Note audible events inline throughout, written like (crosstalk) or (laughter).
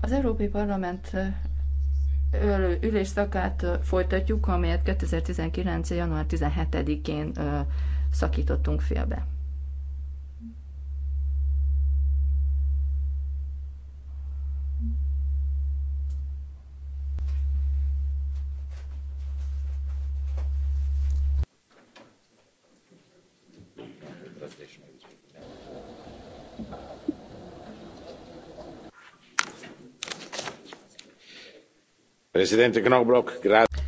Az Európai Parlament ülésszakát folytatjuk, amelyet 2019. január 17-én szakítottunk félbe. Presidente Knobloch, grazie.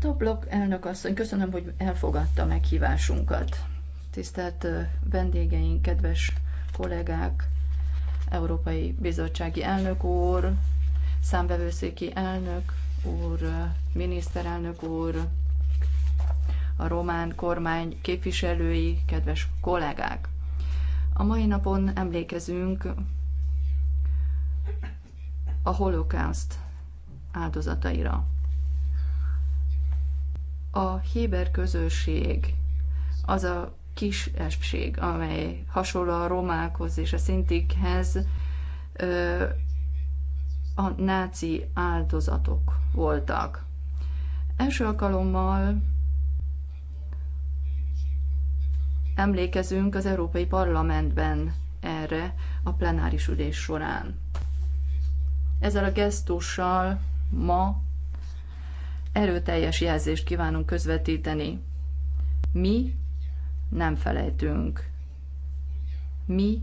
Toblok elnök asszony, köszönöm, hogy elfogadta meghívásunkat. Tisztelt vendégeink, kedves kollégák, Európai Bizottsági elnök úr, számbevőszéki elnök úr, miniszterelnök úr, a román kormány képviselői, kedves kollégák. A mai napon emlékezünk a holokauszt áldozataira. A héber közösség az a kis espség, amely hasonló a romákhoz és a szintikhez a náci áldozatok voltak. Első alkalommal emlékezünk az Európai Parlamentben erre a plenáris ülés során. Ezzel a gesztussal ma erőteljes jelzést kívánunk közvetíteni. Mi nem felejtünk. Mi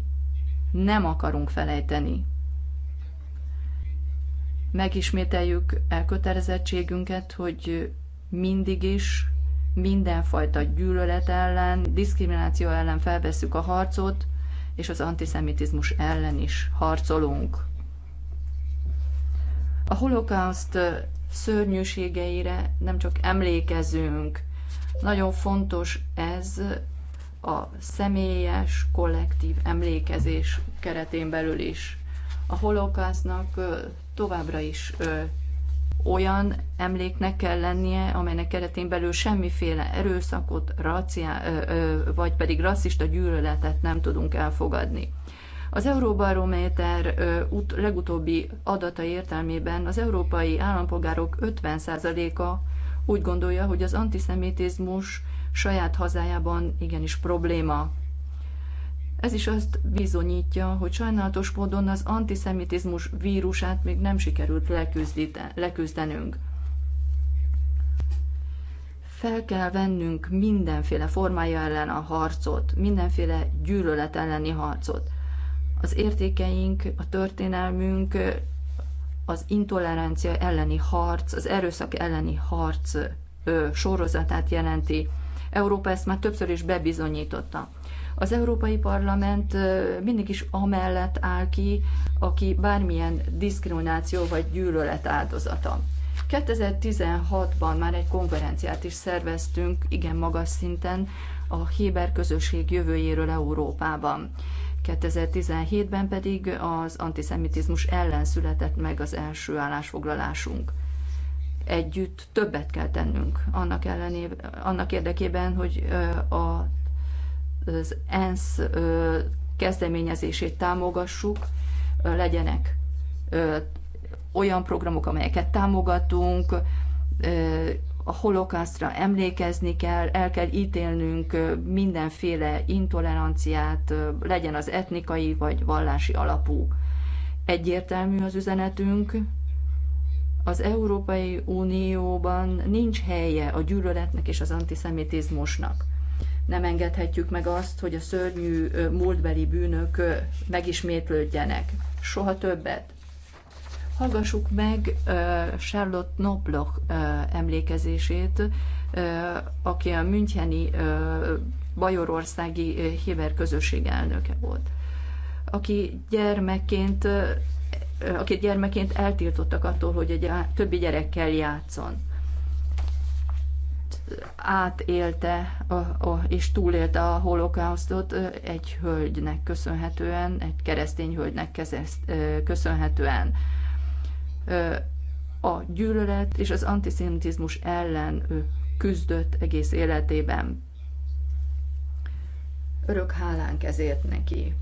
nem akarunk felejteni. Megismételjük elkötelezettségünket, hogy mindig is mindenfajta gyűlölet ellen, diszkrimináció ellen felveszük a harcot, és az antiszemitizmus ellen is harcolunk. A holokauszt szörnyűségeire nem csak emlékezünk, nagyon fontos ez a személyes, kollektív emlékezés keretén belül is. A holokásznak továbbra is olyan emléknek kell lennie, amelynek keretén belül semmiféle erőszakot, raciá, vagy pedig rasszista gyűlöletet nem tudunk elfogadni. Az Euróbarométer legutóbbi adata értelmében az európai állampolgárok 50%-a úgy gondolja, hogy az antiszemitizmus saját hazájában igenis probléma. Ez is azt bizonyítja, hogy sajnálatos módon az antiszemitizmus vírusát még nem sikerült leküzdenünk. Fel kell vennünk mindenféle formája ellen a harcot, mindenféle gyűlölet elleni harcot az értékeink, a történelmünk, az intolerancia elleni harc, az erőszak elleni harc ö, sorozatát jelenti. Európa ezt már többször is bebizonyította. Az Európai Parlament mindig is amellett áll ki, aki bármilyen diszkrimináció vagy gyűlölet áldozata. 2016-ban már egy konferenciát is szerveztünk, igen magas szinten, a Héber közösség jövőjéről Európában. 2017-ben pedig az antiszemitizmus ellen született meg az első állásfoglalásunk. Együtt többet kell tennünk annak, ellené, annak érdekében, hogy a, az ENSZ kezdeményezését támogassuk, legyenek olyan programok, amelyeket támogatunk, a holokausztra emlékezni kell, el kell ítélnünk mindenféle intoleranciát, legyen az etnikai vagy vallási alapú. Egyértelmű az üzenetünk, az Európai Unióban nincs helye a gyűlöletnek és az antiszemitizmusnak. Nem engedhetjük meg azt, hogy a szörnyű múltbeli bűnök megismétlődjenek. Soha többet. Hallgassuk meg Charlotte Nobloch emlékezését, aki a Müncheni Bajorországi Héber közösség elnöke volt, aki gyermekként akit gyermekként eltiltottak attól, hogy egy többi gyerekkel játszon. Átélte a, a, és túlélte a holokausztot egy hölgynek köszönhetően, egy keresztény hölgynek köszönhetően a gyűlölet és az antiszemitizmus ellen küzdött egész életében. Örök hálánk ezért neki.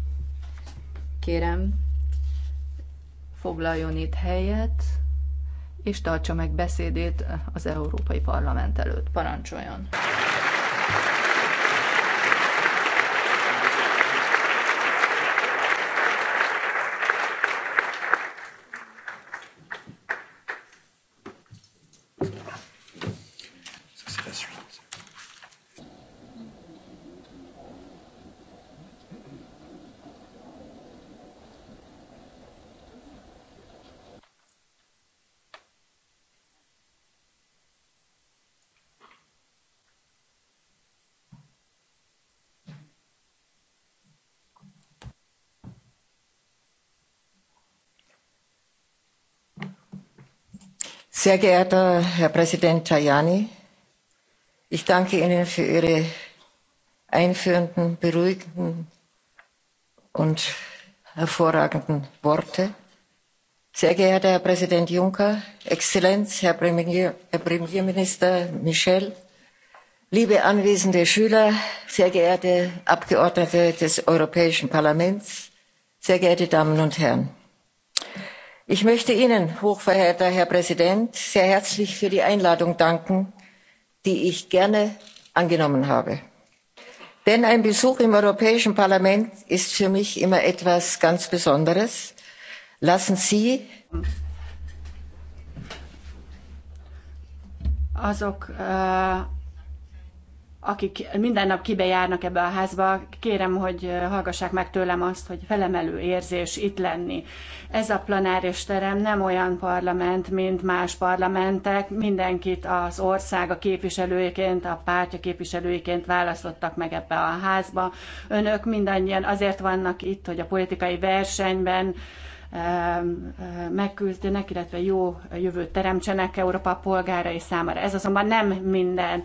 Kérem, foglaljon itt helyet, és tartsa meg beszédét az Európai Parlament előtt. Parancsoljon! sehr geehrter herr präsident tajani ich danke ihnen für ihre einführenden beruhigenden und hervorragenden worte. sehr geehrter herr präsident juncker exzellenz herr premierminister michel liebe anwesende schüler sehr geehrte abgeordnete des europäischen parlaments sehr geehrte damen und herren! ich möchte ihnen hochverehrter herr präsident sehr herzlich für die einladung danken die ich gerne angenommen habe denn ein besuch im europäischen parlament ist für mich immer etwas ganz besonderes. lassen sie eh, akik minden nap kibejárnak ebbe a házba, kérem, hogy hallgassák meg tőlem azt, hogy felemelő érzés itt lenni. Ez a planáris terem nem olyan parlament, mint más parlamentek. Mindenkit az ország a képviselőiként, a pártja képviselőiként választottak meg ebbe a házba. Önök mindannyian azért vannak itt, hogy a politikai versenyben megküzdjenek, illetve jó jövőt teremtsenek Európa polgárai számára. Ez azonban nem minden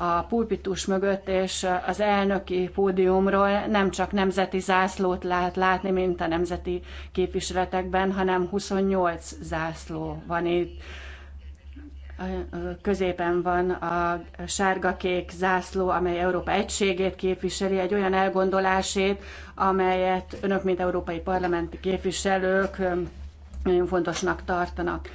a pulpitus mögött és az elnöki pódiumról nem csak nemzeti zászlót lehet látni, mint a nemzeti képviseletekben, hanem 28 zászló van itt. A középen van a sárga-kék zászló, amely Európa egységét képviseli, egy olyan elgondolásét, amelyet önök, mint európai parlamenti képviselők nagyon fontosnak tartanak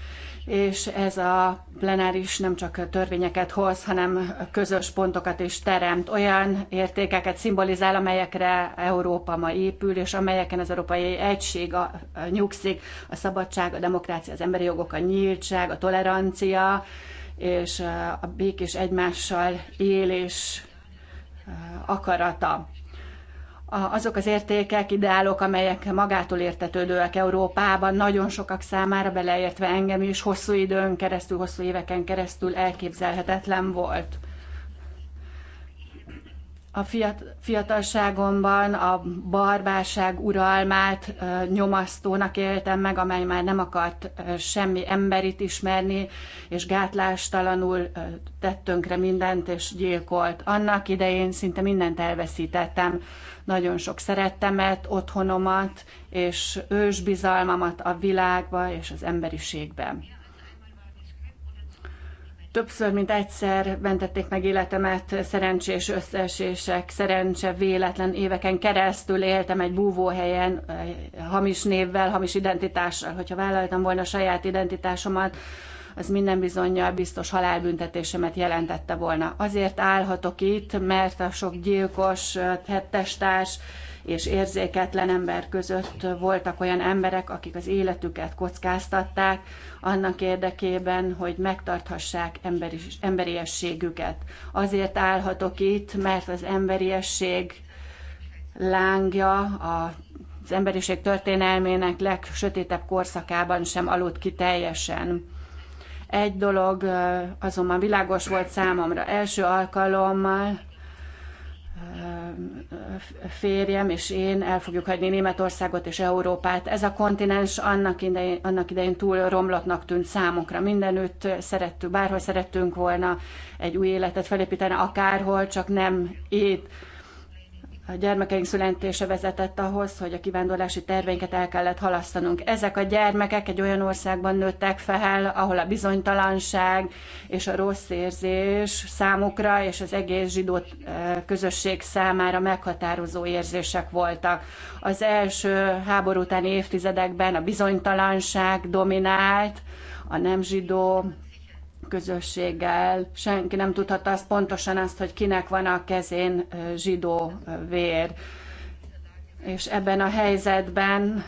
és ez a plenáris nem csak törvényeket hoz, hanem közös pontokat is teremt. Olyan értékeket szimbolizál, amelyekre Európa ma épül, és amelyeken az európai egység a, a nyugszik, a szabadság, a demokrácia, az emberi jogok, a nyíltság, a tolerancia, és a békés egymással élés akarata azok az értékek, ideálok, amelyek magától értetődőek Európában, nagyon sokak számára beleértve engem is, hosszú időn keresztül, hosszú éveken keresztül elképzelhetetlen volt a fiatalságomban a barbárság uralmát nyomasztónak éltem meg, amely már nem akart semmi emberit ismerni, és gátlástalanul tett tönkre mindent, és gyilkolt. Annak idején szinte mindent elveszítettem, nagyon sok szerettemet, otthonomat, és ősbizalmamat a világba és az emberiségben többször, mint egyszer mentették meg életemet szerencsés összeesések, szerencse, véletlen éveken keresztül éltem egy búvóhelyen, eh, hamis névvel, hamis identitással. Hogyha vállaltam volna a saját identitásomat, az minden bizonyal biztos halálbüntetésemet jelentette volna. Azért állhatok itt, mert a sok gyilkos, tettestárs, eh, és érzéketlen ember között voltak olyan emberek, akik az életüket kockáztatták annak érdekében, hogy megtarthassák emberiességüket. Azért állhatok itt, mert az emberiesség lángja a az emberiség történelmének legsötétebb korszakában sem aludt ki teljesen. Egy dolog azonban világos volt számomra első alkalommal, férjem és én el fogjuk hagyni Németországot és Európát. Ez a kontinens annak idején, annak idején túl romlottnak tűnt számunkra. Mindenütt szerettük, bárhol szerettünk volna egy új életet felépíteni, akárhol, csak nem itt a gyermekeink születése vezetett ahhoz, hogy a kivándorlási terveinket el kellett halasztanunk. Ezek a gyermekek egy olyan országban nőttek fel, ahol a bizonytalanság és a rossz érzés számukra és az egész zsidó eh, közösség számára meghatározó érzések voltak. Az első háború utáni évtizedekben a bizonytalanság dominált, a nem zsidó közösséggel. Senki nem tudhatta azt pontosan azt, hogy kinek van a kezén zsidó vér. És ebben a helyzetben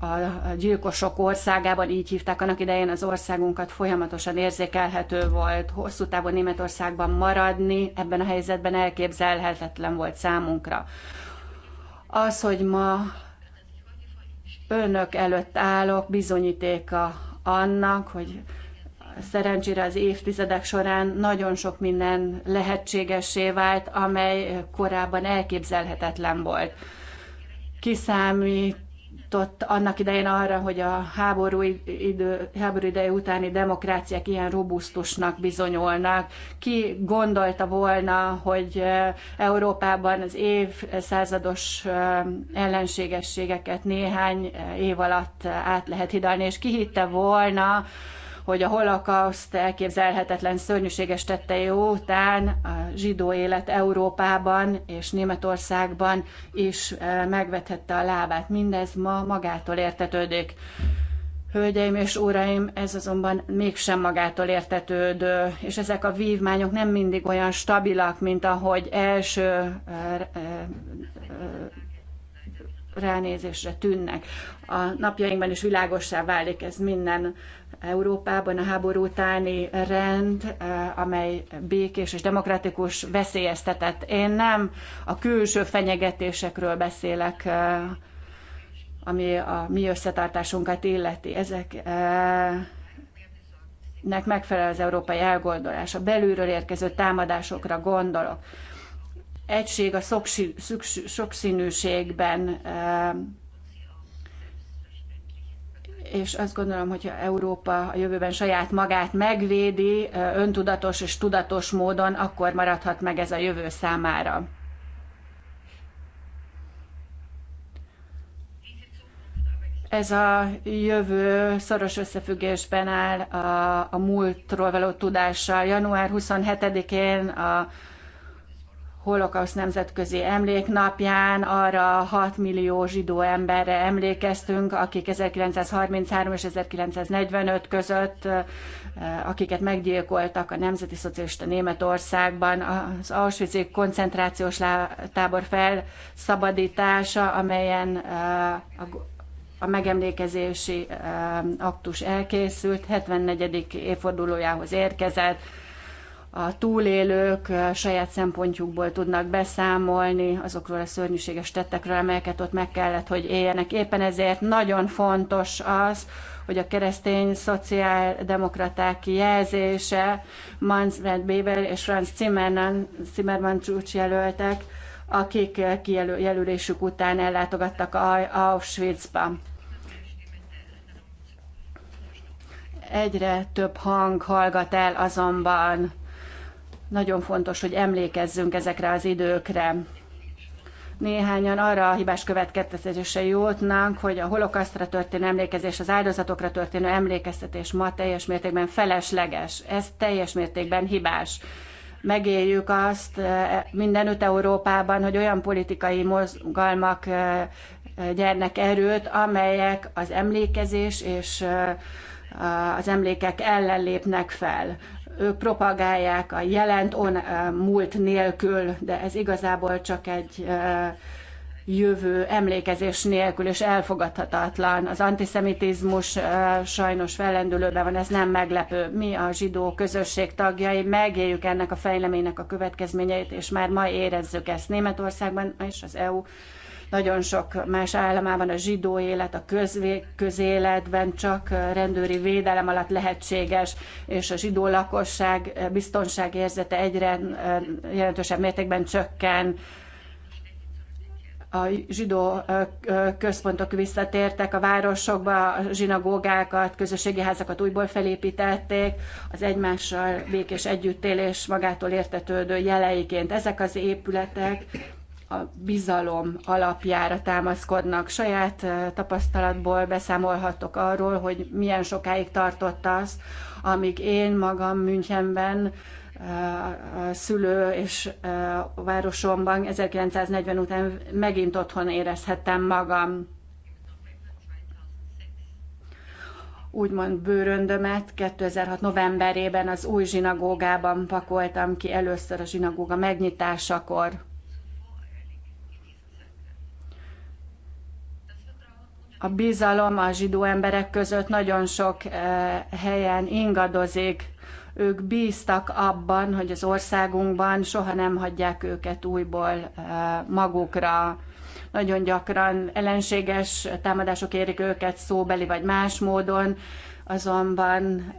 a gyilkosok országában, így hívták annak idején az országunkat, folyamatosan érzékelhető volt. Hosszú távon Németországban maradni ebben a helyzetben elképzelhetetlen volt számunkra. Az, hogy ma önök előtt állok, bizonyítéka annak, hogy szerencsére az évtizedek során nagyon sok minden lehetségessé vált, amely korábban elképzelhetetlen volt. Kiszámít annak idején arra, hogy a háború, idő, háború ideje utáni demokráciák ilyen robusztusnak bizonyolnak. Ki gondolta volna, hogy Európában az évszázados ellenségességeket néhány év alatt át lehet hidalni, és ki hitte volna, hogy a holokauszt elképzelhetetlen szörnyűséges tettei után a zsidó élet Európában és Németországban is e, megvethette a lábát. Mindez ma magától értetődik. Hölgyeim és uraim, ez azonban mégsem magától értetődő, és ezek a vívmányok nem mindig olyan stabilak, mint ahogy első e, e, ránézésre tűnnek. A napjainkban is világossá válik ez minden Európában a háború utáni rend, eh, amely békés és demokratikus veszélyeztetett. Én nem a külső fenyegetésekről beszélek, eh, ami a mi összetartásunkat illeti. Ezek eh, nek megfelel az európai elgondolás. A belülről érkező támadásokra gondolok egység a sokszínűségben. És azt gondolom, hogyha Európa a jövőben saját magát megvédi öntudatos és tudatos módon, akkor maradhat meg ez a jövő számára. ez a jövő szoros összefüggésben áll a, a múltról való tudással. Január 27-én a holokausz nemzetközi emléknapján arra 6 millió zsidó emberre emlékeztünk, akik 1933 és 1945 között, akiket meggyilkoltak a Nemzeti Szocialista Németországban. Az Auschwitz koncentrációs tábor felszabadítása, amelyen a a megemlékezési aktus elkészült, 74. évfordulójához érkezett, a túlélők saját szempontjukból tudnak beszámolni azokról a szörnyűséges tettekről, amelyeket ott meg kellett, hogy éljenek. Éppen ezért nagyon fontos az, hogy a keresztény szociáldemokraták jelzése Manfred Bébel és Franz Zimmermann, Zimmermann jelöltek, akik kijelölésük után ellátogattak Auschwitzba. Egyre több hang hallgat el azonban nagyon fontos, hogy emlékezzünk ezekre az időkre. Néhányan arra a hibás következtetése jutnánk, hogy a holokasztra történő emlékezés, az áldozatokra történő emlékeztetés ma teljes mértékben felesleges. Ez teljes mértékben hibás megéljük azt eh, mindenütt Európában, hogy olyan politikai mozgalmak eh, gyernek erőt, amelyek az emlékezés és eh, az emlékek ellen lépnek fel propagálják a jelent on múlt nélkül, de ez igazából csak egy jövő emlékezés nélkül, és elfogadhatatlan. Az antiszemitizmus sajnos fellendülőben van, ez nem meglepő. Mi a zsidó közösség tagjai megéljük ennek a fejleménynek a következményeit, és már ma érezzük ezt Németországban és az EU nagyon sok más államában a zsidó élet, a közvé, közéletben csak rendőri védelem alatt lehetséges, és a zsidó lakosság biztonságérzete egyre jelentősebb mértékben csökken a zsidó központok visszatértek a városokba, a zsinagógákat, közösségi házakat újból felépítették, az egymással békés együttélés magától értetődő jeleiként. Ezek az épületek a bizalom alapjára támaszkodnak. Saját tapasztalatból beszámolhatok arról, hogy milyen sokáig tartott az, amíg én magam Münchenben szülő és városomban 1940 után megint otthon érezhettem magam. úgymond bőröndömet 2006. novemberében az új zsinagógában pakoltam ki először a zsinagóga megnyitásakor. a bizalom a zsidó emberek között nagyon sok eh, helyen ingadozik. Ők bíztak abban, hogy az országunkban soha nem hagyják őket újból eh, magukra. Nagyon gyakran ellenséges támadások érik őket szóbeli vagy más módon, azonban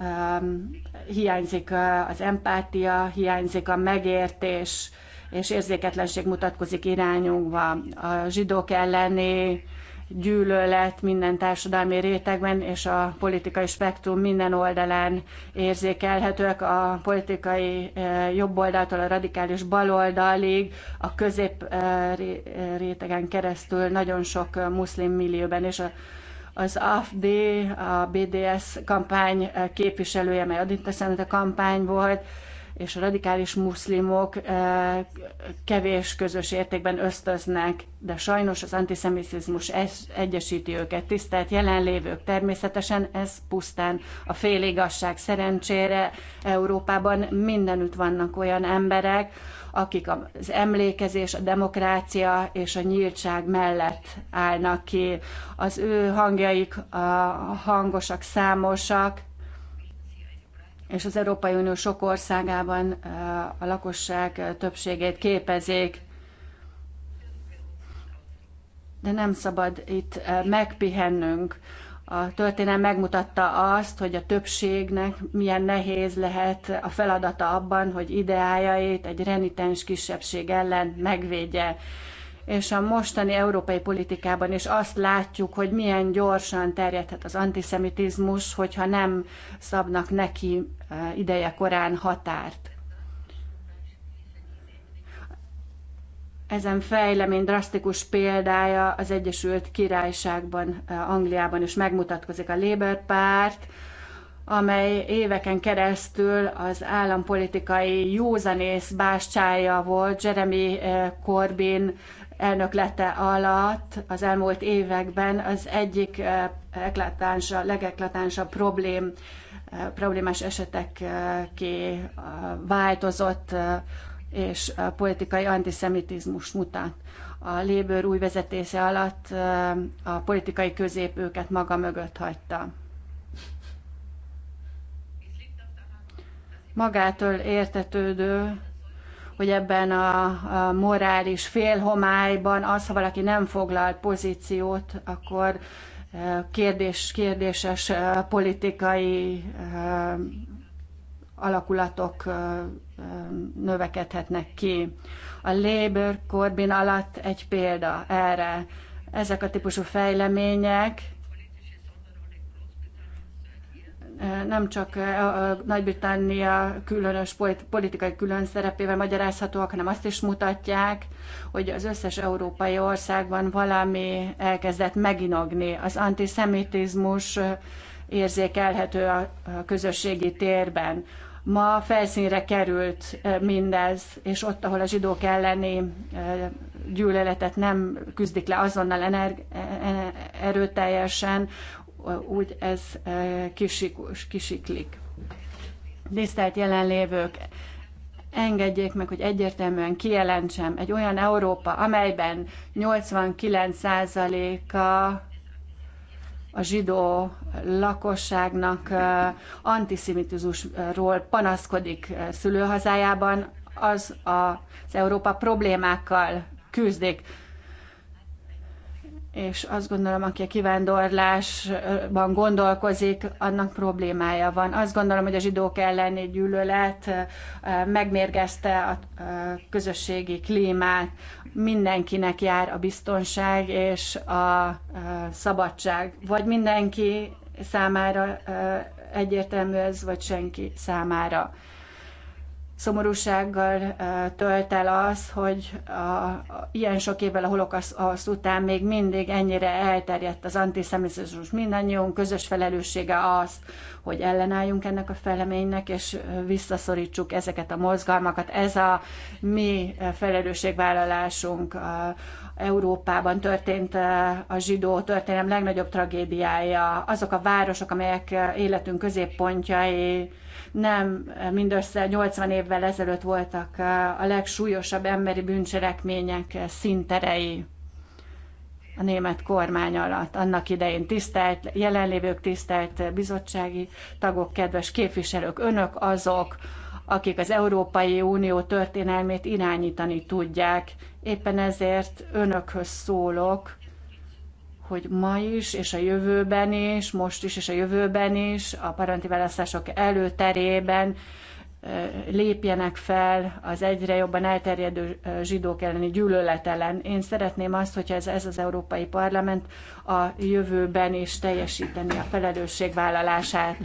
hiányzik eh, az empátia, hiányzik a megértés, és érzéketlenség mutatkozik irányunkba. A zsidók elleni gyűlölet minden társadalmi rétegben és a politikai spektrum minden oldalán érzékelhetőek, a politikai eh, jobboldaltól a radikális baloldalig, a közép eh, eh, rétegen keresztül nagyon sok muszlim millióban, és a az AFD, a BDS kampány képviselője, mely Adinta a kampány volt, és a radikális muszlimok eh, kevés közös értékben ösztöznek, de sajnos az antiszemitizmus egyesíti őket. Tisztelt jelenlévők, természetesen ez pusztán a féligasság Szerencsére Európában mindenütt vannak olyan emberek, akik az emlékezés, a demokrácia és a nyíltság mellett állnak ki. Az ő hangjaik hangosak, számosak, és az Európai Unió sok országában a lakosság többségét képezik. De nem szabad itt megpihennünk. A történelem megmutatta azt, hogy a többségnek milyen nehéz lehet a feladata abban, hogy ideájait egy renitens kisebbség ellen megvédje és a mostani európai politikában is azt látjuk, hogy milyen gyorsan terjedhet az antiszemitizmus, hogyha nem szabnak neki ideje korán határt. Ezen fejlemény drasztikus példája az Egyesült Királyságban, Angliában is megmutatkozik a Labour párt, amely éveken keresztül az állampolitikai józanész báscsája volt Jeremy Corbyn elnöklete alatt az elmúlt években az egyik eh, eklatánsa, legeklatánsabb problém, eh, problémás esetekké eh, változott, és politikai antiszemitizmus mutat. A Labour új vezetése alatt a politikai közép őket maga mögött hagyta. Magától értetődő, hogy ebben a, a morális félhomályban az, ha valaki nem foglal pozíciót, akkor e, kérdés, kérdéses e, politikai e, alakulatok növekedhetnek ki. A Labour Corbyn alatt egy példa erre. Ezek a típusú fejlemények nem csak Nagy-Britannia különös politikai külön szerepével magyarázhatóak, hanem azt is mutatják, hogy az összes európai országban valami elkezdett meginogni. Az antiszemitizmus érzékelhető a közösségi térben. Ma felszínre került mindez, és ott, ahol a zsidók elleni gyűlöletet nem küzdik le azonnal e-, e-, erőteljesen, úgy ez e, kisiklik. Tisztelt jelenlévők, engedjék meg, hogy egyértelműen kijelentsem egy olyan Európa, amelyben 89%-a a zsidó lakosságnak e, antiszemitizmusról panaszkodik e, szülőhazájában, az az Európa problémákkal küzdik és azt gondolom, aki a kivándorlásban gondolkozik, annak problémája van. Azt gondolom, hogy a zsidók elleni gyűlölet megmérgezte a közösségi klímát. Mindenkinek jár a biztonság és a szabadság. Vagy mindenki számára egyértelmű ez, vagy senki számára szomorúsággal eh, tölt el az, hogy a, a, ilyen sok évvel a holokasz után még mindig ennyire elterjedt az antiszemitizmus. Mindannyiunk közös felelőssége az, hogy ellenálljunk ennek a feleménynek, és eh, visszaszorítsuk ezeket a mozgalmakat. Ez a mi eh, felelősségvállalásunk. A, Európában történt a zsidó történelem legnagyobb tragédiája, azok a városok, amelyek életünk középpontjai, nem mindössze 80 évvel ezelőtt voltak eh, a legsúlyosabb emberi bűncselekmények eh, szinterei a német kormány alatt. Annak idején tisztelt, jelenlévők, tisztelt bizottsági tagok, kedves képviselők, önök azok, akik az Európai Unió történelmét irányítani tudják. Éppen ezért önökhöz szólok, hogy ma is, és a jövőben is, most is, és a jövőben is, a parlamenti választások előterében lépjenek fel az egyre jobban elterjedő zsidók elleni gyűlölet ellen. Én szeretném azt, hogyha ez, ez az Európai Parlament a jövőben is teljesíteni a felelősségvállalását.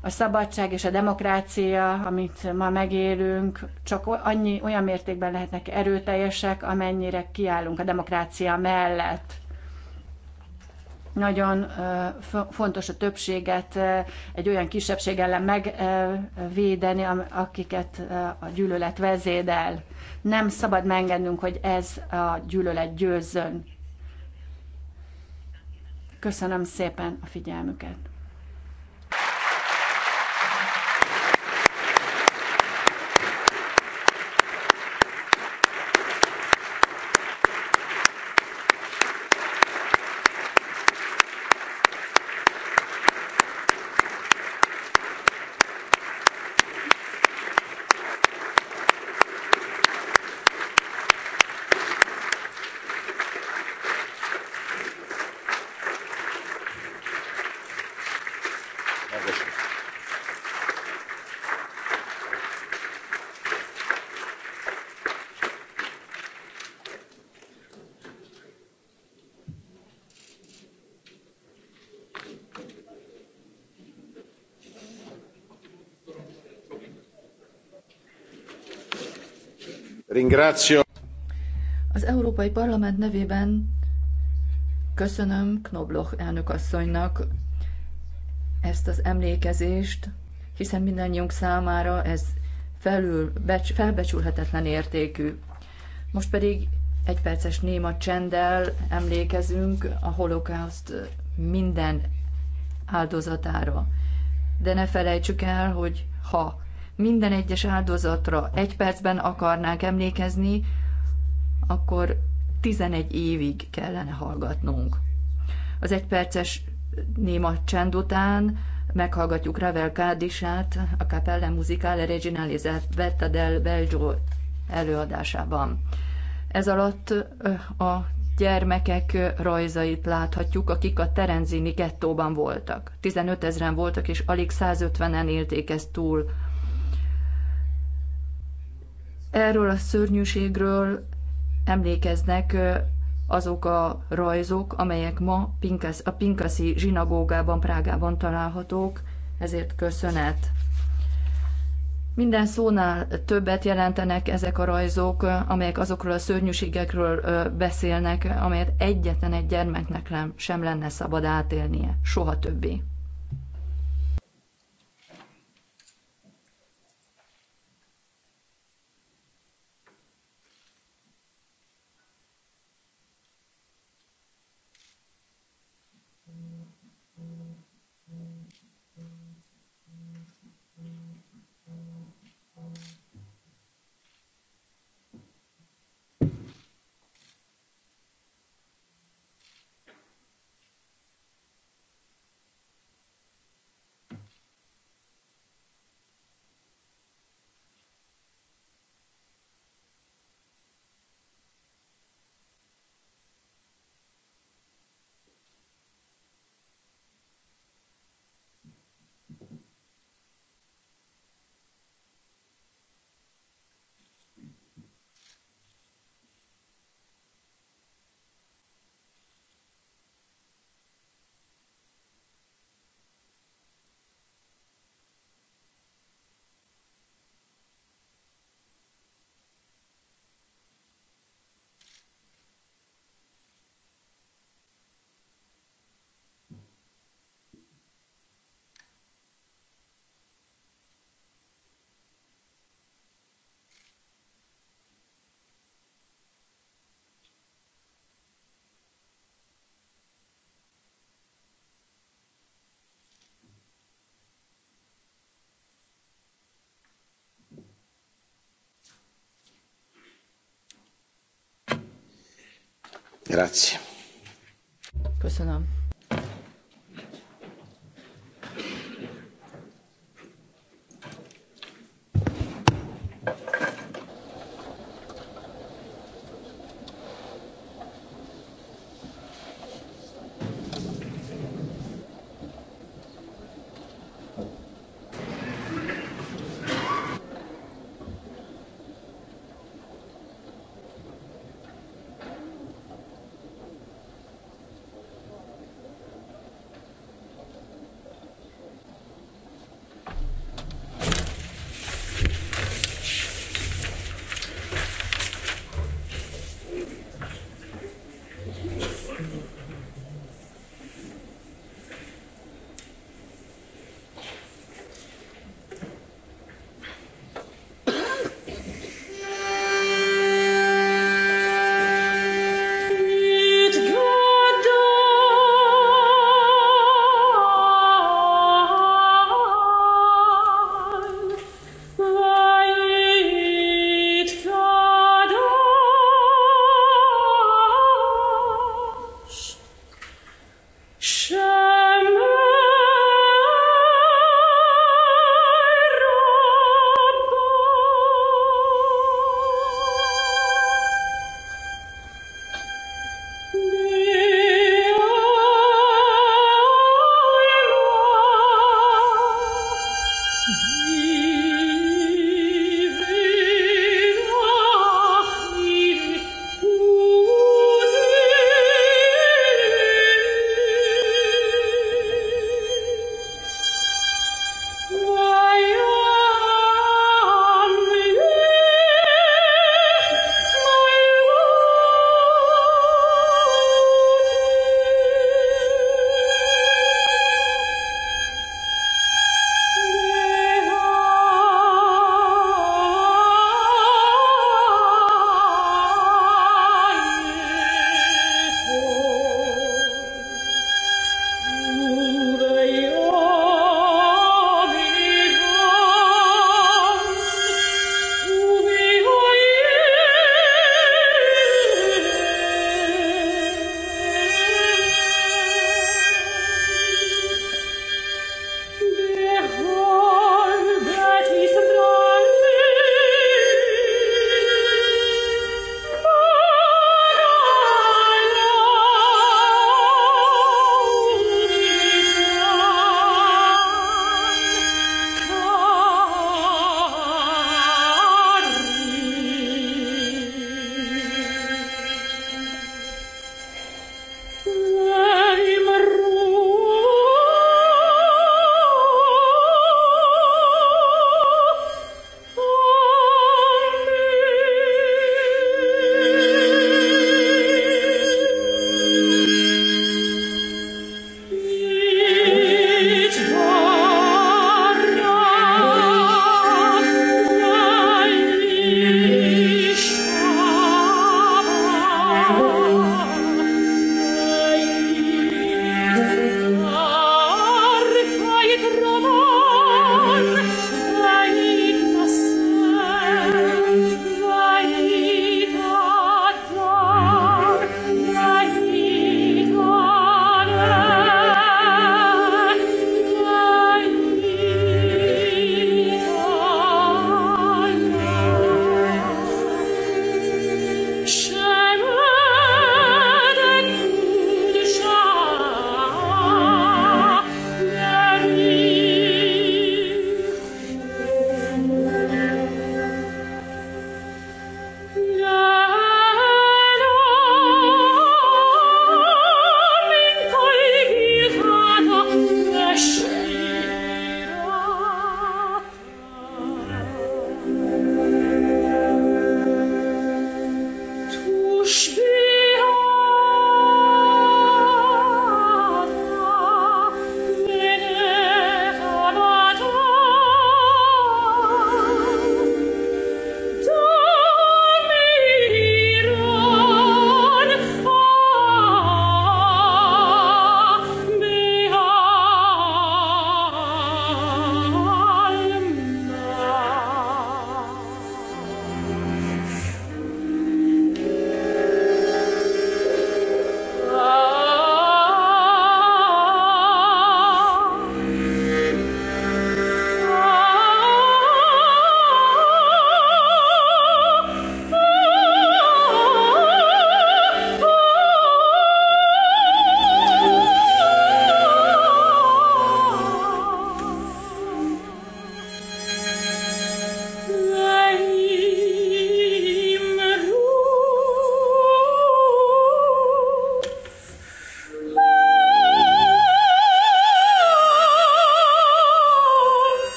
A szabadság és a demokrácia, amit ma megélünk, csak annyi, olyan mértékben lehetnek erőteljesek, amennyire kiállunk a demokrácia mellett nagyon fontos a többséget egy olyan kisebbség ellen megvédeni, akiket a gyűlölet vezédel. Nem szabad megengednünk, hogy ez a gyűlölet győzzön. Köszönöm szépen a figyelmüket! Ringrazio. Az Európai Parlament nevében köszönöm Knobloch asszonynak ezt az emlékezést, hiszen mindannyiunk számára ez felül, becs, felbecsülhetetlen értékű. Most pedig egy perces néma csenddel emlékezünk a holokauszt minden áldozatára. De ne felejtsük el, hogy ha minden egyes áldozatra egy percben akarnánk emlékezni, akkor 11 évig kellene hallgatnunk. Az egyperces néma csend után meghallgatjuk Ravel Kádisát a Capella Musicale Reginale Verta del Belgio előadásában. Ez alatt a gyermekek rajzait láthatjuk, akik a Terenzini gettóban voltak. 15 ezeren voltak, és alig 150-en élték ezt túl Erről a szörnyűségről emlékeznek azok a rajzok, amelyek ma Pinkasz, a Pinkaszi zsinagógában, Prágában találhatók, ezért köszönet. Minden szónál többet jelentenek ezek a rajzok, amelyek azokról a szörnyűségekről beszélnek, amelyet egyetlen egy gyermeknek sem lenne szabad átélnie, soha többé. Köszönöm.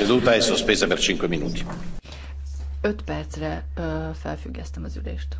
seduta è e sospesa per 5 minuti. 5 percre felfüggesztem az ülést.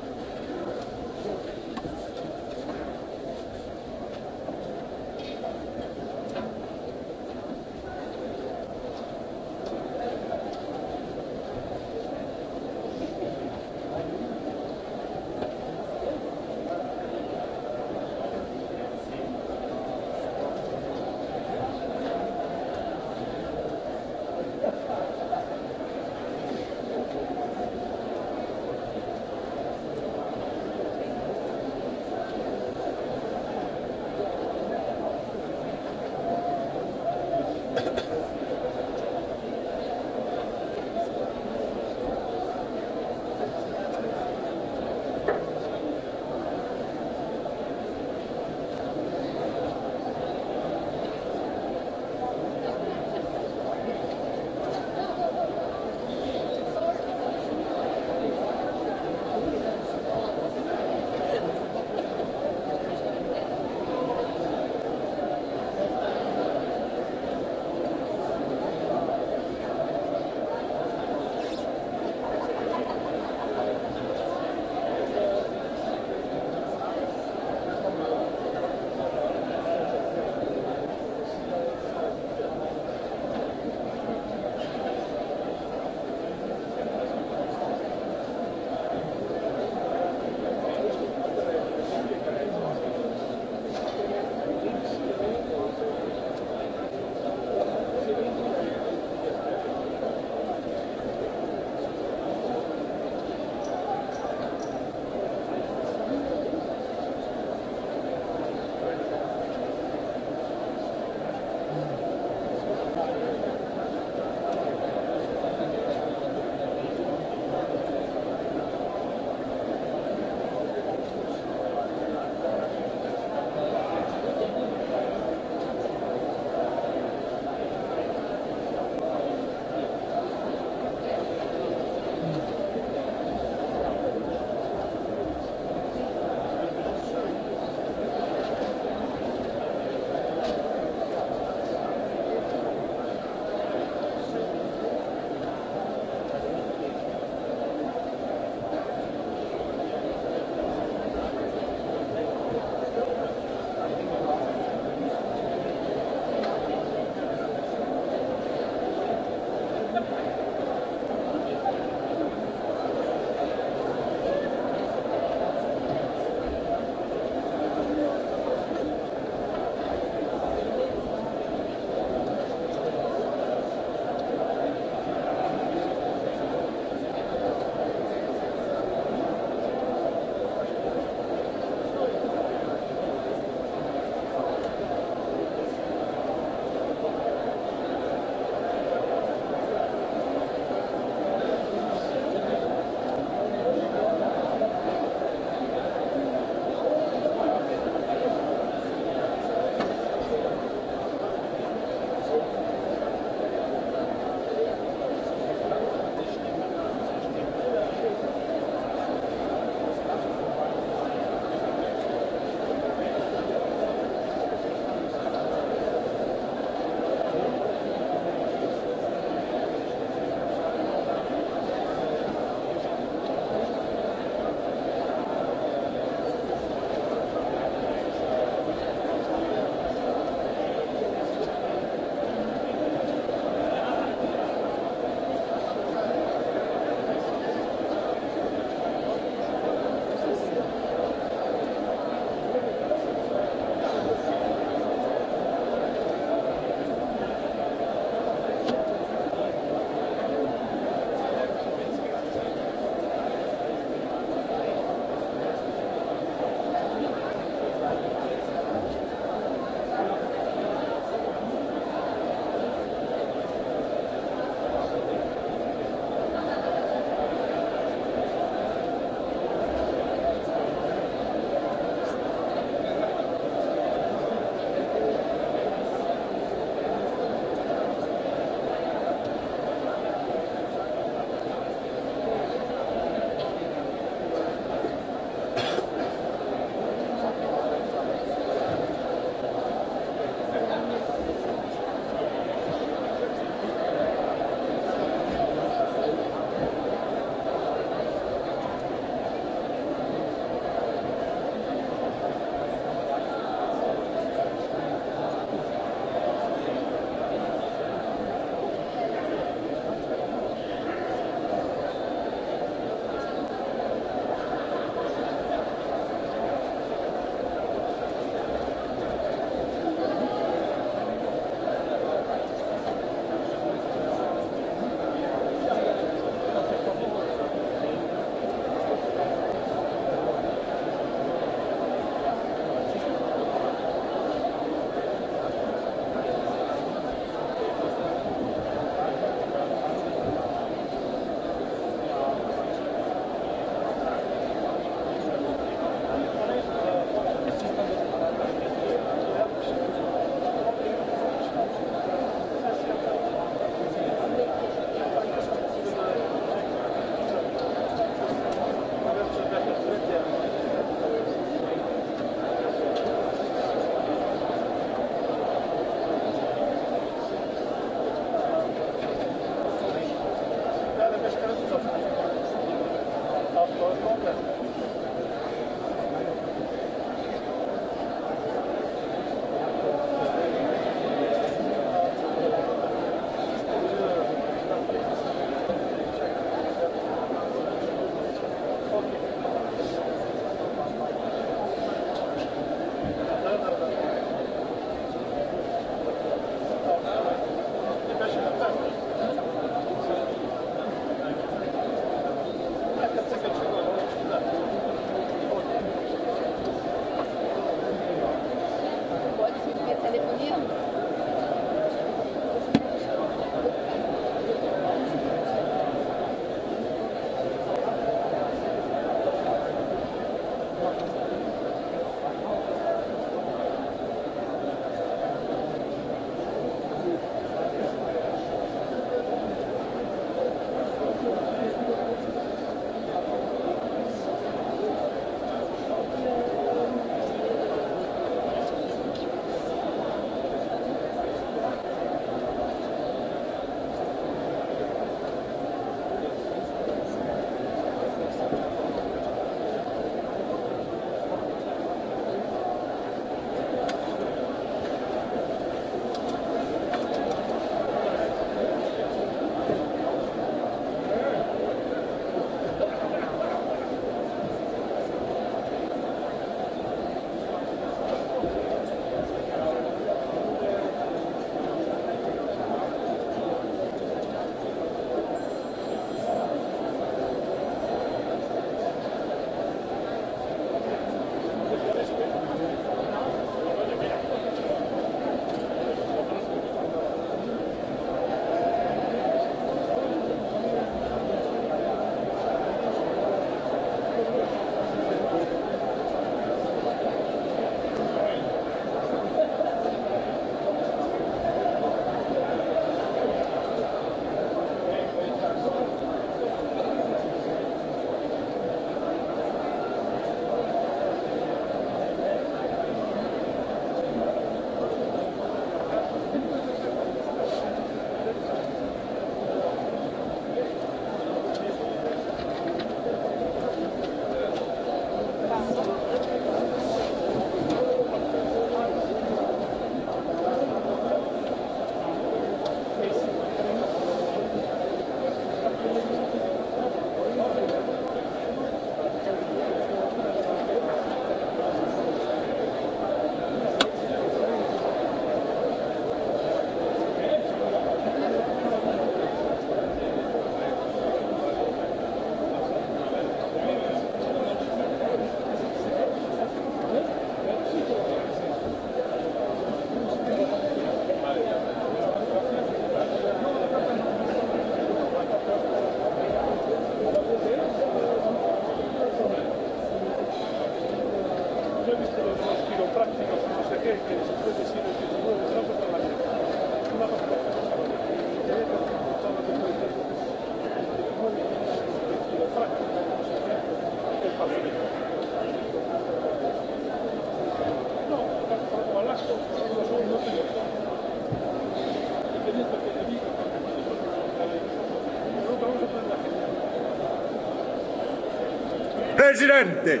Presidente!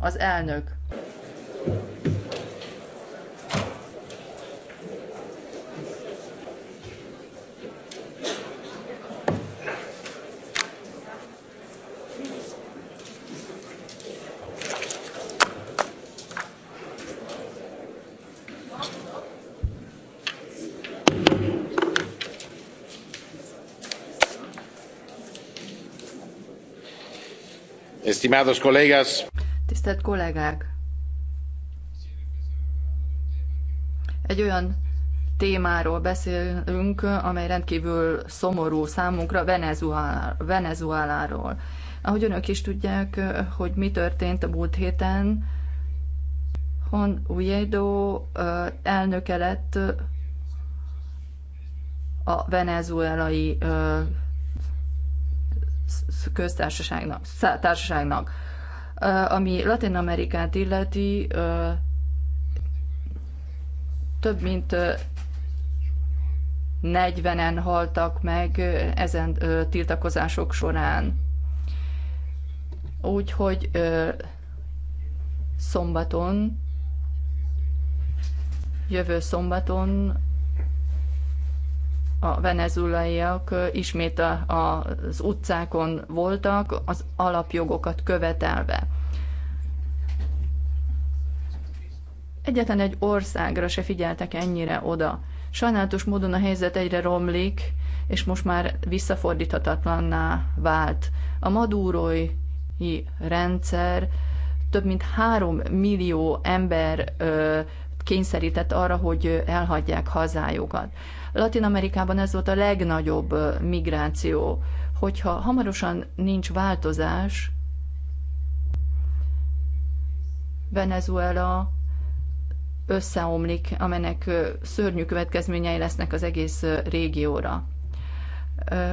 Az elnök. Estimados colegas. Tisztelt kollégák! Egy olyan témáról beszélünk, amely rendkívül szomorú számunkra, Venezueláról. Ahogy önök is tudják, hogy mi történt a múlt héten, Hon Ujedo elnöke lett a venezuelai köztársaságnak, társaságnak. Ami Latin Amerikát illeti, több mint 40-en haltak meg ezen tiltakozások során. Úgyhogy szombaton, jövő szombaton a venezuelaiak ismét az utcákon voltak, az alapjogokat követelve. Egyetlen egy országra se figyeltek ennyire oda. Sajnálatos módon a helyzet egyre romlik, és most már visszafordíthatatlanná vált. A madúrói rendszer több mint három millió ember ö, kényszerített arra, hogy elhagyják hazájukat. Latin Amerikában ez volt a legnagyobb migráció. Hogyha hamarosan nincs változás, Venezuela összeomlik, aminek szörnyű következményei lesznek az egész régióra.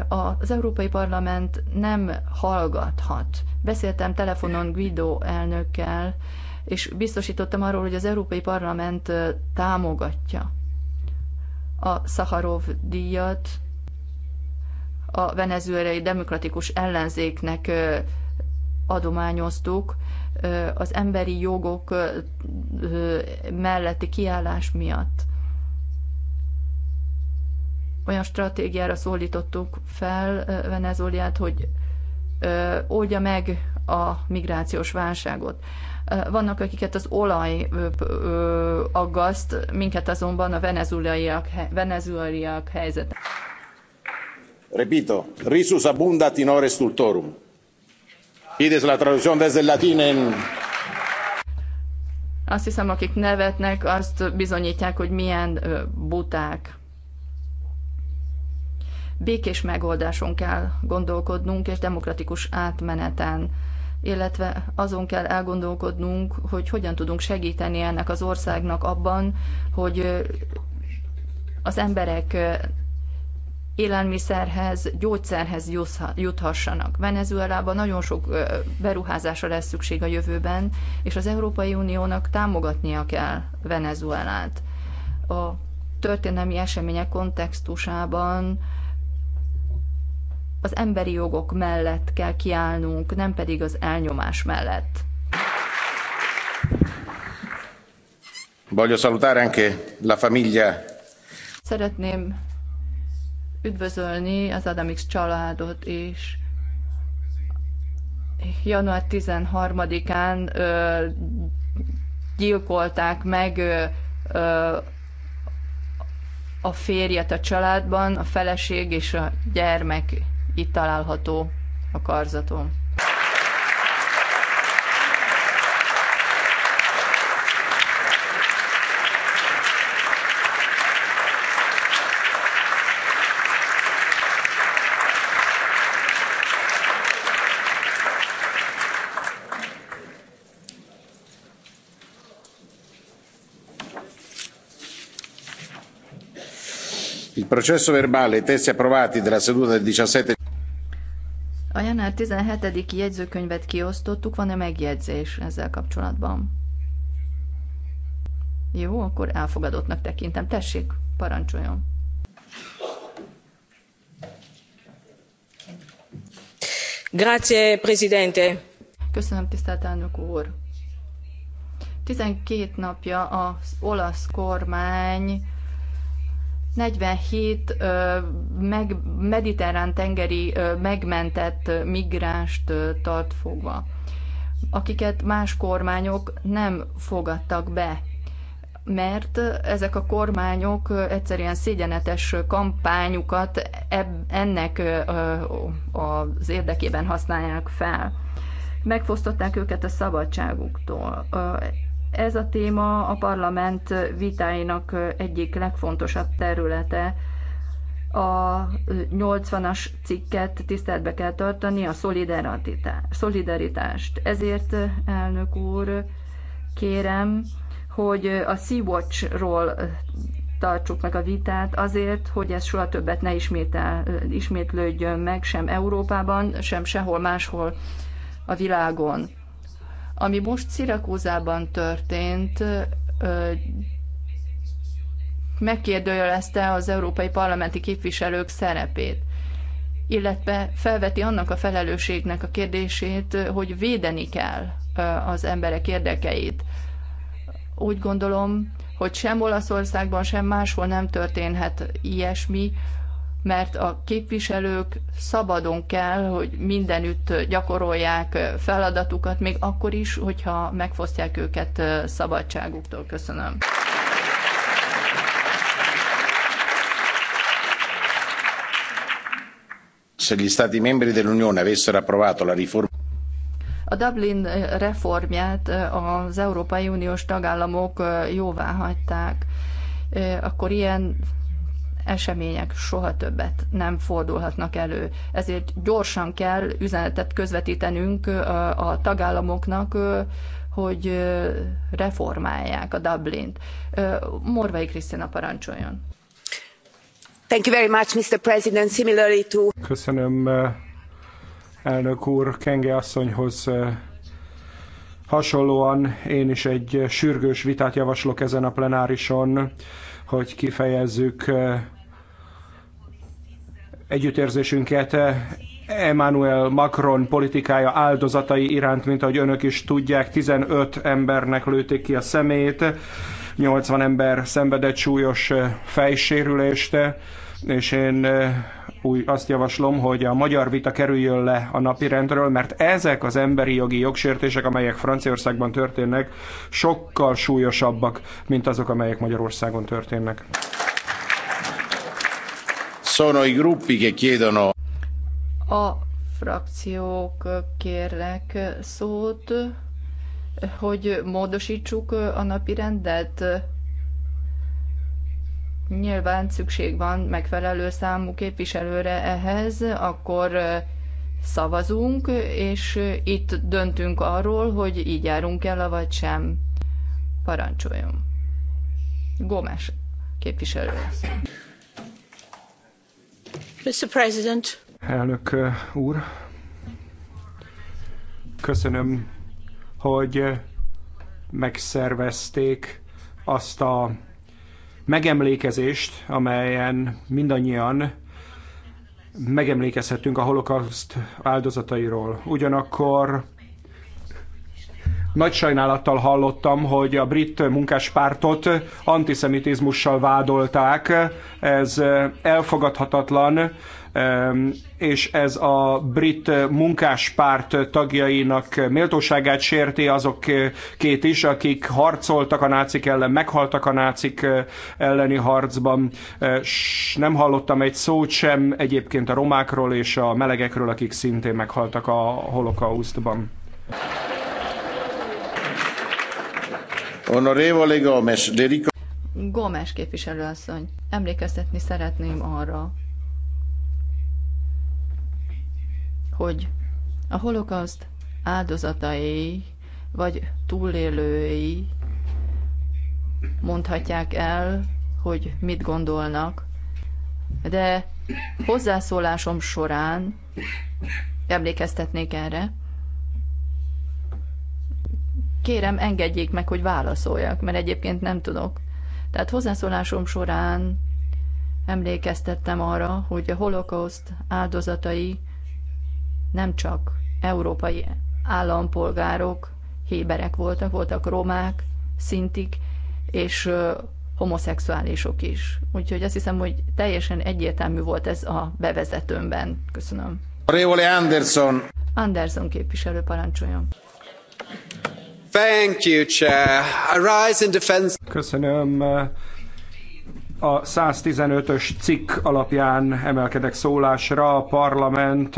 Az Európai Parlament nem hallgathat. Beszéltem telefonon Guido elnökkel, és biztosítottam arról, hogy az Európai Parlament támogatja a Szaharov díjat a venezuelai demokratikus ellenzéknek adományoztuk az emberi jogok melletti kiállás miatt. Olyan stratégiára szólítottuk fel Venezuelát, hogy oldja meg a migrációs válságot. Vannak, akiket az olaj aggaszt, minket azonban a venezuelaiak, venezuelaiak helyzete. Repito, risus abundat in ores tultorum. Pides la traducción desde el latín en... Azt hiszem, akik nevetnek, azt bizonyítják, hogy milyen buták békés megoldáson kell gondolkodnunk, és demokratikus átmeneten illetve azon kell elgondolkodnunk, hogy hogyan tudunk segíteni ennek az országnak abban, hogy az emberek élelmiszerhez, gyógyszerhez juthassanak. Venezuelában nagyon sok beruházásra lesz szükség a jövőben, és az Európai Uniónak támogatnia kell Venezuelát. A történelmi események kontextusában az emberi jogok mellett kell kiállnunk, nem pedig az elnyomás mellett. Voglio salutare anche la famiglia. Szeretném üdvözölni az Adamix családot is. Január 13-án gyilkolták meg ö, a férjet a családban, a feleség és a gyermek itt található a karzaton. il processo verbale e i testi approvati della seduta del diciassette. A január 17. jegyzőkönyvet kiosztottuk, van-e megjegyzés ezzel kapcsolatban? Jó, akkor elfogadottnak tekintem. Tessék, parancsoljon. Grazie, Presidente. Köszönöm, tisztelt elnök úr. 12 napja az olasz kormány 47 meg, mediterrán tengeri megmentett migránst tart fogva, akiket más kormányok nem fogadtak be, mert ezek a kormányok egyszerűen szégyenetes kampányukat ennek az érdekében használják fel. Megfosztották őket a szabadságuktól ez a téma a parlament vitáinak egyik legfontosabb területe. A 80-as cikket tiszteletbe kell tartani, a szolidaritást. Ezért, elnök úr, kérem, hogy a Sea-Watch-ról tartsuk meg a vitát azért, hogy ez soha többet ne ismétel, ismétlődjön meg sem Európában, sem sehol máshol a világon. Ami most Szirakúzában történt, megkérdőjelezte az európai parlamenti képviselők szerepét, illetve felveti annak a felelősségnek a kérdését, hogy védeni kell az emberek érdekeit. Úgy gondolom, hogy sem Olaszországban, sem máshol nem történhet ilyesmi, mert a képviselők szabadon kell, hogy mindenütt gyakorolják feladatukat, még akkor is, hogyha megfosztják őket szabadságuktól. Köszönöm. Se gli stati membri dell'Unione avessero approvato la riforma a Dublin reformját az Európai Uniós tagállamok jóvá hagyták, akkor ilyen események soha többet nem fordulhatnak elő. Ezért gyorsan kell üzenetet közvetítenünk a tagállamoknak, hogy reformálják a Dublint. Morvai Krisztina parancsoljon. Thank you very much, Mr. President. Similarly to... Köszönöm, elnök úr, Kenge asszonyhoz Hasonlóan én is egy sürgős vitát javaslok ezen a plenárison, hogy kifejezzük eh, együttérzésünket eh, Emmanuel Macron politikája áldozatai iránt, mint ahogy önök is tudják, 15 embernek lőtték ki a szemét, 80 ember szenvedett súlyos eh, fejsérülést, és én új, azt javaslom, hogy a magyar vita kerüljön le a napirendről, mert ezek az emberi jogi jogsértések, amelyek Franciaországban történnek, sokkal súlyosabbak, mint azok, amelyek Magyarországon történnek. Sono i gruppi che chiedono. A frakciók kérnek szót, hogy módosítsuk a napirendet nyilván szükség van megfelelő számú képviselőre ehhez, akkor szavazunk, és itt döntünk arról, hogy így járunk el, vagy sem. Parancsoljon. Gomes képviselő. Mr. President. Elnök úr, köszönöm, hogy megszervezték azt a megemlékezést, amelyen mindannyian megemlékezhetünk a holokauszt áldozatairól. Ugyanakkor nagy sajnálattal hallottam, hogy a brit munkáspártot antiszemitizmussal vádolták. Ez elfogadhatatlan és ez a brit munkáspárt tagjainak méltóságát sérti azok két is, akik harcoltak a nácik ellen, meghaltak a nácik eh, elleni harcban. Eh, nem hallottam egy szót sem egyébként a romákról és a melegekről, akik szintén meghaltak a holokausztban. Honorevole Gomes képviselőasszony, emlékeztetni szeretném arra, hogy a holokauszt áldozatai vagy túlélői mondhatják el, hogy mit gondolnak, de hozzászólásom során emlékeztetnék erre. Kérem, engedjék meg, hogy válaszoljak, mert egyébként nem tudok. Tehát hozzászólásom során emlékeztettem arra, hogy a holokauszt áldozatai nem csak európai állampolgárok, héberek voltak, voltak romák, szintik, és homoszexuálisok is. Úgyhogy azt hiszem, hogy teljesen egyértelmű volt ez a bevezetőmben. Köszönöm. Réoli Anderson. Anderson képviselő parancsoljon. Thank you, Chair. I rise in defense. Köszönöm. A 115-ös cikk alapján emelkedek szólásra. A parlament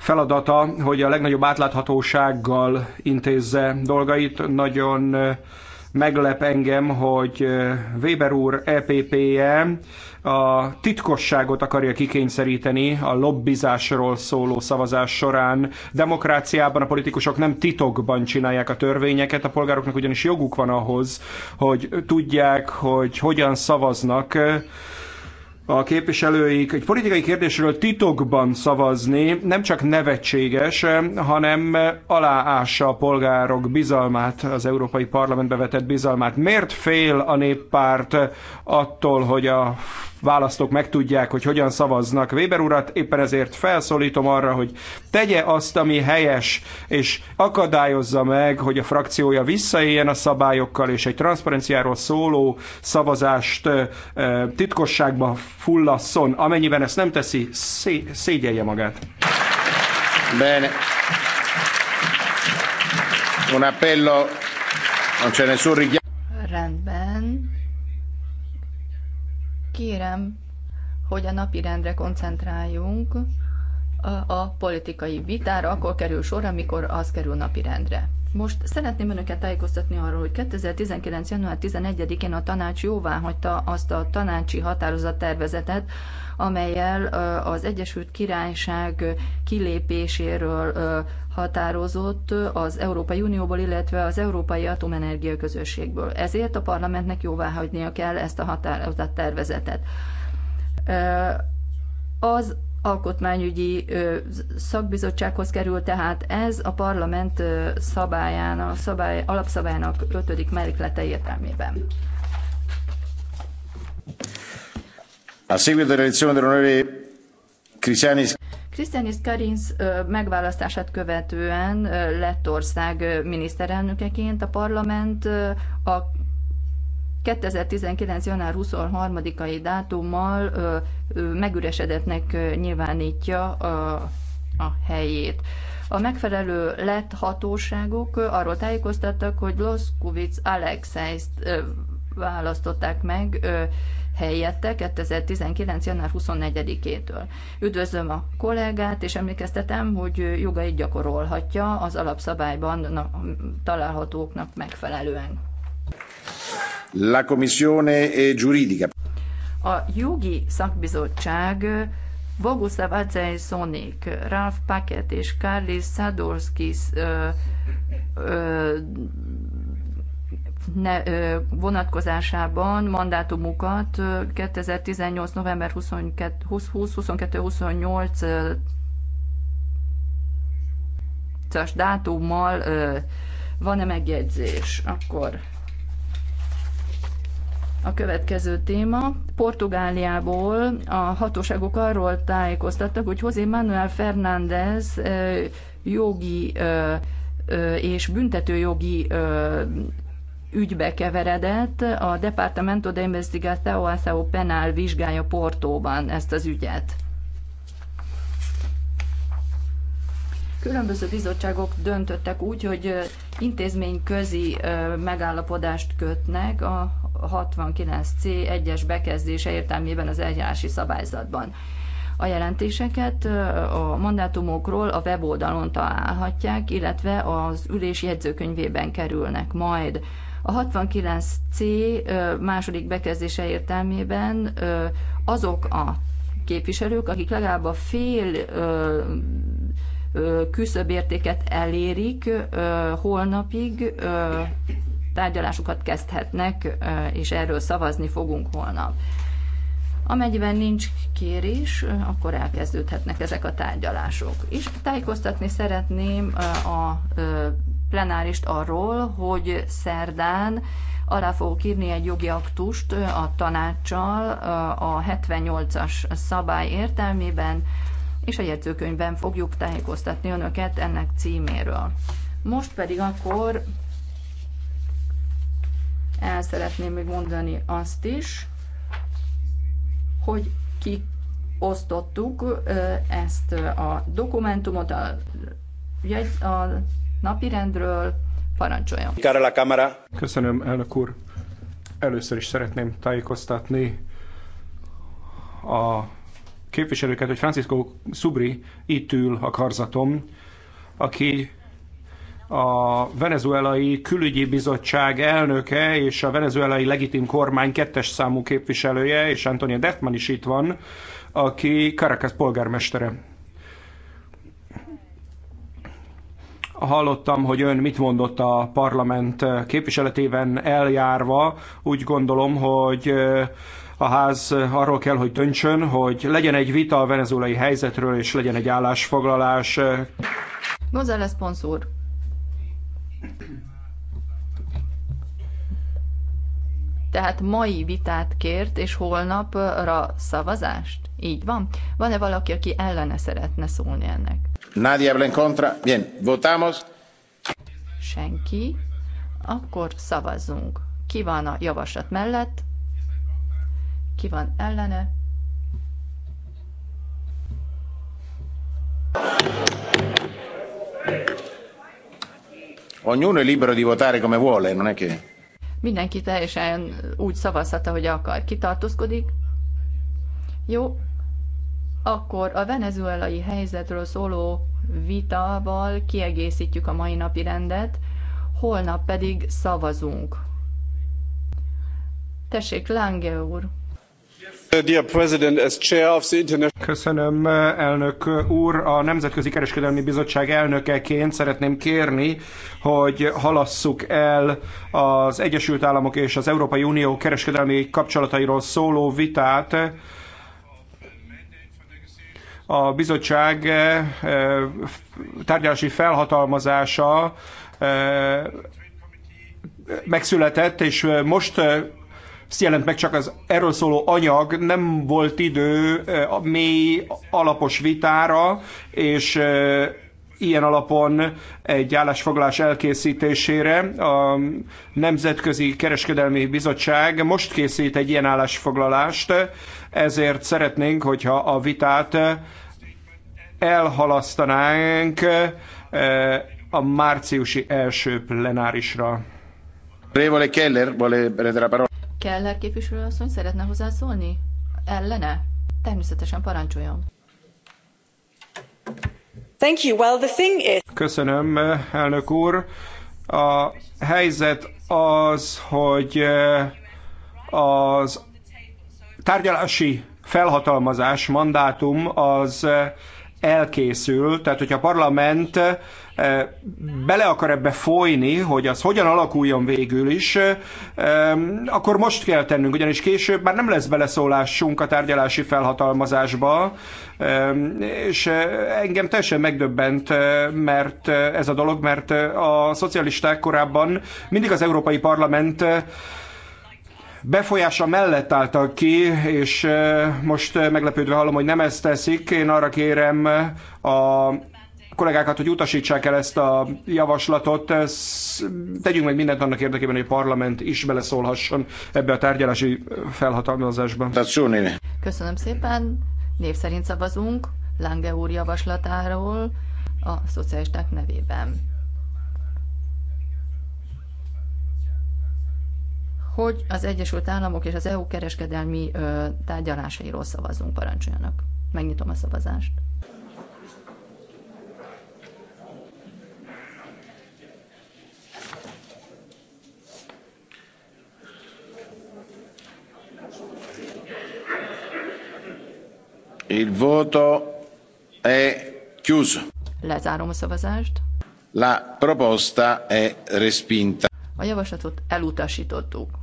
feladata, hogy a legnagyobb átláthatósággal intézze dolgait. Nagyon meglep engem, hogy Weber úr EPP-je a titkosságot akarja kikényszeríteni a lobbizásról szóló szavazás során. Demokráciában a politikusok nem titokban csinálják a törvényeket, a polgároknak ugyanis joguk van ahhoz, hogy tudják, hogy hogyan szavaznak a képviselőik egy politikai kérdésről titokban szavazni nem csak nevetséges, hanem aláássa a polgárok bizalmát, az Európai Parlamentbe vetett bizalmát. Miért fél a néppárt attól, hogy a választók megtudják, hogy hogyan szavaznak Weber urat, éppen ezért felszólítom arra, hogy tegye azt, ami helyes, és akadályozza meg, hogy a frakciója visszaéljen a szabályokkal, és egy transzparenciáról szóló szavazást titkosságba fullasszon. Amennyiben ezt nem teszi, szé- szégyelje magát. Bene. Un appello, non c'è nessun richiamo. Rendben Kérem, hogy a napi rendre koncentráljunk a politikai vitára, akkor kerül sor, amikor az kerül napi rendre. Most szeretném önöket tájékoztatni arról, hogy 2019. január 11-én a tanács jóvá hagyta azt a tanácsi határozattervezetet, amelyel az Egyesült Királyság kilépéséről határozott az Európai Unióból, illetve az Európai Atomenergia Közösségből. Ezért a parlamentnek jóvá hagynia kell ezt a határozattervezetet. Az alkotmányügyi szakbizottsághoz került, tehát ez a parlament szabályán, a szabály, alapszabályának ötödik melléklete értelmében. A seguito dell'elezione dell'onorevole Krisztiánis. Krisztiánis Karins megválasztását követően Lettország miniszterelnökeként a parlament a 2019. január 23-ai dátummal megüresedetnek nyilvánítja a, a helyét. A megfelelő lett hatóságok arról tájékoztattak, hogy Loskovic Alexeist választották meg helyette 2019. január 24-től. Üdvözlöm a kollégát, és emlékeztetem, hogy jogait gyakorolhatja az alapszabályban találhatóknak megfelelően. La Commissione è giuridica. A jogi szakbizottság Boguslav Adzej Zonik, Ralph Paket és Karli Szadorskis vonatkozásában mandátumukat 2018. november 22-28 as dátummal van-e megjegyzés? Akkor a következő téma. Portugáliából a hatóságok arról tájékoztattak, hogy José Manuel Fernández jogi és büntetőjogi ügybe keveredett. A Departamento de Investigação Ação Penal vizsgálja Portóban ezt az ügyet. Különböző bizottságok döntöttek úgy, hogy intézményközi megállapodást kötnek a 69C egyes bekezdése értelmében az eljárási szabályzatban. A jelentéseket a mandátumokról a weboldalon találhatják, illetve az ülés jegyzőkönyvében kerülnek majd. A 69C második bekezdése értelmében azok a képviselők, akik legalább a fél küszöbértéket elérik holnapig tárgyalásukat kezdhetnek, és erről szavazni fogunk holnap. Amennyiben nincs kérés, akkor elkezdődhetnek ezek a tárgyalások. És tájékoztatni szeretném a plenárist arról, hogy szerdán alá fogok írni egy jogi aktust a tanácssal a 78-as szabály értelmében, és a jegyzőkönyvben fogjuk tájékoztatni önöket ennek címéről. Most pedig akkor el szeretném még mondani azt is, hogy ki osztottuk ezt a dokumentumot a, jegy, a napirendről. Parancsoljon. Köszönöm, elnök úr. Először is szeretném tájékoztatni a képviselőket, hogy Francisco Subri itt ül a karzatom, aki a venezuelai külügyi bizottság elnöke és a venezuelai legitim kormány kettes számú képviselője, és Antonia Detman is itt van, aki Caracas polgármestere. Hallottam, hogy ön mit mondott a parlament képviseletében eljárva. Úgy gondolom, hogy a ház arról kell, hogy döntsön, hogy legyen egy vita a venezuelai helyzetről, és legyen egy állásfoglalás. González Ponsz úr, tehát mai vitát kért, és holnapra szavazást? Így van? Van-e valaki, aki ellene szeretne szólni ennek? Nadia habla en contra. Bien, votamos. Senki. Akkor szavazzunk. Ki van a javaslat mellett? Ki van ellene? Ognuno è libero di votare come vuole, non è che mindenki teljesen úgy szavazhat, ahogy akar. Kitartózkodik? Jó, akkor a venezuelai helyzetről szóló vitával kiegészítjük a mai napi rendet, holnap pedig szavazunk. Tessék, Lange úr! Köszönöm, elnök úr. A Nemzetközi Kereskedelmi Bizottság elnökeként szeretném kérni, hogy halasszuk el az Egyesült Államok és az Európai Unió kereskedelmi kapcsolatairól szóló vitát. A bizottság eh, eh, tárgyalási felhatalmazása eh, megszületett, és most jelent meg csak az erről szóló anyag, nem volt idő a mély alapos vitára, és ilyen alapon egy állásfoglalás elkészítésére. A Nemzetközi Kereskedelmi Bizottság most készít egy ilyen állásfoglalást, ezért szeretnénk, hogyha a vitát elhalasztanánk a márciusi első plenárisra. Révole Keller, vole prendere la parola. Keller képviselőasszony szeretne hozzászólni? Ellene? Természetesen parancsoljon. Thank you. Well, the thing is... Köszönöm, elnök úr. A helyzet az, hogy eh, az tárgyalási felhatalmazás, mandátum az eh, elkészül, tehát hogyha a parlament eh, bele akar ebbe folyni, hogy az hogyan alakuljon végül is, eh, akkor most kell tennünk, ugyanis később már nem lesz beleszólásunk a tárgyalási felhatalmazásba, eh, és engem teljesen megdöbbent, mert ez a dolog, mert a szocialisták korábban mindig az Európai Parlament befolyása mellett álltak ki, és most meglepődve hallom, hogy nem ezt teszik. Én arra kérem a kollégákat, hogy utasítsák el ezt a javaslatot. Tegyünk meg mindent annak érdekében, hogy a parlament is beleszólhasson ebbe a tárgyalási felhatalmazásba. Köszönöm szépen. Név szerint szavazunk Lange úr javaslatáról a szocialisták nevében. hogy az Egyesült Államok és az EU kereskedelmi tárgyalásairól szavazzunk, parancsoljanak. Megnyitom a szavazást. Il voto è chiuso. Lezárom a szavazást. La proposta è respinta. A javaslatot elutasítottuk.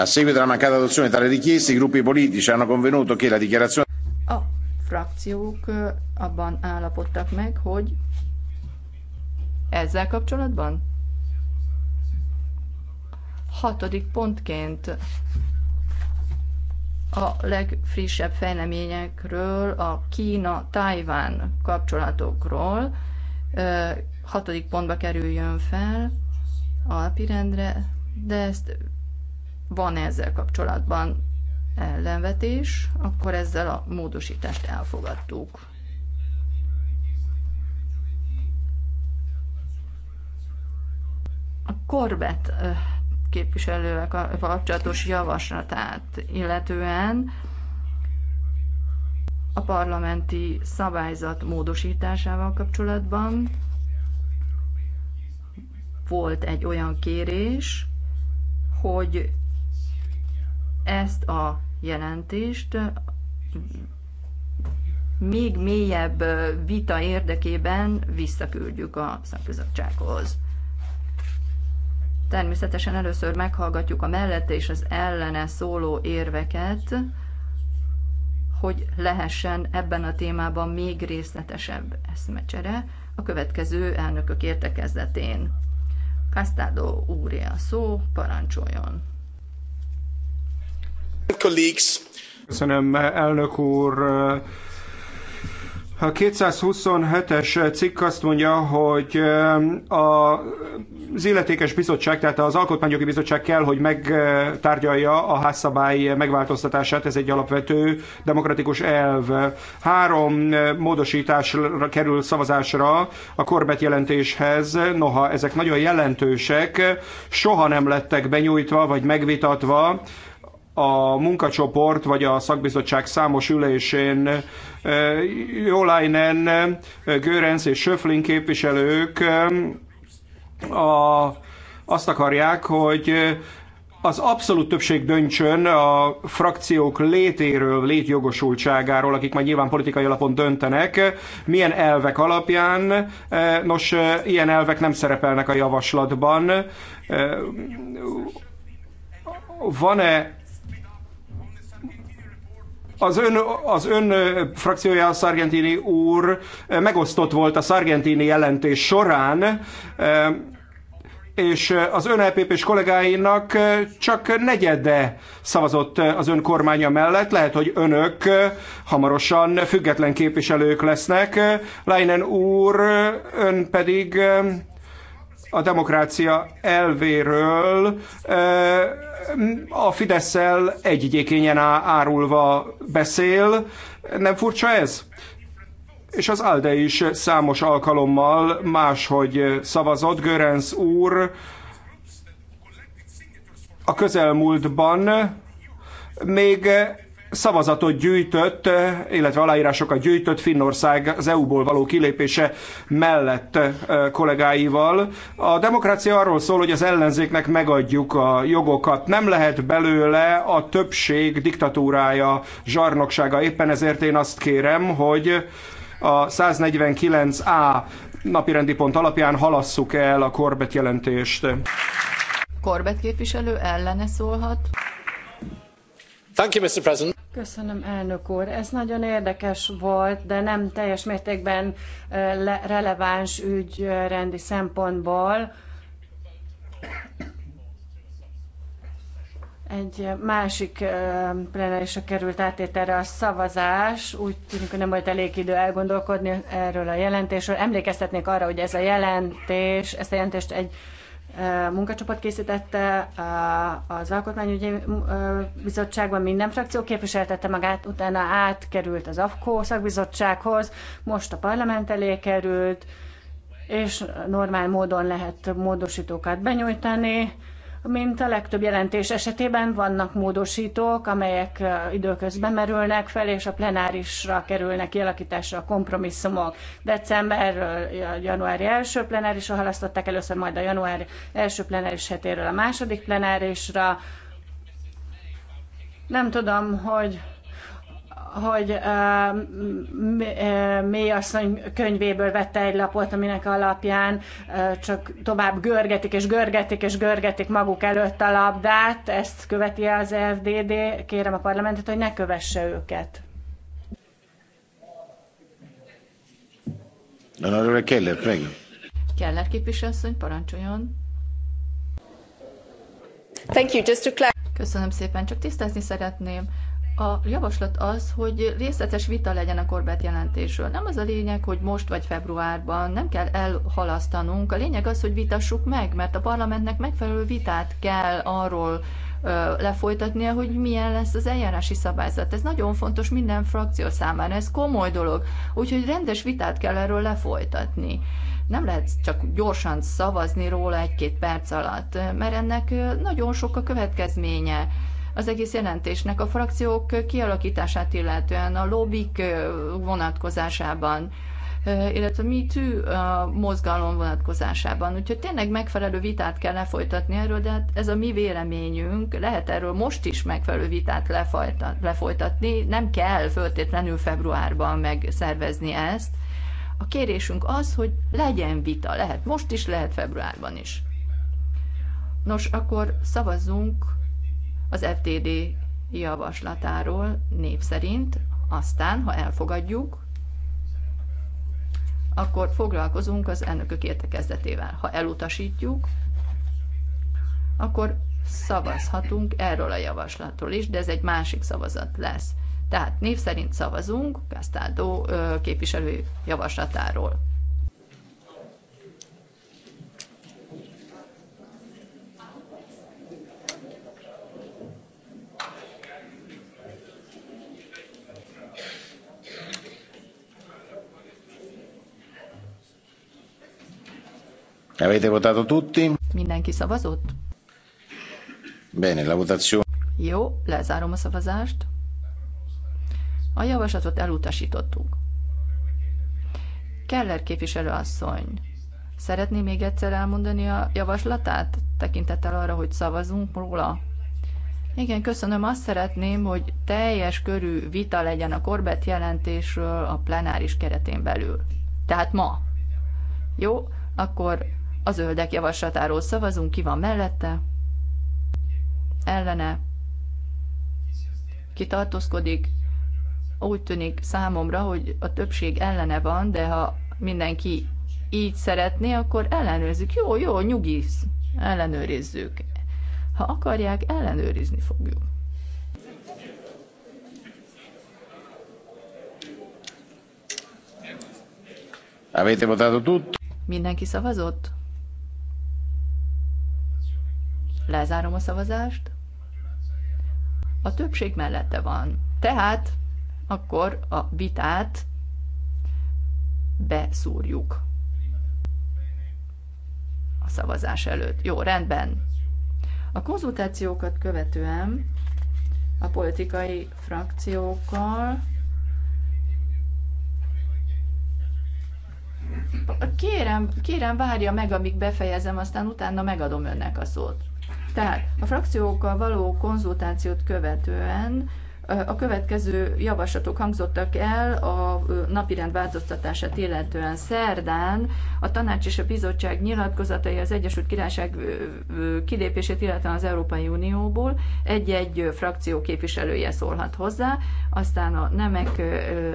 A seguito della mancata adozione di tale richiesta, i gruppi politici hanno convenuto che la dichiarazione. A frakciók eh, abban állapodtak meg, hogy ezzel kapcsolatban hatodik pontként a legfrissebb fejleményekről, a Kína-Tájván kapcsolatokról eh, hatodik pontba kerüljön fel alpirendre, de ezt van -e ezzel kapcsolatban ellenvetés, akkor ezzel a módosítást elfogadtuk. A Korbett képviselővel kapcsolatos javaslatát illetően a parlamenti szabályzat módosításával kapcsolatban volt egy olyan kérés, hogy ezt a jelentést még mélyebb vita érdekében visszaküldjük a szakbizottsághoz. Természetesen először meghallgatjuk a mellette és az ellene szóló érveket, hogy lehessen ebben a témában még részletesebb eszmecsere a következő elnökök értekezletén. Kasztádó úré a szó, parancsoljon! Köszönöm, elnök úr. A 227-es cikk azt mondja, hogy a, eh, az illetékes bizottság, tehát az Alkotmányjogi Bizottság kell, hogy megtárgyalja a házszabály megváltoztatását, ez egy alapvető demokratikus elv. Három eh, módosításra kerül szavazásra a korbet jelentéshez, noha ezek nagyon jelentősek, soha nem lettek benyújtva vagy megvitatva a munkacsoport vagy a szakbizottság számos ülésén eh, Jolainen, eh, Görenc és Söflin képviselők eh, a, azt akarják, hogy az abszolút többség döntsön a frakciók létéről, létjogosultságáról, akik majd nyilván politikai alapon döntenek, milyen elvek alapján. Nos, ilyen elvek nem szerepelnek a javaslatban. Van-e az ön, az ön frakciója, a Sargentini úr megosztott volt a Sargentini jelentés során, és az ön LPP-s e kollégáinak csak negyede szavazott az ön kormánya mellett. Lehet, hogy önök hamarosan független képviselők lesznek. Leinen úr, ön pedig a demokrácia elvéről a fidesz egy egyikényen árulva beszél. Nem furcsa ez? És az ALDE is számos alkalommal máshogy szavazott. Görenc úr a közelmúltban még szavazatot gyűjtött, eh, illetve aláírásokat gyűjtött Finnország az EU-ból való kilépése mellett eh, kollégáival. A demokrácia arról szól, hogy az ellenzéknek megadjuk a jogokat. Nem lehet belőle a többség diktatúrája, zsarnoksága. Éppen ezért én azt kérem, hogy a 149A napirendi pont alapján halasszuk el a Corbett jelentést. Corbett képviselő ellene szólhat. Thank you, Mr. President. Köszönöm, elnök úr. Ez nagyon érdekes volt, de nem teljes mértékben releváns ügyrendi rendi szempontból. Egy másik plenárisra került átételre a szavazás. Úgy tűnik, hogy nem volt elég idő elgondolkodni erről a jelentésről. Emlékeztetnék arra, hogy ez a jelentés, ezt a jelentést egy munkacsoport készítette, az Alkotmányügyi Bizottságban minden frakció képviseltette magát, utána átkerült az AFKO szakbizottsághoz, most a parlament elé került, és normál módon lehet módosítókat benyújtani. Mint a legtöbb jelentés esetében vannak módosítók, amelyek időközben merülnek fel, és a plenárisra kerülnek kialakításra a kompromisszumok. Decemberről januári első plenárisra halasztották, először majd a január első plenáris hetéről a második plenárisra. Nem tudom, hogy hogy mély asszony könyvéből vette egy lapot, aminek alapján csak tovább görgetik és görgetik és görgetik maguk előtt a labdát. Ezt követi az FDD. Kérem a parlamentet, hogy ne kövesse őket. Honorable Keller, prego. képviselőasszony, parancsoljon. Thank you, just to Köszönöm szépen, csak tisztázni szeretném a javaslat az, hogy részletes vita legyen a korbát jelentésről. Nem az a lényeg, hogy most vagy februárban nem kell elhalasztanunk. A lényeg az, hogy vitassuk meg, mert a parlamentnek megfelelő vitát kell arról ö, lefolytatnia, hogy milyen lesz az eljárási szabályzat. Ez nagyon fontos minden frakció számára, ez komoly dolog. Úgyhogy rendes vitát kell erről lefolytatni. Nem lehet csak gyorsan szavazni róla egy-két perc alatt, mert ennek nagyon sok a következménye az egész jelentésnek a frakciók kialakítását illetően, a lobbik vonatkozásában, illetve mi tű a mozgalom vonatkozásában. Úgyhogy tényleg megfelelő vitát kell lefolytatni erről, de hát ez a mi véleményünk, lehet erről most is megfelelő vitát lefolytatni, nem kell föltétlenül februárban megszervezni ezt. A kérésünk az, hogy legyen vita, lehet most is, lehet februárban is. Nos, akkor szavazzunk az FDD javaslatáról név szerint, aztán, ha elfogadjuk, akkor foglalkozunk az elnökök értekezletével. Ha elutasítjuk, akkor szavazhatunk erről a javaslatról is, de ez egy másik szavazat lesz. Tehát név szerint szavazunk Castaldo képviselő javaslatáról. E avete votato tutti? Mindenki szavazott? Bene, la votazione. Jó, lezárom a szavazást. A javaslatot elutasítottuk. Keller képviselőasszony, szeretné még egyszer elmondani a javaslatát, tekintettel arra, hogy szavazunk róla? Igen, köszönöm. Azt szeretném, hogy teljes körű vita legyen a Korbett jelentésről a plenáris keretén belül. Tehát ma. Jó, akkor a zöldek javaslatáról szavazunk, ki van mellette, ellene, ki tartózkodik. Úgy tűnik számomra, hogy a többség ellene van, de ha mindenki így szeretné, akkor ellenőrizzük. Jó, jó, nyugisz, ellenőrizzük. Ha akarják, ellenőrizni fogjuk. Mindenki szavazott? Lezárom a szavazást. A többség mellette van. Tehát akkor a vitát beszúrjuk a szavazás előtt. Jó, rendben. A konzultációkat követően a politikai frakciókkal Kérem, kérem, várja meg, amíg befejezem, aztán utána megadom önnek a szót. Tehát a frakciókkal való konzultációt követően a következő javaslatok hangzottak el a napirend változtatását illetően szerdán. A tanács és a bizottság nyilatkozatai az Egyesült Királyság kilépését, illetően az Európai Unióból egy-egy frakció képviselője szólhat hozzá, aztán a nemek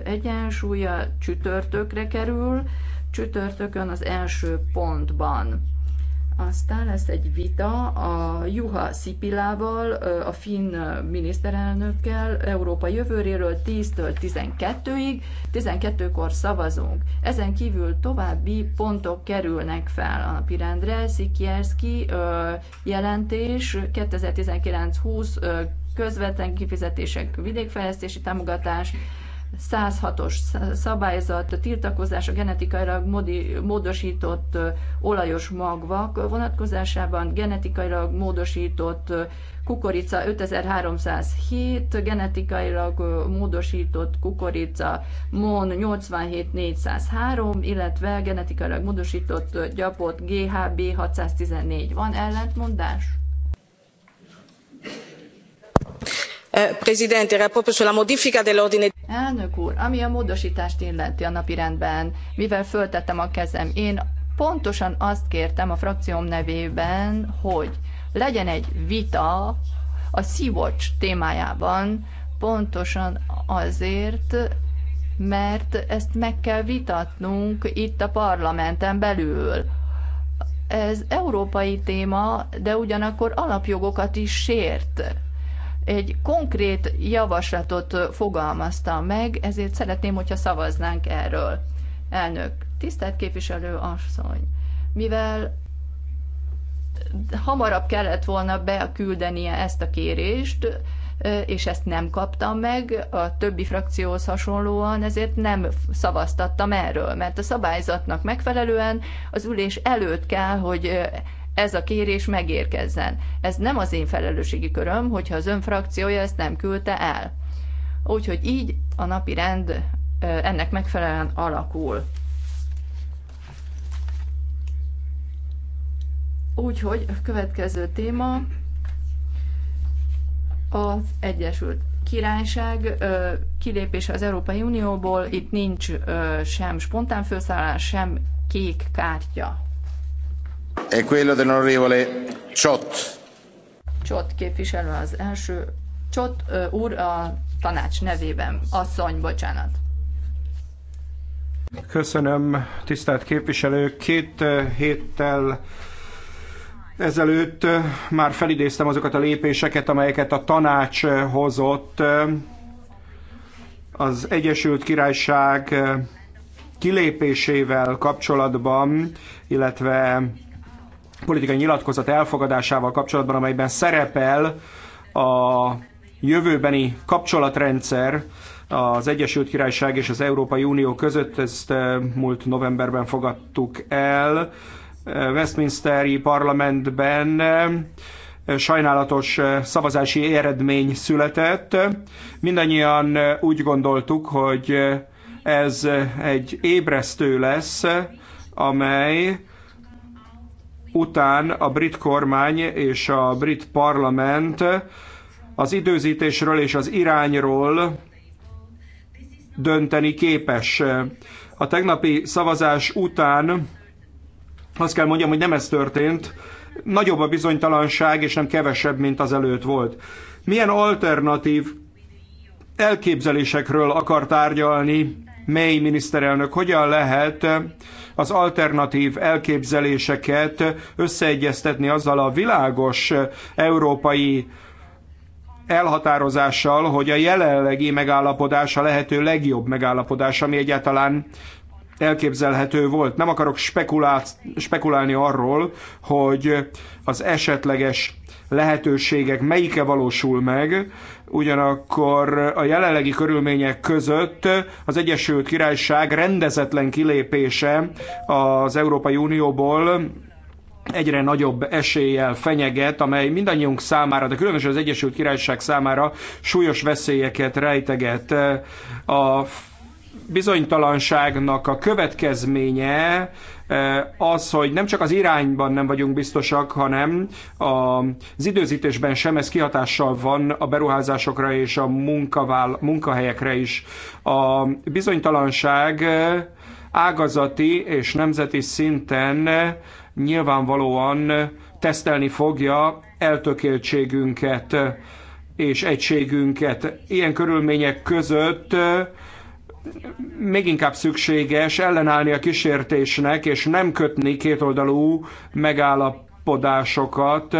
egyensúlya csütörtökre kerül, csütörtökön az első pontban. Aztán lesz egy vita a Juha Szipilával, a finn miniszterelnökkel, Európa jövőréről 10-től 12-ig, 12-kor szavazunk. Ezen kívül további pontok kerülnek fel a napirendre, Szikierszki jelentés 2019-20 közvetlen kifizetések, vidékfejlesztési támogatás, 106-os szabályzat, a tiltakozás a genetikailag módosított olajos magvak vonatkozásában, genetikailag módosított kukorica 5307, genetikailag módosított kukorica MON 87403, illetve genetikailag módosított gyapot GHB 614. Van ellentmondás? Eh, Presidente, era proprio sulla modifica dell'ordine Elnök úr, ami a módosítást illeti a napirendben, mivel föltettem a kezem, én pontosan azt kértem a frakcióm nevében, hogy legyen egy vita a Sea-Watch témájában, pontosan azért, mert ezt meg kell vitatnunk itt a parlamenten belül. Ez európai téma, de ugyanakkor alapjogokat is sért egy konkrét javaslatot fogalmazta meg, ezért szeretném, hogyha szavaznánk erről. Elnök, tisztelt képviselő asszony, mivel hamarabb kellett volna beküldenie ezt a kérést, és ezt nem kaptam meg, a többi frakcióhoz hasonlóan ezért nem szavaztattam erről, mert a szabályzatnak megfelelően az ülés előtt kell, hogy ez a kérés megérkezzen. Ez nem az én felelősségi köröm, hogyha az ön frakciója ezt nem küldte el. Úgyhogy így a napi rend ennek megfelelően alakul. Úgyhogy a következő téma az Egyesült Királyság kilépése az Európai Unióból. Itt nincs sem spontán felszállás, sem kék kártya. E quello dell'onorevole Csott. képviselő az első. Csott uh, úr a tanács nevében. Asszony, bocsánat. Köszönöm, tisztelt képviselő. Két héttel ezelőtt már felidéztem azokat a lépéseket, amelyeket a tanács hozott az Egyesült Királyság kilépésével kapcsolatban, illetve politikai nyilatkozat elfogadásával kapcsolatban, amelyben szerepel a jövőbeni kapcsolatrendszer az Egyesült Királyság és az Európai Unió között. Ezt eh, múlt novemberben fogadtuk el eh, Westminsteri parlamentben. Eh, sajnálatos szavazási eredmény született. Mindannyian úgy gondoltuk, hogy ez egy ébresztő lesz, amely után a brit kormány és a brit parlament az időzítésről és az irányról dönteni képes. A tegnapi szavazás után azt kell mondjam, hogy nem ez történt. Nagyobb a bizonytalanság, és nem kevesebb, mint az előtt volt. Milyen alternatív elképzelésekről akar tárgyalni May miniszterelnök? Hogyan lehet az alternatív elképzeléseket összeegyeztetni azzal a világos európai elhatározással, hogy a jelenlegi megállapodás a lehető legjobb megállapodás, ami egyáltalán elképzelhető volt. Nem akarok spekulálni arról, hogy az esetleges lehetőségek melyike valósul meg, ugyanakkor a jelenlegi körülmények között az Egyesült Királyság rendezetlen kilépése az Európai Unióból egyre nagyobb eséllyel fenyeget, amely mindannyiunk számára, de különösen az Egyesült Királyság számára súlyos veszélyeket rejteget. A bizonytalanságnak a következménye e, az, hogy nem csak az irányban nem vagyunk biztosak, hanem az időzítésben sem ez kihatással van a beruházásokra és a munkavál, munkahelyekre is. A bizonytalanság ágazati és nemzeti szinten nyilvánvalóan tesztelni fogja eltökéltségünket és egységünket. Ilyen körülmények között még inkább szükséges ellenállni a kísértésnek, és nem kötni kétoldalú megállapodásokat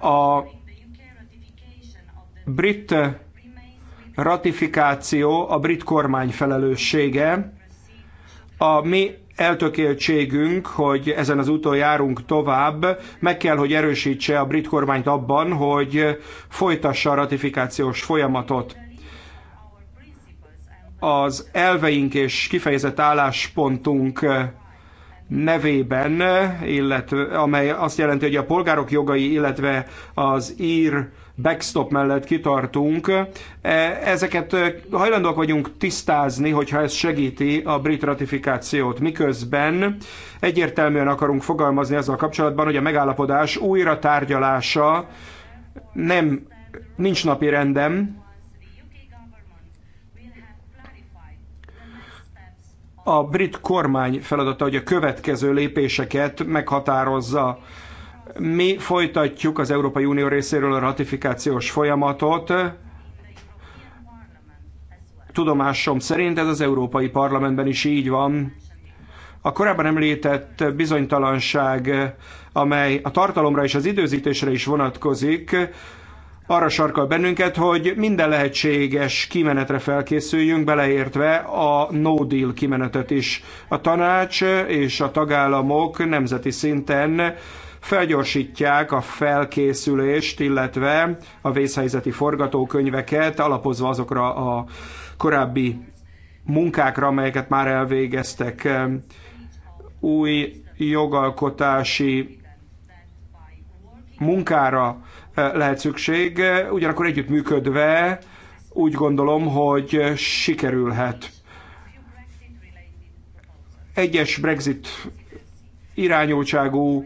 a brit ratifikáció a brit kormány felelőssége. A mi eltökéltségünk, hogy ezen az úton járunk tovább, meg kell, hogy erősítse a brit kormányt abban, hogy folytassa a ratifikációs folyamatot az elveink és kifejezett álláspontunk eh, nevében, eh, illetve, amely azt jelenti, hogy a polgárok jogai, illetve az ír backstop mellett kitartunk. Eh, ezeket hajlandóak vagyunk tisztázni, hogyha ez segíti a brit ratifikációt. Miközben egyértelműen akarunk fogalmazni azzal kapcsolatban, hogy a megállapodás újra tárgyalása nem nincs napi rendem, a brit kormány feladata, hogy a következő lépéseket meghatározza. Mi folytatjuk az Európai Unió részéről a ratifikációs folyamatot. Tudomásom szerint ez az Európai Parlamentben is így van. A korábban említett bizonytalanság, amely a tartalomra és az időzítésre is vonatkozik, arra sarkal bennünket, hogy minden lehetséges kimenetre felkészüljünk, beleértve a no deal kimenetet is. A tanács és a tagállamok nemzeti szinten felgyorsítják a felkészülést, illetve a vészhelyzeti forgatókönyveket, alapozva azokra a korábbi munkákra, amelyeket már elvégeztek. Új jogalkotási munkára lehet szükség, ugyanakkor együttműködve úgy gondolom, hogy sikerülhet. Egyes Brexit irányultságú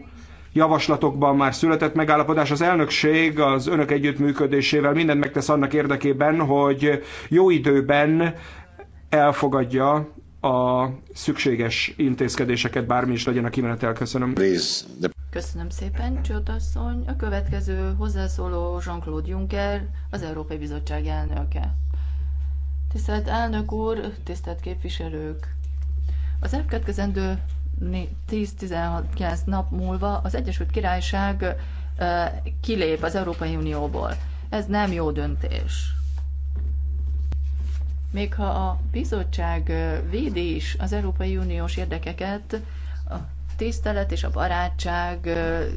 javaslatokban már született megállapodás. Az elnökség az önök együttműködésével mindent megtesz annak érdekében, hogy jó időben elfogadja a szükséges intézkedéseket, bármi is legyen a kimenetel. Köszönöm. Köszönöm szépen, Csodasszony. A következő hozzászóló Jean-Claude Juncker, az Európai Bizottság elnöke. Tisztelt elnök úr, tisztelt képviselők! Az elkövetkezendő 10-19 nap múlva az Egyesült Királyság kilép az Európai Unióból. Ez nem jó döntés még ha a bizottság védi is az Európai Uniós érdekeket, a tisztelet és a barátság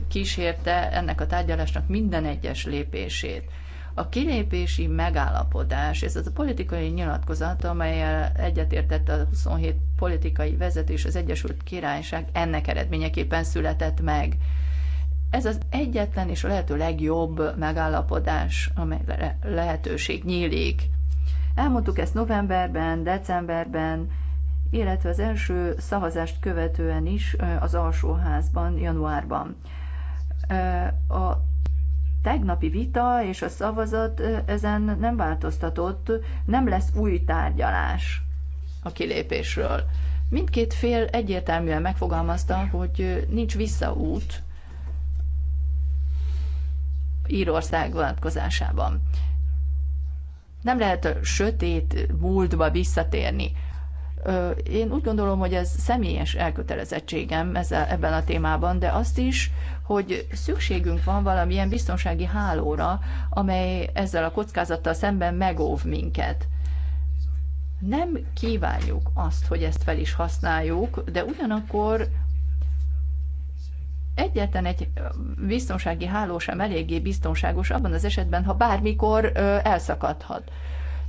kísérte ennek a tárgyalásnak minden egyes lépését. A kilépési megállapodás, ez az a politikai nyilatkozat, amelyel egyetértett a 27 politikai vezető és az Egyesült Királyság, ennek eredményeképpen született meg. Ez az egyetlen és a lehető legjobb megállapodás, amelyre lehetőség nyílik Elmondtuk ezt novemberben, decemberben, illetve az első szavazást követően is az alsóházban, januárban. A tegnapi vita és a szavazat ezen nem változtatott, nem lesz új tárgyalás a kilépésről. Mindkét fél egyértelműen megfogalmazta, hogy nincs visszaút Írország vonatkozásában. Nem lehet sötét múltba visszatérni. Én úgy gondolom, hogy ez személyes elkötelezettségem ezzel, ebben a témában, de azt is, hogy szükségünk van valamilyen biztonsági hálóra, amely ezzel a kockázattal szemben megóv minket. Nem kívánjuk azt, hogy ezt fel is használjuk, de ugyanakkor egyetlen egy biztonsági háló sem eléggé biztonságos abban az esetben, ha bármikor elszakadhat.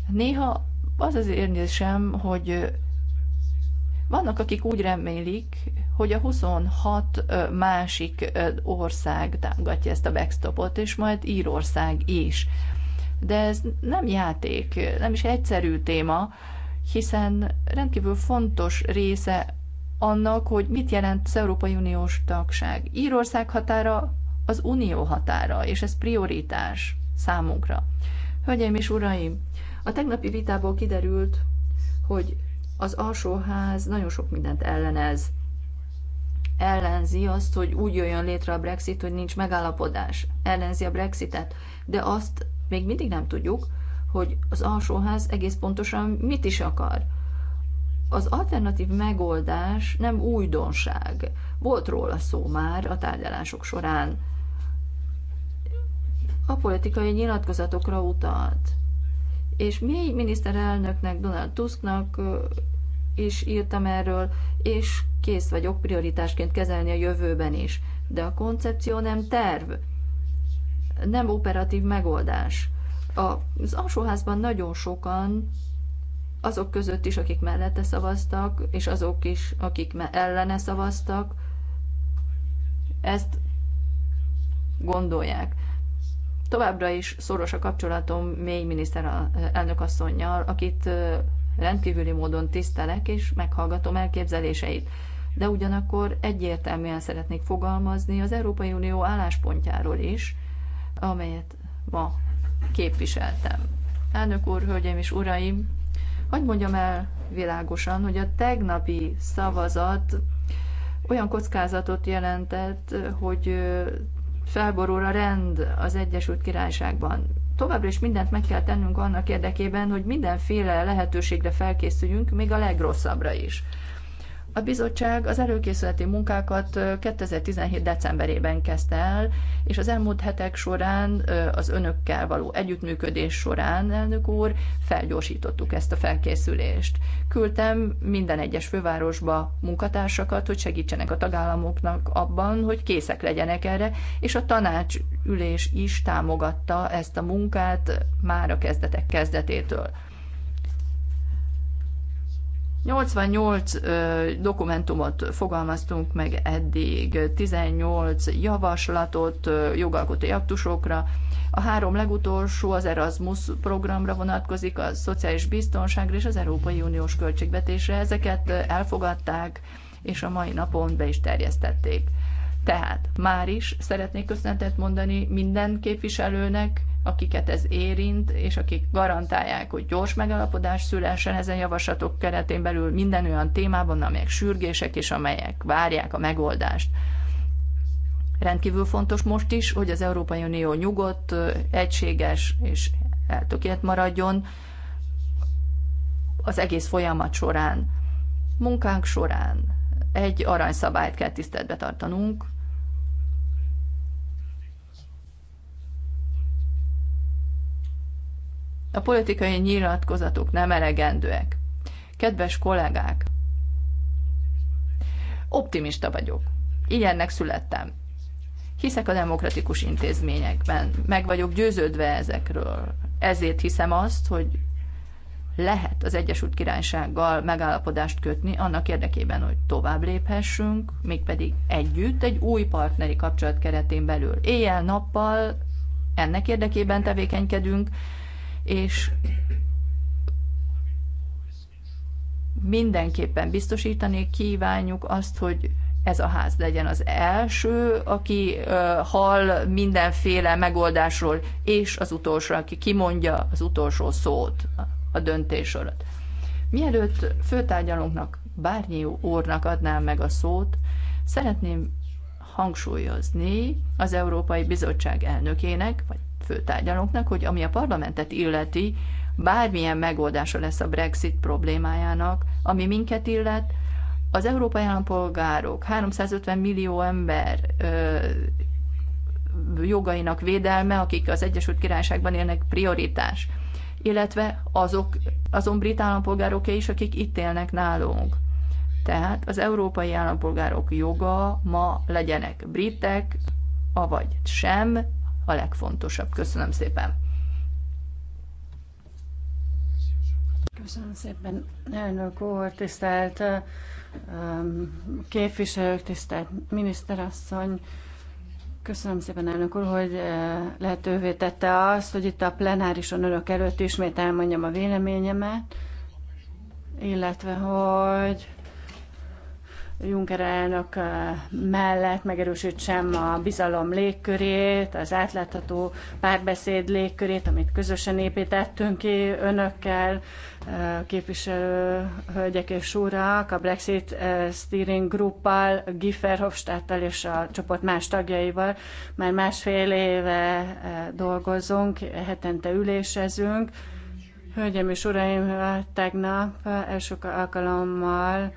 Néha az az érzésem, hogy vannak, akik úgy remélik, hogy a 26 másik ország támogatja ezt a backstopot, és majd Írország is. De ez nem játék, nem is egyszerű téma, hiszen rendkívül fontos része annak, hogy mit jelent az Európai Uniós tagság. Írország határa az unió határa, és ez prioritás számunkra. Hölgyeim és uraim, a tegnapi vitából kiderült, hogy az alsóház nagyon sok mindent ellenez. Ellenzi azt, hogy úgy jöjjön létre a Brexit, hogy nincs megállapodás. Ellenzi a Brexitet, de azt még mindig nem tudjuk, hogy az alsóház egész pontosan mit is akar az alternatív megoldás nem újdonság. Volt róla szó már a tárgyalások során. A politikai nyilatkozatokra utalt. És mi miniszterelnöknek, Donald Tusknak is írtam erről, és kész vagyok prioritásként kezelni a jövőben is. De a koncepció nem terv, nem operatív megoldás. Az alsóházban nagyon sokan azok között is, akik mellette szavaztak, és azok is, akik ellene szavaztak, ezt gondolják. Továbbra is szoros a kapcsolatom mély miniszter elnökasszonynal, akit rendkívüli módon tisztelek, és meghallgatom elképzeléseit. De ugyanakkor egyértelműen szeretnék fogalmazni az Európai Unió álláspontjáról is, amelyet ma képviseltem. Elnök úr, hölgyeim és uraim, hogy mondjam el világosan, hogy a tegnapi szavazat olyan kockázatot jelentett, hogy felborul a rend az Egyesült Királyságban. Továbbra is mindent meg kell tennünk annak érdekében, hogy mindenféle lehetőségre felkészüljünk, még a legrosszabbra is. A bizottság az előkészületi munkákat 2017. decemberében kezdte el, és az elmúlt hetek során, az önökkel való együttműködés során, elnök úr, felgyorsítottuk ezt a felkészülést. Küldtem minden egyes fővárosba munkatársakat, hogy segítsenek a tagállamoknak abban, hogy készek legyenek erre, és a tanácsülés is támogatta ezt a munkát már a kezdetek kezdetétől. 88 dokumentumot fogalmaztunk meg eddig, 18 javaslatot jogalkotói aktusokra. A három legutolsó az Erasmus programra vonatkozik, a szociális biztonságra és az Európai Uniós költségvetésre. Ezeket elfogadták, és a mai napon be is terjesztették. Tehát már is szeretnék köszönetet mondani minden képviselőnek, akiket ez érint, és akik garantálják, hogy gyors megalapodás szülessen ezen javaslatok keretén belül minden olyan témában, amelyek sürgések és amelyek várják a megoldást. Rendkívül fontos most is, hogy az Európai Unió nyugodt, egységes és eltökélt maradjon az egész folyamat során, munkánk során. Egy aranyszabályt kell tiszteletbe tartanunk, A politikai nyilatkozatok nem elegendőek. Kedves kollégák, optimista vagyok. Ilyennek születtem. Hiszek a demokratikus intézményekben, meg vagyok győződve ezekről. Ezért hiszem azt, hogy lehet az Egyesült Királysággal megállapodást kötni annak érdekében, hogy tovább léphessünk, mégpedig együtt egy új partneri kapcsolat keretén belül. Éjjel-nappal ennek érdekében tevékenykedünk, és mindenképpen biztosítani kívánjuk azt, hogy ez a ház legyen az első, aki hall mindenféle megoldásról, és az utolsó, aki kimondja az utolsó szót a döntés alatt. Mielőtt főtárgyalónknak, bárnyi úrnak adnám meg a szót, szeretném hangsúlyozni az Európai Bizottság elnökének, vagy főtárgyalónknak, hogy ami a parlamentet illeti, bármilyen megoldása lesz a Brexit problémájának, ami minket illet, az európai állampolgárok, 350 millió ember ö, jogainak védelme, akik az Egyesült Királyságban élnek, prioritás, illetve azok, azon brit állampolgárok is, akik itt élnek nálunk. Tehát az európai állampolgárok joga ma legyenek britek, avagy sem, a legfontosabb. Köszönöm szépen! Köszönöm szépen, elnök úr, tisztelt um, képviselők, tisztelt miniszterasszony. Köszönöm szépen, elnök úr, hogy uh, lehetővé tette azt, hogy itt a plenárison önök előtt ismét elmondjam a véleményemet, illetve hogy Juncker elnök mellett megerősítsem a bizalom légkörét, az átlátható párbeszéd légkörét, amit közösen építettünk ki önökkel, képviselő hölgyek és urak, a Brexit Steering Gruppal, Giffer Hofstadttal és a csoport más tagjaival. Már másfél éve dolgozunk, hetente ülésezünk. Hölgyeim és uraim, tegnap első alkalommal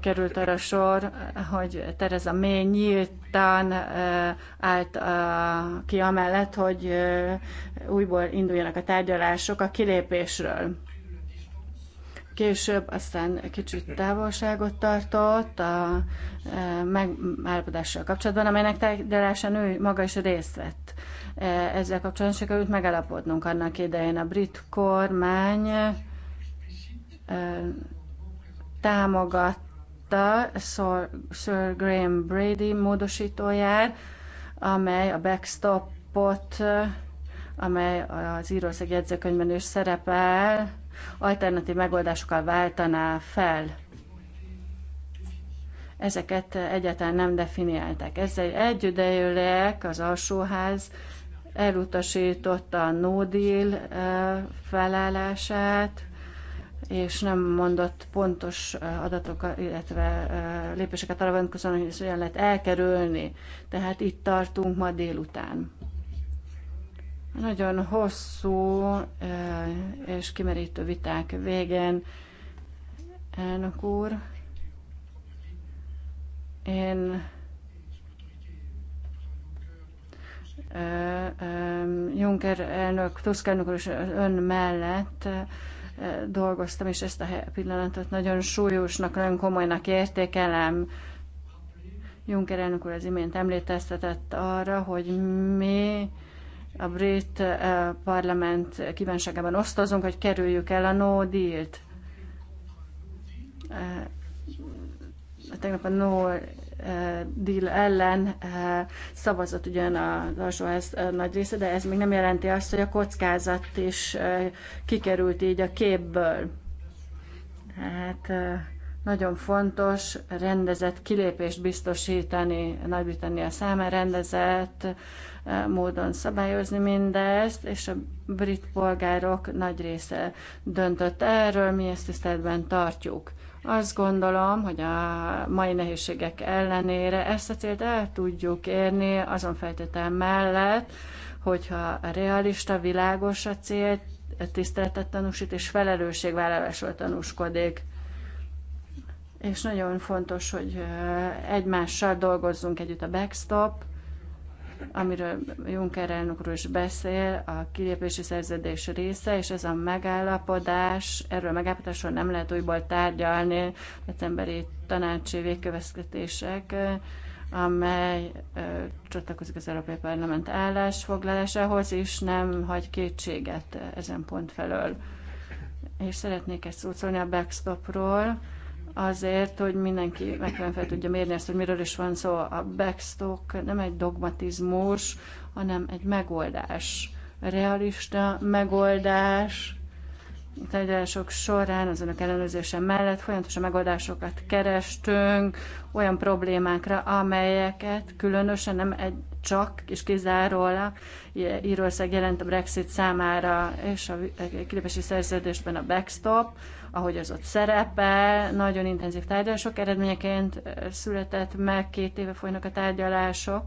került arra sor, hogy Tereza mély nyíltan eh, állt eh, ki amellett, hogy eh, újból induljanak a tárgyalások a kilépésről. Később aztán kicsit távolságot tartott a megállapodással kapcsolatban, amelynek tárgyalásán ő maga is részt vett. Ezzel kapcsolatban sikerült megállapodnunk annak idején. A brit kormány támogat elfogadta Sir, Sir Graham Brady módosítóját, amely a backstopot, amely az Írország jegyzőkönyvben is szerepel, alternatív megoldásokkal váltaná fel. Ezeket egyáltalán nem definiálták. Ezzel együttdejőleg az alsóház elutasította a no deal eh, felállását, és nem mondott pontos adatokat, illetve lépéseket arra vonatkozóan, hogy ezt olyan lehet elkerülni. Tehát itt tartunk ma délután. Nagyon hosszú és kimerítő viták végén, elnök úr, én Juncker elnök, Tusk elnök és ön mellett dolgoztam, és ezt a pillanatot nagyon súlyosnak, nagyon komolynak értékelem. Juncker elnök úr az imént emlékeztetett arra, hogy mi a brit eh, parlament kívánságában osztozunk, hogy kerüljük el a no deal-t. Eh, tegnap a no deal ellen eh, szavazott ugyan az alsóház eh, nagy része, de ez még nem jelenti azt, hogy a kockázat is eh, kikerült így a képből. Hát nagyon fontos rendezett kilépést biztosítani Nagy-Britannia számára, rendezett módon szabályozni mindezt, és a brit polgárok nagy része döntött erről, mi ezt tiszteletben tartjuk. Azt gondolom, hogy a mai nehézségek ellenére ezt a célt el tudjuk érni azon feltétel mellett, hogyha a realista, világos a cél, tiszteletet tanúsít és felelősségvállalásról tanúskodik. És nagyon fontos, hogy egymással dolgozzunk együtt a backstop, amiről Juncker elnök úr is beszél, a kilépési szerződés része, és ez a megállapodás, erről a megállapodásról nem lehet újból tárgyalni, decemberi tanácsi végkövetkezések, amely ö, csatlakozik az Európai Parlament állásfoglalásához, és nem hagy kétséget ezen pont felől. És szeretnék ezt szólni a backstopról azért, hogy mindenki megfelelően fel tudja mérni ezt, hogy miről is van szó. A backstop nem egy dogmatizmus, hanem egy megoldás. Realista megoldás. A tárgyalások során az önök ellenőrzése mellett folyamatosan megoldásokat kerestünk olyan problémákra, amelyeket különösen nem egy csak és kizárólag Írország jelent a Brexit számára, és a kilépési szerződésben a backstop, ahogy az ott szerepe, nagyon intenzív tárgyalások eredményeként született meg, két éve folynak a tárgyalások,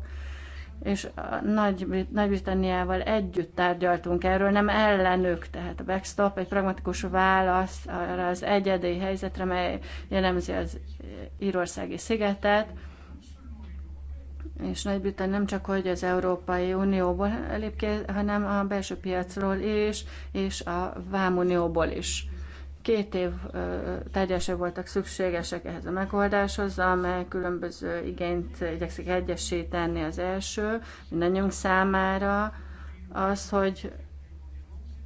és Nagy-Britanniával együtt tárgyaltunk erről, nem ellenük, tehát a backstop egy pragmatikus válasz arra az egyedi helyzetre, mely jellemzi az írországi szigetet, és Nagy-Britannia nem csak, hogy az Európai Unióból lép ki, hanem a belső piacról is, és a Vámunióból is. Két év tárgyalásra voltak szükségesek ehhez a megoldáshoz, amely különböző igényt igyekszik egyesíteni az első, mindannyiunk számára, az, hogy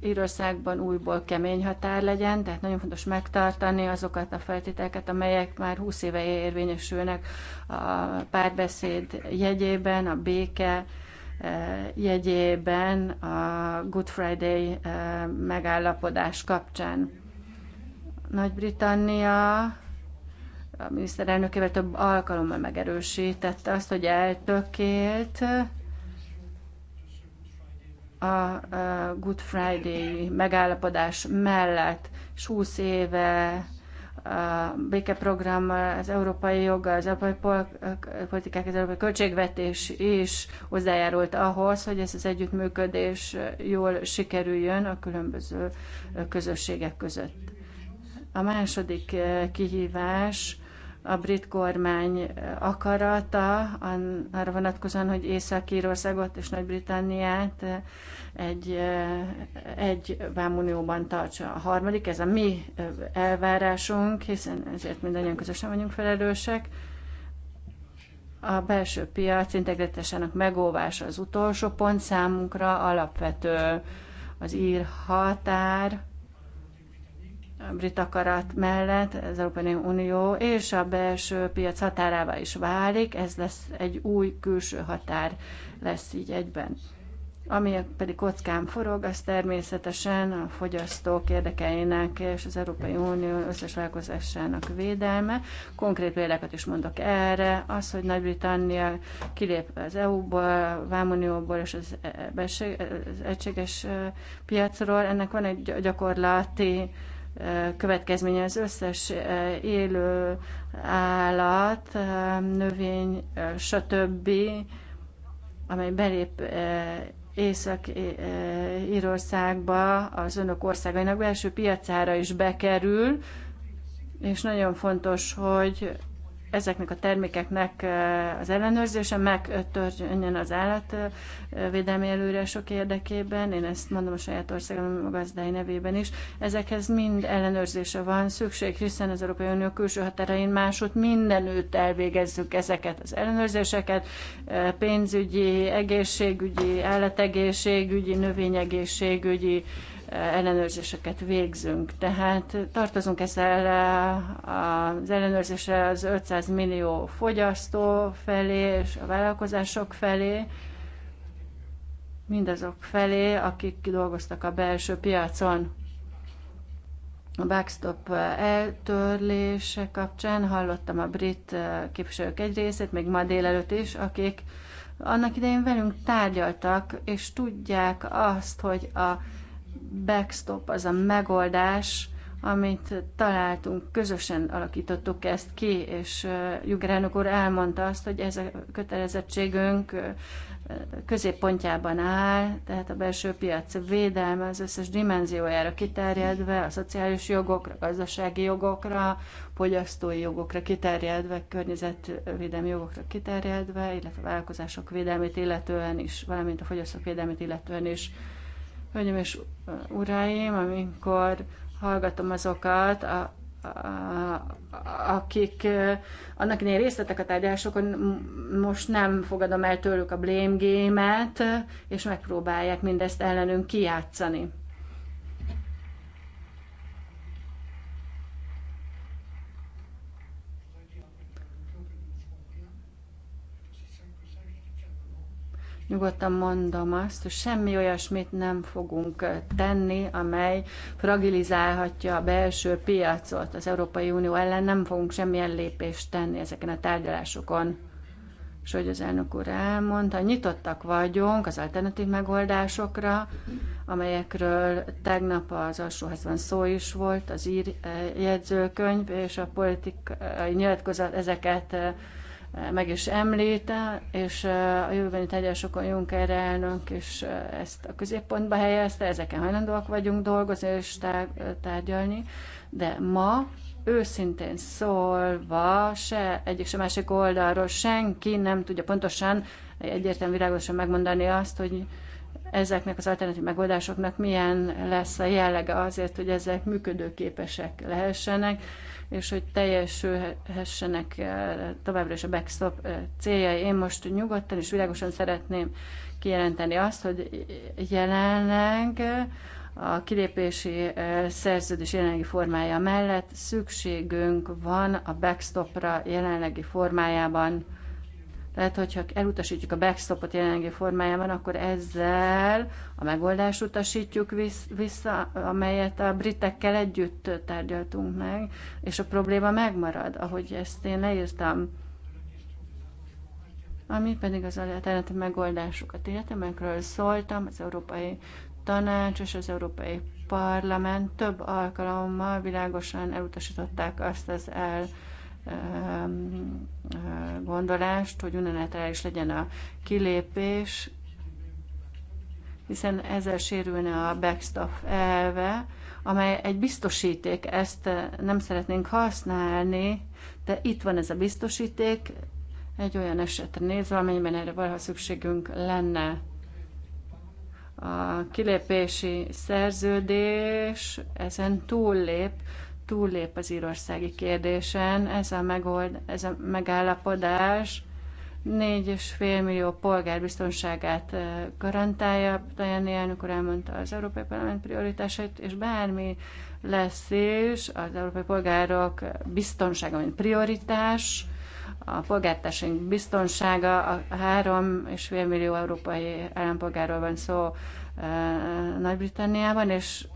Írországban újból kemény határ legyen, tehát nagyon fontos megtartani azokat a feltételeket, amelyek már 20 éve érvényesülnek a párbeszéd jegyében, a béke jegyében, a Good Friday megállapodás kapcsán. Nagy-Britannia a miniszterelnökével több alkalommal megerősítette azt, hogy eltökélt a Good Friday megállapodás mellett, és 20 éve a békeprogram, az európai joga, az európai politikák, az európai költségvetés is hozzájárult ahhoz, hogy ez az együttműködés jól sikerüljön a különböző közösségek között. A második eh, kihívás a brit kormány eh, akarata arra vonatkozóan, hogy Észak-Írországot és Nagy-Britanniát eh, egy, egy vámunióban tartsa. A harmadik, ez a mi elvárásunk, hiszen ezért mindannyian közösen vagyunk felelősek. A belső piac integritásának megóvása az utolsó pont számunkra, alapvető az ír határ, brit akarat mellett az Európai Unió és a belső piac határává is válik, ez lesz egy új külső határ lesz így egyben. Ami pedig kockán forog, az természetesen a fogyasztók érdekeinek és az Európai Unió összes vállalkozásának védelme. Konkrét példákat is mondok erre. Az, hogy Nagy-Britannia kilép az EU-ból, Vámunióból és az, e- az egységes piacról, ennek van egy gyakorlati következménye az összes élő állat, növény, stb., amely belép Észak-Írországba, az önök országainak belső piacára is bekerül, és nagyon fontos, hogy ezeknek a termékeknek az ellenőrzése megtörténjen az állatvédelmi előírások érdekében, én ezt mondom a saját országom a gazdái nevében is, ezekhez mind ellenőrzése van szükség, hiszen az Európai Unió külső határain másod mindenütt elvégezzük ezeket az ellenőrzéseket, pénzügyi, egészségügyi, állategészségügyi, növényegészségügyi, ellenőrzéseket végzünk. Tehát tartozunk ezzel eh, az ellenőrzésre az 500 millió fogyasztó felé és a vállalkozások felé, mindazok felé, akik dolgoztak a belső piacon. A backstop eh, eltörlése kapcsán hallottam a brit eh, képviselők egy részét, még ma délelőtt is, akik annak idején velünk tárgyaltak, és tudják azt, hogy a backstop az a megoldás, amit találtunk, közösen alakítottuk ezt ki, és Jugránok úr elmondta azt, hogy ez a kötelezettségünk középpontjában áll, tehát a belső piac védelme az összes dimenziójára kiterjedve, a szociális jogokra, gazdasági jogokra, fogyasztói jogokra kiterjedve, környezetvédelmi jogokra kiterjedve, illetve a vállalkozások védelmét illetően is, valamint a fogyasztók védelmét illetően is. Hölgyeim és uraim, amikor hallgatom azokat, a, a, akik annak én részletek a tárgyalásokon, most nem fogadom el tőlük a blame game és megpróbálják mindezt ellenünk kijátszani. Nyugodtan mondom azt, hogy semmi olyasmit nem fogunk tenni, amely fragilizálhatja a belső piacot. Az Európai Unió ellen nem fogunk semmilyen lépést tenni ezeken a tárgyalásokon. És hogy az elnök úr elmondta, nyitottak vagyunk az alternatív megoldásokra, amelyekről tegnap az alsóházban szó is volt, az ír eh, jegyzőkönyv és a politikai nyilatkozat ezeket eh, meg is említe, és a jövőbeni tárgyalásokon Juncker elnök is ezt a középpontba helyezte, ezeken hajlandóak vagyunk dolgozni és tárgyalni, de ma őszintén szólva, se egyik, se másik oldalról senki nem tudja pontosan, egyértelműen világosan megmondani azt, hogy ezeknek az alternatív megoldásoknak milyen lesz a jellege azért, hogy ezek működőképesek lehessenek és hogy teljesülhessenek eh, továbbra is a backstop eh, céljai. Én most nyugodtan és világosan szeretném kijelenteni azt, hogy jelenleg eh, a kilépési szerződés jelenlegi formája mellett szükségünk van a backstopra jelenlegi formájában. Tehát, hogyha elutasítjuk a backstopot jelenlegi formájában, akkor ezzel a megoldást utasítjuk vissza, amelyet a britekkel együtt tárgyaltunk meg, és a probléma megmarad, ahogy ezt én leírtam. Ami pedig az alternatív megoldásokat illeti, amelyekről szóltam, az Európai Tanács és az Európai Parlament több alkalommal világosan elutasították azt az el, gondolást, hogy unilaterális legyen a kilépés, hiszen ezzel sérülne a backstop elve, amely egy biztosíték, ezt eh, nem szeretnénk használni, de itt van ez a biztosíték, egy olyan esetre nézve, amelyben erre valaha szükségünk lenne. A kilépési szerződés ezen túllép, túllép az írországi kérdésen. Ez a, megold, ez a megállapodás 4,5 millió polgár biztonságát garantálja. Tajani elnök úr elmondta az Európai Parlament prioritásait, és bármi lesz is az európai polgárok biztonsága, mint prioritás, a polgártársaink biztonsága, a három és fél millió európai állampolgárról van szó Nagy-Britanniában, és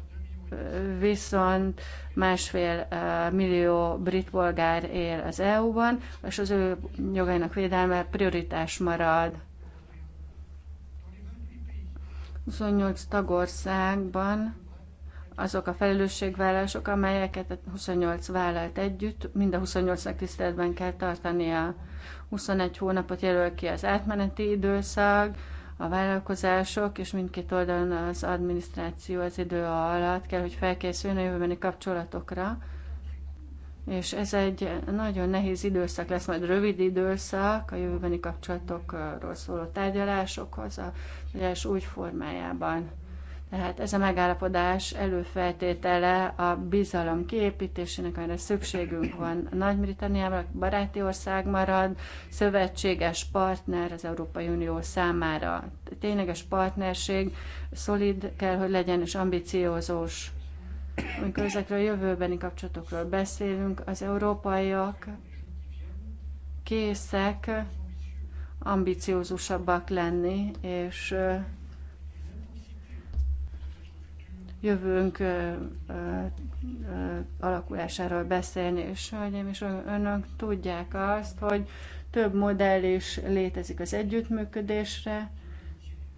viszont másfél millió brit polgár él az EU-ban, és az ő jogainak védelme prioritás marad. 28 tagországban azok a felelősségvállások, amelyeket 28 vállalt együtt, mind a 28-nak tiszteletben kell tartania. 21 hónapot jelöl ki az átmeneti időszak, a vállalkozások, és mindkét oldalon az adminisztráció az idő alatt kell, hogy felkészüljön a jövőbeni kapcsolatokra. És ez egy nagyon nehéz időszak lesz, majd rövid időszak a jövőbeni kapcsolatokról szóló tárgyalásokhoz, a tárgyalás úgy formájában. Tehát ez a megállapodás előfeltétele a bizalom kiépítésének, amire szükségünk van. Nagy-Britanniával baráti ország marad, szövetséges partner az Európai Unió számára. Tényleges partnerség szolid kell, hogy legyen és ambiciózós. Amikor ezekről a jövőbeni kapcsolatokról beszélünk, az európaiak készek ambiciózusabbak lenni, és jövőnk alakulásáról beszélni, és hölgyeim és önök tudják azt, hogy több modell is létezik az együttműködésre,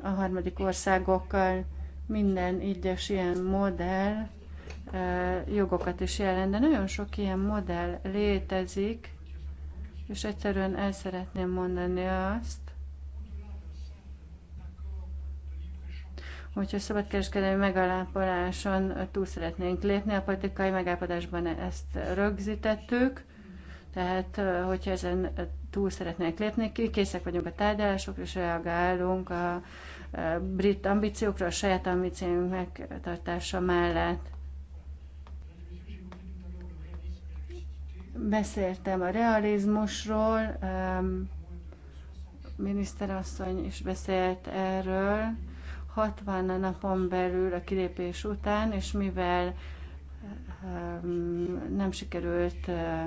a harmadik országokkal minden egyes ilyen modell jogokat is jelent, de nagyon sok ilyen modell létezik, és egyszerűen el szeretném mondani azt, Hogyha szabadkereskedelmi megállapodáson túl szeretnénk lépni, a politikai megállapodásban ezt rögzítettük, tehát hogyha ezen túl szeretnénk lépni, készek vagyunk a tárgyalásokra, és reagálunk a brit ambíciókra, a saját ambícióink megtartása mellett. Beszéltem a realizmusról, miniszterasszony is beszélt erről, 60 napon belül a kilépés után, és mivel ehm, nem sikerült eh,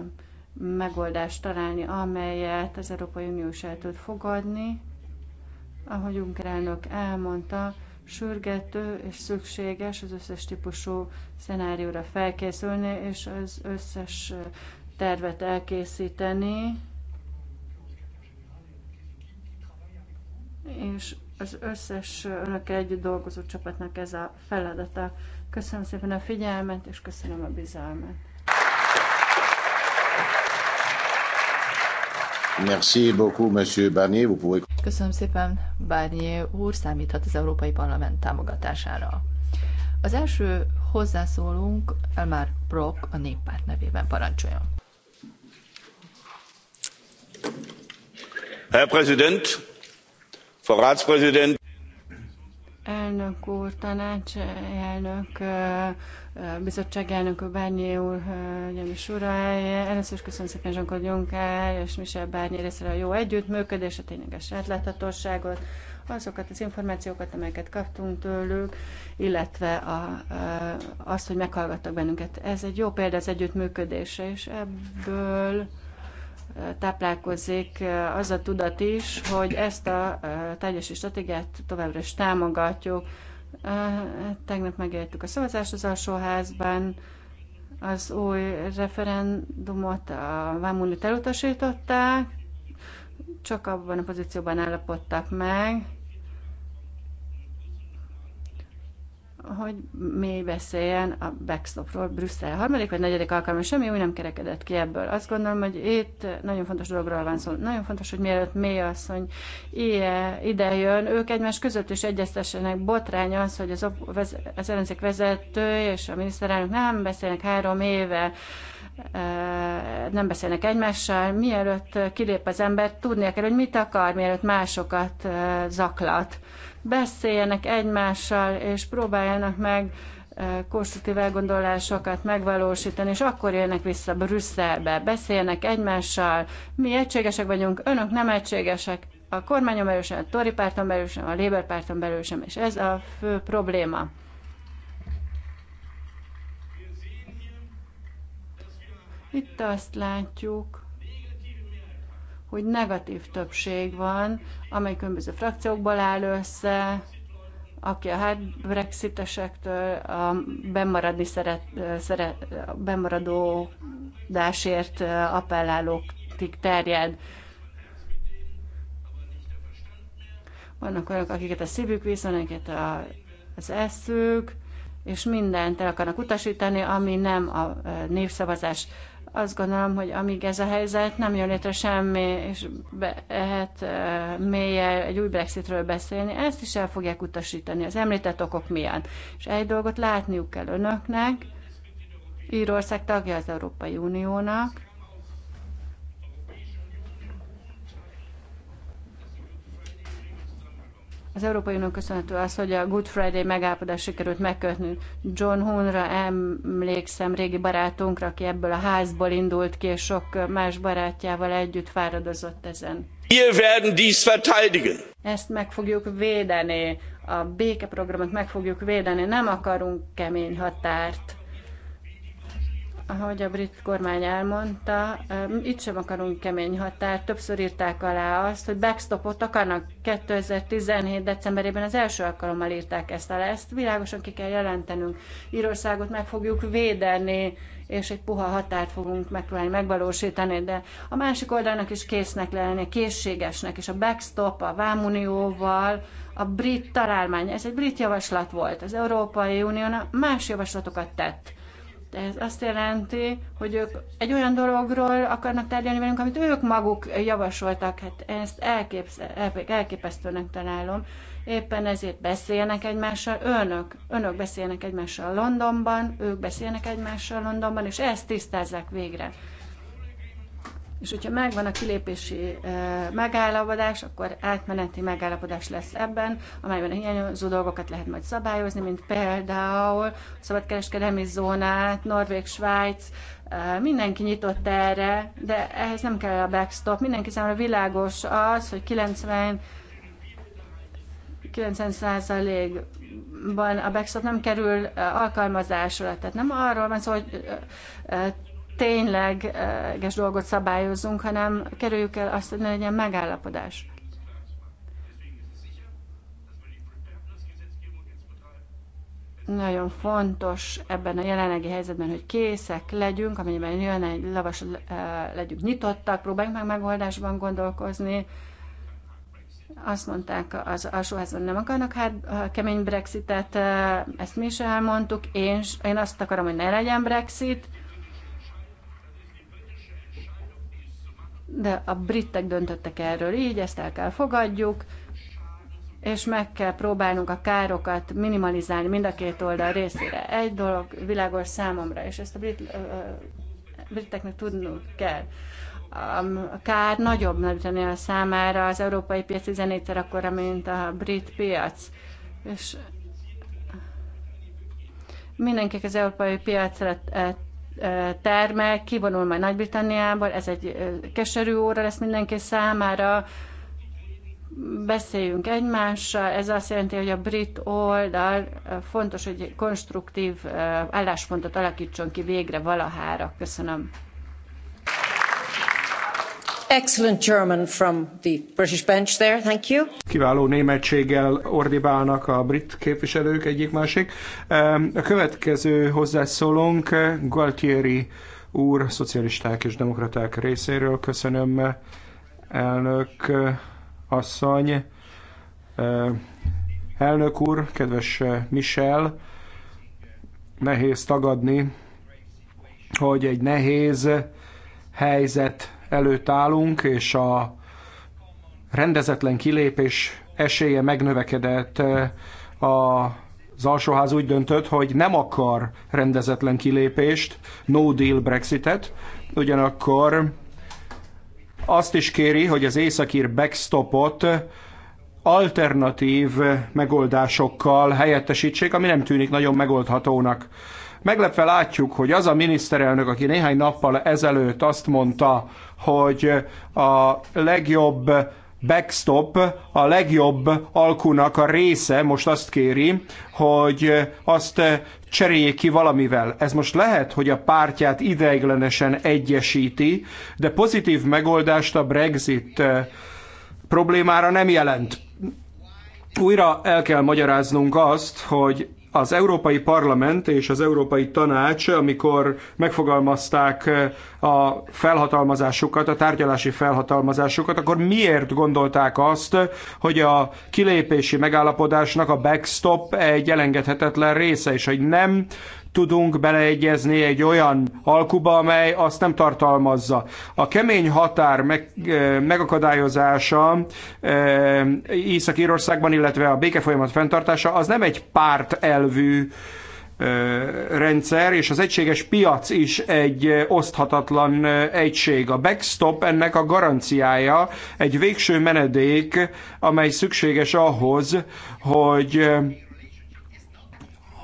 megoldást találni, amelyet az Európai Unió is el tud fogadni, ahogy Juncker elnök elmondta, sürgető és szükséges az összes típusú szenárióra felkészülni, és az összes eh, tervet elkészíteni, és az összes önökkel együtt dolgozó csapatnak ez a feladata. Köszönöm szépen a figyelmet, és köszönöm a bizalmat. Merci beaucoup, monsieur Barnier. Vous pouvez... Köszönöm szépen, Barnier úr számíthat az Európai Parlament támogatására. Az első hozzászólunk Elmar Brock a néppárt nevében parancsoljon. Herr Präsident! Frau Ratspräsident! Elnök úr, tanácselnök, bizottságelnök úr, Bárnyé úr, hölgyem és uráj, először is köszönöm szépen Jean-Claude Juncker és Michel Bárnyi részre a jó együttműködés, a tényleges átláthatóságot, azokat az információkat, amelyeket kaptunk tőlük, illetve a, azt, hogy meghallgattak bennünket. Ez egy jó példa az együttműködésre, és ebből táplálkozik az a tudat is, hogy ezt a tárgyasi stratégiát továbbra is támogatjuk. Tegnap megértük a szavazást az alsóházban, az új referendumot a Vámunit elutasították, csak abban a pozícióban állapodtak meg, hogy mi beszéljen a backstopról Brüsszel. harmadik vagy negyedik alkalommal semmi új nem kerekedett ki ebből. Azt gondolom, hogy itt nagyon fontos dologról van szó. Nagyon fontos, hogy mielőtt mély asszony ide jön, ők egymás között is egyeztessenek. Botrány az, hogy az, az ellenzék vezető és a miniszterelnök nem beszélnek három éve e, nem beszélnek egymással, mielőtt kilép az ember, tudnia kell, hogy mit akar, mielőtt másokat e, zaklat beszéljenek egymással, és próbáljanak meg eh, konstruktív elgondolásokat megvalósítani, és akkor jönnek vissza Brüsszelbe, beszéljenek egymással, mi egységesek vagyunk, önök nem egységesek, a kormányon belül sem, a Tori párton belül sem, a Labour párton belül sem, és ez a fő probléma. Itt azt látjuk, hogy negatív többség van, amely különböző frakciókból áll össze, aki a hát brexitesektől a bemaradni szeret, szeret, dásért appellálóktig terjed. Vannak olyanok, akiket a szívük visz, akiket a, az eszük, és mindent el akarnak utasítani, ami nem a népszavazás azt gondolom, hogy amíg ez a helyzet nem jön létre semmi, és lehet mélyen egy új Brexitről beszélni, ezt is el fogják utasítani az említett okok miatt. És egy dolgot látniuk kell önöknek, Írország tagja az Európai Uniónak, Az Európai Unió köszönhető az, hogy a Good Friday megállapodás sikerült megkötni. John Hunra emlékszem, régi barátunkra, aki ebből a házból indult ki, és sok más barátjával együtt fáradozott ezen. Wir werden dies verteidigen. Ezt meg fogjuk védeni, a békeprogramot meg fogjuk védeni, nem akarunk kemény határt ahogy a brit kormány elmondta, itt sem akarunk kemény határ. Többször írták alá azt, hogy backstopot akarnak. 2017. decemberében az első alkalommal írták ezt alá. Ezt világosan ki kell jelentenünk. Írországot meg fogjuk védeni, és egy puha határt fogunk megpróbálni megvalósítani, de a másik oldalnak is késznek lenni, készségesnek, és a backstop a vámunióval, a brit találmány, ez egy brit javaslat volt. Az Európai Unió más javaslatokat tett ez azt jelenti, hogy ők egy olyan dologról akarnak tárgyalni velünk, amit ők maguk javasoltak. Hát ezt elképesztőnek találom. Éppen ezért beszélnek egymással önök. Önök beszélnek egymással Londonban, ők beszélnek egymással Londonban, és ezt tisztázzák végre és hogyha megvan a kilépési megállapodás, akkor átmeneti megállapodás lesz ebben, amelyben a hiányozó dolgokat lehet majd szabályozni, mint például a szabadkereskedelmi zónát, Norvég, Svájc, mindenki nyitott erre, de ehhez nem kell a backstop. Mindenki számára világos az, hogy 90 90%-ban a backstop nem kerül alkalmazásra. Tehát nem arról van szó, hogy tényleges dolgot szabályozunk, hanem kerüljük el azt, hogy ne legyen megállapodás. Nagyon fontos ebben a jelenlegi helyzetben, hogy készek legyünk, amennyiben jön egy lavas, eh, legyünk nyitottak, próbáljunk meg megoldásban gondolkozni, azt mondták az alsóházban nem akarnak hát eh, kemény Brexitet, eh, ezt mi is elmondtuk, én, én azt akarom, hogy ne legyen Brexit, de a britek döntöttek erről így, ezt el kell fogadjuk, és meg kell próbálnunk a károkat minimalizálni mind a két oldal részére. Egy dolog világos számomra, és ezt a brit, ö, briteknek tudnunk kell. A kár nagyobb nagy számára az európai piac 14-szer akkora, mint a brit piac. És mindenkinek az európai piacra termek, kivonul majd Nagy-Britanniából, ez egy keserű óra lesz mindenki számára, beszéljünk egymással, ez azt jelenti, hogy a brit oldal fontos, hogy konstruktív álláspontot alakítson ki végre valahára. Köszönöm. Kiváló németséggel ordibálnak a brit képviselők egyik-másik. A következő hozzászólónk Gualtieri úr, szocialisták és demokraták részéről. Köszönöm, elnök asszony. Elnök úr, kedves Michel, nehéz tagadni, hogy egy nehéz helyzet előtt állunk, és a rendezetlen kilépés esélye megnövekedett. A az alsóház úgy döntött, hogy nem akar rendezetlen kilépést, no deal Brexitet, ugyanakkor azt is kéri, hogy az északír backstopot alternatív megoldásokkal helyettesítsék, ami nem tűnik nagyon megoldhatónak. Meglepve látjuk, hogy az a miniszterelnök, aki néhány nappal ezelőtt azt mondta, hogy a legjobb backstop, a legjobb alkunak a része most azt kéri, hogy azt cseréljék ki valamivel. Ez most lehet, hogy a pártját ideiglenesen egyesíti, de pozitív megoldást a Brexit problémára nem jelent. Újra el kell magyaráznunk azt, hogy az Európai Parlament és az Európai Tanács, amikor megfogalmazták eh, a felhatalmazásukat, a tárgyalási felhatalmazásukat, akkor miért gondolták azt, hogy a kilépési megállapodásnak a backstop egy elengedhetetlen része, és hogy nem tudunk beleegyezni egy olyan alkuba, amely azt nem tartalmazza. A kemény határ meg, megakadályozása Észak-Írországban, illetve a békefolyamat fenntartása, az nem egy párt elvű rendszer, és az egységes piac is egy oszthatatlan egység. A backstop ennek a garanciája, egy végső menedék, amely szükséges ahhoz, hogy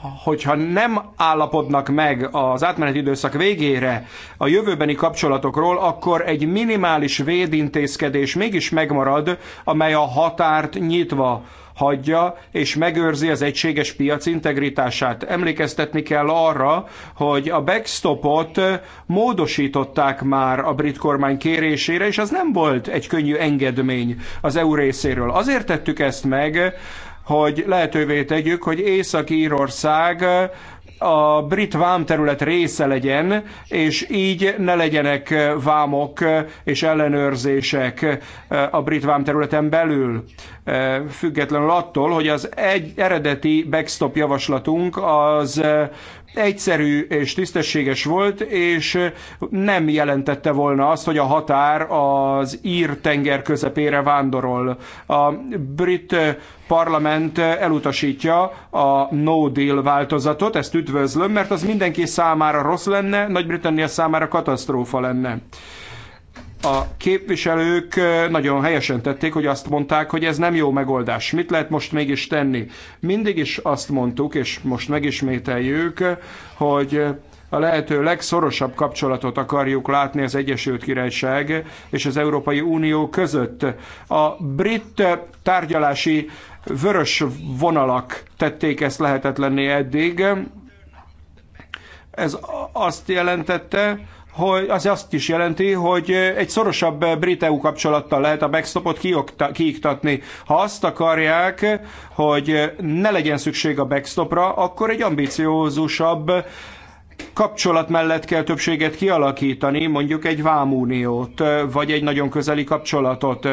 hogyha nem állapodnak meg az átmeneti időszak végére a jövőbeni kapcsolatokról, akkor egy minimális védintézkedés mégis megmarad, amely a határt nyitva hagyja és megőrzi az egységes piac integritását. Emlékeztetni kell arra, hogy a backstopot módosították már a brit kormány kérésére, és az nem volt egy könnyű engedmény az EU részéről. Azért tettük ezt meg, hogy lehetővé tegyük, hogy Észak-Írország a brit vámterület része legyen, és így ne legyenek vámok és ellenőrzések a brit vámterületen belül, függetlenül attól, hogy az egy eredeti backstop javaslatunk az egyszerű és tisztességes volt, és nem jelentette volna azt, hogy a határ az ír tenger közepére vándorol. A brit parlament elutasítja a no deal változatot, ezt üdvözlöm, mert az mindenki számára rossz lenne, Nagy-Britannia számára katasztrófa lenne a képviselők nagyon helyesen tették, hogy azt mondták, hogy ez nem jó megoldás. Mit lehet most mégis tenni? Mindig is azt mondtuk, és most megismételjük, hogy a lehető legszorosabb kapcsolatot akarjuk látni az Egyesült Királyság és az Európai Unió között. A brit tárgyalási vörös vonalak tették ezt lehetetlenné eddig. Ez azt jelentette, hogy az azt is jelenti, hogy egy szorosabb brit EU kapcsolattal lehet a backstopot kiiktatni. Ha azt akarják, hogy ne legyen szükség a backstopra, akkor egy ambiciózusabb kapcsolat mellett kell többséget kialakítani, mondjuk egy vámuniót, vagy egy nagyon közeli kapcsolatot.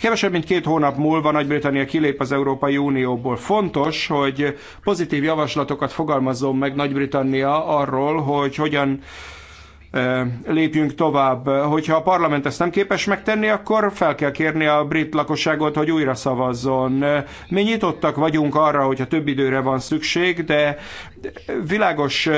Kevesebb, mint két hónap múlva Nagy-Britannia kilép az Európai Unióból. Fontos, hogy pozitív javaslatokat fogalmazzon meg Nagy-Britannia arról, hogy hogyan lépjünk tovább. Hogyha a parlament ezt nem képes megtenni, akkor fel kell kérni a brit lakosságot, hogy újra szavazzon. Mi nyitottak vagyunk arra, hogyha több időre van szükség, de világos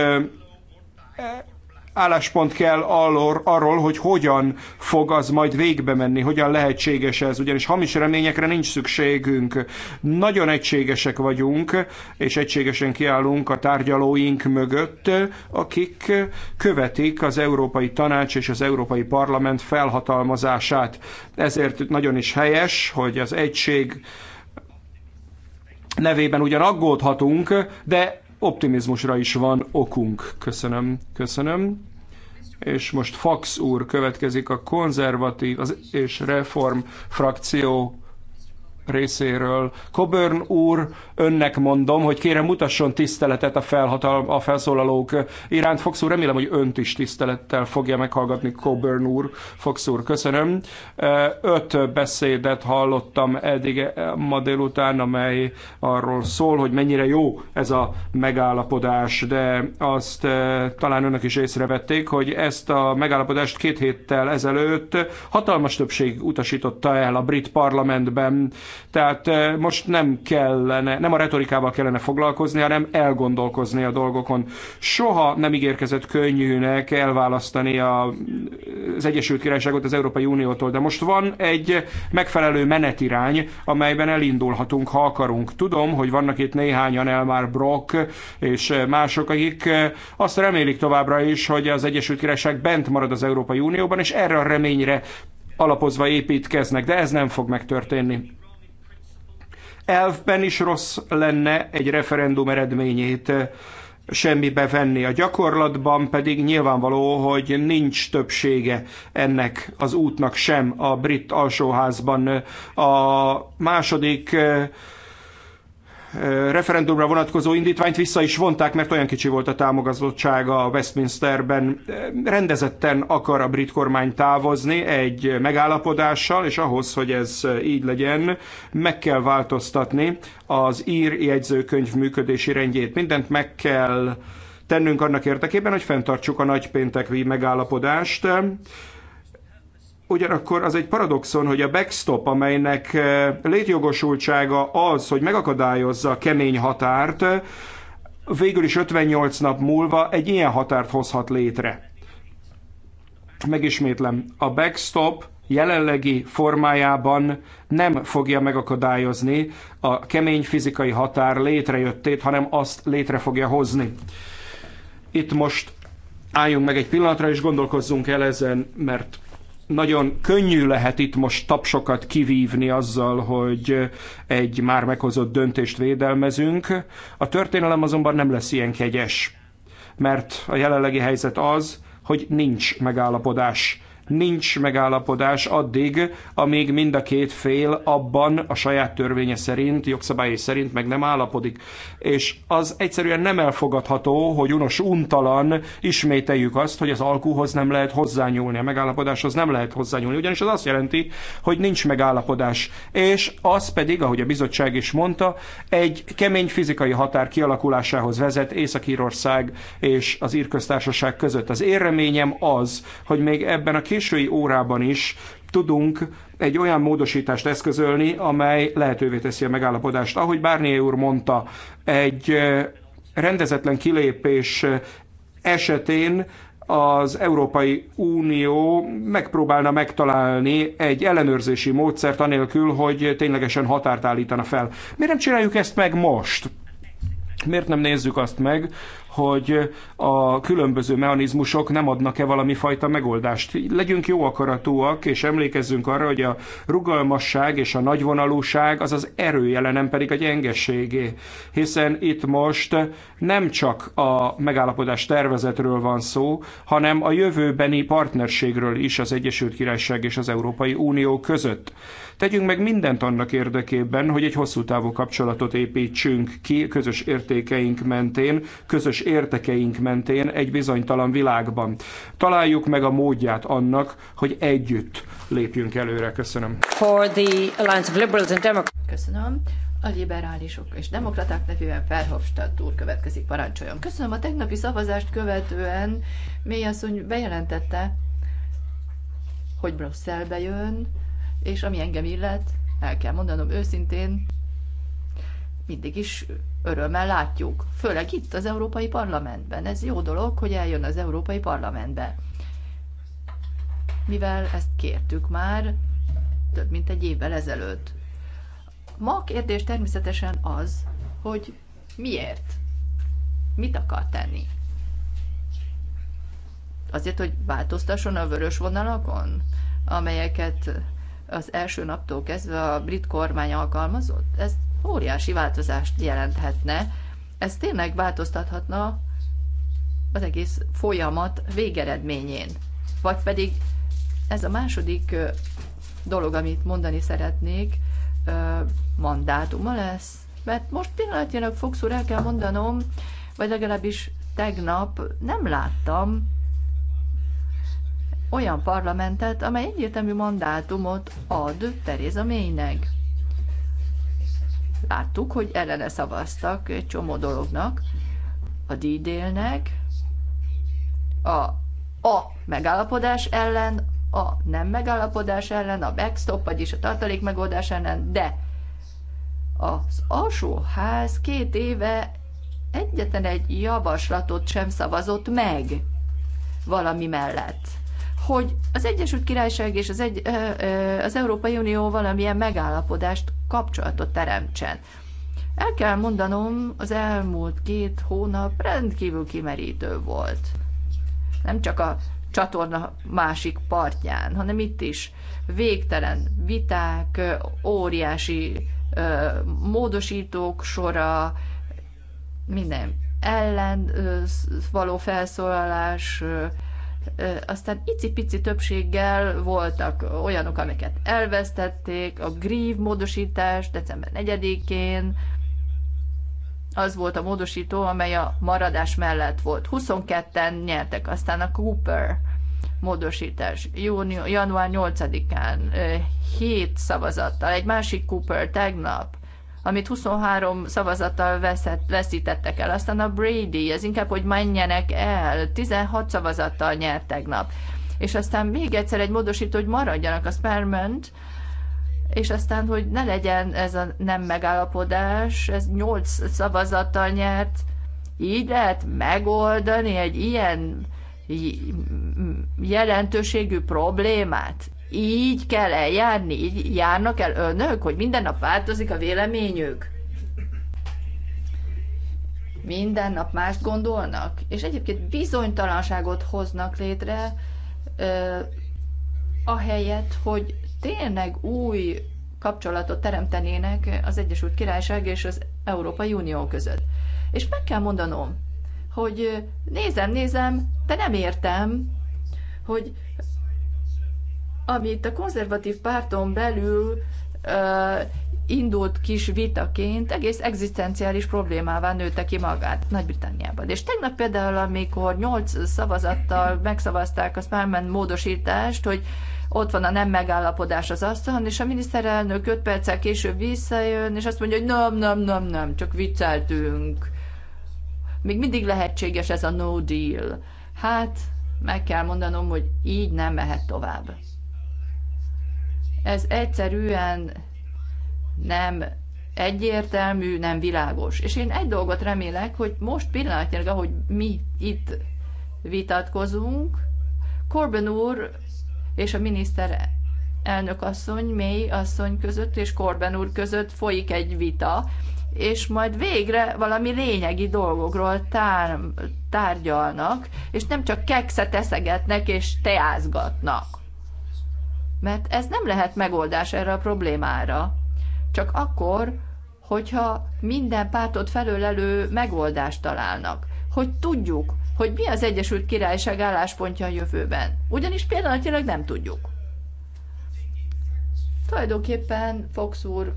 álláspont kell arról, arról, hogy hogyan fog az majd végbe menni, hogyan lehetséges ez, ugyanis hamis reményekre nincs szükségünk. Nagyon egységesek vagyunk, és egységesen kiállunk a tárgyalóink mögött, akik követik az Európai Tanács és az Európai Parlament felhatalmazását. Ezért nagyon is helyes, hogy az egység nevében ugyan aggódhatunk, de optimizmusra is van okunk. Köszönöm, köszönöm. És most Fax úr következik a konzervatív és reform frakció részéről. Coburn úr, önnek mondom, hogy kérem mutasson tiszteletet a, felhatal, a felszólalók iránt. Fox úr, remélem, hogy önt is tisztelettel fogja meghallgatni Coburn úr. Fox úr, köszönöm. Öt beszédet hallottam eddig e, ma délután, amely arról szól, hogy mennyire jó ez a megállapodás, de azt e, talán önök is észrevették, hogy ezt a megállapodást két héttel ezelőtt hatalmas többség utasította el a brit parlamentben tehát most nem kellene, nem a retorikával kellene foglalkozni, hanem elgondolkozni a dolgokon. Soha nem ígérkezett könnyűnek elválasztani a, az Egyesült Királyságot az Európai Uniótól, de most van egy megfelelő menetirány, amelyben elindulhatunk, ha akarunk. Tudom, hogy vannak itt néhányan Elmar Brock és mások, akik azt remélik továbbra is, hogy az Egyesült Királyság bent marad az Európai Unióban, és erre a reményre alapozva építkeznek, de ez nem fog megtörténni elvben is rossz lenne egy referendum eredményét eh, semmibe venni. A gyakorlatban pedig nyilvánvaló, hogy nincs többsége ennek az útnak sem a brit alsóházban. A második eh, referendumra vonatkozó indítványt vissza is vonták, mert olyan kicsi volt a támogatottsága a Westminsterben. Rendezetten akar a brit kormány távozni egy megállapodással, és ahhoz, hogy ez így legyen, meg kell változtatni az ír jegyzőkönyv működési rendjét. Mindent meg kell tennünk annak érdekében, hogy fenntartsuk a nagypéntekvi megállapodást Ugyanakkor az egy paradoxon, hogy a backstop, amelynek eh, létjogosultsága az, hogy megakadályozza a kemény határt, végül is 58 nap múlva egy ilyen határt hozhat létre. Megismétlem, a backstop jelenlegi formájában nem fogja megakadályozni a kemény fizikai határ létrejöttét, hanem azt létre fogja hozni. Itt most álljunk meg egy pillanatra, és gondolkozzunk el ezen, mert nagyon könnyű lehet itt most tapsokat kivívni azzal, hogy egy már meghozott döntést védelmezünk. A történelem azonban nem lesz ilyen kegyes, mert a jelenlegi helyzet az, hogy nincs megállapodás nincs megállapodás addig, amíg mind a két fél abban a saját törvénye szerint, jogszabályai szerint meg nem állapodik. És az egyszerűen nem elfogadható, hogy unos untalan ismételjük azt, hogy az alkuhoz nem lehet hozzányúlni, a megállapodáshoz nem lehet hozzányúlni, ugyanis az azt jelenti, hogy nincs megállapodás. És az pedig, ahogy a bizottság is mondta, egy kemény fizikai határ kialakulásához vezet Észak-Írország és az Írköztársaság között. Az érreményem az, hogy még ebben a két késői órában is tudunk egy olyan módosítást eszközölni, amely lehetővé teszi a megállapodást. Ahogy Barnier úr mondta, egy rendezetlen kilépés esetén az Európai Unió megpróbálna megtalálni egy ellenőrzési módszert anélkül, hogy ténylegesen határt állítana fel. Miért nem csináljuk ezt meg most? Miért nem nézzük azt meg, hogy a különböző mechanizmusok nem adnak-e valami fajta megoldást. Legyünk jó akaratúak, és emlékezzünk arra, hogy a rugalmasság és a nagyvonalúság az az erőjele, nem pedig a gyengeségé. Hiszen itt most nem csak a megállapodás tervezetről van szó, hanem a jövőbeni partnerségről is az Egyesült Királyság és az Európai Unió között. Tegyünk meg mindent annak érdekében, hogy egy hosszú távú kapcsolatot építsünk ki közös értékeink mentén, közös értekeink mentén egy bizonytalan világban. Találjuk meg a módját annak, hogy együtt lépjünk előre. Köszönöm. For the Alliance of Liberals and Democrats. Köszönöm. A liberálisok és demokraták nevében Ferhofstadt úr következik parancsoljon. Köszönöm a tegnapi szavazást követően. Mély asszony bejelentette, hogy Brüsszelbe jön, és ami engem illet, el kell mondanom őszintén, mindig is örömmel látjuk. Főleg itt az Európai Parlamentben. Ez jó dolog, hogy eljön az Európai Parlamentbe. Mivel ezt kértük már több mint egy évvel ezelőtt. Ma a kérdés természetesen az, hogy miért? Mit akar tenni? Azért, hogy változtasson a vörös vonalakon, amelyeket az első naptól kezdve a brit kormány alkalmazott? Ezt óriási változást jelenthetne. Ez tényleg változtathatna az egész folyamat végeredményén. Vagy pedig ez a második dolog, amit mondani szeretnék, mandátuma lesz. Mert most pillanatjának fogszúr el kell mondanom, vagy legalábbis tegnap nem láttam olyan parlamentet, amely egyértelmű mandátumot ad Teréza Ménynek láttuk, hogy ellene szavaztak egy csomó dolognak, a d a, a megállapodás ellen, a nem megállapodás ellen, a backstop, vagyis a tartalék megoldás ellen, de az alsóház két éve egyetlen egy javaslatot sem szavazott meg valami mellett hogy az Egyesült Királyság és az, egy, az Európai Unió valamilyen megállapodást, kapcsolatot teremtsen. El kell mondanom, az elmúlt két hónap rendkívül kimerítő volt. Nem csak a csatorna másik partján, hanem itt is végtelen viták, óriási módosítók sora, minden ellen való felszólalás, aztán icipici többséggel voltak olyanok, amiket elvesztették, a grív módosítás december 4-én, az volt a módosító, amely a maradás mellett volt. 22-en nyertek, aztán a Cooper módosítás júniu, január 8-án 7 szavazattal, egy másik Cooper tegnap, amit 23 szavazattal veszett, veszítettek el. Aztán a Brady, ez inkább, hogy menjenek el, 16 szavazattal nyert tegnap. És aztán még egyszer egy módosító, hogy maradjanak a Sperment, és aztán, hogy ne legyen ez a nem megállapodás, ez 8 szavazattal nyert, így lehet megoldani egy ilyen jelentőségű problémát? így kell eljárni, így járnak el önök, hogy minden nap változik a véleményük. Minden nap mást gondolnak, és egyébként bizonytalanságot hoznak létre, ö, ahelyett, hogy tényleg új kapcsolatot teremtenének az Egyesült Királyság és az Európai Unió között. És meg kell mondanom, hogy nézem, nézem, de nem értem, hogy amit a konzervatív párton belül indult kis vitaként egész egzisztenciális problémává nőtte ki magát Nagy-Britanniában. És tegnap például, amikor nyolc szavazattal megszavazták a Spármen módosítást, hogy ott van a nem megállapodás az asztalon, és a miniszterelnök öt perccel később visszajön, és azt mondja, hogy nem, nem, nem, nem, csak vicceltünk. Még mindig lehetséges ez a no deal. Hát, meg kell mondanom, hogy így nem mehet tovább. Ez egyszerűen nem egyértelmű, nem világos. És én egy dolgot remélek, hogy most pillanatnyilag, ahogy mi itt vitatkozunk, Corbyn úr és a miniszter elnök asszony, mély asszony között és Corbyn úr között folyik egy vita, és majd végre valami lényegi dolgokról tár, tárgyalnak, és nem csak kekszet eszegetnek és teázgatnak mert ez nem lehet megoldás erre a problémára. Csak akkor, hogyha minden pártot felölelő megoldást találnak, hogy tudjuk, hogy mi az Egyesült Királyság álláspontja a jövőben. Ugyanis pillanatilag nem tudjuk. Tulajdonképpen Fox úr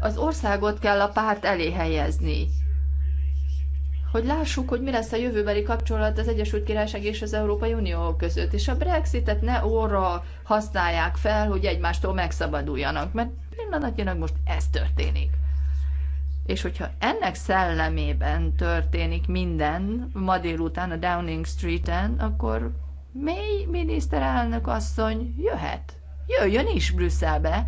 az országot kell a párt elé helyezni hogy lássuk, hogy mi lesz a jövőbeli kapcsolat az Egyesült Királyság és az Európai Unió között. És a Brexitet ne óra használják fel, hogy egymástól megszabaduljanak, mert pillanatnyilag most ez történik. És hogyha ennek szellemében történik minden ma délután a Downing Street-en, akkor mély miniszterelnök asszony jöhet. Jöjjön is Brüsszelbe,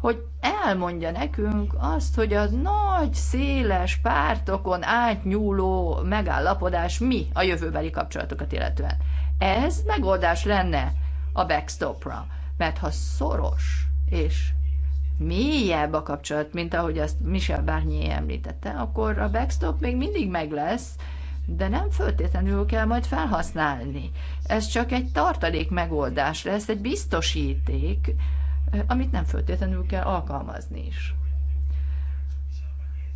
hogy elmondja nekünk azt, hogy az nagy, széles pártokon átnyúló megállapodás mi a jövőbeli kapcsolatokat illetően. Ez megoldás lenne a backstopra, mert ha szoros és mélyebb a kapcsolat, mint ahogy azt Michel Barnier említette, akkor a backstop még mindig meg lesz, de nem föltétlenül kell majd felhasználni. Ez csak egy tartalék megoldás lesz, egy biztosíték, amit nem föltétlenül kell alkalmazni is.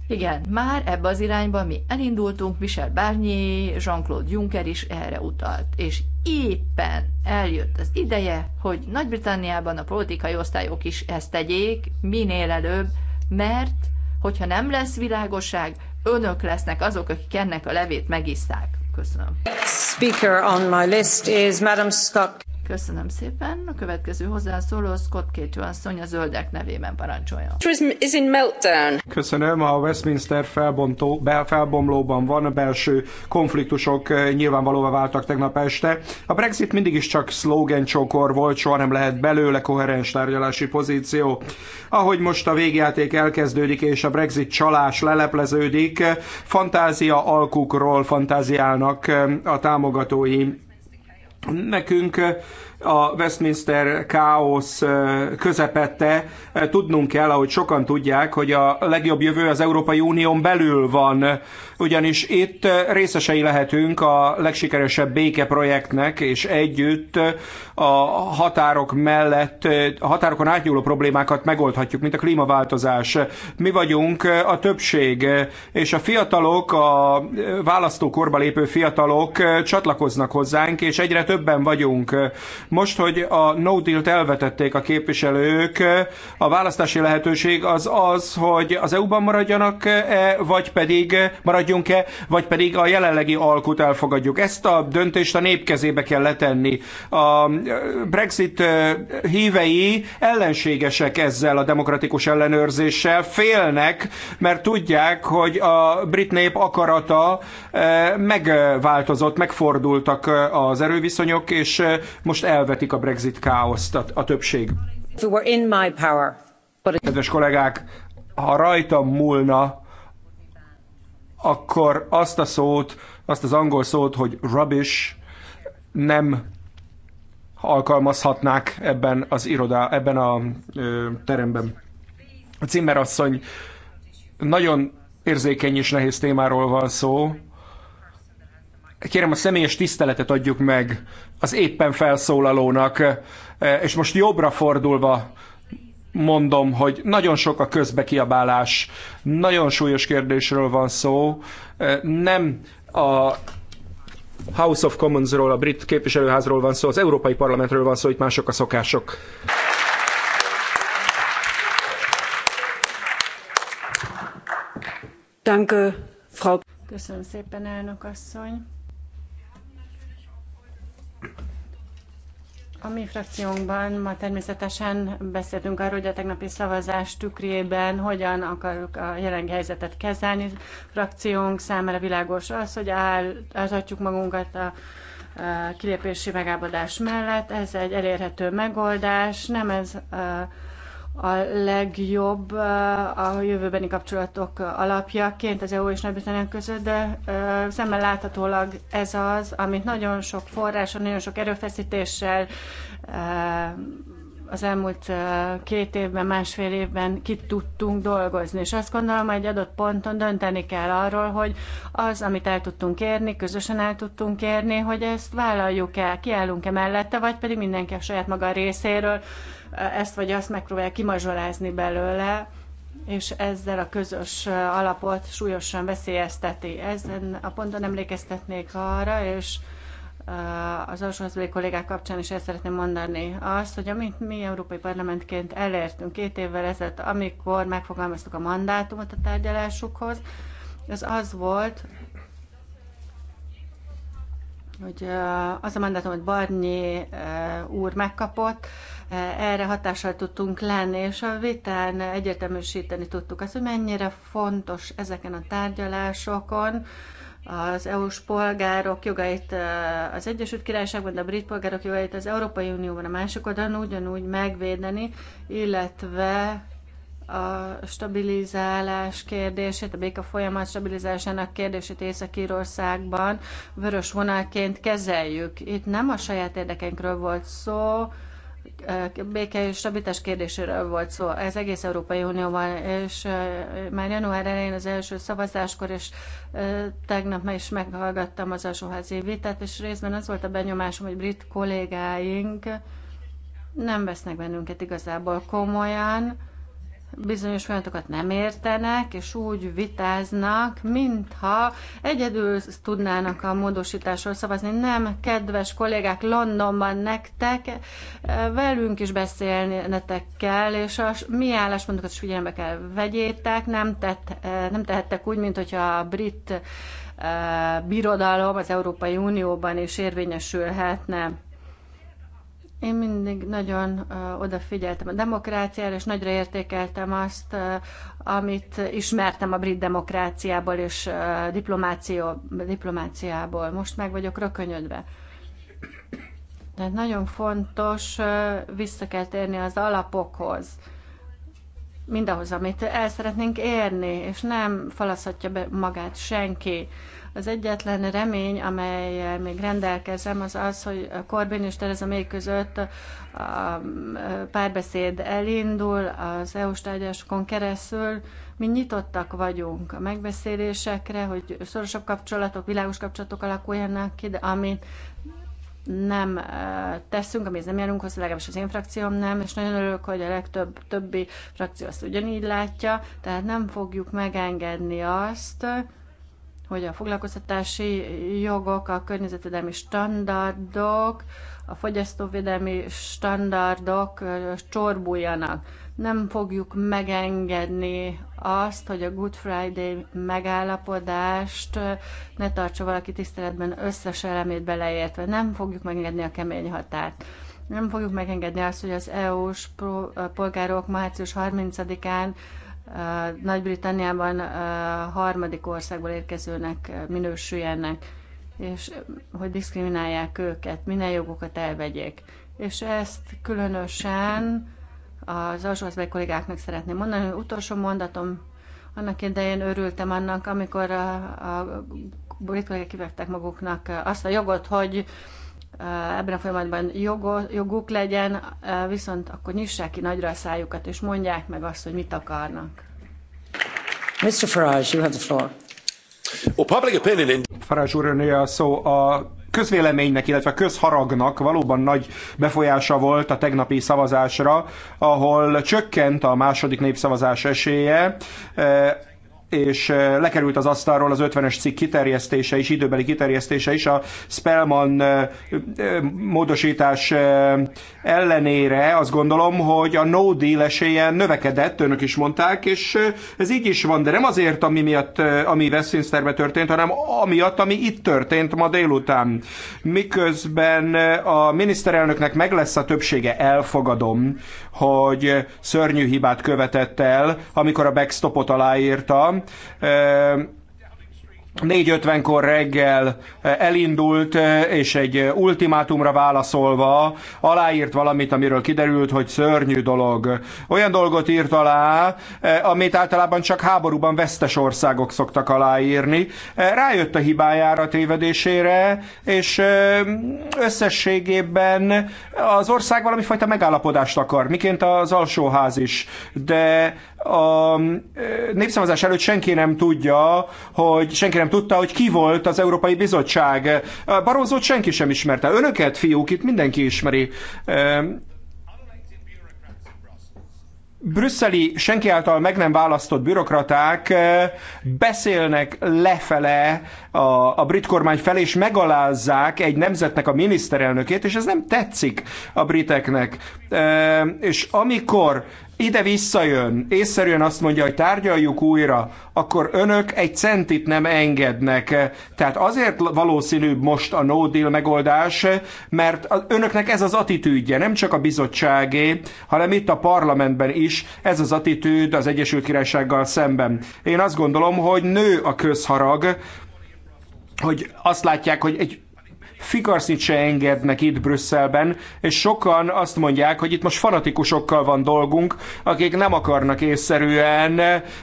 Igen, már ebbe az irányba mi elindultunk, Michel Barnier, Jean-Claude Juncker is erre utalt, és éppen eljött az ideje, hogy Nagy-Britanniában a politikai osztályok is ezt tegyék minél előbb, mert hogyha nem lesz világosság, önök lesznek azok, akik ennek a levét megiszták. Köszönöm. Speaker on my list is Madam Scott. Köszönöm szépen. A következő hozzászóló Scott Kétő asszony a zöldek nevében parancsoljon. Is in meltdown. Köszönöm. A Westminster felbontó, bel, felbomlóban van, a belső konfliktusok eh, nyilvánvalóvá váltak tegnap este. A Brexit mindig is csak szlogen csokor volt, soha nem lehet belőle koherens tárgyalási pozíció. Ahogy most a végjáték elkezdődik és a Brexit csalás lelepleződik, eh, fantázia alkukról fantáziálnak eh, a támogatói Nekünk a Westminster káosz közepette tudnunk kell, ahogy sokan tudják, hogy a legjobb jövő az Európai Unión belül van, ugyanis itt részesei lehetünk a legsikeresebb békeprojektnek, és együtt a határok mellett, a határokon átnyúló problémákat megoldhatjuk, mint a klímaváltozás. Mi vagyunk a többség, és a fiatalok, a választókorba lépő fiatalok csatlakoznak hozzánk, és egyre többen vagyunk most, hogy a no deal-t elvetették a képviselők, a választási lehetőség az az, hogy az EU-ban maradjanak-e, vagy pedig maradjunk-e, vagy pedig a jelenlegi alkut elfogadjuk. Ezt a döntést a nép kezébe kell letenni. A Brexit hívei ellenségesek ezzel a demokratikus ellenőrzéssel, félnek, mert tudják, hogy a brit nép akarata megváltozott, megfordultak az erőviszonyok, és most el elvetik a Brexit káoszt a, a többség. Kedves kollégák, ha rajtam múlna, akkor azt a szót, azt az angol szót, hogy rubbish, nem alkalmazhatnák ebben az irodá, ebben a ö, teremben. A cimmerasszony nagyon érzékeny és nehéz témáról van szó, kérem a személyes tiszteletet adjuk meg az éppen felszólalónak, e, és most jobbra fordulva mondom, hogy nagyon sok a közbekiabálás, nagyon súlyos kérdésről van szó, e, nem a House of Commonsról, a brit képviselőházról van szó, az Európai Parlamentről van szó, itt mások a szokások. Danke, Frau. Köszönöm szépen, elnök asszony. A mi frakciónkban ma természetesen beszéltünk arról, hogy a tegnapi szavazás tükrében hogyan akarjuk a jelen helyzetet kezelni. A frakciónk számára világos az, hogy állhatjuk magunkat a kilépési megállapodás mellett. Ez egy elérhető megoldás, nem ez a a legjobb eh, a jövőbeni kapcsolatok alapjaként az EU és nagy között, de eh, szemmel láthatólag ez az, amit nagyon sok forrással, nagyon sok erőfeszítéssel eh, az elmúlt két évben, másfél évben ki tudtunk dolgozni. És azt gondolom, hogy egy adott ponton dönteni kell arról, hogy az, amit el tudtunk érni, közösen el tudtunk érni, hogy ezt vállaljuk el, kiállunk-e mellette, vagy pedig mindenki a saját maga részéről ezt vagy azt megpróbálja kimazsolázni belőle, és ezzel a közös alapot súlyosan veszélyezteti. Ezen a ponton emlékeztetnék arra, és az alsóházbeli kollégák kapcsán is el szeretném mondani azt, hogy amit mi Európai Parlamentként elértünk két évvel ezelőtt, amikor megfogalmaztuk a mandátumot a tárgyalásukhoz, az az volt, hogy az a mandátum, hogy Barnyi úr megkapott, erre hatással tudtunk lenni, és a vitán egyértelműsíteni tudtuk azt, hogy mennyire fontos ezeken a tárgyalásokon az EU-s polgárok jogait az Egyesült Királyságban, de a brit polgárok jogait az Európai Unióban a másik oldalon ugyanúgy megvédeni, illetve a stabilizálás kérdését, a béka folyamat stabilizálásának kérdését Észak-Írországban vörös vonalként kezeljük. Itt nem a saját érdekeinkről volt szó, béke és stabilitás kérdéséről volt szó. Ez egész Európai Unióban, és már január elején az első szavazáskor, és tegnap már is meghallgattam az alsóházi vitát, és részben az volt a benyomásom, hogy brit kollégáink nem vesznek bennünket igazából komolyan, bizonyos folyamatokat nem értenek, és úgy vitáznak, mintha egyedül tudnának a módosításról szavazni. Nem, kedves kollégák, Londonban nektek velünk is beszélnetek kell, és a mi álláspontokat is figyelembe kell vegyétek. Nem, tett, nem tehettek úgy, mint hogyha a brit eh, birodalom az Európai Unióban is érvényesülhetne. Én mindig nagyon odafigyeltem a demokráciára, és nagyra értékeltem azt, amit ismertem a brit demokráciából és diplomáciából. Most meg vagyok rökönyödve. Tehát nagyon fontos, vissza kell térni az alapokhoz, mindahhoz, amit el szeretnénk érni, és nem falaszhatja be magát senki. Az egyetlen remény, amely eh, még rendelkezem, az az, hogy Corbyn és Tereza May között a párbeszéd elindul az EU-s tárgyásokon keresztül. Mi nyitottak vagyunk a megbeszélésekre, hogy szorosabb kapcsolatok, világos kapcsolatok alakuljanak ki, de amit nem eh, teszünk, amihez nem járunk hozzá, legalábbis az én frakcióm nem, és nagyon örülök, hogy a legtöbb többi frakció azt ugyanígy látja, tehát nem fogjuk megengedni azt, hogy a foglalkoztatási jogok, a környezetvédelmi standardok, a fogyasztóvédelmi standardok csorbuljanak. Nem fogjuk megengedni azt, hogy a Good Friday megállapodást ne tartsa valaki tiszteletben összes elemét beleértve. Nem fogjuk megengedni a kemény határt. Nem fogjuk megengedni azt, hogy az EU-s polgárok március 30-án nagy-Britanniában harmadik országból érkezőnek minősüljenek, és hogy diszkriminálják őket, minden jogokat elvegyék. És ezt különösen az Azsózbej kollégáknak szeretném mondani, hogy utolsó mondatom, annak idején örültem annak, amikor a, a brit kollégák kivettek maguknak azt a jogot, hogy Eh, ebben a folyamatban jogo, joguk legyen, eh, viszont akkor nyissák ki nagyra a szájukat, és mondják meg azt, hogy mit akarnak. Mr. Farage, you have the floor. Well, public opinion in... Farage úr, a szó a közvéleménynek, illetve a közharagnak valóban nagy befolyása volt a tegnapi szavazásra, ahol csökkent a második népszavazás esélye eh, és eh, lekerült az asztalról az 50-es cikk kiterjesztése is, időbeli kiterjesztése is, a Spellman eh, eh, módosítás ellenére azt gondolom, hogy a no deal esélye növekedett, önök is mondták, és ez így is van, de nem azért, ami miatt, ami Westminsterbe történt, hanem amiatt, ami itt történt ma délután. Miközben a miniszterelnöknek meg lesz a többsége, elfogadom, hogy szörnyű hibát követett el, amikor a backstopot aláírta 4.50-kor reggel eh, elindult, eh, és egy eh, ultimátumra válaszolva aláírt valamit, amiről kiderült, hogy szörnyű dolog. Olyan dolgot írt alá, amit általában csak háborúban vesztes országok szoktak aláírni. Rájött a hibájára, a tévedésére, és összességében az ország valami fajta megállapodást akar, miként az alsóház is, de a népszavazás előtt senki nem tudja, hogy senki nem tudta, hogy ki volt az Európai Bizottság. Barózót senki sem ismerte. Önöket, fiúk, itt mindenki ismeri. Brüsszeli senki által meg nem választott bürokraták beszélnek lefele a, a brit kormány felé, és megalázzák egy nemzetnek a miniszterelnökét, és ez nem tetszik a briteknek. És amikor ide visszajön, észszerűen azt mondja, hogy tárgyaljuk újra, akkor önök egy centit nem engednek. Tehát azért valószínűbb most a no deal megoldás, mert önöknek ez az attitűdje, nem csak a bizottságé, hanem itt a parlamentben is ez az attitűd az Egyesült Királysággal szemben. Én azt gondolom, hogy nő a közharag, hogy azt látják, hogy egy Fikarszit se engednek itt Brüsszelben, és sokan azt mondják, hogy itt most fanatikusokkal van dolgunk, akik nem akarnak észszerűen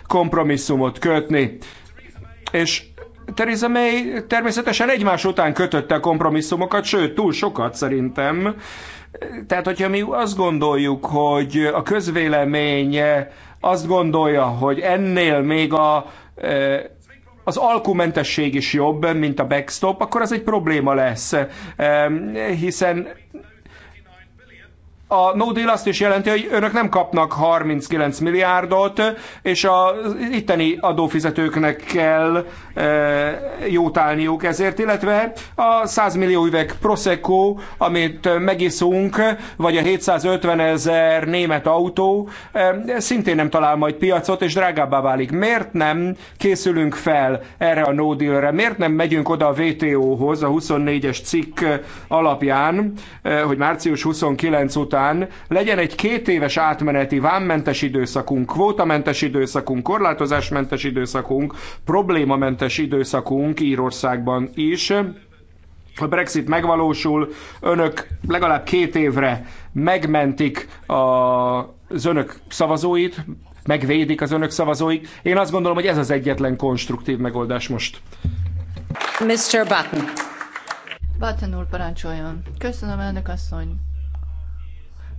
kompromisszumot kötni. És Theresa May természetesen egymás után kötötte a kompromisszumokat, sőt, túl sokat szerintem. Tehát, hogyha mi azt gondoljuk, hogy a közvélemény azt gondolja, hogy ennél még a eh, az alkumentesség is jobb, mint a backstop, akkor az egy probléma lesz, hiszen a no deal azt is jelenti, hogy önök nem kapnak 39 milliárdot, és az itteni adófizetőknek kell e, jótálniuk ezért, illetve a 100 millió üveg Prosecco, amit megiszunk, vagy a 750 ezer német autó, e, szintén nem talál majd piacot, és drágábbá válik. Miért nem készülünk fel erre a no deal-re? Miért nem megyünk oda a WTO-hoz a 24-es cikk alapján, e, hogy március 29 után után legyen egy két éves átmeneti vámmentes időszakunk, kvótamentes időszakunk, korlátozásmentes időszakunk, problémamentes időszakunk Írországban is. Ha Brexit megvalósul, önök legalább két évre megmentik a, az önök szavazóit, megvédik az önök szavazóit. Én azt gondolom, hogy ez az egyetlen konstruktív megoldás most. Mr. Button. Button úr, parancsoljon. Köszönöm, elnök asszony.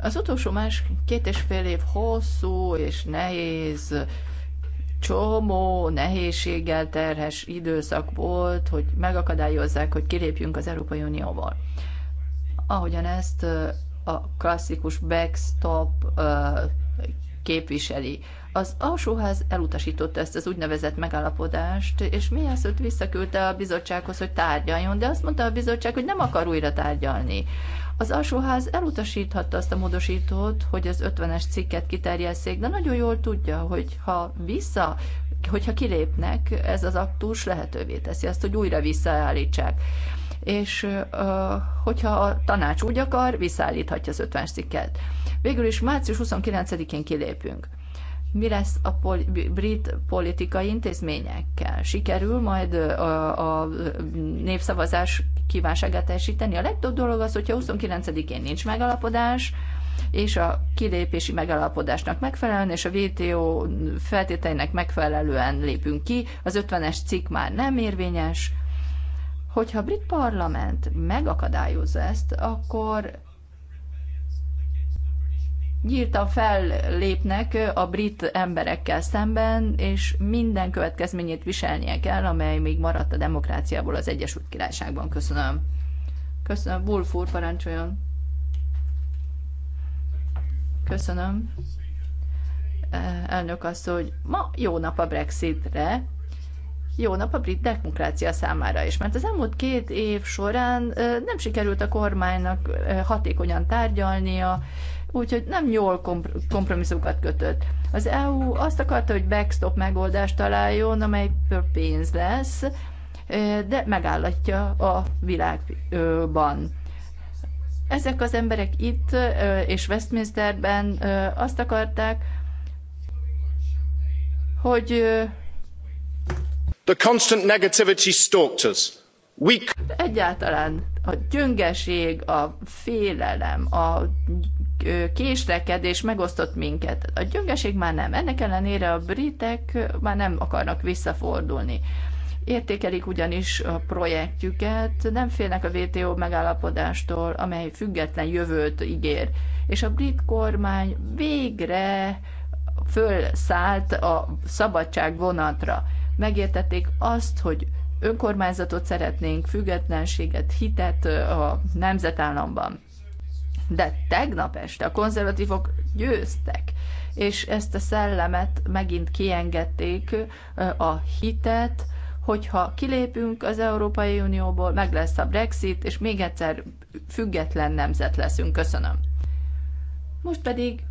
Az utolsó más két és fél év hosszú és nehéz, csomó nehézséggel terhes időszak volt, hogy megakadályozzák, hogy kilépjünk az Európai Unióval. Ahogyan ezt a klasszikus backstop képviseli. Az alsóház elutasította ezt az úgynevezett megállapodást, és mi az, hogy visszaküldte a bizottsághoz, hogy tárgyaljon, de azt mondta a bizottság, hogy nem akar újra tárgyalni. Az alsóház elutasíthatta azt a módosítót, hogy az 50-es cikket kiterjesszék, de nagyon jól tudja, hogy ha vissza, hogyha kilépnek, ez az aktus lehetővé teszi azt, hogy újra visszaállítsák. És hogyha a tanács úgy akar, visszaállíthatja az 50-es cikket. Végül is március 29-én kilépünk mi lesz a poli- brit politikai intézményekkel? Sikerül majd a, a népszavazás kívánságát teljesíteni? A legtöbb dolog az, hogyha 29-én nincs megalapodás, és a kilépési megalapodásnak megfelelően, és a VTO feltételeinek megfelelően lépünk ki, az 50-es cikk már nem érvényes. Hogyha a brit parlament megakadályozza ezt, akkor nyíltan fellépnek a brit emberekkel szemben, és minden következményét viselnie kell, amely még maradt a demokráciából az Egyesült Királyságban. Köszönöm. Köszönöm. Wolf úr, parancsoljon. Köszönöm. Elnök azt, hogy ma jó nap a Brexitre, jó nap a brit demokrácia számára is, mert az elmúlt két év során nem sikerült a kormánynak hatékonyan tárgyalnia, úgyhogy nem jól kompromisszumokat kötött. Az EU azt akarta, hogy backstop megoldást találjon, amely pénz lesz, de megállatja a világban. Ezek az emberek itt és Westminsterben azt akarták, hogy The constant negativity stalked us. We... Egyáltalán a gyöngeség, a félelem, a késlekedés megosztott minket. A gyöngeség már nem. Ennek ellenére a britek már nem akarnak visszafordulni. Értékelik ugyanis a projektjüket, nem félnek a WTO megállapodástól, amely független jövőt ígér. És a brit kormány végre fölszállt a szabadság vonatra megértették azt, hogy önkormányzatot szeretnénk, függetlenséget, hitet a nemzetállamban. De tegnap este a konzervatívok győztek, és ezt a szellemet megint kiengedték, a hitet, hogyha kilépünk az Európai Unióból, meg lesz a Brexit, és még egyszer független nemzet leszünk. Köszönöm. Most pedig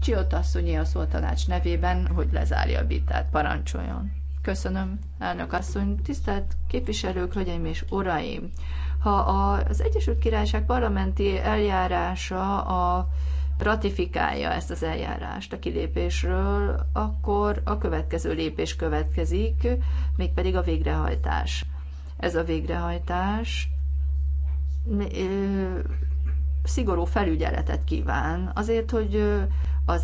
Csiot asszonyé a szótanács nevében, hogy lezárja a vitát. Parancsoljon! Köszönöm, elnök asszony. Tisztelt képviselők, hölgyeim és uraim! Ha az Egyesült Királyság parlamenti eljárása a ratifikálja ezt az eljárást a kilépésről, akkor a következő lépés következik, mégpedig a végrehajtás. Ez a végrehajtás szigorú felügyeletet kíván azért, hogy az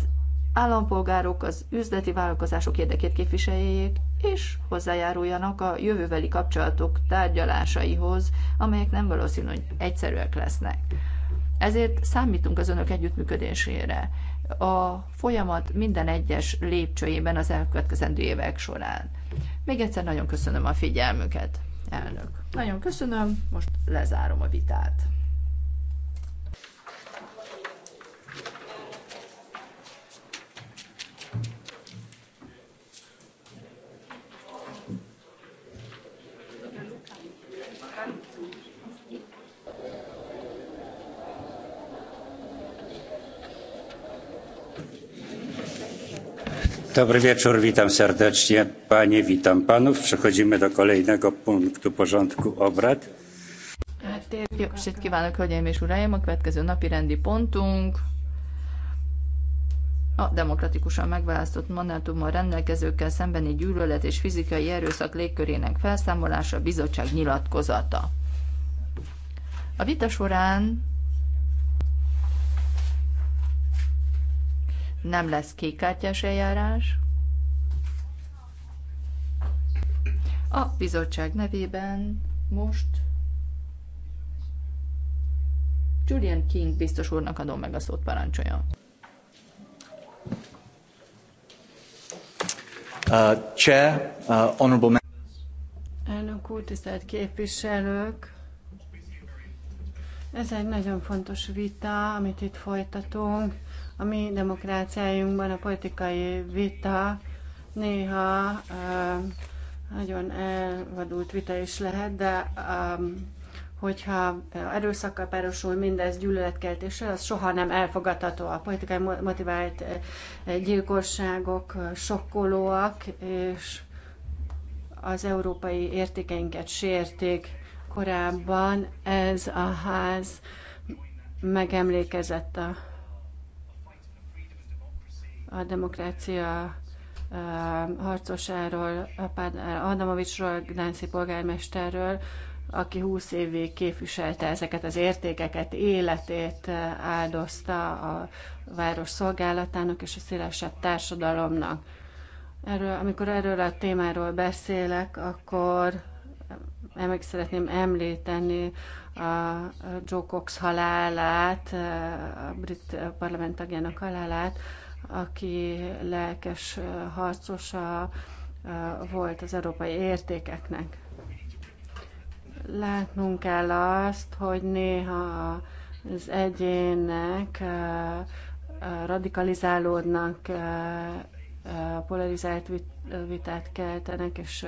állampolgárok, az üzleti vállalkozások érdekét képviseljék, és hozzájáruljanak a jövőbeli kapcsolatok tárgyalásaihoz, amelyek nem valószínű, hogy egyszerűek lesznek. Ezért számítunk az önök együttműködésére a folyamat minden egyes lépcsőjében az elkövetkezendő évek során. Még egyszer nagyon köszönöm a figyelmüket, elnök. Nagyon köszönöm, most lezárom a vitát. Dobry wieczór, witam serdecznie panie, witam panów. Przechodzimy do kolejnego punktu porządku obrad. Jó kívánok, hölgyeim és uraim! A következő napi rendi pontunk a demokratikusan megválasztott mandátummal rendelkezőkkel szembeni gyűlölet és fizikai erőszak légkörének felszámolása bizottság nyilatkozata. A vita során nem lesz kékkártyás eljárás. A bizottság nevében most Julian King biztos úrnak adom meg a szót, parancsolja. Uh, chair, uh, honorable Elnök úr, tisztelt képviselők! Ez egy nagyon fontos vita, amit itt folytatunk. A mi demokráciájunkban a politikai vita néha um, nagyon elvadult vita is lehet, de um, hogyha erőszakkal párosul mindez gyűlöletkeltésre, az soha nem elfogadható. A politikai motivált eh, gyilkosságok eh, sokkolóak, és az európai értékeinket sérték korábban. Ez a ház megemlékezett a a demokrácia harcosáról, Adamovicsról, Gdánci polgármesterről, aki 20 évig képviselte ezeket az értékeket, életét áldozta a város szolgálatának és a szélesebb társadalomnak. Erről, amikor erről a témáról beszélek, akkor meg szeretném említeni a Joe Cox halálát, a brit parlament tagjának halálát, aki lelkes harcosa volt az európai értékeknek. Látnunk kell azt, hogy néha az egyének radikalizálódnak polarizált vitát keltenek, és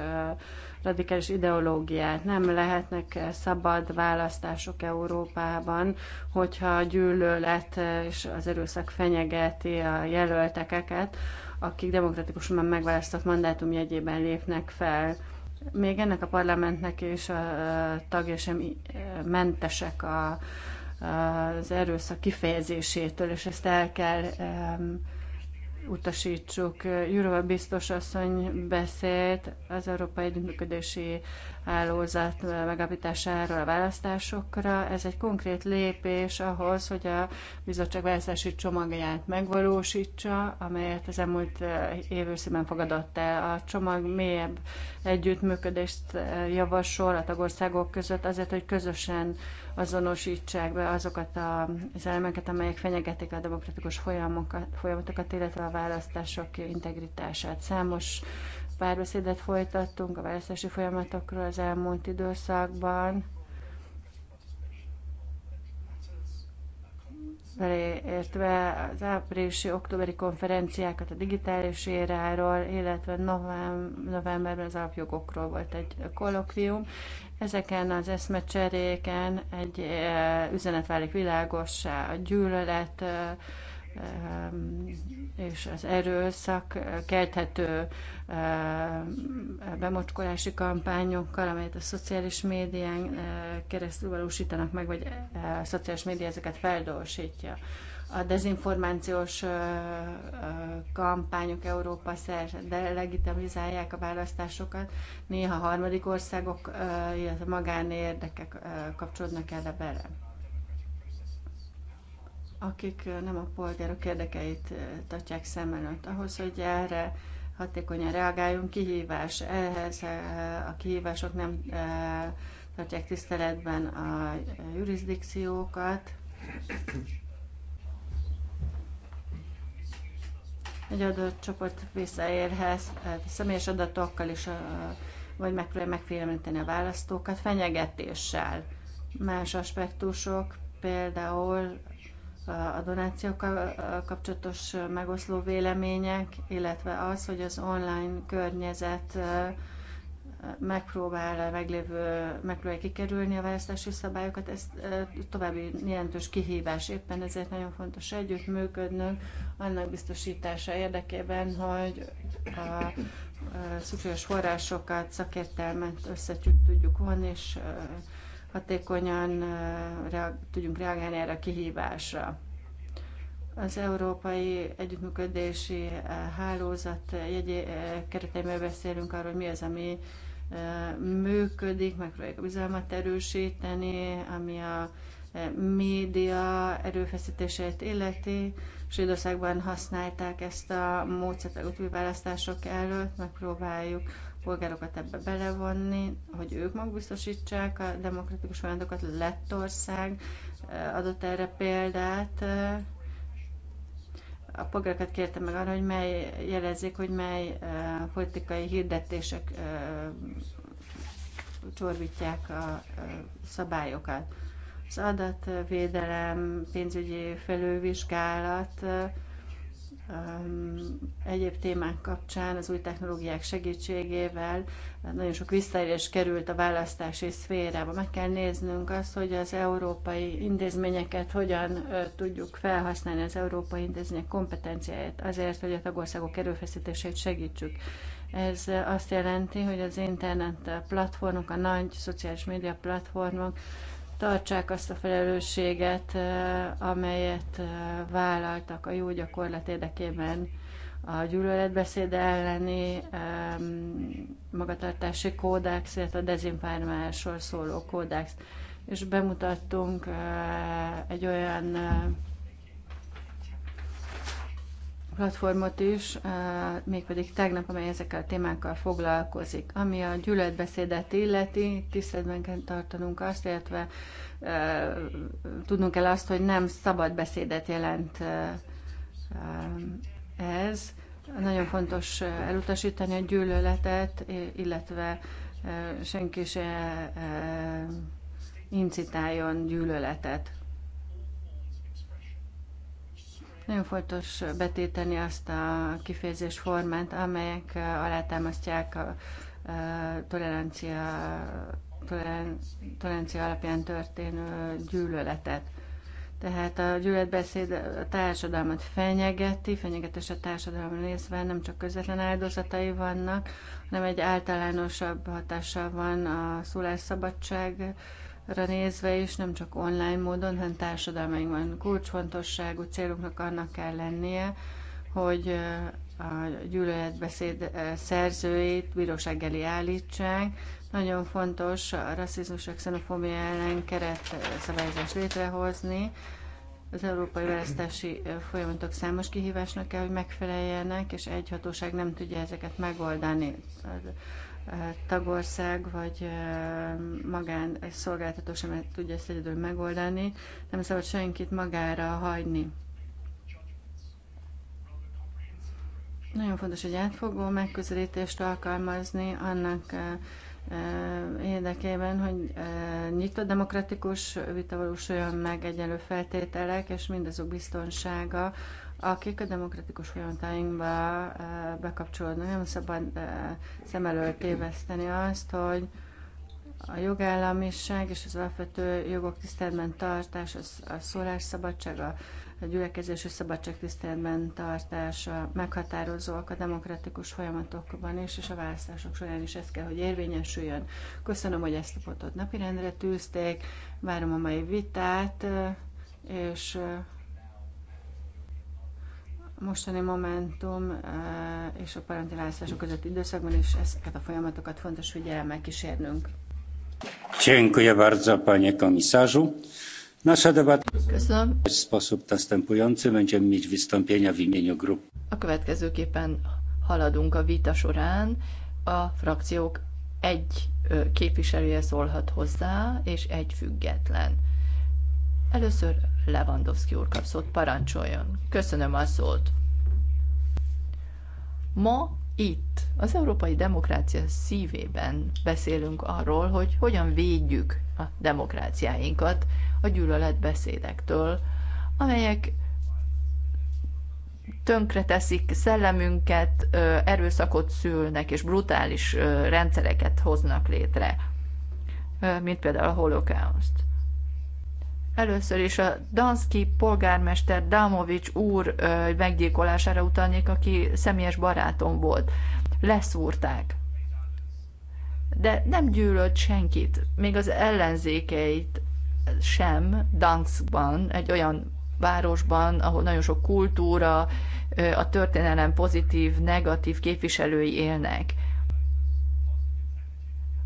radikális ideológiát. Nem lehetnek szabad választások Európában, hogyha a gyűlölet és az erőszak fenyegeti a jelöltekeket, akik demokratikusan megválasztott mandátum jegyében lépnek fel. Még ennek a parlamentnek és a tagja sem mentesek a, az erőszak kifejezésétől, és ezt el kell um, utasítsuk. Jurova biztos asszony beszélt az Európai Együttműködési hálózat megállapításáról a választásokra. Ez egy konkrét lépés ahhoz, hogy a bizottság választási csomagját megvalósítsa, amelyet az elmúlt eh, évőszében fogadott el. A csomag mélyebb együttműködést eh, javasol a tagországok között azért, hogy közösen azonosítsák be azokat az elemeket, amelyek fenyegetik a demokratikus folyamatokat, illetve a választások integritását. Számos párbeszédet folytattunk a választási folyamatokról az elmúlt időszakban. Értve az áprilisi-októberi konferenciákat a digitális éráról, illetve novemberben az alapjogokról volt egy kollokvium. Ezeken az eszmecseréken egy eh, üzenet válik világossá, a gyűlölet, eh, és az erőszak kelthető bemocskolási kampányokkal, amelyet a szociális médián keresztül valósítanak meg, vagy a szociális média ezeket feldolsítja. A dezinformációs kampányok Európa szerte delegitimizálják a választásokat, néha harmadik országok, illetve magánérdekek kapcsolódnak erre bele akik eh, nem a polgárok érdekeit eh, tartják szem előtt. Ahhoz, hogy erre hatékonyan reagáljunk, kihívás. Ehhez eh, a kihívások nem tartják tiszteletben a jurisdikciókat. Egy adott csoport visszaérhez személyes adatokkal is, vagy megpróbálja megfélemlíteni a választókat fenyegetéssel. Más aspektusok, például a donációkkal kapcsolatos megoszló vélemények, illetve az, hogy az online környezet megpróbál meglévő, megpróbál kikerülni a választási szabályokat, ez további jelentős kihívás. Éppen ezért nagyon fontos együttműködnünk annak biztosítása érdekében, hogy a szükséges forrásokat, szakértelmet össze tudjuk vonni, és hatékonyan reag- tudjunk reagálni erre a kihívásra. Az Európai Együttműködési Hálózat jegyé, keretében beszélünk arról, mi az, ami működik, megpróbáljuk a bizalmat erősíteni, ami a média erőfeszítéseit illeti. Svédországban használták ezt a módszert a választások előtt, megpróbáljuk polgárokat ebbe belevonni, hogy ők magbiztosítsák a demokratikus folyamatokat. Lettország eh, adott erre példát. Eh, a polgárokat kérte meg arra, hogy mely jelezzék, hogy mely eh, politikai hirdetések csorbítják a szabályokat. Az adatvédelem, pénzügyi felővizsgálat, egyéb témák kapcsán az új technológiák segítségével nagyon sok visszaérés került a választási szférába. Meg kell néznünk azt, hogy az európai intézményeket hogyan tudjuk felhasználni, az európai intézmények kompetenciáját azért, hogy a tagországok erőfeszítését segítsük. Ez azt jelenti, hogy az internet platformok, a nagy szociális média platformok tartsák azt a felelősséget, amelyet vállaltak a jó gyakorlat érdekében a gyűlöletbeszéd elleni magatartási kódex, illetve a dezinformálásról szóló kódex. És bemutattunk egy olyan platformot is, eh, mégpedig tegnap, amely ezekkel a témákkal foglalkozik. Ami a gyűlöletbeszédet illeti, tiszteletben kell tartanunk azt, illetve eh, tudnunk kell azt, hogy nem szabad beszédet jelent eh, ez. Nagyon fontos elutasítani a gyűlöletet, illetve senki se incitáljon gyűlöletet. Nagyon fontos betéteni azt a kifejezés formát, amelyek alátámasztják a tolerancia, tolerancia alapján történő gyűlöletet. Tehát a gyűlöletbeszéd a társadalmat fenyegeti, fenyegetés a társadalom részben, nem csak közvetlen áldozatai vannak, hanem egy általánosabb hatással van a szólásszabadság nézve is, nem csak online módon, hanem társadalmainkban kulcsfontosságú célunknak annak kell lennie, hogy a gyűlöletbeszéd szerzőit bíróság elé állítsák. Nagyon fontos a rasszizmus és xenofóbia ellen keret szabályozást létrehozni. Az európai választási folyamatok számos kihívásnak kell, hogy megfeleljenek, és egy hatóság nem tudja ezeket megoldani tagország vagy magán szolgáltató sem tudja ezt egyedül megoldani. Nem szabad senkit magára hagyni. Nagyon fontos egy átfogó megközelítést alkalmazni annak érdekében, hogy nyitott demokratikus vita valósuljon meg egyenlő feltételek, és mindazok biztonsága, akik a demokratikus folyamatáinkba eh, bekapcsolódnak. Nem szabad eh, szem előtt téveszteni azt, hogy a jogállamiság és az alapvető jogok tiszteletben tartás, a szólásszabadság, a gyülekezési szabadság tiszteletben tartása meghatározóak a demokratikus folyamatokban is, és a választások során is ez kell, hogy érvényesüljön. Köszönöm, hogy ezt a pontot napirendre tűzték, várom a mai vitát, eh, és mostani momentum eh, és a parlamenti választások közötti időszakban, is ezeket a folyamatokat fontos figyelemmel kísérnünk. Dziękuję bardzo, panie komisarzu. Nasza debata Köszönöm. w sposób następujący. Będziemy mieć wystąpienia w imieniu grup. A következőképpen haladunk a vita során. A frakciók egy képviselője szólhat hozzá, és egy független. Először Lewandowski úr kap szót, parancsoljon. Köszönöm a szót. Ma itt, az európai demokrácia szívében beszélünk arról, hogy hogyan védjük a demokráciáinkat a gyűlöletbeszédektől, amelyek tönkreteszik szellemünket, erőszakot szülnek és brutális rendszereket hoznak létre, mint például a holokauszt. Először is a Danszki polgármester Dámovics úr meggyilkolására utalnék, aki személyes barátom volt. Leszúrták. De nem gyűlölt senkit, még az ellenzékeit sem Danskban, egy olyan városban, ahol nagyon sok kultúra, a történelem pozitív, negatív képviselői élnek.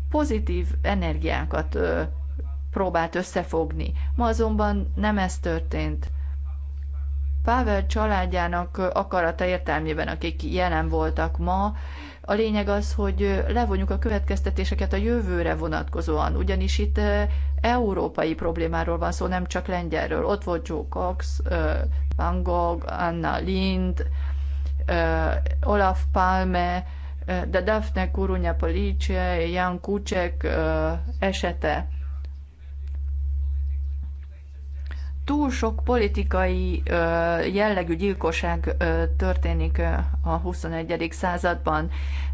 Pozitív energiákat próbált összefogni. Ma azonban nem ez történt. Pavel családjának akarata értelmében, akik jelen voltak ma, a lényeg az, hogy levonjuk a következtetéseket a jövőre vonatkozóan, ugyanis itt eh, európai problémáról van szó, nem csak lengyelről. Ott volt Joe Cox, eh, Van Gogh, Anna Lind, eh, Olaf Palme, de Daphne Kurunya Police, Jan Kucek esete. túl sok politikai jellegű gyilkosság történik a 21. században.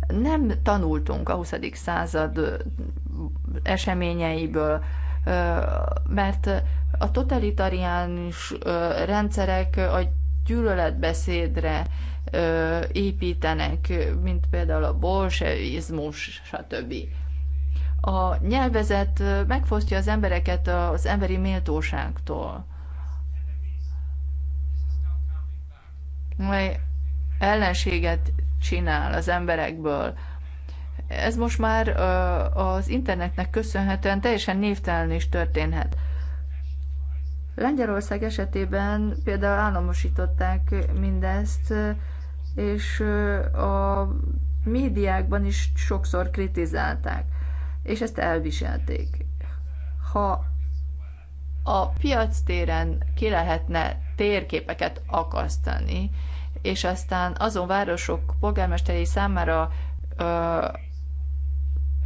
Nem tanultunk a 20. század eseményeiből, mert a totalitáriánus rendszerek a gyűlöletbeszédre építenek, mint például a bolsevizmus, stb a nyelvezet megfosztja az embereket az emberi méltóságtól. mely ellenséget csinál az emberekből. Ez most már az internetnek köszönhetően teljesen névtelen is történhet. Lengyelország esetében például államosították mindezt, és a médiákban is sokszor kritizálták, és ezt elviselték. Ha a piac téren ki lehetne térképeket akasztani, és aztán azon városok polgármesterei számára ö,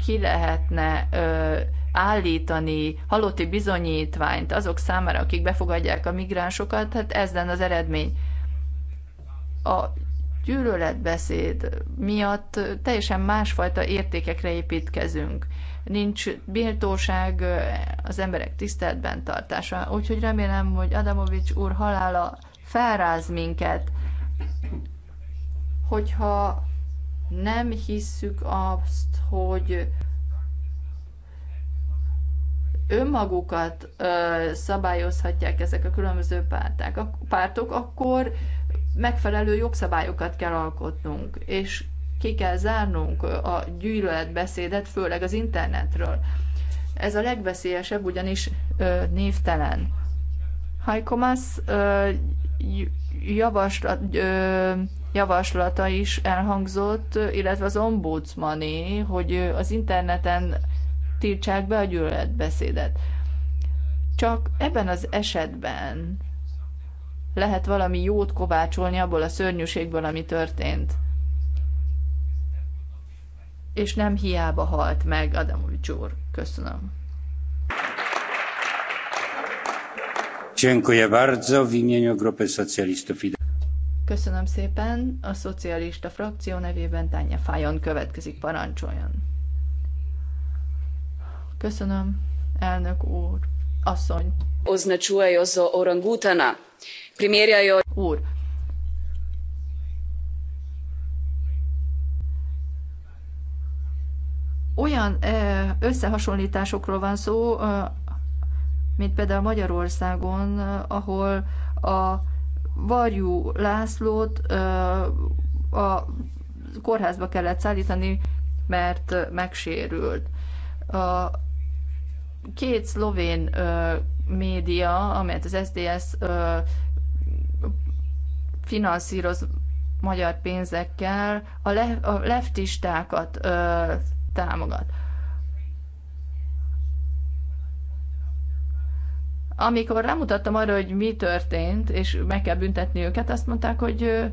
ki lehetne ö, állítani halotti bizonyítványt azok számára, akik befogadják a migránsokat, hát ez lenne az eredmény. A gyűlöletbeszéd miatt teljesen másfajta értékekre építkezünk nincs méltóság, az emberek tiszteletben tartása. Úgyhogy remélem, hogy Adamovics úr halála felráz minket, hogyha nem hisszük azt, hogy önmagukat ö, szabályozhatják ezek a különböző párták, a pártok, akkor megfelelő jogszabályokat kell alkotnunk. És ki kell zárnunk a gyűlöletbeszédet, főleg az internetről. Ez a legveszélyesebb, ugyanis ö, névtelen. Hajkomász javaslat, javaslata is elhangzott, illetve az ombudsmané, hogy az interneten tiltsák be a gyűlöletbeszédet. Csak ebben az esetben lehet valami jót kovácsolni abból a szörnyűségből, ami történt és nem hiába halt meg Adamovics úr. Köszönöm. Dziękuję bardzo w imieniu grupy socjalistów i Köszönöm szépen. A szocialista frakció nevében Tánya Fájon következik, parancsoljon. Köszönöm, elnök úr, asszony. Označuje ozo orangutana. Primérjajó. Úr, olyan összehasonlításokról van szó, mint például Magyarországon, ahol a Varjú Lászlót a kórházba kellett szállítani, mert megsérült. A két szlovén média, amelyet az SDS finanszíroz magyar pénzekkel, a, leftistákat támogat. Amikor rámutattam arra, hogy mi történt, és meg kell büntetni őket, azt mondták, hogy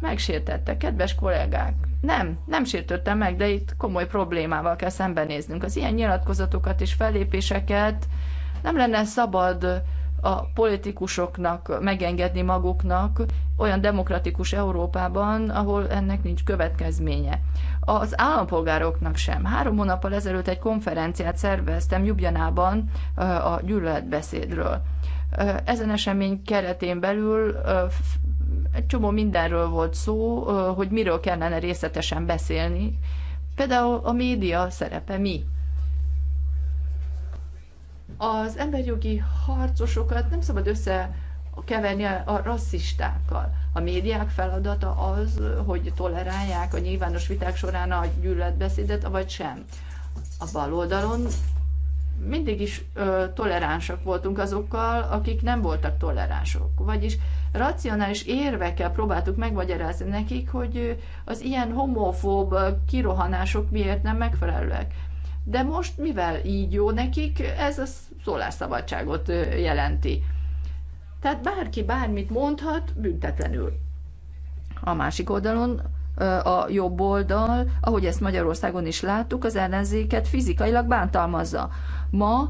megsértettek. kedves kollégák. Nem, nem sértődtem meg, de itt komoly problémával kell szembenéznünk. Az ilyen nyilatkozatokat és fellépéseket nem lenne szabad a politikusoknak megengedni maguknak olyan demokratikus Európában, ahol ennek nincs következménye az állampolgároknak sem. Három hónappal ezelőtt egy konferenciát szerveztem Jubjanában a gyűlöletbeszédről. Ezen esemény keretén belül egy csomó mindenről volt szó, hogy miről kellene részletesen beszélni. Például a média szerepe mi? Az emberjogi harcosokat nem szabad össze keverni a rasszistákkal. A médiák feladata az, hogy tolerálják a nyilvános viták során a gyűlöletbeszédet, vagy sem. A bal oldalon mindig is ö, toleránsak voltunk azokkal, akik nem voltak toleránsok. Vagyis racionális érvekkel próbáltuk megmagyarázni nekik, hogy az ilyen homofób kirohanások miért nem megfelelőek. De most, mivel így jó nekik, ez a szólásszabadságot jelenti tehát bárki bármit mondhat büntetlenül. A másik oldalon a jobb oldal, ahogy ezt Magyarországon is láttuk, az ellenzéket fizikailag bántalmazza. Ma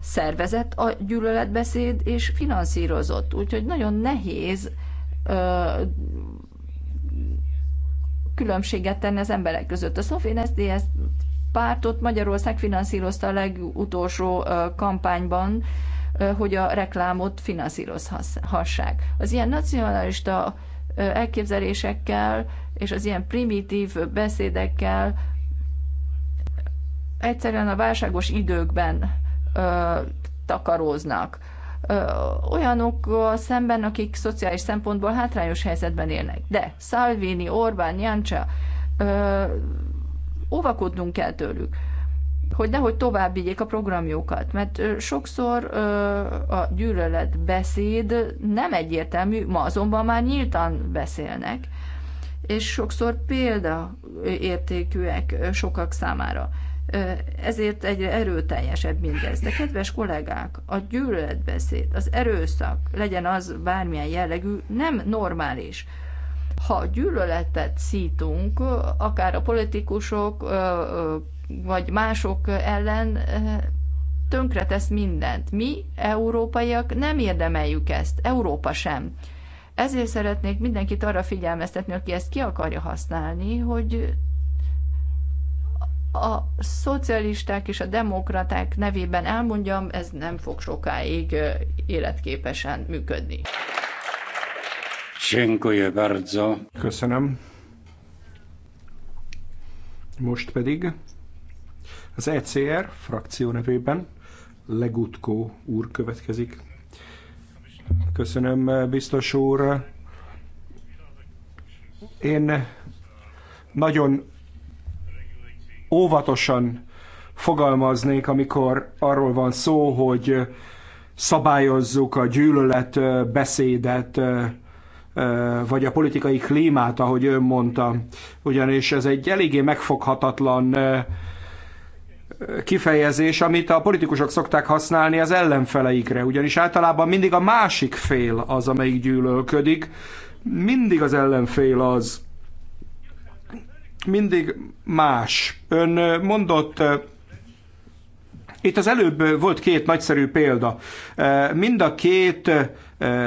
szervezett a gyűlöletbeszéd és finanszírozott. Úgyhogy nagyon nehéz ö, különbséget tenni az emberek között. A Szofén SZDSZ pártot Magyarország finanszírozta a legutolsó ö, kampányban, hogy a reklámot finanszírozhassák. Az ilyen nacionalista elképzelésekkel és az ilyen primitív beszédekkel egyszerűen a válságos időkben ö, takaróznak. Ö, olyanok szemben, akik szociális szempontból hátrányos helyzetben élnek. De Salvini, Orbán, Jancsa, óvakodnunk kell tőlük hogy nehogy tovább vigyék a programjukat, mert sokszor a gyűlöletbeszéd nem egyértelmű, ma azonban már nyíltan beszélnek, és sokszor példaértékűek sokak számára. Ezért egyre erőteljesebb mindez. De kedves kollégák, a gyűlöletbeszéd, az erőszak, legyen az bármilyen jellegű, nem normális ha gyűlöletet szítunk, akár a politikusok, vagy mások ellen tönkretesz mindent. Mi, európaiak, nem érdemeljük ezt, Európa sem. Ezért szeretnék mindenkit arra figyelmeztetni, aki ezt ki akarja használni, hogy a szocialisták és a demokraták nevében elmondjam, ez nem fog sokáig életképesen működni. Köszönöm. Most pedig az ECR frakció nevében Legutko úr következik. Köszönöm, biztos úr. Én nagyon óvatosan fogalmaznék, amikor arról van szó, hogy szabályozzuk a gyűlölet beszédet, vagy a politikai klímát, ahogy ön mondta. Ugyanis ez egy eléggé megfoghatatlan kifejezés, amit a politikusok szokták használni az ellenfeleikre, ugyanis általában mindig a másik fél az, amelyik gyűlölködik, mindig az ellenfél az, mindig más. Ön mondott itt az előbb volt két nagyszerű példa. Mind a két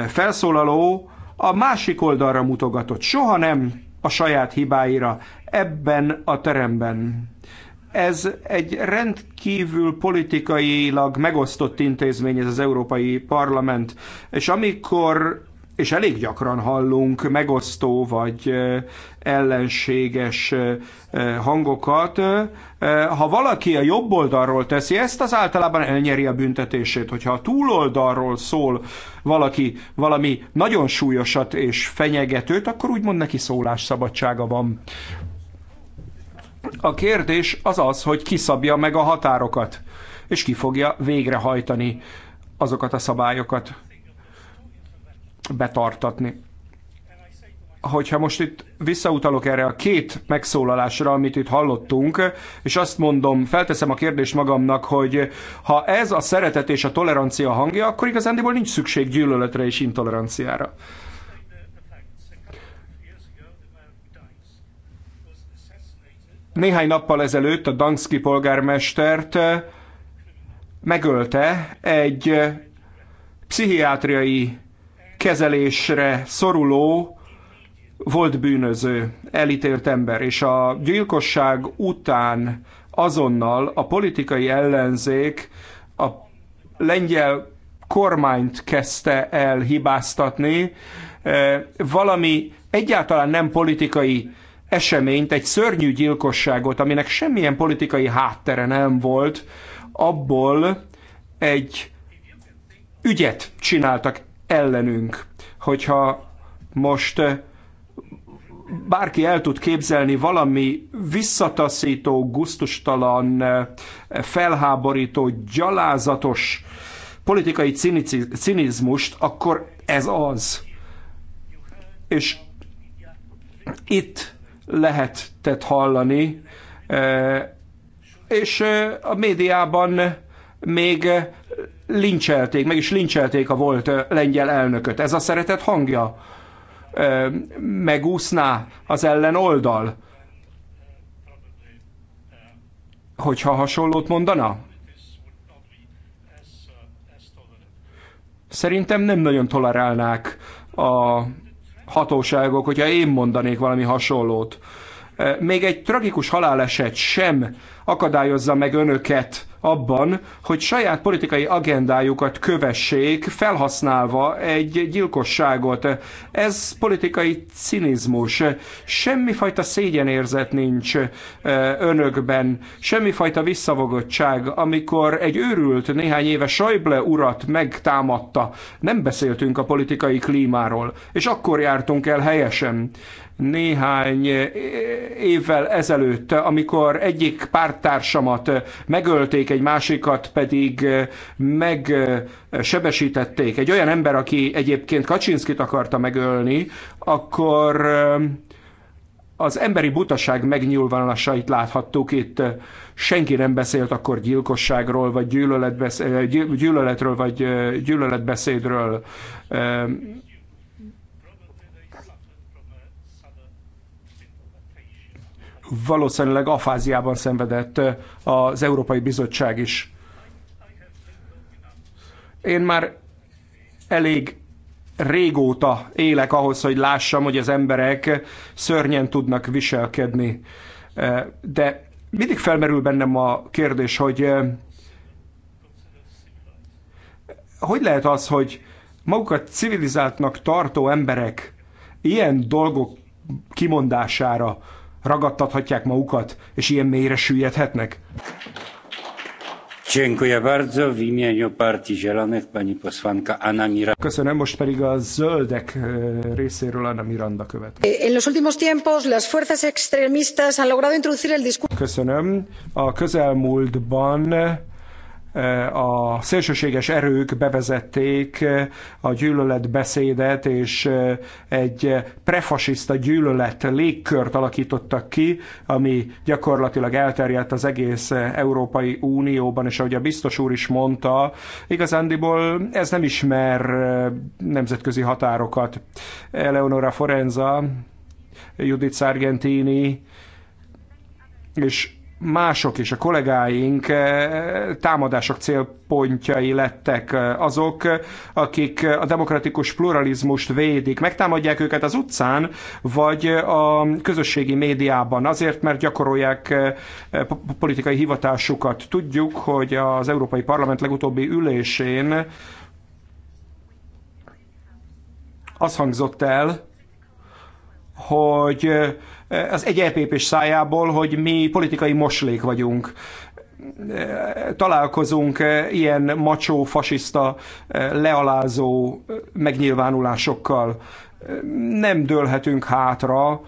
felszólaló a másik oldalra mutogatott. Soha nem a saját hibáira ebben a teremben. Ez egy rendkívül politikailag megosztott intézmény, ez az Európai Parlament. És amikor és elég gyakran hallunk megosztó vagy ellenséges hangokat. Ha valaki a jobb oldalról teszi ezt, az általában elnyeri a büntetését. Hogyha a túloldalról szól valaki valami nagyon súlyosat és fenyegetőt, akkor úgymond neki szólásszabadsága van. A kérdés az az, hogy ki szabja meg a határokat, és ki fogja végrehajtani azokat a szabályokat betartatni. Hogyha most itt visszautalok erre a két megszólalásra, amit itt hallottunk, és azt mondom, felteszem a kérdést magamnak, hogy ha ez a szeretet és a tolerancia hangja, akkor igazándiból nincs szükség gyűlöletre és intoleranciára. Néhány nappal ezelőtt a Danszki polgármestert eh, megölte egy eh, pszichiátriai kezelésre szoruló volt bűnöző, elítélt ember, és a gyilkosság után azonnal a politikai ellenzék a lengyel kormányt kezdte el hibáztatni, eh, valami egyáltalán nem politikai eseményt, egy szörnyű gyilkosságot, aminek semmilyen politikai háttere nem volt, abból egy ügyet csináltak ellenünk. Hogyha most bárki el tud képzelni valami visszataszító, guztustalan, felháborító, gyalázatos politikai cinizmust, akkor ez az. És itt lehetett hallani, e, és e, a médiában még lincselték, meg is lincselték a volt e, lengyel elnököt. Ez a szeretet hangja megúszná az ellenoldal, hogyha hasonlót mondana? Szerintem nem nagyon tolerálnák a hatóságok, hogyha én mondanék valami hasonlót. Még egy tragikus haláleset sem akadályozza meg önöket abban, hogy saját politikai agendájukat kövessék, felhasználva egy gyilkosságot. Ez politikai cinizmus. Semmifajta szégyenérzet nincs eh, önökben, semmifajta visszavogottság, amikor egy őrült néhány éve Schäuble urat megtámadta. Nem beszéltünk a politikai klímáról, és akkor jártunk el helyesen néhány évvel ezelőtt, amikor egyik párttársamat megölték, egy másikat pedig megsebesítették, egy olyan ember, aki egyébként Kaczynszkit akarta megölni, akkor um, az emberi butaság megnyilvánulásait láthattuk itt. Senki nem beszélt akkor gyilkosságról, vagy gyűlöletbesz- gyűlöletről, vagy uh, gyűlöletbeszédről um, valószínűleg afáziában szenvedett az Európai Bizottság is. Én már elég régóta élek ahhoz, hogy lássam, hogy az emberek szörnyen tudnak viselkedni. De mindig felmerül bennem a kérdés, hogy hogy lehet az, hogy magukat civilizáltnak tartó emberek ilyen dolgok kimondására ragadtathatják magukat, és ilyen mélyre süllyedhetnek? Köszönöm, most pedig a zöldek e, részéről Anna Miranda követ. E, en los últimos tiempos las fuerzas extremistas han logrado introducir el discurso. Köszönöm. A közelmúltban a szélsőséges erők bevezették a gyűlöletbeszédet, és egy prefasiszta gyűlölet légkört alakítottak ki, ami gyakorlatilag elterjedt az egész Európai Unióban, és ahogy a biztos úr is mondta, igazándiból ez nem ismer nemzetközi határokat. Eleonora Forenza, Judith Sargentini, és mások és a kollégáink eh, támadások célpontjai lettek eh, azok, akik a demokratikus pluralizmust védik. Megtámadják őket az utcán, vagy a közösségi médiában azért, mert gyakorolják eh, politikai hivatásukat. Tudjuk, hogy az Európai Parlament legutóbbi ülésén az hangzott el, hogy az egy epp szájából, hogy mi politikai moslék vagyunk találkozunk ilyen macsó, fasiszta, lealázó megnyilvánulásokkal. Nem dőlhetünk hátra,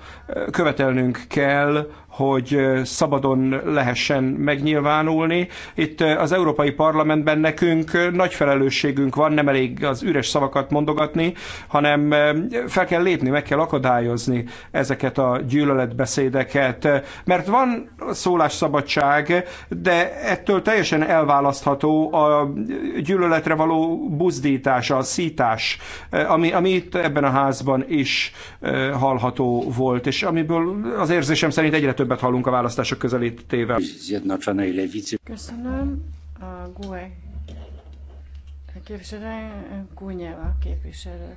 követelnünk kell hogy szabadon lehessen megnyilvánulni. Itt az Európai Parlamentben nekünk nagy felelősségünk van, nem elég az üres szavakat mondogatni, hanem fel kell lépni, meg kell akadályozni ezeket a gyűlöletbeszédeket. Mert van szólásszabadság, de ettől teljesen elválasztható a gyűlöletre való buzdítás, a szítás, ami, ami itt ebben a házban is hallható volt, és amiből az érzésem szerint egyre több többet hallunk a választások közelítével. Köszönöm. A GUE képviselő, Gúnyeva képviselő.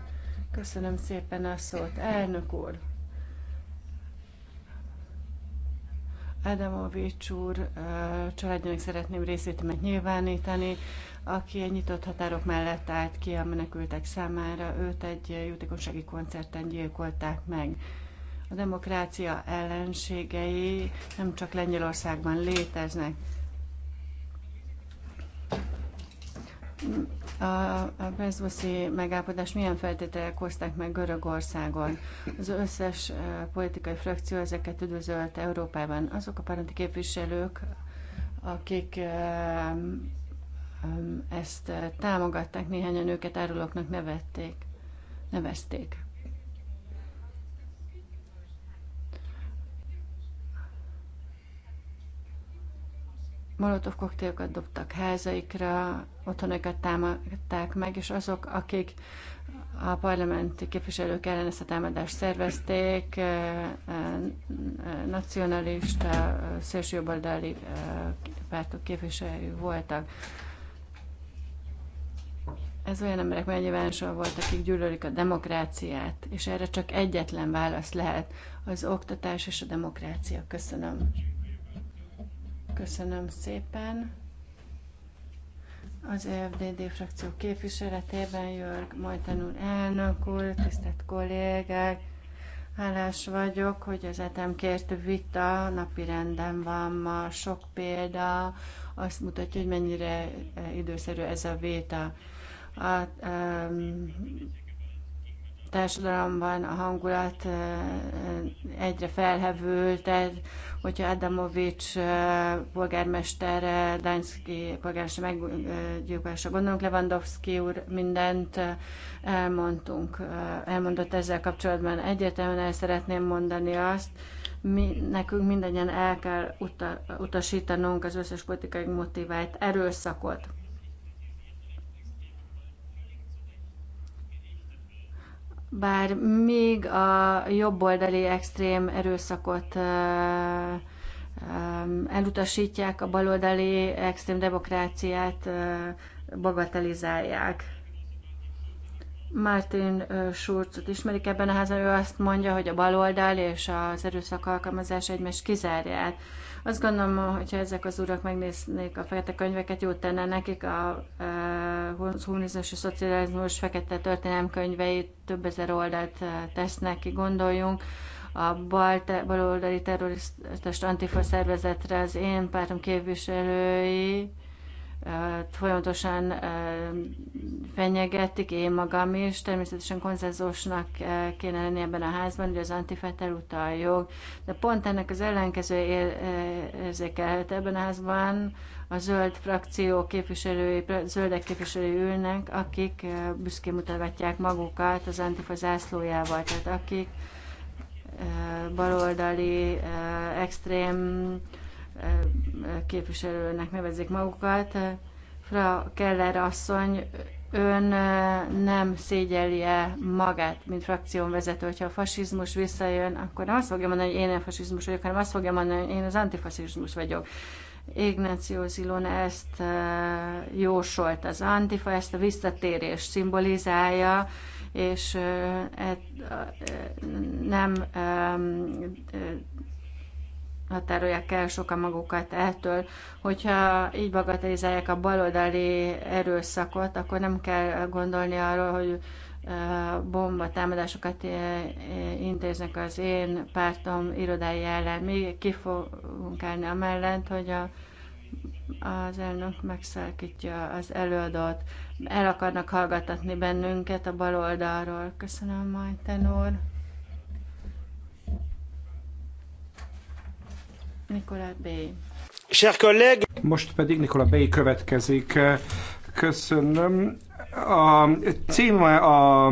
Köszönöm szépen a szót. Elnök úr. Adamovics úr családjának szeretném részét megnyilvánítani, aki egy nyitott határok mellett állt ki a menekültek számára, őt egy jótékonysági koncerten gyilkolták meg. A demokrácia ellenségei nem csak Lengyelországban léteznek. A, a megállapodás milyen feltételek hozták meg Görögországon? Az összes politikai frakció ezeket üdvözölt Európában. Azok a parlamenti képviselők, akik ezt támogatták, néhányan őket árulóknak nevették, nevezték. molotov koktélokat dobtak házaikra, otthonokat támadták meg, és azok, akik a parlamenti képviselők ellen ezt a támadást szervezték, eh, eh, nacionalista, eh, szélsőjobboldali pártok képviselői voltak. Ez olyan emberek megnyilvánosan volt, akik gyűlölik a demokráciát, és erre csak egyetlen válasz lehet, az oktatás és a demokrácia. Köszönöm. Köszönöm szépen. Az EFDD frakció képviseletében Jörg Majtanul elnök úr, tisztelt kollégák, hálás vagyok, hogy az etem kért vita napi renden van ma, sok példa, azt mutatja, hogy mennyire eh, időszerű ez a vita. A, um, társadalomban a hangulat egyre felhevült, tehát hogyha Adamovics polgármester, Dánszki polgármester meggyilkolása gondolunk, Lewandowski úr mindent elmondtunk, elmondott ezzel kapcsolatban. Egyértelműen el szeretném mondani azt, mi, nekünk mindannyian el kell uta, utasítanunk az összes politikai motivált erőszakot. bár még a jobboldali extrém erőszakot elutasítják, a baloldali extrém demokráciát bagatelizálják. Martin Schulzot ismerik ebben a házban, ő azt mondja, hogy a baloldal és az erőszak alkalmazás egymást kizárják. Azt gondolom, hogyha ezek az urak megnéznék a fekete könyveket, jót tenne nekik a humanizmus és szocializmus fekete történelem könyveit, több ezer oldalt tesznek ki, gondoljunk a bal te, baloldali terrorista antifa szervezetre az én pártom képviselői folyamatosan fenyegetik, én magam is. Természetesen konzenzusnak kéne lenni ebben a házban, hogy az antifet elutal jog. De pont ennek az ellenkező érzékelhet ebben a házban, a zöld frakció képviselői, zöldek képviselői ülnek, akik büszkén mutatják magukat az antifa zászlójával, tehát akik baloldali, extrém képviselőnek nevezik magukat. Fra Keller asszony, ön nem szégyeli magát, mint frakción vezető, hogyha a fasizmus visszajön, akkor nem azt fogja mondani, hogy én a fasizmus vagyok, hanem azt fogja mondani, hogy én az antifasizmus vagyok. Ignáció Zilon ezt jósolt az antifa, ezt a visszatérés szimbolizálja, és e, nem határolják el sokan magukat ettől. Hogyha így bagatelizálják a baloldali erőszakot, akkor nem kell gondolni arról, hogy bomba támadásokat intéznek az én pártom irodái ellen. Mi ki fogunk állni amellett, hogy a, az elnök megszelkítja az előadót. El akarnak hallgatatni bennünket a baloldalról. Köszönöm, majd tenor. Nikola Bay. Most pedig Nikola Bay következik. Köszönöm. A címe a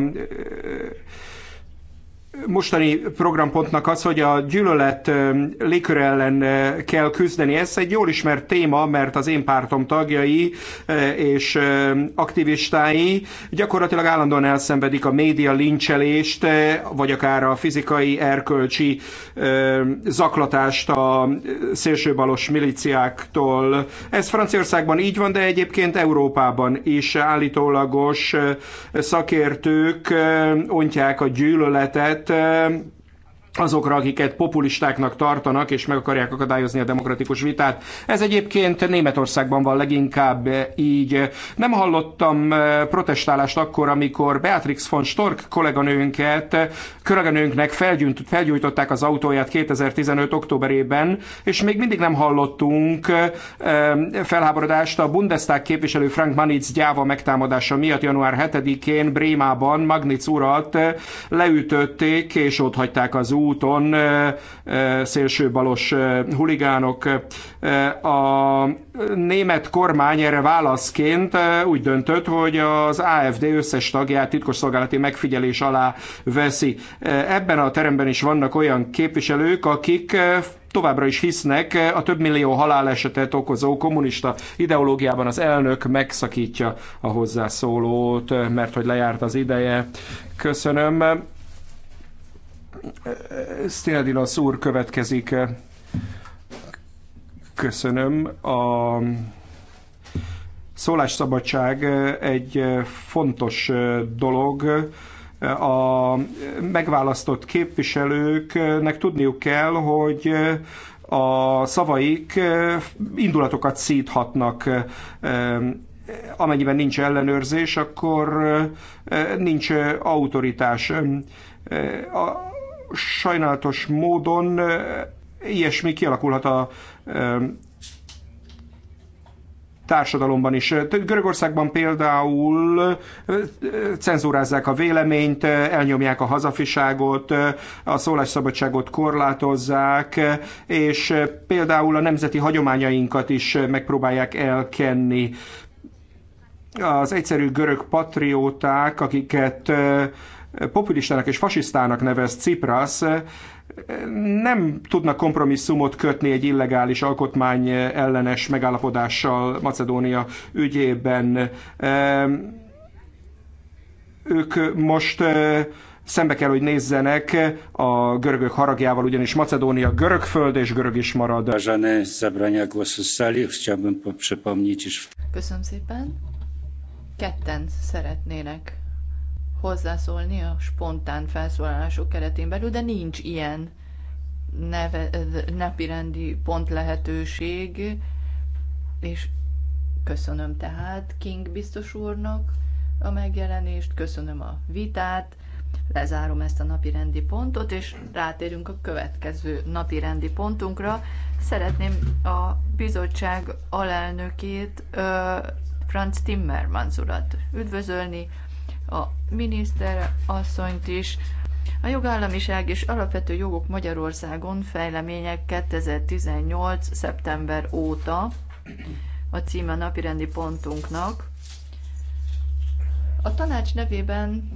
mostani programpontnak az, hogy a gyűlölet légkör ellen kell küzdeni. Ez egy jól ismert téma, mert az én pártom tagjai és aktivistái gyakorlatilag állandóan elszenvedik a média lincselést, vagy akár a fizikai, erkölcsi zaklatást a szélsőbalos miliciáktól. Ez Franciaországban így van, de egyébként Európában is állítólagos szakértők ontják a gyűlöletet, helyzet azokra, akiket populistáknak tartanak, és meg akarják akadályozni a demokratikus vitát. Ez egyébként Németországban van leginkább így. Nem hallottam eh, protestálást akkor, amikor Beatrix von Stork kolléganőnket, kolléganőnknek felgyújtották az autóját 2015. októberében, és még mindig nem hallottunk eh, felháborodást a Bundestag képviselő Frank Manitz gyáva megtámadása miatt január 7-én Brémában Magnitz urat eh, leütötték, és ott hagyták az úton balos huligánok. A német kormány erre válaszként úgy döntött, hogy az AFD összes tagját titkosszolgálati megfigyelés alá veszi. Ebben a teremben is vannak olyan képviselők, akik továbbra is hisznek a több millió halálesetet okozó kommunista ideológiában az elnök megszakítja a hozzászólót, mert hogy lejárt az ideje. Köszönöm. Stiladilos úr következik. Köszönöm. A szólásszabadság egy fontos dolog. A megválasztott képviselőknek tudniuk kell, hogy a szavaik indulatokat szíthatnak amennyiben nincs ellenőrzés, akkor nincs autoritás sajnálatos módon ilyesmi kialakulhat a társadalomban is. Görögországban például cenzúrázzák a véleményt, elnyomják a hazafiságot, a szólásszabadságot korlátozzák, és például a nemzeti hagyományainkat is megpróbálják elkenni. Az egyszerű görög patrióták, akiket populistának és fasisztának nevez Cipras, nem tudnak kompromisszumot kötni egy illegális alkotmány ellenes megállapodással Macedónia ügyében. Ők most eh, szembe kell, hogy nézzenek a görögök haragjával, ugyanis Macedónia görög föld és görög is marad. Köszönöm szépen. Ketten szeretnének hozzászólni a spontán felszólalások keretén belül, de nincs ilyen neve, napirendi pont lehetőség, és köszönöm tehát King biztos úrnak a megjelenést, köszönöm a vitát, lezárom ezt a napi rendi pontot, és rátérünk a következő napi rendi pontunkra. Szeretném a bizottság alelnökét, Franz Timmermans urat üdvözölni, a miniszter asszonyt is. A jogállamiság és alapvető jogok Magyarországon fejlemények 2018. szeptember óta a címe napirendi pontunknak. A tanács nevében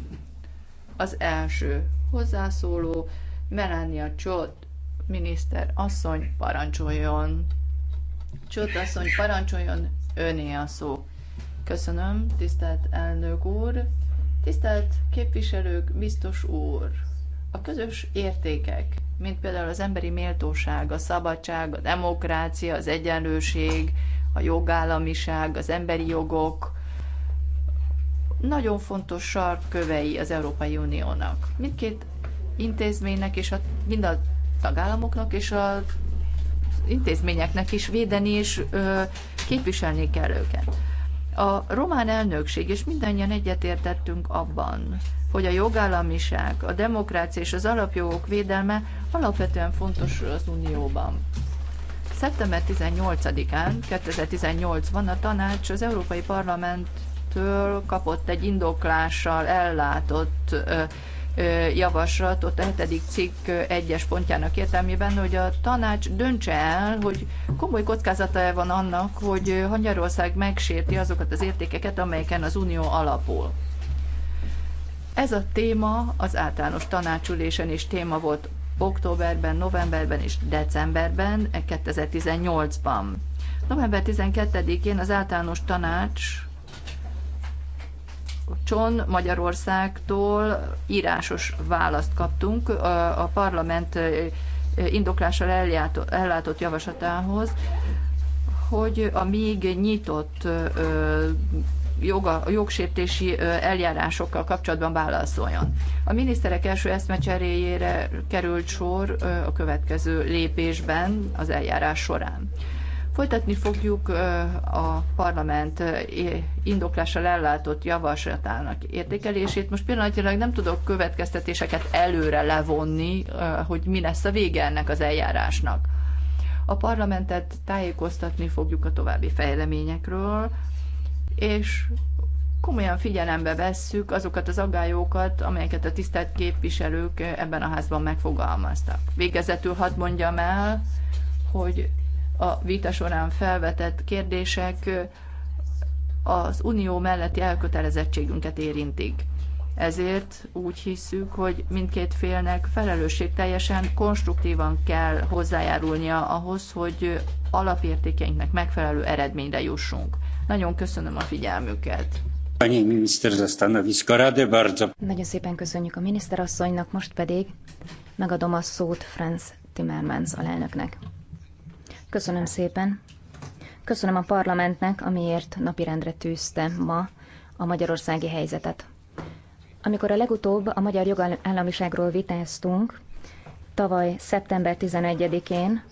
az első hozzászóló Melania Csot miniszter asszony parancsoljon. Csot asszony parancsoljon, öné a szó. Köszönöm, tisztelt elnök úr, Tisztelt képviselők, biztos úr! A közös értékek, mint például az emberi méltóság, a szabadság, a demokrácia, az egyenlőség, a jogállamiság, az emberi jogok, nagyon fontos sarkkövei az Európai Uniónak. Mindkét intézménynek és a, mind a tagállamoknak és a intézményeknek is védeni és ö, képviselni kell őket. A román elnökség, és mindannyian egyetértettünk abban, hogy a jogállamiság, a demokrácia és az alapjogok védelme alapvetően fontos az Unióban. Szeptember 18-án, 2018-ban a tanács az Európai Parlamenttől kapott egy indoklással ellátott javaslat ott a hetedik cikk egyes pontjának értelmében, hogy a tanács döntse el, hogy komoly kockázata van annak, hogy Magyarország megsérti azokat az értékeket, amelyeken az Unió alapul. Ez a téma az általános tanácsülésen is téma volt októberben, novemberben és decemberben 2018-ban. E, November 12-én az általános tanács Cson Magyarországtól írásos választ kaptunk a parlament indoklással ellátott javaslatához, hogy a még nyitott joga, jogsértési eljárásokkal kapcsolatban válaszoljon. A miniszterek első eszmecseréjére került sor a következő lépésben az eljárás során. Folytatni fogjuk a parlament indoklással ellátott javaslatának értékelését. Most pillanatilag nem tudok következtetéseket előre levonni, hogy mi lesz a vége ennek az eljárásnak. A parlamentet tájékoztatni fogjuk a további fejleményekről, és komolyan figyelembe vesszük azokat az aggályokat, amelyeket a tisztelt képviselők ebben a házban megfogalmaztak. Végezetül hadd mondjam el, hogy a vita során felvetett kérdések az unió melletti elkötelezettségünket érintik. Ezért úgy hiszük, hogy mindkét félnek teljesen konstruktívan kell hozzájárulnia ahhoz, hogy alapértékeinknek megfelelő eredményre jussunk. Nagyon köszönöm a figyelmüket. Nagyon szépen köszönjük a miniszterasszonynak, most pedig megadom a szót Franz Timmermans alelnöknek. Köszönöm szépen. Köszönöm a parlamentnek, amiért napirendre tűzte ma a magyarországi helyzetet. Amikor a legutóbb a magyar jogállamiságról vitáztunk, tavaly szeptember 11-én,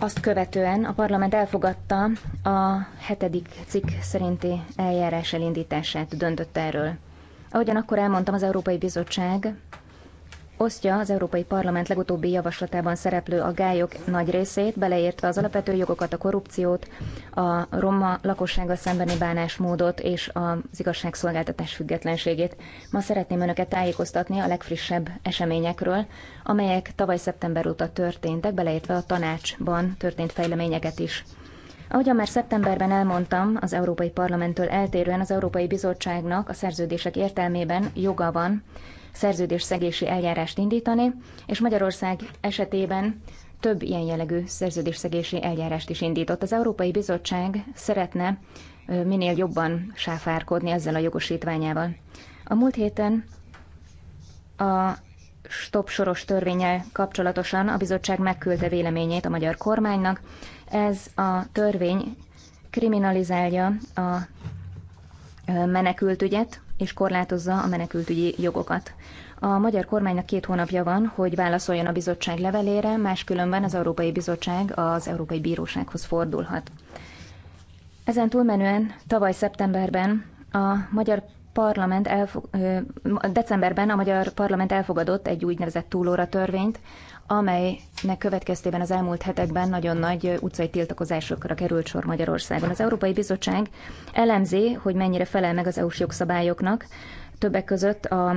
azt követően a parlament elfogadta a hetedik cikk szerinti eljárás elindítását, döntött erről. Ahogyan akkor elmondtam, az Európai Bizottság osztja az Európai Parlament legutóbbi javaslatában szereplő aggályok nagy részét, beleértve az alapvető jogokat, a korrupciót, a roma lakossággal szembeni bánásmódot és az igazságszolgáltatás függetlenségét. Ma szeretném Önöket tájékoztatni a legfrissebb eseményekről, amelyek tavaly szeptember óta történtek, beleértve a tanácsban történt fejleményeket is. Ahogyan már szeptemberben elmondtam, az Európai Parlamenttől eltérően az Európai Bizottságnak a szerződések értelmében joga van szerződésszegési eljárást indítani, és Magyarország esetében több ilyen jellegű szerződésszegési eljárást is indított. Az Európai Bizottság szeretne minél jobban sáfárkodni ezzel a jogosítványával. A múlt héten a stop soros törvényel kapcsolatosan a bizottság megküldte véleményét a magyar kormánynak. Ez a törvény kriminalizálja a menekültügyet, és korlátozza a menekültügyi jogokat. A magyar kormánynak két hónapja van, hogy válaszoljon a bizottság levelére, máskülönben az Európai Bizottság az Európai Bírósághoz fordulhat. Ezen túlmenően tavaly szeptemberben a magyar parlament elfog, decemberben a magyar parlament elfogadott egy úgynevezett túlóra törvényt, amelynek következtében az elmúlt hetekben nagyon nagy utcai tiltakozásokra került sor Magyarországon. Az Európai Bizottság elemzi, hogy mennyire felel meg az EU-s jogszabályoknak, többek között a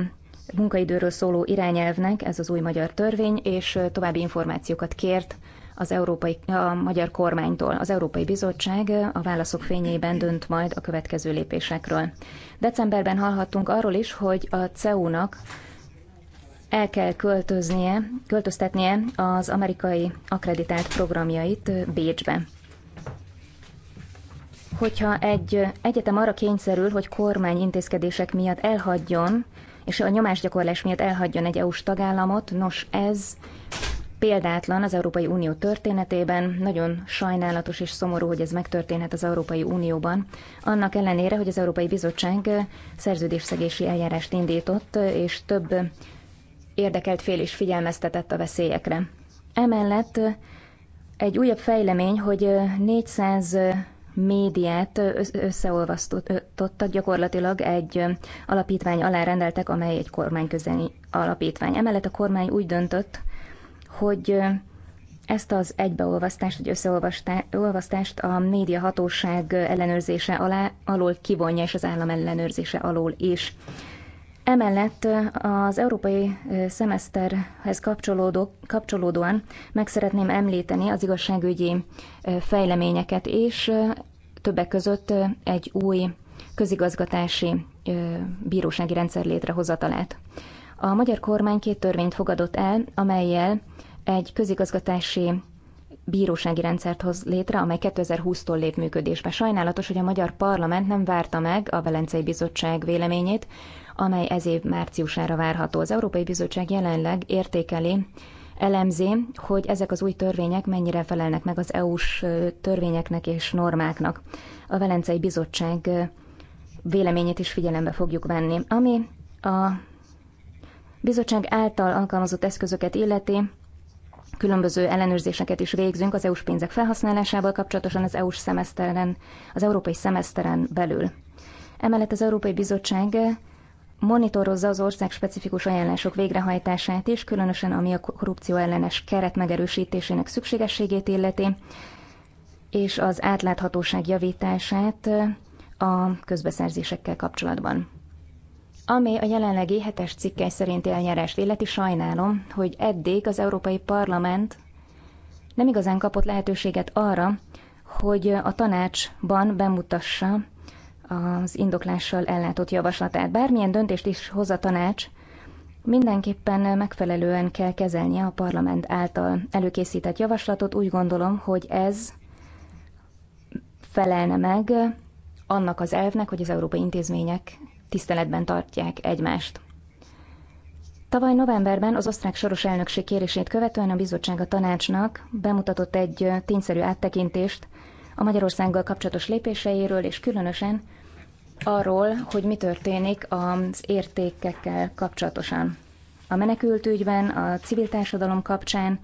munkaidőről szóló irányelvnek, ez az új magyar törvény, és további információkat kért az európai, a magyar kormánytól. Az Európai Bizottság a válaszok fényében dönt majd a következő lépésekről. Decemberben hallhattunk arról is, hogy a CEU-nak el kell költöznie, költöztetnie az amerikai akreditált programjait Bécsbe. Hogyha egy egyetem arra kényszerül, hogy kormány intézkedések miatt elhagyjon, és a nyomásgyakorlás miatt elhagyjon egy EU-s tagállamot, nos ez példátlan az Európai Unió történetében, nagyon sajnálatos és szomorú, hogy ez megtörténhet az Európai Unióban. Annak ellenére, hogy az Európai Bizottság szerződésszegési eljárást indított, és több érdekelt fél is figyelmeztetett a veszélyekre. Emellett egy újabb fejlemény, hogy 400 médiát összeolvasztottak gyakorlatilag egy alapítvány alá rendeltek, amely egy kormányközeli alapítvány. Emellett a kormány úgy döntött, hogy ezt az egybeolvasztást, vagy összeolvasztást a média hatóság ellenőrzése alá, alól kivonja, és az állam ellenőrzése alól is. Emellett az európai szemeszterhez kapcsolódó, kapcsolódóan meg szeretném említeni az igazságügyi fejleményeket, és többek között egy új közigazgatási bírósági rendszer létrehozatalát. A magyar kormány két törvényt fogadott el, amelyel egy közigazgatási bírósági rendszert hoz létre, amely 2020-tól lép működésbe. Sajnálatos, hogy a magyar parlament nem várta meg a Velencei Bizottság véleményét, amely ez év márciusára várható. Az Európai Bizottság jelenleg értékeli, elemzi, hogy ezek az új törvények mennyire felelnek meg az EU-s törvényeknek és normáknak. A Velencei Bizottság véleményét is figyelembe fogjuk venni. Ami a bizottság által alkalmazott eszközöket illeti, különböző ellenőrzéseket is végzünk az EU-s pénzek felhasználásával kapcsolatosan az EU-s szemeszteren, az európai szemeszteren belül. Emellett az Európai Bizottság monitorozza az ország specifikus ajánlások végrehajtását is, különösen ami a korrupció ellenes keret megerősítésének szükségességét illeti, és az átláthatóság javítását a közbeszerzésekkel kapcsolatban. Ami a jelenlegi hetes cikkely szerinti eljárást illeti, sajnálom, hogy eddig az Európai Parlament nem igazán kapott lehetőséget arra, hogy a tanácsban bemutassa az indoklással ellátott javaslatát. Bármilyen döntést is hoz a tanács, mindenképpen megfelelően kell kezelnie a parlament által előkészített javaslatot. Úgy gondolom, hogy ez felelne meg annak az elvnek, hogy az európai intézmények tiszteletben tartják egymást. Tavaly novemberben az osztrák soros elnökség kérését követően a bizottság a tanácsnak bemutatott egy tényszerű áttekintést a Magyarországgal kapcsolatos lépéseiről, és különösen arról, hogy mi történik az értékekkel kapcsolatosan. A menekültügyben, a civil társadalom kapcsán,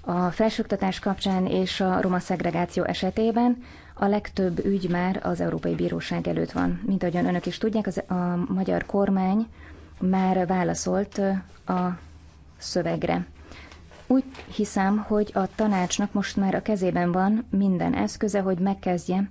a felsőoktatás kapcsán és a roma szegregáció esetében a legtöbb ügy már az Európai Bíróság előtt van. Mint ahogyan önök is tudják, az, a magyar kormány már válaszolt a szövegre. Úgy hiszem, hogy a tanácsnak most már a kezében van minden eszköze, hogy megkezdje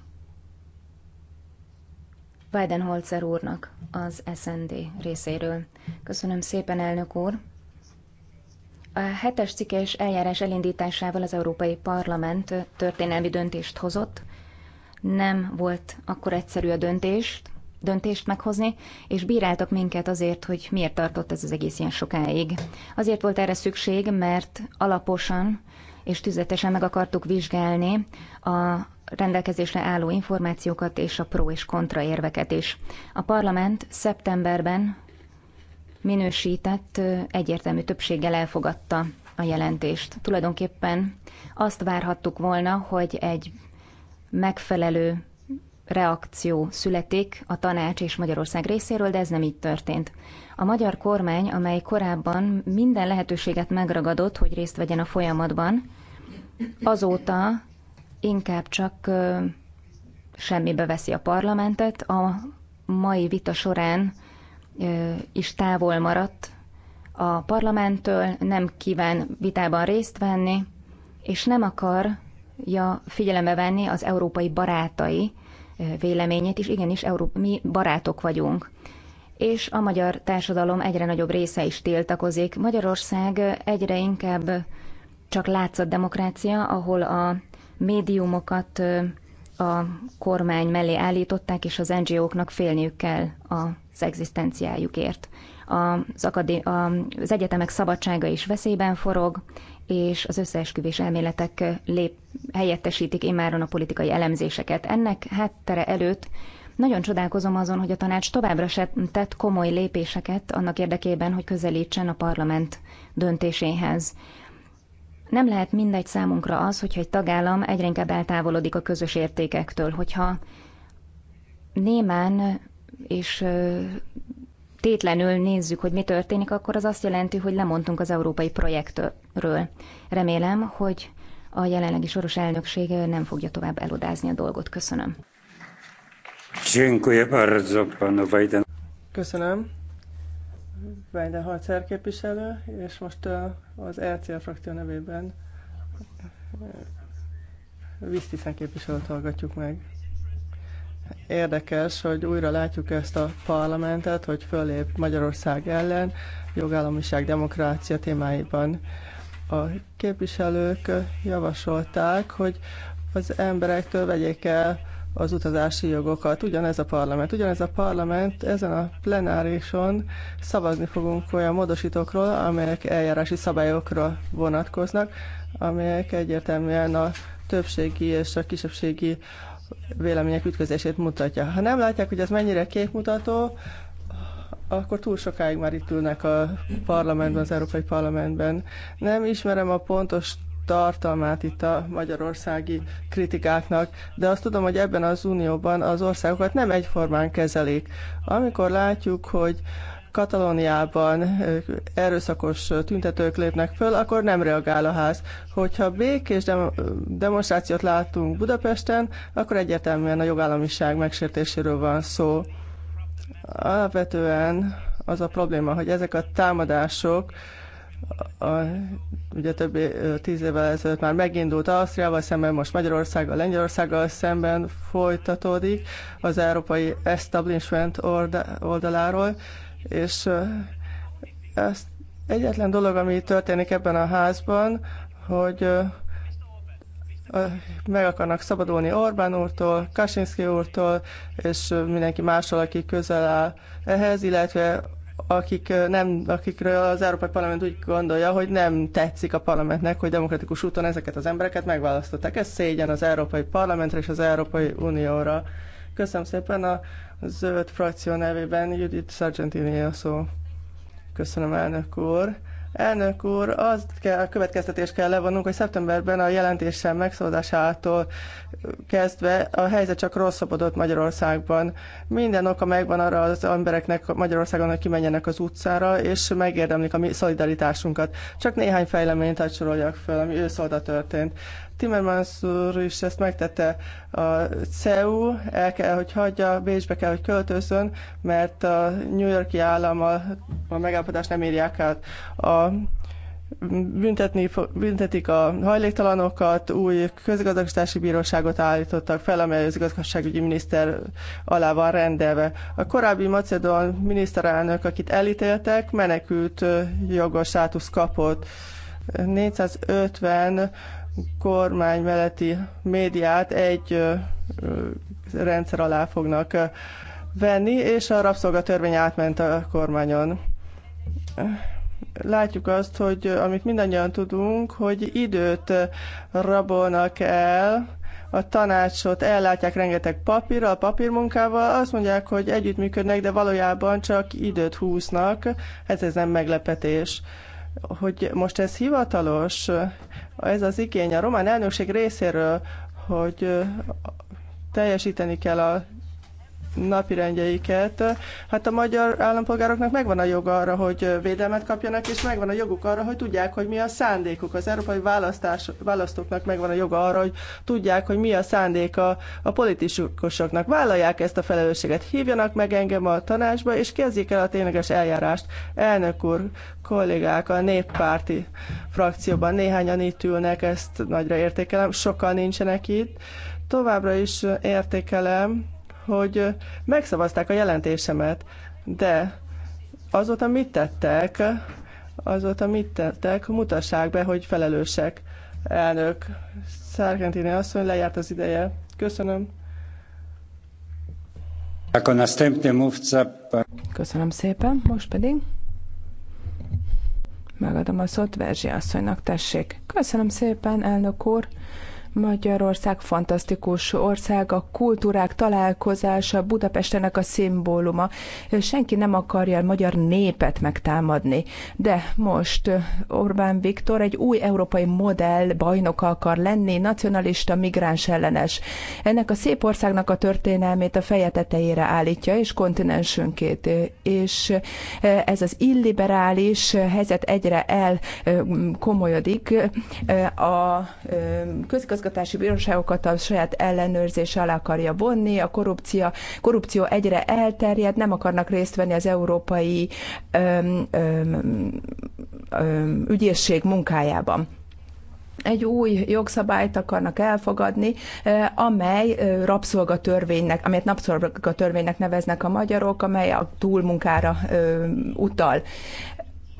Weidenholzer úrnak az SND részéről. Köszönöm szépen, elnök úr! A hetes cikkes eljárás elindításával az Európai Parlament történelmi döntést hozott. Nem volt akkor egyszerű a döntést, döntést meghozni, és bíráltak minket azért, hogy miért tartott ez az egész ilyen sokáig. Azért volt erre szükség, mert alaposan és tüzetesen meg akartuk vizsgálni a rendelkezésre álló információkat és a pro és kontra érveket is. A parlament szeptemberben minősített egyértelmű többséggel elfogadta a jelentést. Tulajdonképpen azt várhattuk volna, hogy egy megfelelő reakció születik a tanács és Magyarország részéről, de ez nem így történt. A magyar kormány, amely korábban minden lehetőséget megragadott, hogy részt vegyen a folyamatban, azóta inkább csak semmibe veszi a parlamentet. A mai vita során is távol maradt a parlamenttől, nem kíván vitában részt venni, és nem akarja figyelembe venni az európai barátai véleményét is. Igenis, Európa, mi barátok vagyunk és a magyar társadalom egyre nagyobb része is tiltakozik. Magyarország egyre inkább csak látszat demokrácia, ahol a médiumokat a kormány mellé állították, és az NGO-knak félniük kell az egzisztenciájukért. Az, akadé- az egyetemek szabadsága is veszélyben forog, és az összeesküvés elméletek lép, helyettesítik immáron a politikai elemzéseket. Ennek háttere előtt nagyon csodálkozom azon, hogy a tanács továbbra sem tett komoly lépéseket annak érdekében, hogy közelítsen a parlament döntéséhez nem lehet mindegy számunkra az, hogyha egy tagállam egyre inkább eltávolodik a közös értékektől, hogyha némán és tétlenül nézzük, hogy mi történik, akkor az azt jelenti, hogy lemondtunk az európai projektről. Remélem, hogy a jelenlegi soros elnökség nem fogja tovább elodázni a dolgot. Köszönöm. Köszönöm. Weidenholzer képviselő, és most az LCL frakció nevében Viszti képviselőt hallgatjuk meg. Érdekes, hogy újra látjuk ezt a parlamentet, hogy fölép Magyarország ellen jogállamiság, demokrácia témáiban. A képviselők javasolták, hogy az emberektől vegyék el az utazási jogokat. Ugyanez a parlament. Ugyanez a parlament ezen a plenárison szavazni fogunk olyan módosítókról, amelyek eljárási szabályokra vonatkoznak, amelyek egyértelműen a többségi és a kisebbségi vélemények ütközését mutatja. Ha nem látják, hogy ez mennyire képmutató, akkor túl sokáig már itt ülnek a parlamentben, az Európai Parlamentben. Nem ismerem a pontos tartalmát itt a magyarországi kritikáknak, de azt tudom, hogy ebben az unióban az országokat nem egyformán kezelik. Amikor látjuk, hogy Katalóniában eh, erőszakos tüntetők lépnek föl, akkor nem reagál a ház. Hogyha békés dem- demonstrációt látunk Budapesten, akkor egyértelműen a jogállamiság megsértéséről van szó. Alapvetően az a probléma, hogy ezek a támadások a, ugye több tíz évvel ezelőtt már megindult Ausztriával szemben, most Magyarországgal, Lengyelországgal szemben folytatódik az európai establishment oldaláról, és ezt egyetlen dolog, ami történik ebben a házban, hogy meg akarnak szabadulni Orbán úrtól, Kaczynszki úrtól, és mindenki másról, aki közel áll ehhez, illetve akik nem, akikről az Európai Parlament úgy gondolja, hogy nem tetszik a parlamentnek, hogy demokratikus úton ezeket az embereket megválasztották. Ez szégyen az Európai Parlamentre és az Európai Unióra. Köszönöm szépen a zöld frakció nevében Judith Sargentini a szó. Köszönöm elnök úr. Elnök úr, azt kell, a következtetést kell levonnunk, hogy szeptemberben a jelentéssel megszólásától kezdve a helyzet csak rosszabbodott Magyarországban. Minden oka megvan arra az embereknek Magyarországon, hogy kimenjenek az utcára, és megérdemlik a mi szolidaritásunkat. Csak néhány fejleményt hadd soroljak föl, ami őszolda történt. Timmermans úr is ezt megtette. A CEU el kell, hogy hagyja, Bécsbe kell, hogy költözön, mert a New Yorki állam a, a megállapodást nem írják át. A, büntetni, büntetik a hajléktalanokat, új közigazgatási bíróságot állítottak fel, amely az igazságügyi miniszter alá van rendelve. A korábbi macedón miniszterelnök, akit elítéltek, menekült jogos státusz kapott. 450 kormány melletti médiát egy rendszer alá fognak venni, és a rabszolgatörvény átment a kormányon. Látjuk azt, hogy amit mindannyian tudunk, hogy időt rabolnak el, a tanácsot ellátják rengeteg papírral, papírmunkával, azt mondják, hogy együttműködnek, de valójában csak időt húznak, ez ez nem meglepetés. Hogy most ez hivatalos, ez az igény a román elnökség részéről, hogy teljesíteni kell a napirendjeiket. Hát a magyar állampolgároknak megvan a joga arra, hogy védelmet kapjanak, és megvan a joguk arra, hogy tudják, hogy mi a szándékuk. Az európai választás, választóknak megvan a joga arra, hogy tudják, hogy mi a szándéka a politikusoknak. Vállalják ezt a felelősséget, hívjanak meg engem a tanácsba, és kezdjék el a tényleges eljárást. Elnök úr, kollégák, a néppárti frakcióban néhányan itt ülnek, ezt nagyra értékelem, sokan nincsenek itt. Továbbra is értékelem hogy megszavazták a jelentésemet, de azóta mit tettek? Azóta mit tettek? Mutassák be, hogy felelősek. Elnök, Szárgentini asszony, lejárt az ideje. Köszönöm. Köszönöm szépen, most pedig megadom a szót Verzsi asszonynak, tessék. Köszönöm szépen, elnök úr. Magyarország fantasztikus ország, a kultúrák találkozása, Budapestenek a szimbóluma. Senki nem akarja a magyar népet megtámadni. De most Orbán Viktor egy új európai modell bajnoka akar lenni, nacionalista, migráns ellenes. Ennek a szép országnak a történelmét a feje tetejére állítja, és kontinensünkét. És ez az illiberális helyzet egyre elkomolyodik. A közigazgatás igazgatási bíróságokat a saját ellenőrzése alá akarja vonni, a korrupcia, korrupció egyre elterjed, nem akarnak részt venni az európai öm, öm, öm, ügyészség munkájában egy új jogszabályt akarnak elfogadni, amely rabszolgatörvénynek, amelyet rabszolgatörvénynek neveznek a magyarok, amely a túlmunkára utal.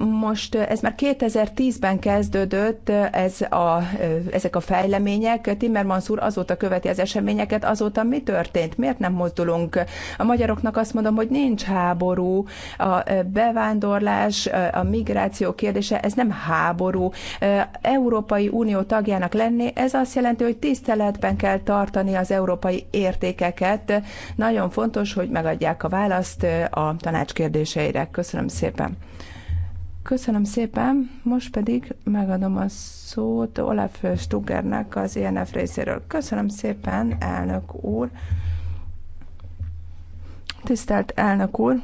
Most ez már 2010-ben kezdődött, ez a, ezek a fejlemények. Timmermans úr azóta követi az eseményeket, azóta mi történt? Miért nem mozdulunk? A magyaroknak azt mondom, hogy nincs háború, a bevándorlás, a migráció kérdése, ez nem háború. Európai Unió tagjának lenni, ez azt jelenti, hogy tiszteletben kell tartani az európai értékeket. Nagyon fontos, hogy megadják a választ a tanács kérdéseire. Köszönöm szépen. Köszönöm szépen, most pedig megadom a szót Olaf Stuggernek az INF e részéről. Köszönöm szépen, elnök úr. Tisztelt elnök úr!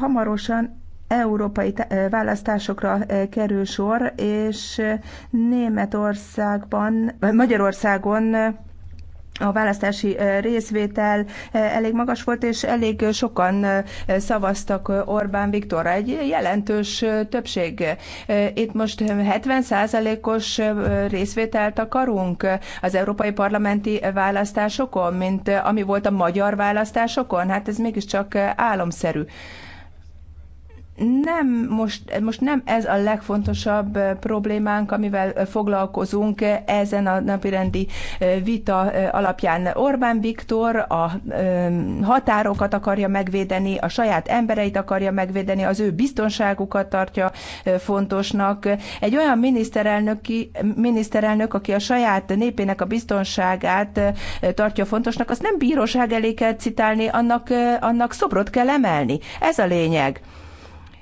Hamarosan európai választásokra kerül sor, és Németországban, vagy Magyarországon a választási részvétel elég magas volt, és elég sokan szavaztak Orbán Viktorra. Egy jelentős többség. Itt most 70%-os részvételt akarunk az európai parlamenti választásokon, mint ami volt a magyar választásokon. Hát ez mégiscsak álomszerű nem, most, most nem ez a legfontosabb problémánk, amivel foglalkozunk ezen a napirendi vita alapján. Orbán Viktor a határokat akarja megvédeni, a saját embereit akarja megvédeni, az ő biztonságukat tartja fontosnak. Egy olyan miniszterelnök, miniszterelnök aki a saját népének a biztonságát tartja fontosnak, azt nem bíróság elé kell citálni, annak, annak szobrot kell emelni. Ez a lényeg.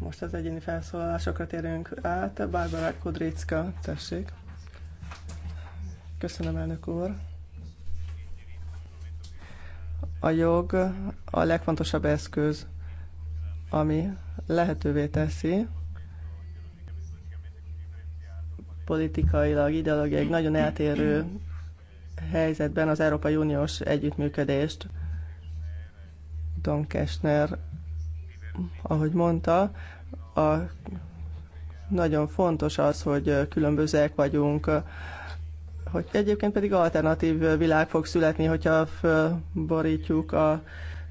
Most az egyéni felszólalásokra térünk át. Barbara Kudricka, tessék. Köszönöm, elnök úr. A jog a legfontosabb eszköz, ami lehetővé teszi politikailag, ideológiai nagyon eltérő helyzetben az Európai Uniós együttműködést. Don Kessner ahogy mondta, a, nagyon fontos az, hogy különbözőek vagyunk, hogy egyébként pedig alternatív világ fog születni, hogyha borítjuk a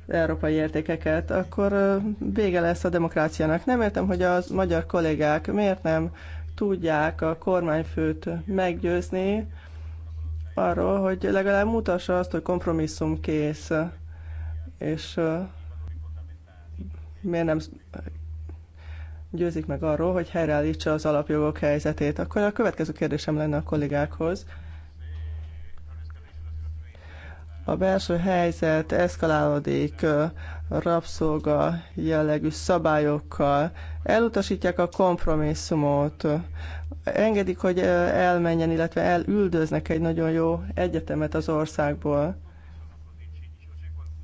európai értékeket, akkor vége lesz a demokráciának. Nem értem, hogy az magyar kollégák miért nem tudják a kormányfőt meggyőzni arról, hogy legalább mutassa azt, hogy kompromisszum kész, és miért nem győzik meg arról, hogy helyreállítsa az alapjogok helyzetét. Akkor a következő kérdésem lenne a kollégákhoz. A belső helyzet eszkalálódik rabszolga jellegű szabályokkal, elutasítják a kompromisszumot, engedik, hogy elmenjen, illetve elüldöznek egy nagyon jó egyetemet az országból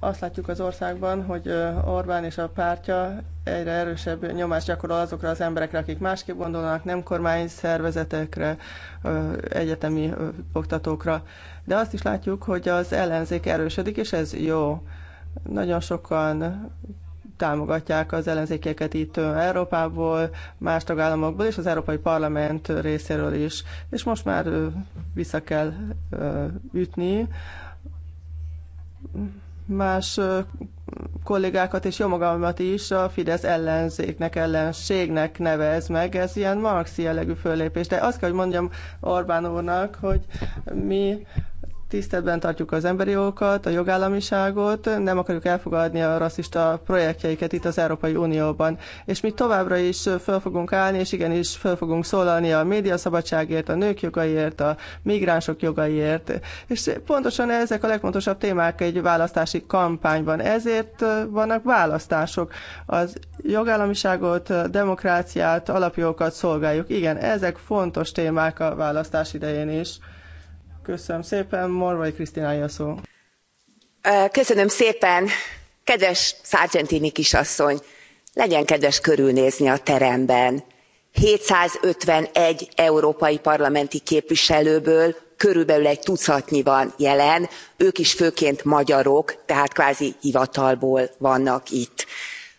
azt látjuk az országban, hogy Orbán és a pártja egyre erősebb nyomást gyakorol azokra az emberekre, akik másképp gondolnak, nem kormány szervezetekre, egyetemi oktatókra. De azt is látjuk, hogy az ellenzék erősödik, és ez jó. Nagyon sokan támogatják az ellenzékeket itt Európából, más tagállamokból és az Európai Parlament részéről is. És most már vissza kell ütni más kollégákat és jó is a Fidesz ellenzéknek, ellenségnek nevez meg. Ez ilyen marxi jellegű fölépés. De azt kell, hogy mondjam Orbán úrnak, hogy mi tiszteletben tartjuk az emberi jogokat, a jogállamiságot, nem akarjuk elfogadni a rasszista projektjeiket itt az Európai Unióban. És mi továbbra is föl fogunk állni, és igenis föl fogunk szólalni a médiaszabadságért, a nők jogaiért, a migránsok jogaiért. És pontosan ezek a legfontosabb témák egy választási kampányban. Ezért vannak választások. Az jogállamiságot, demokráciát, alapjogokat szolgáljuk. Igen, ezek fontos témák a választás idején is. Köszönöm szépen, Marvai Krisztinája szó. Köszönöm szépen. Kedves Szárgyentini kisasszony, legyen kedves körülnézni a teremben. 751 európai parlamenti képviselőből körülbelül egy tucatnyi van jelen ők is főként magyarok tehát kvázi hivatalból vannak itt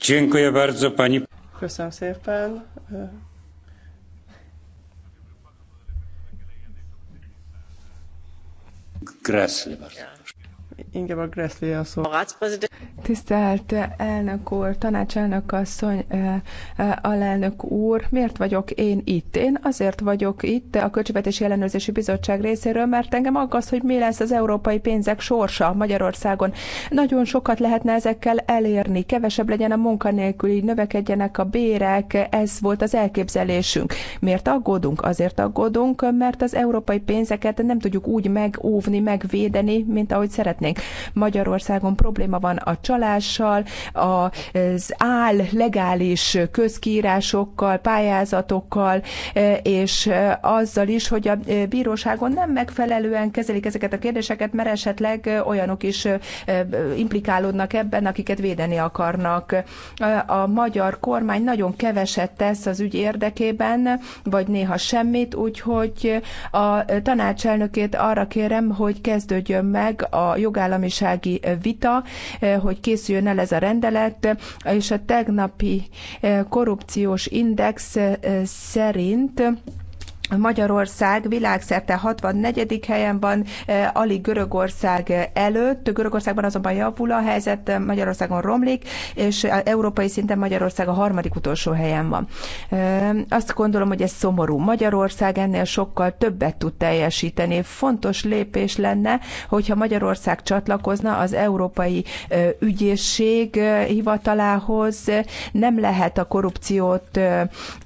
Dziękuję bardzo, pani. Köszönöm szépen. Grazie. bardzo. Ingeborg Gressli a szó. Tisztelt elnök úr, tanácselnök asszony, alelnök úr, miért vagyok én itt? Én azért vagyok itt a Költségvetési Ellenőrzési Bizottság részéről, mert engem aggaszt, hogy mi lesz az európai pénzek sorsa Magyarországon. Nagyon sokat lehetne ezekkel elérni, kevesebb legyen a munkanélküli, növekedjenek a bérek, ez volt az elképzelésünk. Miért aggódunk? Azért aggódunk, mert az európai pénzeket nem tudjuk úgy megóvni, megvédeni, mint ahogy szeretnénk. Magyarországon probléma van a csalással, az áll legális közkírásokkal, pályázatokkal, és azzal is, hogy a bíróságon nem megfelelően kezelik ezeket a kérdéseket, mert esetleg olyanok is implikálódnak ebben, akiket védeni akarnak. A magyar kormány nagyon keveset tesz az ügy érdekében, vagy néha semmit, úgyhogy a tanácselnökét arra kérem, hogy kezdődjön meg a jogállamiság jogállamisági vita, hogy készüljön el ez a rendelet, és a tegnapi korrupciós index szerint Magyarország világszerte 64. helyen van, eh, alig Görögország eh, előtt. Görögországban azonban javul a helyzet, eh, Magyarországon romlik, és európai szinten Magyarország a harmadik utolsó helyen van. Azt gondolom, hogy ez szomorú. Magyarország ennél sokkal többet tud teljesíteni. Fontos lépés lenne, hogyha Magyarország csatlakozna az Európai Ügyészség hivatalához. Nem lehet a korrupciót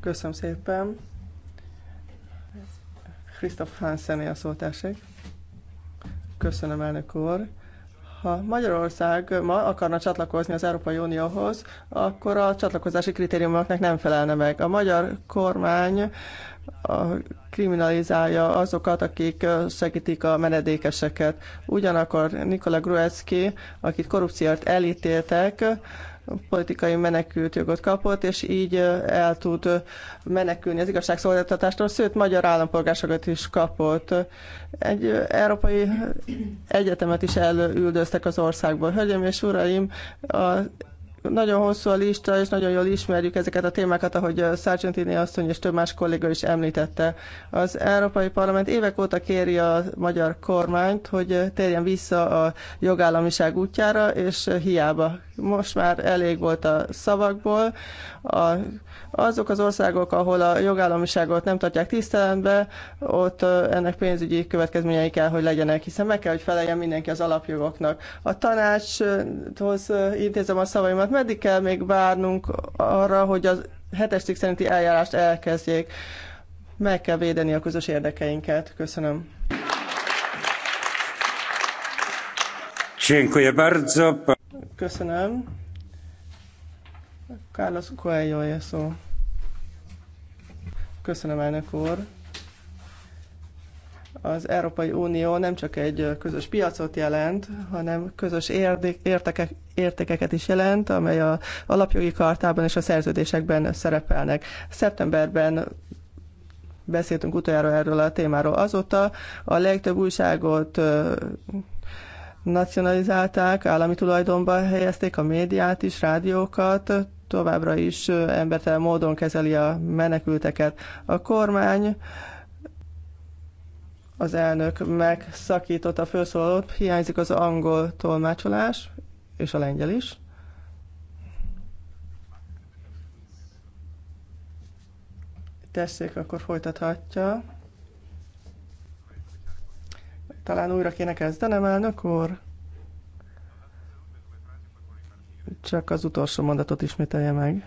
Köszönöm szépen. Christoph Hansen a szóltásig. Köszönöm, elnök úr. Ha Magyarország ma akarna csatlakozni az Európai Unióhoz, akkor a csatlakozási kritériumoknak nem felelne meg. A magyar kormány a, kriminalizálja azokat, akik segítik a menedékeseket. Ugyanakkor Nikola Gruevski, akit korrupciót elítéltek, politikai menekült jogot kapott, és így el tud menekülni az igazságszolgáltatástól, sőt, magyar állampolgárságot is kapott. Egy európai egyetemet is elüldöztek az országból. Hölgyeim és uraim, az nagyon hosszú a lista, és nagyon jól ismerjük ezeket a témákat, ahogy Sargentini asszony és több más kolléga is említette. Az Európai Parlament évek óta kéri a magyar kormányt, hogy térjen vissza a jogállamiság útjára, és hiába. Most már elég volt a szavakból, a azok az országok, ahol a jogállamiságot nem tartják tiszteletbe, ott ennek pénzügyi következményei kell, hogy legyenek, hiszen meg kell, hogy feleljen mindenki az alapjogoknak. A tanácshoz intézem a szavaimat, meddig kell még várnunk arra, hogy az hetes cikk szerinti eljárást elkezdjék. Meg kell védeni a közös érdekeinket. Köszönöm. Köszönöm. Carlos coelho só. Köszönöm, elnök úr. Az Európai Unió nem csak egy közös piacot jelent, hanem közös értékek, értékeket is jelent, amely a alapjogi kartában és a szerződésekben szerepelnek. Szeptemberben beszéltünk utoljára erről a témáról. Azóta a legtöbb újságot nacionalizálták, állami tulajdonban helyezték a médiát is, rádiókat, továbbra is embertelen módon kezeli a menekülteket. A kormány az elnök megszakította a felszólalót, hiányzik az angol tolmácsolás, és a lengyel is. Tessék, akkor folytathatja. Talán újra kéne kezdenem, elnök úr. Csak az utolsó mondatot ismételje meg.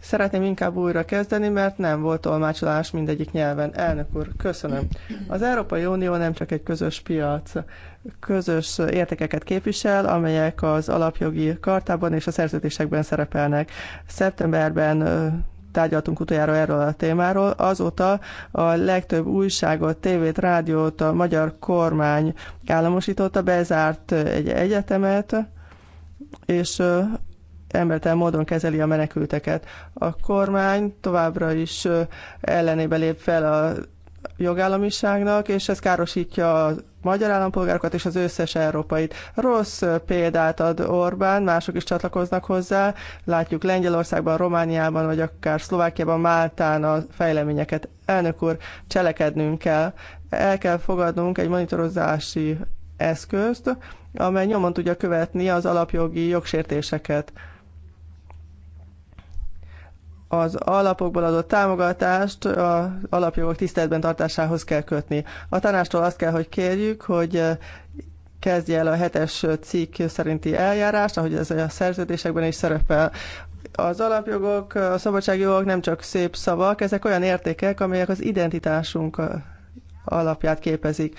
Szeretném inkább újra kezdeni, mert nem volt tolmácsolás mindegyik nyelven. Elnök úr, köszönöm. Az Európai Unió nem csak egy közös piac, közös értékeket képvisel, amelyek az alapjogi kartában és a szerződésekben szerepelnek. Szeptemberben tárgyaltunk utoljára erről a témáról. Azóta a legtöbb újságot, tévét, rádiót a magyar kormány államosította, bezárt egy egyetemet, és embertelen módon kezeli a menekülteket. A kormány továbbra is ellenébe lép fel a jogállamiságnak, és ez károsítja a magyar állampolgárokat és az összes európait. Rossz példát ad Orbán, mások is csatlakoznak hozzá. Látjuk Lengyelországban, Romániában, vagy akár Szlovákiában, Máltán a fejleményeket. Elnök úr, cselekednünk kell. El kell fogadnunk egy monitorozási eszközt, amely nyomon tudja követni az alapjogi jogsértéseket. Az alapokból adott támogatást az alapjogok tiszteletben tartásához kell kötni. A tanástól azt kell, hogy kérjük, hogy kezdje el a hetes cikk szerinti eljárást, ahogy ez a szerződésekben is szerepel. Az alapjogok, a szabadságjogok nem csak szép szavak, ezek olyan értékek, amelyek az identitásunk alapját képezik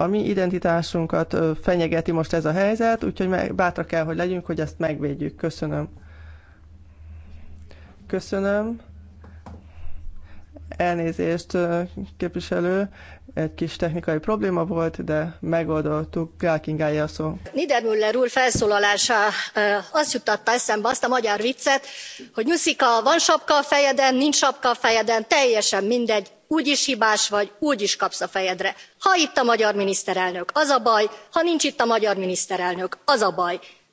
a mi identitásunkat fenyegeti most ez a helyzet, úgyhogy bátrak kell, hogy legyünk, hogy ezt megvédjük. Köszönöm. Köszönöm. Elnézést, képviselő. Egy kis technikai probléma volt, de megoldottuk. Gálkingája a szó. Niedermüller úr felszólalása azt juttatta eszembe azt a magyar viccet, hogy Nyuszika, van sapka a fejeden, nincs sapka a fejeden, teljesen mindegy, úgy is hibás vagy, úgy is kapsz a fejedre. Ha itt a magyar miniszterelnök, az a baj, ha nincs itt a magyar miniszterelnök, az a baj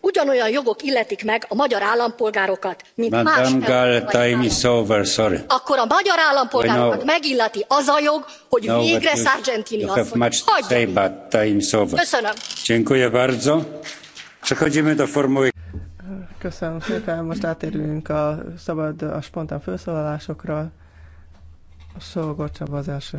ugyanolyan jogok illetik meg a magyar állampolgárokat mint más európai állampolgárokat akkor a magyar állampolgárokat megilleti az a jog hogy végre sargentini asszonyt hagyjuk Köszönöm szépen, most átérünk a szabad, a spontán felszólalásokra. Sógor Csaba az első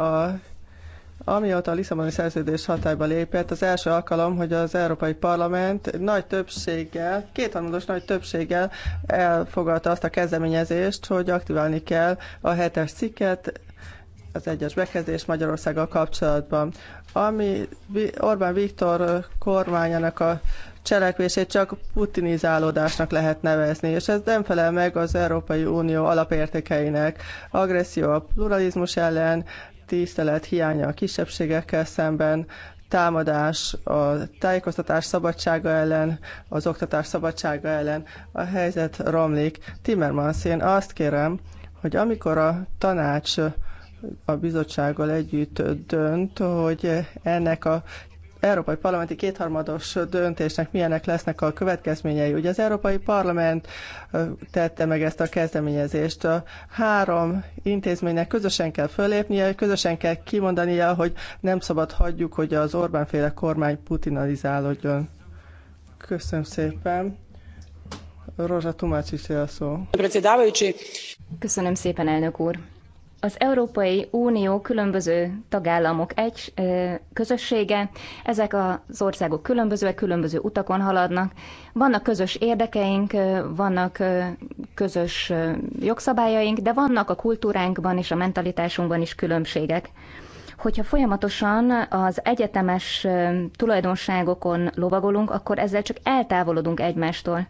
a Amióta a Lisszaboni szerződés hatályba lépett, az első alkalom, hogy az Európai Parlament nagy többséggel, kétharmados nagy többséggel elfogadta azt a kezdeményezést, hogy aktiválni kell a hetes cikket, az egyes bekezdés Magyarországgal kapcsolatban. Ami Orbán Viktor kormányának a cselekvését csak putinizálódásnak lehet nevezni, és ez nem felel meg az Európai Unió alapértékeinek. Agresszió a pluralizmus ellen, tisztelet hiánya a kisebbségekkel szemben, támadás a tájékoztatás szabadsága ellen, az oktatás szabadsága ellen, a helyzet romlik. Timmermans, én azt kérem, hogy amikor a tanács a bizottsággal együtt dönt, hogy ennek a Európai Parlamenti kétharmados döntésnek milyenek lesznek a következményei. Ugye az Európai Parlament tette meg ezt a kezdeményezést. A három intézménynek közösen kell fölépnie, közösen kell kimondania, hogy nem szabad hagyjuk, hogy az Orbán féle kormány putinalizálódjon. Köszönöm szépen. Rózsa Tumácsi, szél szó. Köszönöm szépen, elnök úr az Európai Unió különböző tagállamok egy közössége, ezek az országok különbözőek, különböző utakon haladnak. Vannak közös érdekeink, vannak közös jogszabályaink, de vannak a kultúránkban és a mentalitásunkban is különbségek. Hogyha folyamatosan az egyetemes tulajdonságokon lovagolunk, akkor ezzel csak eltávolodunk egymástól.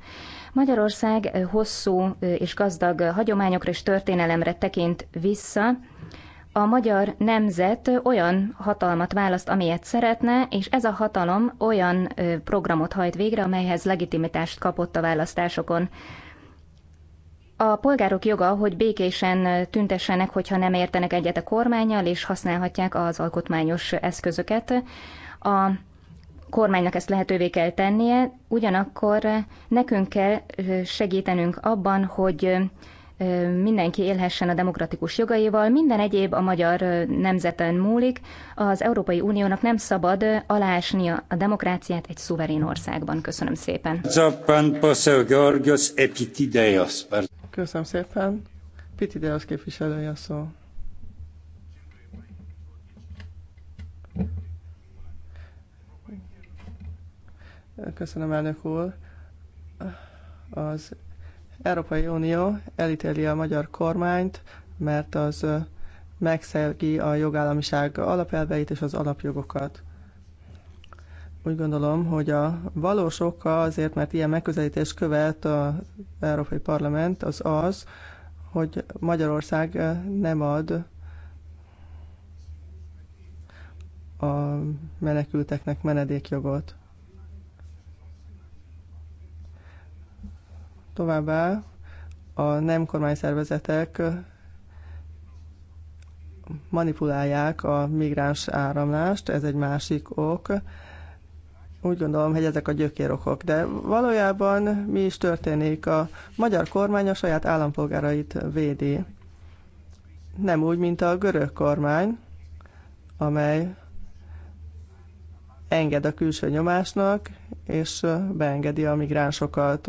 Magyarország hosszú és gazdag hagyományokra és történelemre tekint vissza. A magyar nemzet olyan hatalmat választ, amilyet szeretne, és ez a hatalom olyan programot hajt végre, amelyhez legitimitást kapott a választásokon. A polgárok joga, hogy békésen tüntessenek, hogyha nem értenek egyet a kormányjal, és használhatják az alkotmányos eszközöket. A kormánynak ezt lehetővé kell tennie, ugyanakkor nekünk kell segítenünk abban, hogy mindenki élhessen a demokratikus jogaival, minden egyéb a magyar nemzeten múlik. Az Európai Uniónak nem szabad alásnia a demokráciát egy szuverén országban. Köszönöm szépen. Köszönöm szépen. Pitideos képviselője szó. Köszönöm, elnök úr. Az Európai Unió elítéli a magyar kormányt, mert az megszegi a jogállamiság alapelveit és az alapjogokat. Úgy gondolom, hogy a valós oka azért, mert ilyen megközelítés követ az Európai Parlament, az az, hogy Magyarország nem ad a menekülteknek menedékjogot. Továbbá a nem kormányszervezetek manipulálják a migráns áramlást, ez egy másik ok. Úgy gondolom, hogy ezek a gyökérokok, de valójában mi is történik? A magyar kormány a saját állampolgárait védi. Nem úgy, mint a görög kormány, amely enged a külső nyomásnak, és beengedi a migránsokat.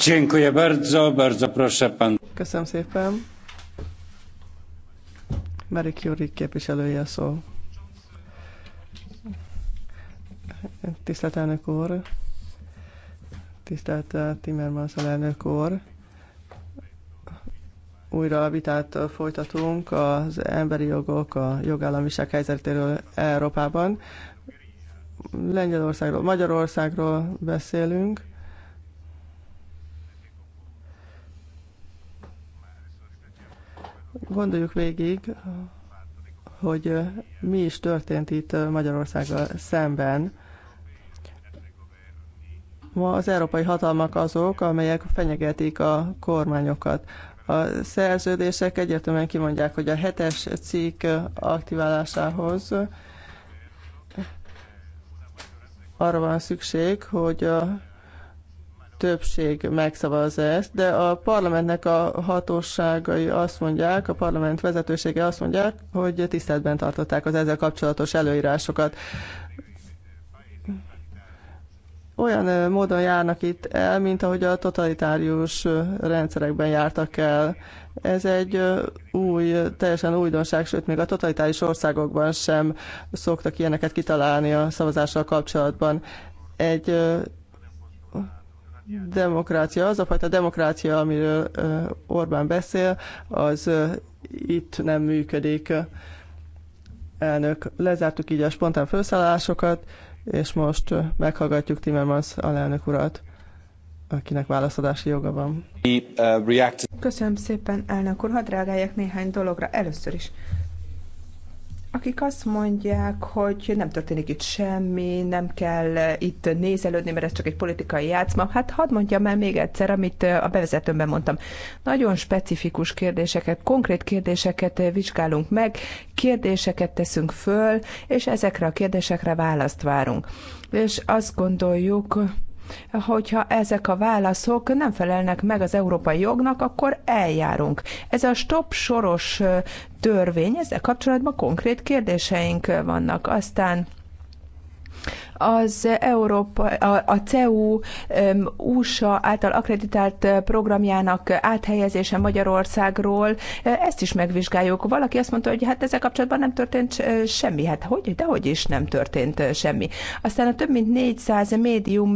Dziękuję bardzo, bardzo proszę pan. Köszönöm szépen. Mary Curie képviselője szó. Tisztelt elnök úr, tisztelt Timmermans elnök úr, újra a vitát folytatunk az emberi jogok, a jogállamiság helyzetéről Európában. Lengyelországról, Magyarországról beszélünk. Gondoljuk végig, hogy mi is történt itt Magyarországgal szemben. Ma az európai hatalmak azok, amelyek fenyegetik a kormányokat. A szerződések egyértelműen kimondják, hogy a hetes cikk aktiválásához arra van szükség, hogy a többség megszavazza ezt, de a parlamentnek a hatóságai azt mondják, a parlament vezetősége azt mondják, hogy tiszteletben tartották az ezzel kapcsolatos előírásokat. Olyan módon járnak itt el, mint ahogy a totalitárius rendszerekben jártak el. Ez egy új, teljesen újdonság, sőt, még a totalitárius országokban sem szoktak ilyeneket kitalálni a szavazással kapcsolatban. Egy demokrácia, az a fajta demokrácia, amiről Orbán beszél, az itt nem működik. Elnök, lezártuk így a spontán felszállásokat, és most meghallgatjuk Timmermans alelnök urat akinek válaszadási joga van. Uh, Köszönöm szépen, elnök úr, hadd reagáljak néhány dologra. Először is akik azt mondják, hogy nem történik itt semmi, nem kell eh, itt nézelődni, mert ez csak egy politikai játszma. Hát hadd mondjam el még egyszer, amit eh, a bevezetőmben mondtam. Nagyon specifikus kérdéseket, konkrét kérdéseket eh, vizsgálunk meg, kérdéseket teszünk föl, és ezekre a kérdésekre választ várunk. És azt gondoljuk, hogyha ezek a válaszok nem felelnek meg az európai jognak, akkor eljárunk. Ez a stop soros törvény, ezzel kapcsolatban konkrét kérdéseink vannak. Aztán az Európa, a, a CEU USA által akreditált eh, programjának áthelyezése Magyarországról, eh, ezt is megvizsgáljuk. Valaki azt mondta, hogy hát ezzel kapcsolatban nem történt eh, semmi. Hát hogy, de hogy is nem történt semmi. Aztán a több mint 400 médium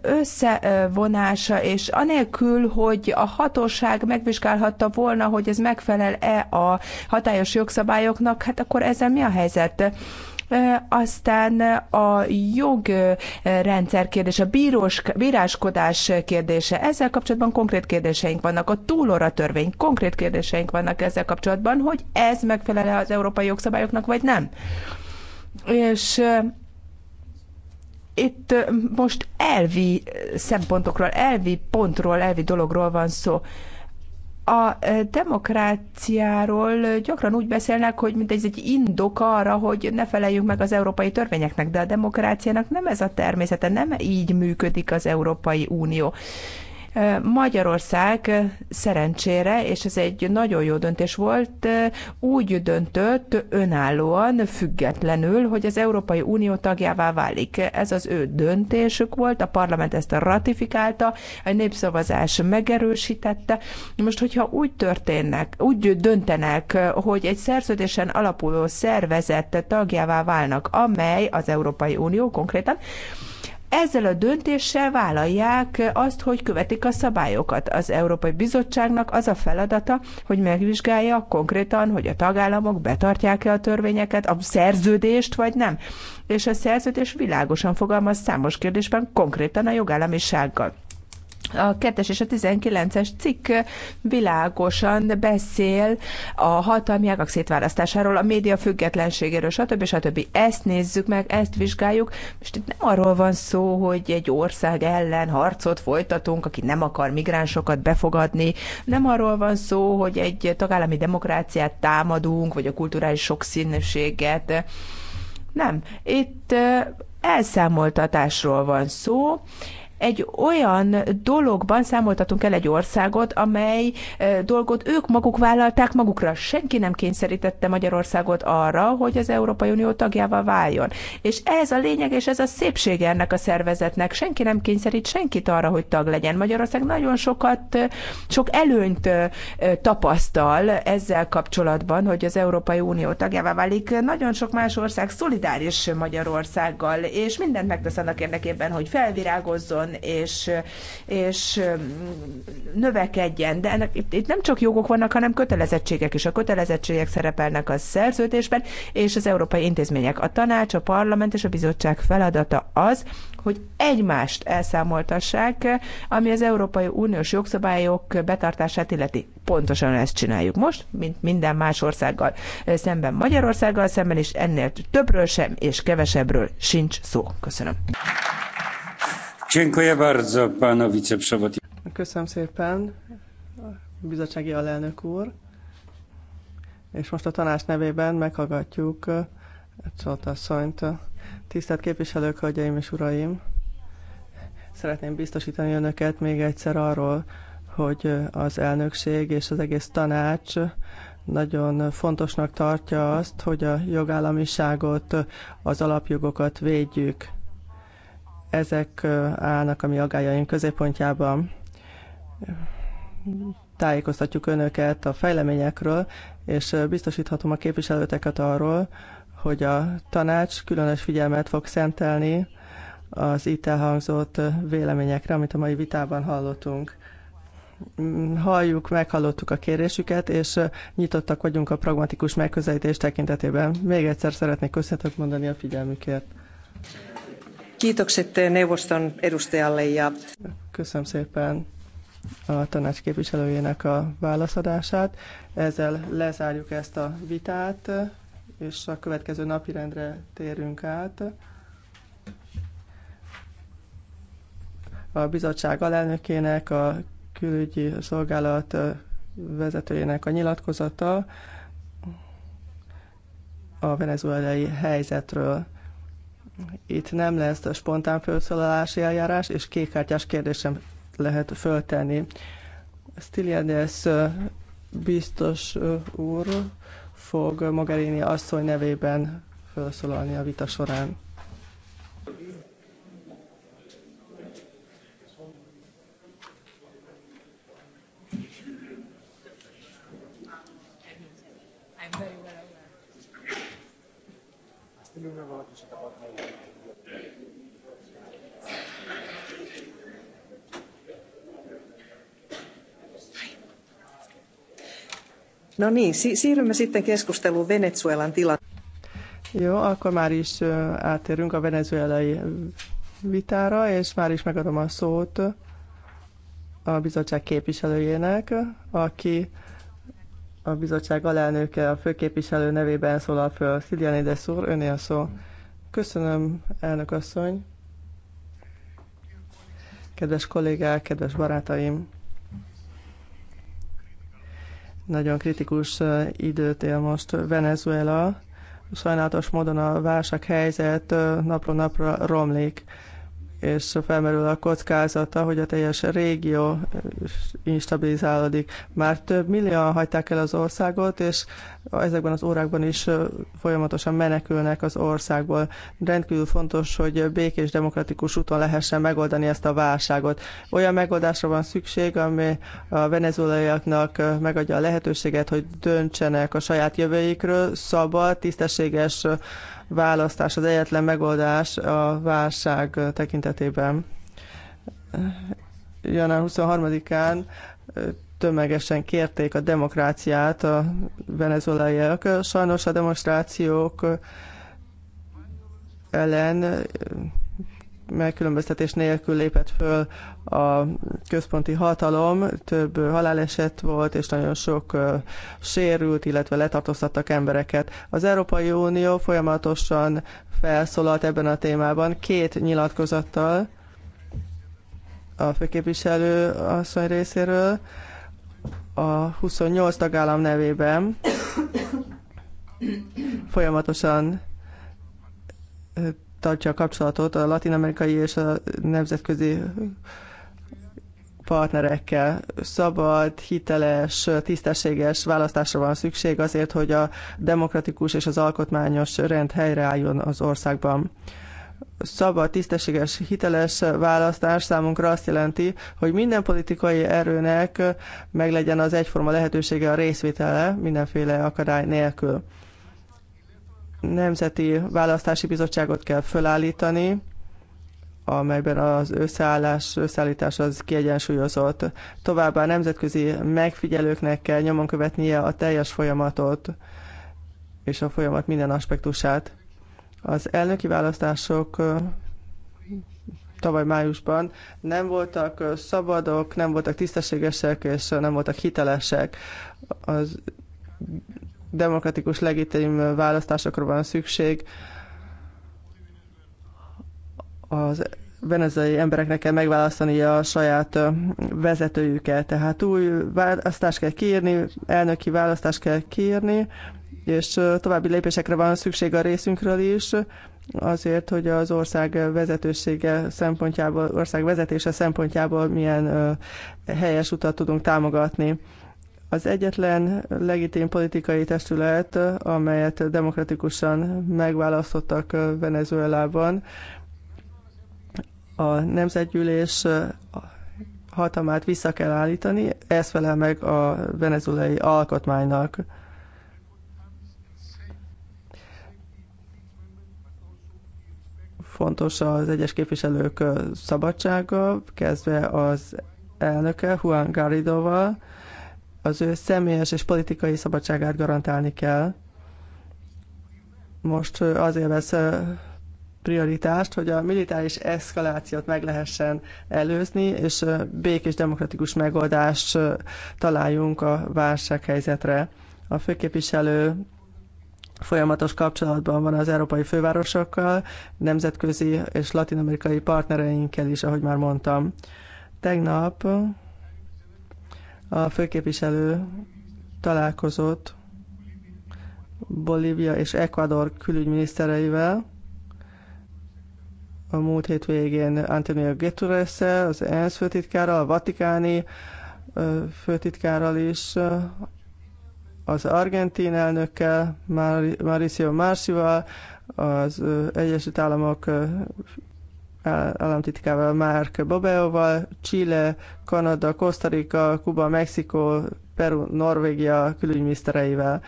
összevonása, és anélkül, hogy a hatóság megvizsgálhatta volna, hogy ez megfelel-e a hatályos jogszabályoknak, hát akkor ezzel mi a helyzet? aztán a jogrendszer kérdése, a bírós, bíráskodás kérdése, ezzel kapcsolatban konkrét kérdéseink vannak, a túlóra törvény, konkrét kérdéseink vannak ezzel kapcsolatban, hogy ez megfelel az európai jogszabályoknak, vagy nem. És itt most elvi szempontokról, elvi pontról, elvi dologról van szó a demokráciáról gyakran úgy beszélnek, hogy mint ez egy indok arra, hogy ne feleljünk meg az európai törvényeknek, de a demokráciának nem ez a természete, nem így működik az Európai Unió. Magyarország szerencsére, és ez egy nagyon jó döntés volt, úgy döntött önállóan, függetlenül, hogy az Európai Unió tagjává válik. Ez az ő döntésük volt, a parlament ezt ratifikálta, a népszavazás megerősítette. Most, hogyha úgy történnek, úgy döntenek, hogy egy szerződésen alapuló szervezet tagjává válnak, amely az Európai Unió konkrétan, ezzel a döntéssel vállalják azt, hogy követik a szabályokat. Az Európai Bizottságnak az a feladata, hogy megvizsgálja konkrétan, hogy a tagállamok betartják-e a törvényeket, a szerződést vagy nem. És a szerződés világosan fogalmaz számos kérdésben konkrétan a jogállamisággal a 2 és a 19-es cikk világosan beszél a hatalmi ágak szétválasztásáról, a média függetlenségéről, stb. stb. Ezt nézzük meg, ezt vizsgáljuk. Most itt nem arról van szó, hogy egy ország ellen harcot folytatunk, aki nem akar migránsokat befogadni. Nem arról van szó, hogy egy tagállami demokráciát támadunk, vagy a kulturális sokszínűséget. Nem. Itt elszámoltatásról van szó, egy olyan dologban számoltatunk el egy országot, amely dolgot ők maguk vállalták magukra. Senki nem kényszerítette Magyarországot arra, hogy az Európai Unió tagjával váljon. És ez a lényeg, és ez a szépsége ennek a szervezetnek. Senki nem kényszerít senkit arra, hogy tag legyen. Magyarország nagyon sokat, sok előnyt tapasztal ezzel kapcsolatban, hogy az Európai Unió tagjává válik. Nagyon sok más ország szolidáris Magyarországgal, és mindent megtesz annak érdekében, hogy felvirágozzon, változzon, és, és növekedjen. De ennek, itt, itt nem csak jogok vannak, hanem kötelezettségek is. A kötelezettségek szerepelnek a szerződésben, és az európai intézmények. A tanács, a parlament és a bizottság feladata az, hogy egymást elszámoltassák, ami az Európai Uniós jogszabályok betartását illeti. Pontosan ezt csináljuk most, mint minden más országgal szemben Magyarországgal szemben, és ennél többről sem és kevesebbről sincs szó. Köszönöm. Köszönöm szépen, bizottsági alelnök úr. És most a tanács nevében meghallgatjuk Csotasszonyt. Tisztelt képviselők, hölgyeim és uraim! Szeretném biztosítani önöket még egyszer arról, hogy az elnökség és az egész tanács nagyon fontosnak tartja azt, hogy a jogállamiságot, az alapjogokat védjük ezek állnak a mi agályaink középpontjában. Tájékoztatjuk önöket a fejleményekről, és biztosíthatom a képviselőteket arról, hogy a tanács különös figyelmet fog szentelni az itt elhangzott véleményekre, amit a mai vitában hallottunk. Mm, halljuk, meghallottuk a kérésüket, és nyitottak vagyunk a pragmatikus megközelítés tekintetében. Még egyszer szeretnék köszönetet mondani a figyelmükért. Kiitokset neuvoston edustajalle ja... Köszönöm szépen a tanács képviselőjének a válaszadását. Ezzel lezárjuk ezt a vitát, és a következő napirendre térünk át. A bizottság alelnökének, a külügyi szolgálat vezetőjének a nyilatkozata a venezuelai helyzetről. Itt nem lesz a spontán felszólalási eljárás, és kékkártyás kérdésem lehet föltenni. Stiliades biztos úr fog Mogherini asszony nevében felszólalni a vita során. No niin, si- siirrymme sitten keskusteluun Venezuelan tilanteesta. Jó, akkor már is átérünk a venezuelai vitára, és már is megadom a szót a bizottság képviselőjének, aki a bizottság alelnöke a főképviselő nevében szólal föl. Szilianides úr, öné a szó. Köszönöm, elnök asszony. Kedves kollégák, kedves barátaim! Nagyon kritikus időt él most Venezuela. Sajnálatos módon a válsághelyzet napról napra romlik és felmerül a kockázata, hogy a teljes régió eh, instabilizálódik. Már több millióan hagyták el az országot, és ezekben az órákban is eh, folyamatosan menekülnek az országból. Rendkívül fontos, hogy békés, demokratikus úton lehessen megoldani ezt a válságot. Olyan megoldásra van szükség, ami a venezuelaiaknak eh, megadja a lehetőséget, hogy döntsenek a saját jövőikről, szabad, tisztességes választás az egyetlen megoldás a válság tekintetében. Január 23-án tömegesen kérték a demokráciát a venezuelaiak. Sajnos a demonstrációk ellen megkülönböztetés nélkül lépett föl a központi hatalom. Több haláleset volt, és nagyon sok sérült, illetve letartóztattak embereket. Az Európai Unió folyamatosan felszólalt ebben a témában két nyilatkozattal a főképviselő asszony részéről a 28 tagállam nevében folyamatosan tartja a kapcsolatot a latin-amerikai és a nemzetközi partnerekkel. Szabad, hiteles, tisztességes választásra van szükség azért, hogy a demokratikus és az alkotmányos rend helyreálljon az országban szabad, tisztességes, hiteles választás számunkra azt jelenti, hogy minden politikai erőnek meglegyen az egyforma lehetősége a részvétele mindenféle akadály nélkül nemzeti választási bizottságot kell fölállítani, amelyben az összeállás, összeállítás az kiegyensúlyozott. Továbbá a nemzetközi megfigyelőknek kell nyomon követnie a teljes folyamatot és a folyamat minden aspektusát. Az elnöki választások tavaly májusban nem voltak szabadok, nem voltak tisztességesek, és nem voltak hitelesek. Az demokratikus, legitim választásokra van szükség. Az venezuelai embereknek kell megválasztani a saját vezetőjüket. Tehát új választást kell kiírni, elnöki választást kell kiírni, és további lépésekre van szükség a részünkről is, azért, hogy az ország vezetősége szempontjából, ország vezetése szempontjából milyen helyes utat tudunk támogatni az egyetlen legitim politikai testület, amelyet demokratikusan megválasztottak Venezuelában, a nemzetgyűlés hatalmát vissza kell állítani, ez felel meg a venezuelai alkotmánynak. Fontos az egyes képviselők szabadsága, kezdve az elnöke Juan Garridoval, az ő személyes és politikai szabadságát garantálni kell. Most azért vesz prioritást, hogy a militáris eszkalációt meg lehessen előzni, és békés demokratikus megoldást találjunk a válsághelyzetre. A főképviselő folyamatos kapcsolatban van az európai fővárosokkal, nemzetközi és latinamerikai partnereinkkel is, ahogy már mondtam. Tegnap a főképviselő találkozott Bolívia és Ecuador külügyminisztereivel a múlt hét végén Antonio guterres az ENSZ főtitkárral, a vatikáni főtitkárral is, az argentin elnökkel, Mauricio Marcival, az Egyesült Államok államtitkával Márk Babeoval, Chile, Kanada, Rica, Kuba, Mexikó, Peru, Norvégia külügyminisztereivel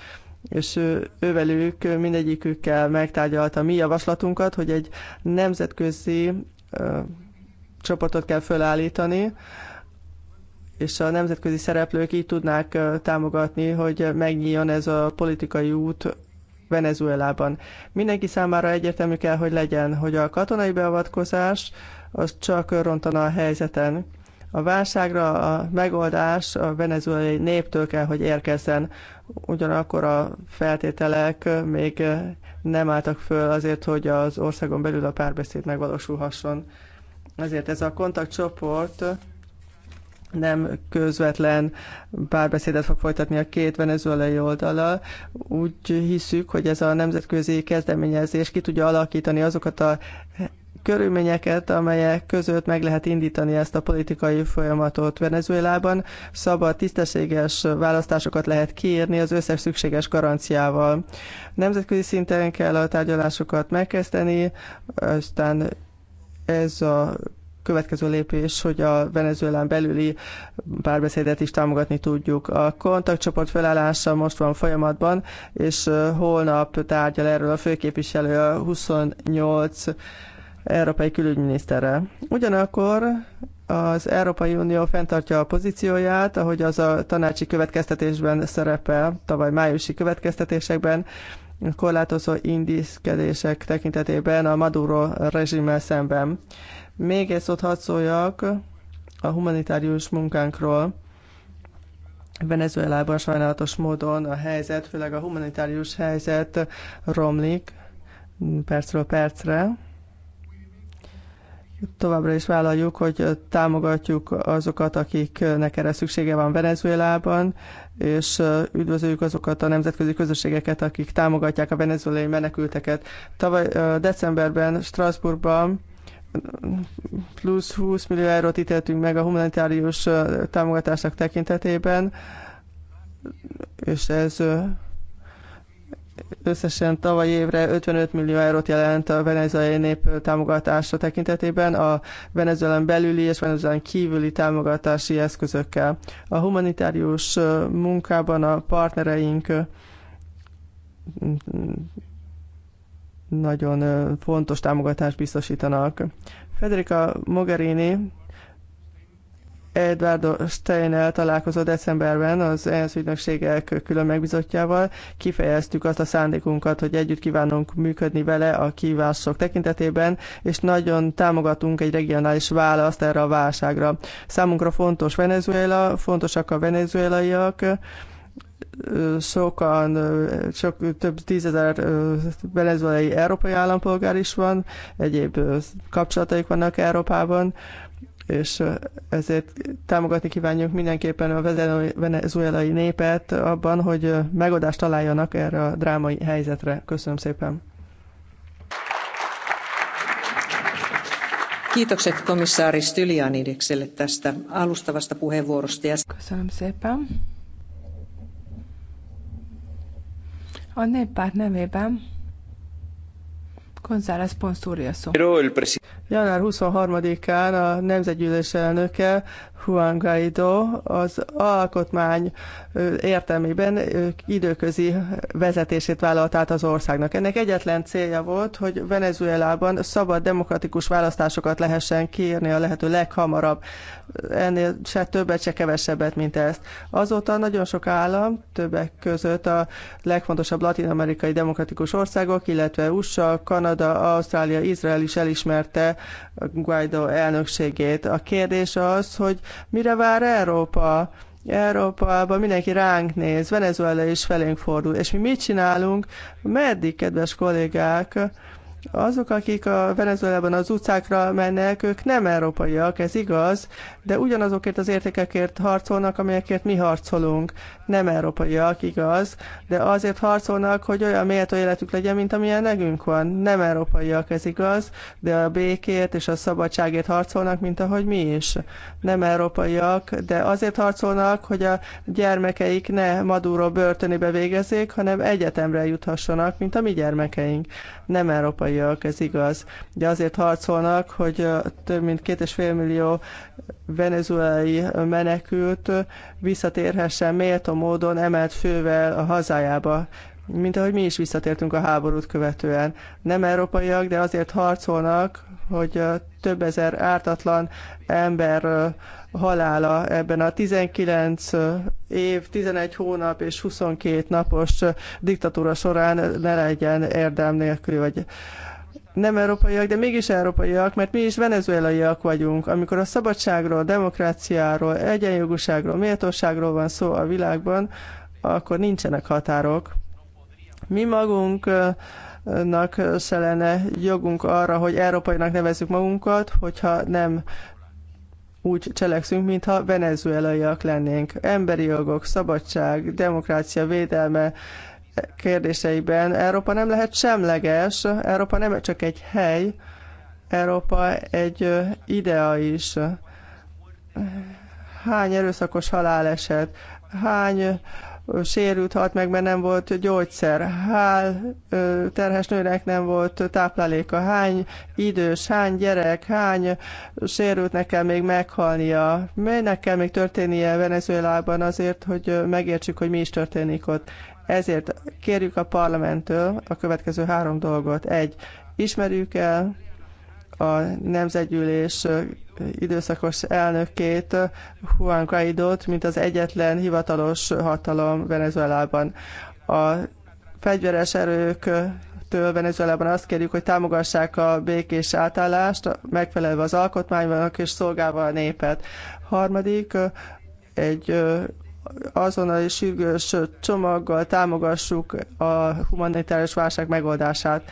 és ővelük mindegyikükkel megtárgyalta mi javaslatunkat, hogy egy nemzetközi ö, csoportot kell fölállítani, és a nemzetközi szereplők így tudnák támogatni, hogy megnyíljon ez a politikai út Venezuelában. Mindenki számára egyértelmű kell, hogy legyen, hogy a katonai beavatkozás az csak rontana a helyzeten. A válságra a megoldás a venezuelai néptől kell, hogy érkezzen. Ugyanakkor a feltételek még nem álltak föl azért, hogy az országon belül a párbeszéd megvalósulhasson. Ezért ez a kontaktcsoport nem közvetlen párbeszédet fog folytatni a két venezuelai oldalal. Úgy hiszük, hogy ez a nemzetközi kezdeményezés ki tudja alakítani azokat a körülményeket, amelyek között meg lehet indítani ezt a politikai folyamatot Venezuelában. Szabad, tisztességes választásokat lehet kiírni az összes szükséges garanciával. Nemzetközi szinten kell a tárgyalásokat megkezdeni, aztán ez a következő lépés, hogy a Venezuelán belüli párbeszédet is támogatni tudjuk. A kontaktcsoport felállása most van folyamatban, és holnap tárgyal erről a főképviselő a 28 európai külügyminiszterre. Ugyanakkor az Európai Unió fenntartja a pozícióját, ahogy az a tanácsi következtetésben szerepel, tavaly májusi következtetésekben, korlátozó indiszkedések tekintetében a Maduro rezsimmel szemben. Még egy szót hadd szóljak a humanitárius munkánkról. Venezuelában sajnálatos módon a helyzet, főleg a humanitárius helyzet romlik percről percre. Továbbra is vállaljuk, hogy támogatjuk azokat, akiknek erre szüksége van Venezuelában, és üdvözöljük azokat a nemzetközi közösségeket, akik támogatják a venezuelai menekülteket. Tavaly decemberben Strasbourgban plusz 20 millió eurót ítéltünk meg a humanitárius támogatásnak tekintetében, és ez összesen tavaly évre 55 millió eurót jelent a venezuelai nép támogatása tekintetében a venezuelán belüli és venezuelán kívüli támogatási eszközökkel. A humanitárius munkában a partnereink nagyon fontos támogatást biztosítanak. Federica Mogherini Eduardo Steiner találkozott decemberben az ENSZ ügynökségek külön megbizotjával. Kifejeztük azt a szándékunkat, hogy együtt kívánunk működni vele a kívások tekintetében, és nagyon támogatunk egy regionális választ erre a válságra. Számunkra fontos Venezuela, fontosak a venezuelaiak, sokan, sok több tízezer venezuelai európai állampolgár is van, egyéb kapcsolataik vannak Európában, és ezért támogatni kívánjuk mindenképpen a venezuelai népet abban, hogy megoldást találjanak erre a drámai helyzetre. Köszönöm szépen! Kiitokset komissaari Stylianidekselle tästä alustavasta puheenvuorosta. Köszönöm szépen! A néppárt nevében González Ponsúria szó. Január 23-án a Nemzetgyűlés elnöke Juan Guaido az alkotmány értelmében időközi vezetését vállalt át az országnak. Ennek egyetlen célja volt, hogy Venezuelában szabad demokratikus választásokat lehessen kiírni a lehető leghamarabb. Ennél se többet, se kevesebbet, mint ezt. Azóta nagyon sok állam, többek között a legfontosabb latin-amerikai demokratikus országok, illetve USA, Kanada, Ausztrália, Izrael is elismerte Guaidó elnökségét. A kérdés az, hogy mire vár Európa? Európában mindenki ránk néz, Venezuela is felénk fordul. És mi mit csinálunk? Meddig, kedves kollégák, azok, akik a Venezuelában az utcákra mennek, ők nem európaiak, ez igaz, de ugyanazokért az értékekért harcolnak, amelyekért mi harcolunk nem európaiak, igaz, de azért harcolnak, hogy olyan méltó életük legyen, mint amilyen nekünk van. Nem európaiak, ez igaz, de a békét és a szabadságért harcolnak, mint ahogy mi is. Nem európaiak, de azért harcolnak, hogy a gyermekeik ne Maduro börtönébe végezzék, hanem egyetemre juthassanak, mint a mi gyermekeink. Nem európaiak, ez igaz, de azért harcolnak, hogy több mint két és fél millió venezuelai menekült visszatérhessen méltó módon emelt fővel a hazájába, mint ahogy mi is visszatértünk a háborút követően. Nem európaiak, de azért harcolnak, hogy több ezer ártatlan ember halála ebben a 19 év, 11 hónap és 22 napos diktatúra során ne legyen érdem nélkül, vagy nem európaiak, de mégis európaiak, mert mi is venezuelaiak vagyunk. Amikor a szabadságról, demokráciáról, egyenjogúságról, méltóságról van szó a világban, akkor nincsenek határok. Mi magunknak se lenne jogunk arra, hogy európainak nevezzük magunkat, hogyha nem úgy cselekszünk, mintha venezuelaiak lennénk. Emberi jogok, szabadság, demokrácia védelme, kérdéseiben. Európa nem lehet semleges, Európa nem csak egy hely, Európa egy idea is. Hány erőszakos haláleset, hány sérült halt meg, mert nem volt gyógyszer, hál terhes nőnek nem volt tápláléka, hány idős, hány gyerek, hány sérültnek kell még meghalnia, melynek kell még történnie Venezuelában azért, hogy megértsük, hogy mi is történik ott. Ezért kérjük a parlamenttől a következő három dolgot. Egy, ismerjük el a nemzetgyűlés időszakos elnökét, Juan Guaidót, mint az egyetlen hivatalos hatalom Venezuelában. A fegyveres erők től Venezuelában azt kérjük, hogy támogassák a békés átállást, megfelelve az alkotmánynak és szolgálva a népet. Harmadik, egy azonnali sürgős csomaggal támogassuk a humanitárius válság megoldását.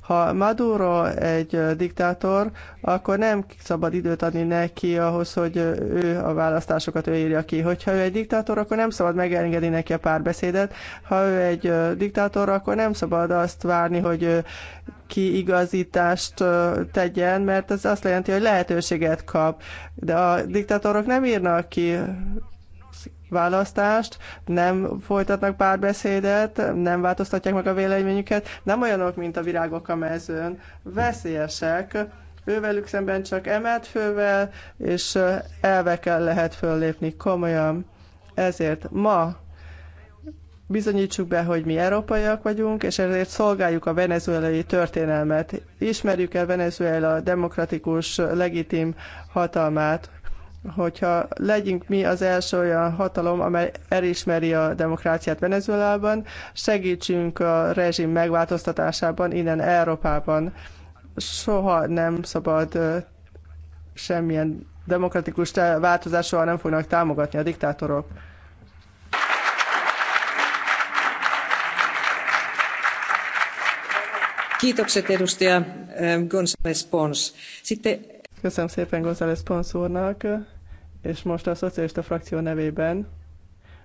Ha Maduro egy diktátor, akkor nem szabad időt adni neki ahhoz, hogy ő a választásokat ő írja ki. Hogyha ő egy diktátor, akkor nem szabad megengedni neki a párbeszédet. Ha ő egy diktátor, akkor nem szabad azt várni, hogy kiigazítást tegyen, mert ez azt jelenti, hogy lehetőséget kap. De a diktátorok nem írnak ki választást, nem folytatnak párbeszédet, nem változtatják meg a véleményüket, nem olyanok, mint a virágok a mezőn, veszélyesek, ővelük szemben csak emelt fővel, és elvekkel lehet föllépni komolyan. Ezért ma bizonyítsuk be, hogy mi európaiak vagyunk, és ezért szolgáljuk a venezuelai történelmet. Ismerjük el Venezuela demokratikus, legitim hatalmát hogyha legyünk mi az első olyan hatalom, amely elismeri a demokráciát Venezuelában, segítsünk a rezsim megváltoztatásában innen Európában. Soha nem szabad semmilyen demokratikus változás soha nem fognak támogatni a diktátorok. Kiitokset edustaja González Pons. Sitten... Köszönöm szépen González Pons úrnak. És most a szocialista frakció nevében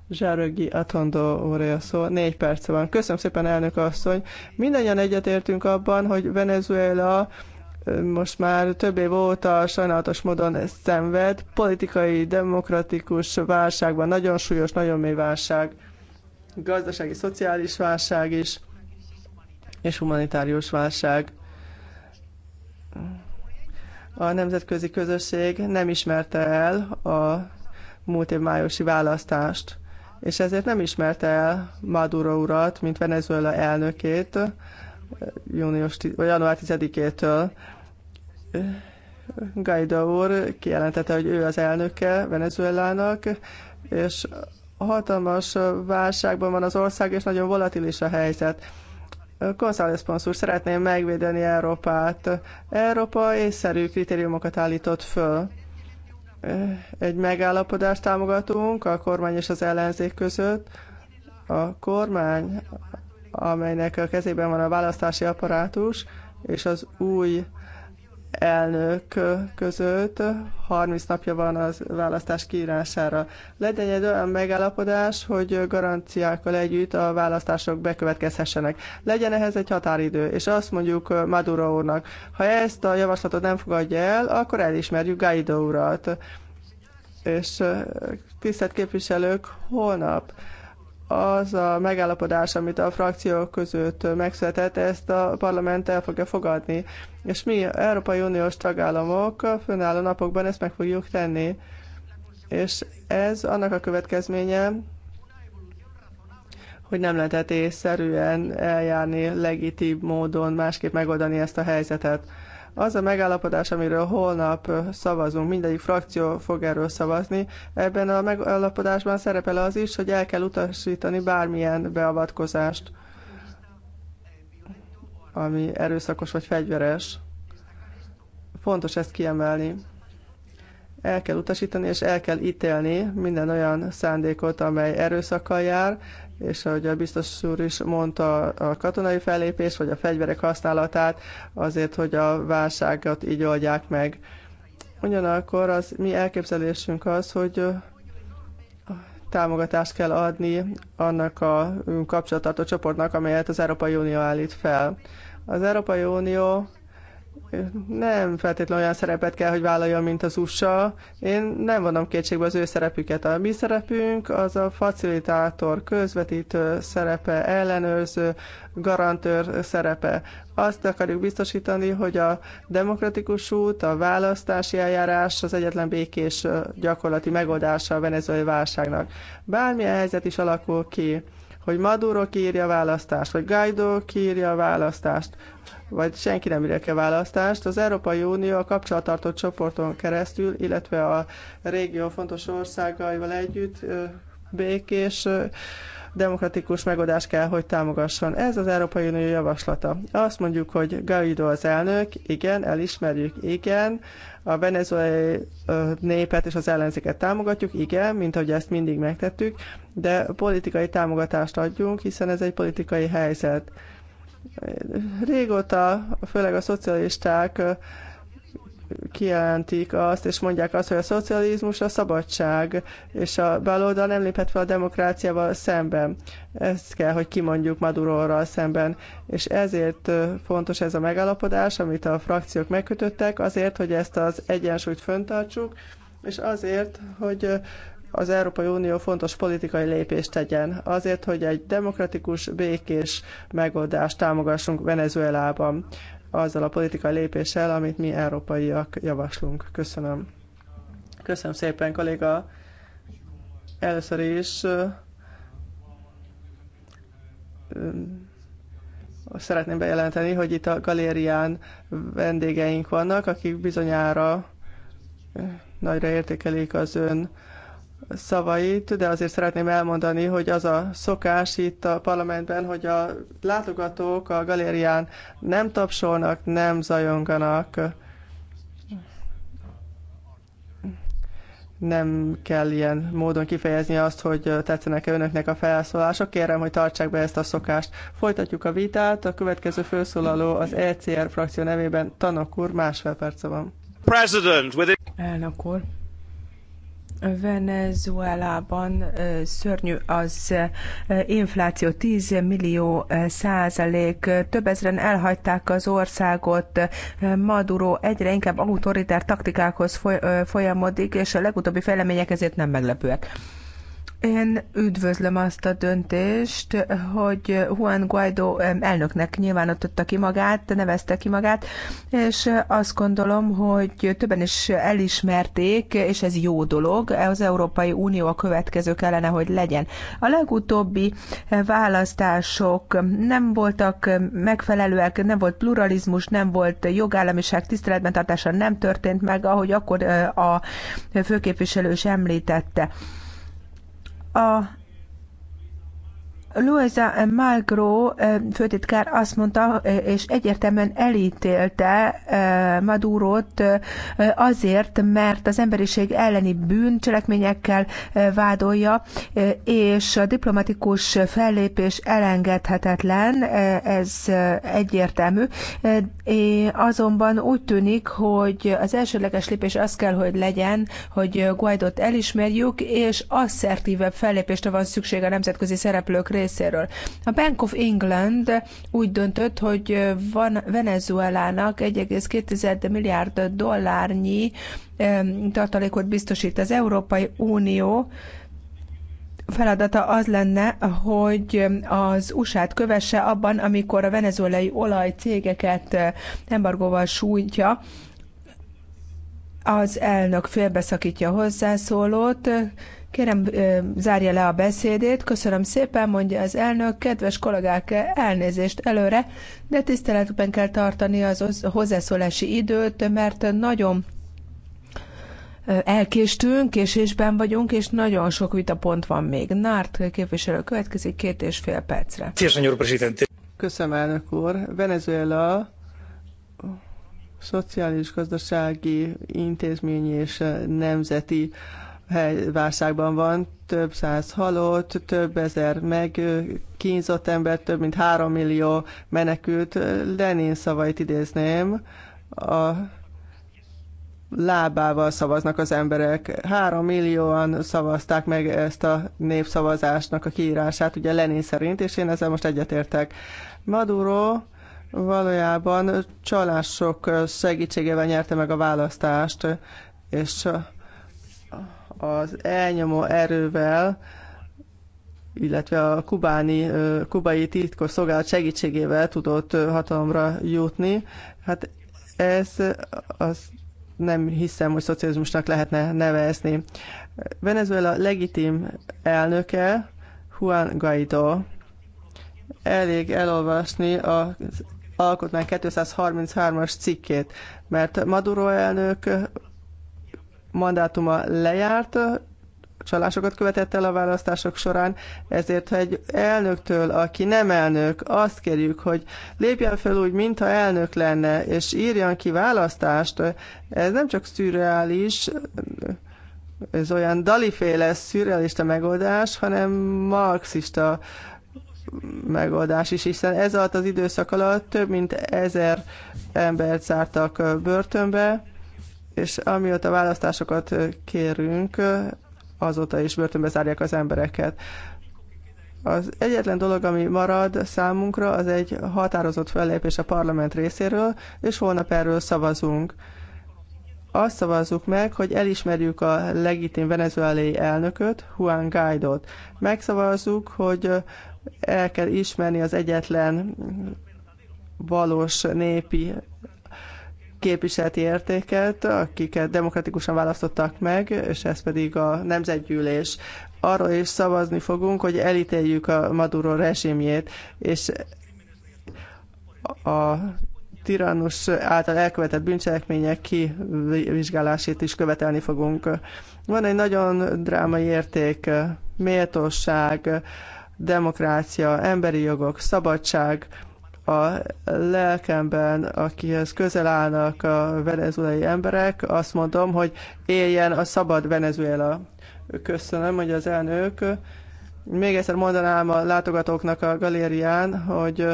Zsárögi Atondó úrja szó. Négy perc van. Köszönöm szépen, elnök asszony. Mindannyian egyetértünk abban, hogy Venezuela most már több év óta sajnálatos módon szenved. Politikai, demokratikus válságban, nagyon súlyos, nagyon mély válság. Gazdasági, szociális válság is, és humanitárius válság a nemzetközi közösség nem ismerte el a múlt év májusi választást, és ezért nem ismerte el Maduro urat, mint Venezuela elnökét június, vagy január 10-től. Gaida úr kijelentette, hogy ő az elnöke Venezuelának, és hatalmas válságban van az ország, és nagyon volatilis a helyzet. González Ponszúr, szeretném megvédeni Európát. Európa észszerű kritériumokat állított föl. Egy megállapodást támogatunk a kormány és az ellenzék között. A kormány, amelynek a kezében van a választási apparátus, és az új elnök között 30 napja van az választás kiírására. Legyen egy olyan megállapodás, hogy garanciákkal együtt a választások bekövetkezhessenek. Legyen ehhez egy határidő, és azt mondjuk Maduro úrnak, ha ezt a javaslatot nem fogadja el, akkor elismerjük Guaido urat. És tisztelt képviselők, holnap az a megállapodás, amit a frakciók között megszületett, ezt a parlament el fogja fogadni. És mi, Európai Uniós tagállamok fönnálló napokban ezt meg fogjuk tenni. És ez annak a következménye, hogy nem lehetett észszerűen eljárni legitim módon másképp megoldani ezt a helyzetet. Az a megállapodás, amiről holnap szavazunk, mindegyik frakció fog erről szavazni, ebben a megállapodásban szerepel az is, hogy el kell utasítani bármilyen beavatkozást, ami erőszakos vagy fegyveres. Fontos ezt kiemelni. El kell utasítani és el kell ítélni minden olyan szándékot, amely erőszakkal jár, és ahogy a biztos úr is mondta, a katonai fellépés vagy a fegyverek használatát azért, hogy a válságot így oldják meg. Ugyanakkor az mi elképzelésünk az, hogy támogatást kell adni annak a kapcsolatartó csoportnak, amelyet az Európai Unió állít fel. Az Európai Unió nem feltétlenül olyan szerepet kell, hogy vállaljon, mint az USA. Én nem vonom kétségbe az ő szerepüket. A mi szerepünk az a facilitátor, közvetítő szerepe, ellenőrző, garantőr szerepe. Azt akarjuk biztosítani, hogy a demokratikus út, a választási eljárás az egyetlen békés gyakorlati megoldása a venezuelai válságnak. Bármilyen helyzet is alakul ki, hogy Maduro kiírja a választást, vagy Guaido kiírja a választást, vagy senki nem írja ki a választást. Az Európai Unió a kapcsolattartó csoporton keresztül, illetve a régió fontos országaival együtt békés demokratikus megoldás kell, hogy támogasson. Ez az Európai Unió javaslata. Azt mondjuk, hogy Gaido az elnök, igen, elismerjük, igen, a venezuelai népet és az ellenzéket támogatjuk, igen, mint ahogy ezt mindig megtettük, de politikai támogatást adjunk, hiszen ez egy politikai helyzet. Régóta, főleg a szocialisták kijelentik azt, és mondják azt, hogy a szocializmus a szabadság, és a baloldal nem léphet fel a demokráciával szemben. Ezt kell, hogy kimondjuk Madurorral szemben. És ezért fontos ez a megalapodás, amit a frakciók megkötöttek, azért, hogy ezt az egyensúlyt föntartsuk, és azért, hogy az Európai Unió fontos politikai lépést tegyen, azért, hogy egy demokratikus, békés megoldást támogassunk Venezuelában azzal a politikai lépéssel, amit mi európaiak javaslunk. Köszönöm. Köszönöm szépen, kolléga. Először is szeretném bejelenteni, hogy itt a galérián vendégeink vannak, akik bizonyára nagyra értékelik az ön szavait, de azért szeretném elmondani, hogy az a szokás itt a parlamentben, hogy a látogatók a galérián nem tapsolnak, nem zajonganak, nem kell ilyen módon kifejezni azt, hogy tetszenek-e önöknek a felszólások. Kérem, hogy tartsák be ezt a szokást. Folytatjuk a vitát. A következő felszólaló az ECR frakció nevében Tanok úr, másfél perce van. President, with it. Elnök úr, Venezuelában szörnyű az infláció, 10 millió százalék, több ezeren elhagyták az országot, Maduro egyre inkább autoritár taktikákhoz folyamodik, és a legutóbbi fejlemények ezért nem meglepőek. Én üdvözlöm azt a döntést, hogy Juan Guaido elnöknek nyilvánította ki magát, nevezte ki magát, és azt gondolom, hogy többen is elismerték, és ez jó dolog, az Európai Unió a következő kellene, hogy legyen. A legutóbbi választások nem voltak megfelelőek, nem volt pluralizmus, nem volt jogállamiság tiszteletben tartása, nem történt meg, ahogy akkor a főképviselő is említette a Luisa Malgró főtitkár azt mondta, és egyértelműen elítélte Madurot azért, mert az emberiség elleni bűncselekményekkel vádolja, és a diplomatikus fellépés elengedhetetlen, ez egyértelmű. Azonban úgy tűnik, hogy az elsőleges lépés az kell, hogy legyen, hogy Guaidot elismerjük, és asszertívebb fellépésre van szükség a nemzetközi szereplők részéről. A Bank of England úgy döntött, hogy van Venezuelának 1,2 milliárd dollárnyi tartalékot biztosít az Európai Unió, feladata az lenne, hogy az USA-t kövesse abban, amikor a venezuelai olajcégeket embargóval sújtja. Az elnök félbeszakítja a hozzászólót, Kérem, zárja le a beszédét. Köszönöm szépen, mondja az elnök. Kedves kollégák, elnézést előre, de tiszteletben kell tartani az hozzászólási időt, mert nagyon elkéstünk, késésben vagyunk, és nagyon sok vitapont van még. Nárt képviselő következik két és fél percre. Köszönöm, elnök úr. Venezuela szociális-gazdasági intézmény és nemzeti válságban van, több száz halott, több ezer megkínzott ember, több mint három millió menekült. Lenin szavait idézném, a lábával szavaznak az emberek. Három millióan szavazták meg ezt a népszavazásnak a kiírását, ugye Lenin szerint, és én ezzel most egyetértek. Maduro valójában csalások segítségével nyerte meg a választást, és az elnyomó erővel, illetve a kubáni, kubai titkos szolgálat segítségével tudott hatalomra jutni. Hát ez az nem hiszem, hogy szocializmusnak lehetne nevezni. Venezuela legitim elnöke Juan Guaido. Elég elolvasni az alkotmány 233-as cikkét, mert Maduro elnök mandátuma lejárt, csalásokat követett el a választások során, ezért ha egy elnöktől, aki nem elnök, azt kérjük, hogy lépjen fel úgy, mintha elnök lenne, és írjan ki választást, ez nem csak szürreális, ez olyan daliféle szürrealista megoldás, hanem marxista megoldás is, hiszen ez alatt az időszak alatt több mint ezer embert zártak börtönbe, és amióta választásokat kérünk, azóta is börtönbe zárják az embereket. Az egyetlen dolog, ami marad számunkra, az egy határozott fellépés a parlament részéről, és holnap erről szavazunk. Azt szavazzuk meg, hogy elismerjük a legitim venezuelai elnököt, Juan Guaidot. Megszavazzuk, hogy el kell ismerni az egyetlen valós népi képviseleti értéket, akiket demokratikusan választottak meg, és ez pedig a nemzetgyűlés. Arról is szavazni fogunk, hogy elítéljük a Maduro rezsimjét, és a tirannus által elkövetett bűncselekmények kivizsgálását is követelni fogunk. Van egy nagyon drámai érték, méltóság, demokrácia, emberi jogok, szabadság, a lelkemben, akihez közel állnak a venezuelai emberek, azt mondom, hogy éljen a szabad Venezuela. Köszönöm, hogy az elnök. Még egyszer mondanám a látogatóknak a galérián, hogy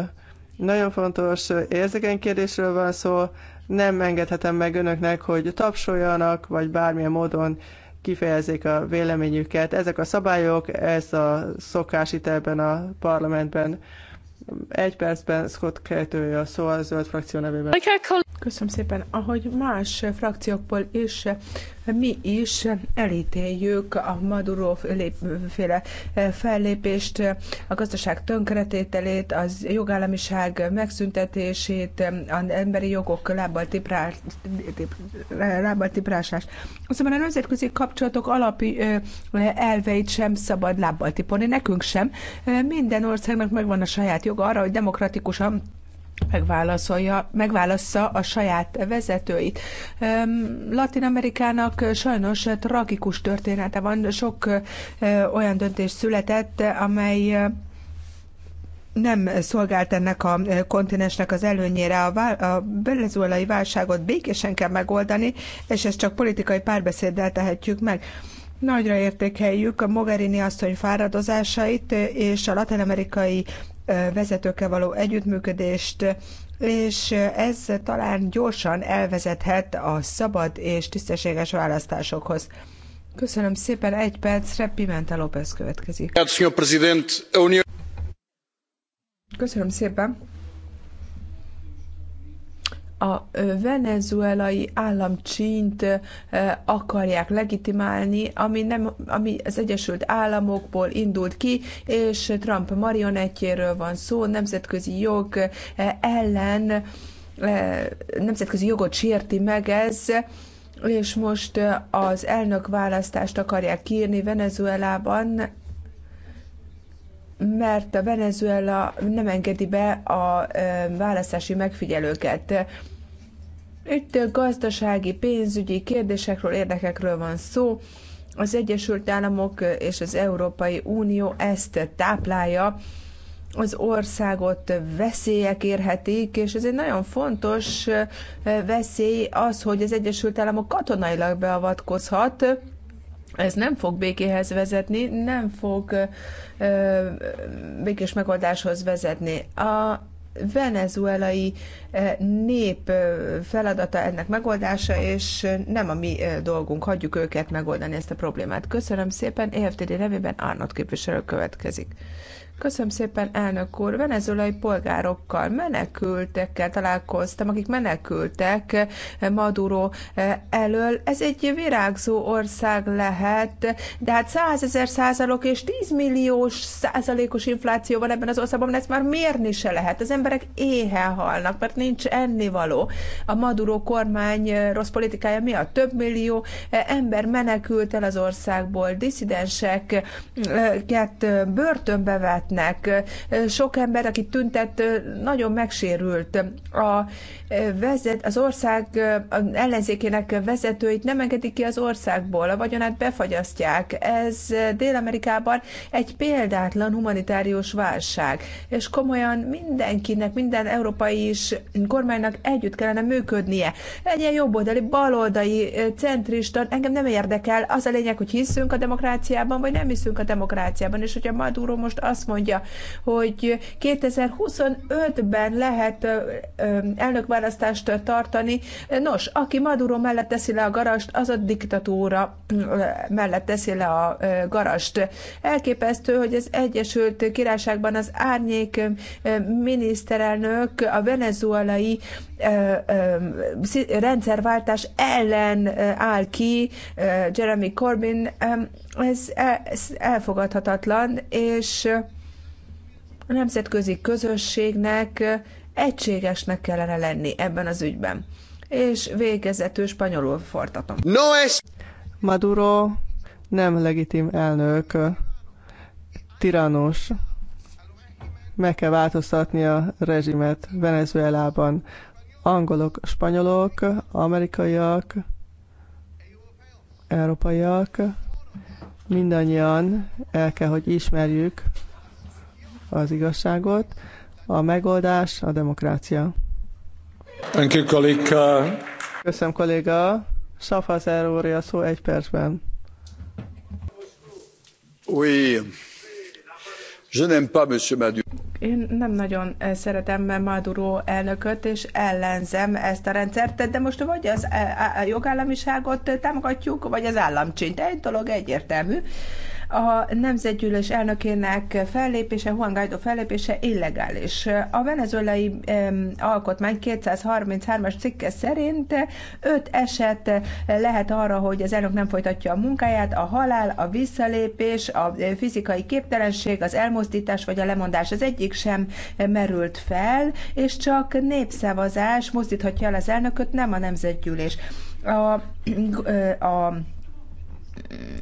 nagyon fontos érzékeny kérdésről van szó, nem engedhetem meg önöknek, hogy tapsoljanak, vagy bármilyen módon kifejezzék a véleményüket. Ezek a szabályok, ez a szokás itt ebben a parlamentben. Egy percben Scott Kejtője a szó a zöld frakció nevében. Köszönöm szépen. Ahogy más frakciókból is mi is elítéljük a Maduro féle e, fellépést, a gazdaság tönkretételét, az jogállamiság megszüntetését, az emberi jogok lábbal, tiprás, lábbal tiprásás. Azonban szóval a nemzetközi kapcsolatok alapi e, elveit sem szabad lábbal tiporni, nekünk sem. E, minden országnak megvan a saját joga arra, hogy demokratikusan megválaszolja, megválassza a saját vezetőit. Latin Amerikának sajnos tragikus története van, sok olyan döntés született, amely nem szolgált ennek a kontinensnek az előnyére. A, a venezuelai válságot békésen kell megoldani, és ezt csak politikai párbeszéddel tehetjük meg. Nagyra értékeljük a Mogherini asszony fáradozásait és a latinamerikai vezetőkkel való együttműködést, és ez talán gyorsan elvezethet a szabad és tisztességes választásokhoz. Köszönöm szépen, egy percre Pimenta López következik. Köszönöm szépen a venezuelai államcsínt akarják legitimálni, ami, nem, ami az Egyesült Államokból indult ki, és Trump marionettjéről van szó, nemzetközi jog ellen, nemzetközi jogot sérti meg ez, és most az elnök választást akarják kiírni Venezuelában, mert a Venezuela nem engedi be a választási megfigyelőket. Itt gazdasági, pénzügyi kérdésekről, érdekekről van szó. Az Egyesült Államok és az Európai Unió ezt táplálja, az országot veszélyek érhetik, és ez egy nagyon fontos veszély az, hogy az Egyesült Államok katonailag beavatkozhat, ez nem fog békéhez vezetni, nem fog ö, békés megoldáshoz vezetni. A, venezuelai eh, nép eh, feladata ennek megoldása, és eh, nem a mi dolgunk, hagyjuk őket megoldani ezt a problémát. Köszönöm szépen, EFTD nevében Arnott képviselő következik. Köszönöm szépen, elnök úr. Venezuelai polgárokkal, menekültekkel találkoztam, akik menekültek eh, Maduro eh, elől. Ez egy virágzó ország lehet, de hát százezer százalok és 10 milliós százalékos infláció van ebben az országban, ezt már mérni se lehet. Az emberek éhen halnak, mert nincs ennivaló. A Maduro kormány eh, rossz politikája miatt több millió ember menekült el az országból, diszidenseket börtönbe vett, tüntetnek. Sok ember, aki tüntet, nagyon megsérült. A vezet, az ország ellenzékének vezetőit nem engedik ki az országból, a vagyonát befagyasztják. Ez Dél-Amerikában egy példátlan humanitárius válság, és komolyan mindenkinek, minden európai is kormánynak együtt kellene működnie. Legyen jobboldali, baloldali, centrista, engem nem érdekel. Az a lényeg, hogy hiszünk a demokráciában, vagy nem hiszünk a demokráciában. És hogyha Maduro most azt mondja, mondja, hogy 2025-ben lehet elnökválasztást tartani. Nos, aki Maduro mellett teszi le a garast, az a diktatúra mellett teszi le a garast. Elképesztő, hogy az Egyesült Királyságban az árnyék miniszterelnök a venezuelai rendszerváltás ellen áll ki Jeremy Corbyn. Ez elfogadhatatlan, és a nemzetközi közösségnek egységesnek kellene lenni ebben az ügyben. És végezetül spanyolul fortatom. No es... Maduro nem legitim elnök, tiranos. Meg kell változtatni a rezsimet Venezuelában. Angolok, spanyolok, amerikaiak, európaiak, mindannyian el kell, hogy ismerjük az igazságot. A megoldás a demokrácia. Thank you, kolléga. Köszönöm, kolléga. Schaffhauser úr, a szó egy percben. Oui. Je n'aime pas Monsieur Maduro. Én nem nagyon eh, szeretem Maduro elnököt, és ellenzem ezt a rendszert, de most vagy az eh, jogállamiságot eh, támogatjuk, vagy az államcsint. Egy dolog egyértelmű a nemzetgyűlés elnökének fellépése, Juan Guaidó fellépése illegális. A venezuelai alkotmány 233-as cikke szerint öt eset lehet arra, hogy az elnök nem folytatja a munkáját, a halál, a visszalépés, a fizikai képtelenség, az elmozdítás vagy a lemondás. Az egyik sem merült fel, és csak népszavazás mozdíthatja el az elnököt, nem a nemzetgyűlés. A, a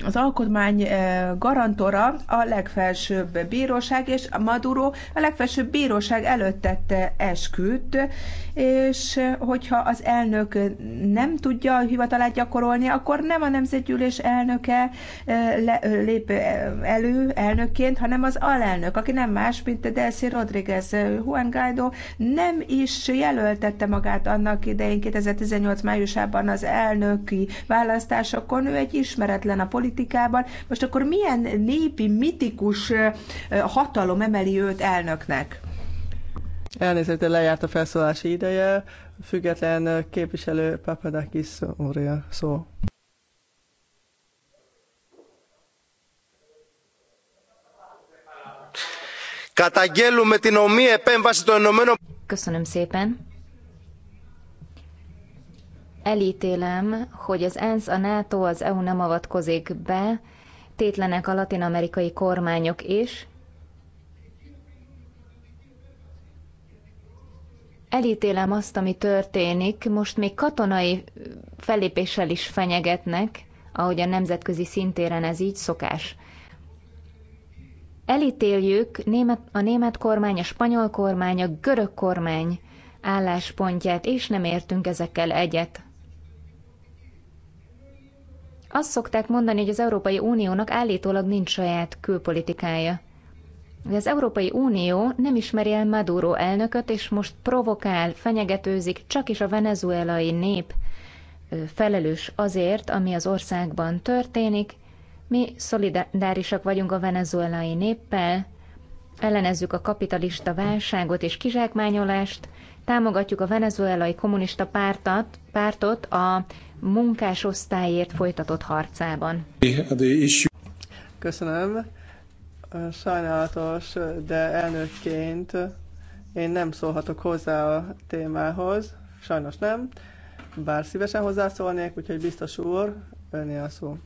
az alkotmány eh, garantora a legfelsőbb bíróság, és a Maduro a legfelsőbb bíróság előtt tette esküt, és eh, hogyha az elnök nem tudja a hivatalát gyakorolni, akkor nem a nemzetgyűlés elnöke eh, lép elő elnökként, hanem az alelnök, aki nem más, mint Delcy Rodriguez. Juan Guaido nem is jelöltette magát annak idején 2018 májusában az elnöki választásokon, ő egy ismeretlen a politikában, most akkor milyen népi, mitikus hatalom emeli őt elnöknek? Elnézést, lejárt a felszólási ideje. Független képviselő Papadakis úrja szó. Köszönöm szépen elítélem, hogy az ENSZ, a NATO, az EU nem avatkozik be, tétlenek a latin-amerikai kormányok is. Elítélem azt, ami történik, most még katonai fellépéssel is fenyegetnek, ahogy a nemzetközi szintéren ez így szokás. Elítéljük német, a német kormány, a spanyol kormány, a görög kormány álláspontját, és nem értünk ezekkel egyet. Azt szokták mondani, hogy az Európai Uniónak állítólag nincs saját külpolitikája. De az Európai Unió nem ismeri el Maduro elnököt, és most provokál, fenyegetőzik, csak is a venezuelai nép felelős azért, ami az országban történik. Mi szolidárisak vagyunk a venezuelai néppel, ellenezzük a kapitalista válságot és kizsákmányolást, támogatjuk a venezuelai kommunista pártat, pártot a munkásosztályért folytatott harcában. Köszönöm. Sajnálatos, de elnökként én nem szólhatok hozzá a témához, sajnos nem, bár szívesen hozzászólnék, úgyhogy biztos úr, öné a szó.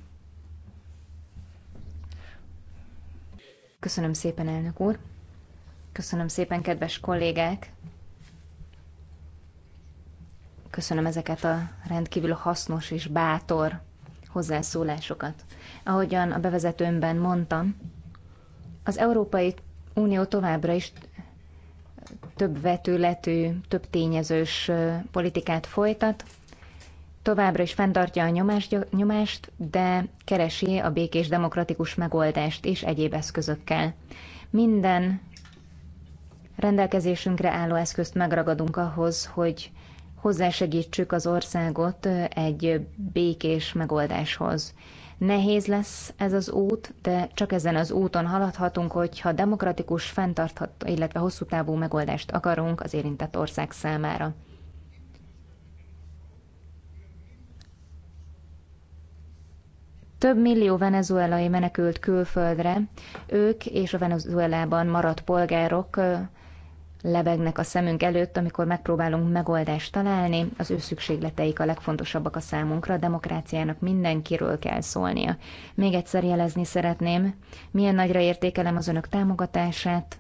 Köszönöm szépen, elnök úr. Köszönöm szépen, kedves kollégák. Köszönöm ezeket a rendkívül hasznos és bátor hozzászólásokat. Ahogyan a bevezetőmben mondtam, az Európai Unió továbbra is több vetületű, több tényezős politikát folytat, továbbra is fenntartja a nyomást, nyomást, de keresi a békés demokratikus megoldást és egyéb eszközökkel. Minden rendelkezésünkre álló eszközt megragadunk ahhoz, hogy hozzásegítsük az országot egy békés megoldáshoz. Nehéz lesz ez az út, de csak ezen az úton haladhatunk, hogyha demokratikus, fenntartható, illetve hosszú távú megoldást akarunk az érintett ország számára. Több millió venezuelai menekült külföldre, ők és a Venezuelában maradt polgárok lebegnek a szemünk előtt, amikor megpróbálunk megoldást találni, az ő szükségleteik a legfontosabbak a számunkra, a demokráciának mindenkiről kell szólnia. Még egyszer jelezni szeretném, milyen nagyra értékelem az önök támogatását,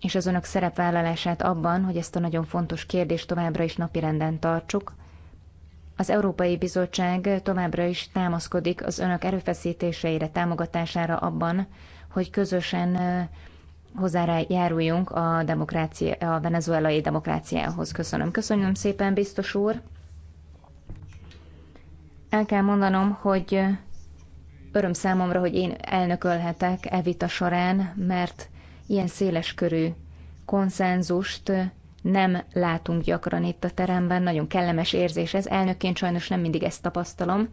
és az önök szerepvállalását abban, hogy ezt a nagyon fontos kérdést továbbra is napirenden tartsuk. Az Európai Bizottság továbbra is támaszkodik az önök erőfeszítéseire, támogatására abban, hogy közösen hozzájáruljunk a, a venezuelai demokráciához. Köszönöm. Köszönöm szépen, biztos úr. El kell mondanom, hogy öröm számomra, hogy én elnökölhetek e vita során, mert ilyen széleskörű konszenzust nem látunk gyakran itt a teremben, nagyon kellemes érzés ez. Elnökként sajnos nem mindig ezt tapasztalom.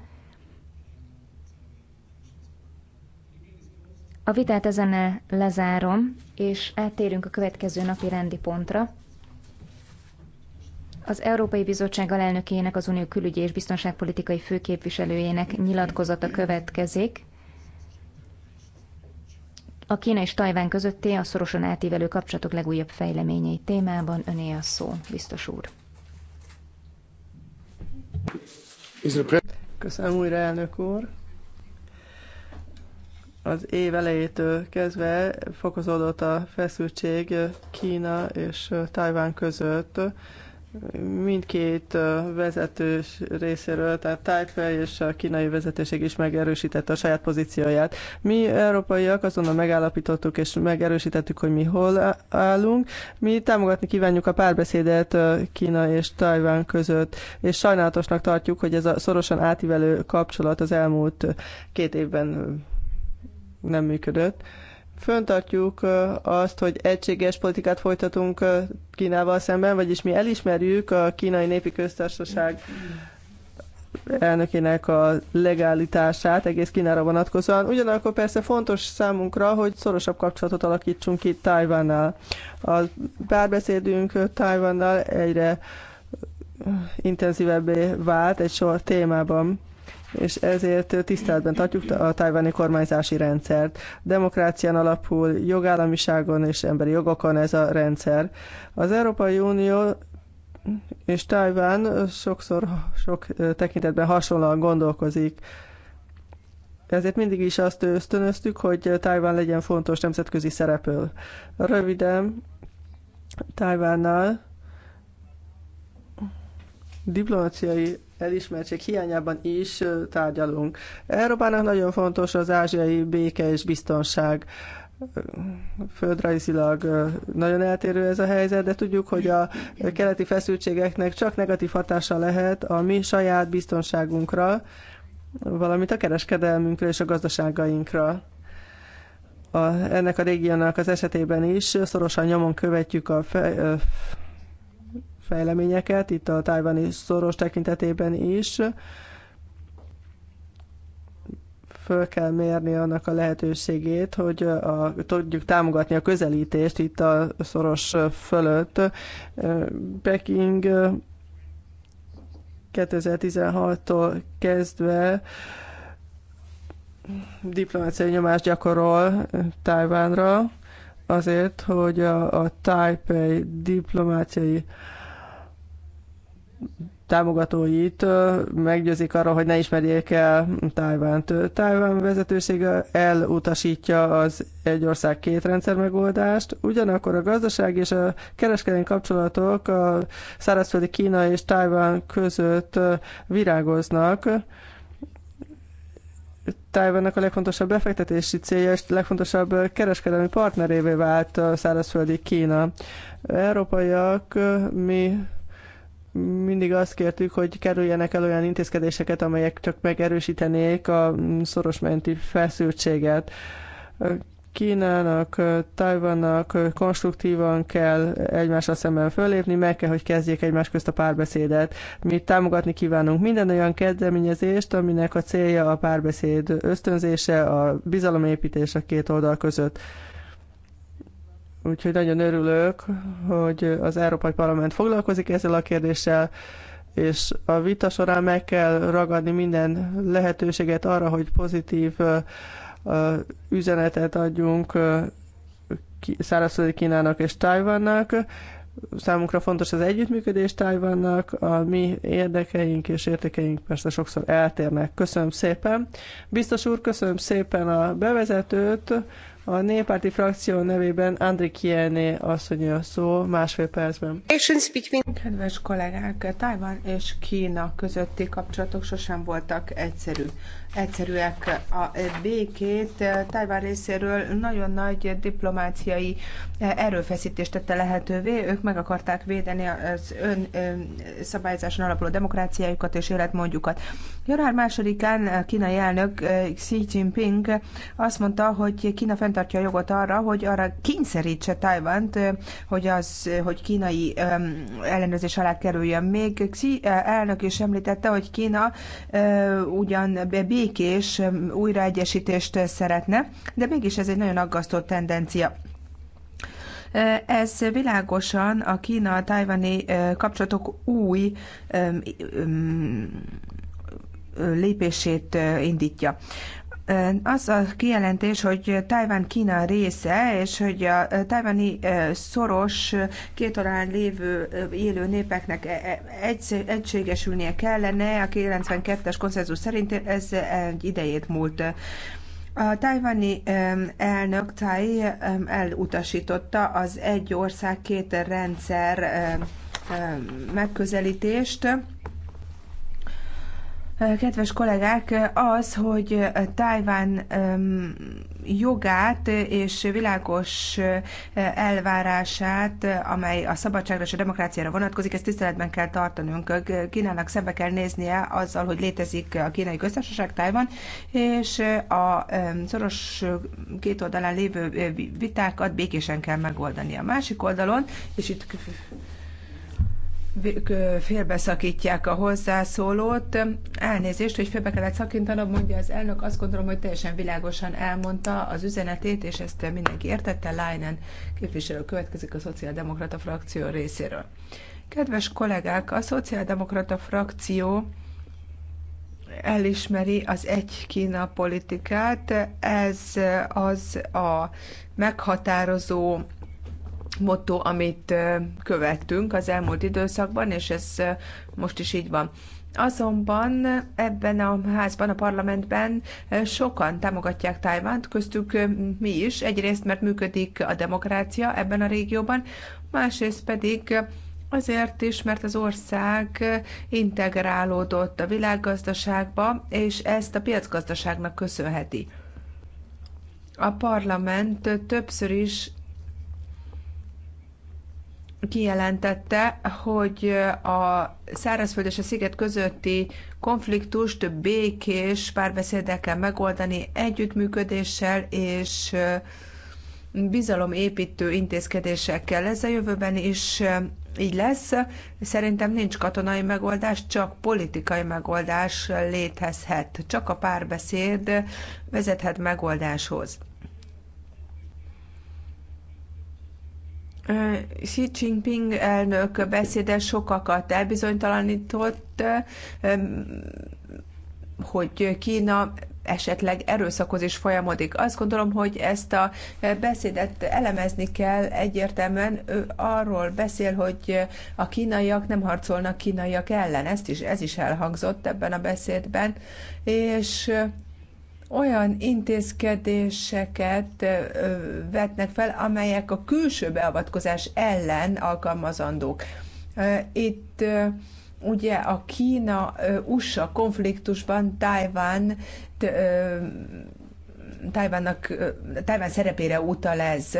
A vitát ezen lezárom, és áttérünk a következő napi rendi pontra. Az Európai Bizottság alelnökének, az Unió külügyi és biztonságpolitikai főképviselőjének nyilatkozata következik. A Kína és Tajván közötti a szorosan átívelő kapcsolatok legújabb fejleményei témában öné a szó, biztos úr. Köszönöm újra, elnök úr. Az év elejétől kezdve fokozódott a feszültség Kína és Tajván között. Mindkét vezetős részéről, tehát Tajfej és a kínai vezetőség is megerősítette a saját pozícióját. Mi európaiak azonnal megállapítottuk és megerősítettük, hogy mi hol állunk. Mi támogatni kívánjuk a párbeszédet Kína és Tajván között, és sajnálatosnak tartjuk, hogy ez a szorosan átívelő kapcsolat az elmúlt két évben nem működött. Föntartjuk azt, hogy egységes politikát folytatunk Kínával szemben, vagyis mi elismerjük a kínai népi köztársaság elnökének a legálitását egész Kínára vonatkozóan. Ugyanakkor persze fontos számunkra, hogy szorosabb kapcsolatot alakítsunk ki Tajvannal. A párbeszédünk Tajvannal egyre intenzívebbé vált egy sor témában és ezért tiszteletben tartjuk a tájváni kormányzási rendszert. Demokrácián alapul, jogállamiságon és emberi jogokon ez a rendszer. Az Európai Unió és Tájván sokszor sok tekintetben hasonlóan gondolkozik. Ezért mindig is azt ösztönöztük, hogy Tájván legyen fontos nemzetközi szereplő. Röviden, Tájvánnál diplomáciai elismertség hiányában is tárgyalunk. Európának nagyon fontos az ázsiai béke és biztonság. Földrajzilag nagyon eltérő ez a helyzet, de tudjuk, hogy a keleti feszültségeknek csak negatív hatása lehet a mi saját biztonságunkra, valamint a kereskedelmünkre és a gazdaságainkra a, ennek a régiónak az esetében is szorosan nyomon követjük a fe, fejleményeket, itt a tájvani szoros tekintetében is. Föl kell mérni annak a lehetőségét, hogy a, tudjuk támogatni a közelítést itt a szoros fölött. Peking 2016-tól kezdve diplomáciai nyomást gyakorol Tájvánra azért, hogy a, a Taipei diplomáciai támogatóit meggyőzik arra, hogy ne ismerjék el Tájvánt. Tájván vezetősége elutasítja az egy ország két rendszer megoldást, ugyanakkor a gazdaság és a kereskedelmi kapcsolatok a szárazföldi Kína és Tájván között virágoznak. Tájvánnak a legfontosabb befektetési célja és legfontosabb kereskedelmi partnerévé vált a szárazföldi Kína. Európaiak mi mindig azt kértük, hogy kerüljenek el olyan intézkedéseket, amelyek csak megerősítenék a szoros menti feszültséget. Kínának, Tajvannak konstruktívan kell egymással szemben fölépni, meg kell, hogy kezdjék egymás közt a párbeszédet. Mi támogatni kívánunk minden olyan kezdeményezést, aminek a célja a párbeszéd ösztönzése, a bizalomépítés a két oldal között. Úgyhogy nagyon örülök, hogy az Európai Parlament foglalkozik ezzel a kérdéssel, és a vita során meg kell ragadni minden lehetőséget arra, hogy pozitív üzenetet adjunk szárazföldi Kínának és Tajvannak. Számunkra fontos az együttműködés Tajvannak, a mi érdekeink és értékeink persze sokszor eltérnek. Köszönöm szépen. Biztos úr, köszönöm szépen a bevezetőt. A néppárti frakció nevében Andri Kiené asszony a szó másfél percben. Kedves kollégák, Tajvan és Kína közötti kapcsolatok sosem voltak egyszerű. egyszerűek. A békét Tajvan részéről nagyon nagy diplomáciai erőfeszítést tette lehetővé. Ők meg akarták védeni az ön szabályozáson alapuló demokráciájukat és életmódjukat. Január másodikán eh, kínai elnök eh, Xi Jinping eh, azt mondta, hogy Kína fenntartja a jogot arra, hogy arra kényszerítse Tajvant, hogy, az, hogy kínai ellenőrzés alá kerüljön. Még Xi elnök is említette, hogy Kína ugyan békés újraegyesítést szeretne, de mégis ez egy nagyon aggasztó tendencia. Ez világosan a kína-tajvani kapcsolatok új lépését indítja. Az a kijelentés, hogy Tajván Kína része, és hogy a tajvani szoros két orán lévő élő népeknek e, e, egy, egységesülnie kellene, a 92-es konszenzus szerint ez egy idejét múlt a tajvani elnök Tsai elutasította az egy ország, két rendszer megközelítést, kedves kollégák, az, hogy Tájván jogát és világos eh, elvárását, amely a szabadságra és a demokráciára vonatkozik, ezt tiszteletben kell tartanunk. Kínának szembe kell néznie azzal, hogy létezik a kínai köztársaság Tájván, és a szoros két oldalán lévő eh, vitákat békésen kell megoldani. A másik oldalon, és itt félbeszakítják a hozzászólót. Elnézést, hogy félbe kellett szakítanom, mondja az elnök. Azt gondolom, hogy teljesen világosan elmondta az üzenetét, és ezt mindenki értette. Leinen képviselő következik a Szociáldemokrata frakció részéről. Kedves kollégák, a Szociáldemokrata frakció elismeri az egy Kína politikát. Ez az a meghatározó motto, amit követtünk az elmúlt időszakban, és ez most is így van. Azonban ebben a házban, a parlamentben sokan támogatják Tájvánt, köztük mi is, egyrészt mert működik a demokrácia ebben a régióban, másrészt pedig Azért is, mert az ország integrálódott a világgazdaságba, és ezt a piacgazdaságnak köszönheti. A parlament többször is kijelentette, hogy a szárazföld és a sziget közötti konfliktust békés párbeszéddel kell megoldani, együttműködéssel és bizalomépítő intézkedésekkel. Ez a jövőben is így lesz. Szerintem nincs katonai megoldás, csak politikai megoldás létezhet. Csak a párbeszéd vezethet megoldáshoz. Xi Jinping elnök beszéde sokakat elbizonytalanított, hogy Kína esetleg erőszakhoz is folyamodik. Azt gondolom, hogy ezt a beszédet elemezni kell egyértelműen. Ő arról beszél, hogy a kínaiak nem harcolnak kínaiak ellen. Ezt is, ez is elhangzott ebben a beszédben. És olyan intézkedéseket vetnek fel, amelyek a külső beavatkozás ellen alkalmazandók. Itt ugye a Kína-USA konfliktusban Tájván Tájvánnak, Tájván szerepére utal ez.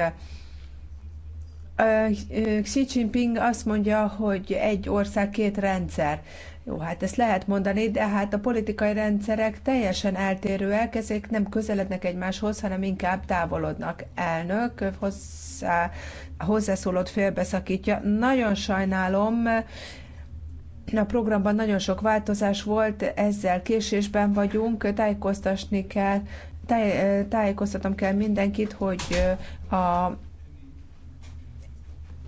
Xi Jinping azt mondja, hogy egy ország, két rendszer. Jó, hát ezt lehet mondani, de hát a politikai rendszerek teljesen eltérőek, ezek nem közelednek egymáshoz, hanem inkább távolodnak. Elnök hozzá, hozzászólott félbeszakítja. Nagyon sajnálom, a programban nagyon sok változás volt, ezzel késésben vagyunk, tájékoztatni kell, táj, tájékoztatom kell mindenkit, hogy a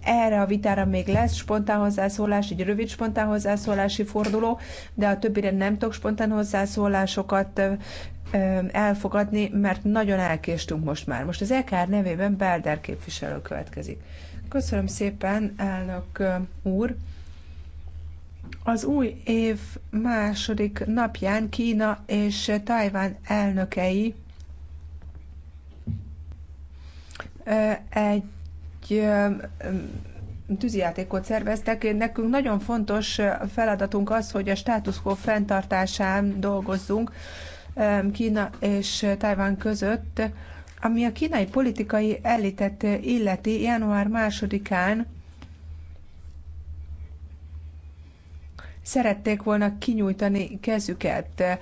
erre a vitára még lesz spontán hozzászólás, egy rövid spontán hozzászólási forduló, de a többire nem tudok spontán hozzászólásokat elfogadni, mert nagyon elkéstünk most már. Most az EKR nevében Belder képviselő következik. Köszönöm szépen, elnök úr! Az új év második napján Kína és Tajván elnökei egy egy tűzijátékot szerveztek. Nekünk nagyon fontos feladatunk az, hogy a status quo fenntartásán dolgozzunk Kína és Tajván között. Ami a kínai politikai elitet illeti, január másodikán szerették volna kinyújtani kezüket.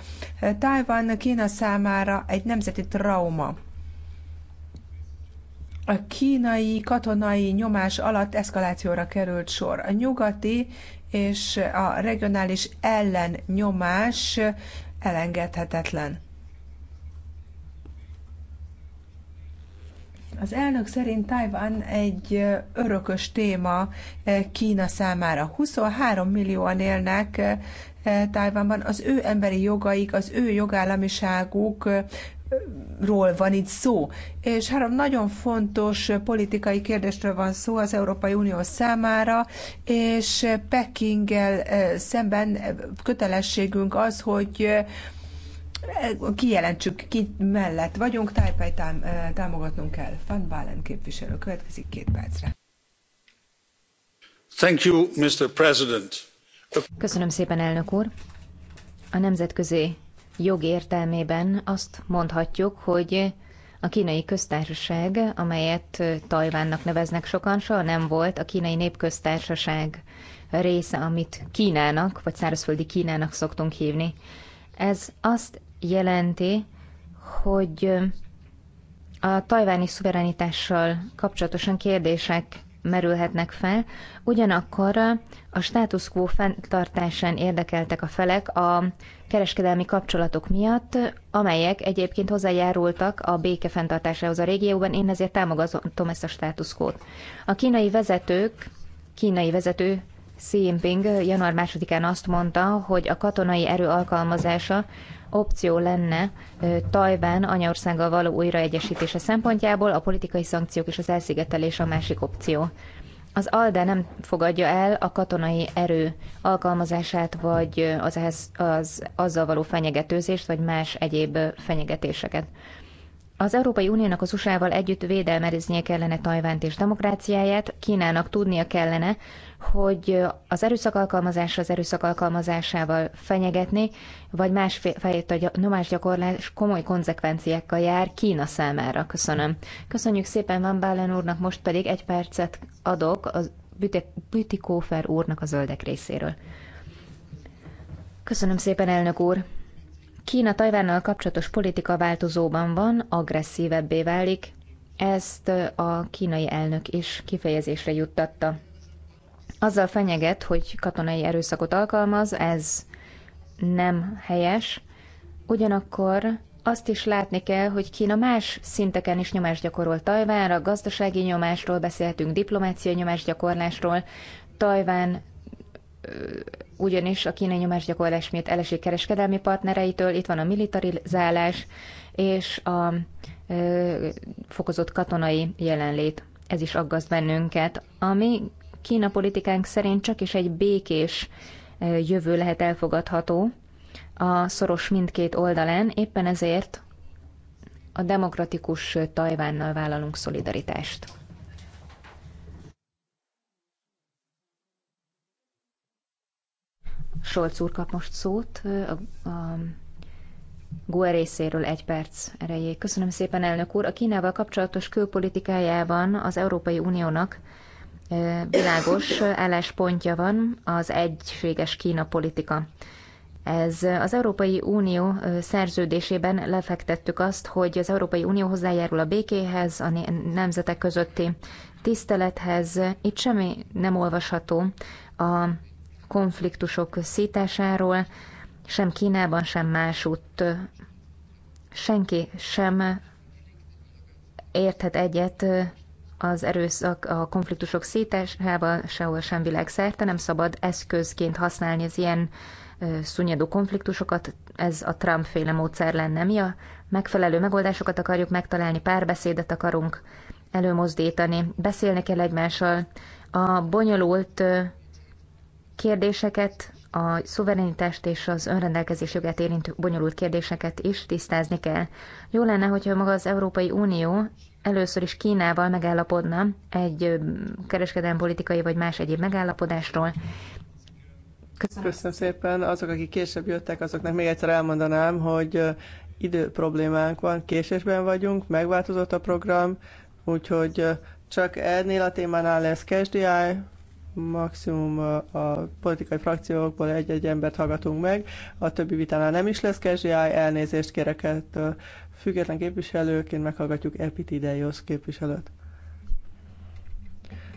Tájvan Kína számára egy nemzeti trauma a kínai katonai nyomás alatt eszkalációra került sor. A nyugati és a regionális ellennyomás elengedhetetlen. Az elnök szerint Taiwan egy örökös téma eh, Kína számára. 23 millióan élnek eh, Taiwanban. az ő emberi jogaik, az ő jogállamiságuk ról van itt szó. És három nagyon fontos politikai kérdésről van szó az Európai Unió számára, és Pekinggel eh, szemben eh, kötelességünk az, hogy eh, kijelentsük, ki mellett vagyunk, tám, támogatnunk kell. Van Balen képviselő következik két percre. Thank you, Mr. President. Köszönöm szépen, elnök úr. A nemzetközi jog értelmében azt mondhatjuk, hogy a kínai köztársaság, amelyet Tajvánnak neveznek sokan, soha nem volt a kínai népköztársaság része, amit Kínának, vagy szárazföldi Kínának szoktunk hívni. Ez azt jelenti, hogy a tajváni szuverenitással kapcsolatosan kérdések merülhetnek fel, ugyanakkor a status quo fenntartásán érdekeltek a felek a kereskedelmi kapcsolatok miatt, amelyek egyébként hozzájárultak a béke fenntartásához a régióban, én ezért támogatom ezt a status quo-t. A kínai vezetők, kínai vezető Xi Jinping január 2-án azt mondta, hogy a katonai erő alkalmazása opció lenne Tajván anyaországgal való újraegyesítése szempontjából, a politikai szankciók és az elszigetelés a másik opció. Az ALDE nem fogadja el a katonai erő alkalmazását, vagy az, az, az azzal való fenyegetőzést, vagy más egyéb fenyegetéseket. Az Európai Uniónak az USA-val együtt védelmeznie kellene Tajvánt és demokráciáját, Kínának tudnia kellene, hogy az erőszak alkalmazásra az erőszak alkalmazásával fenyegetni, vagy másfajta nyomásgyakorlás komoly konzekvenciákkal jár Kína számára. Köszönöm. Köszönjük szépen Van Bálen úrnak, most pedig egy percet adok a Bütikófer úrnak a zöldek részéről. Köszönöm szépen, elnök úr! Kína Tajvánnal kapcsolatos politika változóban van, agresszívebbé válik, ezt a kínai elnök is kifejezésre juttatta azzal fenyeget, hogy katonai erőszakot alkalmaz, ez nem helyes. Ugyanakkor azt is látni kell, hogy Kína más szinteken is nyomást gyakorol Tajvánra, gazdasági nyomásról beszélhetünk, diplomáciai nyomásgyakorlásról. Tajván ugyanis a kínai nyomásgyakorlás miatt elesik kereskedelmi partnereitől, itt van a militarizálás és a ö, fokozott katonai jelenlét. Ez is aggaszt bennünket. Ami Kína politikánk szerint csak is egy békés jövő lehet elfogadható a szoros mindkét oldalán, éppen ezért a demokratikus Tajvánnal vállalunk szolidaritást. Solc úr kap most szót a, a GUE részéről egy perc erejéig. Köszönöm szépen, elnök úr. A Kínával kapcsolatos külpolitikájában az Európai Uniónak világos álláspontja van az egységes Kína politika. Ez az Európai Unió szerződésében lefektettük azt, hogy az Európai Unió hozzájárul a békéhez, a nemzetek közötti tisztelethez. Itt semmi nem olvasható a konfliktusok szításáról, sem Kínában, sem másutt. Senki sem érthet egyet az erőszak a konfliktusok szétesával sehol sem világszerte, nem szabad eszközként használni az ilyen szunyadó konfliktusokat, ez a Trump-féle módszer lenne. Mi a megfelelő megoldásokat akarjuk megtalálni, párbeszédet akarunk előmozdítani, beszélni kell egymással. A bonyolult kérdéseket, a szuverenitást és az önrendelkezés jogát érintő bonyolult kérdéseket is tisztázni kell. Jó lenne, hogyha maga az Európai Unió először is Kínával megállapodna egy kereskedelmi politikai vagy más egyéb megállapodásról. Köszönöm. Köszönöm szépen. Azok, akik később jöttek, azoknak még egyszer elmondanám, hogy idő problémánk van, késésben vagyunk, megváltozott a program, úgyhogy csak ennél a témánál lesz KSDI, maximum a politikai frakciókból egy-egy embert hallgatunk meg, a többi vitánál nem is lesz KSDI, elnézést kérek hát, Független képviselőként meghallgatjuk Dejosz képviselőt.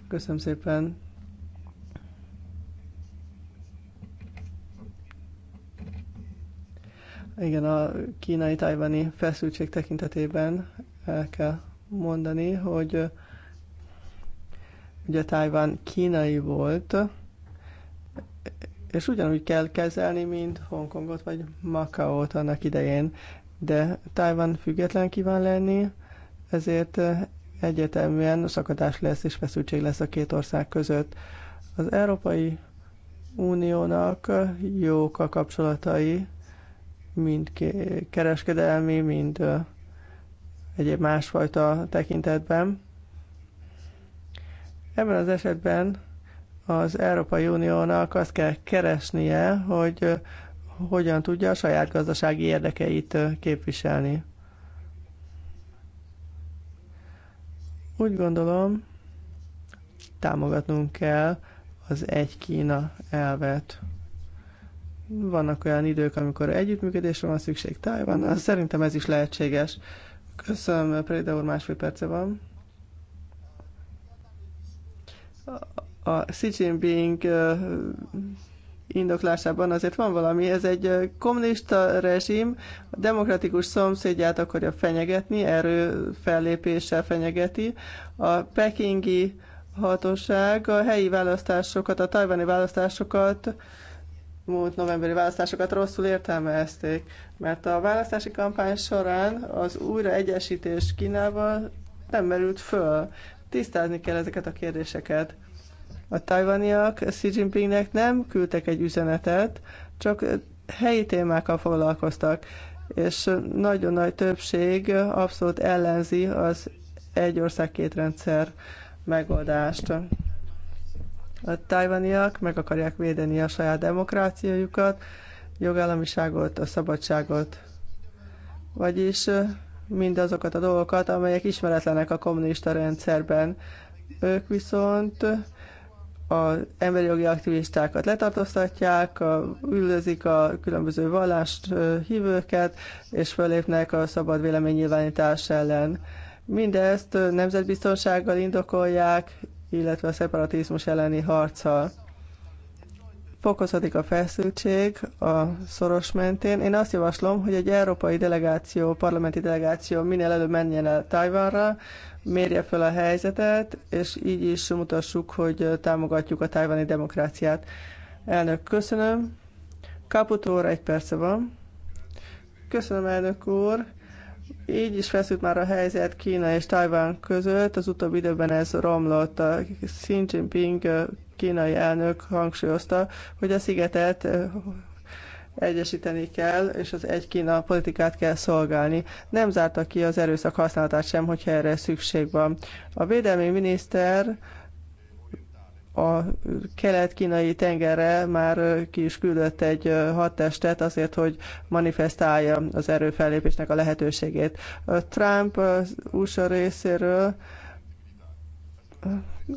Köszönöm szépen. Igen, a kínai-tajvani feszültség tekintetében el kell mondani, hogy ugye Tájván kínai volt, és ugyanúgy kell kezelni, mint Hongkongot vagy Makaót annak idején de Tajvan független kíván lenni, ezért eh, egyetemben szakadás lesz és feszültség lesz a két ország között. Az Európai Uniónak eh, jók a kapcsolatai, mind kereskedelmi, mind eh, egyéb másfajta tekintetben. Ebben az esetben az Európai Uniónak azt kell keresnie, hogy hogyan tudja a saját gazdasági érdekeit képviselni. Úgy gondolom, támogatnunk kell az egy Kína elvet. Vannak olyan idők, amikor együttműködésre van szükség az szerintem ez is lehetséges. Köszönöm, Préda úr, másfél perce van. A Xi Jinping indoklásában azért van valami. Ez egy kommunista rezsim, a demokratikus szomszédját akarja fenyegetni, erő fellépéssel fenyegeti. A pekingi hatóság a helyi választásokat, a tajvani választásokat múlt novemberi választásokat rosszul értelmezték, mert a választási kampány során az újra egyesítés Kínával nem merült föl. Tisztázni kell ezeket a kérdéseket. A tajvaniak Xi Jinpingnek nem küldtek egy üzenetet, csak helyi témákkal foglalkoztak, és nagyon nagy többség abszolút ellenzi az egy ország két rendszer megoldást. A tajvaniak meg akarják védeni a saját demokráciájukat, jogállamiságot, a szabadságot, vagyis mindazokat a dolgokat, amelyek ismeretlenek a kommunista rendszerben. Ők viszont az emberi jogi aktivistákat letartóztatják, üldözik a különböző vallást hívőket, és fölépnek a szabad véleménynyilvánítás ellen. Mindezt nemzetbiztonsággal indokolják, illetve a szeparatizmus elleni harccal. Fokozódik a feszültség a szoros mentén. Én azt javaslom, hogy egy európai delegáció, parlamenti delegáció minél előbb menjen el Tajvanra, mérje fel a helyzetet, és így is mutassuk, hogy támogatjuk a tájvani demokráciát. Elnök, köszönöm. Caputo óra egy perce van. Köszönöm, elnök úr. Így is feszült már a helyzet Kína és Tajván között. Az utóbbi időben ez romlott. A Xi Jinping kínai elnök hangsúlyozta, hogy a szigetet egyesíteni kell, és az egy Kína politikát kell szolgálni. Nem zárta ki az erőszak használatát sem, hogyha erre szükség van. A védelmi miniszter a kelet-kínai tengerre már ki is küldött egy hadtestet azért, hogy manifestálja az erőfellépésnek a lehetőségét. Trump USA részéről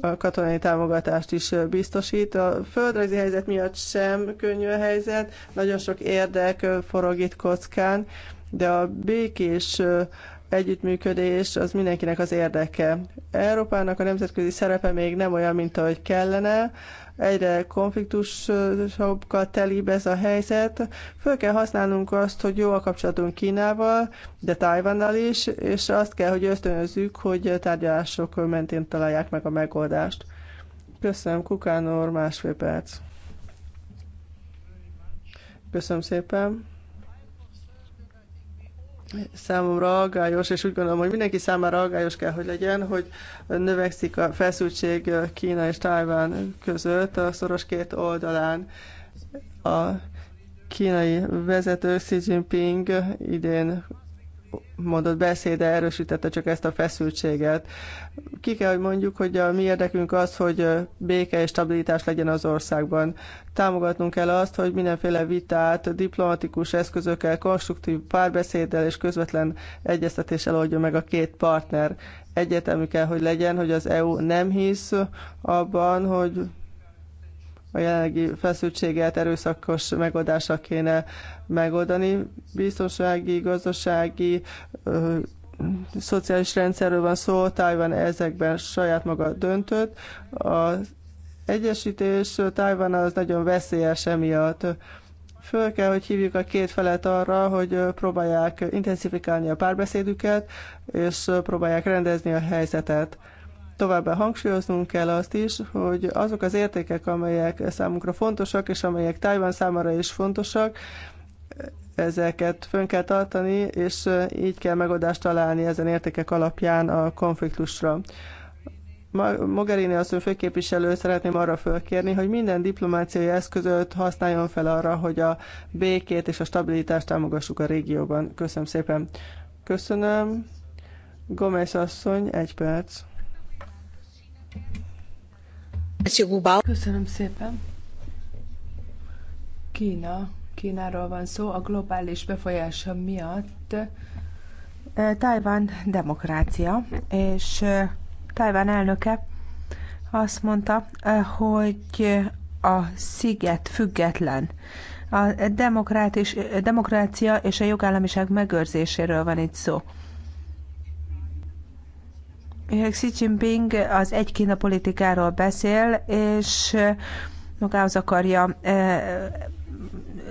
a katonai támogatást is biztosít. A földrajzi helyzet miatt sem könnyű a helyzet, nagyon sok érdek forog itt kockán, de a békés együttműködés az mindenkinek az érdeke. Európának a nemzetközi szerepe még nem olyan, mint ahogy kellene, egyre konfliktusokkal telibb ez a helyzet. Föl kell használnunk azt, hogy jó a kapcsolatunk Kínával, de Tájvannal is, és azt kell, hogy ösztönözzük, hogy tárgyalások mentén találják meg a megoldást. Köszönöm, Kukánor, másfél perc. Köszönöm szépen számomra aggályos, és úgy gondolom, hogy mindenki számára aggályos kell, hogy legyen, hogy növekszik a feszültség Kína és Tájván között a szoros két oldalán. A kínai vezető Xi Jinping idén mondott beszéde erősítette csak ezt a feszültséget. Ki kell, hogy mondjuk, hogy a mi érdekünk az, hogy béke és stabilitás legyen az országban. Támogatnunk kell azt, hogy mindenféle vitát diplomatikus eszközökkel, konstruktív párbeszéddel és közvetlen egyeztetéssel oldja meg a két partner. Egyetemű kell, hogy legyen, hogy az EU nem hisz abban, hogy a jelenlegi feszültséget erőszakos megoldással kéne megoldani. Biztonsági, gazdasági, ö, szociális rendszerről van szó, Tájvan ezekben saját maga döntött. Az egyesítés Tájvan az nagyon veszélyes emiatt föl kell, hogy hívjuk a két felet arra, hogy próbálják intenzifikálni a párbeszédüket, és próbálják rendezni a helyzetet. Továbbá hangsúlyoznunk kell azt is, hogy azok az értékek, amelyek számunkra fontosak, és amelyek Tájván számára is fontosak, ezeket fönn kell tartani, és így kell megoldást találni ezen értékek alapján a konfliktusra. Mogherini asszony főképviselő szeretném arra fölkérni, hogy minden diplomáciai eszközöt használjon fel arra, hogy a békét és a stabilitást támogassuk a régióban. Köszönöm szépen. Köszönöm. Gomez asszony, egy perc. Köszönöm szépen. Kína, Kínáról van szó, a globális befolyása miatt eh, Tajván demokrácia, és eh, Tajván elnöke azt mondta, eh, hogy a sziget független. A demokrácia és a jogállamiság megőrzéséről van itt szó. Xi Jinping az egy Kína politikáról beszél, és magához akarja eh,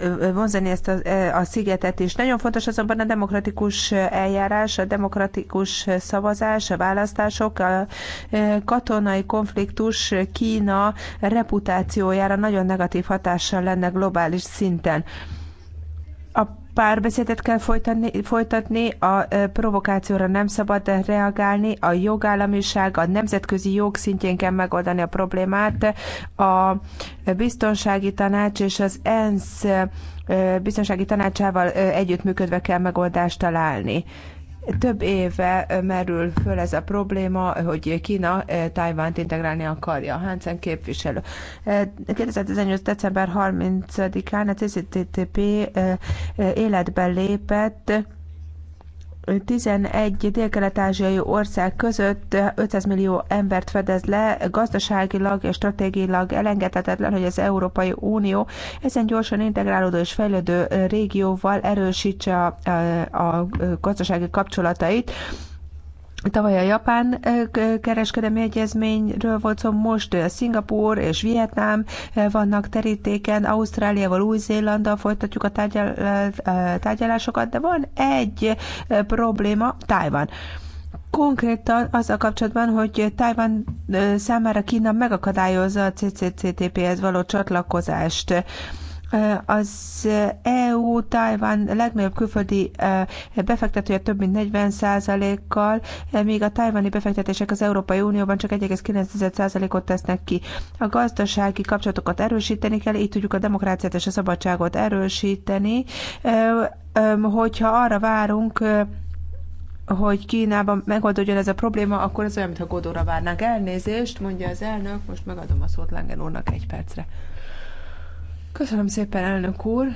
eh, vonzani ezt a, eh, a szigetet is. Nagyon fontos azonban a demokratikus eljárás, a demokratikus szavazás, a választások, a katonai konfliktus Kína reputációjára nagyon negatív hatással lenne globális szinten párbeszédet kell folytatni, folytatni a provokációra nem szabad reagálni, a jogállamiság, a nemzetközi jog szintjén kell megoldani a problémát, a biztonsági tanács és az ENSZ biztonsági tanácsával együttműködve kell megoldást találni. Több éve merül föl ez a probléma, hogy Kína Tájvánt integrálni akarja. Hansen képviselő. 2018. december 30-án a CCTTP életben lépett, 11 dél-kelet-ázsiai ország között 500 millió embert fedez le, gazdaságilag és stratégilag elengedhetetlen, hogy az Európai Unió ezen gyorsan integrálódó és fejlődő régióval erősítse a, a, a gazdasági kapcsolatait Tavaly a japán kereskedelmi egyezményről volt szó, most Szingapúr és Vietnám vannak terítéken, Ausztráliával, Új-Zélanddal folytatjuk a tárgyalásokat, de van egy probléma, Tájvan. Konkrétan azzal kapcsolatban, hogy Tájvan számára Kína megakadályozza a CCCTP-hez való csatlakozást. Az EU Taiwan legnagyobb külföldi befektetője több mint 40%-kal, míg a tajvani befektetések az Európai Unióban csak 1,9%-ot tesznek ki. A gazdasági kapcsolatokat erősíteni kell, így tudjuk a demokráciát és a szabadságot erősíteni, hogyha arra várunk, hogy Kínában megoldódjon ez a probléma, akkor ez olyan, mintha Godóra várnánk. Elnézést, mondja az elnök, most megadom a szót Lengen úrnak egy percre. Köszönöm szépen, elnök úr!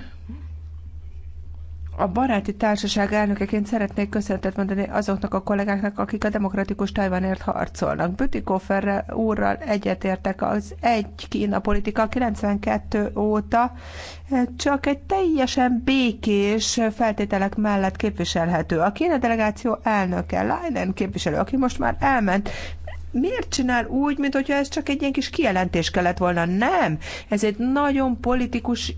A baráti társaság elnökeként szeretnék köszönetet mondani azoknak a kollégáknak, akik a demokratikus Tajvanért harcolnak. Bütikofer úrral egyetértek az egy Kína politika 92 óta csak egy teljesen békés feltételek mellett képviselhető. A Kína delegáció elnöke, Leinen képviselő, aki most már elment, miért csinál úgy, mint hogyha ez csak egy ilyen kis kijelentés kellett volna? Nem! Ez egy nagyon politikus,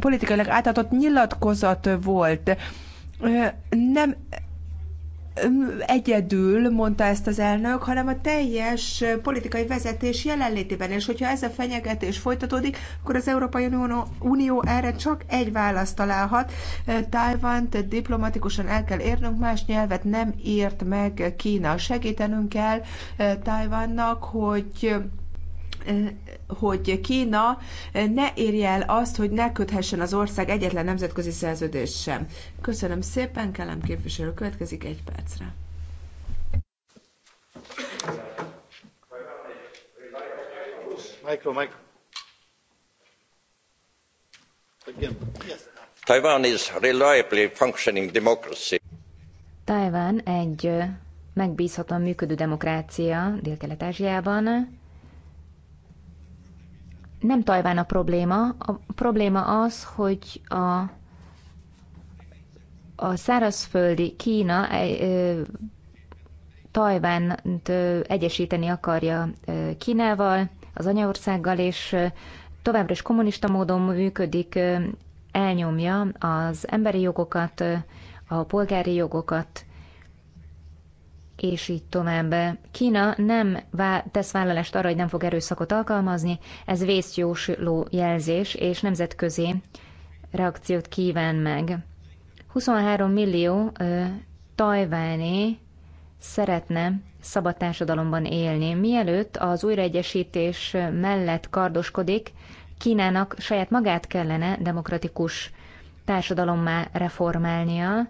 politikailag átadott nyilatkozat volt. Nem egyedül mondta ezt az elnök, hanem a teljes politikai vezetés jelenlétében. És hogyha ez a fenyegetés folytatódik, akkor az Európai Unió erre csak egy választ találhat. Tájvánt diplomatikusan el kell érnünk, más nyelvet nem ért meg Kína. Segítenünk kell Tájvánnak, hogy hogy Kína ne érje el azt, hogy ne köthessen az ország egyetlen nemzetközi szerződés sem. Köszönöm szépen, Kellem képviselő következik egy percre. Michael, Michael. Taiwan is reliably functioning democracy. Taiwan egy megbízhatóan működő demokrácia Dél-Kelet-Ázsiában, nem Tajván a probléma, a probléma az, hogy a, a szárazföldi Kína e, Tajvánt egyesíteni akarja Kínával, az anyaországgal, és továbbra is kommunista módon működik, elnyomja az emberi jogokat, a polgári jogokat, és így tovább. Kína nem vá- tesz vállalást arra, hogy nem fog erőszakot alkalmazni, ez vészjósló jelzés, és nemzetközi reakciót kíván meg. 23 millió ö, tajváni szeretne szabad társadalomban élni. Mielőtt az újraegyesítés mellett kardoskodik, Kínának saját magát kellene demokratikus társadalommá reformálnia,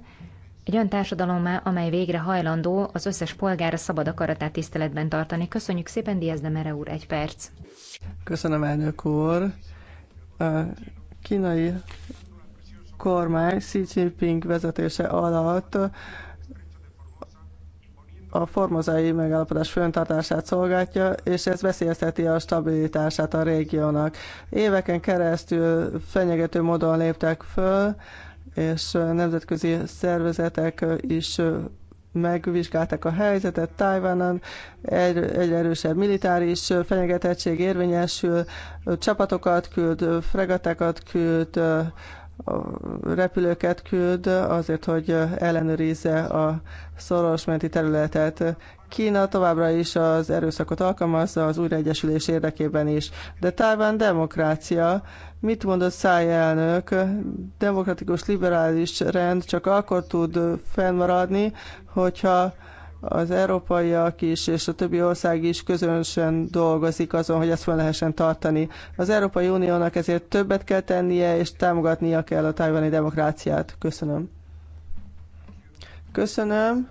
egy olyan társadalommá, amely végre hajlandó az összes polgára szabad akaratát tiszteletben tartani. Köszönjük szépen, Diaz de Mere úr, egy perc. Köszönöm, elnök úr. A kínai kormány Xi Jinping vezetése alatt a formozai megállapodás föntartását szolgálja, és ez veszélyezteti a stabilitását a régiónak. Éveken keresztül fenyegető módon léptek föl, és nemzetközi szervezetek is megvizsgálták a helyzetet. Tájvánon egy, egy erősebb militáris fenyegetettség érvényesül, csapatokat küld, fregatákat küld, repülőket küld azért, hogy ellenőrizze a szoros menti területet. Kína továbbra is az erőszakot alkalmazza az újraegyesülés érdekében is, de Tájván demokrácia, Mit mond a szájelnök? Demokratikus, liberális rend csak akkor tud fennmaradni, hogyha az európaiak is, és a többi ország is közönsen dolgozik azon, hogy ezt fel lehessen tartani. Az Európai Uniónak ezért többet kell tennie, és támogatnia kell a tajvani demokráciát. Köszönöm. Köszönöm.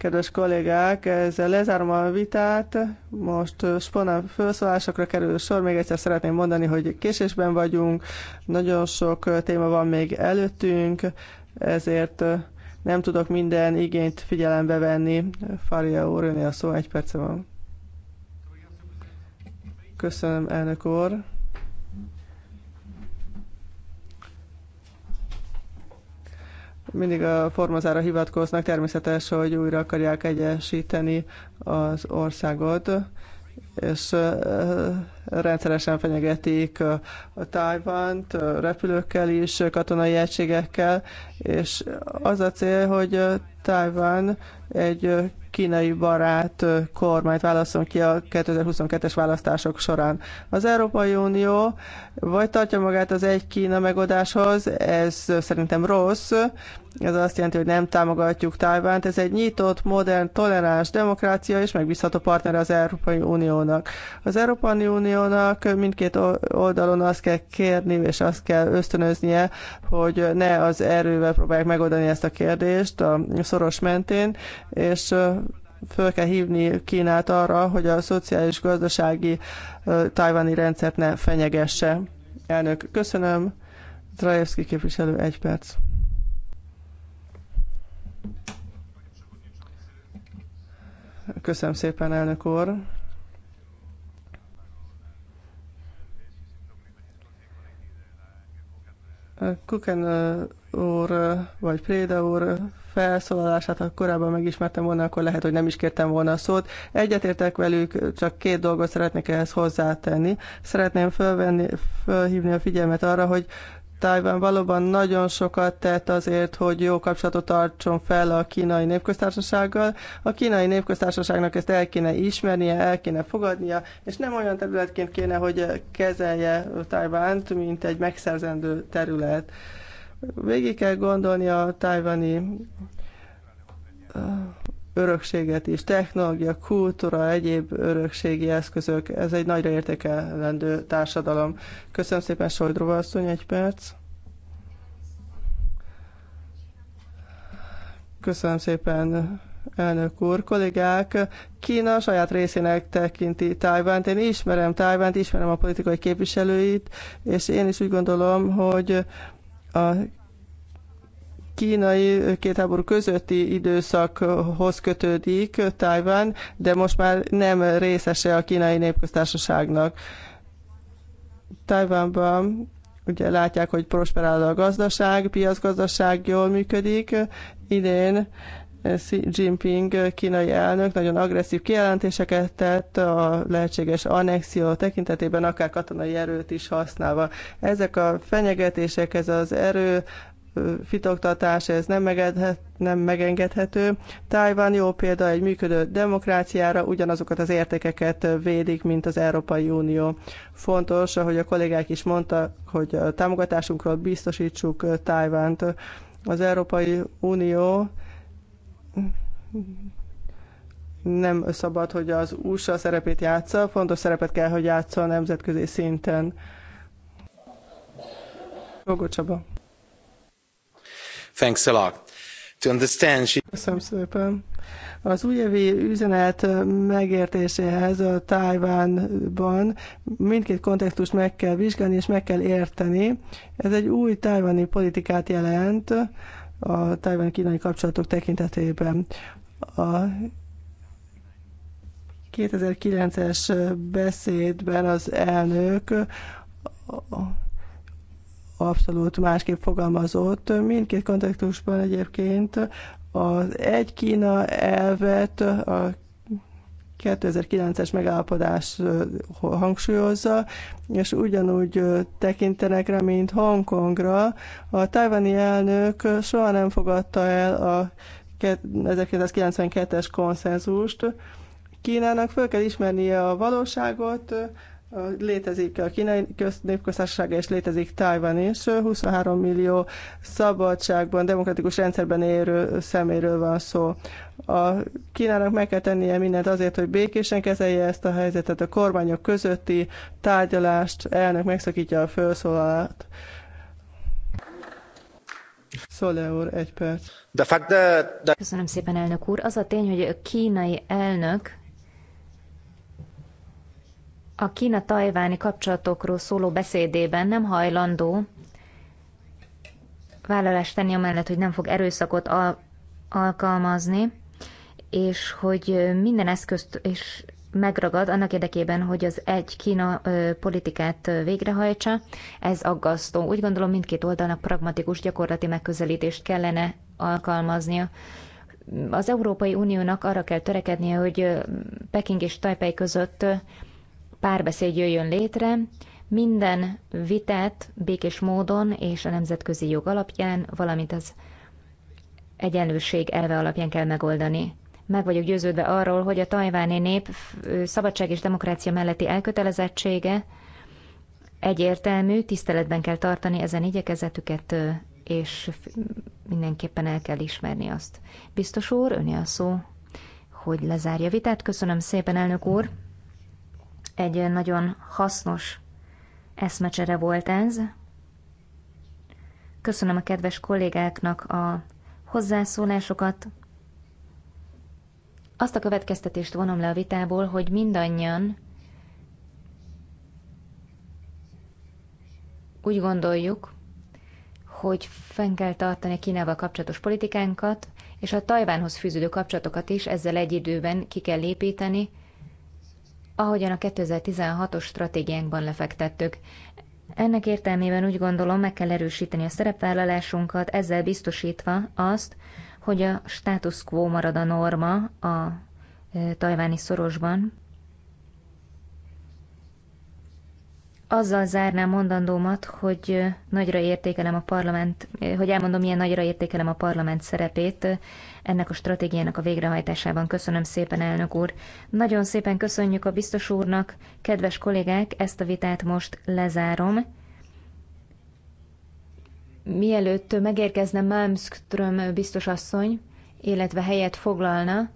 Kedves kollégák, ezzel lezárom a vitát. Most spontán felszólásokra kerül sor. Még egyszer szeretném mondani, hogy késésben vagyunk, nagyon sok téma van még előttünk, ezért nem tudok minden igényt figyelembe venni. Faria úr, a szó, egy perce van. Köszönöm, elnök úr. mindig a formozára hivatkoznak, természetes, hogy újra akarják egyesíteni az országot, és rendszeresen fenyegetik a Tájvant repülőkkel is, katonai egységekkel, és az a cél, hogy Tájván egy kínai barát kormányt válaszol ki a 2022-es választások során. Az Európai Unió vagy tartja magát az egy Kína megoldáshoz, ez szerintem rossz, ez azt jelenti, hogy nem támogatjuk Tájvánt, ez egy nyitott, modern, toleráns demokrácia és megbízható partner az Európai Uniónak. Az Európai Unió Uniónak mindkét oldalon azt kell kérni, és azt kell ösztönöznie, hogy ne az erővel próbálják megoldani ezt a kérdést a szoros mentén, és föl kell hívni Kínát arra, hogy a szociális gazdasági tajvani rendszert ne fenyegesse. Elnök, köszönöm. Zrajewski képviselő, egy perc. Köszönöm szépen, elnök úr. Kuken úr, vagy Préda úr felszólalását, ha korábban megismertem volna, akkor lehet, hogy nem is kértem volna a szót. Egyetértek velük, csak két dolgot szeretnék ehhez hozzátenni. Szeretném fölvenni, fölhívni a figyelmet arra, hogy Tajvan valóban nagyon sokat tett azért, hogy jó kapcsolatot tartson fel a kínai népköztársasággal. A kínai népköztársaságnak ezt el kéne ismernie, el kéne fogadnia, és nem olyan területként kéne, hogy kezelje Tajvánt, mint egy megszerzendő terület. Végig kell gondolni a tajvani örökséget is, technológia, kultúra, egyéb örökségi eszközök. Ez egy nagyra értékelendő társadalom. Köszönöm szépen, Sojdrova asszony, egy perc. Köszönöm szépen, elnök úr, kollégák. Kína saját részének tekinti Tájvánt. Én ismerem Tájvánt, ismerem a politikai képviselőit, és én is úgy gondolom, hogy a kínai két háború közötti időszakhoz kötődik Tájván, de most már nem részese a kínai népköztársaságnak. Tájvánban ugye látják, hogy prosperál a gazdaság, piacgazdaság jól működik. Idén Xi Jinping kínai elnök nagyon agresszív kijelentéseket tett a lehetséges annexió tekintetében, akár katonai erőt is használva. Ezek a fenyegetések, ez az erő fitoktatás, ez nem, megedhet, nem megengedhető. Tájván jó példa egy működő demokráciára, ugyanazokat az értékeket védik, mint az Európai Unió. Fontos, ahogy a kollégák is mondtak, hogy a támogatásunkról biztosítsuk Tájvánt. Az Európai Unió nem szabad, hogy az USA szerepét játsza, fontos szerepet kell, hogy játsza a nemzetközi szinten. Rogó Csaba. Thanks a lot. To understand, she... Köszönöm szépen. Az újévi üzenet megértéséhez a Tájvánban mindkét kontextust meg kell vizsgálni és meg kell érteni. Ez egy új tájvani politikát jelent a tájván-kínai kapcsolatok tekintetében. A 2009-es beszédben az elnök abszolút másképp fogalmazott. Mindkét kontextusban egyébként az egy Kína elvet a 2009-es megállapodás hangsúlyozza, és ugyanúgy tekintenek rá, mint Hongkongra. A tájvani elnök soha nem fogadta el a 1992-es konszenzust. Kínának föl kell ismernie a valóságot, Létezik a kínai népköztársaság, és létezik Tájvan is. 23 millió szabadságban, demokratikus rendszerben érő szeméről van szó. A Kínának meg kell tennie mindent azért, hogy békésen kezelje ezt a helyzetet, a kormányok közötti tárgyalást, elnök megszakítja a felszólalát. Szóle úr, egy perc. Köszönöm szépen, elnök úr. Az a tény, hogy a kínai elnök a Kína-Tajváni kapcsolatokról szóló beszédében nem hajlandó vállalást tenni amellett, hogy nem fog erőszakot al- alkalmazni, és hogy minden eszközt és megragad annak érdekében, hogy az egy Kína politikát végrehajtsa. Ez aggasztó. Úgy gondolom, mindkét oldalnak pragmatikus, gyakorlati megközelítést kellene alkalmaznia. Az Európai Uniónak arra kell törekednie, hogy Peking és Tajpej között párbeszéd jöjjön létre, minden vitát békés módon és a nemzetközi jog alapján, valamint az egyenlőség elve alapján kell megoldani. Meg vagyok győződve arról, hogy a tajváni nép szabadság és demokrácia melletti elkötelezettsége egyértelmű, tiszteletben kell tartani ezen igyekezetüket, és mindenképpen el kell ismerni azt. Biztos úr, öné a szó, hogy lezárja vitát. Köszönöm szépen, elnök úr! Egy nagyon hasznos eszmecsere volt ez. Köszönöm a kedves kollégáknak a hozzászólásokat. Azt a következtetést vonom le a vitából, hogy mindannyian úgy gondoljuk, hogy fenn kell tartani Kínával kapcsolatos politikánkat, és a Tajvánhoz fűződő kapcsolatokat is ezzel egy időben ki kell építeni, ahogyan a 2016-os stratégiánkban lefektettük. Ennek értelmében úgy gondolom, meg kell erősíteni a szerepvállalásunkat, ezzel biztosítva azt, hogy a status quo marad a norma a e, tajváni szorosban, azzal zárnám mondandómat, hogy nagyra értékelem a parlament, hogy elmondom, milyen nagyra értékelem a parlament szerepét ennek a stratégiának a végrehajtásában. Köszönöm szépen, elnök úr. Nagyon szépen köszönjük a biztos úrnak. Kedves kollégák, ezt a vitát most lezárom. Mielőtt megérkezne Malmström asszony, illetve helyet foglalna,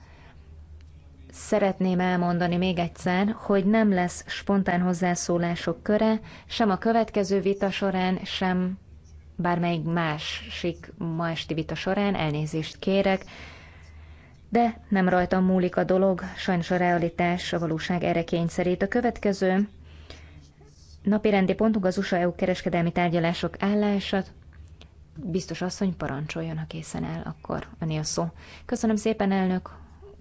Szeretném elmondani még egyszer, hogy nem lesz spontán hozzászólások köre, sem a következő vita során, sem bármelyik másik ma esti vita során, elnézést kérek, de nem rajtam múlik a dolog, sajnos a realitás, a valóság erre kényszerít. A következő napirendi pontunk az USA-EU kereskedelmi tárgyalások állását, biztos asszony parancsoljon, ha készen áll, akkor öné a szó. Köszönöm szépen, elnök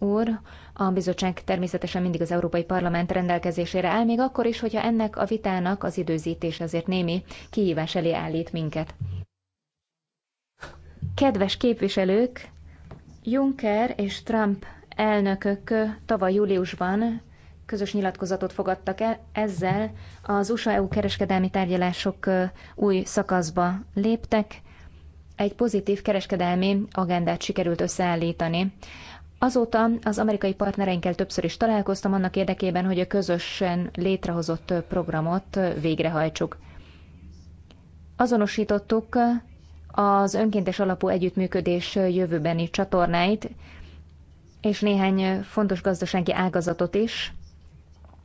úr, a bizottság természetesen mindig az Európai Parlament rendelkezésére áll, még akkor is, hogyha ennek a vitának az időzítés azért némi kihívás elé állít minket. Kedves képviselők, Juncker és Trump elnökök tavaly júliusban közös nyilatkozatot fogadtak el, ezzel az USA-EU e kereskedelmi tárgyalások új szakaszba léptek, egy pozitív kereskedelmi agendát sikerült összeállítani. Azóta az amerikai partnereinkkel többször is találkoztam annak érdekében, hogy a közösen létrehozott programot végrehajtsuk. Azonosítottuk az önkéntes alapú együttműködés jövőbeni csatornáit, és néhány fontos gazdasági ágazatot is,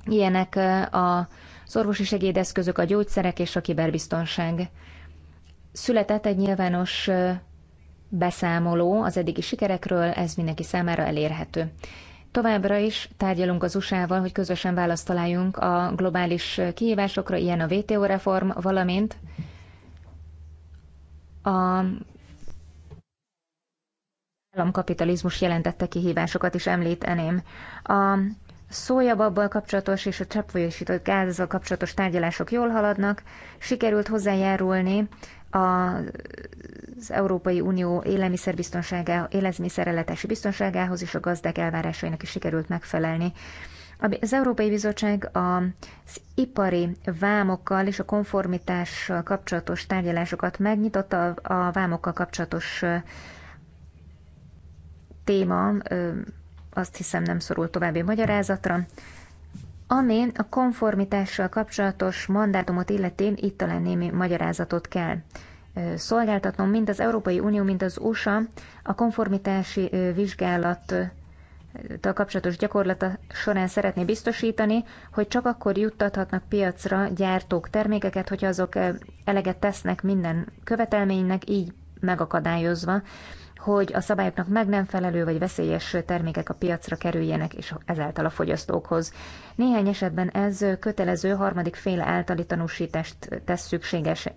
ilyenek az orvosi segédeszközök, a gyógyszerek és a kiberbiztonság. Született egy nyilvános beszámoló az eddigi sikerekről, ez mindenki számára elérhető. Továbbra is tárgyalunk az USA-val, hogy közösen választ találjunk a globális kihívásokra, ilyen a WTO reform, valamint a államkapitalizmus jelentette kihívásokat is említeném. A szójababbal kapcsolatos és a cseppfolyósított gázzal kapcsolatos tárgyalások jól haladnak. Sikerült hozzájárulni az Európai Unió élelmiszerbiztonságához, élelmiszerellátási biztonságához és a gazdák elvárásainak is sikerült megfelelni. Az Európai Bizottság az ipari vámokkal és a konformitással kapcsolatos tárgyalásokat megnyitotta a vámokkal kapcsolatos téma azt hiszem nem szorul további magyarázatra. Ami a konformitással kapcsolatos mandátumot illeti, itt talán némi magyarázatot kell szolgáltatnom, mind az Európai Unió, mind az USA a konformitási vizsgálat kapcsolatos gyakorlata során szeretné biztosítani, hogy csak akkor juttathatnak piacra gyártók termékeket, hogyha azok eleget tesznek minden követelménynek, így megakadályozva hogy a szabályoknak meg nem felelő vagy veszélyes termékek a piacra kerüljenek, és ezáltal a fogyasztókhoz. Néhány esetben ez kötelező harmadik fél általi tanúsítást tesz szükségesé.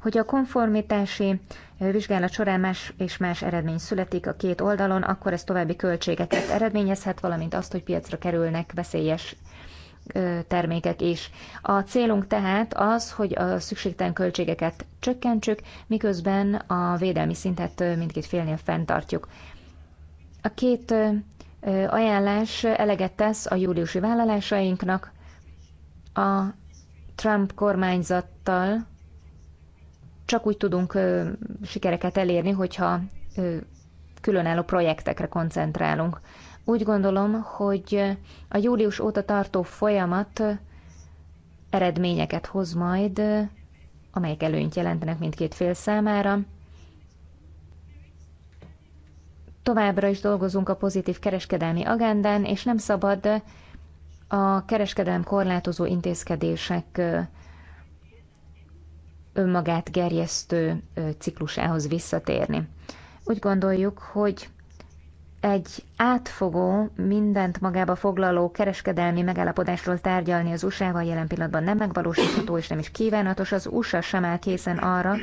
Hogy a konformitási vizsgálat során más és más eredmény születik a két oldalon, akkor ez további költségeket eredményezhet, valamint azt, hogy piacra kerülnek veszélyes termékek is. A célunk tehát az, hogy a szükségtelen költségeket csökkentsük, miközben a védelmi szintet mindkét félnél fenntartjuk. A két ajánlás eleget tesz a júliusi vállalásainknak, a Trump kormányzattal csak úgy tudunk sikereket elérni, hogyha különálló projektekre koncentrálunk. Úgy gondolom, hogy a július óta tartó folyamat eredményeket hoz majd, amelyek előnyt jelentenek mindkét fél számára. Továbbra is dolgozunk a pozitív kereskedelmi agendán, és nem szabad a kereskedelem korlátozó intézkedések önmagát gerjesztő ciklusához visszatérni. Úgy gondoljuk, hogy egy átfogó, mindent magába foglaló kereskedelmi megállapodásról tárgyalni az USA-val jelen pillanatban nem megvalósítható és nem is kívánatos. Az USA sem áll készen arra,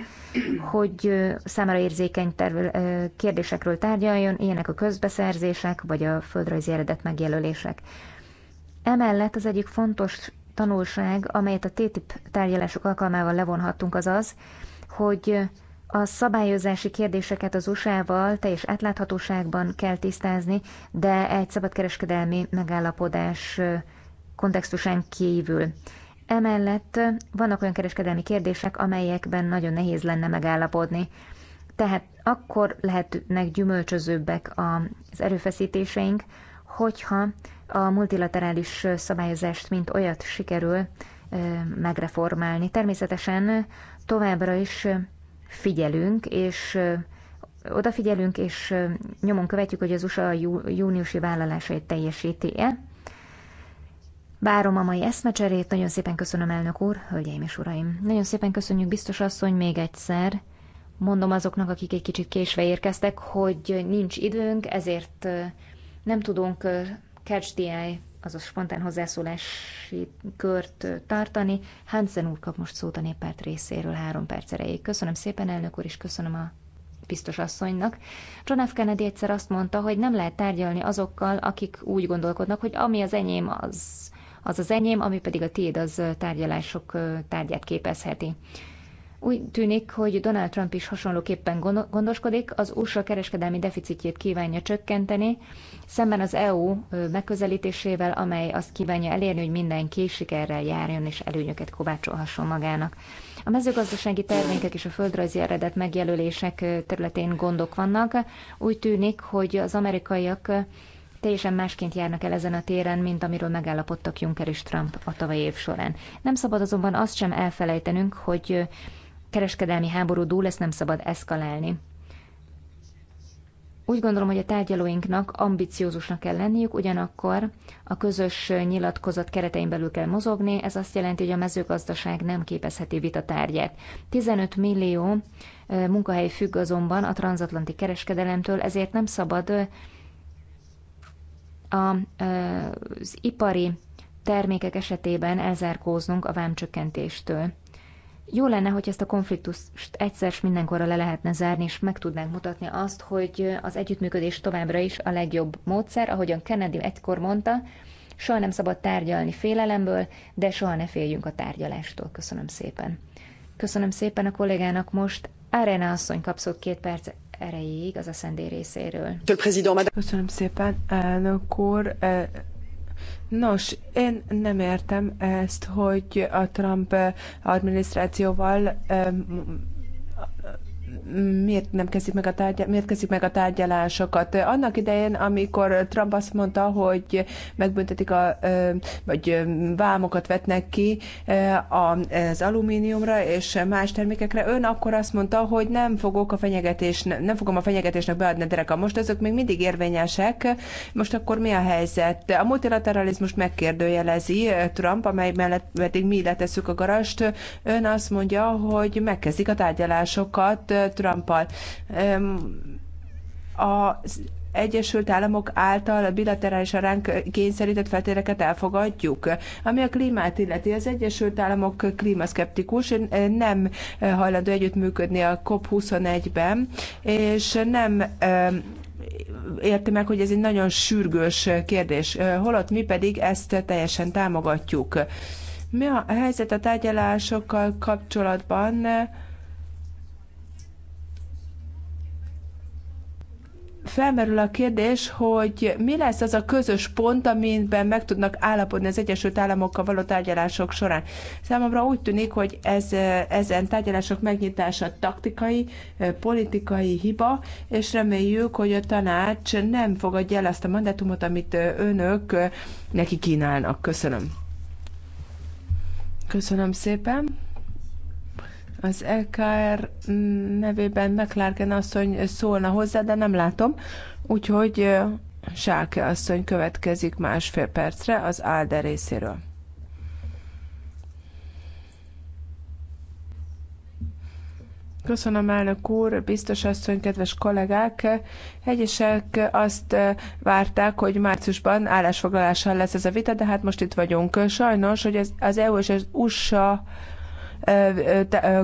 hogy számára érzékeny terv- kérdésekről tárgyaljon, ilyenek a közbeszerzések vagy a földrajzi eredet megjelölések. Emellett az egyik fontos tanulság, amelyet a TTIP tárgyalások alkalmával levonhattunk, az az, hogy a szabályozási kérdéseket az USA-val teljes átláthatóságban kell tisztázni, de egy szabadkereskedelmi megállapodás kontextusán kívül. Emellett vannak olyan kereskedelmi kérdések, amelyekben nagyon nehéz lenne megállapodni. Tehát akkor lehetnek gyümölcsözőbbek az erőfeszítéseink, hogyha a multilaterális szabályozást, mint olyat sikerül megreformálni. Természetesen továbbra is figyelünk, és odafigyelünk, és nyomon követjük, hogy az USA júniusi vállalásait teljesíti-e. Várom a mai eszmecserét, nagyon szépen köszönöm, elnök úr, hölgyeim és uraim. Nagyon szépen köszönjük, biztos asszony, még egyszer. Mondom azoknak, akik egy kicsit késve érkeztek, hogy nincs időnk, ezért nem tudunk catch the eye azaz spontán hozzászólási kört tartani. Hansen úr kap most szót a néppárt részéről három perc erejéig. Köszönöm szépen, elnök úr, és köszönöm a biztos asszonynak. John F. Kennedy egyszer azt mondta, hogy nem lehet tárgyalni azokkal, akik úgy gondolkodnak, hogy ami az enyém, az az, az enyém, ami pedig a tiéd, az tárgyalások tárgyát képezheti. Úgy tűnik, hogy Donald Trump is hasonlóképpen gondoskodik, az USA kereskedelmi deficitjét kívánja csökkenteni, szemben az EU megközelítésével, amely azt kívánja elérni, hogy mindenki sikerrel járjon és előnyöket kovácsolhasson magának. A mezőgazdasági termékek és a földrajzi eredet megjelölések területén gondok vannak. Úgy tűnik, hogy az amerikaiak teljesen másként járnak el ezen a téren, mint amiről megállapodtak Juncker és Trump a tavalyi év során. Nem szabad azonban azt sem elfelejtenünk, hogy kereskedelmi háború dúl, ezt nem szabad eszkalálni. Úgy gondolom, hogy a tárgyalóinknak ambiciózusnak kell lenniük, ugyanakkor a közös nyilatkozat keretein belül kell mozogni, ez azt jelenti, hogy a mezőgazdaság nem képezheti vita tárgyát. 15 millió munkahely függ azonban a transatlanti kereskedelemtől, ezért nem szabad a, az ipari termékek esetében elzárkóznunk a vámcsökkentéstől. Jó lenne, hogy ezt a konfliktust egyszer és mindenkorra le lehetne zárni, és meg tudnánk mutatni azt, hogy az együttműködés továbbra is a legjobb módszer, ahogyan Kennedy egykor mondta, soha nem szabad tárgyalni félelemből, de soha ne féljünk a tárgyalástól. Köszönöm szépen. Köszönöm szépen a kollégának most. Arena asszony kapszott két perc erejéig az a szendély részéről. Köszönöm szépen, elnök úr. Eh, Nos, én nem értem ezt, hogy a Trump eh, adminisztrációval eh, miért nem kezdik meg a, tárgyal, miért kezdik meg a tárgyalásokat. Annak idején, amikor Trump azt mondta, hogy megbüntetik a, vagy vámokat vetnek ki az alumíniumra és más termékekre, ön akkor azt mondta, hogy nem fogok a fenyegetés, nem fogom a fenyegetésnek beadni a derekam. Most ezek még mindig érvényesek. Most akkor mi a helyzet? A multilateralizmus megkérdőjelezi Trump, amely mellett pedig mi letesszük a garast. Ön azt mondja, hogy megkezdik a tárgyalásokat Trumpal. A Egyesült Államok által a bilaterális ránk kényszerített feltéreket elfogadjuk. Ami a klímát illeti, az Egyesült Államok klímaszkeptikus, nem hajlandó együttműködni a COP21-ben, és nem érti meg, hogy ez egy nagyon sürgős kérdés, holott mi pedig ezt teljesen támogatjuk. Mi a helyzet a tárgyalásokkal kapcsolatban? felmerül a kérdés, hogy mi lesz az a közös pont, amiben meg tudnak állapodni az Egyesült Államokkal való tárgyalások során. Számomra úgy tűnik, hogy ez, ezen tárgyalások megnyitása taktikai, eh, politikai hiba, és reméljük, hogy a tanács nem fogadja el azt a mandátumot, amit eh, önök eh, neki kínálnak. Köszönöm. Köszönöm szépen. Az LKR nevében McLarken asszony szólna hozzá, de nem látom. Úgyhogy Sáke asszony következik másfél percre az Alder részéről. Köszönöm, elnök úr, biztos asszony, kedves kollégák! Egyesek azt várták, hogy márciusban állásfoglalással lesz ez a vita, de hát most itt vagyunk. Sajnos, hogy az EU és az USA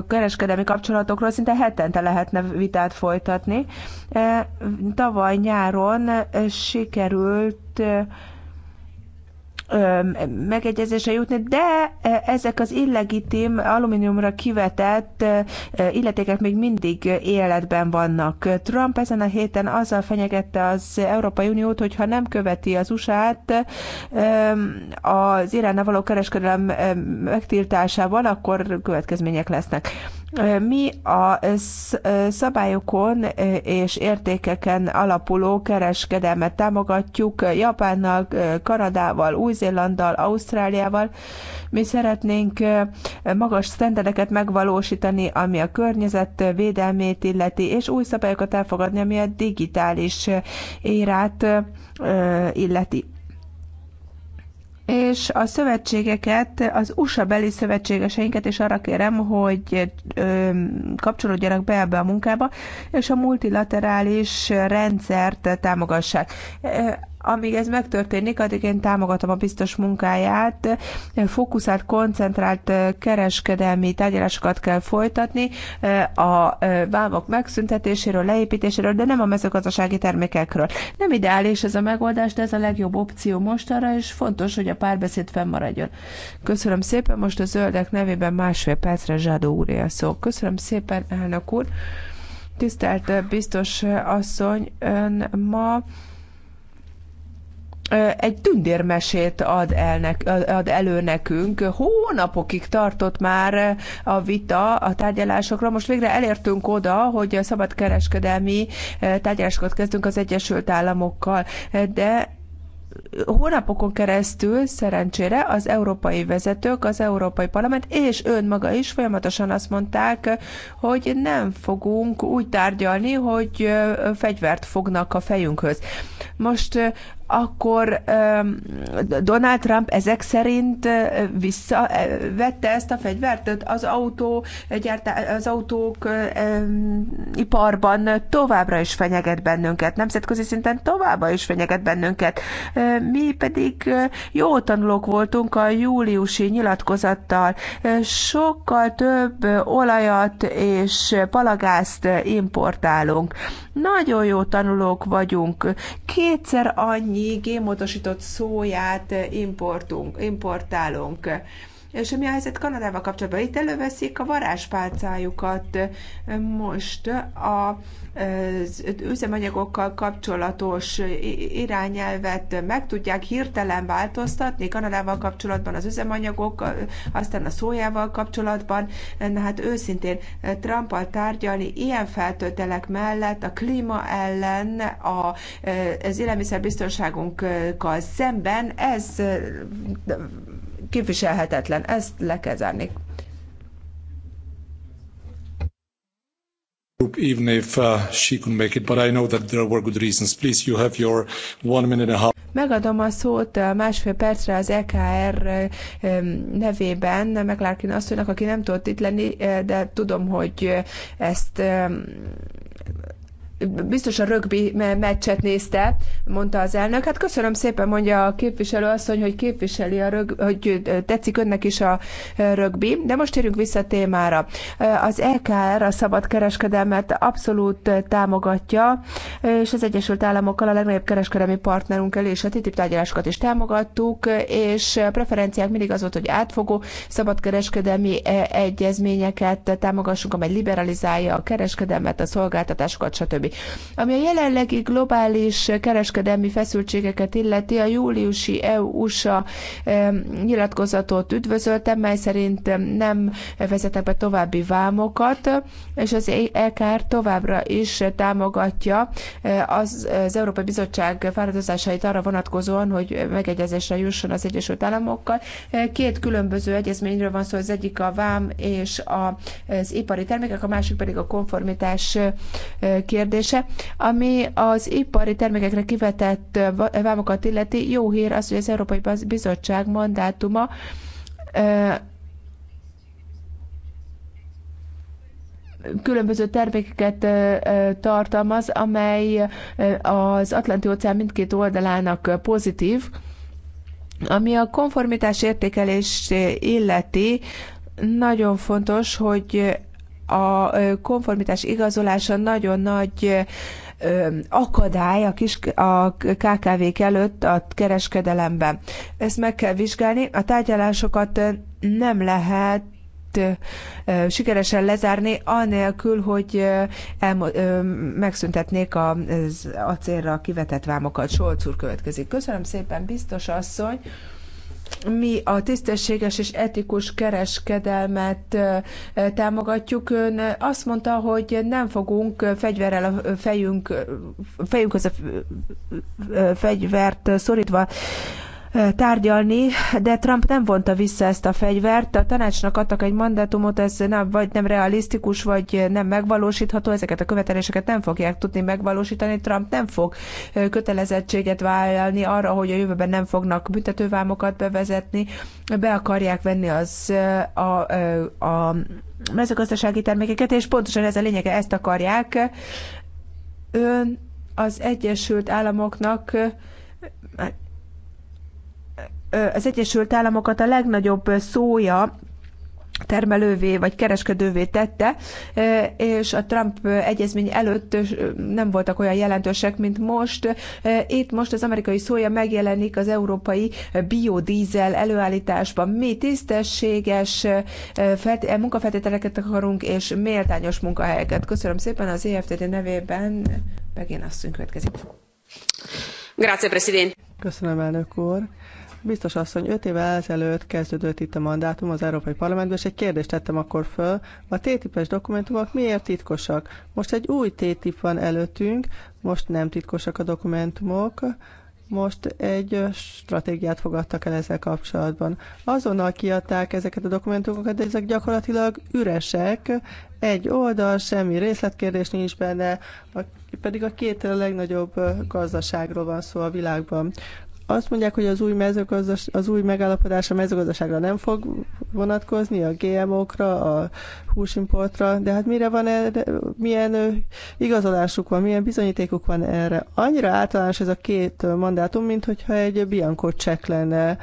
kereskedelmi kapcsolatokról szinte hetente lehetne vitát folytatni. Tavaly nyáron sikerült megegyezésre jutni, de ezek az illegitim alumíniumra kivetett illetékek még mindig életben vannak. Trump ezen a héten azzal fenyegette az Európai Uniót, hogy ha nem követi az USA-t az Iránnal való kereskedelem megtiltásával, akkor következmények lesznek. Mi a szabályokon e, és értékeken alapuló kereskedelmet támogatjuk e, Japánnal, e, Kanadával, Új-Zélanddal, Ausztráliával. Mi szeretnénk magas sztendereket megvalósítani, ami a környezet védelmét illeti, és új szabályokat elfogadni, ami a digitális érát illeti és a szövetségeket, az USA beli szövetségeseinket is arra kérem, hogy kapcsolódjanak be ebbe a munkába, és a multilaterális rendszert támogassák. Amíg ez megtörténik, addig én támogatom a biztos munkáját. Fókuszált, koncentrált eh, kereskedelmi tárgyalásokat kell folytatni eh, a eh, vámok megszüntetéséről, leépítéséről, de nem a mezőgazdasági termékekről. Nem ideális ez a megoldás, de ez a legjobb opció most arra, és fontos, hogy a párbeszéd fennmaradjon. Köszönöm szépen, most a zöldek nevében másfél percre Zsádó úré a szó. Köszönöm szépen, elnök úr. Tisztelt biztos asszony, ön ma egy tündérmesét ad, el nek, ad elő nekünk. Hónapokig tartott már a vita a tárgyalásokra. Most végre elértünk oda, hogy a szabadkereskedelmi tárgyalásokat kezdünk az Egyesült Államokkal, de hónapokon keresztül szerencsére az európai vezetők, az Európai Parlament és ön maga is folyamatosan azt mondták, hogy nem fogunk úgy tárgyalni, hogy fegyvert fognak a fejünkhöz. Most akkor Donald Trump ezek szerint visszavette ezt a fegyvert az, autó, az autók iparban továbbra is fenyeget bennünket, nemzetközi szinten továbbra is fenyeget bennünket. Mi pedig jó tanulók voltunk a júliusi nyilatkozattal. Sokkal több olajat és palagázt importálunk. Nagyon jó tanulók vagyunk. Kétszer annyi mi szóját importunk, importálunk. És mi a helyzet Kanadával kapcsolatban? Itt előveszik a varázspálcájukat most a az üzemanyagokkal kapcsolatos irányelvet meg tudják hirtelen változtatni Kanadával kapcsolatban, az üzemanyagok, aztán a szójával kapcsolatban. Na hát őszintén Trumpal tárgyalni ilyen feltöltelek mellett a klíma ellen, a, az élelmiszerbiztonságunkkal szemben, ez kiviselhetetlen, Ezt le kell zárni. even if uh, she couldn't make it, but I know that there were good reasons. Please, you have your one minute and a half. Megadom a szót uh, másfél percre az EKR uh, um, nevében McLarkin asszonynak, aki nem tudott itt lenni, uh, de tudom, hogy ezt um, biztos a rögbi meccset nézte, mondta az elnök. Hát köszönöm szépen, mondja a képviselő asszony, hogy képviseli a rög, hogy tetszik önnek is a rögbi. De most térjünk vissza a témára. Az EKR a szabad kereskedelmet abszolút támogatja, és az Egyesült Államokkal a legnagyobb kereskedelmi partnerünkkel és a TTIP tárgyalásokat is támogattuk, és preferenciák mindig az volt, hogy átfogó szabadkereskedelmi egyezményeket támogassunk, amely liberalizálja a kereskedelmet, a szolgáltatásokat, stb. Ami a jelenlegi globális kereskedelmi feszültségeket illeti, a júliusi EU-USA nyilatkozatot üdvözöltem, mely szerint nem vezetnek be további vámokat, és az EKR továbbra is támogatja az, az Európai Bizottság fáradozásait arra vonatkozóan, hogy megegyezésre jusson az Egyesült Államokkal. Két különböző egyezményről van szó, az egyik a vám és az ipari termékek, a másik pedig a konformitás kérdés kérdése, ami az ipari termékekre kivetett eh, vámokat illeti. Jó hír az, hogy az Európai Bizottság mandátuma eh, különböző termékeket eh, tartalmaz, amely az Atlanti-óceán mindkét oldalának pozitív, ami a konformitás értékelés illeti, nagyon fontos, hogy a konformitás igazolása nagyon nagy akadály a, kis, a KKV-k előtt a kereskedelemben. Ezt meg kell vizsgálni. A tárgyalásokat nem lehet sikeresen lezárni, anélkül, hogy elmo- megszüntetnék az acélra kivetett vámokat. Solc úr következik. Köszönöm szépen, biztos asszony mi a tisztességes és etikus kereskedelmet támogatjuk. Ön azt mondta, hogy nem fogunk fegyverrel a fejünk, az a fegyvert szorítva tárgyalni, de Trump nem vonta vissza ezt a fegyvert. A tanácsnak adtak egy mandátumot, ez nem, vagy nem realisztikus, vagy nem megvalósítható, ezeket a követeléseket nem fogják tudni megvalósítani. Trump nem fog kötelezettséget vállalni arra, hogy a jövőben nem fognak büntetővámokat bevezetni, be akarják venni az a, a, a mezőgazdasági termékeket, és pontosan ez a lényege, ezt akarják. Ön az Egyesült Államoknak az Egyesült Államokat a legnagyobb szója termelővé vagy kereskedővé tette, és a Trump egyezmény előtt nem voltak olyan jelentősek, mint most. Itt most az amerikai szója megjelenik az európai biodízel előállításban. Mi tisztességes munkafeltételeket akarunk, és méltányos munkahelyeket. Köszönöm szépen az EFTD nevében. Megint azt következik. Grazie, Presidente. Köszönöm, elnök úr. Biztos asszony, öt évvel ezelőtt kezdődött itt a mandátum az Európai Parlamentben, és egy kérdést tettem akkor föl, a TTIP-es dokumentumok miért titkosak? Most egy új TTIP van előttünk, most nem titkosak a dokumentumok, most egy stratégiát fogadtak el ezzel kapcsolatban. Azonnal kiadták ezeket a dokumentumokat, de ezek gyakorlatilag üresek, egy oldal, semmi részletkérdés nincs benne, a, pedig a két legnagyobb gazdaságról van szó a világban. Azt mondják, hogy az új, mezőgazdas, az új megállapodás a mezőgazdaságra nem fog vonatkozni, a GMO-kra, a húsimportra, de hát mire van erre, milyen igazolásuk van, milyen bizonyítékuk van erre. Annyira általános ez a két mandátum, mint hogyha egy Bianco csekk lenne.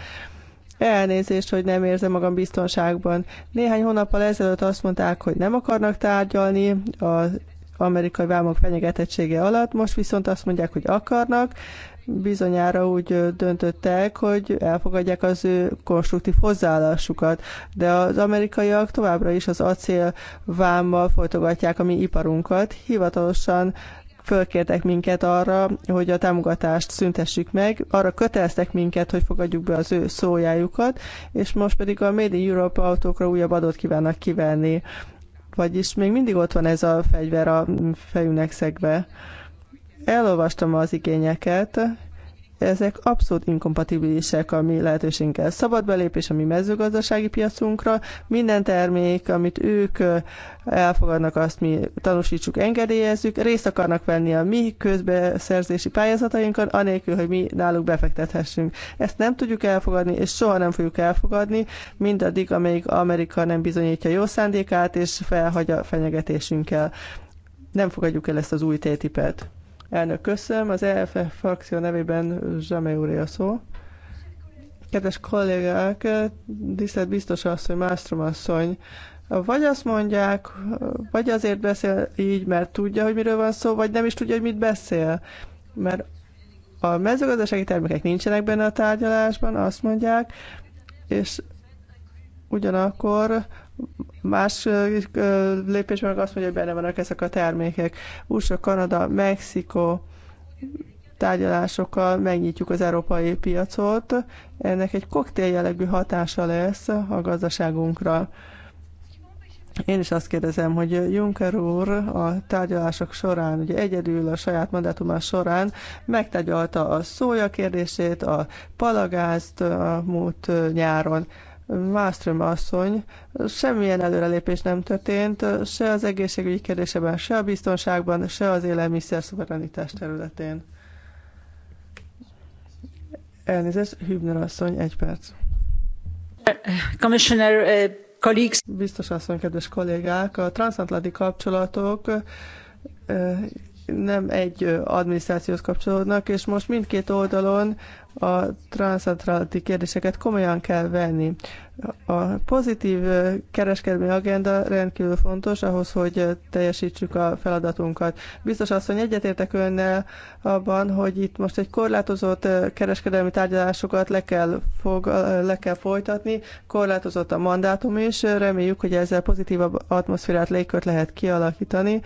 Elnézést, hogy nem érzem magam biztonságban. Néhány hónappal ezelőtt azt mondták, hogy nem akarnak tárgyalni az amerikai vámok fenyegetettsége alatt, most viszont azt mondják, hogy akarnak, bizonyára úgy döntöttek, hogy elfogadják az ő konstruktív hozzáállásukat, de az amerikaiak továbbra is az acél vámmal folytogatják a mi iparunkat. Hivatalosan fölkértek minket arra, hogy a támogatást szüntessük meg, arra köteleztek minket, hogy fogadjuk be az ő szójájukat, és most pedig a Made in Europe autókra újabb adót kívánnak kivenni. Vagyis még mindig ott van ez a fegyver a fejünek szegve. Elolvastam az igényeket, ezek abszolút inkompatibilisek a mi lehetőségünkkel. Szabad belépés a mi mezőgazdasági piacunkra, minden termék, amit ők elfogadnak, azt mi tanúsítsuk, engedélyezzük, részt akarnak venni a mi közbeszerzési pályázatainkon, anélkül, hogy mi náluk befektethessünk. Ezt nem tudjuk elfogadni, és soha nem fogjuk elfogadni, mindaddig, amíg Amerika nem bizonyítja jó szándékát, és felhagy a fenyegetésünkkel. Nem fogadjuk el ezt az új tétipet. Elnök, köszönöm. Az EFF frakció nevében Zsamé úr a szó. Kedves kollégák, tisztelt biztos asszony, Mástrom asszony, vagy azt mondják, vagy azért beszél így, mert tudja, hogy miről van szó, vagy nem is tudja, hogy mit beszél. Mert a mezőgazdasági termékek nincsenek benne a tárgyalásban, azt mondják, és ugyanakkor Más lépésben meg azt mondja, hogy benne vannak ezek a termékek. USA, Kanada, Mexiko tárgyalásokkal megnyitjuk az európai piacot. Ennek egy koktél jellegű hatása lesz a gazdaságunkra. Én is azt kérdezem, hogy Juncker úr a tárgyalások során, ugye egyedül a saját mandátumán során megtagyalta a szója kérdését, a palagázt a múlt nyáron. Wallström asszony, semmilyen előrelépés nem történt, se az egészségügyi kérdésében, se a biztonságban, se az élelmiszer szuverenitás területén. Elnézést, Hübner asszony, egy perc. Commissioner, uh, colleagues. Biztos asszony, kedves kollégák, a transatlanti kapcsolatok eh, nem egy adminisztrációhoz kapcsolódnak, és most mindkét oldalon a transatlanti kérdéseket komolyan kell venni. A pozitív kereskedelmi agenda rendkívül fontos ahhoz, hogy teljesítsük a feladatunkat. Biztos azt, hogy egyetértek önnel abban, hogy itt most egy korlátozott kereskedelmi tárgyalásokat le kell, fog, le kell folytatni, korlátozott a mandátum is, reméljük, hogy ezzel pozitívabb atmoszférát, légkört lehet kialakítani,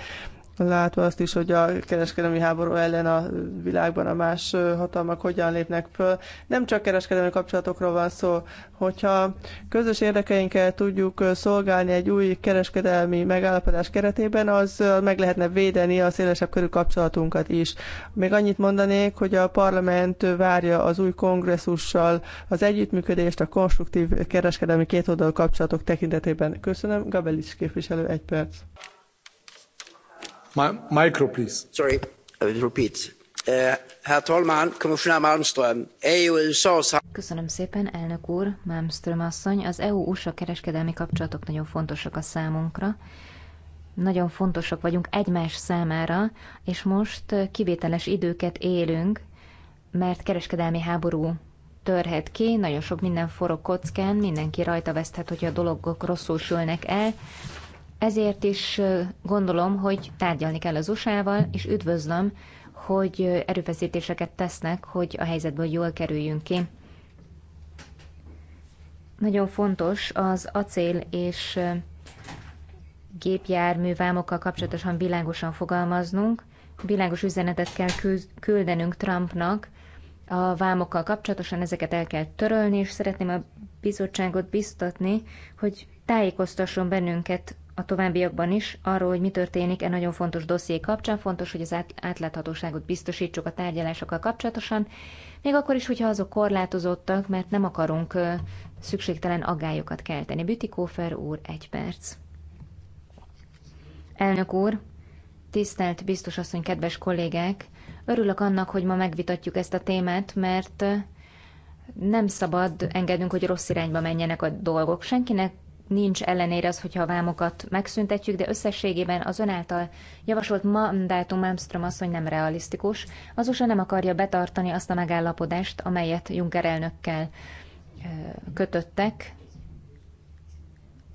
látva azt is, hogy a kereskedelmi háború ellen a világban a más hatalmak hogyan lépnek föl. Nem csak kereskedelmi kapcsolatokról van szó, hogyha közös érdekeinket tudjuk szolgálni egy új kereskedelmi megállapodás keretében, az meg lehetne védeni a szélesebb körű kapcsolatunkat is. Még annyit mondanék, hogy a parlament várja az új kongresszussal az együttműködést a konstruktív kereskedelmi kétoldalú kapcsolatok tekintetében. Köszönöm, Gabelics képviselő, egy perc. Eh, Herr Tolman, Commissioner Malmström, EU USA... Köszönöm szépen, elnök úr, Malmström asszony. Az EU-USA kereskedelmi kapcsolatok nagyon fontosak a számunkra. Nagyon fontosak vagyunk egymás számára, és most eh, kivételes időket élünk, mert kereskedelmi háború törhet ki, nagyon sok minden forog kockán, mindenki rajta veszthet, hogy a dolgok rosszul sülnek el, ezért is gondolom, hogy tárgyalni kell az USA-val, és üdvözlöm, hogy erőfeszítéseket tesznek, hogy a helyzetből jól kerüljünk ki. Nagyon fontos az acél és gépjárművámokkal kapcsolatosan világosan fogalmaznunk, világos üzenetet kell küldenünk Trumpnak a vámokkal kapcsolatosan, ezeket el kell törölni, és szeretném a bizottságot biztatni, hogy tájékoztasson bennünket a továbbiakban is arról, hogy mi történik e nagyon fontos dosszié kapcsán. Fontos, hogy az átláthatóságot biztosítsuk a tárgyalásokkal kapcsolatosan, még akkor is, hogyha azok korlátozottak, mert nem akarunk szükségtelen aggályokat kelteni. Bütikófer úr, egy perc. Elnök úr, tisztelt biztos asszony, kedves kollégák! Örülök annak, hogy ma megvitatjuk ezt a témát, mert nem szabad engednünk, hogy rossz irányba menjenek a dolgok. Senkinek nincs ellenére az, hogyha a vámokat megszüntetjük, de összességében az ön által javasolt mandátum Malmström asszony nem realisztikus. Az USA nem akarja betartani azt a megállapodást, amelyet Juncker elnökkel kötöttek.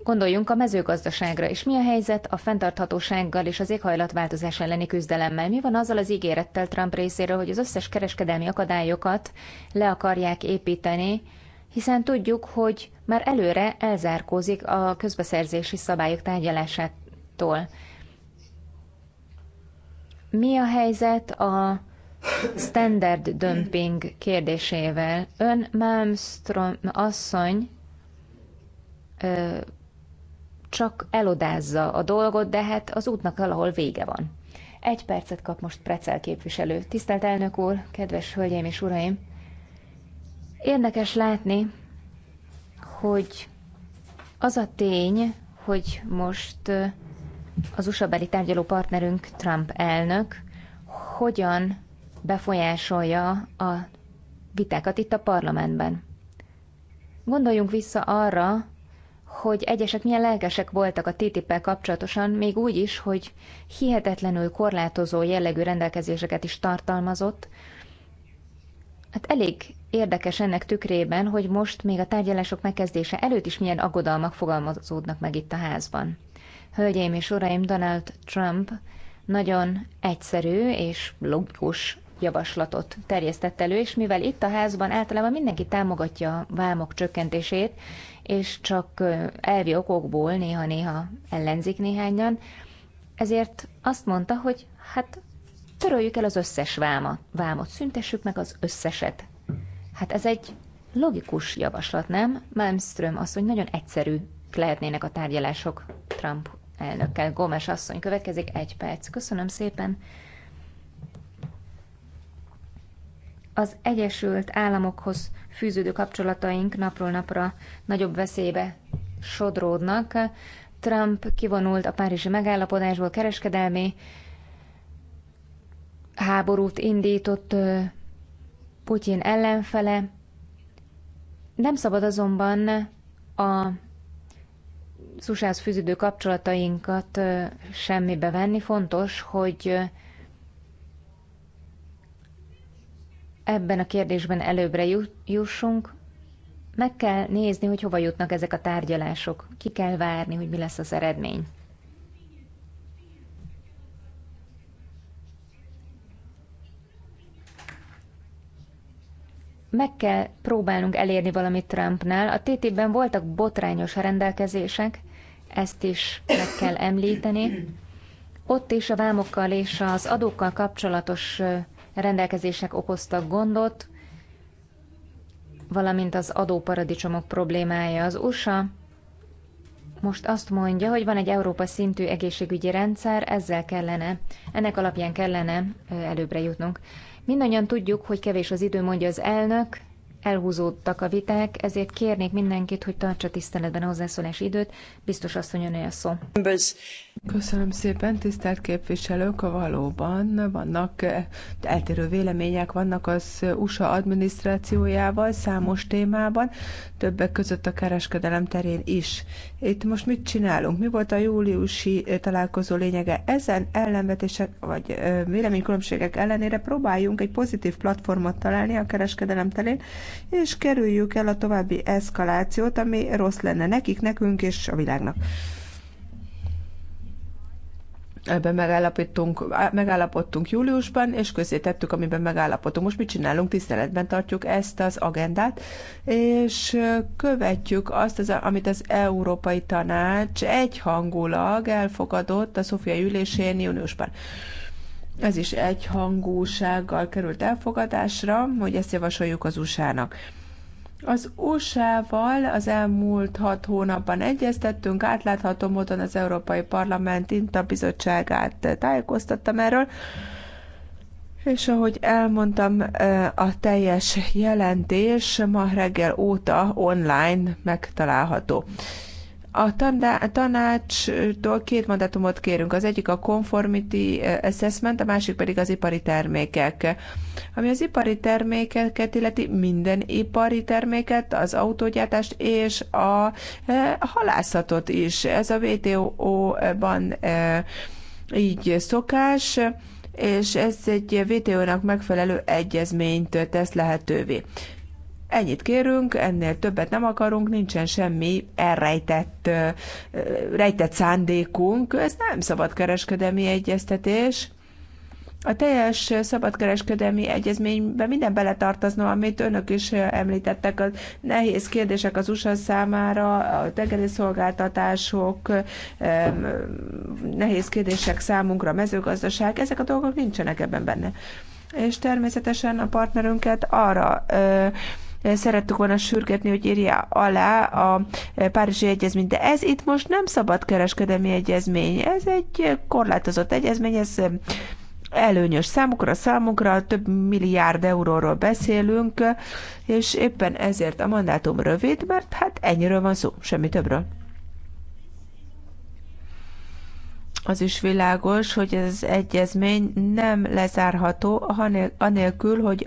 Gondoljunk a mezőgazdaságra, és mi a helyzet a fenntarthatósággal és az éghajlatváltozás elleni küzdelemmel? Mi van azzal az ígérettel Trump részéről, hogy az összes kereskedelmi akadályokat le akarják építeni, hiszen tudjuk, hogy már előre elzárkózik a közbeszerzési szabályok tárgyalásától. Mi a helyzet a standard dumping kérdésével? Ön Malmström asszony ö, csak elodázza a dolgot, de hát az útnak valahol vége van. Egy percet kap most Precel képviselő. Tisztelt elnök úr, kedves hölgyeim és uraim! Érdekes látni, hogy az a tény, hogy most az USA-beli tárgyaló partnerünk Trump elnök hogyan befolyásolja a vitákat itt a parlamentben. Gondoljunk vissza arra, hogy egyesek milyen lelkesek voltak a TTIP-el kapcsolatosan, még úgy is, hogy hihetetlenül korlátozó jellegű rendelkezéseket is tartalmazott, Hát elég érdekes ennek tükrében, hogy most még a tárgyalások megkezdése előtt is milyen aggodalmak fogalmazódnak meg itt a házban. Hölgyeim és uraim, Donald Trump nagyon egyszerű és logikus javaslatot terjesztett elő, és mivel itt a házban általában mindenki támogatja a vámok csökkentését, és csak elvi okokból néha-néha ellenzik néhányan, ezért azt mondta, hogy hát töröljük el az összes váma, vámot, szüntessük meg az összeset. Hát ez egy logikus javaslat, nem? Malmström azt, hogy nagyon egyszerű lehetnének a tárgyalások Trump elnökkel. Gómez asszony következik egy perc. Köszönöm szépen. Az Egyesült Államokhoz fűződő kapcsolataink napról napra nagyobb veszélybe sodródnak. Trump kivonult a párizsi megállapodásból kereskedelmi háborút indított Putyin ellenfele. Nem szabad azonban a szusász fűződő kapcsolatainkat semmibe venni. Fontos, hogy ebben a kérdésben előbbre jussunk. Meg kell nézni, hogy hova jutnak ezek a tárgyalások. Ki kell várni, hogy mi lesz az eredmény. meg kell próbálnunk elérni valamit Trumpnál. A TTIP-ben voltak botrányos rendelkezések, ezt is meg kell említeni. Ott is a vámokkal és az adókkal kapcsolatos rendelkezések okoztak gondot, valamint az adóparadicsomok problémája az USA. Most azt mondja, hogy van egy Európa szintű egészségügyi rendszer, ezzel kellene, ennek alapján kellene előbbre jutnunk. Mindannyian tudjuk, hogy kevés az idő, mondja az elnök elhúzódtak a viták, ezért kérnék mindenkit, hogy tartsa tiszteletben a hozzászólás időt. Biztos asszony ön a szó. Köszönöm szépen, tisztelt képviselők, valóban vannak eh, eltérő vélemények, vannak az USA adminisztrációjával számos témában, többek között a kereskedelem terén is. Itt most mit csinálunk? Mi volt a júliusi eh, találkozó lényege? Ezen ellenvetések, vagy eh, véleménykülönbségek ellenére próbáljunk egy pozitív platformot találni a kereskedelem terén, és kerüljük el a további eszkalációt, ami rossz lenne nekik, nekünk és a világnak. Ebben megállapítunk, megállapodtunk júliusban, és közé tettük, amiben megállapodtunk. Most mit csinálunk? Tiszteletben tartjuk ezt az agendát, és követjük azt, az, amit az Európai Tanács egyhangulag elfogadott a Szofia ülésén júniusban ez is egy hangúsággal került elfogadásra, hogy ezt javasoljuk az USA-nak. Az USA-val az elmúlt hat hónapban egyeztettünk, átlátható módon az Európai Parlament Inta Bizottságát tájékoztattam erről, és ahogy elmondtam, eh, a teljes jelentés ma reggel óta online megtalálható. A tanácstól két mandátumot kérünk. Az egyik a conformity eh, assessment, a másik pedig az ipari termékek. Ami az ipari termékeket illeti, minden ipari terméket, az autógyártást és a eh, halászatot is. Ez a WTO-ban eh, így szokás és ez egy vto nak megfelelő egyezményt tesz lehetővé ennyit kérünk, ennél többet nem akarunk, nincsen semmi elrejtett rejtett szándékunk. Ez nem szabadkereskedelmi egyeztetés. A teljes szabadkereskedelmi egyezményben minden beletartozna, amit önök is említettek, a nehéz kérdések az USA számára, a tegeli szolgáltatások, nehéz kérdések számunkra, a mezőgazdaság, ezek a dolgok nincsenek ebben benne. És természetesen a partnerünket arra szerettük volna sürgetni, hogy írja alá a Párizsi Egyezményt, de ez itt most nem szabad kereskedelmi egyezmény, ez egy korlátozott egyezmény, ez előnyös számukra, számukra több milliárd euróról beszélünk, és éppen ezért a mandátum rövid, mert hát ennyiről van szó, semmi többről. Az is világos, hogy ez az egyezmény nem lezárható, anélkül, hogy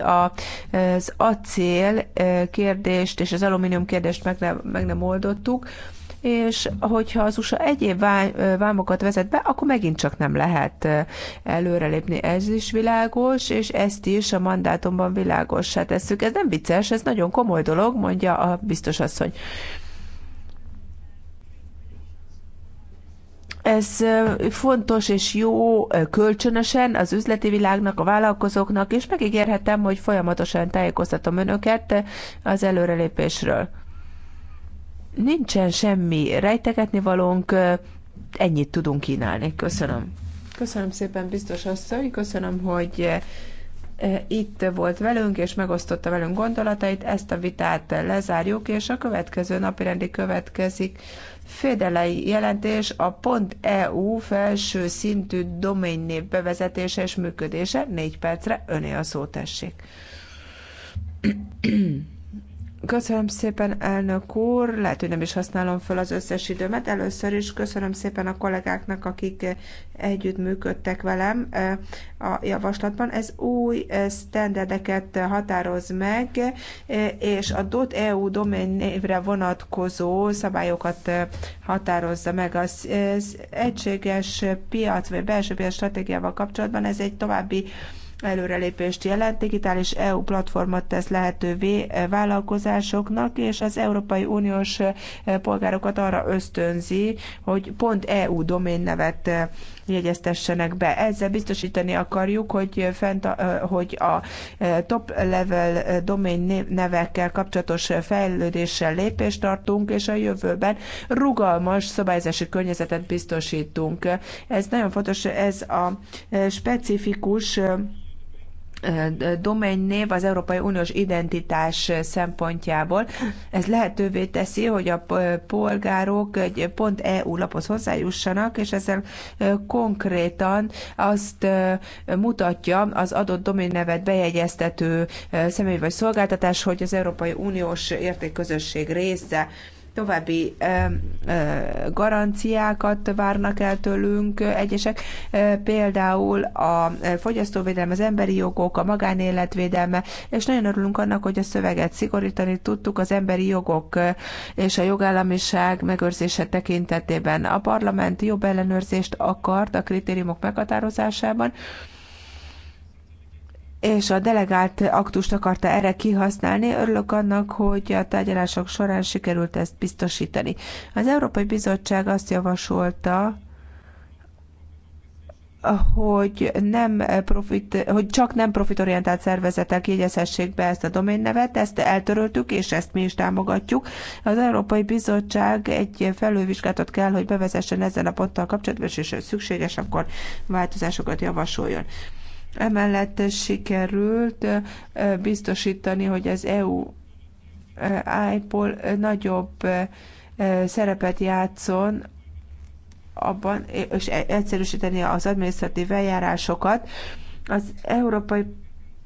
az acél kérdést és az alumínium kérdést meg nem, meg nem oldottuk, és hogyha az USA egyéb vámokat vezet be, akkor megint csak nem lehet előrelépni. Ez is világos, és ezt is a mandátumban világosá tesszük. Ez nem vicces, ez nagyon komoly dolog, mondja a biztos asszony. Ez fontos és jó kölcsönösen az üzleti világnak, a vállalkozóknak, és megígérhetem, hogy folyamatosan tájékoztatom önöket az előrelépésről. Nincsen semmi rejtegetni valónk, ennyit tudunk kínálni. Köszönöm. Köszönöm szépen, biztos asszony, köszönöm, hogy itt volt velünk, és megosztotta velünk gondolatait. Ezt a vitát lezárjuk, és a következő napirendi következik. Fédelei jelentés a .eu felső szintű doménynév bevezetése és működése. Négy percre öné a szó, tessék. Köszönöm szépen, elnök úr. Lehet, hogy nem is használom fel az összes időmet. Először is köszönöm szépen a kollégáknak, akik eh, együtt működtek velem eh, a javaslatban. Ez új eh, standardeket határoz meg, és a .eu domain névre vonatkozó szabályokat határozza meg. Az, az egységes piac vagy belső piac stratégiával kapcsolatban ez egy további előrelépést jelent, digitális EU platformot tesz lehetővé e vállalkozásoknak, és az Európai Uniós e, polgárokat arra ösztönzi, hogy pont EU doménnevet e, jegyeztessenek be. Ezzel biztosítani akarjuk, hogy, fent a, hogy a top level domain nevekkel kapcsolatos fejlődéssel lépést tartunk, és a jövőben rugalmas szabályzási környezetet biztosítunk. Ez nagyon fontos, ez a specifikus név az Európai Uniós identitás szempontjából. Ez lehetővé teszi, hogy a polgárok egy pont EU laphoz hozzájussanak, és ezzel konkrétan azt mutatja az adott nevet bejegyeztető személy vagy szolgáltatás, hogy az Európai Uniós értékközösség része további garanciákat várnak el tőlünk egyesek, például a fogyasztóvédelem, az emberi jogok, a magánéletvédelme, és nagyon örülünk annak, hogy a szöveget szigorítani tudtuk az emberi jogok és a jogállamiság megőrzése tekintetében. A parlament jobb ellenőrzést akart a kritériumok meghatározásában, és a delegált aktust akarta erre kihasználni. Örülök annak, hogy a tárgyalások során sikerült ezt biztosítani. Az Európai Bizottság azt javasolta, hogy nem profit, hogy csak nem profitorientált szervezetek jegyezhessék be ezt a doménnevet, ezt eltöröltük, és ezt mi is támogatjuk. Az Európai Bizottság egy felülvizsgálatot kell, hogy bevezessen ezzel a ponttal kapcsolatban, és ha szükséges, akkor változásokat javasoljon. Emellett sikerült biztosítani, hogy az EU ájból nagyobb szerepet játszon abban, és e-, egyszerűsíteni az adminisztratív eljárásokat. Az Európai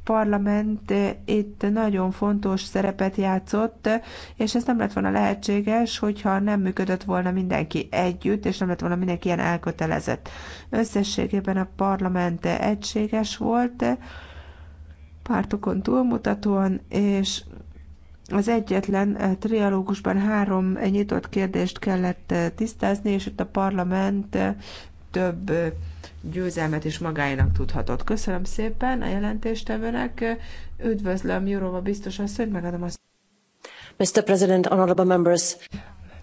parlament eh, itt nagyon fontos szerepet játszott, eh, és ez nem lett volna lehetséges, hogyha nem működött volna mindenki együtt, és nem lett volna mindenki ilyen elkötelezett. Összességében a parlament egységes volt, eh, pártokon túlmutatóan, és az egyetlen trialógusban három nyitott kérdést kellett tisztázni, és itt a parlament több győzelmet is magáinak tudhatott. Köszönöm szépen a jelentéstevőnek, üdvözlöm Jurova biztos asszony, megadom azt. Mr. President, honorable members.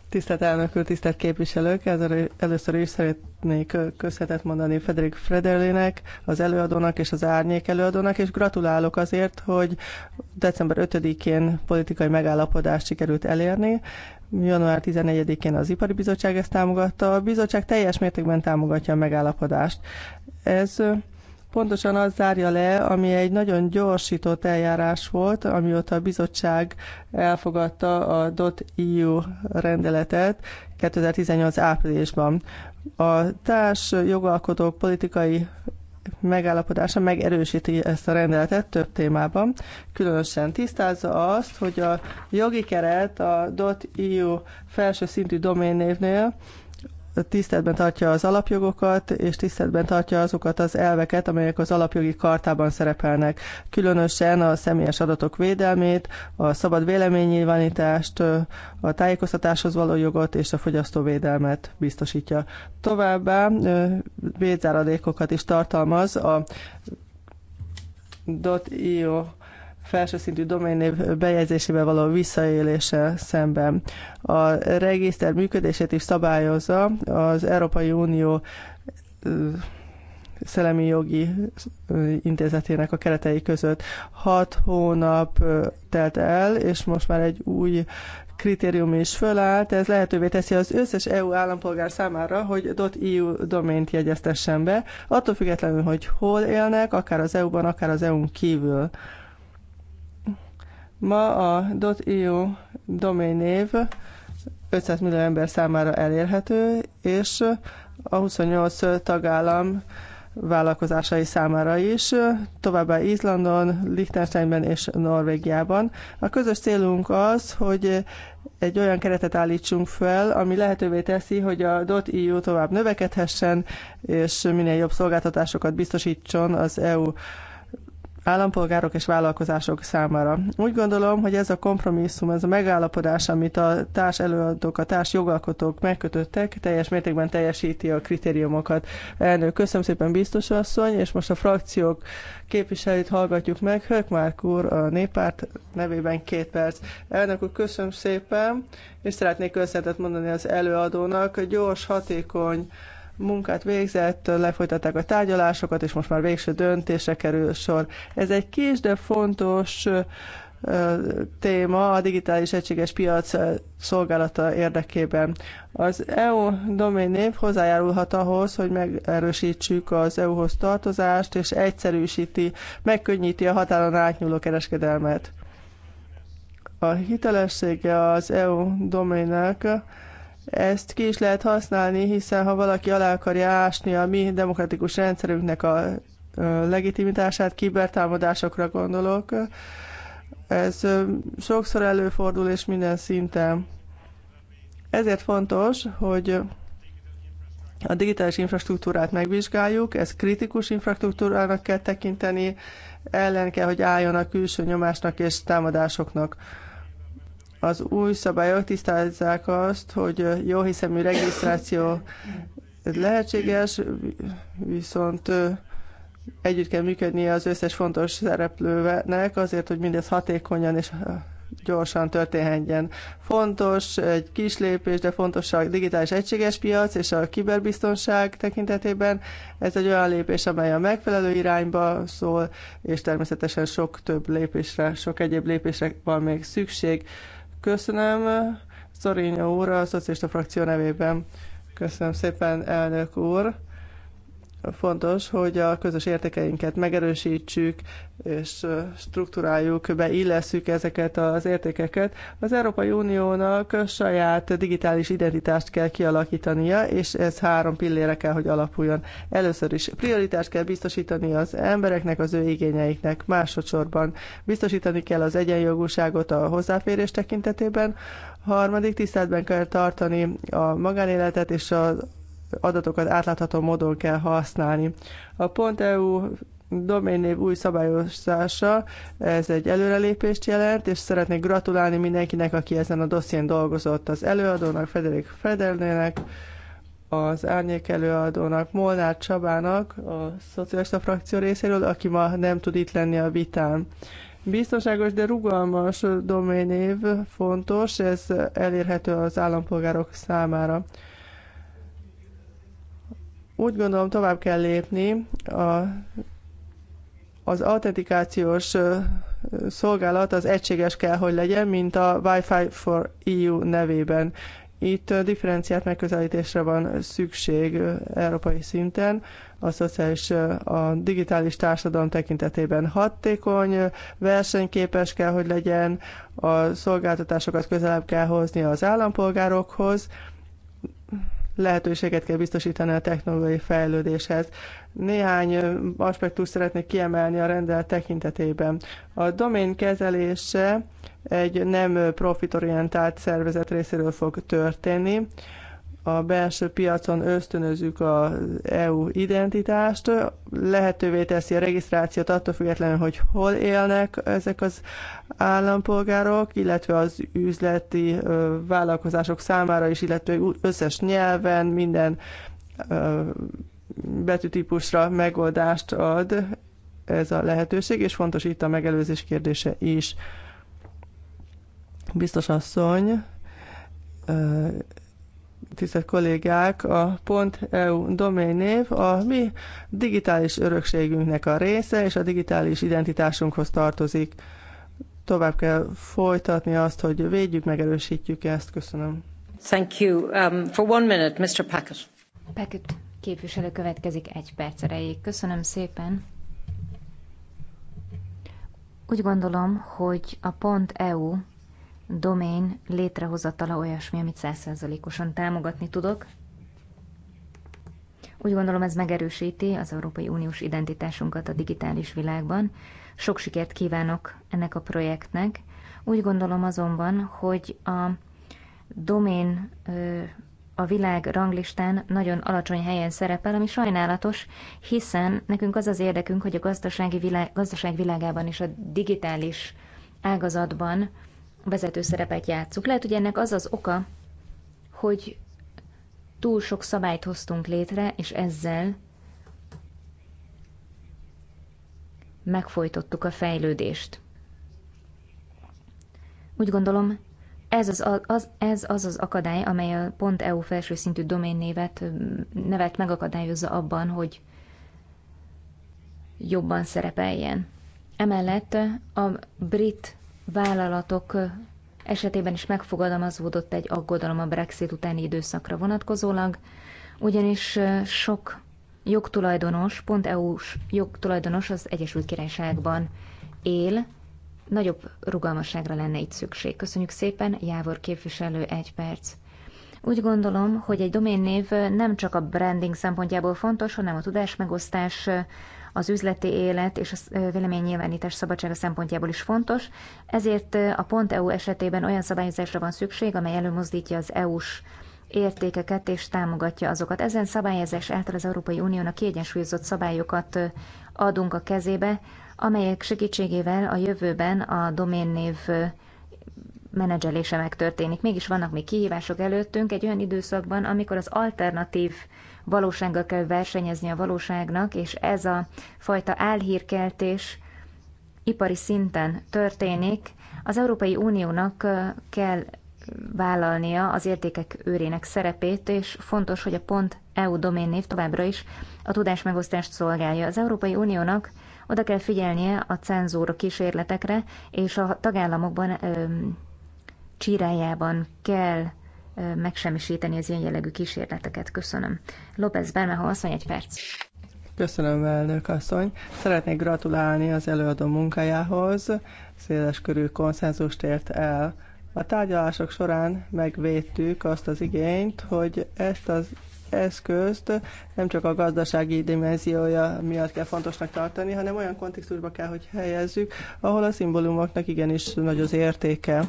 Tisztelt elnök úr, tisztelt képviselők! Először is szeretnék köszönetet mondani Frederik Frederlének, az előadónak és az árnyék előadónak, és gratulálok azért, hogy december 5-én politikai megállapodást sikerült elérni, Január 14-én az Ipari Bizottság ezt támogatta. A bizottság teljes mértékben támogatja a megállapodást. Ez pontosan az zárja le, ami egy nagyon gyorsított eljárás volt, amióta a bizottság elfogadta a .eu rendeletet 2018 áprilisban. A társ jogalkotók politikai megállapodása megerősíti ezt a rendeletet több témában. Különösen tisztázza azt, hogy a jogi keret a .eu felső szintű doménnévnél tiszteletben tartja az alapjogokat, és tiszteletben tartja azokat az elveket, amelyek az alapjogi kartában szerepelnek. Különösen a személyes adatok védelmét, a szabad véleménynyilvánítást, a tájékoztatáshoz való jogot és a fogyasztóvédelmet biztosítja. Továbbá védzáradékokat is tartalmaz a .io felsőszintű doménév bejegyzésével való visszaélése szemben. A regiszter működését is szabályozza az Európai Unió szellemi jogi intézetének a keretei között. Hat hónap telt el, és most már egy új kritérium is fölállt, ez lehetővé teszi az összes EU állampolgár számára, hogy .eu domént jegyeztessen be, attól függetlenül, hogy hol élnek, akár az EU-ban, akár az EU-n kívül. Ma a .eu név 500 millió ember számára elérhető, és a 28 tagállam vállalkozásai számára is, továbbá Izlandon, Liechtensteinben és Norvégiában. A közös célunk az, hogy egy olyan keretet állítsunk fel, ami lehetővé teszi, hogy a .eu tovább növekedhessen, és minél jobb szolgáltatásokat biztosítson az EU állampolgárok és vállalkozások számára. Úgy gondolom, hogy ez a kompromisszum, ez a megállapodás, amit a társ előadók, a társ jogalkotók megkötöttek, teljes mértékben teljesíti a kritériumokat. Elnök, köszönöm szépen biztos asszony, és most a frakciók képviselőit hallgatjuk meg. Márk úr a néppárt nevében két perc. Elnök úr, köszönöm szépen, és szeretnék köszönetet mondani az előadónak. Gyors, hatékony, munkát végzett, lefolytatták a tárgyalásokat, és most már végső döntése kerül sor. Ez egy kis, de fontos téma a digitális egységes piac szolgálata érdekében. Az EU név hozzájárulhat ahhoz, hogy megerősítsük az EU-hoz tartozást, és egyszerűsíti, megkönnyíti a határon átnyúló kereskedelmet. A hitelessége az EU doménnek ezt ki is lehet használni, hiszen ha valaki alá akarja ásni a mi demokratikus rendszerünknek a legitimitását, kibertámadásokra gondolok, ez sokszor előfordul és minden szinten. Ezért fontos, hogy a digitális infrastruktúrát megvizsgáljuk, ezt kritikus infrastruktúrának kell tekinteni, ellen kell, hogy álljon a külső nyomásnak és támadásoknak. Az új szabályok tisztázzák azt, hogy jó hiszemű regisztráció lehetséges, viszont együtt kell működnie az összes fontos szereplőnek azért, hogy mindez hatékonyan és gyorsan történjen. Fontos egy kis lépés, de fontos a digitális egységes piac és a kiberbiztonság tekintetében. Ez egy olyan lépés, amely a megfelelő irányba szól, és természetesen sok több lépésre, sok egyéb lépésre van még szükség. Köszönöm Zorinja úr a szocialista frakció nevében. Köszönöm szépen, elnök úr. Fontos, hogy a közös értékeinket megerősítsük, és struktúráljuk, beillesszük ezeket az értékeket. Az Európai Uniónak saját digitális identitást kell kialakítania, és ez három pillére kell, hogy alapuljon. Először is prioritást kell biztosítani az embereknek, az ő igényeiknek. Másodszorban biztosítani kell az egyenjogúságot a hozzáférés tekintetében. Harmadik, tiszteletben kell tartani a magánéletet és az adatokat átlátható módon kell használni. A .eu doménynév új szabályozása, ez egy előrelépést jelent, és szeretnék gratulálni mindenkinek, aki ezen a dosszién dolgozott, az előadónak, Federik Federnének, az árnyék előadónak, Molnár Csabának, a szocialista frakció részéről, aki ma nem tud itt lenni a vitán. Biztonságos, de rugalmas doménév fontos, ez elérhető az állampolgárok számára. Úgy gondolom tovább kell lépni a, az autentikációs szolgálat az egységes kell, hogy legyen, mint a Wi-Fi for EU nevében. Itt differenciált megközelítésre van szükség európai szinten, a szociális, a digitális társadalom tekintetében hatékony, versenyképes kell, hogy legyen, a szolgáltatásokat közelebb kell hozni az állampolgárokhoz, lehetőséget kell biztosítani a technológiai fejlődéshez. Néhány aspektust szeretnék kiemelni a rendelet tekintetében. A domain kezelése egy nem profitorientált szervezet részéről fog történni a belső piacon ösztönözzük az EU identitást, lehetővé teszi a regisztrációt attól függetlenül, hogy hol élnek ezek az állampolgárok, illetve az üzleti vállalkozások számára is, illetve összes nyelven minden betűtípusra megoldást ad ez a lehetőség, és fontos itt a megelőzés kérdése is. Biztos asszony, tisztelt kollégák, a .eu név a mi digitális örökségünknek a része, és a digitális identitásunkhoz tartozik. Tovább kell folytatni azt, hogy védjük, megerősítjük ezt. Köszönöm. Thank you. Um, for one minute, Mr. Packett. Packett képviselő következik egy perc erejéig. Köszönöm szépen. Úgy gondolom, hogy a .eu domain létrehozatala olyasmi, amit százszerzalékosan támogatni tudok. Úgy gondolom ez megerősíti az Európai Uniós identitásunkat a digitális világban. Sok sikert kívánok ennek a projektnek. Úgy gondolom azonban, hogy a domain a világ ranglistán nagyon alacsony helyen szerepel, ami sajnálatos, hiszen nekünk az az érdekünk, hogy a gazdasági világ, gazdaság világában és a digitális ágazatban vezető szerepet játszunk. Lehet, hogy ennek az az oka, hogy túl sok szabályt hoztunk létre, és ezzel megfojtottuk a fejlődést. Úgy gondolom, ez az az, ez az, az akadály, amely a pont .eu felső szintű doménnévet nevet megakadályozza abban, hogy jobban szerepeljen. Emellett a brit vállalatok esetében is megfogadalmazódott egy aggodalom a Brexit utáni időszakra vonatkozólag, ugyanis sok jogtulajdonos, pont EU-s jogtulajdonos az Egyesült Királyságban él, nagyobb rugalmasságra lenne itt szükség. Köszönjük szépen, Jávor képviselő, egy perc. Úgy gondolom, hogy egy doménnév nem csak a branding szempontjából fontos, hanem a tudásmegosztás, az üzleti élet és a véleménynyilvánítás szabadsága szempontjából is fontos, ezért a pont .eu esetében olyan szabályozásra van szükség, amely előmozdítja az EU-s értékeket és támogatja azokat. Ezen szabályozás által az Európai Uniónak kiegyensúlyozott szabályokat adunk a kezébe, amelyek segítségével a jövőben a doménnév menedzselése megtörténik. Mégis vannak még kihívások előttünk egy olyan időszakban, amikor az alternatív valósággal kell versenyezni a valóságnak, és ez a fajta álhírkeltés ipari szinten történik. Az Európai Uniónak kell vállalnia az értékek őrének szerepét, és fontos, hogy a pont EU név továbbra is a tudásmegosztást szolgálja. Az Európai Uniónak oda kell figyelnie a cenzúra kísérletekre, és a tagállamokban ö, csirájában kell megsemmisíteni az ilyen jellegű kísérleteket. Köszönöm. López Bermeho asszony, egy perc. Köszönöm, elnök asszony. Szeretnék gratulálni az előadó munkájához. széles körű konszenzust ért el. A tárgyalások során megvédtük azt az igényt, hogy ezt az eszközt nem csak a gazdasági dimenziója miatt kell fontosnak tartani, hanem olyan kontextusba kell, hogy helyezzük, ahol a szimbólumoknak igenis nagy az értéke.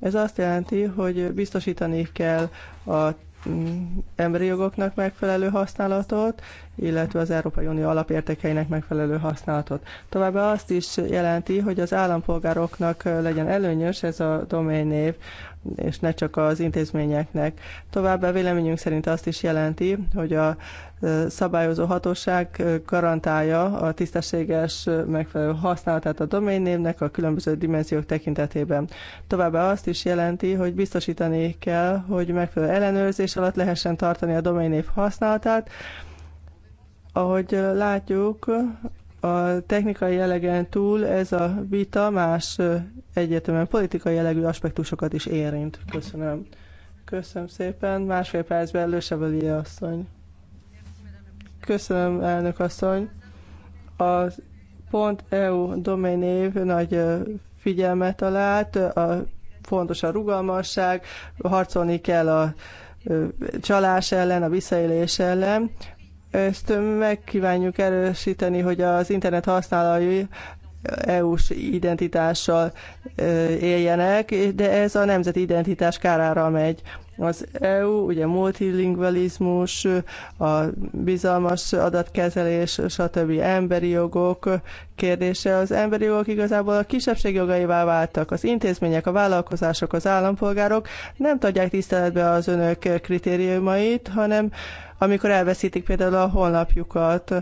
Ez azt jelenti, hogy biztosítani kell a mm, emberi jogoknak megfelelő használatot, illetve az Európai Unió alapértékeinek megfelelő használatot. Továbbá azt is jelenti, hogy az állampolgároknak legyen előnyös ez a név és ne csak az intézményeknek. Továbbá véleményünk szerint azt is jelenti, hogy a szabályozó hatóság garantálja a tisztességes megfelelő használatát a doménynévnek a különböző dimenziók tekintetében. Továbbá azt is jelenti, hogy biztosítani kell, hogy megfelelő ellenőrzés alatt lehessen tartani a doménynév használatát, ahogy látjuk, a technikai jellegen túl ez a vita más egyetemen politikai jellegű aspektusokat is érint. Köszönöm. Köszönöm szépen. Másfél percben Lőseveli asszony. Köszönöm, elnök asszony. A .eu doménév nagy figyelmet talált, a, fontos a rugalmasság, harcolni kell a csalás ellen, a visszaélés ellen. Ezt megkívánjuk erősíteni, hogy az internet használói EU-s identitással éljenek, de ez a nemzeti identitás kárára megy. Az EU, ugye multilingualizmus, a bizalmas adatkezelés, stb. emberi jogok kérdése. Az emberi jogok igazából a kisebbség jogaivá váltak. Az intézmények, a vállalkozások, az állampolgárok nem tudják tiszteletbe az önök kritériumait, hanem amikor elveszítik például a honlapjukat.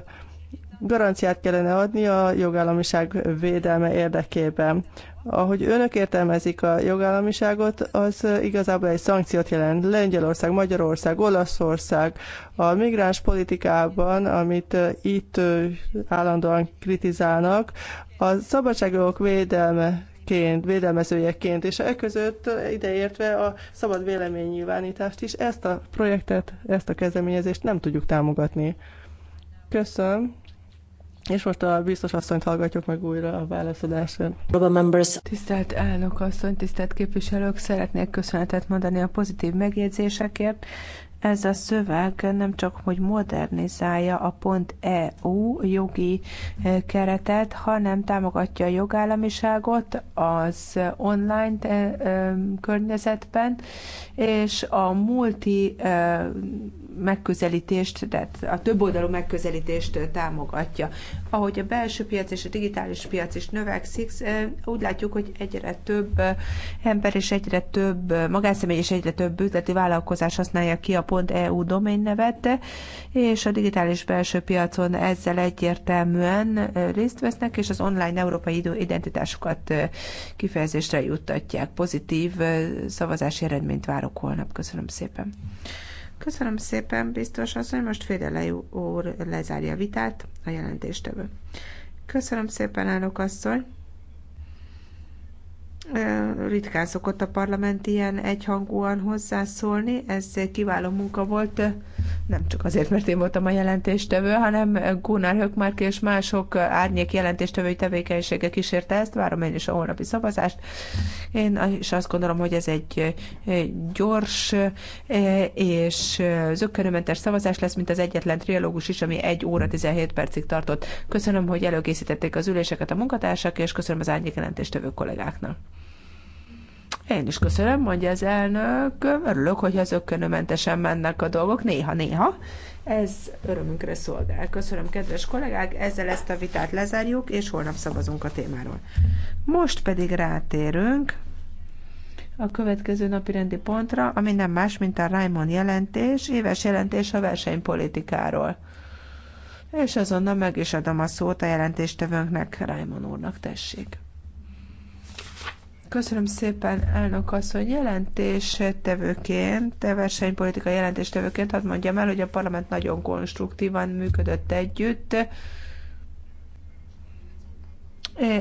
Garanciát kellene adni a jogállamiság védelme érdekében. Ahogy önök értelmezik a jogállamiságot, az igazából egy szankciót jelent. Lengyelország, Magyarország, Olaszország a migráns politikában, amit itt állandóan kritizálnak, a szabadságok védelme ként, védelmezőjeként, és e között e, ideértve a szabad véleménynyilvánítást is, ezt a projektet, ezt a kezdeményezést nem tudjuk támogatni. Köszönöm. És most a biztos asszonyt hallgatjuk meg újra a válaszadásra. Tisztelt elnök asszony, tisztelt képviselők, szeretnék köszönetet mondani a pozitív megjegyzésekért, ez a szöveg nem csak, hogy modernizálja a pont EU jogi e, keretet, hanem támogatja a jogállamiságot az online e, e, környezetben, és a multi megközelítést, tehát a többoldalú megközelítést támogatja. Ahogy a belső piac és a digitális piac is növekszik, úgy látjuk, hogy egyre több ember és egyre több magánszemély és egyre több üzleti vállalkozás használja ki a .eu domain nevet, és a digitális belső piacon ezzel egyértelműen részt vesznek, és az online európai identitásokat kifejezésre juttatják. Pozitív szavazási eredményt várok holnap. Köszönöm szépen. Köszönöm szépen, biztos asszony, most Fédele úr lezárja a vitát, a jelentéstevő. Köszönöm szépen, elnök asszony ritkán szokott a parlament ilyen egyhangúan hozzászólni, ez kiváló munka volt, nem csak azért, mert én voltam a jelentéstevő, hanem Gunnar Hökmark és mások árnyék jelentéstevői tevékenysége kísérte ezt, várom én is a holnapi szavazást. Én is azt gondolom, hogy ez egy gyors és zöggenőmentes szavazás lesz, mint az egyetlen trialógus is, ami 1 óra 17 percig tartott. Köszönöm, hogy előkészítették az üléseket a munkatársak, és köszönöm az árnyék jelentéstevő kollégáknak. Én is köszönöm, mondja az elnök. Örülök, hogy az ökkönömentesen mennek a dolgok, néha-néha. Ez örömünkre szolgál. Köszönöm, kedves kollégák, ezzel ezt a vitát lezárjuk, és holnap szavazunk a témáról. Most pedig rátérünk a következő napi rendi pontra, ami nem más, mint a Raymond jelentés, éves jelentés a versenypolitikáról. És azonnal meg is adom a szót a jelentéstevőnknek, Raymond úrnak, tessék. Köszönöm szépen, elnök asszony. Jelentéstevőként, versenypolitikai jelentéstevőként hadd mondjam el, hogy a parlament nagyon konstruktívan működött együtt.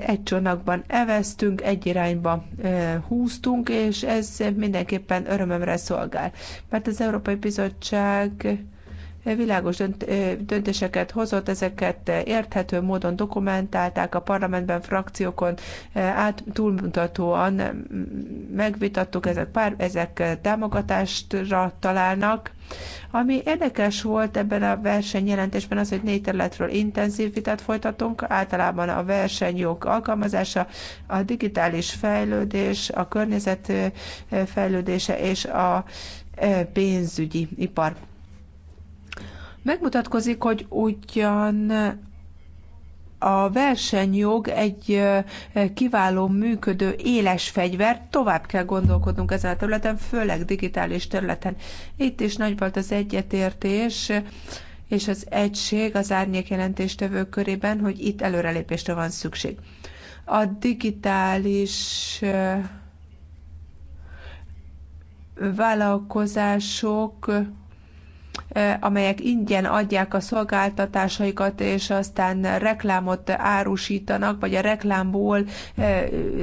Egy csónakban eveztünk, egy irányba e, húztunk, és ez mindenképpen örömömre szolgál. Mert az Európai Bizottság világos döntéseket hozott, ezeket érthető módon dokumentálták a parlamentben, frakciókon át túlmutatóan megvitattuk, ezek, pár, ezek támogatástra találnak. Ami érdekes volt ebben a versenyjelentésben az, hogy négy területről intenzív vitát folytatunk, általában a versenyjog alkalmazása, a digitális fejlődés, a környezet fejlődése és a pénzügyi ipar. Megmutatkozik, hogy ugyan a versenyjog egy kiváló működő éles fegyver, tovább kell gondolkodnunk ezen a területen, főleg digitális területen. Itt is nagy volt az egyetértés és az egység az árnyék jelentéstevők körében, hogy itt előrelépésre van szükség. A digitális vállalkozások amelyek ingyen adják a szolgáltatásaikat, és aztán reklámot árusítanak, vagy a reklámból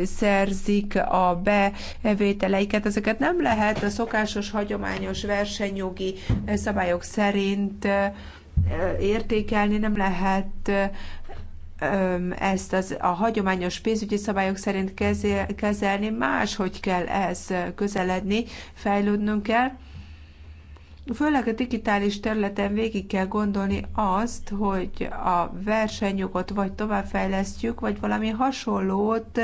szerzik a bevételeiket. Ezeket nem lehet a szokásos, hagyományos versenyjogi szabályok szerint értékelni, nem lehet ezt az, a hagyományos pénzügyi szabályok szerint kezelni, máshogy kell ez közeledni, fejlődnünk kell Főleg a digitális területen végig kell gondolni azt, hogy a versenyjogot vagy továbbfejlesztjük, vagy valami hasonlót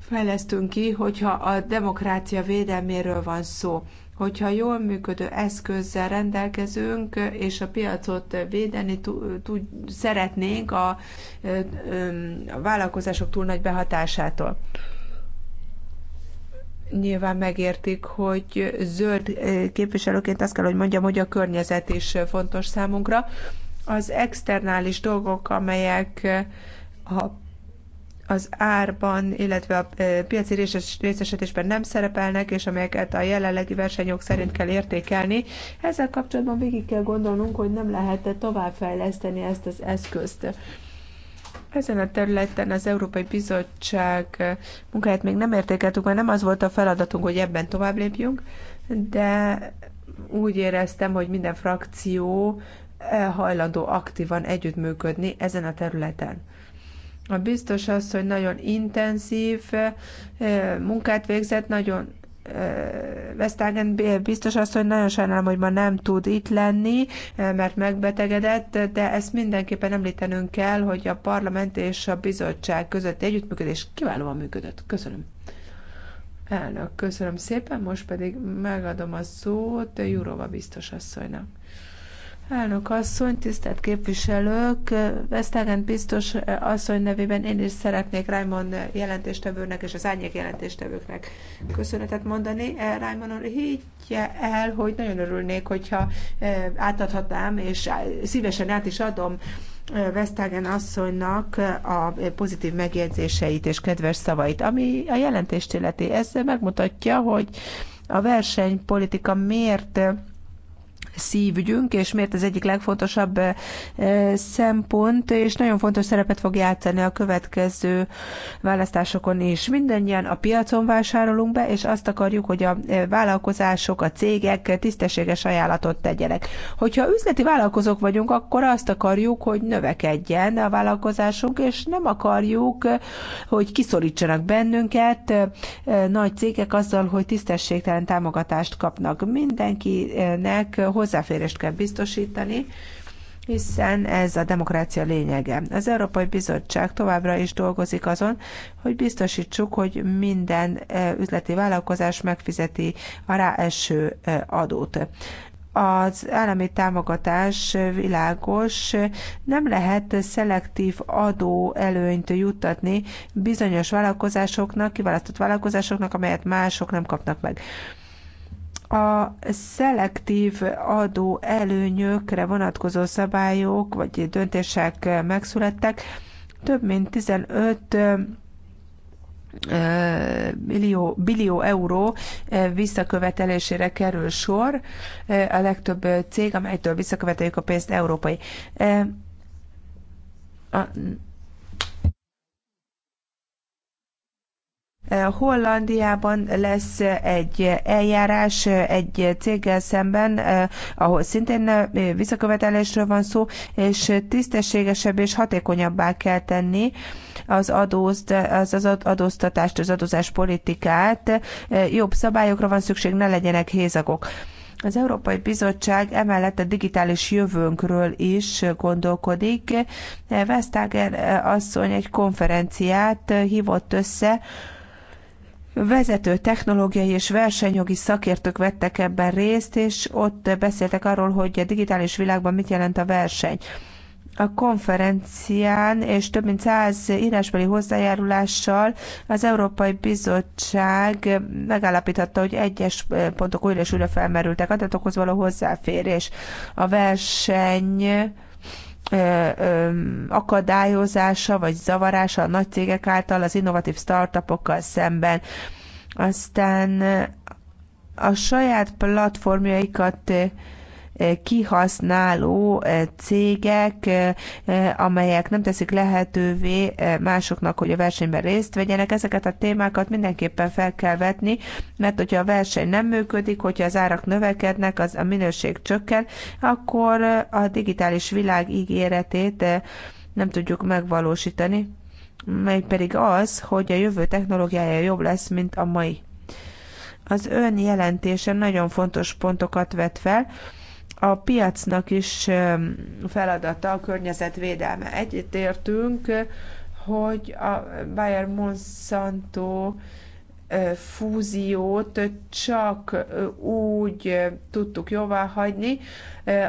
fejlesztünk ki, hogyha a demokrácia védelméről van szó. Hogyha jól működő eszközzel rendelkezünk, és a piacot védeni szeretnénk a, a vállalkozások túl nagy behatásától nyilván megértik, hogy zöld eh, képviselőként azt kell, hogy mondjam, hogy a környezet is eh, fontos számunkra. Az externális dolgok, amelyek eh, a az árban, illetve a piaci részesedésben nem szerepelnek, és amelyeket a jelenlegi versenyok szerint kell értékelni. Ezzel kapcsolatban végig kell gondolnunk, hogy nem lehet -e továbbfejleszteni ezt az eszközt. Ezen a területen az Európai Bizottság munkáját még nem értékeltük, mert nem az volt a feladatunk, hogy ebben tovább lépjünk, de úgy éreztem, hogy minden frakció hajlandó aktívan együttműködni ezen a területen. A biztos az, hogy nagyon intenzív eh, munkát végzett, nagyon Vesztágen biztos azt, hogy nagyon sajnálom, hogy ma nem tud itt lenni, eh, mert megbetegedett, de ezt mindenképpen említenünk kell, hogy a parlament és a bizottság között együttműködés kiválóan működött. Köszönöm. Elnök, köszönöm szépen, most pedig megadom a szót Jurova biztos asszonynak. Elnök asszony, tisztelt képviselők, Vesztágen biztos asszony nevében én is szeretnék Raymond jelentéstevőnek és az árnyék jelentéstevőknek köszönetet mondani. Eh, Raymond úr, higgye el, hogy nagyon örülnék, hogyha eh, átadhatnám, és szívesen át is adom eh, Vesztágen asszonynak a pozitív megjegyzéseit és kedves szavait, ami a jelentést illeti. Ez megmutatja, hogy a versenypolitika miért szívügyünk, és miért ez egyik legfontosabb eh, szempont, és nagyon fontos szerepet fog játszani a következő választásokon is. Mindennyian a piacon vásárolunk be, és azt akarjuk, hogy a eh, vállalkozások, a cégek tisztességes ajánlatot tegyenek. Hogyha üzleti vállalkozók vagyunk, akkor azt akarjuk, hogy növekedjen a vállalkozásunk, és nem akarjuk, hogy kiszorítsanak bennünket eh, nagy cégek azzal, hogy tisztességtelen támogatást kapnak. Mindenkinek hozzá hozzáférést kell biztosítani, hiszen ez a demokrácia lényege. Az Európai Bizottság továbbra is dolgozik azon, hogy biztosítsuk, hogy minden e, üzleti vállalkozás megfizeti a ráeső e, adót az állami támogatás világos, nem lehet szelektív adó előnyt juttatni bizonyos vállalkozásoknak, kiválasztott vállalkozásoknak, amelyet mások nem kapnak meg a szelektív adó előnyökre vonatkozó szabályok vagy döntések megszülettek. Több mint 15 millió, billió euró visszakövetelésére kerül sor. A legtöbb cég, amelytől visszaköveteljük a pénzt, európai. A Eh, Hollandiában lesz egy eljárás egy céggel szemben, eh, ahol szintén eh, visszakövetelésről van szó, és tisztességesebb és hatékonyabbá kell tenni az, adózt, az, az adóztatást, az adózás politikát. Jobb szabályokra van szükség, ne legyenek hézagok. Az Európai Bizottság emellett a digitális jövőnkről is gondolkodik. Vestager asszony egy konferenciát hívott össze, vezető technológiai és versenyjogi szakértők vettek ebben részt, és ott beszéltek arról, hogy a digitális világban mit jelent a verseny. A konferencián és több mint száz írásbeli hozzájárulással az Európai Bizottság megállapította, hogy egyes pontok újra és újra felmerültek, adatokhoz való hozzáférés, a verseny, akadályozása vagy zavarása a nagy cégek által az innovatív startupokkal szemben. Aztán a saját platformjaikat Eh, kihasználó eh, cégek, eh, amelyek nem teszik lehetővé másoknak, hogy a versenyben részt vegyenek. Ezeket a témákat mindenképpen fel kell vetni, mert hogyha a verseny nem működik, hogyha az árak növekednek, az a minőség csökken, akkor a digitális világ ígéretét nem tudjuk megvalósítani, mely pedig az, hogy a jövő technológiája jobb lesz, mint a mai. Az ön jelentése nagyon fontos pontokat vet fel, a piacnak is feladata a környezetvédelme. Egyetértünk, hogy a Bayer Monsanto fúziót csak úgy tudtuk jóvá hagyni,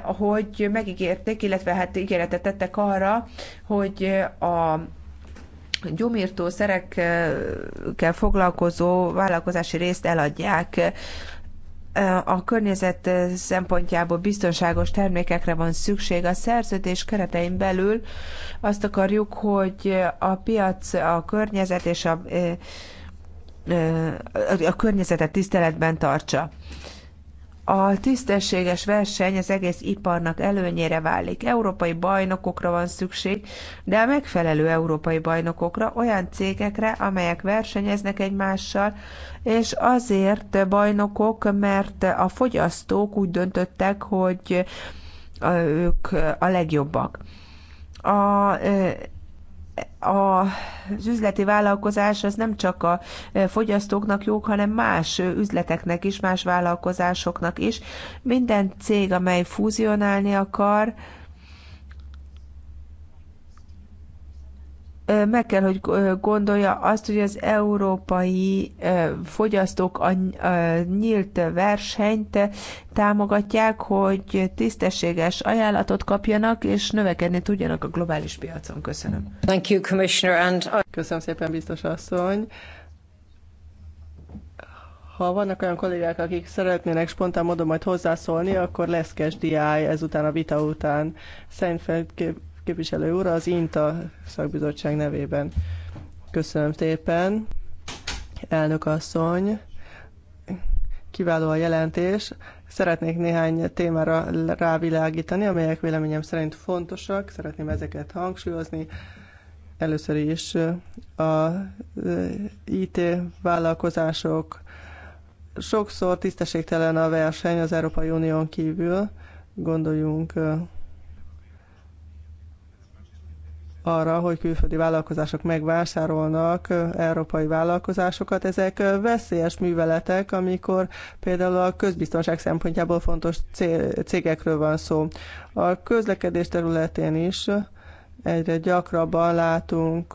hogy megígérték, illetve hát ígéretet tettek arra, hogy a gyomírtószerekkel foglalkozó vállalkozási részt eladják a környezet szempontjából biztonságos termékekre van szükség. A szerződés keretein belül azt akarjuk, hogy a piac, a környezet és a, a környezetet tiszteletben tartsa. A tisztességes verseny az egész iparnak előnyére válik. Európai bajnokokra van szükség, de a megfelelő európai bajnokokra, olyan cégekre, amelyek versenyeznek egymással, és azért bajnokok, mert a fogyasztók úgy döntöttek, hogy ők a legjobbak. A az üzleti vállalkozás az nem csak a e, fogyasztóknak jó, hanem más e, üzleteknek is, más vállalkozásoknak is. Minden cég, amely fúzionálni akar, meg kell, hogy gondolja azt, hogy az európai fogyasztók a nyílt versenyt támogatják, hogy tisztességes ajánlatot kapjanak, és növekedni tudjanak a globális piacon. Köszönöm. Thank you, Commissioner. And... Köszönöm szépen, biztos asszony. Ha vannak olyan kollégák, akik szeretnének spontán módon majd hozzászólni, akkor lesz KSDI ezután a vita után. Szerintem képviselő úr az INTA szakbizottság nevében. Köszönöm szépen, elnök asszony, kiváló a jelentés. Szeretnék néhány témára rávilágítani, amelyek véleményem szerint fontosak, szeretném ezeket hangsúlyozni. Először is a eh, IT vállalkozások sokszor tisztességtelen a verseny az Európai Unión kívül. Gondoljunk eh, arra, hogy külföldi vállalkozások megvásárolnak európai vállalkozásokat. Ezek veszélyes műveletek, amikor például a közbiztonság szempontjából fontos cégekről van szó. A közlekedés területén is egyre gyakrabban látunk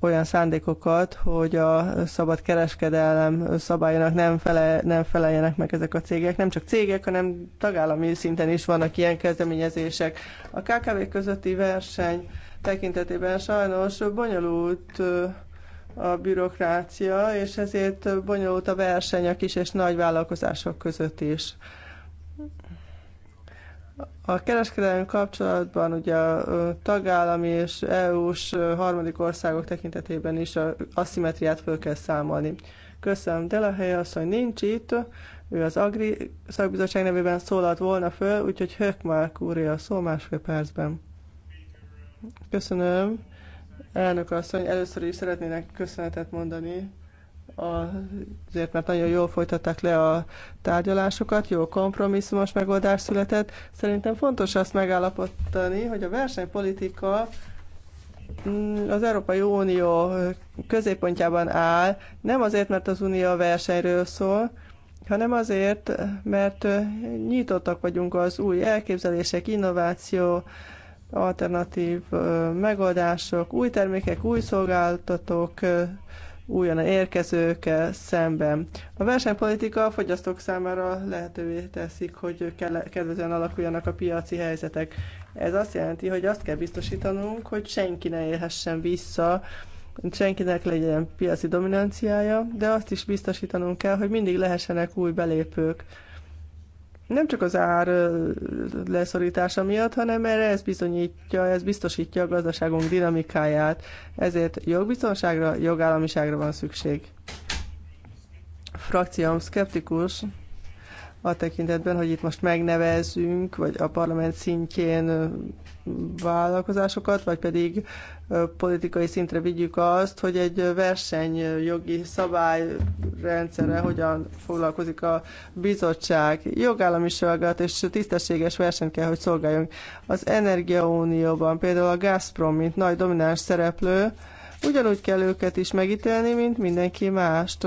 olyan szándékokat, hogy a szabad kereskedelem szabályának nem, fele, nem feleljenek meg ezek a cégek. Nem csak cégek, hanem tagállami szinten is vannak ilyen kezdeményezések. A KKV közötti verseny tekintetében sajnos bonyolult a bürokrácia, és ezért bonyolult a verseny a kis és nagy vállalkozások között is. A kereskedelmi kapcsolatban ugye a tagállami és EU-s harmadik országok tekintetében is a aszimetriát föl kell számolni. Köszönöm, Delahely asszony nincs itt, ő az Agri szakbizottság nevében szólalt volna föl, úgyhogy Hökmark úrja a szó másfél percben. Köszönöm. Elnök asszony, először is szeretnének köszönetet mondani azért, mert nagyon jól folytatták le a tárgyalásokat, jó kompromisszumos megoldás született. Szerintem fontos azt megállapítani, hogy a versenypolitika az Európai Unió középpontjában áll, nem azért, mert az Unió a versenyről szól, hanem azért, mert nyitottak vagyunk az új elképzelések, innováció, alternatív megoldások, új termékek, új szolgáltatók, újonnan érkezők szemben. A versenypolitika a fogyasztók számára lehetővé teszik, hogy kedvezően alakuljanak a piaci helyzetek. Ez azt jelenti, hogy azt kell biztosítanunk, hogy senki ne élhessen vissza, senkinek legyen piaci dominanciája, de azt is biztosítanunk kell, hogy mindig lehessenek új belépők nem csak az ár leszorítása miatt, hanem erre ez bizonyítja, ez biztosítja a gazdaságunk dinamikáját. Ezért jogbiztonságra, jogállamiságra van szükség. Frakcióm szkeptikus, a tekintetben, hogy itt most megnevezünk, vagy a parlament szintjén vállalkozásokat, vagy pedig politikai szintre vigyük azt, hogy egy versenyjogi szabályrendszerre hogyan foglalkozik a bizottság. Jogállamiságot és tisztességes versenyt kell, hogy szolgáljon. Az Energiaunióban például a Gazprom, mint nagy domináns szereplő, ugyanúgy kell őket is megítélni, mint mindenki mást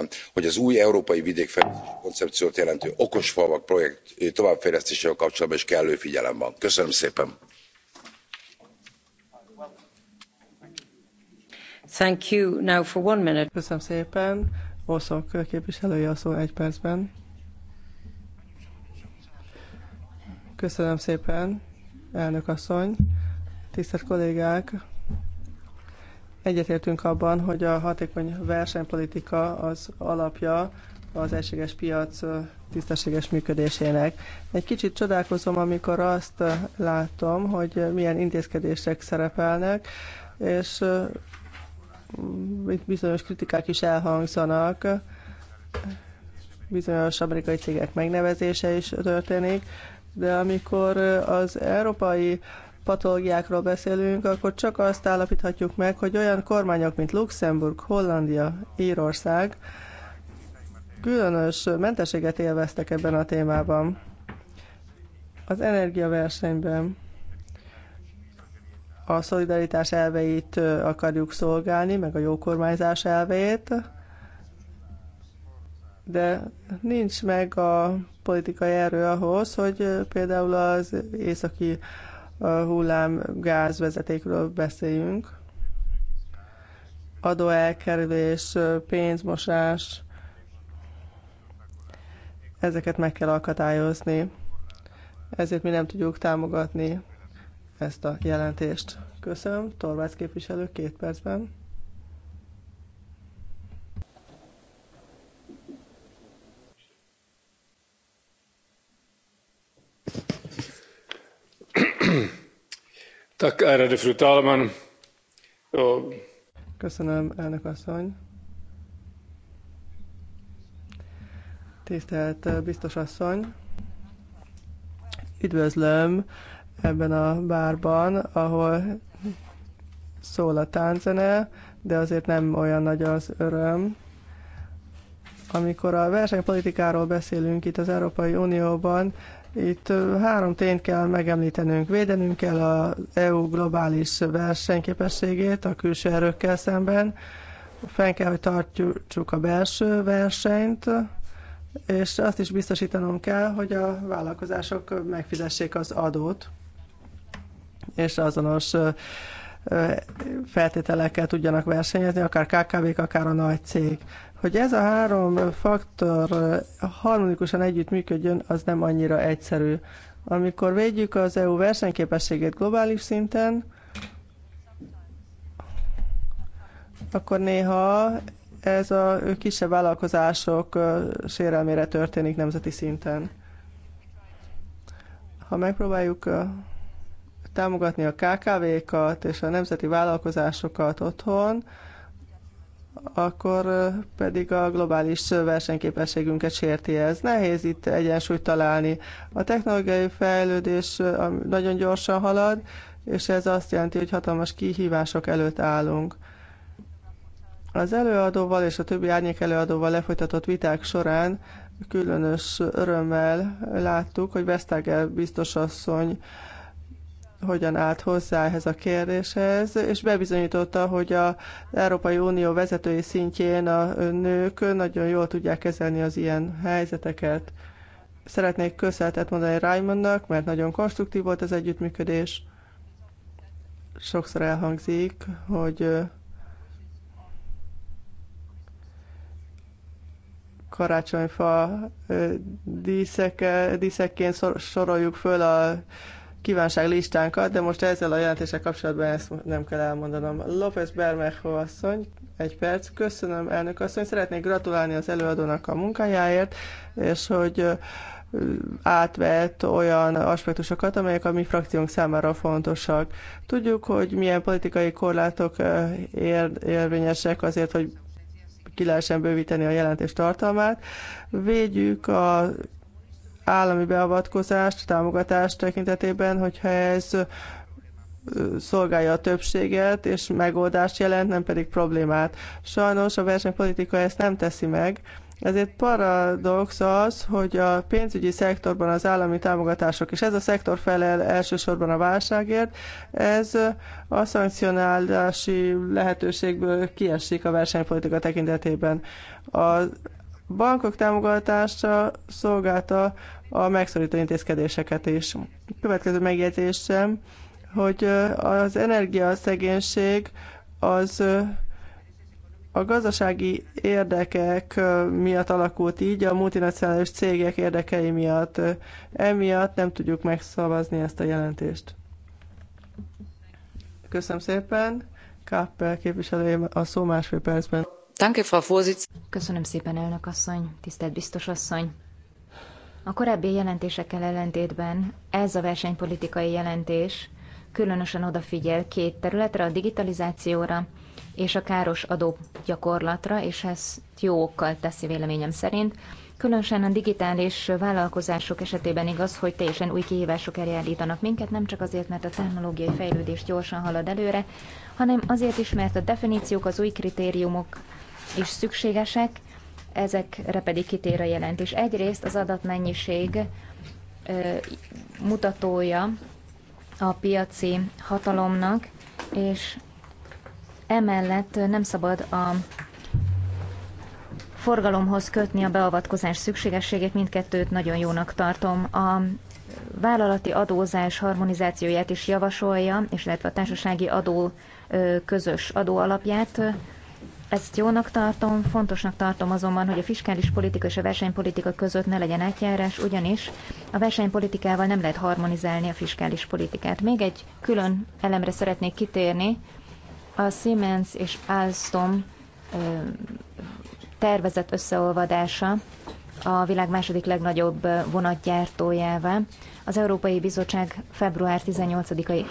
remélem hogy az új európai vidékfejlesztési koncepciót jelentő okos falvak projekt továbbfejlesztésével kapcsolatban is kellő figyelem van. köszönöm szépen! Köszönöm szépen. Oszok képviselője a szó egy percben. Köszönöm szépen, elnök asszony, tisztelt kollégák, Egyetértünk abban, hogy a hatékony versenypolitika az alapja az egységes piac tisztességes működésének. Egy kicsit csodálkozom, amikor azt látom, hogy milyen intézkedések szerepelnek, és itt bizonyos kritikák is elhangzanak, bizonyos amerikai cégek megnevezése is történik, de amikor az európai patológiákról beszélünk, akkor csak azt állapíthatjuk meg, hogy olyan kormányok, mint Luxemburg, Hollandia, Írország különös mentességet élveztek ebben a témában. Az energiaversenyben a szolidaritás elveit akarjuk szolgálni, meg a jó kormányzás elveit, de nincs meg a politikai erő ahhoz, hogy például az északi hullámgáz vezetékről beszéljünk. Adóelkerülés, pénzmosás, ezeket meg kell akadályozni. Ezért mi nem tudjuk támogatni ezt a jelentést. Köszönöm, Torvács képviselő két percben. fru talman! Köszönöm, elnök asszony. Tisztelt eh, biztos asszony, üdvözlöm ebben a bárban, ahol szól a tánzene, de azért nem olyan nagy az öröm. Amikor a versenypolitikáról beszélünk itt az Európai Unióban, itt három tényt kell megemlítenünk. Védenünk kell az EU globális versenyképességét a külső erőkkel szemben, fenn kell, hogy tartjuk a belső versenyt, és azt is biztosítanom kell, hogy a vállalkozások megfizessék az adót, és azonos feltételekkel tudjanak versenyezni, akár KKV-k, akár a nagy cég. Hogy ez a három faktor harmonikusan együtt működjön, az nem annyira egyszerű. Amikor védjük az EU versenyképességét globális szinten, akkor néha ez a kisebb vállalkozások sérelmére történik nemzeti szinten. Ha megpróbáljuk támogatni a KKV-kat és a nemzeti vállalkozásokat otthon, akkor pedig a globális versenyképességünket sérti ez. Nehéz itt egyensúlyt találni. A technológiai fejlődés nagyon gyorsan halad, és ez azt jelenti, hogy hatalmas kihívások előtt állunk. Az előadóval és a többi árnyék előadóval lefolytatott viták során különös örömmel láttuk, hogy Vesztager biztosasszony hogyan állt hozzá ehhez a kérdéshez, és bebizonyította, hogy az Európai Unió vezetői szintjén a nők nagyon jól tudják kezelni az ilyen helyzeteket. Szeretnék köszönetet mondani Raymondnak, mert nagyon konstruktív volt az együttműködés. Sokszor elhangzik, hogy karácsonyfa díszekként soroljuk föl a kívánság listánkat, de most ezzel a jelentéssel kapcsolatban ezt nem kell elmondanom. López Bermejo asszony, egy perc. Köszönöm, elnök asszony. Szeretnék gratulálni az előadónak a munkájáért, és hogy átvett olyan aspektusokat, amelyek a mi frakciónk számára fontosak. Tudjuk, hogy milyen politikai korlátok ér, érvényesek azért, hogy ki lehessen bővíteni a jelentés tartalmát. Védjük a állami beavatkozást, támogatást tekintetében, hogyha ez szolgálja a többséget, és megoldást jelent, nem pedig problémát. Sajnos a versenypolitika ezt nem teszi meg, ezért paradox az, hogy a pénzügyi szektorban az állami támogatások, és ez a szektor felel elsősorban a válságért, ez a szankcionálási lehetőségből kiesik a versenypolitika tekintetében. A bankok támogatása szolgálta a megszorító intézkedéseket is. Következő megjegyzésem, hogy az energiaszegénység az a gazdasági érdekek miatt alakult így, a multinacionális cégek érdekei miatt. Emiatt nem tudjuk megszavazni ezt a jelentést. Köszönöm szépen. Kappel képviselője a szó másfél percben. Köszönöm szépen, elnök asszony, tisztelt biztos asszony. A korábbi jelentésekkel ellentétben ez a versenypolitikai jelentés különösen odafigyel két területre, a digitalizációra és a káros adógyakorlatra, és ezt jó okkal teszi véleményem szerint. Különösen a digitális vállalkozások esetében igaz, hogy teljesen új kihívások elé állítanak minket, nem csak azért, mert a technológiai fejlődés gyorsan halad előre, hanem azért is, mert a definíciók, az új kritériumok is szükségesek, ezekre pedig kitér a jelentés. Egyrészt az adatmennyiség mutatója a piaci hatalomnak, és emellett nem szabad a forgalomhoz kötni a beavatkozás szükségességét, mindkettőt nagyon jónak tartom. A vállalati adózás harmonizációját is javasolja, és lehet a társasági adó közös adóalapját ezt jónak tartom, fontosnak tartom azonban, hogy a fiskális politika és a versenypolitika között ne legyen átjárás, ugyanis a versenypolitikával nem lehet harmonizálni a fiskális politikát. Még egy külön elemre szeretnék kitérni, a Siemens és Alstom ö, tervezett összeolvadása a világ második legnagyobb vonatgyártójává. Az Európai Bizottság február 18-ai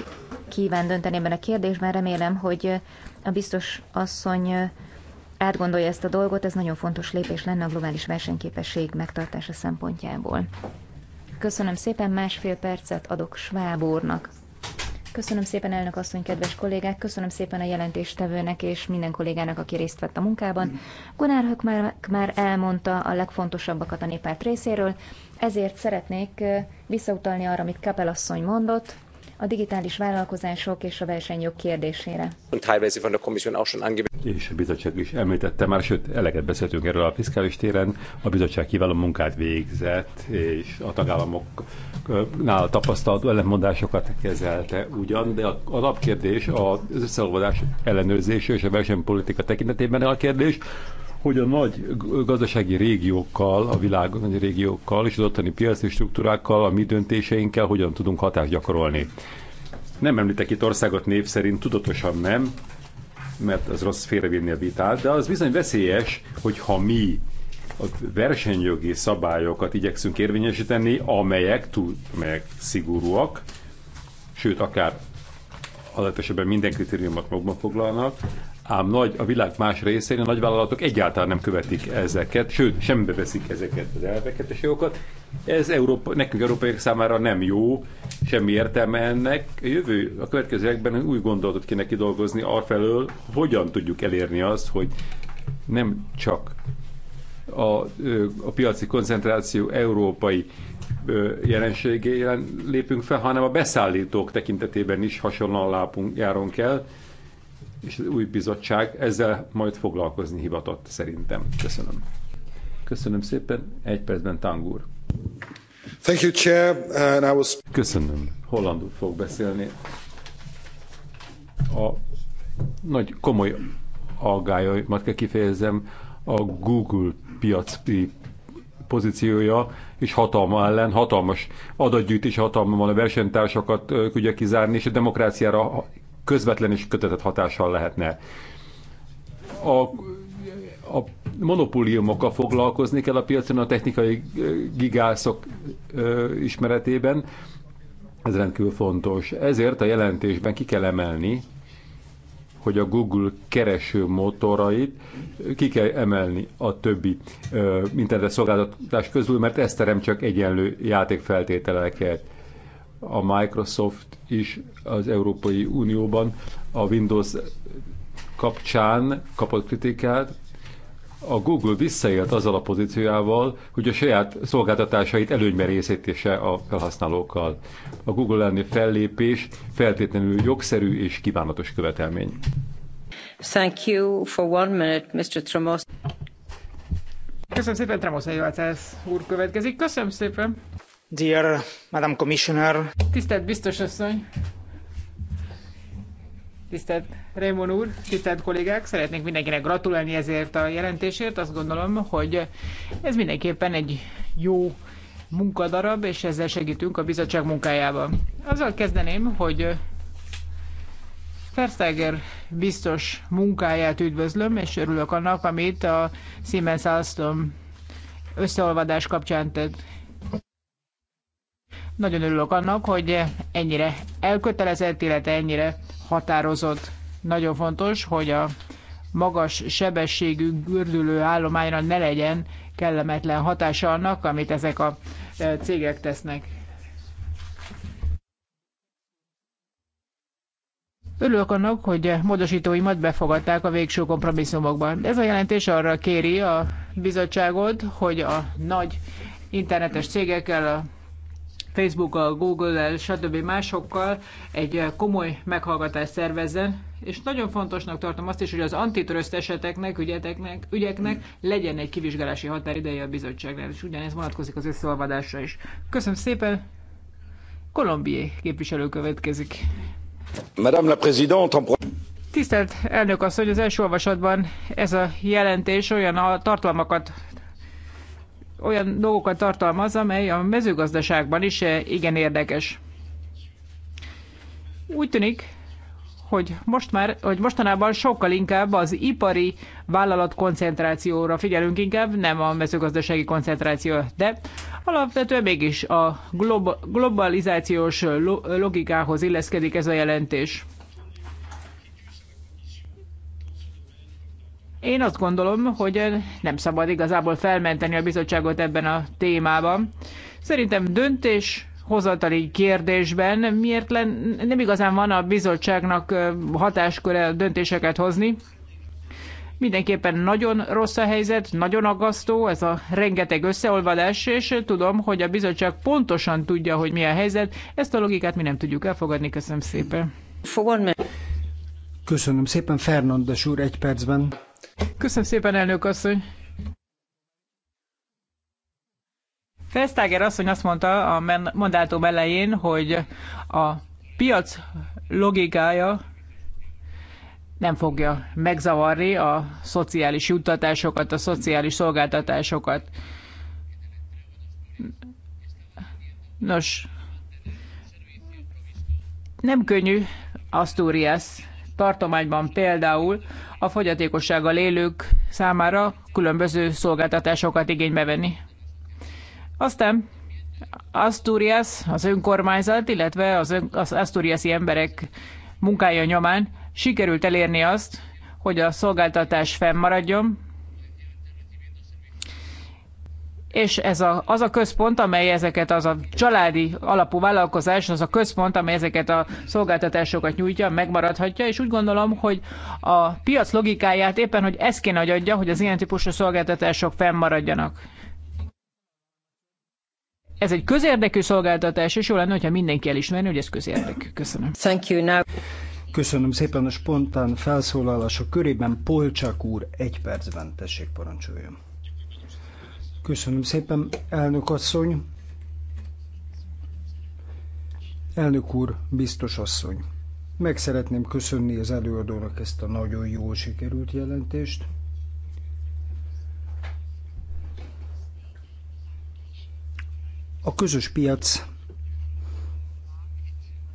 kíván dönteni ebben a kérdésben. Remélem, hogy a biztos asszony átgondolja ezt a dolgot, ez nagyon fontos lépés lenne a globális versenyképesség megtartása szempontjából. Köszönöm szépen, másfél percet adok Svábornak. Köszönöm szépen, elnök asszony, kedves kollégák, köszönöm szépen a jelentéstevőnek és minden kollégának, aki részt vett a munkában. Gunnar Hök már, már elmondta a legfontosabbakat a néppárt részéről, ezért szeretnék eh, visszautalni arra, amit Kapel asszony mondott, a digitális vállalkozások és a versenyjog kérdésére. És a bizottság is említette már, sőt, eleget beszéltünk erről a fiskális téren. A bizottság kiváló munkát végzett, és a tagállamoknál tapasztalt ellentmondásokat kezelte ugyan, de a alapkérdés az összeolvadás ellenőrzése és a versenypolitika tekintetében a kérdés, hogy a nagy gazdasági régiókkal, a világ nagy régiókkal és az ottani piaci struktúrákkal, a mi döntéseinkkel hogyan tudunk hatást gyakorolni. Nem említek itt országot név szerint, tudatosan nem, mert az rossz félrevinni a vitát, de az bizony veszélyes, hogyha mi a versenyjogi szabályokat igyekszünk érvényesíteni, amelyek, túl, amelyek szigorúak, sőt, akár a minden kritériumot magban foglalnak, ám nagy, a világ más részein a nagyvállalatok egyáltalán nem követik ezeket, sőt, semmibe veszik ezeket az elveket és jókat. Ez Európa, nekünk európaiak számára nem jó, semmi értelme ennek. A jövő, a következő években új gondolatot kéne kidolgozni arfelől, hogyan tudjuk elérni azt, hogy nem csak a, a piaci koncentráció európai jelenségében lépünk fel, hanem a beszállítók tekintetében is hasonlóan lápunk, járunk el és az új bizottság ezzel majd foglalkozni hivatott szerintem. Köszönöm. Köszönöm szépen. Egy percben Tangur Thank you, Chair. And I was... Köszönöm. Hollandul fog beszélni. A nagy komoly aggályaimat kell kifejezem, a Google piaci pozíciója és hatalma ellen hatalmas adatgyűjtés hatalma van a versenytársakat tudja kizárni, és a demokráciára közvetlen és kötetett hatással lehetne. A, a monopóliumokkal foglalkozni kell a piacon a technikai gigászok ismeretében, ez rendkívül fontos. Ezért a jelentésben ki kell emelni, hogy a Google kereső motorait ki kell emelni a többi ö, internet szolgáltatás közül, mert ez terem csak egyenlő játékfeltételeket a Microsoft is az Európai Unióban a Windows kapcsán kapott kritikát, a Google visszaélt azzal a pozíciójával, hogy a saját szolgáltatásait előnyben részítése a felhasználókkal. A Google elleni fellépés feltétlenül jogszerű és kívánatos követelmény. Thank you for one minute, Mr. Tramos. Köszönöm szépen, Tramos Ejoácász úr következik. Köszönöm szépen. Dear Madam Commissioner. Tisztelt biztos asszony, tisztelt Raymond úr, tisztelt kollégák, szeretnék mindenkinek gratulálni ezért a jelentésért. Azt gondolom, hogy ez mindenképpen egy jó munkadarab, és ezzel segítünk a bizottság munkájában. Azzal kezdeném, hogy Fersteger biztos munkáját üdvözlöm, és örülök annak, amit a Siemens Alstom összeolvadás kapcsán tett nagyon örülök annak, hogy ennyire elkötelezett, illetve ennyire határozott. Nagyon fontos, hogy a magas sebességű gördülő állományra ne legyen kellemetlen hatása annak, amit ezek a e, cégek tesznek. Örülök annak, hogy módosítóimat befogadták a végső kompromisszumokban. Ez a jelentés arra kéri a bizottságot, hogy a nagy internetes cégekkel, a facebook Facebookkal, Google-el, stb. másokkal egy komoly meghallgatást szervezzen, és nagyon fontosnak tartom azt is, hogy az antitrust eseteknek, ügyeteknek, ügyeknek legyen egy kivizsgálási határideje a bizottságnál, és ugyanez vonatkozik az összeolvadásra is. Köszönöm szépen! Kolombié képviselő következik. Madame la Présidente, Tisztelt elnök asszony, az első olvasatban ez a jelentés olyan a tartalmakat olyan dolgokat tartalmaz, amely a mezőgazdaságban is eh, igen érdekes. Úgy tűnik, hogy, most már, hogy mostanában sokkal inkább az ipari vállalat koncentrációra figyelünk inkább, nem a mezőgazdasági koncentráció, de alapvetően mégis a globalizációs logikához illeszkedik ez a jelentés. Én azt gondolom, hogy nem szabad igazából felmenteni a bizottságot ebben a témában. Szerintem döntés hozatali kérdésben miért len, nem igazán van a bizottságnak hatásköre döntéseket hozni. Mindenképpen nagyon rossz a helyzet, nagyon aggasztó ez a rengeteg összeolvadás, és tudom, hogy a bizottság pontosan tudja, hogy mi a helyzet. Ezt a logikát mi nem tudjuk elfogadni. Köszönöm szépen. Köszönöm szépen, Fernandes úr, egy percben. Köszönöm szépen, elnök asszony. Fesztáger asszony azt mondta a mandátum elején, hogy a piac logikája nem fogja megzavarni a szociális juttatásokat, a szociális szolgáltatásokat. Nos, nem könnyű Asturias tartományban például a fogyatékossággal élők számára különböző szolgáltatásokat igénybe venni. Aztán Asturias, az önkormányzat, illetve az, ön, az Asturiasi emberek munkája nyomán sikerült elérni azt, hogy a szolgáltatás fennmaradjon, és ez a, az a központ, amely ezeket, az a családi alapú vállalkozás, az a központ, amely ezeket a szolgáltatásokat nyújtja, megmaradhatja, és úgy gondolom, hogy a piac logikáját éppen, hogy ez kéne, hogy adja, hogy az ilyen típusú szolgáltatások fennmaradjanak. Ez egy közérdekű szolgáltatás, és jó lenne, hogyha mindenki elismerni, hogy ez közérdekű. Köszönöm. Thank you. Now... Köszönöm szépen a spontán felszólalások körében. Polcsak úr, egy percben tessék parancsoljon. Köszönöm szépen, elnök asszony. Elnök úr, biztos asszony. Meg szeretném köszönni az előadónak ezt a nagyon jól sikerült jelentést. A közös piac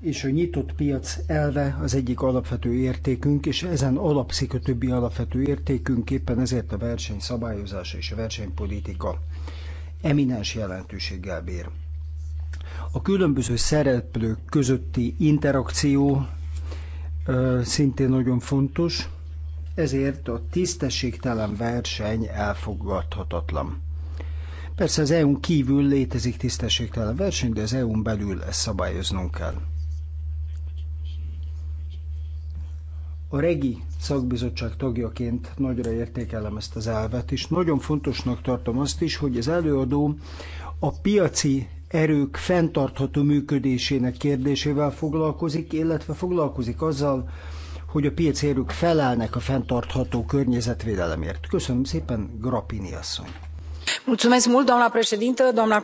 és a nyitott piac elve az egyik alapvető értékünk, és ezen alapszik a többi alapvető értékünk, éppen ezért a szabályozása és a versenypolitika eminens jelentőséggel bír. A különböző szereplők közötti interakció ö, szintén nagyon fontos, ezért a tisztességtelen verseny elfogadhatatlan. Persze az EU-n kívül létezik tisztességtelen verseny, de az EU-n belül ezt szabályoznunk kell. A regi szakbizottság tagjaként nagyra értékelem ezt az elvet, és nagyon fontosnak tartom azt is, hogy az előadó a piaci erők fenntartható működésének kérdésével foglalkozik, illetve foglalkozik azzal, hogy a piaci erők felelnek a fenntartható környezetvédelemért. Köszönöm szépen, Grapini asszony. Mulțumesc mult, doamna președintă, doamna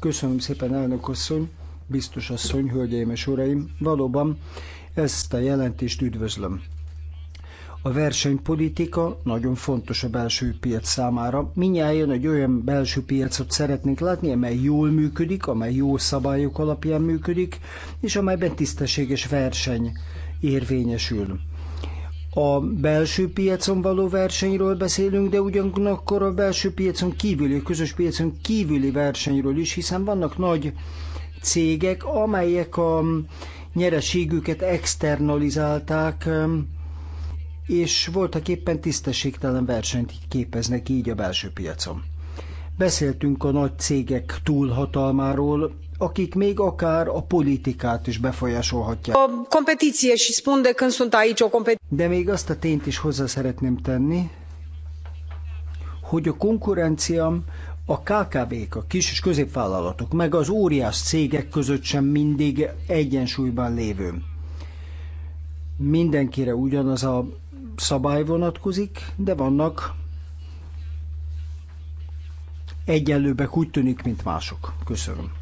Köszönöm szépen, elnök asszony, biztos asszony, hölgyeim és uraim. Valóban ezt a jelentést üdvözlöm. A versenypolitika nagyon fontos a belső piac számára. Minnyáján egy olyan belső piacot szeretnénk látni, amely jól működik, amely jó szabályok alapján működik, és amelyben tisztességes verseny érvényesül. A belső piacon való versenyről beszélünk, de ugyanakkor a belső piacon kívüli, a közös piacon kívüli versenyről is, hiszen vannak nagy cégek, amelyek a nyereségüket externalizálták, és voltak éppen tisztességtelen versenyt képeznek így a belső piacon. Beszéltünk a nagy cégek túlhatalmáról, akik még akár a politikát is befolyásolhatják. A kompetíció és spune când sunt aici o De még azt a tényt is hozzá szeretném tenni, hogy a konkurencia a KKV-k, a kis és középvállalatok, meg az óriás cégek között sem mindig egyensúlyban lévő. Mindenkire ugyanaz a szabály vonatkozik, de vannak egyenlőbbek úgy tűnik, mint mások. Köszönöm.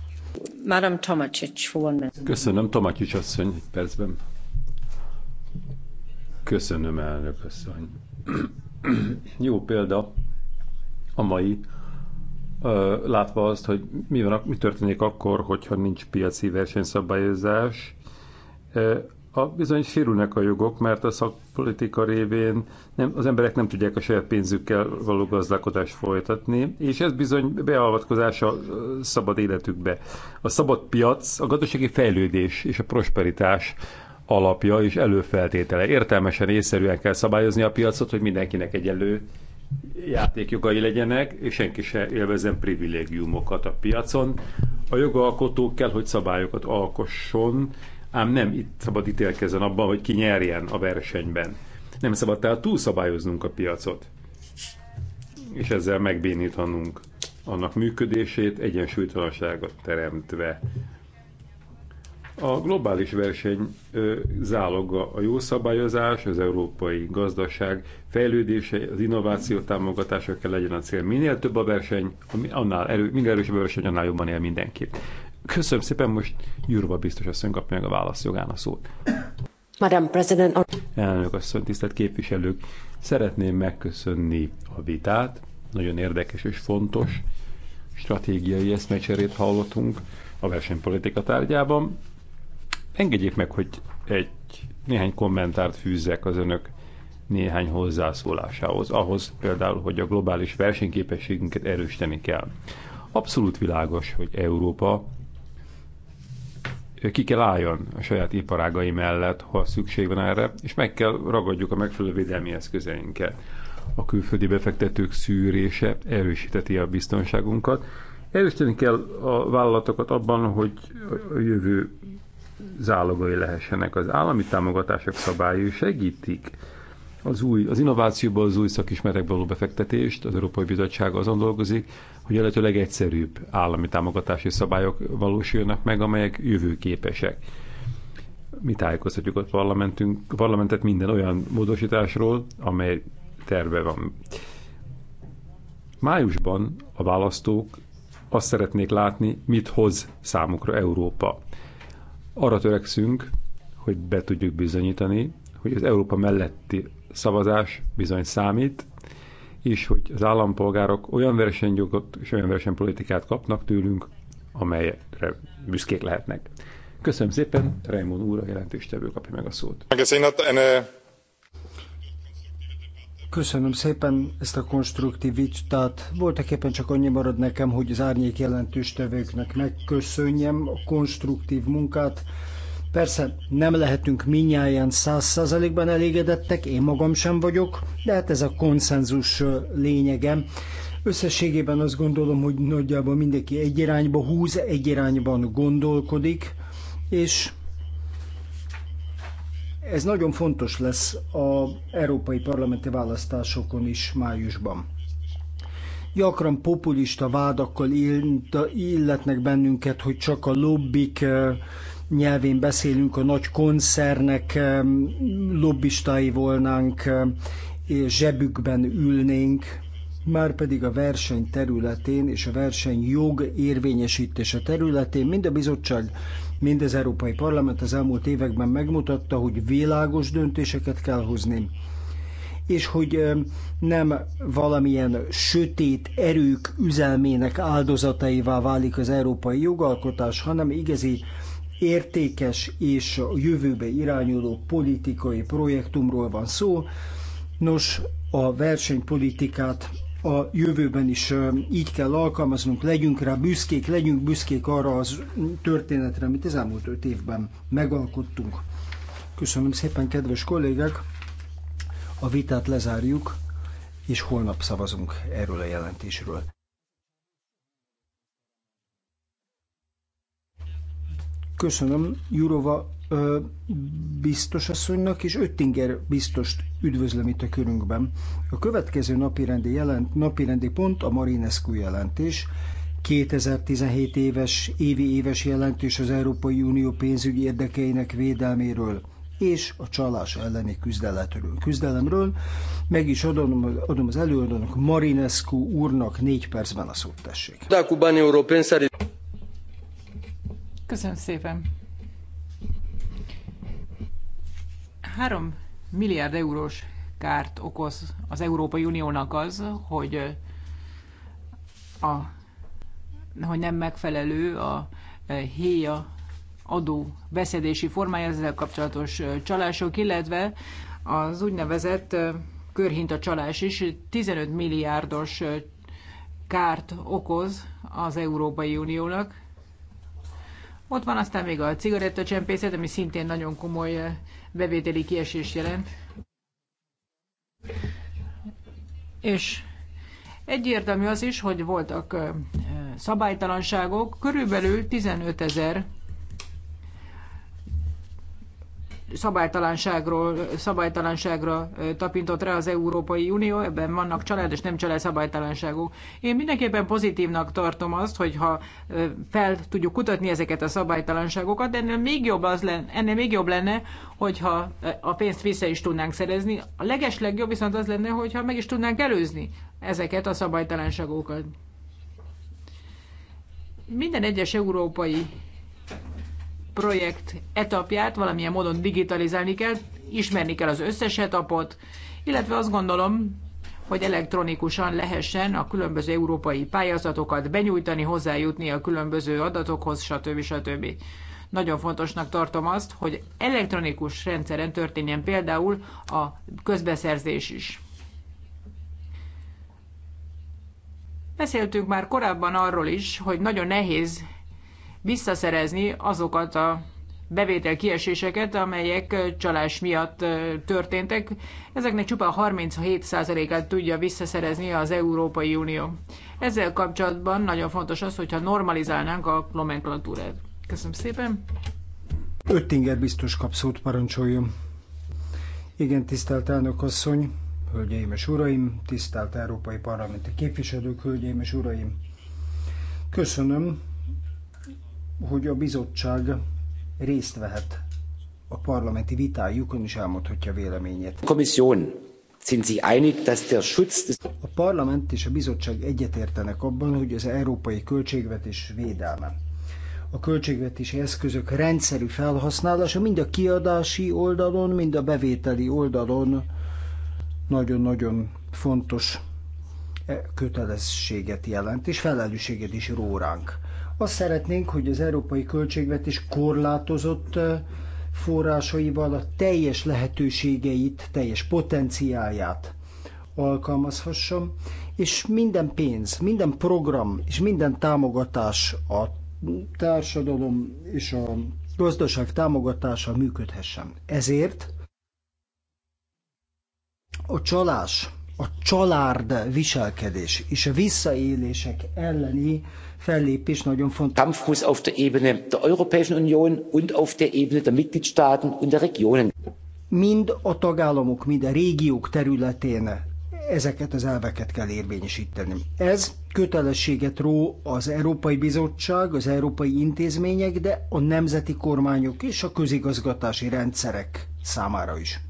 Madam Tomacsics, Köszönöm, Tomacsics asszony, egy percben. Köszönöm, elnök asszony. Jó példa a mai, látva azt, hogy mi, van, mi történik akkor, hogyha nincs piaci versenyszabályozás, a, bizony sérülnek a jogok, mert a szakpolitika révén nem, az emberek nem tudják a saját pénzükkel való gazdálkodást folytatni, és ez bizony beavatkozása a szabad életükbe. A szabad piac, a gazdasági fejlődés és a prosperitás alapja és előfeltétele. Értelmesen, észszerűen kell szabályozni a piacot, hogy mindenkinek egyenlő játékjogai legyenek, és senki se élvezzen privilégiumokat a piacon. A jogalkotó kell, hogy szabályokat alkosson, ám nem itt szabad ítélkezzen abban, hogy ki nyerjen a versenyben. Nem szabad tehát túlszabályoznunk a piacot, és ezzel megbénítanunk annak működését, egyensúlytalanságot teremtve. A globális verseny záloga a jó szabályozás, az európai gazdaság fejlődése, az innováció támogatása kell legyen a cél. Minél több a verseny, annál erő, minél erősebb a verseny, annál jobban él mindenki. Köszönöm szépen, most Jurva biztos hogy szönkapja meg a válasz jogán a szót. Madam President. Elnök asszony, tisztelt képviselők, szeretném megköszönni a vitát, nagyon érdekes és fontos stratégiai eszmecserét hallottunk a versenypolitika tárgyában. Engedjék meg, hogy egy néhány kommentárt fűzzek az önök néhány hozzászólásához, ahhoz például, hogy a globális versenyképességünket erősíteni kell. Abszolút világos, hogy Európa ki kell álljon a saját iparágai mellett, ha szükség van erre, és meg kell ragadjuk a megfelelő védelmi eszközeinket. A külföldi befektetők szűrése erősíteti a biztonságunkat. Erősíteni kell a vállalatokat abban, hogy a jövő zálogai lehessenek. Az állami támogatások szabályai segítik az új, az innovációba, az új szakismerekbe való befektetést, az Európai Bizottság azon dolgozik, hogy a lehető legegyszerűbb állami támogatási szabályok valósuljanak meg, amelyek jövőképesek. Mi tájékoztatjuk a parlamentünk, a parlamentet minden olyan módosításról, amely terve van. Májusban a választók azt szeretnék látni, mit hoz számukra Európa. Arra törekszünk, hogy be tudjuk bizonyítani, hogy az Európa melletti szavazás bizony számít, és hogy az állampolgárok olyan versenyjogot és olyan versenypolitikát kapnak tőlünk, amelyre büszkék lehetnek. Köszönöm szépen, Raymond úr, a jelentéstevő kapja meg a szót. Köszönöm szépen ezt a konstruktív vitát. Voltak éppen csak annyi marad nekem, hogy az árnyék jelentőstevőknek megköszönjem a konstruktív munkát, Persze nem lehetünk minnyáján száz százalékban elégedettek, én magam sem vagyok, de hát ez a konszenzus lényege. Összességében azt gondolom, hogy nagyjából mindenki egy irányba húz, egy irányban gondolkodik, és ez nagyon fontos lesz az európai parlamenti választásokon is májusban. Gyakran populista vádakkal illetnek bennünket, hogy csak a lobbik nyelvén beszélünk, a nagy koncernek lobbistai volnánk, és zsebükben ülnénk, már pedig a verseny területén és a verseny jog érvényesítése területén mind a bizottság, mind az Európai Parlament az elmúlt években megmutatta, hogy világos döntéseket kell hozni, és hogy nem valamilyen sötét erők üzelmének áldozataivá válik az európai jogalkotás, hanem igazi értékes és a jövőbe irányuló politikai projektumról van szó. Nos, a versenypolitikát a jövőben is így kell alkalmaznunk, legyünk rá büszkék, legyünk büszkék arra az történetre, amit az elmúlt öt évben megalkottunk. Köszönöm szépen, kedves kollégák! A vitát lezárjuk, és holnap szavazunk erről a jelentésről. Köszönöm Jurova biztos asszonynak és Öttinger biztost üdvözlöm itt a körünkben. A következő napirendi, jelent, napirendi pont a Marinescu jelentés. 2017 éves, évi éves jelentés az Európai Unió pénzügyi érdekeinek védelméről és a csalás elleni küzdelemről. küzdelemről. Meg is adom, adom az előadónak Marinescu úrnak négy percben a szót tessék. Köszönöm szépen. Három milliárd eurós kárt okoz az Európai Uniónak az, hogy a, hogy nem megfelelő a e, héja adó beszedési formája, ezzel kapcsolatos e, csalások, illetve az úgynevezett e, körhinta csalás is 15 milliárdos kárt okoz az Európai Uniónak. Ott van aztán még a cigarettacsempészet, ami szintén nagyon komoly eh, bevételi kiesés jelent. És egyértelmű az is, hogy voltak eh, eh, szabálytalanságok, körülbelül 15 ezer szabálytalanságról, szabálytalanságra tapintott rá az Európai Unió, ebben vannak család és nem család szabálytalanságok. Én mindenképpen pozitívnak tartom azt, hogyha fel tudjuk kutatni ezeket a szabálytalanságokat, de ennél még jobb, az lenne, ennél még jobb lenne, hogyha a pénzt vissza is tudnánk szerezni. A legeslegjobb viszont az lenne, hogyha meg is tudnánk előzni ezeket a szabálytalanságokat. Minden egyes európai projekt etapját valamilyen módon digitalizálni kell, ismerni kell az összes etapot, illetve azt gondolom, hogy elektronikusan lehessen a különböző európai pályázatokat benyújtani, hozzájutni a különböző adatokhoz, stb. stb. Nagyon fontosnak tartom azt, hogy elektronikus rendszeren történjen például a közbeszerzés is. Beszéltünk már korábban arról is, hogy nagyon nehéz visszaszerezni azokat a bevétel kieséseket, amelyek csalás miatt történtek. Ezeknek csupán 37%-át tudja visszaszerezni az Európai Unió. Ezzel kapcsolatban nagyon fontos az, hogyha normalizálnánk a nomenklatúrát. Köszönöm szépen. Öttinger biztos kapszót parancsoljon. Igen, tisztelt elnök asszony, hölgyeim és uraim, tisztelt európai parlamenti képviselők, hölgyeim és uraim. Köszönöm, hogy a bizottság részt vehet a parlamenti vitájukon is elmondhatja véleményét. Kommission. Sind Sie einig, dass der Schutz des a parlament és a bizottság egyetértenek abban, hogy az európai költségvetés védelme a költségvetési eszközök rendszerű felhasználása mind a kiadási oldalon, mind a bevételi oldalon nagyon-nagyon fontos e, kötelességet jelent, és felelősséget is róránk. Azt szeretnénk, hogy az európai költségvetés korlátozott forrásaival a teljes lehetőségeit, teljes potenciálját alkalmazhassam, és minden pénz, minden program és minden támogatás a társadalom és a gazdaság támogatása működhessen. Ezért a csalás, a család viselkedés és a visszaélések elleni fellépés nagyon fontos. Kampf muss auf der Ebene der Europäischen Union und auf der Ebene der Mitgliedstaaten und der Regionen. Mind a tagállamok, mind a régiók területén ezeket az elveket kell érvényesíteni. Ez kötelességet ró az Európai Bizottság, az európai intézmények, de a nemzeti kormányok és a közigazgatási rendszerek számára is.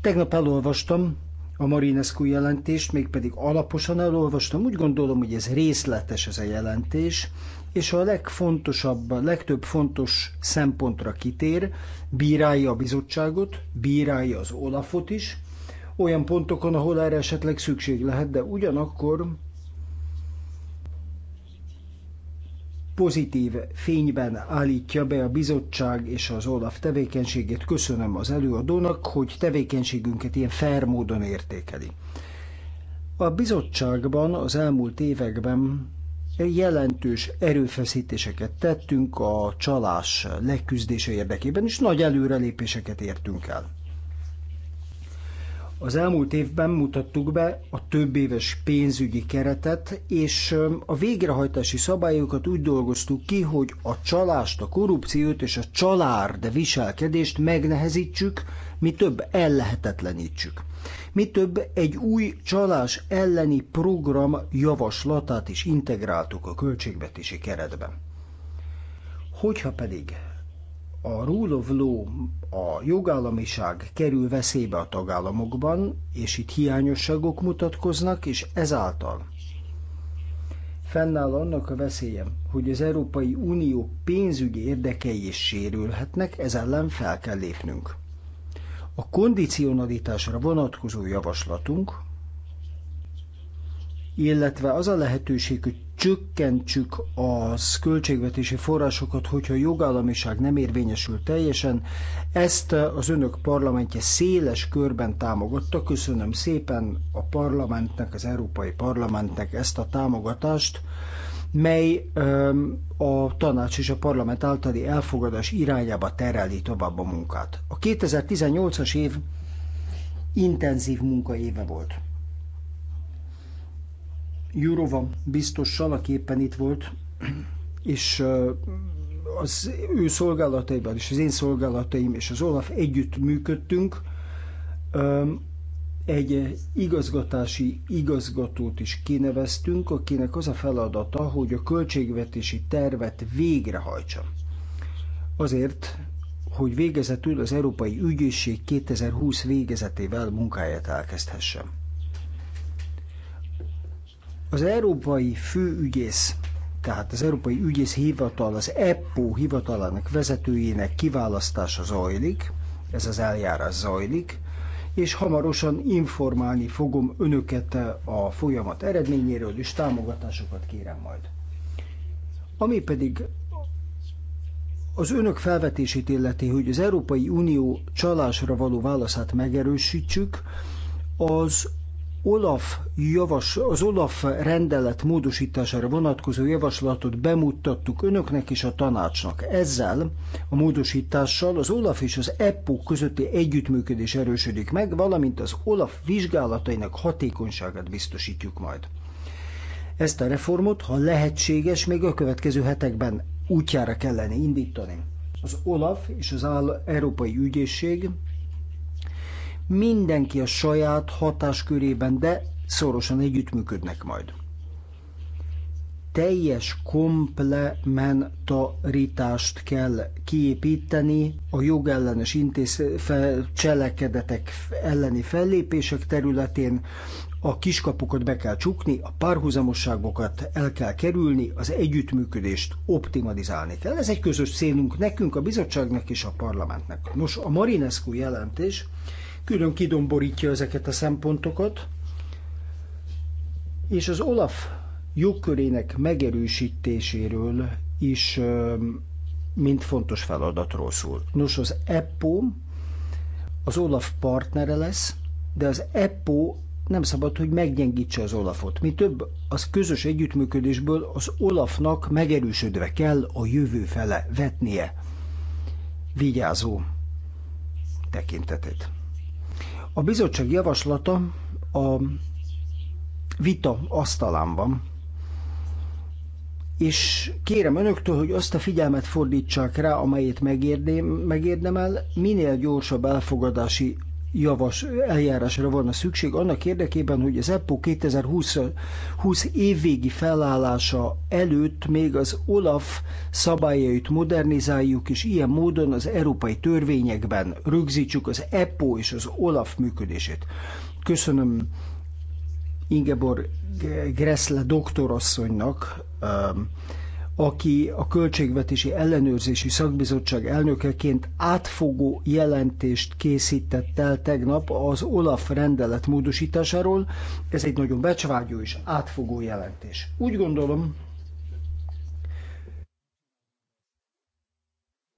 Tegnap elolvastam a Marinescu jelentést, mégpedig alaposan elolvastam. Úgy gondolom, hogy ez részletes ez a jelentés, és a legfontosabb, a legtöbb fontos szempontra kitér, bírálja a bizottságot, bírálja az Olafot is, olyan pontokon, ahol erre esetleg szükség lehet, de ugyanakkor pozitív fényben állítja be a bizottság és az OLAF tevékenységét. Köszönöm az előadónak, hogy tevékenységünket ilyen fair módon értékeli. A bizottságban az elmúlt években jelentős erőfeszítéseket tettünk a csalás leküzdése érdekében, és nagy előrelépéseket értünk el. Az elmúlt évben mutattuk be a több éves pénzügyi keretet, és a végrehajtási szabályokat úgy dolgoztuk ki, hogy a csalást, a korrupciót és a de viselkedést megnehezítsük, mi több ellehetetlenítsük. Mi több egy új csalás elleni program javaslatát is integráltuk a költségvetési keretbe. Hogyha pedig a rule of law, a jogállamiság kerül veszélybe a tagállamokban, és itt hiányosságok mutatkoznak, és ezáltal fennáll annak a veszélyem, hogy az Európai Unió pénzügyi érdekei is sérülhetnek, ez ellen fel kell lépnünk. A kondicionalitásra vonatkozó javaslatunk illetve az a lehetőség, hogy csökkentsük a költségvetési forrásokat, hogyha a jogállamiság nem érvényesül teljesen. Ezt az önök parlamentje széles körben támogatta. Köszönöm szépen a parlamentnek, az Európai Parlamentnek ezt a támogatást mely a tanács és a parlament általi elfogadás irányába tereli tovább a munkát. A 2018-as év intenzív munkaéve volt. Jurova biztossal, aki éppen itt volt, és az ő szolgálataiban és az én szolgálataim és az Olaf együtt működtünk, egy igazgatási igazgatót is kineveztünk, akinek az a feladata, hogy a költségvetési tervet végrehajtsa. Azért, hogy végezetül az Európai Ügyészség 2020 végezetével munkáját elkezdhessem. Az európai főügyész, tehát az Európai Ügyész Hivatal, az EPPO hivatalának vezetőjének kiválasztása zajlik, ez az eljárás zajlik, és hamarosan informálni fogom önöket a folyamat eredményéről, és támogatásokat kérem majd. Ami pedig az önök felvetését illeti, hogy az Európai Unió csalásra való válaszát megerősítsük, az Olaf javas, az Olaf rendelet módosítására vonatkozó javaslatot bemutattuk önöknek és a tanácsnak. Ezzel a módosítással az Olaf és az EPPO közötti együttműködés erősödik meg, valamint az Olaf vizsgálatainak hatékonyságát biztosítjuk majd. Ezt a reformot, ha lehetséges, még a következő hetekben útjára kellene indítani. Az Olaf és az Európai Ügyészség mindenki a saját hatáskörében, de szorosan együttműködnek majd. Teljes komplementaritást kell kiépíteni a jogellenes intéz fel, cselekedetek elleni fellépések területén, a kiskapukat be kell csukni, a párhuzamosságokat el kell kerülni, az együttműködést optimalizálni kell. Ez egy közös célunk nekünk, a bizottságnak és a parlamentnek. Nos, a Marinescu jelentés külön kidomborítja ezeket a szempontokat, és az Olaf jogkörének megerősítéséről is mint fontos feladatról szól. Nos, az EPPO az Olaf partnere lesz, de az EPPO nem szabad, hogy meggyengítse az Olafot. Mi több, az közös együttműködésből az Olafnak megerősödve kell a jövő fele vetnie. Vigyázó tekintetét. A bizottság javaslata a vita asztalán van, és kérem önöktől, hogy azt a figyelmet fordítsák rá, amelyet megérdem, megérdemel, minél gyorsabb elfogadási javas eljárásra van a szükség annak érdekében, hogy az EPPO 2020 20 évvégi felállása előtt még az OLAF szabályait modernizáljuk, és ilyen módon az európai törvényekben rögzítsük az EPPO és az OLAF működését. Köszönöm Ingeborg Gressle doktorasszonynak um, aki a Költségvetési Ellenőrzési Szakbizottság elnökeként átfogó jelentést készített el tegnap az OLAF rendelet módosításáról. Ez egy nagyon becsvágyó és átfogó jelentés. Úgy gondolom,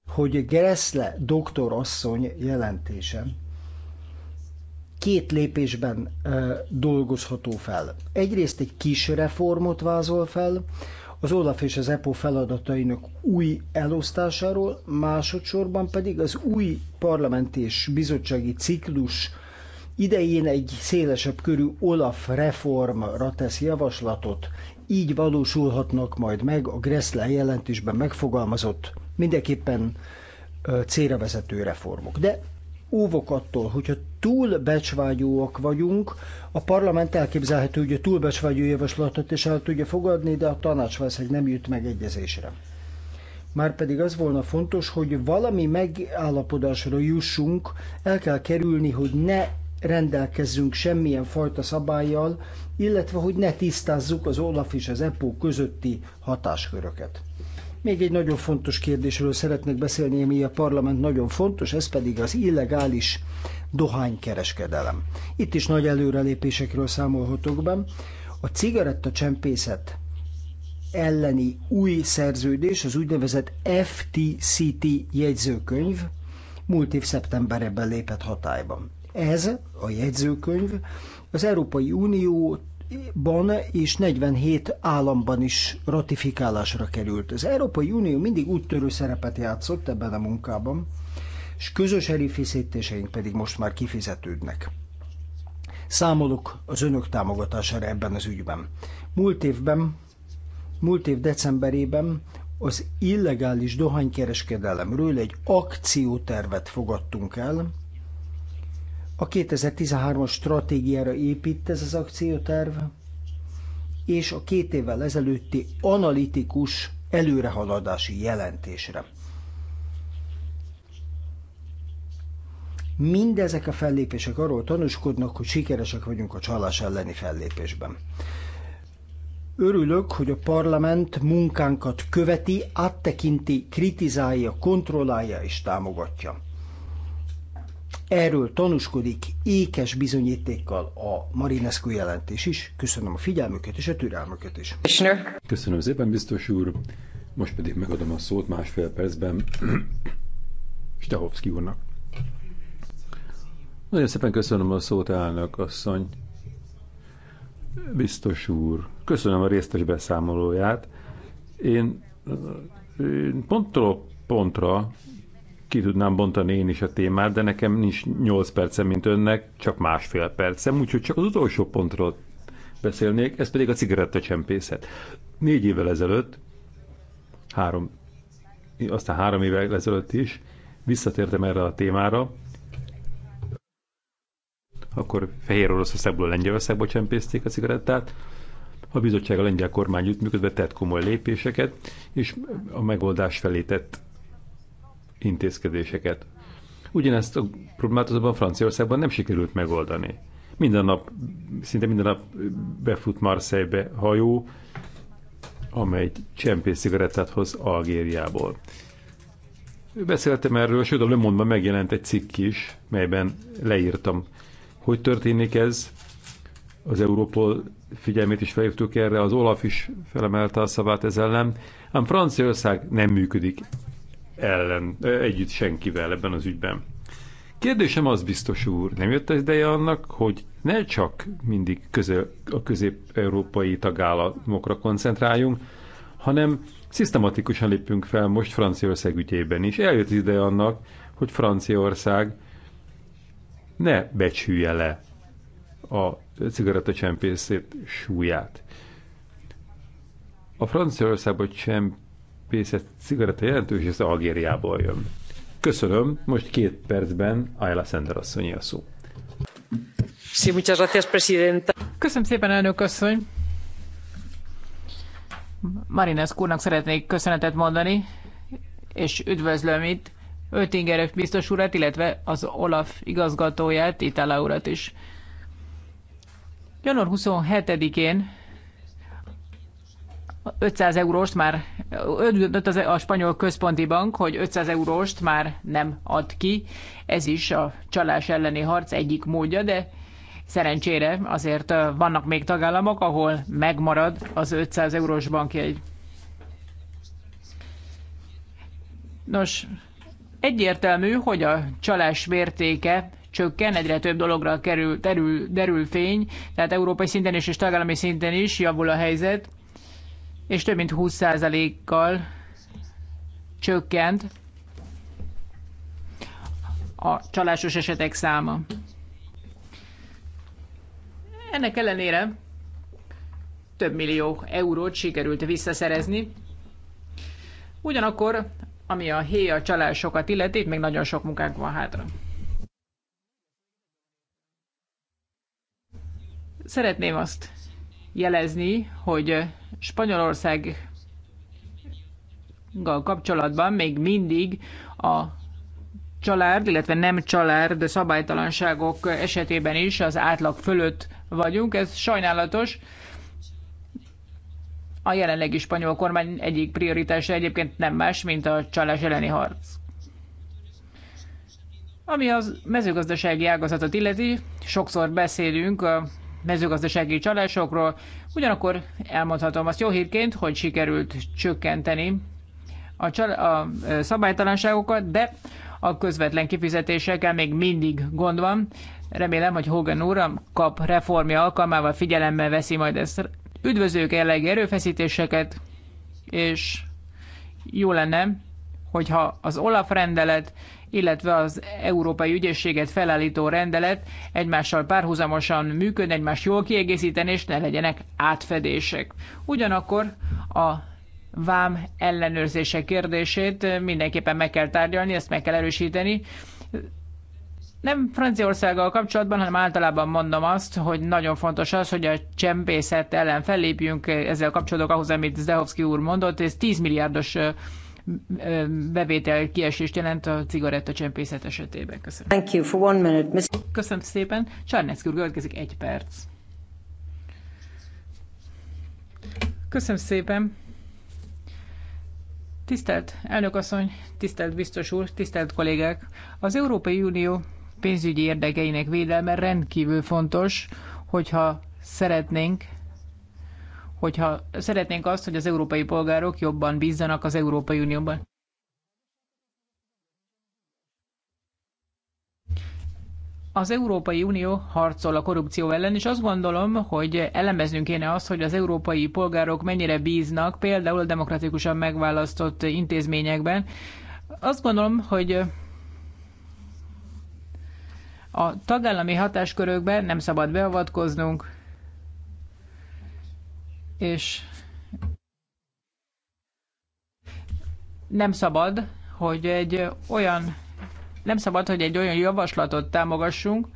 hogy Gressle doktorasszony jelentése két lépésben dolgozható fel. Egyrészt egy kis reformot vázol fel, az Olaf és az EPO feladatainak új elosztásáról, másodszorban pedig az új parlamenti és bizottsági ciklus idején egy szélesebb körű Olaf reformra tesz javaslatot, így valósulhatnak majd meg a Gressler jelentésben megfogalmazott, mindenképpen célra vezető reformok. De óvok attól, hogyha túl becsvágyóak vagyunk, a parlament elképzelhető, hogy a túl becsvágyó javaslatot is el tudja fogadni, de a tanács valószínűleg nem jut meg Már Márpedig az volna fontos, hogy valami megállapodásra jussunk, el kell kerülni, hogy ne rendelkezzünk semmilyen fajta szabályjal, illetve hogy ne tisztázzuk az Olaf és az EPO közötti hatásköröket. Még egy nagyon fontos kérdésről szeretnék beszélni, ami a parlament nagyon fontos, ez pedig az illegális dohánykereskedelem. Itt is nagy előrelépésekről számolhatok be. A cigarettacsempészet elleni új szerződés, az úgynevezett FTCT jegyzőkönyv múlt év szeptemberében lépett hatályban. Ez a jegyzőkönyv az Európai Unió ban és 47 államban is ratifikálásra került. Az Európai Unió mindig úttörő szerepet játszott ebben a munkában, és közös erőfeszítéseink pedig most már kifizetődnek. Számolok az önök támogatására ebben az ügyben. Múlt évben, múlt év decemberében az illegális dohánykereskedelemről egy akciótervet fogadtunk el, a 2013-as stratégiára épít ez az akcióterv, és a két évvel ezelőtti analitikus előrehaladási jelentésre. Mindezek a fellépések arról tanúskodnak, hogy sikeresek vagyunk a csalás elleni fellépésben. Örülök, hogy a parlament munkánkat követi, áttekinti, kritizálja, kontrollálja és támogatja. Erről tanúskodik ékes bizonyítékkal a Marinescu jelentés is. Köszönöm a figyelmüket és a türelmüket is. Köszönöm szépen, biztos úr. Most pedig megadom a szót másfél percben (clears throat) Stahovszki úrnak. Nagyon szépen köszönöm a szót, elnök asszony. Biztos úr, köszönöm a résztes beszámolóját. Én pontról pontra ki tudnám bontani én is a témát, de nekem nincs 8 percem, mint önnek, csak másfél percem, úgyhogy csak az utolsó pontról beszélnék, ez pedig a cigarettacsempészet. Négy évvel ezelőtt, három, aztán három évvel ezelőtt is visszatértem erre a témára, akkor Fehér Oroszországból Lengyelországba csempészték a cigarettát, a bizottság a lengyel kormány működve tett komoly lépéseket, és a megoldás felé tett intézkedéseket. Ugyanezt a problémát azonban Franciaországban nem sikerült megoldani. Minden nap, szinte minden nap befut Marseille-be hajó, amely csempész cigarettát hoz Algériából. Beszéltem erről, sőt a Le Monde-ban megjelent egy cikk is, melyben leírtam, hogy történik ez. Az Európol figyelmét is felhívtuk erre, az Olaf is felemelte a szavát ezzel nem, ám Franciaország nem működik ellen, együtt senkivel ebben az ügyben. Kérdésem az biztos úr, nem jött az ideje annak, hogy ne csak mindig közel, a közép-európai tagállamokra koncentráljunk, hanem szisztematikusan lépünk fel most Franciaország ügyében is. Eljött az ideje annak, hogy Franciaország ne becsülje le a cigarettacsempészét súlyát. A Franciaországban csempészet csempészet cigaretta jelentős az Algériából jön. Köszönöm, most két percben Ayla Sender asszonyi a szó. Sí, muchas gracias, presidenta. Köszönöm szépen, elnök asszony. Marinescu úrnak szeretnék köszönetet mondani, és üdvözlöm itt Öttinger biztos urat, illetve az Olaf igazgatóját, Itala urat is. Január 27-én 500 euróst már öntött a spanyol központi bank, hogy 500 euróst már nem ad ki. Ez is a csalás elleni harc egyik módja, de szerencsére azért vannak még tagállamok, ahol megmarad az 500 eurós bankjegy. Nos, egyértelmű, hogy a csalás mértéke csökken, egyre több dologra kerül, terül, derül fény, tehát európai szinten is és tagállami szinten is javul a helyzet és több mint 20%-kal csökkent a csalásos esetek száma. Ennek ellenére több millió eurót sikerült visszaszerezni. Ugyanakkor, ami a héja csalásokat illeti, itt még nagyon sok munkánk van hátra. Szeretném azt jelezni, hogy Spanyolország kapcsolatban még mindig a család, illetve nem család de szabálytalanságok esetében is az átlag fölött vagyunk. Ez sajnálatos. A jelenlegi spanyol kormány egyik prioritása egyébként nem más, mint a csalás elleni harc. Ami az mezőgazdasági ágazatot illeti, sokszor beszélünk a mezőgazdasági csalásokról, ugyanakkor elmondhatom azt jó hírként, hogy sikerült csökkenteni a, csal- a szabálytalanságokat, de a közvetlen kifizetésekkel még mindig gond van. Remélem, hogy Hogan úr kap reformja alkalmával figyelemmel veszi majd ezt. Üdvözlők jellegi erőfeszítéseket, és jó lenne, hogyha az Olaf rendelet, illetve az Európai Ügyészséget felállító rendelet egymással párhuzamosan működ, egymást jól kiegészíteni, és ne legyenek átfedések. Ugyanakkor a vám ellenőrzése kérdését mindenképpen meg kell tárgyalni, ezt meg kell erősíteni. Nem Franciaországgal kapcsolatban, hanem általában mondom azt, hogy nagyon fontos az, hogy a csempészet ellen fellépjünk, ezzel kapcsolatok ahhoz, amit Zdehovszki úr mondott, ez 10 milliárdos bevétel kiesést jelent a csempészet esetében. Köszönöm. Thank you for one minute, miss. Köszönöm szépen. Csarnecki úr, következik egy perc. Köszönöm szépen. Tisztelt elnökasszony, tisztelt biztos úr, tisztelt kollégák! Az Európai Unió pénzügyi érdekeinek védelme rendkívül fontos, hogyha szeretnénk hogyha szeretnénk azt, hogy az európai polgárok jobban bízzanak az Európai Unióban. Az Európai Unió harcol a korrupció ellen, és azt gondolom, hogy elemeznünk kéne azt, hogy az európai polgárok mennyire bíznak például a demokratikusan megválasztott intézményekben. Azt gondolom, hogy a tagállami hatáskörökben nem szabad beavatkoznunk, és nem szabad, hogy egy olyan nem szabad, hogy egy olyan javaslatot támogassunk,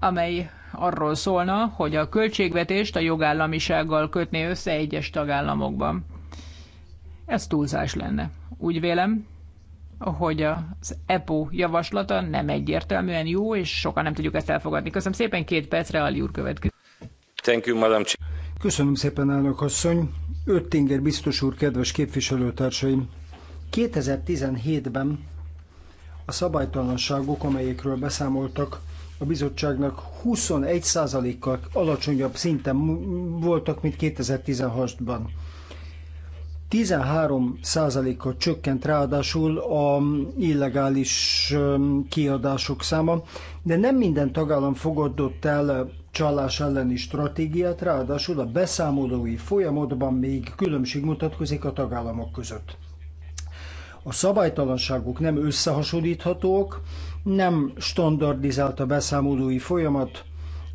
amely arról szólna, hogy a költségvetést a jogállamisággal kötné össze egyes tagállamokban. Ez túlzás lenne. Úgy vélem, hogy az EPO javaslata nem egyértelműen jó, és sokan nem tudjuk ezt elfogadni. Köszönöm szépen, két percre Ali úr következik. Thank you, Madam Köszönöm szépen, elnök asszony. Öttinger biztos úr, kedves képviselőtársaim! 2017-ben a szabálytalanságok, amelyekről beszámoltak, a bizottságnak 21%-kal alacsonyabb szinten voltak, mint 2016-ban. 13%-kal csökkent ráadásul a illegális kiadások száma, de nem minden tagállam fogadott el csalás elleni stratégiát, ráadásul a beszámolói folyamatban még különbség mutatkozik a tagállamok között. A szabálytalanságok nem összehasonlíthatók, nem standardizált a beszámolói folyamat,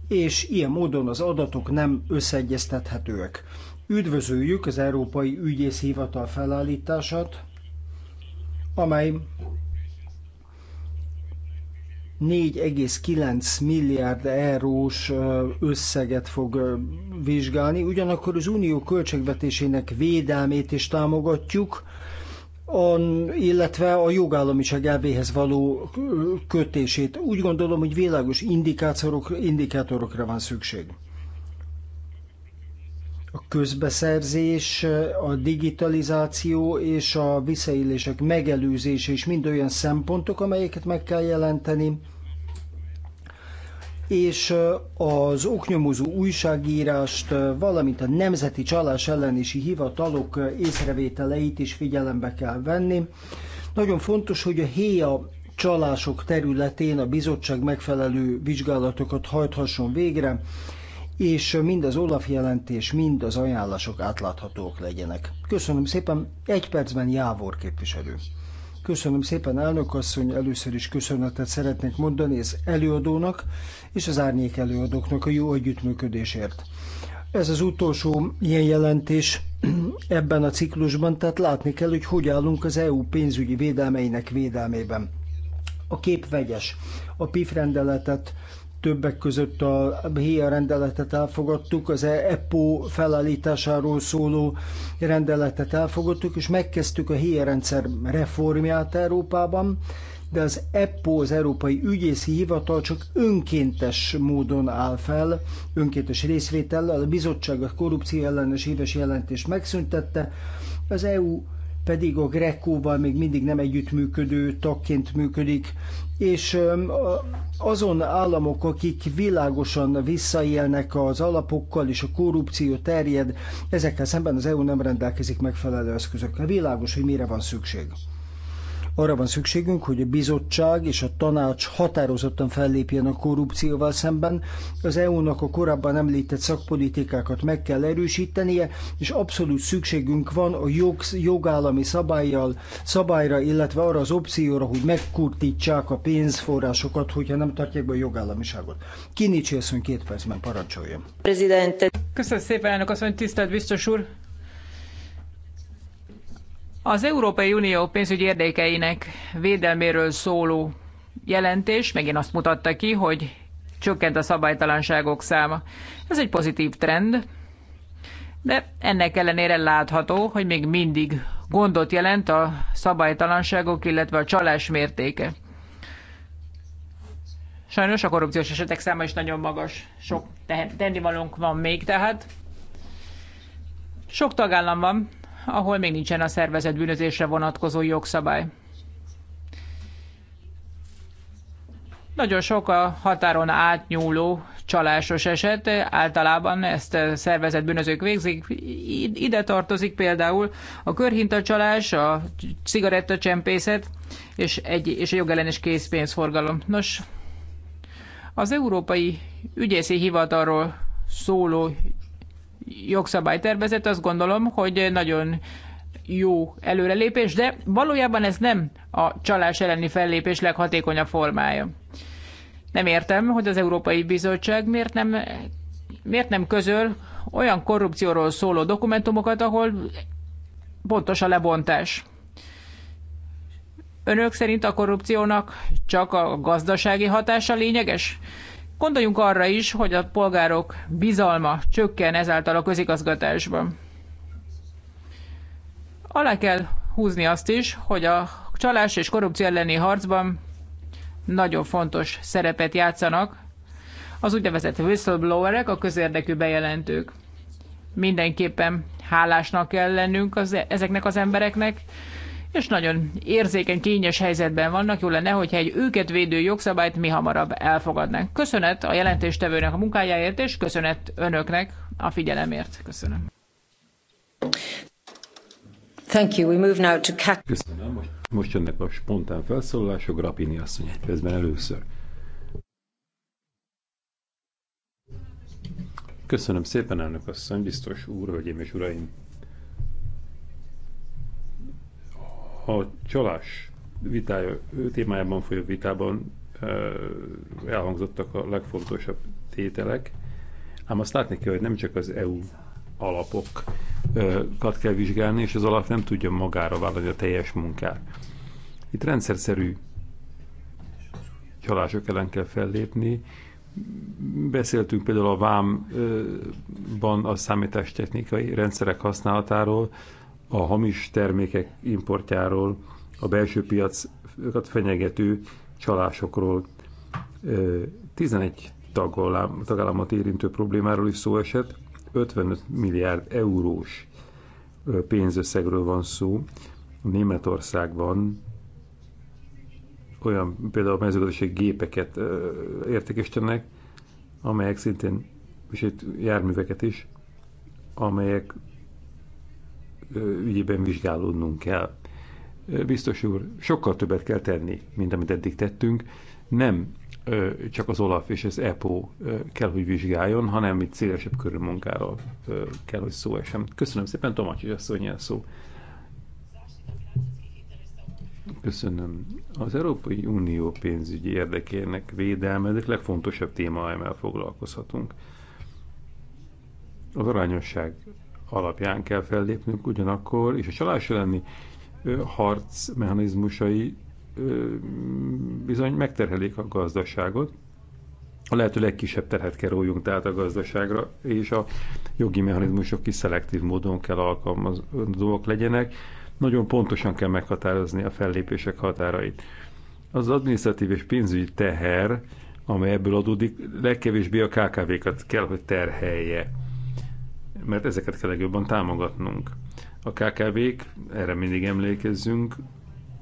és ilyen módon az adatok nem összeegyeztethetőek. Üdvözöljük az Európai Ügyész Hivatal felállítását, amely 4,9 milliárd eurós összeget fog vizsgálni, ugyanakkor az unió költségvetésének védelmét is támogatjuk, illetve a jogállamiság elvéhez való kötését. Úgy gondolom, hogy világos indikátorok, indikátorokra van szükség a közbeszerzés, a digitalizáció és a visszaélések megelőzése is mind olyan szempontok, amelyeket meg kell jelenteni, és az oknyomozó újságírást, valamint a Nemzeti Csalás ellenési hivatalok észrevételeit is figyelembe kell venni. Nagyon fontos, hogy a héja csalások területén a bizottság megfelelő vizsgálatokat hajthasson végre, és mind az Olaf jelentés, mind az ajánlások átláthatók legyenek. Köszönöm szépen, egy percben Jávor képviselő. Köszönöm szépen, elnök asszony, először is köszönetet szeretnék mondani az előadónak és az árnyék előadóknak a jó együttműködésért. Ez az utolsó ilyen jelentés ebben a ciklusban, tehát látni kell, hogy hogy állunk az EU pénzügyi védelmeinek védelmében. A kép vegyes. A PIF rendeletet Többek között a HIA rendeletet elfogadtuk, az EPO felállításáról szóló rendeletet elfogadtuk, és megkezdtük a HIA rendszer reformját Európában, de az EPPO, az Európai Ügyészi Hivatal csak önkéntes módon áll fel, önkéntes részvétellel, a bizottság a korrupció ellenes éves jelentést megszüntette, az EU pedig a Grekóval még mindig nem együttműködő tagként működik, és azon államok, akik világosan visszaélnek az alapokkal és a korrupció terjed, ezekkel szemben az EU nem rendelkezik megfelelő eszközökkel. Világos, hogy mire van szükség. Arra van szükségünk, hogy a bizottság és a tanács határozottan fellépjen a korrupcióval szemben. Az EU-nak a korábban említett szakpolitikákat meg kell erősítenie, és abszolút szükségünk van a jog, jogállami szabályjal, szabályra, illetve arra az opcióra, hogy megkurtítsák a pénzforrásokat, hogyha nem tartják be a jogállamiságot. Kinicsi két percben parancsoljon. Presidente. Köszönöm szépen, elnök asszony, tisztelt biztos úr! Az Európai Unió pénzügyi érdekeinek védelméről szóló jelentés megint azt mutatta ki, hogy csökkent a szabálytalanságok száma. Ez egy pozitív trend, de ennek ellenére látható, hogy még mindig gondot jelent a szabálytalanságok, illetve a csalás mértéke. Sajnos a korrupciós esetek száma is nagyon magas. Sok tennivalónk van még tehát. Sok tagállam van, ahol még nincsen a szervezet bűnözésre vonatkozó jogszabály. Nagyon sok a határon átnyúló csalásos eset, általában ezt szervezett bűnözők végzik. Ide tartozik például a körhintacsalás, a cigarettacsempészet és, egy, és a jogellenes készpénzforgalom. Nos, az Európai Ügyészi Hivatalról szóló jogszabálytervezet, azt gondolom, hogy nagyon jó előrelépés, de valójában ez nem a csalás elleni fellépés leghatékonyabb formája. Nem értem, hogy az Európai Bizottság miért nem, miért nem közöl olyan korrupcióról szóló dokumentumokat, ahol pontos a lebontás. Önök szerint a korrupciónak csak a gazdasági hatása lényeges? Gondoljunk arra is, hogy a polgárok bizalma csökken ezáltal a közigazgatásban. Alá kell húzni azt is, hogy a csalás és korrupció elleni harcban nagyon fontos szerepet játszanak az úgynevezett whistleblowerek, a közérdekű bejelentők. Mindenképpen hálásnak kell lennünk az, e- ezeknek az embereknek, és nagyon érzékeny, kényes helyzetben vannak. Jó lenne, hogyha egy őket védő jogszabályt mi hamarabb elfogadnánk. Köszönet a jelentéstevőnek a munkájáért, és köszönet önöknek a figyelemért. Köszönöm. Thank you. We move now to Kat- Köszönöm. Most, most jönnek a spontán felszólalások. Grapini asszony egy percben először. Köszönöm szépen, elnök asszony, biztos úr, hölgyeim és uraim. A csalás vitája, témájában folyó vitában elhangzottak a legfontosabb tételek, ám azt látni kell, hogy nem csak az EU alapokat kell vizsgálni, és az alap nem tudja magára vállalni a teljes munkát. Itt rendszerszerű csalások ellen kell fellépni. Beszéltünk például a vámban a számítástechnikai rendszerek használatáról, a hamis termékek importjáról, a belső piacokat fenyegető csalásokról. 11 tagállamot érintő problémáról is szó esett, 55 milliárd eurós pénzösszegről van szó. Németországban olyan például mezőgazdasági gépeket értékesítenek, amelyek szintén, és itt járműveket is, amelyek ügyében vizsgálódnunk kell. Biztos úr, sokkal többet kell tenni, mint amit eddig tettünk. Nem csak az OLAF és az EPO kell, hogy vizsgáljon, hanem itt szélesebb körű munkáról kell, hogy szó esem. Köszönöm szépen, Tomács és a szó. Köszönöm. Az Európai Unió pénzügyi érdekének védelme egyik legfontosabb téma, amivel foglalkozhatunk. Az arányosság alapján kell fellépnünk ugyanakkor, és a csalás elleni harc mechanizmusai bizony megterhelik a gazdaságot. A lehető legkisebb terhet kell rójunk tehát a gazdaságra, és a jogi mechanizmusok is szelektív módon kell alkalmazóak legyenek. Nagyon pontosan kell meghatározni a fellépések határait. Az adminisztratív és pénzügyi teher, amely ebből adódik, legkevésbé a KKV-kat kell, hogy terhelje mert ezeket kell legjobban támogatnunk. A KKV-k, erre mindig emlékezzünk,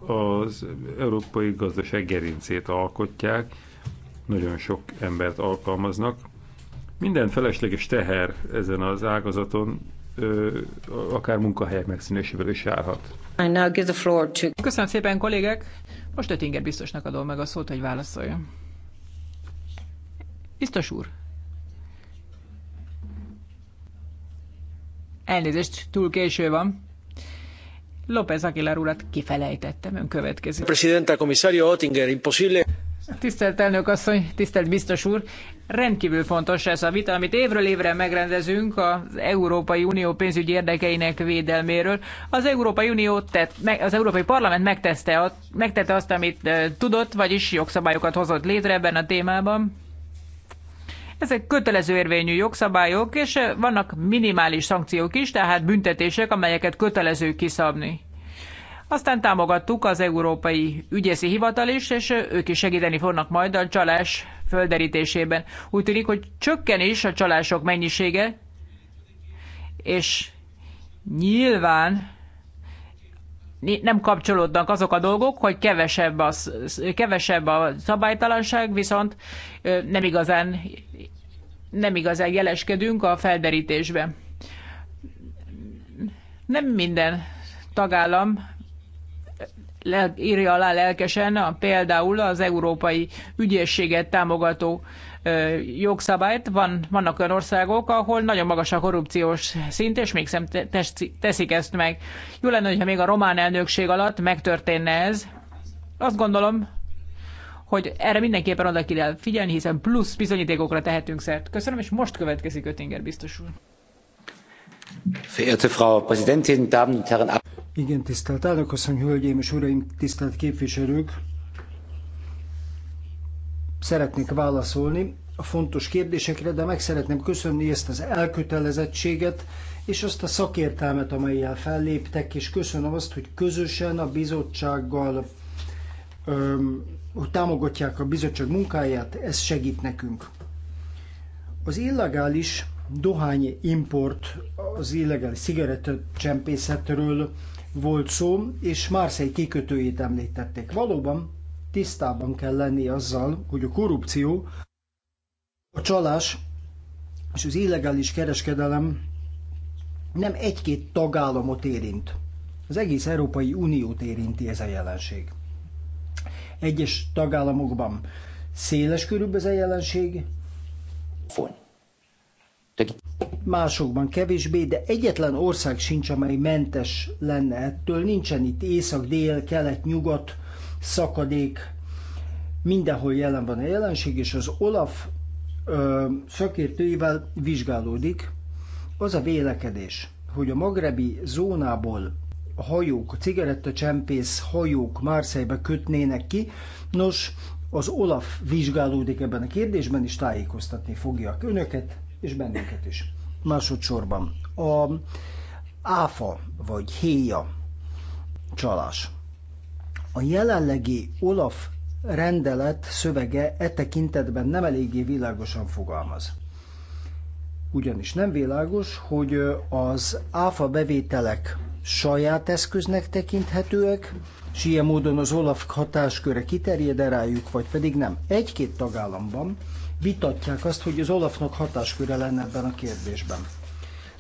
az európai gazdaság gerincét alkotják, nagyon sok embert alkalmaznak. Minden felesleges teher ezen az ágazaton akár munkahelyek megszínésével is járhat. Köszönöm szépen, kollégek! Most Ötinger biztosnak adom meg a szót, hogy válaszoljon. Biztos úr, Elnézést, túl késő van. López Aguilar urat kifelejtettem, ön következik. Presidenta, komisario Oettinger, impossible. Tisztelt elnök asszony, tisztelt biztos úr, rendkívül fontos ez a vita, amit évről évre megrendezünk az Európai Unió pénzügyi érdekeinek védelméről. Az Európai Unió tett, az Európai Parlament megtette, megtette azt, amit tudott, vagyis jogszabályokat hozott létre ebben a témában ezek kötelező érvényű jogszabályok, és vannak minimális szankciók is, tehát büntetések, amelyeket kötelező kiszabni. Aztán támogattuk az Európai Ügyészi Hivatal is, és ők is segíteni fognak majd a csalás földerítésében. Úgy tűnik, hogy csökken is a csalások mennyisége, és nyilván nem kapcsolódnak azok a dolgok, hogy kevesebb a, kevesebb a szabálytalanság, viszont nem igazán, nem igazán jeleskedünk a felderítésbe. Nem minden tagállam írja alá lelkesen a, például az európai ügyészséget támogató jogszabályt. Van, vannak olyan országok, ahol nagyon magas a korrupciós szint, és mégsem teszik ezt meg. Jó lenne, hogyha még a román elnökség alatt megtörténne ez. Azt gondolom, hogy erre mindenképpen oda kell figyelni, hiszen plusz bizonyítékokra tehetünk szert. Köszönöm, és most következik Ötinger biztos úr. Verehrte Frau Präsidentin, Damen und Herren. Igen, tisztelt elnök asszony, hölgyeim és uraim, tisztelt képviselők! szeretnék válaszolni a fontos kérdésekre, de meg szeretném köszönni ezt az elkötelezettséget és azt a szakértelmet, amelyel felléptek, és köszönöm azt, hogy közösen a bizottsággal öm, hogy támogatják a bizottság munkáját, ez segít nekünk. Az illegális dohány import, az illegális cigarettacsempészetről volt szó, és Márszei kikötőjét említették. Valóban tisztában kell lenni azzal, hogy a korrupció, a csalás és az illegális kereskedelem nem egy-két tagállamot érint. Az egész Európai Uniót érinti ez a jelenség. Egyes tagállamokban széles körülbelül ez a jelenség, másokban kevésbé, de egyetlen ország sincs, amely mentes lenne ettől. Nincsen itt észak, dél, kelet, nyugat, szakadék, mindenhol jelen van a jelenség, és az Olaf ö, szakértőivel vizsgálódik. Az a vélekedés, hogy a magrebi zónából a hajók, a cigarettacsempész hajók Márszejbe kötnének ki. Nos, az Olaf vizsgálódik ebben a kérdésben, és tájékoztatni fogja önöket, és bennünket is. Másodszorban a áfa vagy héja csalás. A jelenlegi Olaf rendelet szövege e tekintetben nem eléggé világosan fogalmaz. Ugyanis nem világos, hogy az áfa bevételek saját eszköznek tekinthetőek, és ilyen módon az Olaf hatásköre kiterjed rájuk, vagy pedig nem. Egy-két tagállamban vitatják azt, hogy az Olafnak hatásköre lenne ebben a kérdésben.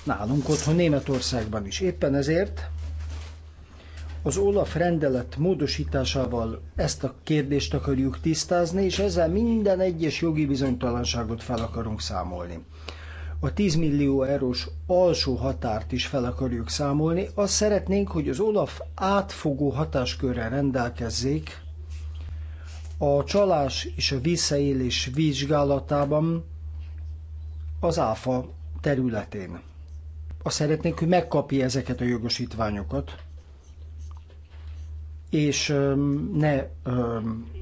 Nálunk otthon Németországban is. Éppen ezért az Olaf rendelet módosításával ezt a kérdést akarjuk tisztázni, és ezzel minden egyes jogi bizonytalanságot fel akarunk számolni. A 10 millió eurós alsó határt is fel akarjuk számolni. Azt szeretnénk, hogy az Olaf átfogó hatáskörrel rendelkezzék a csalás és a visszaélés vizsgálatában az ÁFA területén. Azt szeretnénk, hogy megkapja ezeket a jogosítványokat, és ne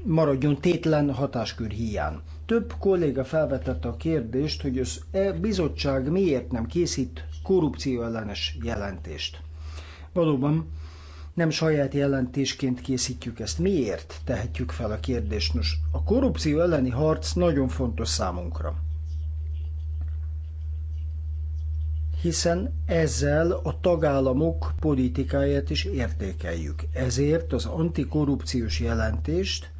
maradjon tétlen hatáskör hiány. Több kolléga felvetette a kérdést, hogy az e bizottság miért nem készít korrupció ellenes jelentést. Valóban nem saját jelentésként készítjük ezt. Miért tehetjük fel a kérdést? Nos, a korrupció elleni harc nagyon fontos számunkra. hiszen ezzel a tagállamok politikáját is értékeljük. Ezért az antikorrupciós jelentést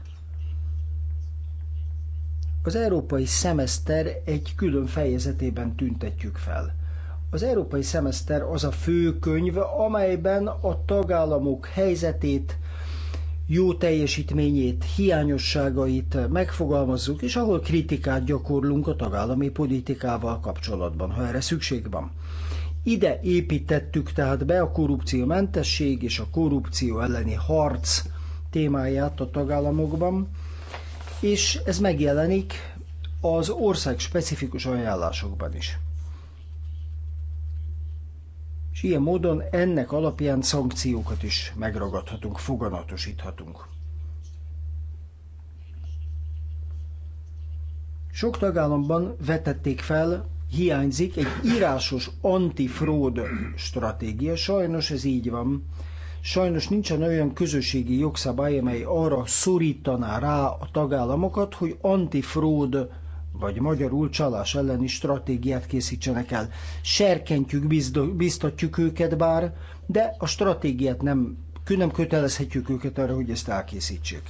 az európai szemeszter egy külön fejezetében tüntetjük fel. Az európai szemeszter az a fő könyv, amelyben a tagállamok helyzetét, jó teljesítményét, hiányosságait megfogalmazzuk, és ahol kritikát gyakorlunk a tagállami politikával kapcsolatban, ha erre szükség van. Ide építettük tehát be a korrupciómentesség és a korrupció elleni harc témáját a tagállamokban, és ez megjelenik az ország specifikus ajánlásokban is és ilyen módon ennek alapján szankciókat is megragadhatunk, foganatosíthatunk. Sok tagállamban vetették fel, hiányzik egy írásos antifraud stratégia. Sajnos ez így van. Sajnos nincsen olyan közösségi jogszabály, amely arra szorítaná rá a tagállamokat, hogy antifraud vagy magyarul csalás elleni stratégiát készítsenek el. Serkentjük, biztatjuk őket bár, de a stratégiát nem, nem kötelezhetjük őket arra, hogy ezt elkészítsék.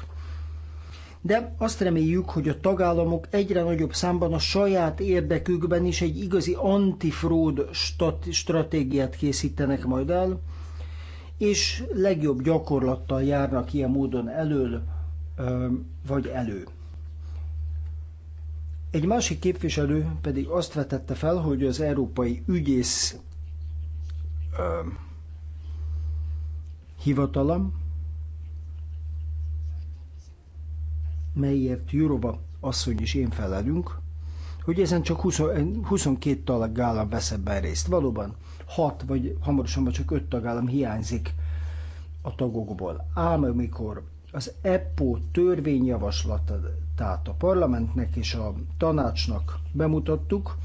De azt reméljük, hogy a tagállamok egyre nagyobb számban a saját érdekükben is egy igazi antifraud stratégiát készítenek majd el, és legjobb gyakorlattal járnak ilyen módon elől vagy elő. Egy másik képviselő pedig azt vetette fel, hogy az európai ügyész ö, hivatalam, melyért Jurova asszony és én felelünk, hogy ezen csak 20, 22 tagállam vesz ebben részt. Valóban 6 vagy hamarosan vagy csak 5 tagállam hiányzik a tagokból. Ám amikor az EPO törvényjavaslata tehát a parlamentnek és a tanácsnak bemutattuk.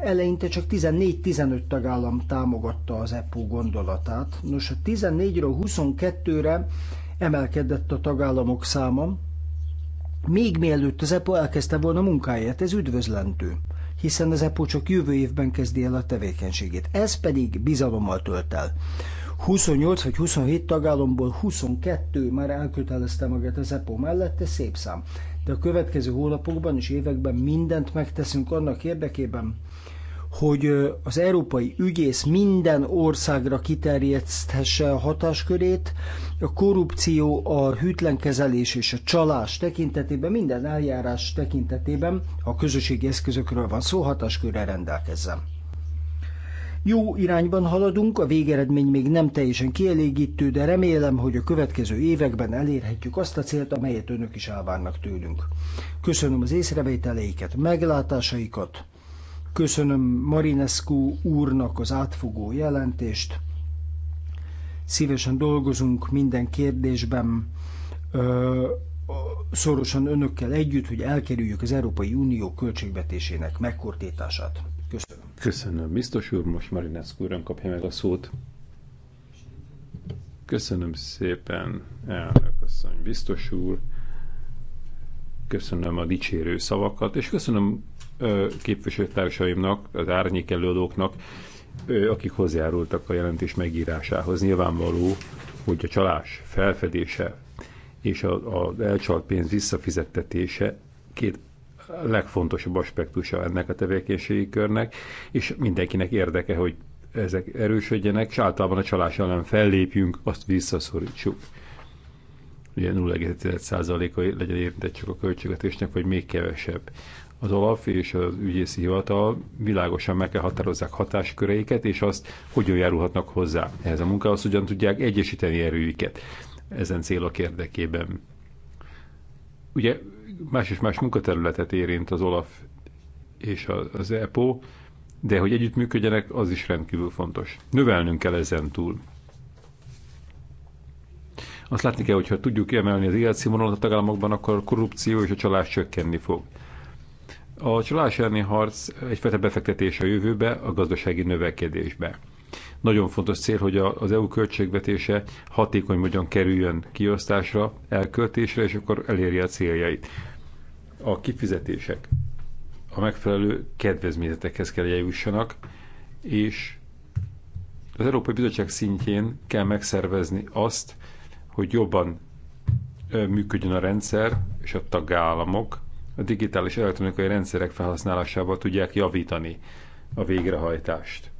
Eleinte csak 14-15 tagállam támogatta az EPO gondolatát. Nos, a 14-ről 22-re emelkedett a tagállamok száma, még mielőtt az EPO elkezdte volna munkáját, ez üdvözlendő, hiszen az EPO csak jövő évben kezdi el a tevékenységét. Ez pedig bizalommal tölt el. 28 vagy 27 tagállamból 22 már elkötelezte magát az EPO mellett, ez szép szám de a következő hónapokban és években mindent megteszünk annak érdekében, hogy az európai ügyész minden országra kiterjeszthesse a hatáskörét, a korrupció, a hűtlen kezelés és a csalás tekintetében, minden eljárás tekintetében, ha a közösségi eszközökről van szó, hatáskörre rendelkezzen. Jó irányban haladunk, a végeredmény még nem teljesen kielégítő, de remélem, hogy a következő években elérhetjük azt a célt, amelyet önök is elvárnak tőlünk. Köszönöm az észrevételeiket, meglátásaikat, köszönöm Marinescu úrnak az átfogó jelentést, szívesen dolgozunk minden kérdésben, ö, szorosan önökkel együtt, hogy elkerüljük az Európai Unió költségvetésének megkortítását. Köszönöm. Köszönöm, biztos úr, most Marinescu úrön kapja meg a szót. Köszönöm szépen, elnök asszony, biztos úr. Köszönöm a dicsérő szavakat, és köszönöm képviselőtársaimnak, az árnyék előadóknak, akik hozzájárultak a jelentés megírásához. Nyilvánvaló, hogy a csalás felfedése és az elcsalt pénz visszafizettetése két legfontosabb aspektusa ennek a tevékenységi körnek, és mindenkinek érdeke, hogy ezek erősödjenek, és általában a csalás ellen fellépjünk, azt visszaszorítsuk. Ugye 0,1%-a legyen érintett csak a költségvetésnek, vagy még kevesebb. Az OLAF és az ügyészi hivatal világosan meg kell határozzák hatásköreiket, és azt, hogyan járulhatnak hozzá ehhez a munkához, hogyan tudják egyesíteni erőiket ezen célok érdekében. Ugye más és más munkaterületet érint az OLAF és az EPO, de hogy együttműködjenek, az is rendkívül fontos. Növelnünk kell ezen túl. Azt látni kell, hogyha tudjuk emelni az életszínvonalat a tagállamokban, akkor a korrupció és a csalás csökkenni fog. A csalás elleni harc egyfajta befektetés a jövőbe, a gazdasági növekedésbe. Nagyon fontos cél, hogy az EU költségvetése hatékony módon kerüljön kiosztásra, elköltésre, és akkor elérje a céljait. A kifizetések a megfelelő kedvezményetekhez kell eljussanak, és az Európai Bizottság szintjén kell megszervezni azt, hogy jobban működjön a rendszer, és a tagállamok a digitális elektronikai rendszerek felhasználásával tudják javítani a végrehajtást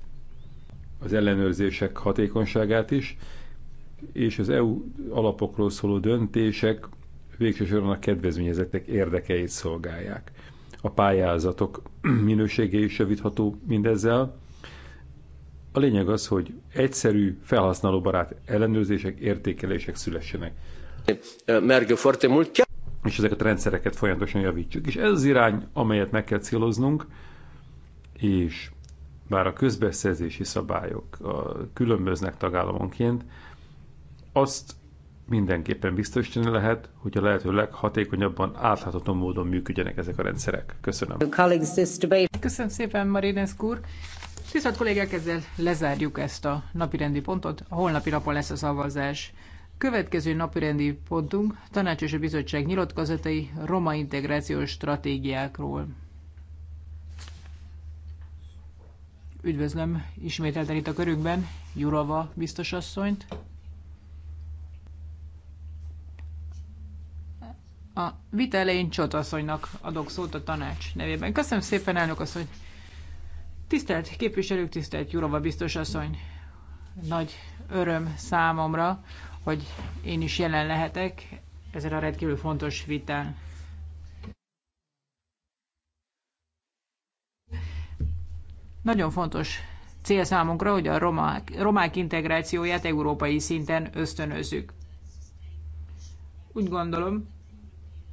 az ellenőrzések hatékonyságát is, és az EU alapokról szóló döntések végsősorban a kedvezményezettek érdekeit szolgálják. A pályázatok (clears throat) minősége is javítható mindezzel. A lényeg az, hogy egyszerű, felhasználóbarát ellenőrzések, értékelések szülessenek. És ezeket a rendszereket folyamatosan javítjuk, És ez az irány, amelyet meg kell céloznunk, és bár a közbeszerzési szabályok különböznek tagállamonként, azt mindenképpen biztosítani lehet, hogy a lehető leghatékonyabban átlátható módon működjenek ezek a rendszerek. Köszönöm. Köszönöm szépen, Marines úr. Tisztelt kollégák, ezzel lezárjuk ezt a napirendi pontot. A holnapi napon lesz a szavazás. Következő napirendi pontunk tanácsos a bizottság nyilatkozatai roma integrációs stratégiákról. Üdvözlöm ismételten itt a körükben Jurava biztosasszonyt. A vita elején Csotasszonynak adok szót a tanács nevében. Köszönöm szépen, elnök asszony! Tisztelt képviselők, tisztelt Jurova biztosasszony! Nagy öröm számomra, hogy én is jelen lehetek ezen a rendkívül fontos vitán. Nagyon fontos cél számunkra, hogy a romák, romák integrációját európai szinten ösztönözzük. Úgy gondolom,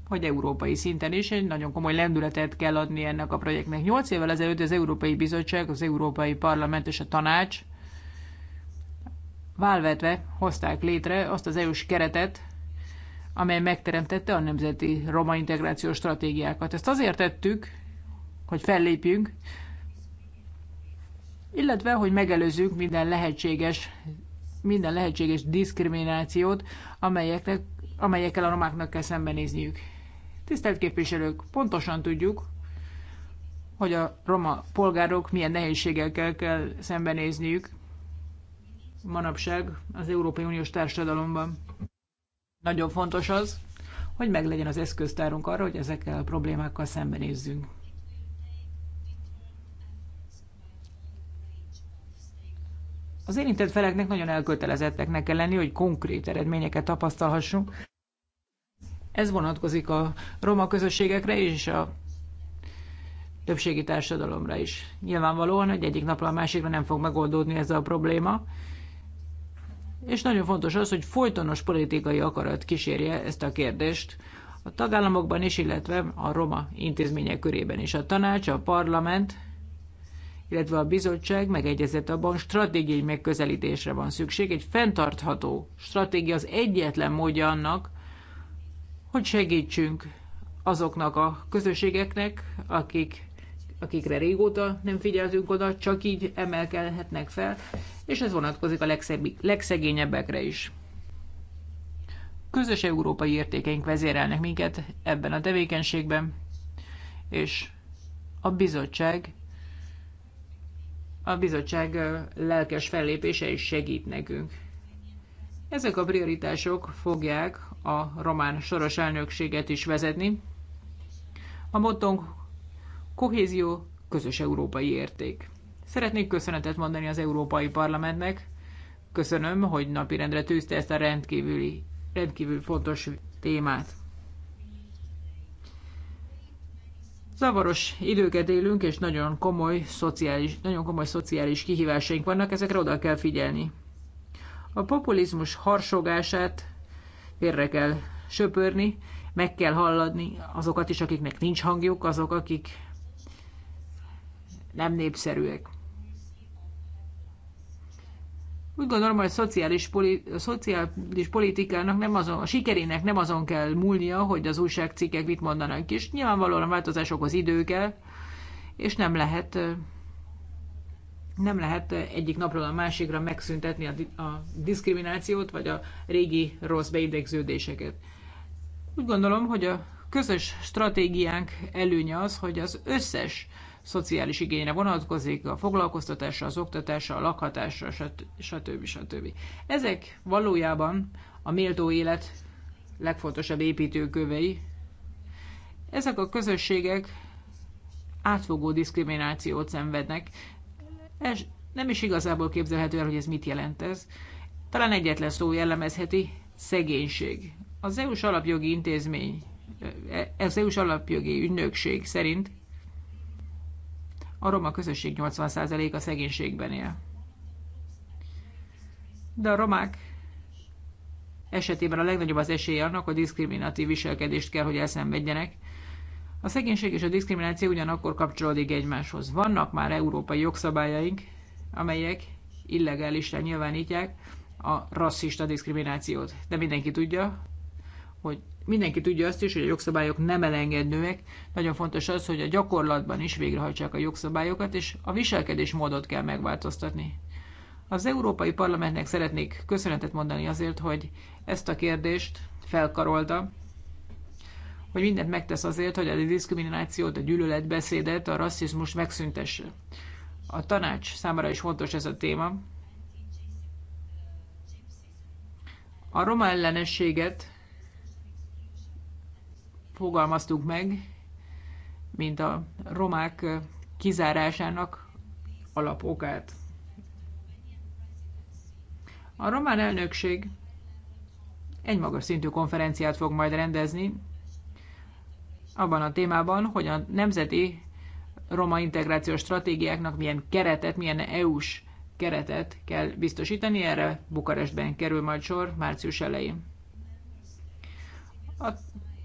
hogy európai szinten is egy nagyon komoly lendületet kell adni ennek a projektnek. Nyolc évvel ezelőtt az Európai Bizottság, az Európai Parlament és a Tanács válvetve hozták létre azt az EU-s keretet, amely megteremtette a nemzeti roma integrációs stratégiákat. Ezt azért tettük, hogy fellépjünk illetve hogy megelőzzük minden lehetséges, minden lehetséges diszkriminációt, amelyeknek, amelyekkel a romáknak kell szembenézniük. Tisztelt képviselők, pontosan tudjuk, hogy a roma polgárok milyen nehézségekkel kell szembenézniük manapság az Európai Uniós társadalomban. Nagyon fontos az, hogy meglegyen az eszköztárunk arra, hogy ezekkel a problémákkal szembenézzünk. Az érintett feleknek nagyon elkötelezetteknek kell lenni, hogy konkrét eredményeket tapasztalhassunk. Ez vonatkozik a roma közösségekre és a többségi társadalomra is. Nyilvánvalóan, hogy egyik napra a másikra nem fog megoldódni ez a probléma, és nagyon fontos az, hogy folytonos politikai akarat kísérje ezt a kérdést a tagállamokban is, illetve a roma intézmények körében is. A tanács, a parlament illetve a bizottság megegyezett abban, stratégiai megközelítésre van szükség. Egy fenntartható stratégia az egyetlen módja annak, hogy segítsünk azoknak a közösségeknek, akik, akikre régóta nem figyeltünk oda, csak így emelkedhetnek fel, és ez vonatkozik a legszeg, legszegényebbekre is. Közös európai értékeink vezérelnek minket ebben a tevékenységben, és a bizottság a bizottság lelkes fellépése is segít nekünk. Ezek a prioritások fogják a román soros elnökséget is vezetni. A mottónk kohézió, közös európai érték. Szeretnék köszönetet mondani az Európai Parlamentnek. Köszönöm, hogy napirendre tűzte ezt a rendkívüli, rendkívül fontos témát. Zavaros időket élünk, és nagyon komoly szociális, nagyon komoly szociális kihívásaink vannak, ezekre oda kell figyelni. A populizmus harsogását félre kell söpörni, meg kell halladni azokat is, akiknek nincs hangjuk, azok, akik nem népszerűek. Úgy gondolom, hogy a szociális, poli, a szociális politikának nem azon, a sikerének nem azon kell múlnia, hogy az újságcikkek mit mondanak is. Nyilvánvalóan a változásokhoz idő kell, és nem lehet nem lehet egyik napról a másikra megszüntetni a, a diszkriminációt, vagy a régi rossz beidegződéseket. Úgy gondolom, hogy a közös stratégiánk előnye az, hogy az összes szociális igényre vonatkozik, a foglalkoztatásra, az oktatásra, a lakhatásra, stb. stb. Ezek valójában a méltó élet legfontosabb építőkövei. Ezek a közösségek átfogó diszkriminációt szenvednek. Ez nem is igazából képzelhető el, hogy ez mit jelent ez. Talán egyetlen szó jellemezheti, szegénység. Az EU-s alapjogi intézmény, e, az EU-s alapjogi ügynökség szerint a roma közösség 80%-a szegénységben él. De a romák esetében a legnagyobb az esély annak, hogy diszkriminatív viselkedést kell, hogy elszenvedjenek. A szegénység és a diszkrimináció ugyanakkor kapcsolódik egymáshoz. Vannak már európai jogszabályaink, amelyek illegálisra nyilvánítják a rasszista diszkriminációt. De mindenki tudja, hogy mindenki tudja azt is, hogy a jogszabályok nem elengedőek. Nagyon fontos az, hogy a gyakorlatban is végrehajtsák a jogszabályokat, és a viselkedésmódot kell megváltoztatni. Az Európai Parlamentnek szeretnék köszönetet mondani azért, hogy ezt a kérdést felkarolta, hogy mindent megtesz azért, hogy a diszkriminációt, a gyűlöletbeszédet, a rasszizmus megszüntesse. A tanács számára is fontos ez a téma. A roma ellenességet fogalmaztuk meg, mint a romák kizárásának alapokát. A román elnökség egy magas szintű konferenciát fog majd rendezni abban a témában, hogy a nemzeti roma integrációs stratégiáknak milyen keretet, milyen EU-s keretet kell biztosítani. Erre Bukarestben kerül majd sor március elején. A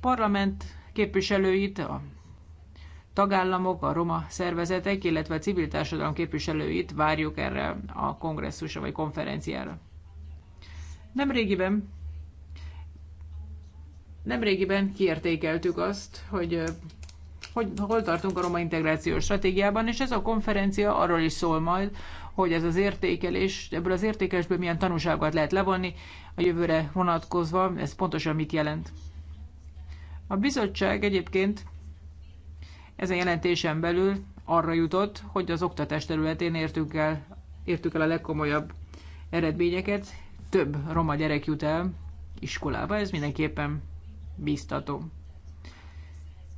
parlament képviselőit, a tagállamok, a roma szervezetek, illetve a civil társadalom képviselőit várjuk erre a kongresszusra vagy konferenciára. Nemrégiben Nemrégiben kiértékeltük azt, hogy, hogy hol tartunk a roma integrációs stratégiában, és ez a konferencia arról is szól majd, hogy ez az értékelés, ebből az értékelésből milyen tanulságokat lehet levonni a jövőre vonatkozva, ez pontosan mit jelent. A bizottság egyébként ezen jelentésen belül arra jutott, hogy az oktatás területén értük el, értük el a legkomolyabb eredményeket. Több roma gyerek jut el iskolába, ez mindenképpen bíztató.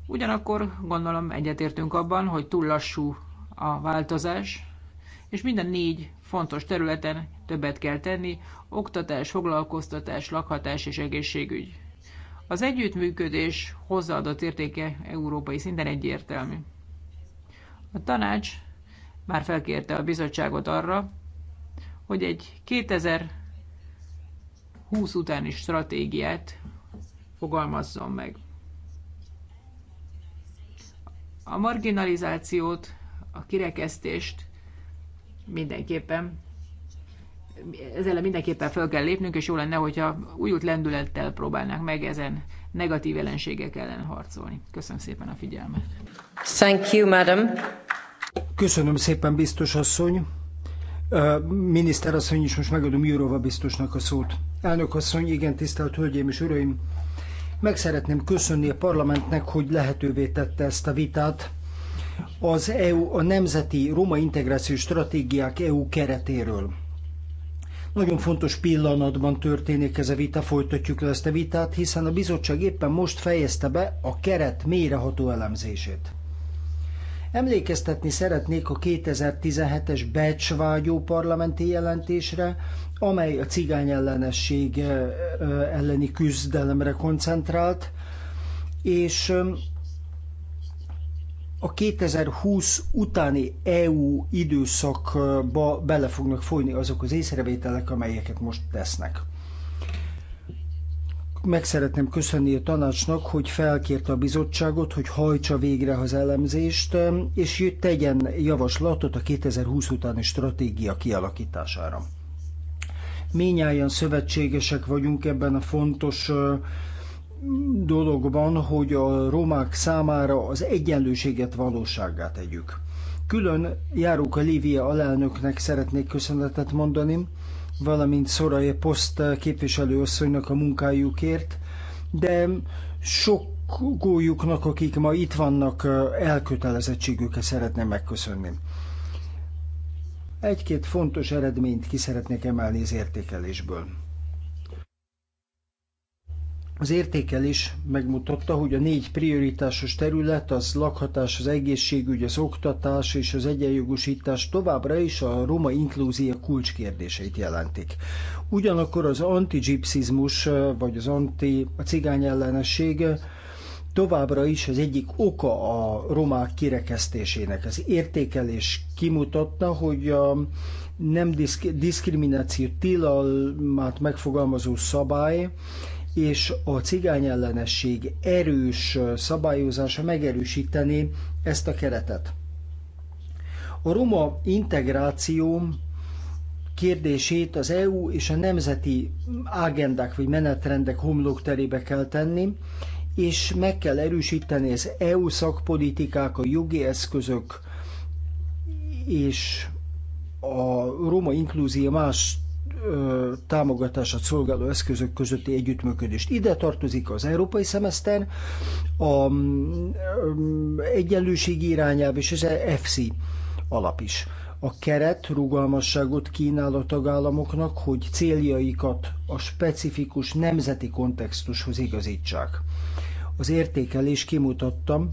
Ugyanakkor gondolom egyetértünk abban, hogy túl lassú a változás, és minden négy fontos területen többet kell tenni, oktatás, foglalkoztatás, lakhatás és egészségügy. Az együttműködés hozzáadott értéke európai szinten egyértelmű. A tanács már felkérte a bizottságot arra, hogy egy 2020 utáni stratégiát fogalmazzon meg. A marginalizációt, a kirekesztést mindenképpen ezzel mindenképpen fel kell lépnünk, és jó lenne, hogyha újult lendülettel próbálnánk meg ezen negatív ellenségek ellen harcolni. Köszönöm szépen a figyelmet. Thank you, madam. Köszönöm szépen, biztos asszony. Miniszter asszony is most megadom Jurova biztosnak a szót. Elnök asszony, igen, tisztelt hölgyeim és uraim. Meg szeretném köszönni a parlamentnek, hogy lehetővé tette ezt a vitát az EU a Nemzeti Roma Integrációs Stratégiák EU keretéről. Nagyon fontos pillanatban történik ez a vita, folytatjuk le ezt a vitát, hiszen a bizottság éppen most fejezte be a keret méreható elemzését. Emlékeztetni szeretnék a 2017-es becsvágyó parlamenti jelentésre, amely a cigány ellenesség elleni küzdelemre koncentrált, és a 2020 utáni EU időszakba bele fognak folyni azok az észrevételek, amelyeket most tesznek. Meg szeretném köszönni a tanácsnak, hogy felkérte a bizottságot, hogy hajtsa végre az elemzést, és tegyen javaslatot a 2020 utáni stratégia kialakítására. Ményáján szövetségesek vagyunk ebben a fontos dologban, hogy a romák számára az egyenlőséget valósággá tegyük. Külön járók a Lívia alelnöknek szeretnék köszönetet mondani, valamint Szoraje Poszt képviselőasszonynak a munkájukért, de sok gólyuknak, akik ma itt vannak, elkötelezettségüket szeretném megköszönni. Egy-két fontos eredményt ki szeretnék emelni az értékelésből. Az értékelés megmutatta, hogy a négy prioritásos terület, az lakhatás, az egészségügy, az oktatás és az egyenjogosítás továbbra is a roma inklúzia kulcskérdéseit jelentik. Ugyanakkor az antigipszizmus, vagy az anti, a cigány ellenesség továbbra is az egyik oka a romák kirekesztésének. Az értékelés kimutatta, hogy a nem diszk, diszkrimináció tilalmát megfogalmazó szabály és a cigányellenesség erős szabályozása megerősíteni ezt a keretet. A roma integráció kérdését az EU és a nemzeti ágendák vagy menetrendek homlokterébe kell tenni, és meg kell erősíteni az EU szakpolitikák, a jogi eszközök és a roma inkluzió más ö, támogatását szolgáló eszközök közötti együttműködést. Ide tartozik az európai szemeszter, a ö, egyenlőség irányába és az e FC alap is. A keret rugalmasságot kínál a tagállamoknak, hogy céljaikat a specifikus nemzeti kontextushoz igazítsák. Az értékelés kimutattam,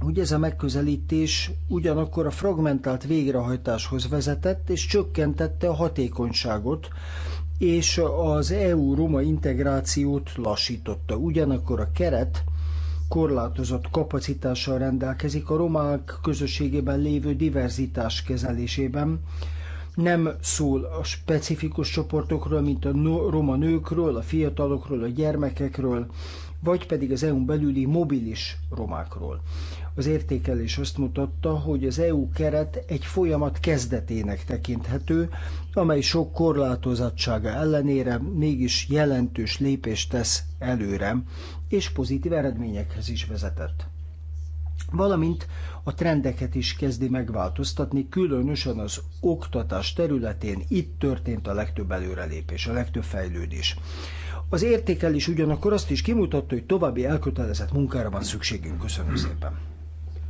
hogy ez a megközelítés ugyanakkor a fragmentált végrehajtáshoz vezetett, és csökkentette a hatékonyságot, és az EU-Roma integrációt lassította. Ugyanakkor a keret korlátozott kapacitással rendelkezik a romák közösségében lévő diverzitás kezelésében. Nem szól a specifikus csoportokról, mint a roma nőkről, a fiatalokról, a gyermekekről, vagy pedig az EU-n belüli mobilis romákról. Az értékelés azt mutatta, hogy az EU keret egy folyamat kezdetének tekinthető, amely sok korlátozottsága ellenére mégis jelentős lépést tesz előre, és pozitív eredményekhez is vezetett. Valamint a trendeket is kezdi megváltoztatni, különösen az oktatás területén itt történt a legtöbb előrelépés, a legtöbb fejlődés. Az értékelés ugyanakkor azt is kimutatta, hogy további elkötelezett munkára van szükségünk. Köszönöm szépen.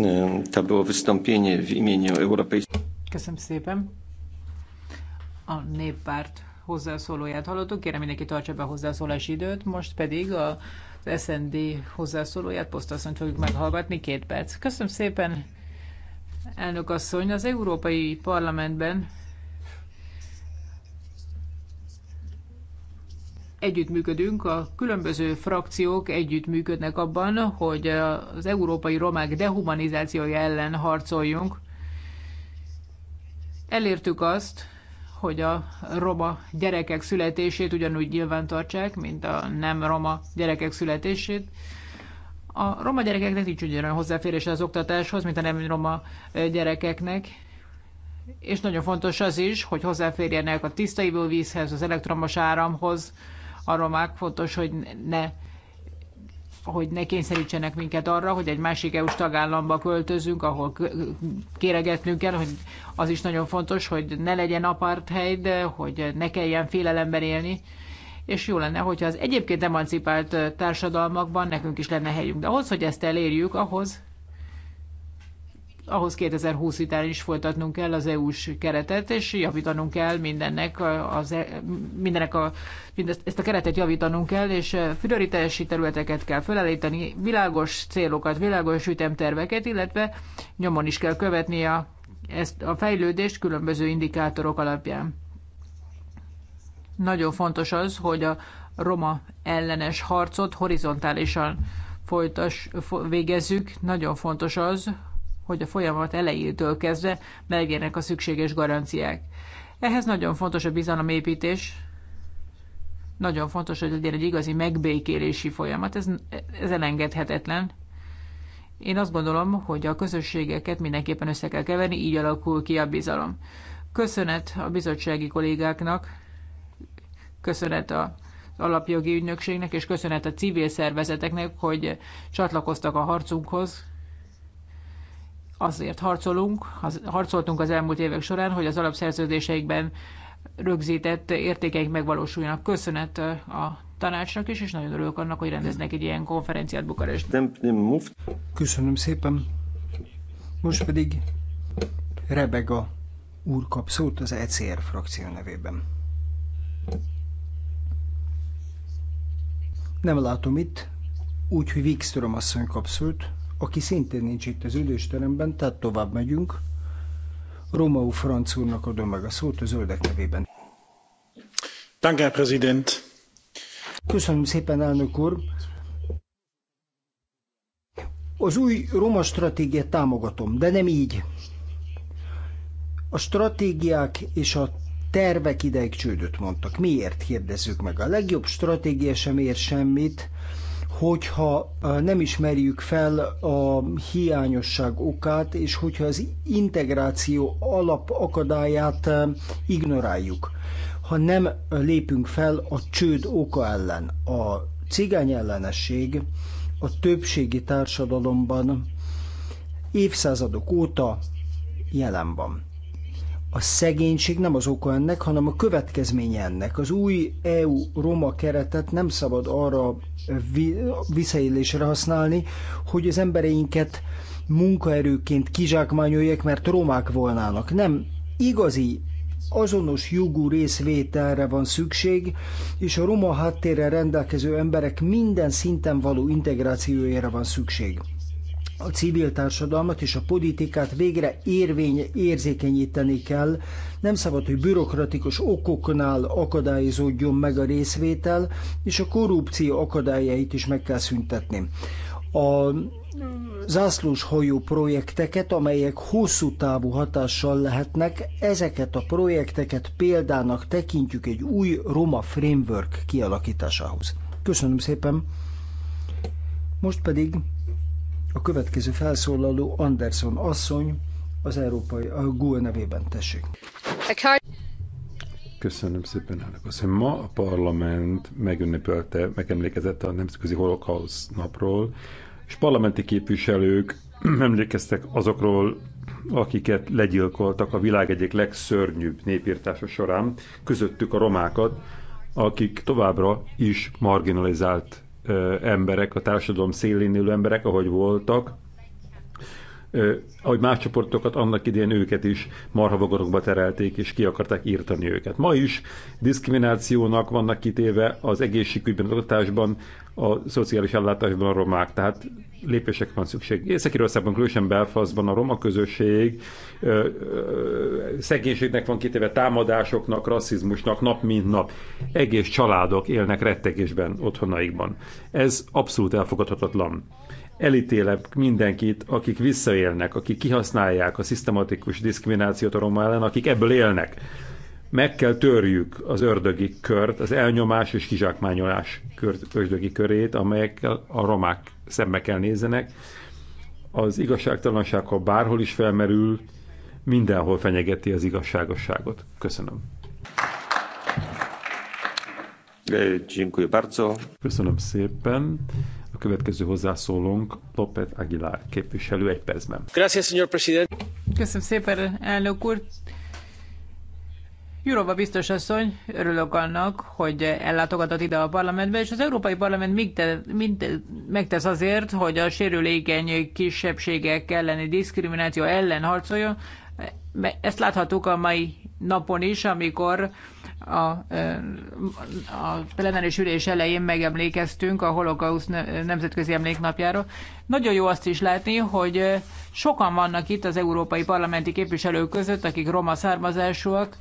Ehm, to było wystąpienie w imieniu Europejskiej... Köszönöm szépen. A néppárt hozzászólóját hallottuk. Kérem mindenki tartsa be a hozzászólási időt. Most pedig a az SND hozzászólóját, posztasszonyt fogjuk meghallgatni, két perc. Köszönöm szépen, elnök asszony. Az Európai Parlamentben együttműködünk, a különböző frakciók együttműködnek abban, hogy az európai romák dehumanizációja ellen harcoljunk. Elértük azt, hogy a roma gyerekek születését ugyanúgy nyilvántartsák, mint a nem roma gyerekek születését. A roma gyerekeknek nincs ugyanolyan hozzáférés az oktatáshoz, mint a nem roma gyerekeknek. És nagyon fontos az is, hogy hozzáférjenek a tiszta vízhez, az elektromos áramhoz, arról már fontos, hogy ne hogy ne kényszerítsenek minket arra, hogy egy másik EU-s tagállamba költözünk, ahol kéregetnünk kell, hogy az is nagyon fontos, hogy ne legyen apartheid, hogy ne kelljen félelemben élni, és jó lenne, hogyha az egyébként emancipált társadalmakban nekünk is lenne helyünk. De ahhoz, hogy ezt elérjük, ahhoz ahhoz 2020 után is folytatnunk kell az EU-s keretet, és javítanunk kell mindennek, az, e- mindennek a, mindezt, ezt a keretet javítanunk kell, és prioritási területeket kell felállítani, világos célokat, világos ütemterveket, illetve nyomon is kell követni a, ezt a fejlődést különböző indikátorok alapján. Nagyon fontos az, hogy a roma ellenes harcot horizontálisan folytas, végezzük. Nagyon fontos az, hogy a folyamat elejétől kezdve megérnek a szükséges garanciák. Ehhez nagyon fontos a bizalomépítés, nagyon fontos, hogy legyen egy igazi megbékélési folyamat, ez, ez elengedhetetlen. Én azt gondolom, hogy a közösségeket mindenképpen össze kell keverni, így alakul ki a bizalom. Köszönet a bizottsági kollégáknak, köszönet a alapjogi ügynökségnek, és köszönet a civil szervezeteknek, hogy csatlakoztak a harcunkhoz, azért harcolunk, harcoltunk az elmúlt évek során, hogy az alapszerződéseikben rögzített értékeik megvalósuljanak. Köszönet uh, a tanácsnak is, és nagyon örülök annak, hogy rendeznek egy ilyen konferenciát Bukarestben. Köszönöm szépen. Most pedig Rebega úr kap szót az ECR frakció nevében. Nem látom itt, úgyhogy Wikström asszony kap szót aki szintén nincs itt az ülésteremben, tehát tovább megyünk. Romau Franc úrnak adom meg a szót a zöldek nevében. Danke, Präsident. Köszönöm szépen, elnök úr. Az új roma stratégiát támogatom, de nem így. A stratégiák és a tervek ideig csődöt mondtak. Miért kérdezzük meg? A legjobb stratégia sem ér semmit, hogyha nem ismerjük fel a hiányosság okát, és hogyha az integráció alap akadályát ignoráljuk, ha nem lépünk fel a csőd oka ellen, a cigány ellenesség a többségi társadalomban évszázadok óta jelen van. A szegénység nem az oka ennek, hanem a következménye ennek. Az új EU-Roma keretet nem szabad arra visszaélésre használni, hogy az embereinket munkaerőként kizsákmányolják, mert romák volnának. Nem, igazi azonos jogú részvételre van szükség, és a roma háttérrel rendelkező emberek minden szinten való integrációjára van szükség a civil társadalmat és a politikát végre érvény, érzékenyíteni kell. Nem szabad, hogy bürokratikus okoknál akadályozódjon meg a részvétel, és a korrupció akadályait is meg kell szüntetni. A zászlós hajó projekteket, amelyek hosszú távú hatással lehetnek, ezeket a projekteket példának tekintjük egy új Roma Framework kialakításához. Köszönöm szépen! Most pedig a következő felszólaló Anderson asszony az Európai a GUE nevében tessék. Köszönöm szépen, elnök asszony. Ma a parlament megünnepelte, megemlékezett a Nemzetközi Holokausz napról, és parlamenti képviselők (clears throat) emlékeztek azokról, akiket legyilkoltak a világ egyik legszörnyűbb népírtása során, közöttük a romákat, akik továbbra is marginalizált emberek, a társadalom szélén ülő emberek, ahogy voltak, ahogy más csoportokat, annak idén őket is marhavagarokba terelték, és ki akarták írtani őket. Ma is diszkriminációnak vannak kitéve az egészségügyben, oktatásban, a szociális ellátásban a romák, tehát lépések van szükség. Észak-Írországban, különösen Belfastban a roma közösség ö, ö, szegénységnek van kitéve, támadásoknak, rasszizmusnak nap mint nap. Egész családok élnek rettegésben otthonaikban. Ez abszolút elfogadhatatlan elítélek mindenkit, akik visszaélnek, akik kihasználják a szisztematikus diszkriminációt a roma ellen, akik ebből élnek. Meg kell törjük az ördögi kört, az elnyomás és kizsákmányolás kört, ördögi körét, amelyekkel a romák szembe kell nézzenek. Az igazságtalanság, ha bárhol is felmerül, mindenhol fenyegeti az igazságosságot. Köszönöm. Köszönöm szépen következő hozzászólónk Lopet Aguilar képviselő egy percben. Gracias, señor president. Köszönöm szépen, elnök úr. Jurova biztos asszony, örülök annak, hogy ellátogatott ide a parlamentbe, és az Európai Parlament mind, te, mind te, megtesz azért, hogy a sérülékeny kisebbségek elleni diszkrimináció ellen harcoljon. Ezt láthatók a mai napon is, amikor a, a plenáris ülés elején megemlékeztünk a holokausz nemzetközi emléknapjára. Nagyon jó azt is látni, hogy sokan vannak itt az európai parlamenti képviselők között, akik roma származásúak,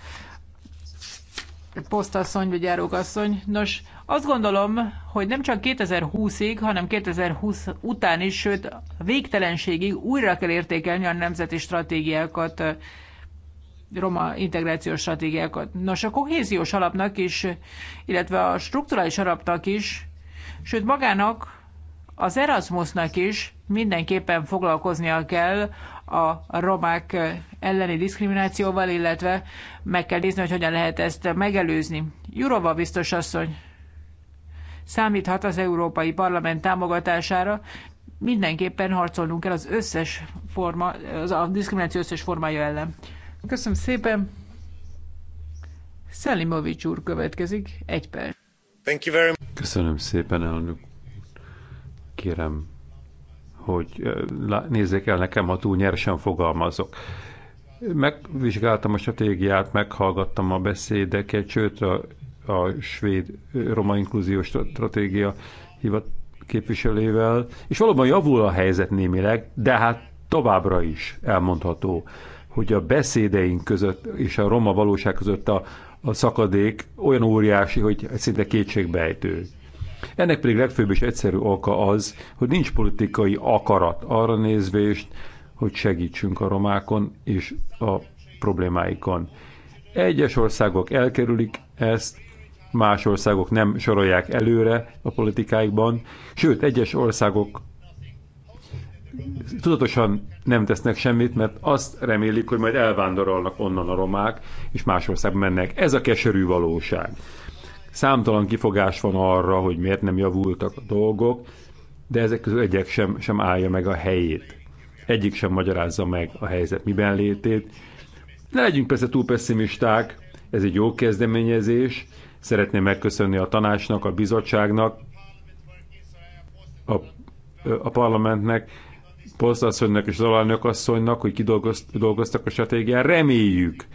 posztasszony vagy járókasszony. Nos, azt gondolom, hogy nem csak 2020-ig, hanem 2020 után is, sőt végtelenségig újra kell értékelni a nemzeti stratégiákat roma integrációs stratégiákat. Nos, a kohéziós alapnak is, illetve a strukturális alapnak is, sőt magának, az Erasmusnak is mindenképpen foglalkoznia kell a romák elleni diszkriminációval, illetve meg kell nézni, hogy hogyan lehet ezt megelőzni. Jurova biztos asszony számíthat az Európai Parlament támogatására, mindenképpen harcolnunk kell az összes forma, az a diszkrimináció összes formája ellen. Köszönöm szépen. Szelimovics úr következik, egy perc. Thank you very much. Köszönöm szépen, elnök. Kérem, hogy nézzék el nekem, ha túl nyersen fogalmazok. Megvizsgáltam a stratégiát, meghallgattam a beszédeket, sőt a, a svéd roma inkluziós stratégia hivat képviselével, és valóban javul a helyzet némileg, de hát továbbra is elmondható, hogy a beszédeink között és a roma valóság között a, a szakadék olyan óriási, hogy szinte kétségbejtő. Ennek pedig legfőbb és egyszerű oka az, hogy nincs politikai akarat arra nézvést, hogy segítsünk a romákon és a problémáikon. Egyes országok elkerülik ezt, más országok nem sorolják előre a politikáikban, sőt, egyes országok tudatosan nem tesznek semmit, mert azt remélik, hogy majd elvándorolnak onnan a romák, és más ország mennek. Ez a keserű valóság. Számtalan kifogás van arra, hogy miért nem javultak a dolgok, de ezek közül egyek sem, sem állja meg a helyét. Egyik sem magyarázza meg a helyzet miben létét. Ne legyünk persze túl pessimisták, ez egy jó kezdeményezés. Szeretném megköszönni a tanácsnak, a bizottságnak, a, a parlamentnek, Posztasszonynak és az alelnök asszonynak, hogy kidolgoztak a stratégián. Reméljük,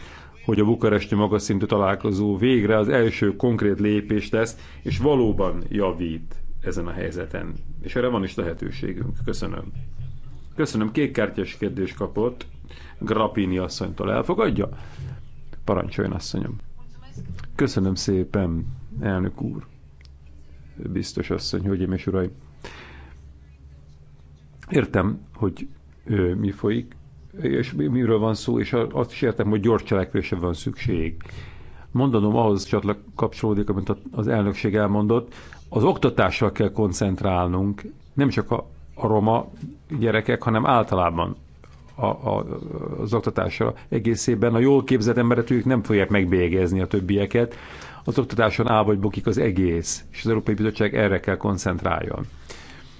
hogy a bukaresti magas szintű találkozó végre az első konkrét lépést tesz, és valóban javít ezen a helyzeten. És erre van is lehetőségünk. Köszönöm. Köszönöm. Kékkártyás kérdés kapott. Grappini asszonytól elfogadja? Parancsoljon, asszonyom. Köszönöm szépen, elnök úr. Biztos asszony, hölgyeim és uraim. Értem, hogy ö, mi folyik, és miről van szó, és azt is értem, hogy gyors cselekvésre van szükség. Mondanom ahhoz csatlak kapcsolódik, amit az elnökség elmondott, az oktatással kell koncentrálnunk, nem csak a, a roma gyerekek, hanem általában a, a, az oktatásra egészében. A jól képzett emberek ők nem fogják megbélyegezni a többieket, az oktatáson áll vagy bukik az egész, és az Európai Bizottság erre kell koncentráljon.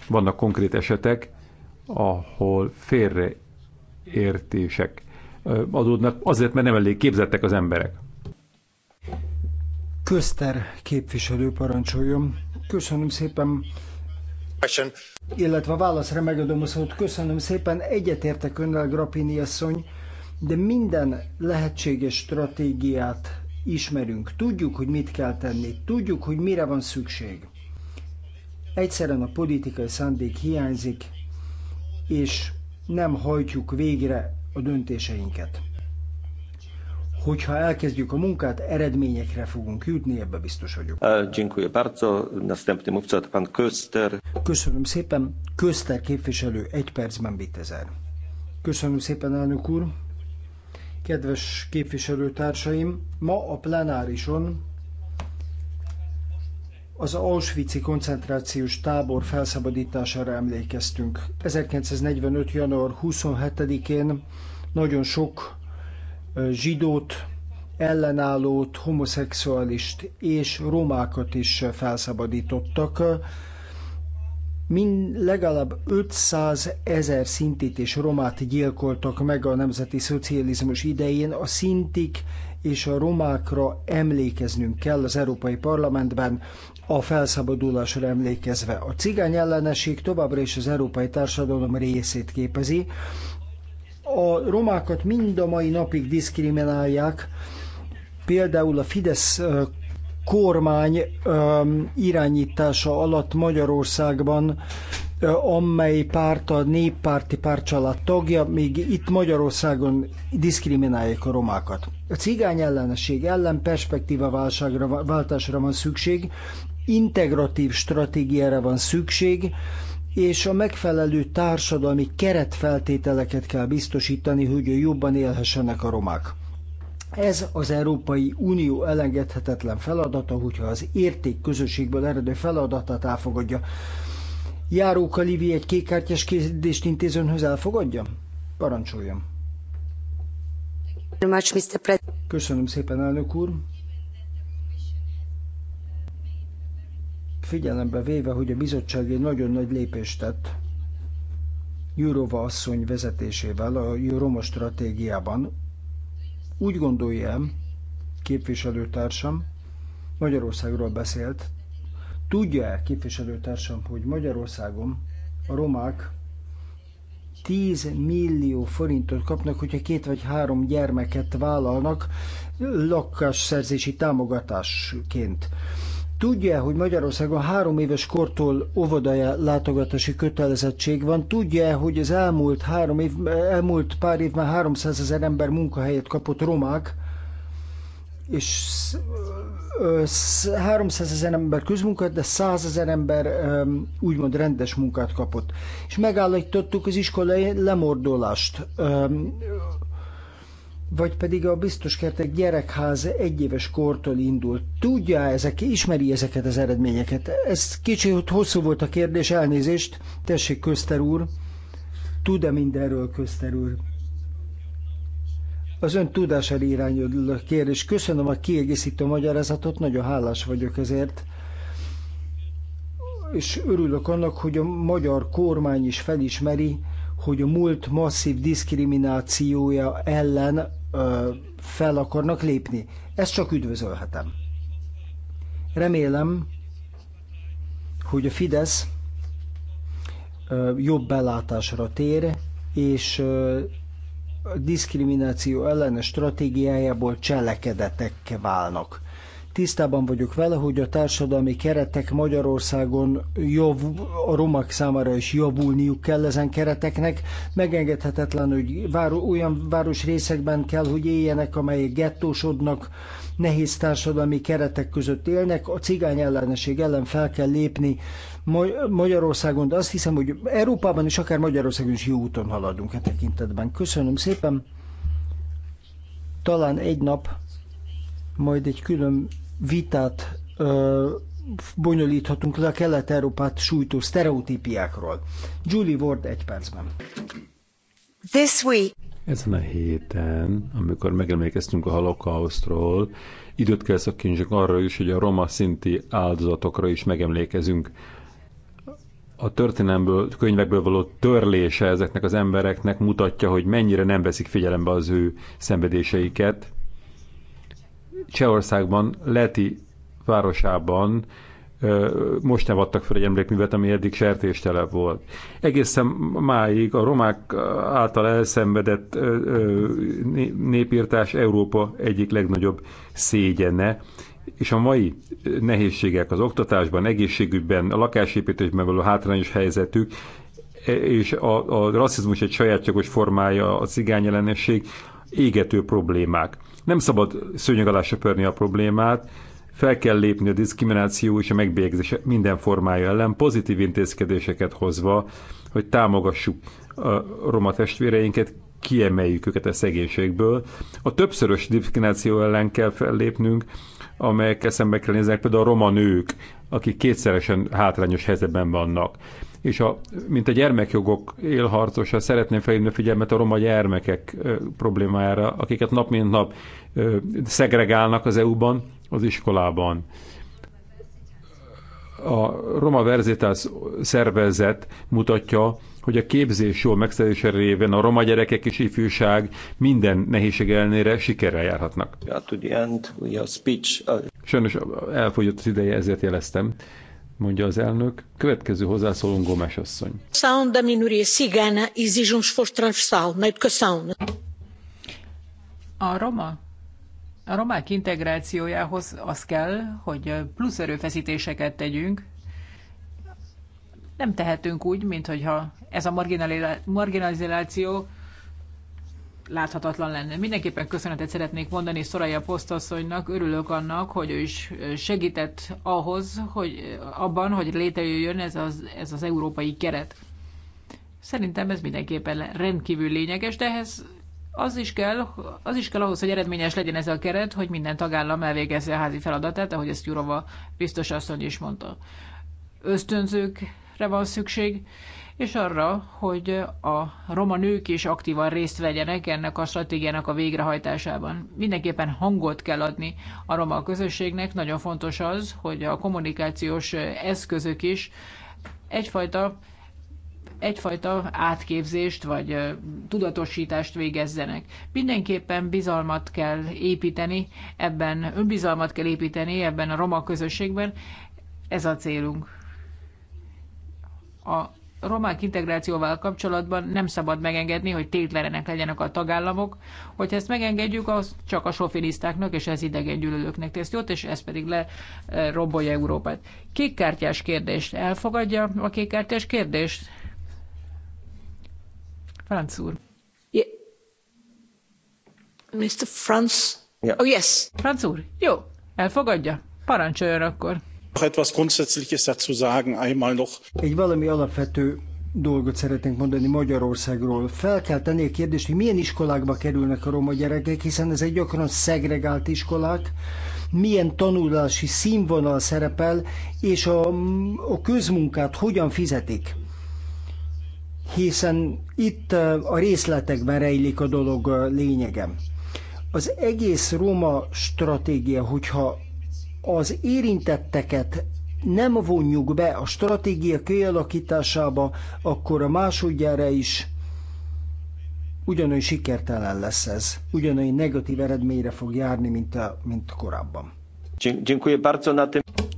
Vannak konkrét esetek, ahol félreértések adódnak, azért, mert nem elég képzettek az emberek. Köszter képviselő parancsoljon. Köszönöm szépen. Köszön. Illetve a válaszra megadom a szót. Köszönöm szépen. Egyetértek önnel, Grapini asszony, de minden lehetséges stratégiát ismerünk. Tudjuk, hogy mit kell tenni. Tudjuk, hogy mire van szükség. Egyszerűen a politikai szándék hiányzik, és nem hajtjuk végre a döntéseinket. Hogyha elkezdjük a munkát, eredményekre fogunk jutni, ebbe biztos vagyok. E, Köszönöm szépen. Köster képviselő egy percben bitezer. Köszönöm szépen, elnök úr. Kedves képviselőtársaim, ma a plenárison az Auschwitz-i koncentrációs tábor felszabadítására emlékeztünk. 1945. január 27-én nagyon sok zsidót, ellenállót, homoszexualist és romákat is felszabadítottak. Min legalább 500 ezer szintit és romát gyilkoltak meg a nemzeti szocializmus idején. A szintik és a romákra emlékeznünk kell az Európai Parlamentben a felszabadulásra emlékezve. A cigány ellenesség továbbra is az európai társadalom részét képezi. A romákat mind a mai napig diszkriminálják, például a Fidesz kormány irányítása alatt Magyarországban, amely párt a néppárti pártcsalád tagja, még itt Magyarországon diszkriminálják a romákat. A cigány ellenesség ellen perspektíva váltásra van szükség, integratív stratégiára van szükség, és a megfelelő társadalmi keretfeltételeket kell biztosítani, hogy jobban élhessenek a romák. Ez az Európai Unió elengedhetetlen feladata, hogyha az érték közösségből eredő feladatát elfogadja. Járóka Livi egy kékkártyás kérdést intézőnhöz elfogadja? Parancsoljon. Köszönöm szépen, elnök úr. figyelembe véve, hogy a bizottság egy nagyon nagy lépést tett Jurova asszony vezetésével a Roma stratégiában, úgy gondolja, képviselőtársam, Magyarországról beszélt, tudja-e képviselőtársam, hogy Magyarországon a romák 10 millió forintot kapnak, hogyha két vagy három gyermeket vállalnak lakásszerzési támogatásként. Tudja, hogy Magyarországon három éves kortól óvodaja látogatási kötelezettség van. Tudja, hogy az elmúlt, három év, elmúlt pár évben 300 ezer ember munkahelyet kapott romák, és 300 ezer ember közmunkát, de 100 ezer ember úgymond rendes munkát kapott. És megállítottuk az iskolai lemordolást vagy pedig a biztos kertek gyerekháza egyéves kortól indult. Tudja ezek, ismeri ezeket az eredményeket? Ez kicsit hosszú volt a kérdés, elnézést. Tessék, Közter úr, tud-e mindenről, Közter úr? Az ön tudására irányul a kérdés. Köszönöm a kiegészítő magyarázatot, nagyon hálás vagyok ezért. És örülök annak, hogy a magyar kormány is felismeri, hogy a múlt masszív diszkriminációja ellen ö, fel akarnak lépni. Ezt csak üdvözölhetem. Remélem, hogy a Fidesz ö, jobb belátásra tér, és ö, a diszkrimináció ellenes stratégiájából cselekedetekkel válnak. Tisztában vagyok vele, hogy a társadalmi keretek Magyarországon jobb, a romák számára is javulniuk kell ezen kereteknek. Megengedhetetlen, hogy váro, olyan város részekben kell, hogy éljenek, amelyek gettósodnak, nehéz társadalmi keretek között élnek. A cigány ellenség ellen fel kell lépni Magyarországon, de azt hiszem, hogy Európában és akár Magyarországon is jó úton haladunk e tekintetben. Köszönöm szépen. Talán egy nap majd egy külön vitát ö, bonyolíthatunk le a Kelet-Európát sújtó sztereotípiákról. Julie Ward egy percben. This week. Ezen a héten, amikor megemlékeztünk a holokausztról, időt kell szakítsunk arra is, hogy a roma szinti áldozatokra is megemlékezünk. A történelmből, könyvekből való törlése ezeknek az embereknek mutatja, hogy mennyire nem veszik figyelembe az ő szenvedéseiket, Csehországban, Leti városában most nem adtak fel egy emlékművet, ami eddig sertéstele volt. Egészen máig a romák által elszenvedett népírtás Európa egyik legnagyobb szégyene, és a mai nehézségek az oktatásban, egészségügyben, a lakásépítésben való hátrányos helyzetük, e, és a, a rasszizmus egy sajátjogos formája, a cigány égető problémák. Nem szabad szőnyeg alá söpörni a problémát, fel kell lépni a diszkrimináció és a megbélyegzés minden formája ellen, pozitív intézkedéseket hozva, hogy támogassuk a roma testvéreinket, kiemeljük őket a szegénységből. A többszörös diszkrimináció ellen kell fellépnünk, amelyekkel szembe kell nézni, például a roma nők, akik kétszeresen hátrányos helyzetben vannak és a, mint a gyermekjogok élharcosa szeretném felhívni a figyelmet a roma gyermekek problémájára, akiket nap mint nap szegregálnak az EU-ban, az iskolában. A Roma Verzitas szervezet mutatja, hogy a képzés jól megszerzése révén a roma gyerekek és ifjúság minden nehézség ellenére sikerrel járhatnak. Uh, Sajnos elfogyott az ideje, ezért jeleztem mondja az elnök. Következő hozzászólón Gomes asszony. cigana um A roma a romák integrációjához az kell, hogy plusz erőfeszítéseket tegyünk. Nem tehetünk úgy, mintha ez a marginalizáció láthatatlan lenne. Mindenképpen köszönetet szeretnék mondani Szoraja Posztasszonynak, örülök annak, hogy ő is segített ahhoz, hogy abban, hogy létrejöjjön ez az, ez az európai keret. Szerintem ez mindenképpen rendkívül lényeges, de ehhez az is, kell, az is kell ahhoz, hogy eredményes legyen ez a keret, hogy minden tagállam elvégezze a házi feladatát, ahogy ezt Jurova biztos asszony is mondta. Ösztönzőkre van szükség, és arra, hogy a roma nők is aktívan részt vegyenek ennek a stratégiának a végrehajtásában. Mindenképpen hangot kell adni a roma közösségnek, nagyon fontos az, hogy a kommunikációs eszközök is egyfajta egyfajta átképzést vagy tudatosítást végezzenek. Mindenképpen bizalmat kell építeni ebben, önbizalmat kell építeni ebben a roma közösségben. Ez a célunk. A romák integrációval kapcsolatban nem szabad megengedni, hogy tétlenek legyenek a tagállamok. Hogyha ezt megengedjük, az csak a sofinisztáknak és ez idegen gyűlölőknek tesz jót, és ez pedig le e, robolja Európát. Kékkártyás kérdést elfogadja a kékkártyás kérdést? Franz úr. Mr. Franz? Yeah. Oh, yes. Franz úr, jó, elfogadja. Parancsoljon akkor etwas Grundsätzliches dazu sagen, einmal noch. Egy valami alapvető dolgot szeretnénk mondani Magyarországról. Fel kell tenni a kérdést, hogy milyen iskolákba kerülnek a roma gyerekek, hiszen ezek gyakran szegregált iskolák, milyen tanulási színvonal szerepel, és a, a közmunkát hogyan fizetik. Hiszen itt eh, a részletekben rejlik a dolog eh, lényege. Az egész roma stratégia, hogyha az érintetteket nem vonjuk be a stratégia kialakításába, akkor a másodjára is ugyanolyan sikertelen lesz ez, ugyanolyan negatív eredményre fog járni, mint, a, mint korábban.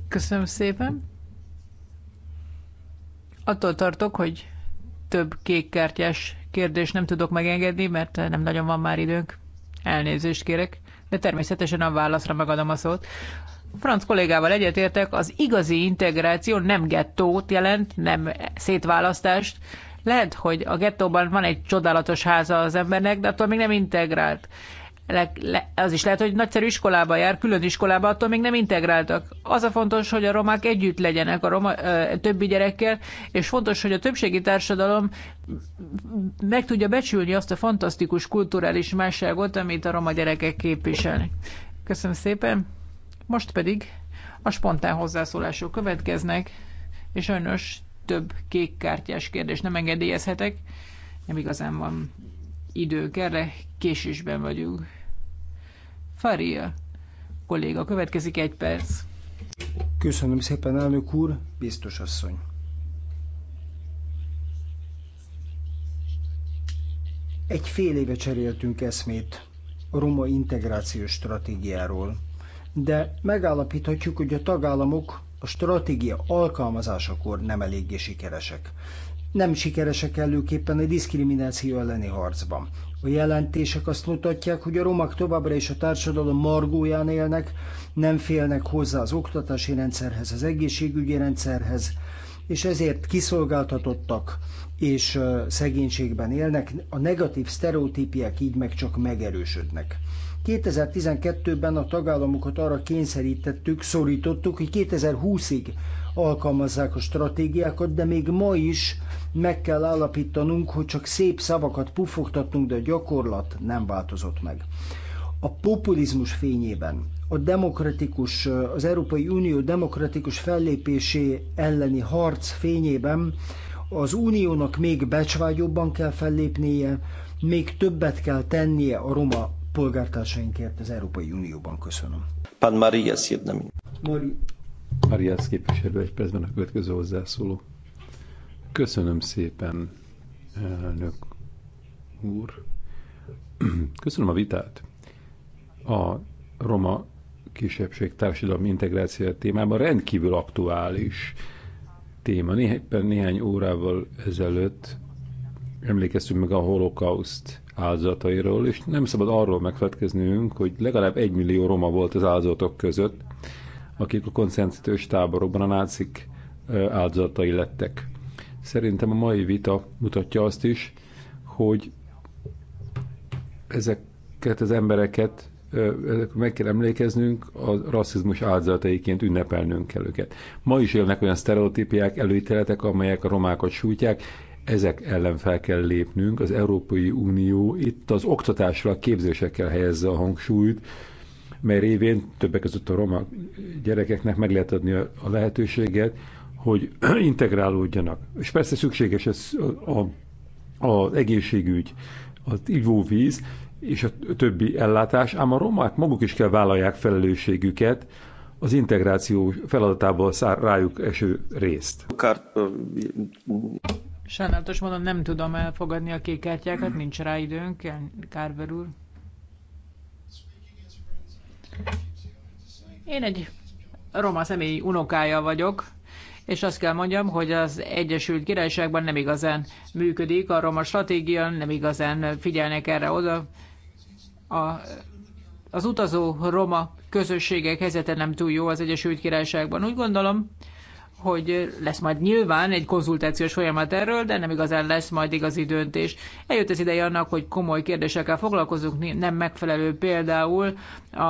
Köszönöm szépen. Attól tartok, hogy több kékkártyás kérdést nem tudok megengedni, mert nem nagyon van már időnk. Elnézést kérek, de természetesen a válaszra megadom a szót franc kollégával egyetértek, az igazi integráció nem gettót jelent, nem szétválasztást. Lehet, hogy a gettóban van egy csodálatos háza az embernek, de attól még nem integrált. Le, le, az is lehet, hogy nagyszerű iskolába jár, külön iskolába, attól még nem integráltak. Az a fontos, hogy a romák együtt legyenek a roma, ö, többi gyerekkel, és fontos, hogy a többségi társadalom meg tudja becsülni azt a fantasztikus kulturális másságot, amit a roma gyerekek képviselnek. Köszönöm szépen! Most pedig a spontán hozzászólások következnek, és sajnos több kékkártyás kérdést nem engedélyezhetek. Nem igazán van idő erre, késésben vagyunk. Faria kolléga, következik egy perc. Köszönöm szépen, elnök úr, biztos asszony. Egy fél éve cseréltünk eszmét a roma integrációs stratégiáról, de megállapíthatjuk, hogy a tagállamok a stratégia alkalmazásakor nem eléggé sikeresek. Nem sikeresek előképpen a diszkrimináció elleni harcban. A jelentések azt mutatják, hogy a romák továbbra is a társadalom margóján élnek, nem félnek hozzá az oktatási rendszerhez, az egészségügyi rendszerhez, és ezért kiszolgáltatottak és szegénységben élnek. A negatív sztereotípiák így meg csak megerősödnek. 2012-ben a tagállamokat arra kényszerítettük, szorítottuk, hogy 2020-ig alkalmazzák a stratégiákat, de még ma is meg kell állapítanunk, hogy csak szép szavakat puffogtattunk, de a gyakorlat nem változott meg. A populizmus fényében a demokratikus, az Európai Unió demokratikus fellépésé elleni harc fényében az uniónak még becsvágyobban kell fellépnie, még többet kell tennie a roma polgártársainkért az Európai Unióban. Köszönöm. Pán Marias érdemi. Mari... Marias képviselő egy percben a következő hozzászóló. Köszönöm szépen, elnök úr. Köszönöm a vitát. A roma kisebbség társadalmi integráció témában rendkívül aktuális téma. Néhány, néhány órával ezelőtt emlékeztünk meg a holokauszt áldozatairól, és nem szabad arról megfelelkeznünk, hogy legalább egy millió roma volt az áldozatok között, akik a koncentrációs táborokban a nácik áldozatai lettek. Szerintem a mai vita mutatja azt is, hogy ezeket az embereket meg kell emlékeznünk, a rasszizmus áldozataiként ünnepelnünk kell őket. Ma is élnek olyan sztereotípiák, előítéletek, amelyek a romákat sújtják, ezek ellen fel kell lépnünk. Az Európai Unió itt az oktatásra, a képzésekkel helyezze a hangsúlyt, mert révén többek között a roma gyerekeknek meg lehet adni a lehetőséget, hogy (clears throat) integrálódjanak. És persze szükséges ez a, a, az egészségügy, az ivóvíz és a többi ellátás, ám a romák maguk is kell vállalják felelősségüket, az integráció feladatából szár rájuk eső részt. Sajnálatos módon nem tudom elfogadni a kék kártyákat, nincs rá időnk, Kárver úr. Én egy roma személy unokája vagyok, és azt kell mondjam, hogy az Egyesült Királyságban nem igazán működik a roma stratégia, nem igazán figyelnek erre oda. A, az utazó roma közösségek helyzete nem túl jó az Egyesült Királyságban. Úgy gondolom, hogy lesz majd nyilván egy konzultációs folyamat erről, de nem igazán lesz majd igazi döntés. Eljött az ideje annak, hogy komoly kérdésekkel foglalkozunk, nem megfelelő például a,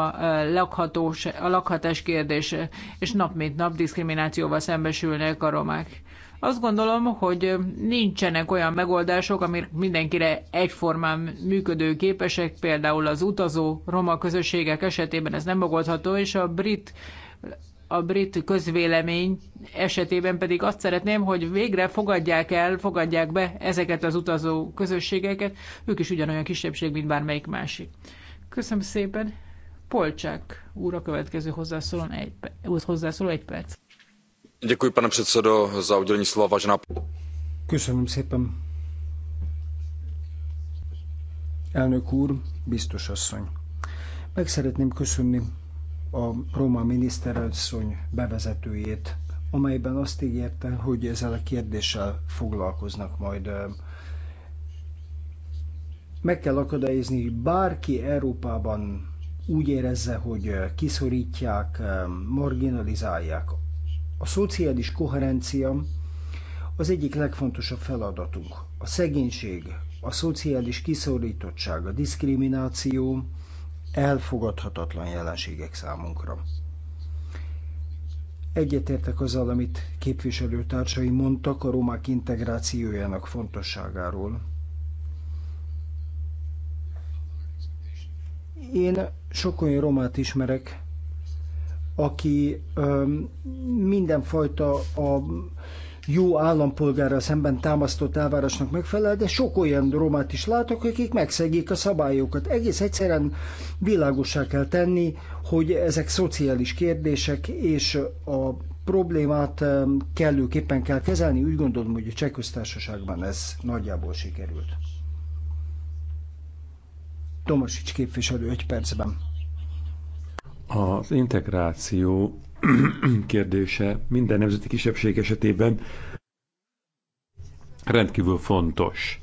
lakhatós, a lakhatás kérdése, és nap mint nap diszkriminációval szembesülnek a romák. Azt gondolom, hogy nincsenek olyan megoldások, amik mindenkire egyformán működő képesek, például az utazó roma közösségek esetében ez nem megoldható, és a brit a brit közvélemény esetében pedig azt szeretném, hogy végre fogadják el, fogadják be ezeket az utazó közösségeket, ők is ugyanolyan kisebbség, mint bármelyik másik. Köszönöm szépen. Polcsák úr a következő hozzászólón egy, hozzászóló egy perc. Děkuji, pane předsedo, za udělení slova, vážená. Köszönöm szépen. Elnök úr, biztos asszony. Meg szeretném köszönni a roma miniszterasszony bevezetőjét, amelyben azt ígérte, hogy ezzel a kérdéssel foglalkoznak majd. Meg kell akadályozni, hogy bárki Európában úgy érezze, hogy kiszorítják, marginalizálják. A szociális koherencia az egyik legfontosabb feladatunk. A szegénység, a szociális kiszorítottság, a diszkrimináció, elfogadhatatlan jelenségek számunkra. Egyetértek azzal, amit képviselőtársai mondtak a romák integrációjának fontosságáról. Én sok olyan romát ismerek, aki ö, mindenfajta a jó állampolgára szemben támasztott elvárásnak megfelel, de sok olyan romát is látok, akik megszegik a szabályokat. Egész egyszerűen világosá kell tenni, hogy ezek szociális kérdések, és a problémát kellőképpen kell kezelni. Úgy gondolom, hogy a cseh köztársaságban ez nagyjából sikerült. Tomasics képviselő egy percben. Az integráció (clears throat) kérdése minden nemzeti kisebbség esetében rendkívül fontos.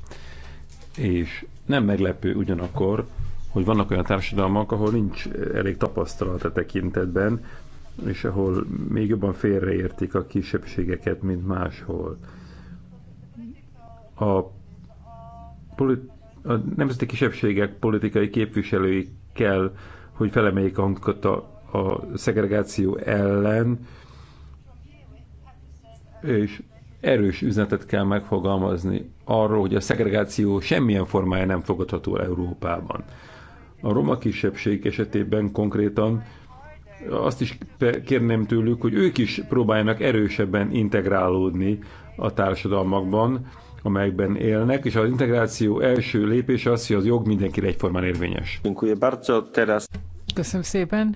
És nem meglepő ugyanakkor, hogy vannak olyan társadalmak, ahol nincs elég tapasztalat a tekintetben, és ahol még jobban félreértik a kisebbségeket, mint máshol. A, polit- a nemzeti kisebbségek politikai képviselői kell, hogy felemeljék a hangukat a a szegregáció ellen, és erős üzenetet kell megfogalmazni arról, hogy a szegregáció semmilyen formája nem fogadható Európában. A roma kisebbség esetében konkrétan azt is kérném tőlük, hogy ők is próbáljanak erősebben integrálódni a társadalmakban, amelyekben élnek, és az integráció első lépése az, hogy az jog mindenkire egyformán érvényes. Köszönöm szépen.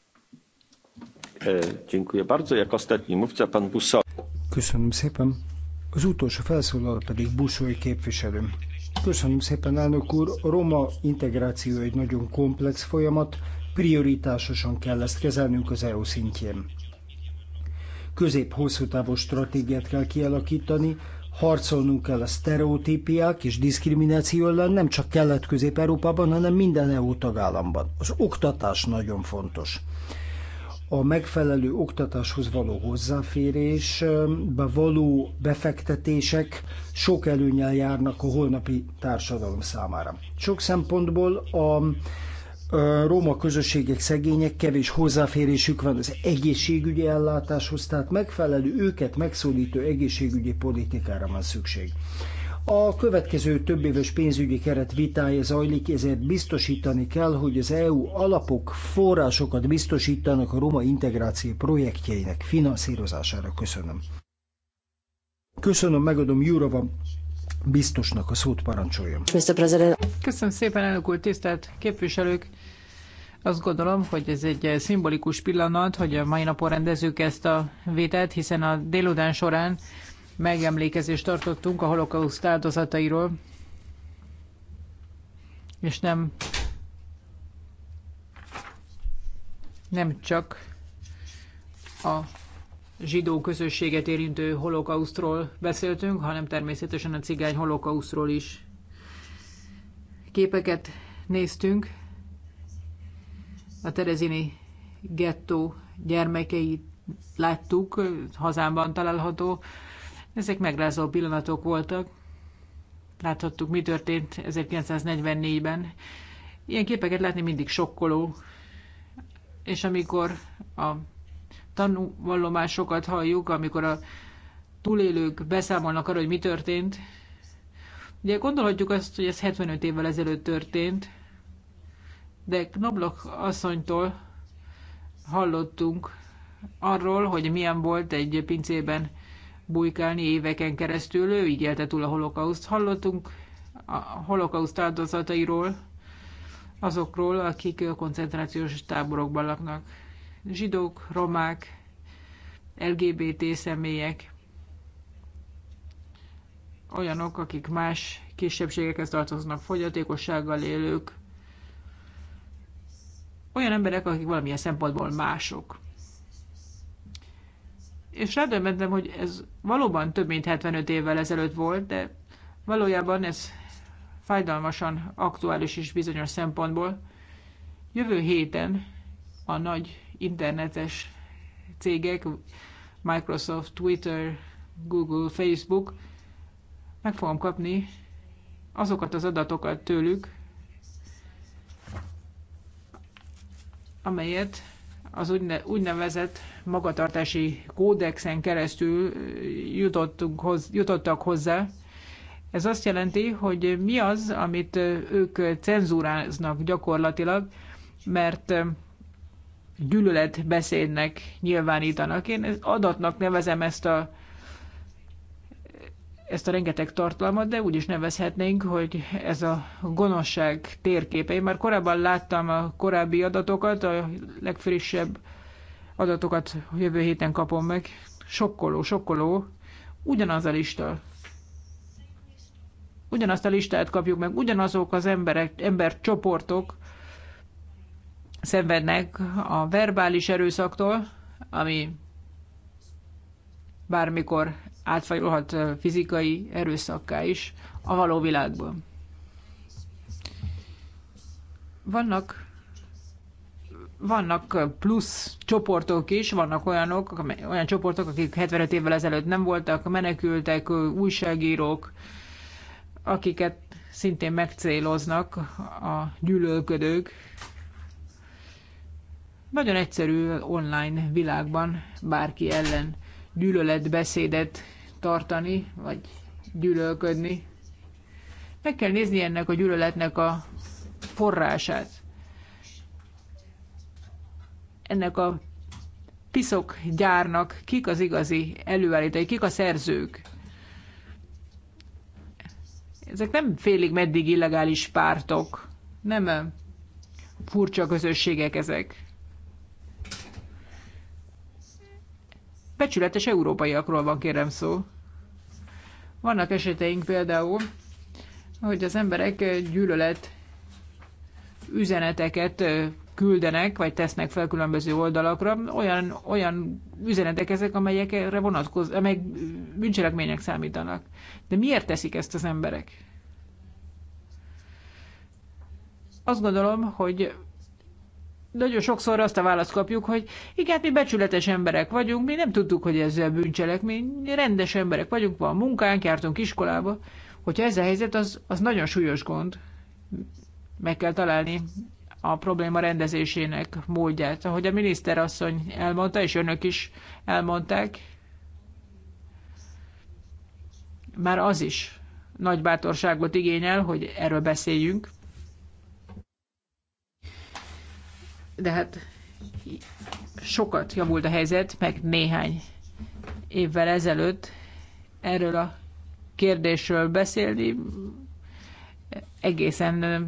E, dziękuję bardzo. ostatni mówca, pan Köszönöm szépen. Az utolsó felszólaló pedig Buszói képviselő. Köszönöm szépen, elnök úr. A roma integráció egy nagyon komplex folyamat, prioritásosan kell ezt kezelnünk az EU szintjén. Közép-hosszú távú stratégiát kell kialakítani, harcolnunk kell a sztereotípiák és diszkrimináció ellen nem csak Kelet-Közép-Európában, hanem minden EU tagállamban. Az oktatás nagyon fontos a megfelelő oktatáshoz való hozzáférésbe való befektetések sok előnyel járnak a holnapi társadalom számára. Sok szempontból a róma közösségek szegények, kevés hozzáférésük van az egészségügyi ellátáshoz, tehát megfelelő őket megszólító egészségügyi politikára van szükség. A következő több éves pénzügyi keret vitája zajlik, ezért biztosítani kell, hogy az EU alapok forrásokat biztosítanak a roma integráció projektjeinek finanszírozására. Köszönöm. Köszönöm, megadom Jurova biztosnak a szót parancsoljon. Köszönöm szépen, elnök úr, tisztelt képviselők! Azt gondolom, hogy ez egy szimbolikus pillanat, hogy a mai napon rendezzük ezt a vitát, hiszen a délután során megemlékezést tartottunk a holokauszt áldozatairól, és nem, nem csak a zsidó közösséget érintő holokausztról beszéltünk, hanem természetesen a cigány holokausztról is. Képeket néztünk a Terezini gettó gyermekeit láttuk, hazámban található ezek megrázó pillanatok voltak. Láthattuk, mi történt 1944-ben. Ilyen képeket látni mindig sokkoló, és amikor a tanúvallomásokat halljuk, amikor a túlélők beszámolnak arra, hogy mi történt, ugye gondolhatjuk azt, hogy ez 75 évvel ezelőtt történt, de Knoblok asszonytól hallottunk arról, hogy milyen volt egy pincében bujkálni éveken keresztül, ő élte túl a holokauszt. Hallottunk a holokauszt áldozatairól, azokról, akik a koncentrációs táborokban laknak. Zsidók, romák, LGBT személyek, olyanok, akik más kisebbségekhez tartoznak, fogyatékossággal élők, olyan emberek, akik valamilyen szempontból mások és rádöbbentem, hogy ez valóban több mint 75 évvel ezelőtt volt, de valójában ez fájdalmasan aktuális is bizonyos szempontból. Jövő héten a nagy internetes cégek, Microsoft, Twitter, Google, Facebook, meg fogom kapni azokat az adatokat tőlük, amelyet az úgynevezett magatartási kódexen keresztül jutottunk hoz, jutottak hozzá. Ez azt jelenti, hogy mi az, amit ők cenzúráznak gyakorlatilag, mert gyűlöletbeszédnek nyilvánítanak. Én adatnak nevezem ezt a ezt a rengeteg tartalmat, de úgy is nevezhetnénk, hogy ez a gonoszság térképe. Én már korábban láttam a korábbi adatokat, a legfrissebb adatokat jövő héten kapom meg. Sokkoló, sokkoló. Ugyanaz a lista. Ugyanazt a listát kapjuk meg, ugyanazok az emberek, embercsoportok szenvednek a verbális erőszaktól, ami bármikor átfajulhat fizikai erőszakká is a való világban. Vannak vannak plusz csoportok is, vannak olyanok, olyan csoportok, akik 75 évvel ezelőtt nem voltak, menekültek, újságírók, akiket szintén megcéloznak a gyűlölködők. Nagyon egyszerű online világban bárki ellen gyűlöletbeszédet tartani, vagy gyűlölködni. Meg kell nézni ennek a gyűlöletnek a forrását. Ennek a piszok gyárnak kik az igazi előállítói, kik a szerzők. Ezek nem félig meddig illegális pártok, nem furcsa közösségek ezek. becsületes európaiakról van kérem szó. Vannak eseteink például, hogy az emberek gyűlölet üzeneteket küldenek, vagy tesznek fel különböző oldalakra, olyan, olyan üzenetek ezek, amelyekre vonatkoz, amelyek bűncselekmények számítanak. De miért teszik ezt az emberek? Azt gondolom, hogy nagyon sokszor azt a választ kapjuk, hogy igen, mi becsületes emberek vagyunk, mi nem tudtuk, hogy ez bűncselekmény, mi rendes emberek vagyunk, van munkánk, jártunk iskolába. Hogyha ez a helyzet, az, az nagyon súlyos gond. Meg kell találni a probléma rendezésének módját. Ahogy a miniszterasszony elmondta, és önök is elmondták, már az is nagy bátorságot igényel, hogy erről beszéljünk. de hát sokat javult a helyzet, meg néhány évvel ezelőtt erről a kérdésről beszélni egészen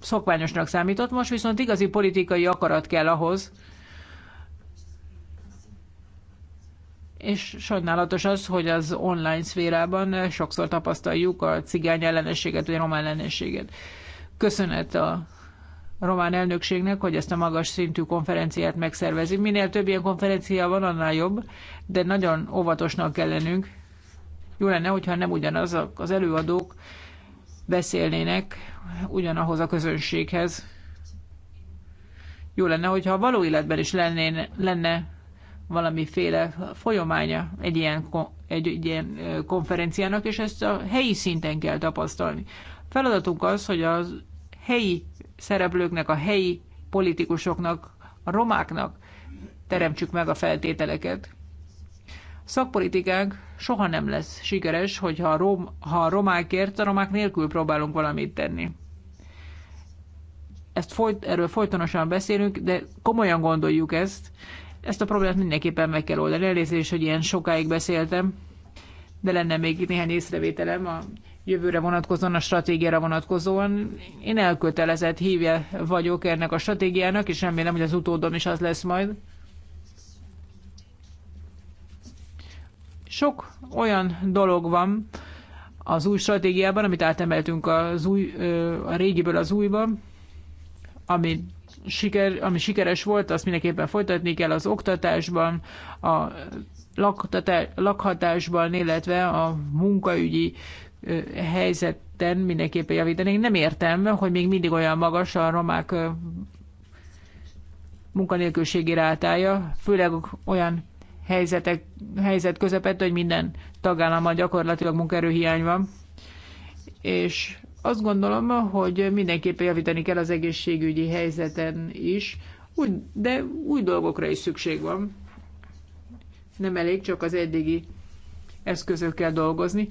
szokványosnak számított, most viszont igazi politikai akarat kell ahhoz, és sajnálatos az, hogy az online szférában sokszor tapasztaljuk a cigány ellenességet, vagy a román ellenességet. Köszönet a román elnökségnek, hogy ezt a magas szintű konferenciát megszervezi. Minél több ilyen konferencia van, annál jobb, de nagyon óvatosnak kell lennünk. Jó lenne, hogyha nem ugyanazok az előadók beszélnének ugyanahoz a közönséghez. Jó lenne, hogyha a való életben is lennén, lenne valamiféle folyamánya egy ilyen, egy, egy ilyen konferenciának, és ezt a helyi szinten kell tapasztalni. Feladatunk az, hogy az helyi szereplőknek, a helyi politikusoknak, a romáknak teremtsük meg a feltételeket. Szakpolitikánk soha nem lesz sikeres, hogyha a, rom, ha a romákért, a romák nélkül próbálunk valamit tenni. Ezt folyt, erről folytonosan beszélünk, de komolyan gondoljuk ezt. Ezt a problémát mindenképpen meg kell oldani. Elnézést, hogy ilyen sokáig beszéltem, de lenne még néhány észrevételem a jövőre vonatkozóan, a stratégiára vonatkozóan. Én elkötelezett hívje vagyok ennek a stratégiának, és remélem, hogy az utódom is az lesz majd. Sok olyan dolog van az új stratégiában, amit átemeltünk az új, a régiből az újba, ami, siker, ami sikeres volt, azt mindenképpen folytatni kell az oktatásban, a lakhatásban, illetve a munkaügyi helyzeten mindenképpen javítani. Nem értem, hogy még mindig olyan magas a romák munkanélküliségi rátája, főleg olyan helyzetek, helyzet közepett, hogy minden tagállamban gyakorlatilag munkaerőhiány van. És azt gondolom, hogy mindenképpen javítani kell az egészségügyi helyzeten is, de új dolgokra is szükség van. Nem elég csak az eddigi eszközökkel kell dolgozni.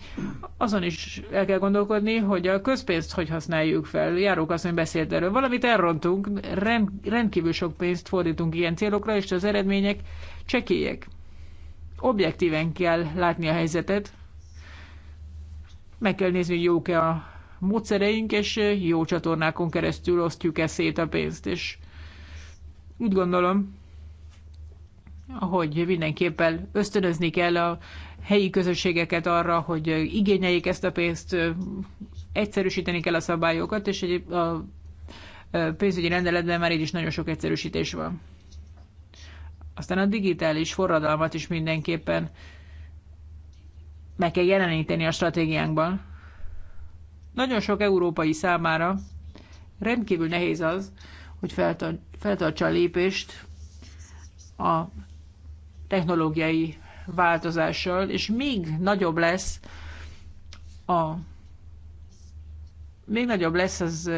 Azon is el kell gondolkodni, hogy a közpénzt hogy használjuk fel. Járók azt, hogy beszélt erről. Valamit elrontunk, rend, rendkívül sok pénzt fordítunk ilyen célokra, és az eredmények csekélyek. Objektíven kell látni a helyzetet, meg kell nézni, hogy jók-e a módszereink, és jó csatornákon keresztül osztjuk-e szét a pénzt, és úgy gondolom, hogy mindenképpen ösztönözni kell a helyi közösségeket arra, hogy igényeljék ezt a pénzt, egyszerűsíteni kell a szabályokat, és egy, a pénzügyi rendeletben már így is nagyon sok egyszerűsítés van. Aztán a digitális forradalmat is mindenképpen meg kell jeleníteni a stratégiánkban. Nagyon sok európai számára rendkívül nehéz az, hogy feltartsa a lépést a technológiai változással, és még nagyobb lesz a még nagyobb lesz az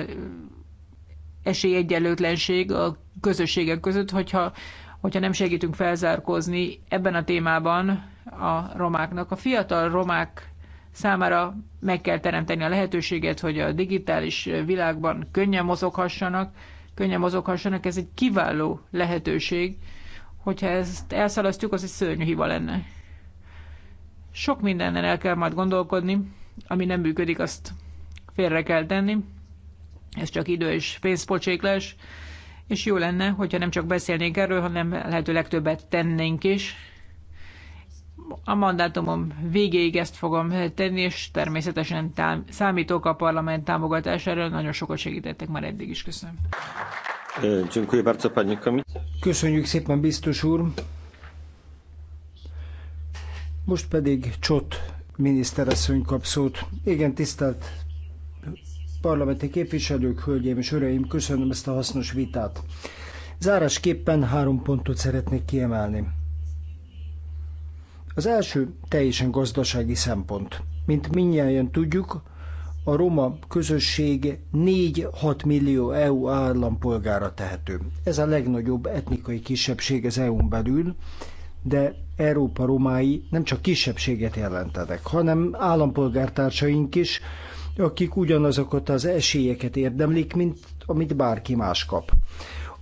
esélyegyenlőtlenség a közösségek között, hogyha, hogyha nem segítünk felzárkózni ebben a témában a romáknak. A fiatal romák számára meg kell teremteni a lehetőséget, hogy a digitális világban könnyen mozoghassanak, könnyen mozoghassanak. Ez egy kiváló lehetőség, Hogyha ezt elszalasztjuk, az egy szörnyű hiba lenne. Sok mindenen el kell majd gondolkodni, ami nem működik, azt félre kell tenni. Ez csak idő és pénzpocséklás, és jó lenne, hogyha nem csak beszélnénk erről, hanem lehető legtöbbet tennénk is. A mandátumom végéig ezt fogom tenni, és természetesen tám- számítok a parlament támogatására. Nagyon sokat segítettek már eddig is. Köszönöm. E, Köszönjük szépen, biztos úr! Most pedig Csot miniszterasszony kap szót. Igen, tisztelt parlamenti képviselők, hölgyeim és uraim, köszönöm ezt a hasznos vitát. Zárásképpen három pontot szeretnék kiemelni. Az első teljesen gazdasági szempont. Mint minnyáján tudjuk, a roma közösség 4-6 millió EU állampolgára tehető. Ez a legnagyobb etnikai kisebbség az EU-n belül, de Európa romái nem csak kisebbséget jelentenek, hanem állampolgártársaink is, akik ugyanazokat az esélyeket érdemlik, mint amit bárki más kap.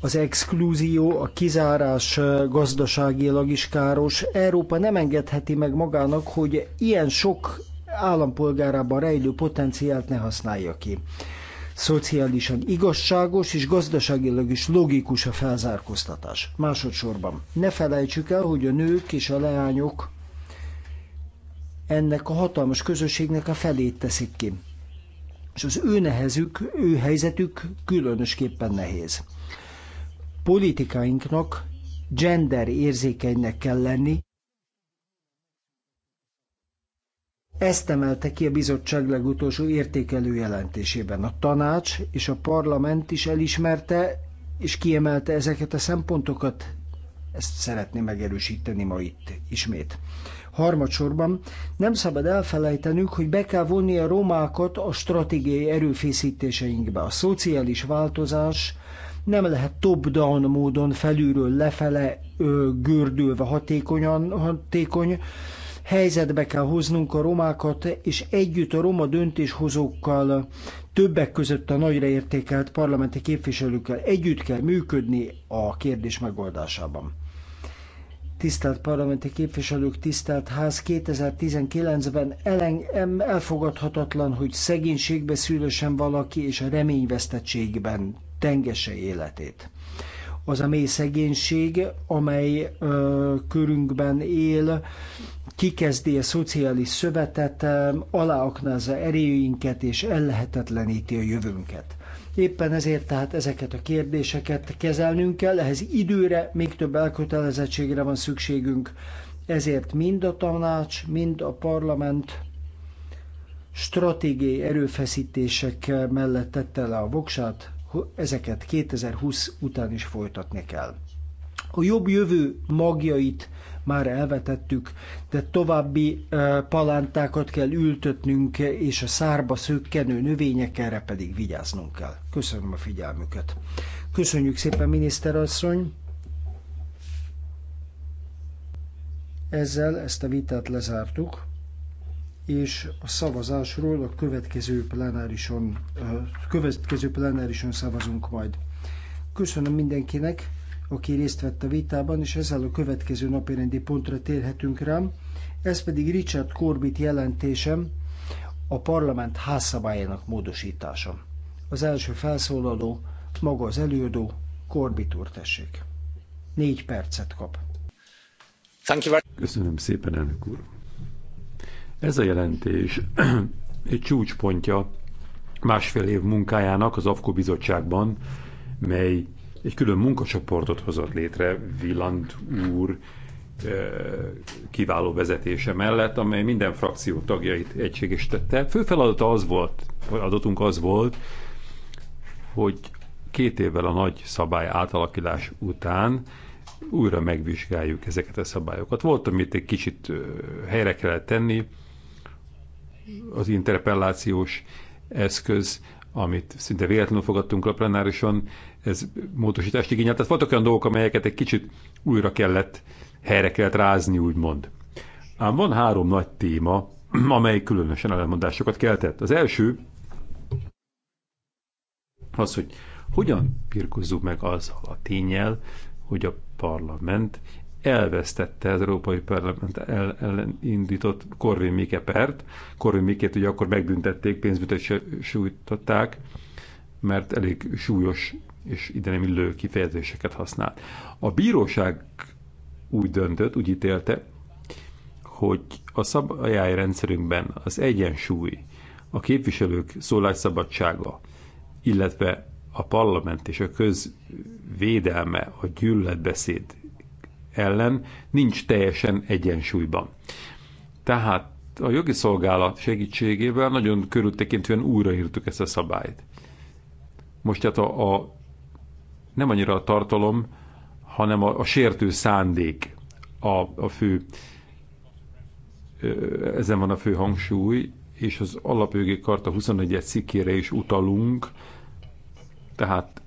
Az exklúzió, a kizárás gazdaságilag is káros. Európa nem engedheti meg magának, hogy ilyen sok állampolgárában rejlő potenciált ne használja ki. Szociálisan igazságos és gazdaságilag is logikus a felzárkóztatás. Másodszorban ne felejtsük el, hogy a nők és a leányok ennek a hatalmas közösségnek a felét teszik ki. És az ő nehezük, ő helyzetük különösképpen nehéz. Politikáinknak gender érzékenynek kell lenni, Ezt emelte ki a bizottság legutolsó értékelő jelentésében. A tanács és a parlament is elismerte és kiemelte ezeket a szempontokat. Ezt szeretné megerősíteni ma itt ismét. Harmadsorban nem szabad elfelejtenünk, hogy be kell vonni a romákat a stratégiai erőfészítéseinkbe. A szociális változás nem lehet top-down módon felülről lefele gördülve hatékonyan, hatékony, helyzetbe kell hoznunk a romákat, és együtt a roma döntéshozókkal, többek között a nagyra értékelt parlamenti képviselőkkel együtt kell működni a kérdés megoldásában. Tisztelt parlamenti képviselők, tisztelt ház, 2019-ben elen, elfogadhatatlan, hogy szegénységbe szülösen valaki és a reményvesztettségben tengese életét. Az a mély szegénység, amely ö, körünkben él, kikezdi a szociális szövetet, aláaknázza erőinket és ellehetetleníti a jövőnket. Éppen ezért tehát ezeket a kérdéseket kezelnünk kell, ehhez időre, még több elkötelezettségre van szükségünk. Ezért mind a tanács, mind a parlament stratégiai erőfeszítések mellett tette le a voksát, ezeket 2020 után is folytatni kell. A jobb jövő magjait már elvetettük, de további palántákat kell ültetnünk, és a szárba szökkenő növények erre pedig vigyáznunk kell. Köszönöm a figyelmüket. Köszönjük szépen, miniszterasszony! Ezzel ezt a vitát lezártuk, és a szavazásról a következő plenárison, következő plenárison szavazunk majd. Köszönöm mindenkinek! aki részt vett a vitában, és ezzel a következő napirendi pontra térhetünk rám. Ez pedig Richard Corbett jelentésem, a parlament házszabályának módosítása. Az első felszólaló, maga az előadó, Corbett úr tessék. Négy percet kap. Köszönöm szépen, elnök úr. Ez a jelentés (clears throat) egy csúcspontja másfél év munkájának az AFKO bizottságban, mely egy külön munkacsoportot hozott létre Villand úr eh, kiváló vezetése mellett, amely minden frakció tagjait egységesítette. Fő feladata az volt, vagy adatunk az volt, hogy két évvel a nagy szabály átalakítás után újra megvizsgáljuk ezeket a szabályokat. Volt, amit egy kicsit eh, helyre kellett tenni, az interpellációs eszköz, amit szinte véletlenül fogadtunk a plenárison, ez módosítást igényelt. Tehát voltak olyan dolgok, amelyeket egy kicsit újra kellett, helyre kellett rázni, úgymond. Ám van három nagy téma, (clears throat) amely különösen ellentmondásokat keltett. Az első az, hogy hogyan pirkozzuk meg azzal a tényel, hogy a parlament elvesztette az Európai Parlament el, ellen indított Korvin Mike pert. Korvin Mikét ugye akkor megbüntették, pénzbüntetésre sújtották, mert elég súlyos és ide nem illő kifejezéseket használt. A bíróság úgy döntött, úgy ítélte, hogy a rendszerünkben az egyensúly, a képviselők szólásszabadsága, illetve a parlament és a közvédelme a gyűlöletbeszéd ellen nincs teljesen egyensúlyban. Tehát a jogi szolgálat segítségével nagyon körültekintően újraírtuk ezt a szabályt. Most hát a, a nem annyira a tartalom, hanem a, a sértő szándék a, a fő, ezen van a fő hangsúly, és az alapjogi karta 21. cikkére is utalunk, tehát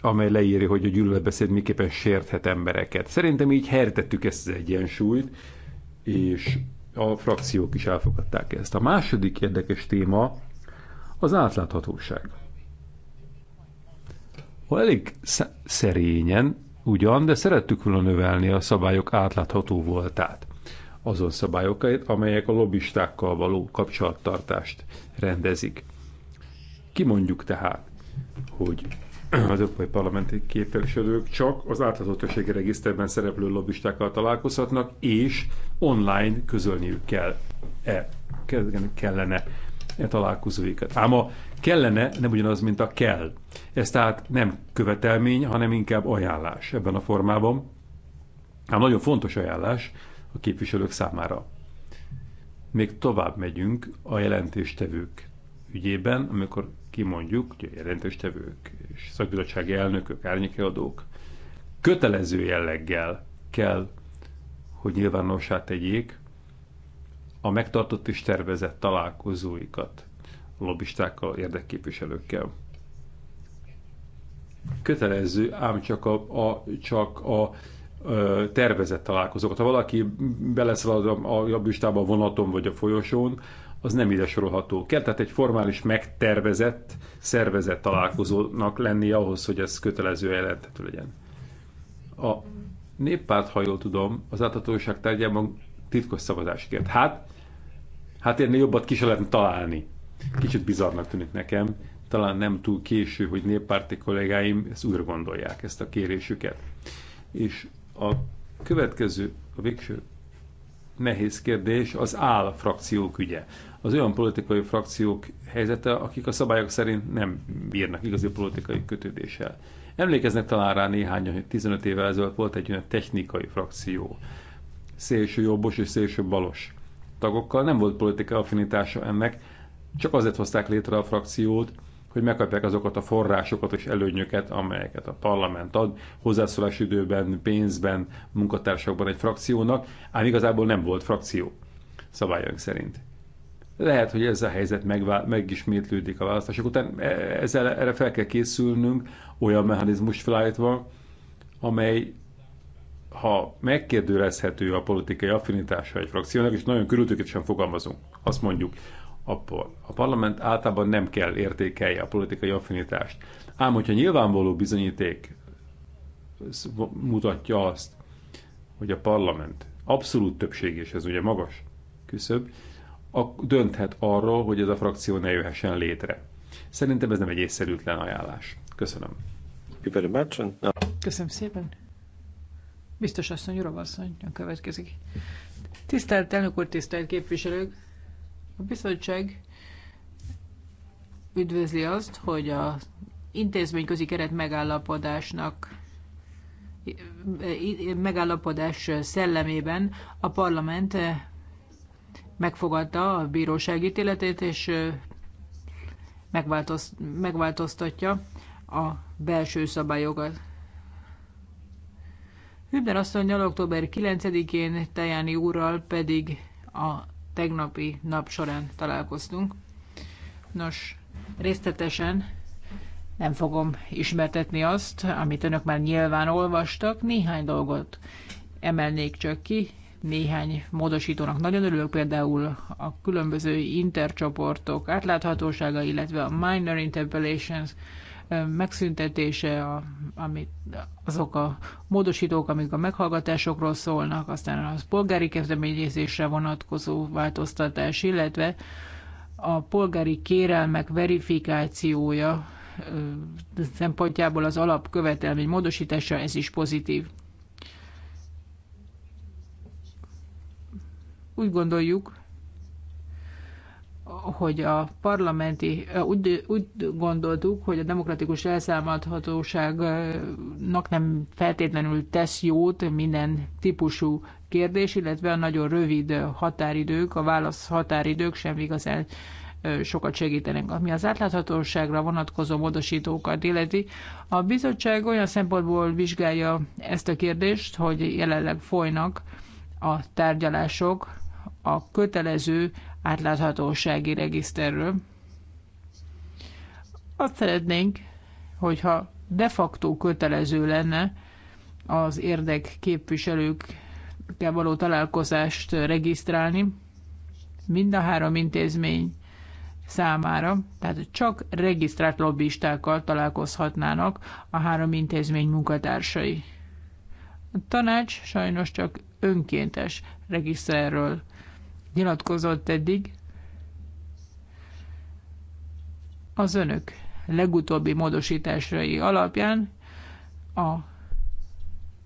amely leírja, hogy a gyűlöletbeszéd miképpen sérthet embereket. Szerintem így hertettük ezt az egyensúlyt, és a frakciók is elfogadták ezt. A második érdekes téma az átláthatóság elég szerényen, ugyan, de szerettük volna növelni a szabályok átlátható voltát. Azon szabályokat, amelyek a lobbistákkal való kapcsolattartást rendezik. Kimondjuk tehát, hogy az Európai Parlamenti képviselők csak az átláthatósági regiszterben szereplő lobbistákkal találkozhatnak, és online közölniük kell e, kellene e találkozóikat. Ám a kellene nem ugyanaz, mint a kell. Ez tehát nem követelmény, hanem inkább ajánlás ebben a formában. Ám nagyon fontos ajánlás a képviselők számára. Még tovább megyünk a jelentéstevők ügyében, amikor kimondjuk, hogy a jelentéstevők és szakbizottsági elnökök, árnyékeladók kötelező jelleggel kell, hogy nyilvánossá tegyék a megtartott és tervezett találkozóikat lobbistákkal, érdekképviselőkkel. Kötelező, ám csak a, a, csak a ö, tervezett találkozókat. Ha valaki beleszalad a, a jobbistába a vonaton vagy a folyosón, az nem ide sorolható. Kell tehát egy formális, megtervezett, szervezett találkozónak lenni ahhoz, hogy ez kötelező jelentető legyen. A néppárt, ha jól tudom, az áthatóság tárgyában titkos szavazásért. Hát, hát ennél jobbat ki se lehetne találni. Kicsit bizarnak tűnik nekem, talán nem túl késő, hogy néppárti kollégáim ezt újra gondolják, ezt a kérésüket. És a következő, a végső nehéz kérdés az áll frakciók ügye. Az olyan politikai frakciók helyzete, akik a szabályok szerint nem bírnak igazi politikai kötődéssel. Emlékeznek talán rá néhány, hogy 15 évvel ezelőtt volt egy olyan technikai frakció, szélső jobbos és szélső balos tagokkal, nem volt politikai affinitása ennek, csak azért hozták létre a frakciót, hogy megkapják azokat a forrásokat és előnyöket, amelyeket a parlament ad hozzászólás időben, pénzben, munkatársakban egy frakciónak, ám igazából nem volt frakció szabályok szerint. Lehet, hogy ez a helyzet megvá- megismétlődik a választások után, e- ezzel erre fel kell készülnünk, olyan mechanizmus felállítva, amely ha megkérdőrezhető a politikai affinitása egy frakciónak, és nagyon körültöket sem fogalmazunk, azt mondjuk, a parlament általában nem kell értékelje a politikai affinitást. Ám hogyha nyilvánvaló bizonyíték mutatja azt, hogy a parlament abszolút többség, és ez ugye magas küszöb, a, dönthet arról, hogy ez a frakció ne jöhessen létre. Szerintem ez nem egy észszerűtlen ajánlás. Köszönöm. Köszönöm szépen. Biztos asszony, Jurov asszony, következik. Tisztelt elnök úr, tisztelt képviselők! A bizottság üdvözli azt, hogy a intézményközi keret megállapodásnak megállapodás szellemében a parlament megfogadta a bíróság ítéletét, és megváltoztatja a belső szabályokat. Hübner asszonynal október 9-én Tajani úrral pedig a tegnapi nap során találkoztunk. Nos, részletesen nem fogom ismertetni azt, amit önök már nyilván olvastak, néhány dolgot emelnék csak ki, néhány módosítónak nagyon örülök, például a különböző intercsoportok átláthatósága, illetve a minor interpellations, megszüntetése, amit azok a módosítók, amik a meghallgatásokról szólnak, aztán az polgári kezdeményezésre vonatkozó változtatás, illetve a polgári kérelmek verifikációja szempontjából az alapkövetelmény módosítása, ez is pozitív. Úgy gondoljuk, hogy a parlamenti, úgy, úgy gondoltuk, hogy a demokratikus elszámadhatóságnak nem feltétlenül tesz jót minden típusú kérdés, illetve a nagyon rövid határidők, a válasz határidők sem igazán sokat segítenek. Ami az átláthatóságra vonatkozó módosítókat illeti, a bizottság olyan szempontból vizsgálja ezt a kérdést, hogy jelenleg folynak a tárgyalások a kötelező átláthatósági regiszterről. Azt szeretnénk, hogyha de facto kötelező lenne az érdek képviselőkkel való találkozást regisztrálni mind a három intézmény számára, tehát csak regisztrált lobbistákkal találkozhatnának a három intézmény munkatársai. A tanács sajnos csak önkéntes regiszterről nyilatkozott eddig, az önök legutóbbi módosításai alapján a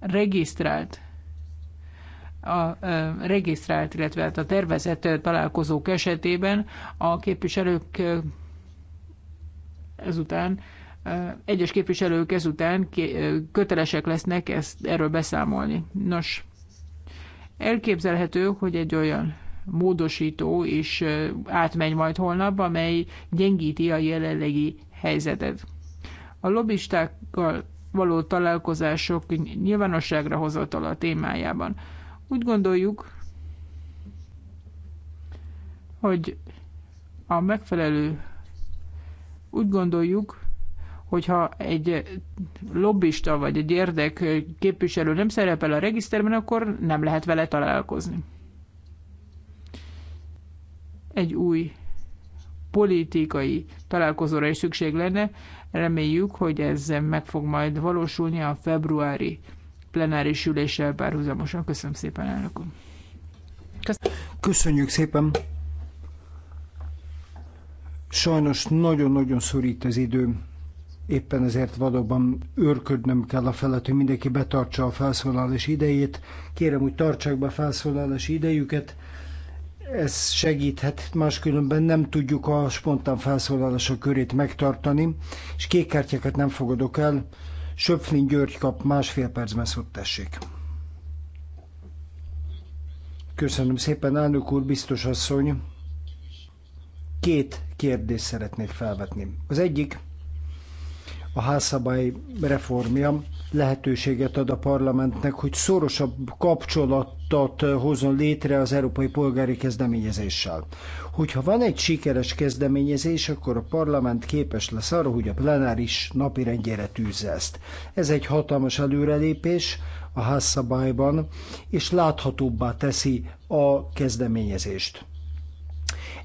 regisztrált a regisztrált, illetve hát a tervezett találkozók esetében a képviselők ezután egyes képviselők ezután kötelesek lesznek ezt, erről beszámolni. Nos, elképzelhető, hogy egy olyan módosító is átmegy majd holnap, amely gyengíti a jelenlegi helyzetet. A lobbistákkal való találkozások nyilvánosságra hozatala témájában. Úgy gondoljuk, hogy a megfelelő úgy gondoljuk, hogyha egy lobbista vagy egy érdek képviselő nem szerepel a regiszterben, akkor nem lehet vele találkozni egy új politikai találkozóra is szükség lenne. Reméljük, hogy ez meg fog majd valósulni a februári plenáris üléssel párhuzamosan. Köszönöm szépen, elnök úr. Köszönjük szépen. Sajnos nagyon-nagyon szorít az idő. Éppen ezért valóban őrködnöm kell a felett, hogy mindenki betartsa a felszólalás idejét. Kérem, hogy tartsák be a felszólalás idejüket ez segíthet, máskülönben nem tudjuk a spontán felszólalások körét megtartani, és kék kártyákat nem fogadok el. Söpflin György kap másfél percben szót tessék. Köszönöm szépen, elnök úr, biztos asszony. Két kérdést szeretnék felvetni. Az egyik a házszabály reformja, lehetőséget ad a parlamentnek, hogy szorosabb kapcsolatot hozzon létre az európai polgári kezdeményezéssel. Hogyha van egy sikeres kezdeményezés, akkor a parlament képes lesz arra, hogy a plenáris napi rendjére tűzze ezt. Ez egy hatalmas előrelépés a házszabályban, és láthatóbbá teszi a kezdeményezést.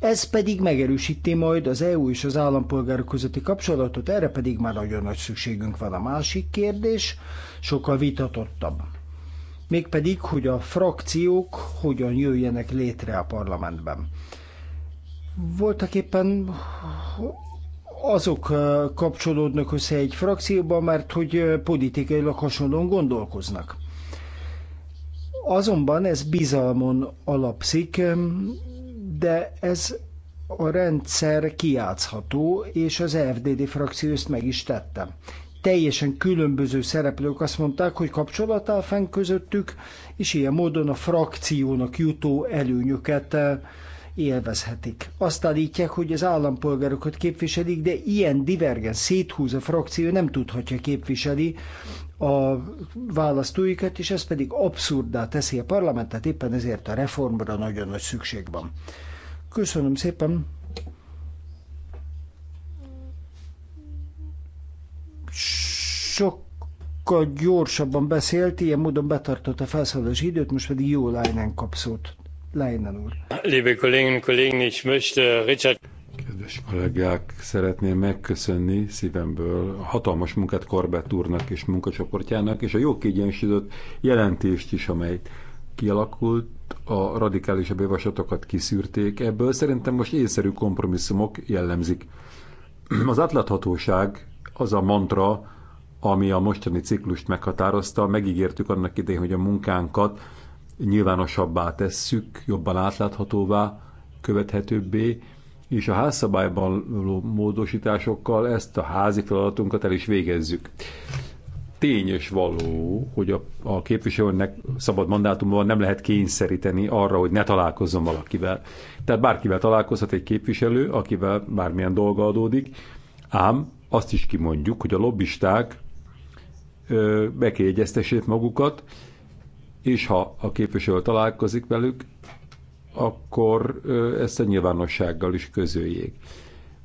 Ez pedig megerősíti majd az EU és az állampolgárok közötti kapcsolatot, erre pedig már nagyon nagy szükségünk van. A másik kérdés sokkal vitatottabb. Mégpedig, hogy a frakciók hogyan jöjjenek létre a parlamentben. Voltak éppen azok eh, kapcsolódnak össze egy frakcióba, mert hogy eh, politikailag hasonlóan gondolkoznak. Azonban ez bizalmon alapszik, de ez a rendszer kiátszható, és az FDD frakció ezt meg is tettem. Teljesen különböző szereplők azt mondták, hogy kapcsolat áll fenn közöttük, és ilyen módon a frakciónak jutó előnyöket eh, élvezhetik. Azt állítják, hogy az állampolgárokat képviselik, de ilyen divergen széthúz a frakció, nem tudhatja képviseli a választóikat, és ez pedig abszurdá teszi a parlamentet, éppen ezért a reformra nagyon nagy szükség van. Köszönöm szépen! Sokkal gyorsabban beszélt, ilyen módon betartotta a felszólalási időt, most pedig jó Leinen kap szót. Leinen úr. Liebe Kolleginnen und Kollegen, ich möchte Richard Kedves kollégák, szeretném megköszönni szívemből a hatalmas munkát Korbett úrnak és munkacsoportjának, és a jó kiegyensúlyozott jelentést is, amely kialakult, a radikálisabb javaslatokat kiszűrték ebből. Szerintem most észszerű kompromisszumok jellemzik. Az átláthatóság az a mantra, ami a mostani ciklust meghatározta. Megígértük annak idején, hogy a munkánkat nyilvánosabbá tesszük, jobban átláthatóvá, követhetőbbé, és a házszabályban való módosításokkal ezt a házi feladatunkat el is végezzük. Tényes való, hogy a, a képviselőnek szabad mandátumban nem lehet kényszeríteni arra, hogy ne találkozzon valakivel. Tehát bárkivel találkozhat egy képviselő, akivel bármilyen dolga adódik, ám azt is kimondjuk, hogy a lobbisták bekiegyeztessék magukat, és ha a képviselő találkozik velük, akkor ezt a nyilvánossággal is közöljék.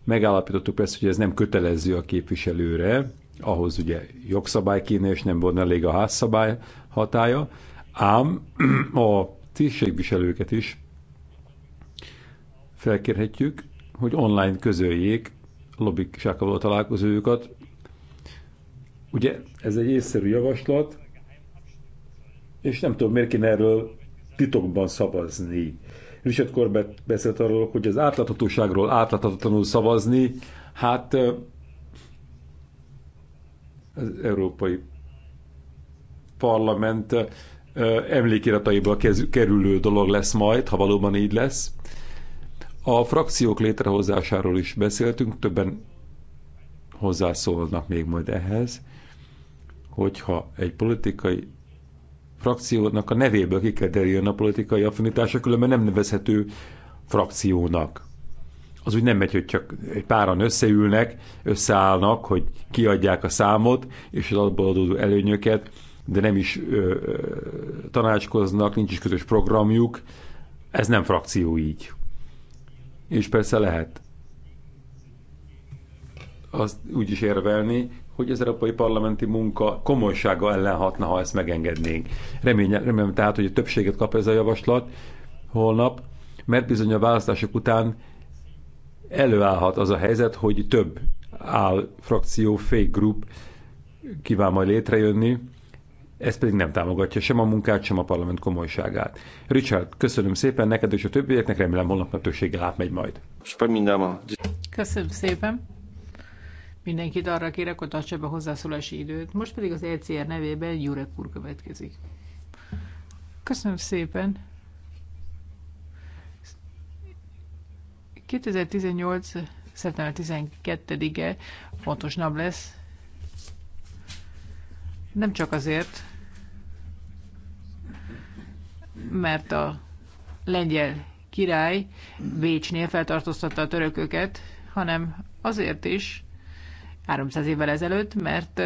Megállapítottuk persze, hogy ez nem kötelező a képviselőre, ahhoz ugye jogszabály kéne, és nem volna elég a házszabály hatája, ám a tisztségviselőket is felkérhetjük, hogy online közöljék a lobbiksákkal való találkozójukat. Ugye ez egy észszerű javaslat, és nem tudom, miért kéne erről titokban szavazni. Richard Corbett beszélt arról, hogy az átláthatóságról átláthatatlanul szavazni, hát az Európai Parlament emlékirataiba kerülő dolog lesz majd, ha valóban így lesz. A frakciók létrehozásáról is beszéltünk, többen hozzászólnak még majd ehhez, hogyha egy politikai frakciónak a nevéből ki kell derüljön a politikai affinitása, különben nem nevezhető frakciónak. Az úgy nem megy, hogy csak egy páran összeülnek, összeállnak, hogy kiadják a számot, és az abból adódó előnyöket, de nem is ö, ö, tanácskoznak, nincs is közös programjuk. Ez nem frakció így. És persze lehet azt úgy is érvelni, hogy az európai parlamenti munka komolysága ellen hatna, ha ezt megengednénk. Remélem, remélem tehát, hogy a többséget kap ez a javaslat holnap, mert bizony a választások után előállhat az a helyzet, hogy több áll frakció, fake group kíván majd létrejönni, ez pedig nem támogatja sem a munkát, sem a parlament komolyságát. Richard, köszönöm szépen neked és a többieknek, remélem holnap többséggel átmegy majd. Köszönöm szépen. Mindenkit arra kérek, hogy tartsa be hozzászólási időt. Most pedig az ECR nevében Jurek úr következik. Köszönöm szépen! 2018. szeptember 12-e fontos nap lesz. Nem csak azért, mert a lengyel király Bécsnél feltartóztatta a törököket, hanem azért is, 300 évvel ezelőtt, mert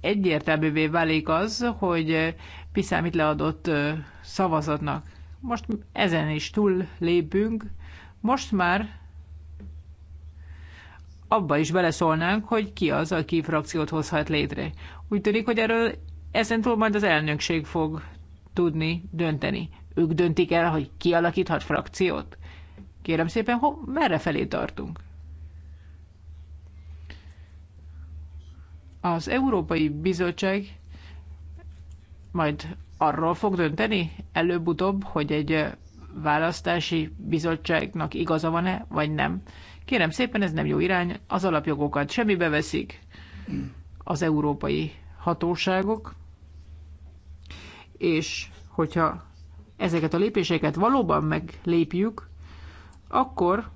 egyértelművé válik az, hogy mi leadott szavazatnak. Most ezen is túl lépünk. Most már abba is beleszólnánk, hogy ki az, aki frakciót hozhat létre. Úgy tűnik, hogy erről ezen túl majd az elnökség fog tudni dönteni. Ők döntik el, hogy ki alakíthat frakciót. Kérem szépen, ho, merre felé tartunk? Az Európai Bizottság majd arról fog dönteni előbb-utóbb, hogy egy választási bizottságnak igaza van-e, vagy nem. Kérem szépen, ez nem jó irány, az alapjogokat semmibe veszik az európai hatóságok, és hogyha ezeket a lépéseket valóban meglépjük, akkor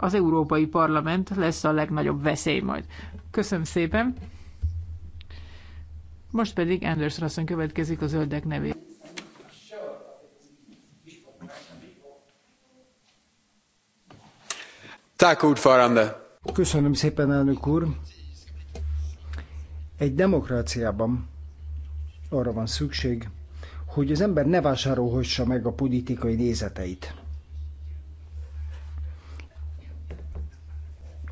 az Európai Parlament lesz a legnagyobb veszély majd. Köszönöm szépen! Most pedig Anders Rasson következik a zöldek nevé. Köszönöm szépen, elnök úr! Egy demokráciában arra van szükség, hogy az ember ne vásárolhassa meg a politikai nézeteit.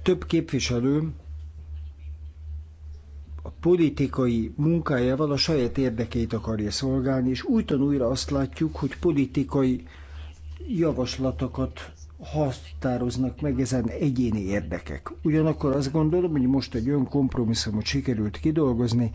Több képviselő a politikai munkájával a saját érdekeit akarja szolgálni, és újtan újra azt látjuk, hogy politikai javaslatokat határoznak meg ezen egyéni érdekek. Ugyanakkor azt gondolom, hogy most egy olyan kompromisszumot sikerült kidolgozni,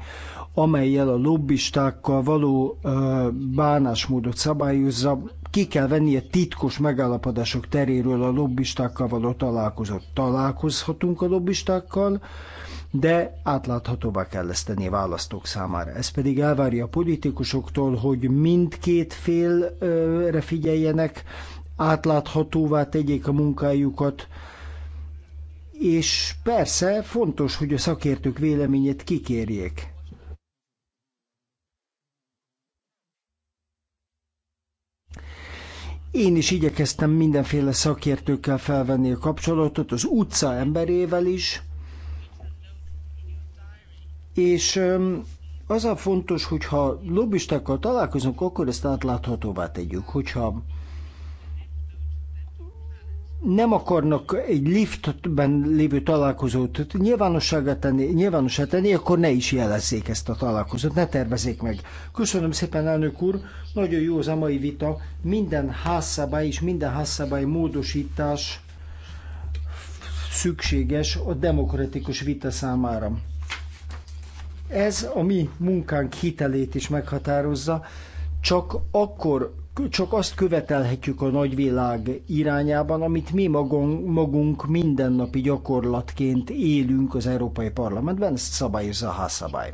amelyel a lobbistákkal való ö, bánásmódot szabályozza, ki kell vennie titkos megállapodások teréről a lobbistákkal való találkozót. Találkozhatunk a lobbistákkal, de átláthatóvá kell ezt tenni a választók számára. Ez pedig elvárja a politikusoktól, hogy mindkét félre figyeljenek, átláthatóvá tegyék a munkájukat, és persze fontos, hogy a szakértők véleményét kikérjék. Én is igyekeztem mindenféle szakértőkkel felvenni a kapcsolatot, az utca emberével is, és az a fontos, hogyha lobbistákkal találkozunk, akkor ezt átláthatóvá tegyük. Hogyha nem akarnak egy liftben lévő találkozót nyilvánosságra tenni, nyilvánossá tenni, akkor ne is jelezzék ezt a találkozót, ne tervezzék meg. Köszönöm szépen, elnök úr, nagyon jó az a mai vita, minden házszabály és minden házszabály módosítás szükséges a demokratikus vita számára. Ez a mi munkánk hitelét is meghatározza, csak akkor csak azt követelhetjük a nagyvilág irányában, amit mi magunk, magunk mindennapi gyakorlatként élünk az Európai Parlamentben, ezt szabályozza a házszabály.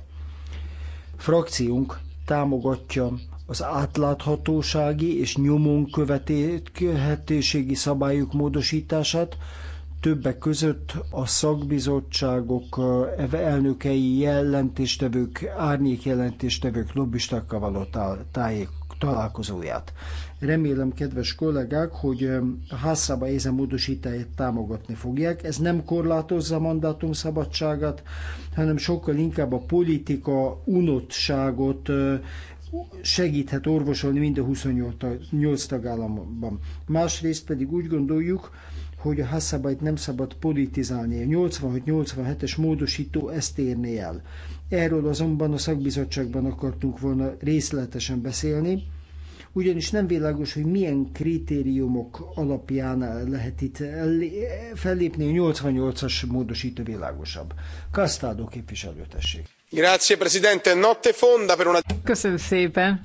Frakciunk támogatja az átláthatósági és nyomon követhetőségi szabályok módosítását, többek között a szakbizottságok eh, elnökei jelentéstevők, árnyék jelentéstevők lobbistákkal való táj találkozóját. Remélem, kedves kollégák, hogy a házszába ézen módosítáját támogatni fogják. Ez nem korlátozza a mandátum szabadságát, hanem sokkal inkább a politika unottságot segíthet orvosolni mind a 28 tagállamban. Másrészt pedig úgy gondoljuk, hogy a Hasszabályt nem szabad politizálni. A 86-87-es módosító ezt érné el. Erről azonban a szakbizottságban akartunk volna részletesen beszélni, ugyanis nem világos, hogy milyen kritériumok alapján lehet itt fellépni, a 88-as módosító világosabb. Kasztádó képviselő, tessék. Grazie, Presidente. Notte fonda per una... Köszönöm szépen.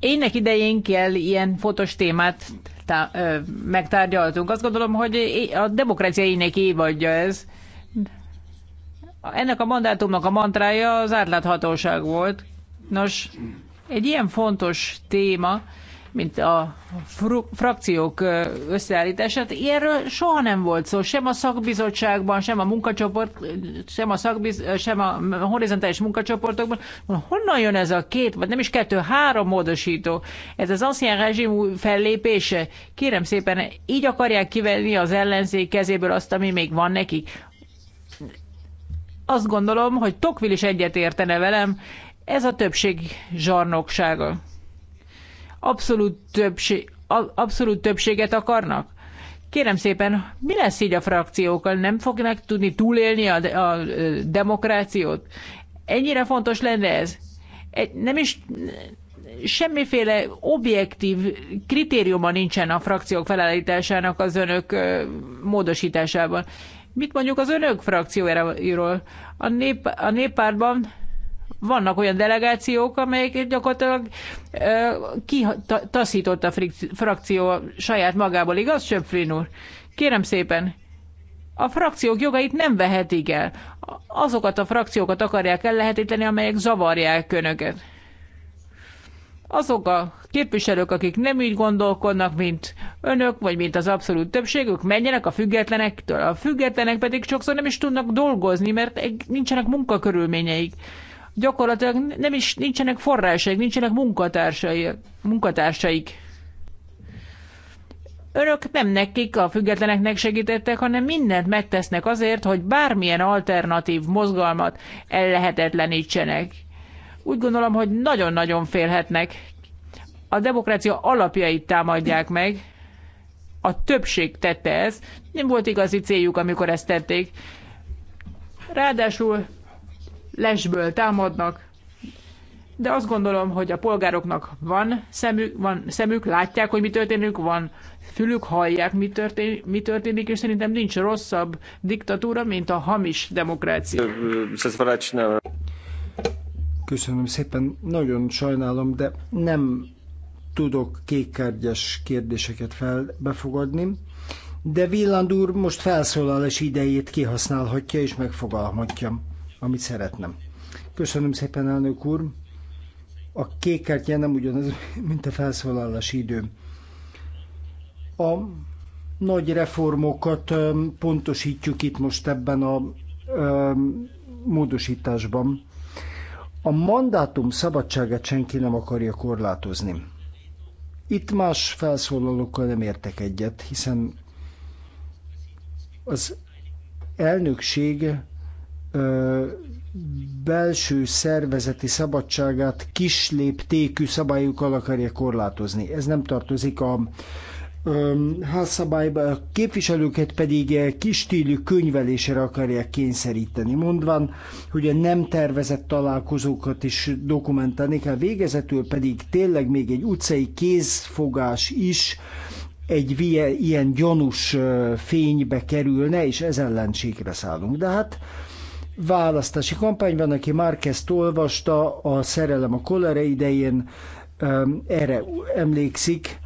Ének idején kell ilyen fontos témát tá- ö, megtárgyaltunk. Azt gondolom, hogy a demokrácia ének évadja ez. Ennek a mandátumnak a mantrája az átláthatóság volt. Nos, egy ilyen fontos téma, mint a frakciók összeállítását. Ilyenről soha nem volt szó, sem a szakbizottságban, sem a munkacsoport, sem a, szakbiz, sem a horizontális munkacsoportokban. Honnan jön ez a két, vagy nem is kettő, három módosító? Ez az ancien rezsim fellépése? Kérem szépen, így akarják kivenni az ellenzék kezéből azt, ami még van nekik? Azt gondolom, hogy Tokvil is egyetértene velem, ez a többség zsarnoksága abszolút, többség, abszolút többséget akarnak? Kérem szépen, mi lesz így a frakciókkal? Nem fognak tudni túlélni a, a demokrációt? Ennyire fontos lenne ez? Egy, nem is semmiféle objektív kritériuma nincsen a frakciók felállításának az önök módosításában. Mit mondjuk az önök frakciójáról? A, nép, a néppártban vannak olyan delegációk, amelyek gyakorlatilag kitaszított a frakció saját magából, igaz, Söpfrin úr? Kérem szépen, a frakciók jogait nem vehetik el. Azokat a frakciókat akarják ellehetetleníteni, amelyek zavarják önöket. Azok a képviselők, akik nem úgy gondolkodnak, mint önök, vagy mint az abszolút többségük, menjenek a függetlenektől. A függetlenek pedig sokszor nem is tudnak dolgozni, mert nincsenek munkakörülményeik gyakorlatilag nem is nincsenek forrásaik, nincsenek munkatársai, munkatársaik. Önök nem nekik, a függetleneknek segítettek, hanem mindent megtesznek azért, hogy bármilyen alternatív mozgalmat ellehetetlenítsenek. Úgy gondolom, hogy nagyon-nagyon félhetnek. A demokrácia alapjait támadják meg. A többség tette ezt. Nem volt igazi céljuk, amikor ezt tették. Ráadásul lesből támadnak, de azt gondolom, hogy a polgároknak van szemük, van szemük, látják, hogy mi történik, van fülük, hallják, mi, történik, mi történik, és szerintem nincs rosszabb diktatúra, mint a hamis demokrácia. Köszönöm szépen, nagyon sajnálom, de nem tudok kékkárgyas kérdéseket fel, befogadni, de Villand úr most felszólalás idejét kihasználhatja és megfogalmatja amit szeretnem. Köszönöm szépen, elnök úr. A kék kártya nem ugyanaz, mint a felszólalási idő. A nagy reformokat pontosítjuk itt most ebben a módosításban. A mandátum szabadságát senki nem akarja korlátozni. Itt más felszólalókkal nem értek egyet, hiszen az elnökség belső szervezeti szabadságát kis léptékű szabályokkal akarja korlátozni. Ez nem tartozik a házszabályba, a képviselőket pedig kis stílű könyvelésre akarják kényszeríteni, mondván, hogy a nem tervezett találkozókat is dokumentálni kell, végezetül pedig tényleg még egy utcai kézfogás is egy ilyen gyanús fénybe kerülne, és ez ellenségre szállunk. De hát választási kampányban, aki Márkezt olvasta a Szerelem a kolere idején, erre emlékszik,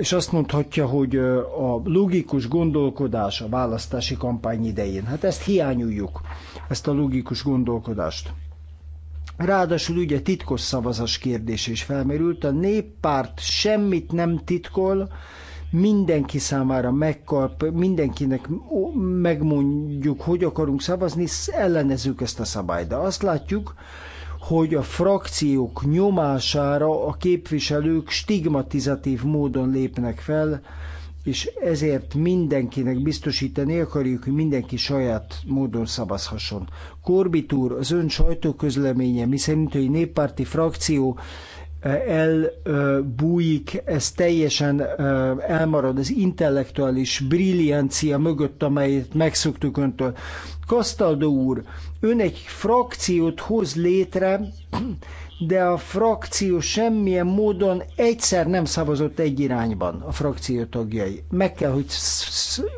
és azt mondhatja, hogy a logikus gondolkodás a választási kampány idején. Hát ezt hiányoljuk, ezt a logikus gondolkodást. Ráadásul ugye titkos szavazás kérdés is felmerült, a néppárt semmit nem titkol, mindenki számára megkap, mindenkinek megmondjuk, hogy akarunk szavazni, ellenezzük ezt a szabályt. De azt látjuk, hogy a frakciók nyomására a képviselők stigmatizatív módon lépnek fel, és ezért mindenkinek biztosítani akarjuk, hogy mindenki saját módon szavazhasson. Korbit úr, az ön sajtóközleménye, szerint, hogy néppárti frakció elbújik, ez teljesen elmarad az intellektuális brilliancia mögött, amelyet megszoktuk öntől. Kasztaldó úr, ön egy frakciót hoz létre, de a frakció semmilyen módon egyszer nem szavazott egy irányban a frakció tagjai. Meg kell, hogy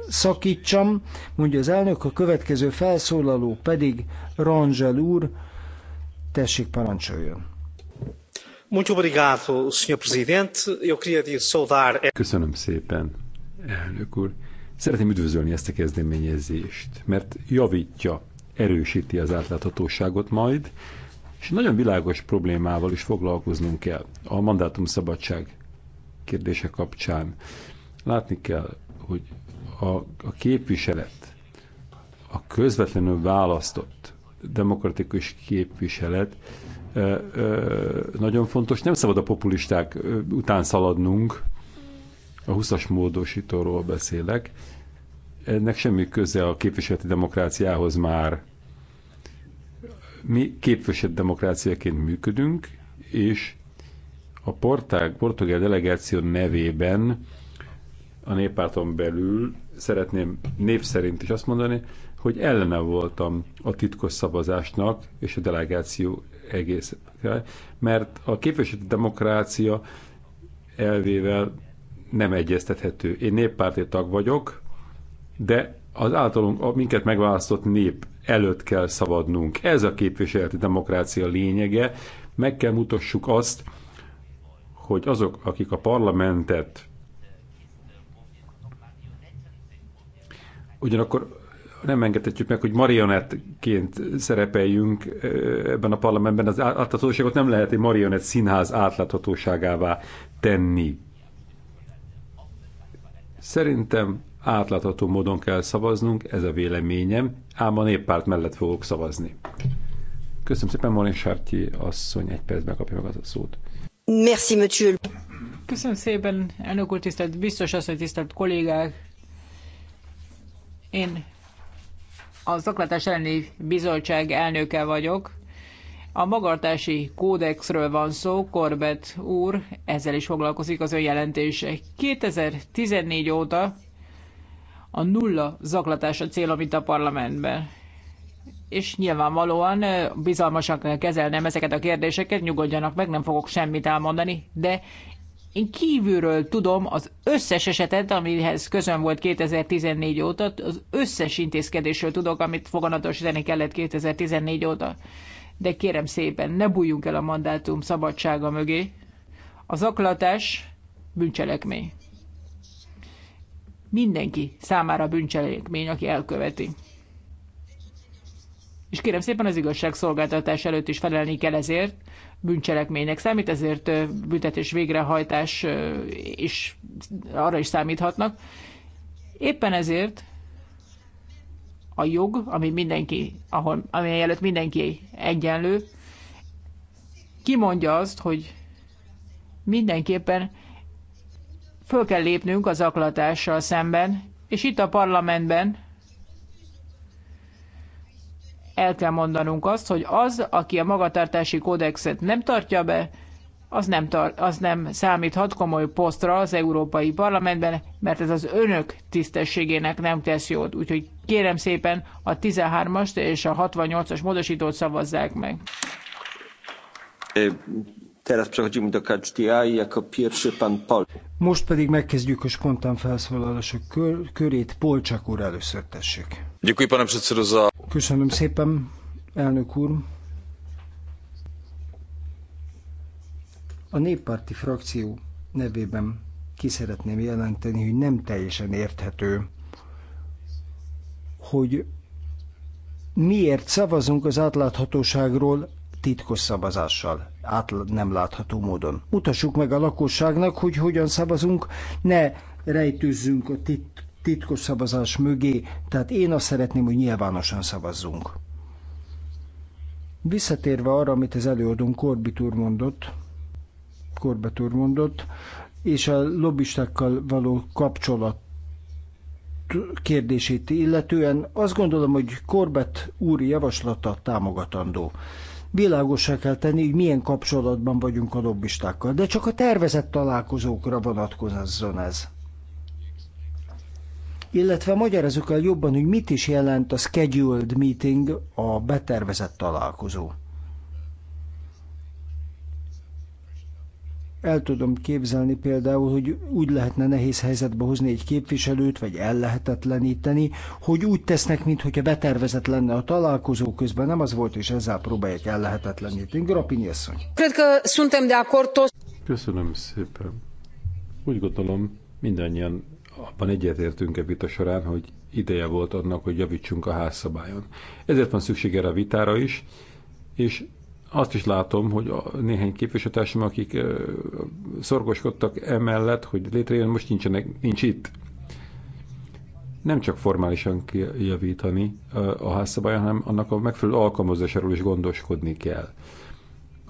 szakítsam, mondja az elnök, a következő felszólaló pedig Rangel úr, tessék parancsoljon. Köszönöm szépen, elnök úr. Szeretném üdvözölni ezt a kezdeményezést, mert javítja, erősíti az átláthatóságot majd, és nagyon világos problémával is foglalkoznunk kell a mandátum szabadság kérdése kapcsán. Látni kell, hogy a, a képviselet, a közvetlenül választott demokratikus képviselet nagyon fontos. Nem szabad a populisták után szaladnunk, a 20-as módosítóról beszélek. Ennek semmi köze a képviseleti demokráciához már. Mi képviseleti demokráciaként működünk, és a portág portugál delegáció nevében a néppárton belül szeretném név szerint is azt mondani, hogy ellene voltam a titkos szavazásnak és a delegáció egész, mert a képviselő demokrácia elvével nem egyeztethető. Én néppárti tag vagyok, de az általunk a minket megválasztott nép előtt kell szabadnunk. Ez a képviseleti demokrácia lényege. Meg kell mutassuk azt, hogy azok, akik a parlamentet ugyanakkor nem engedhetjük meg, hogy marionettként szerepeljünk ebben a parlamentben. Az átláthatóságot nem lehet egy marionett színház átláthatóságává tenni. Szerintem átlátható módon kell szavaznunk, ez a véleményem, ám a néppárt mellett fogok szavazni. Köszönöm szépen, Marin Sárti asszony egy percben kapja meg az a szót. Merci, monsieur. Köszönöm szépen, elnök úr, tisztelt biztos asszony, tisztelt kollégák. Én a zaklatás elleni bizottság elnöke vagyok. A magartási kódexről van szó, Korbett úr ezzel is foglalkozik az ő jelentése. 2014 óta a nulla zaklatás a cél, amit a parlamentben. És nyilvánvalóan bizalmasan kell kezelnem ezeket a kérdéseket, nyugodjanak meg, nem fogok semmit elmondani, de én kívülről tudom az összes esetet, amihez közön volt 2014 óta, az összes intézkedésről tudok, amit foganatosítani kellett 2014 óta. De kérem szépen, ne bújjunk el a mandátum szabadsága mögé. A zaklatás bűncselekmény. Mindenki számára bűncselekmény, aki elköveti. És kérem szépen az igazságszolgáltatás előtt is felelni kell ezért, bűncselekménynek számít, ezért büntetés végrehajtás is arra is számíthatnak. Éppen ezért a jog, ami mindenki, ahol, ami előtt mindenki egyenlő, kimondja azt, hogy mindenképpen föl kell lépnünk az aklatással szemben, és itt a parlamentben el kell mondanunk azt, hogy az, aki a magatartási kódexet nem tartja be, az nem, tar- az nem számíthat komoly posztra az Európai Parlamentben, mert ez az önök tisztességének nem tesz jót. Úgyhogy kérem szépen a 13 as és a 68-as módosítót szavazzák meg. E, teraz pan Pol. Most pedig megkezdjük a spontán felszólalások kör, körét. Polcsak úr először tessék. Köszönöm szépen, elnök úr. A néppárti frakció nevében ki szeretném jelenteni, hogy nem teljesen érthető, hogy miért szavazunk az átláthatóságról titkos szavazással, át nem látható módon. Mutassuk meg a lakosságnak, hogy hogyan szavazunk, ne rejtőzzünk a titkos titkos szavazás mögé, tehát én azt szeretném, hogy nyilvánosan szavazzunk. Visszatérve arra, amit az előadón Korbit úr mondott, Korbet úr mondott, és a lobbistákkal való kapcsolat kérdését illetően azt gondolom, hogy korbet úr javaslata támogatandó. Világosra kell tenni, hogy milyen kapcsolatban vagyunk a lobbistákkal, de csak a tervezett találkozókra vonatkozzon ez illetve magyarázok el jobban, hogy mit is jelent a scheduled meeting, a betervezett találkozó. El tudom képzelni például, hogy úgy lehetne nehéz helyzetbe hozni egy képviselőt, vagy ellehetetleníteni, hogy úgy tesznek, mintha betervezett lenne a találkozó közben, nem az volt, és ezzel próbálják ellehetetleníteni. Grapini asszony. Köszönöm szépen. Úgy gondolom, mindannyian abban egyetértünk-e vita során, hogy ideje volt annak, hogy javítsunk a házszabályon. Ezért van szükség erre a vitára is, és azt is látom, hogy a néhány képviselőtársam, akik szorgoskodtak emellett, hogy létrejön, most nincsenek, nincs itt. Nem csak formálisan javítani a házszabályon, hanem annak a megfelelő alkalmazásáról is gondoskodni kell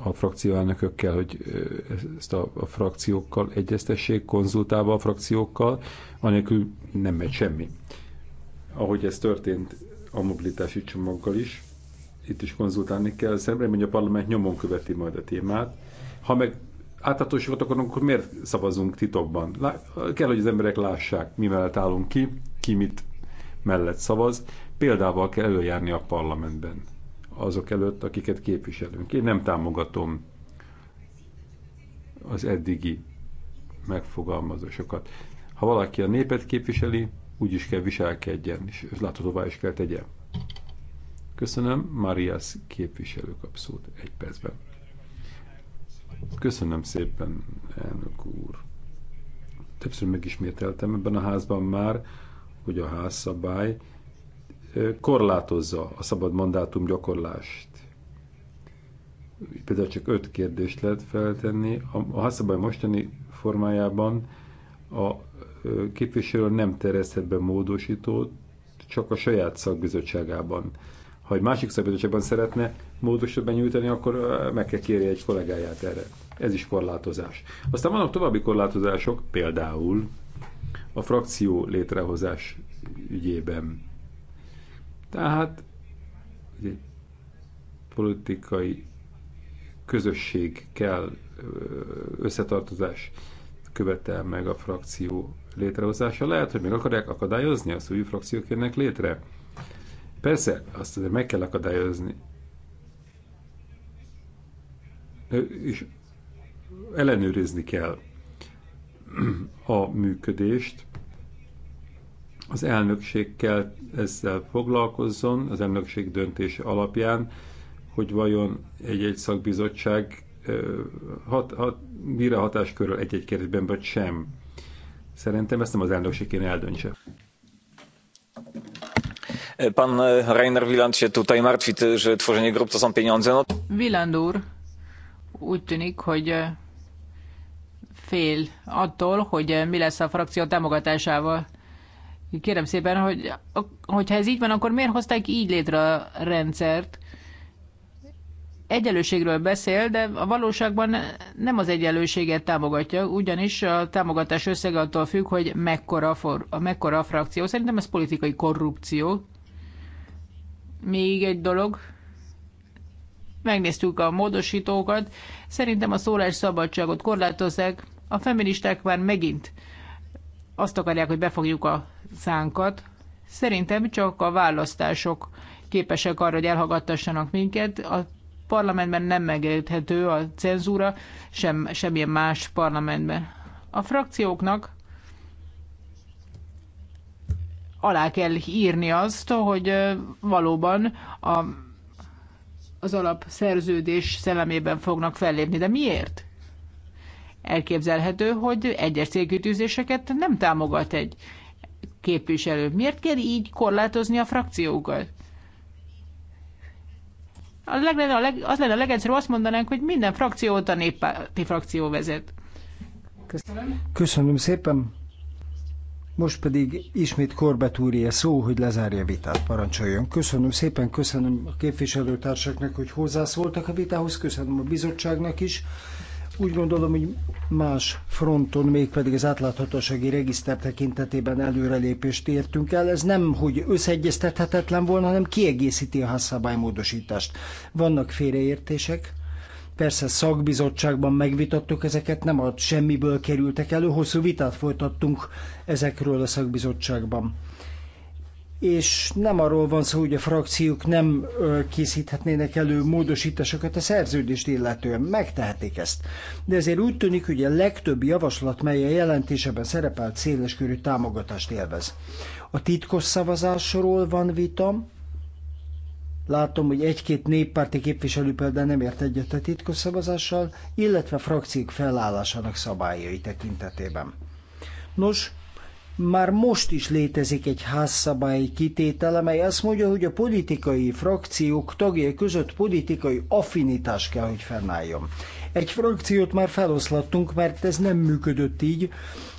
a frakcióelnökökkel, hogy ezt a, a frakciókkal egyeztessék, konzultálva a frakciókkal, anélkül nem megy semmi. Ahogy ez történt a mobilitási csomaggal is, itt is konzultálni kell, szemben, hogy a parlament nyomon követi majd a témát. Ha meg áthatósítót akkor akkor miért szavazunk titokban? Lá- kell, hogy az emberek lássák, mi mellett állunk ki, ki mit mellett szavaz. Példával kell előjárni a parlamentben azok előtt, akiket képviselünk. Én nem támogatom az eddigi megfogalmazásokat. Ha valaki a népet képviseli, úgy is kell viselkedjen, és láthatóvá is kell tegye. Köszönöm, Marias képviselő kap szót egy percben. Köszönöm szépen, elnök úr. Többször megismételtem ebben a házban már, hogy a házszabály korlátozza a szabad mandátum gyakorlást. Például csak öt kérdést lehet feltenni. A házszabály mostani formájában a képviselő nem terezhet be módosítót, csak a saját szakbizottságában. Ha egy másik szakbizottságban szeretne módosítót benyújtani, akkor meg kell kérje egy kollégáját erre. Ez is korlátozás. Aztán vannak további korlátozások, például a frakció létrehozás ügyében tehát ugye, egy politikai közösség kell, összetartozás követel meg a frakció létrehozása. Lehet, hogy meg akarják akadályozni azt, hogy új frakciók jönnek létre. Persze, azt azért meg kell akadályozni. És ellenőrizni kell a működést, az elnökség kell ezzel foglalkozzon, az elnökség döntése alapján, hogy vajon egy-egy szakbizottság hat, hat, mire hatáskörül egy-egy kérdésben, vagy sem. Szerintem ezt nem az elnökség kéne eldöntse. Pan Rainer Wieland się tutaj martwi, że tworzenie grup to są pieniądze. No. Wieland úr úgy tűnik, hogy fél attól, hogy mi lesz a frakció támogatásával. Kérem szépen, hogy hogyha ez így van, akkor miért hozták így létre a rendszert? Egyenlőségről beszél, de a valóságban nem az egyenlőséget támogatja, ugyanis a támogatás összege attól függ, hogy mekkora, for, a mekkora a frakció. Szerintem ez politikai korrupció. Még egy dolog, megnéztük a módosítókat, szerintem a szólásszabadságot korlátozzák, a feministák már megint azt akarják, hogy befogjuk a szánkat. Szerintem csak a választások képesek arra, hogy elhallgattassanak minket. A parlamentben nem megérthető a cenzúra, sem, semmilyen más parlamentben. A frakcióknak alá kell írni azt, hogy valóban a, az alapszerződés szellemében fognak fellépni. De miért? Elképzelhető, hogy egyes célkütőzéseket nem támogat egy képviselő. Miért kell így korlátozni a frakciókat? Az, leglenne a leg, az lenne a legegyszerűbb, azt mondanánk, hogy minden frakciót a néppárti frakció vezet. Köszönöm. Köszönöm szépen. Most pedig ismét Korbet úré szó, hogy lezárja a vitát, parancsoljon. Köszönöm szépen, köszönöm a képviselőtársaknak, hogy hozzászóltak a vitához, köszönöm a bizottságnak is, úgy gondolom, hogy más fronton, mégpedig az átláthatósági regiszter tekintetében előrelépést értünk el. Ez nem, hogy összeegyeztethetetlen volna, hanem kiegészíti a házszabálymódosítást. Vannak félreértések, Persze szakbizottságban megvitattuk ezeket, nem ad semmiből kerültek elő, hosszú vitát folytattunk ezekről a szakbizottságban és nem arról van szó, hogy a frakciók nem készíthetnének elő módosításokat a szerződést illetően, megtehetik ezt. De ezért úgy tűnik, hogy a legtöbb javaslat, mely a jelentéseben szerepelt széleskörű támogatást élvez. A titkos szavazásról van vita, Látom, hogy egy-két néppárti képviselő például nem ért egyet a titkos szavazással, illetve frakciók felállásának szabályai tekintetében. Nos, már most is létezik egy házszabályi kitétel, amely azt mondja, hogy a politikai frakciók tagjai között politikai affinitás kell, hogy fennálljon. Egy frakciót már feloszlattunk, mert ez nem működött így.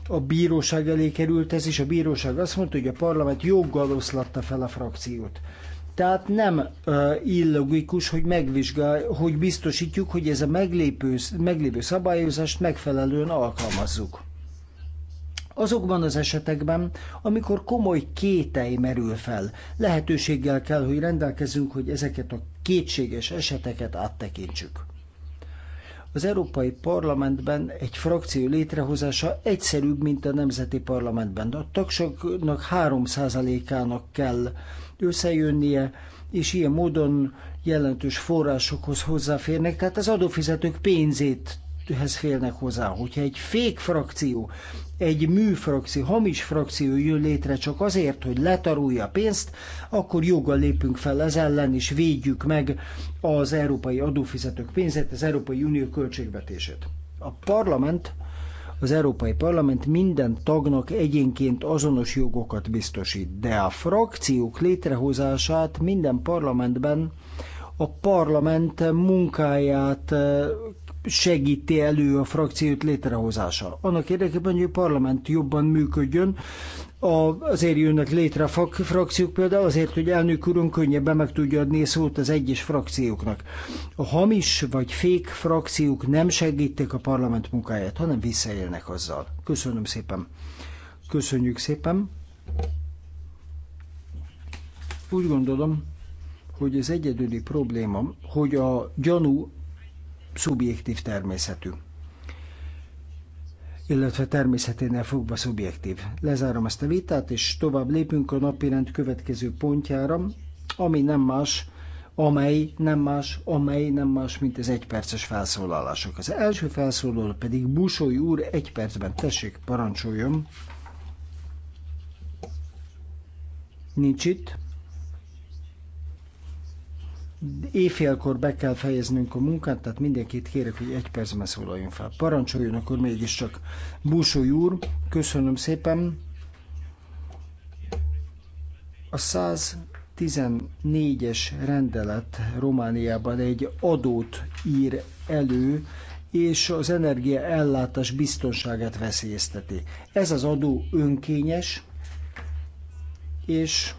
A bíróság elé került ez, és a bíróság azt mondta, hogy a parlament joggal oszlatta fel a frakciót. Tehát nem uh, illogikus, hogy megvizsgál, hogy biztosítjuk, hogy ez a meglépő, meglévő szabályozást megfelelően alkalmazzuk. Azokban az esetekben, amikor komoly kétej merül fel, lehetőséggel kell, hogy rendelkezünk, hogy ezeket a kétséges eseteket áttekintsük. Az Európai Parlamentben egy frakció létrehozása egyszerűbb, mint a Nemzeti Parlamentben. A tagsoknak 3%-ának kell összejönnie, és ilyen módon jelentős forrásokhoz hozzáférnek, tehát az adófizetők pénzét hez félnek hozzá. Hogyha egy fék frakció egy műfrakció, hamis frakció jön létre csak azért, hogy letarulja pénzt, akkor joggal lépünk fel ez ellen, és védjük meg az európai adófizetők pénzét, az Európai Unió költségvetését. A parlament, az Európai Parlament minden tagnak egyénként azonos jogokat biztosít, de a frakciók létrehozását minden parlamentben a parlament munkáját eh, segíti elő a frakciót létrehozása. Annak érdekében, hogy a parlament jobban működjön, a, azért jönnek létre a frakciók például, azért, hogy elnök úrunk könnyebben meg tudja adni szót az egyes frakcióknak. A hamis vagy fék frakciók nem segítik a parlament munkáját, hanem visszaélnek azzal. Köszönöm szépen. Köszönjük szépen. Úgy gondolom, hogy az egyedüli probléma, hogy a gyanú szubjektív természetű illetve természeténél fogva szubjektív. Lezárom ezt a vitát, és tovább lépünk a napirend következő pontjára, ami nem más, amely nem más, amely nem más, mint az egyperces felszólalások. Az első felszólaló pedig busói úr egy percben. Tessék, parancsoljon. Nincs itt éjfélkor be kell fejeznünk a munkát, tehát mindenkit kérek, hogy egy percben szólaljon fel. Parancsoljon akkor mégiscsak. Búsói úr, köszönöm szépen. A 114-es rendelet Romániában egy adót ír elő, és az energiaellátás biztonságát veszélyezteti. Ez az adó önkényes, és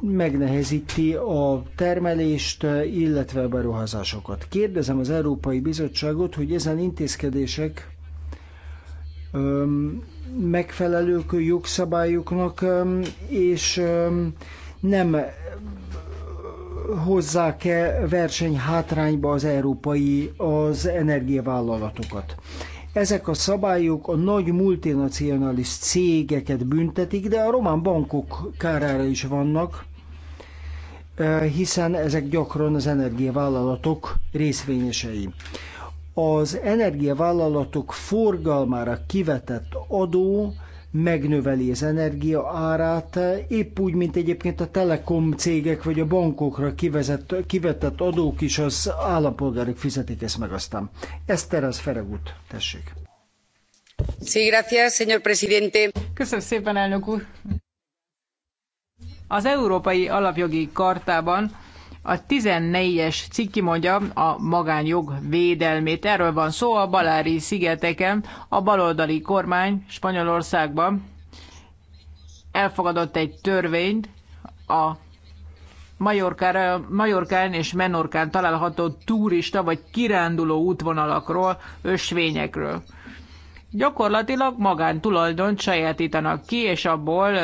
megnehezíti a termelést, illetve a beruházásokat. Kérdezem az Európai Bizottságot, hogy ezen intézkedések megfelelők jogszabályoknak, és nem hozzák-e versenyhátrányba az európai, az energiavállalatokat. Ezek a szabályok a nagy multinacionalis cégeket büntetik, de a román bankok kárára is vannak, eh, hiszen ezek gyakran az energiavállalatok részvényesei. Az energiavállalatok forgalmára kivetett adó megnöveli az energia árát, épp úgy, mint egyébként a telekom cégek vagy a bankokra kivezett, kivetett adók is az állampolgárok fizetik ezt meg aztán. Eszter az Feregut, tessék. Sí, gracias, señor presidente. Köszönöm szépen, elnök úr. Az Európai Alapjogi Kartában a 14-es cikk kimondja a magánjog védelmét. Erről van szó a Balári szigeteken. A baloldali kormány Spanyolországban elfogadott egy törvényt a Majorkán és Menorkán található turista vagy kiránduló útvonalakról, ösvényekről. Gyakorlatilag magántulajdon sajátítanak ki, és abból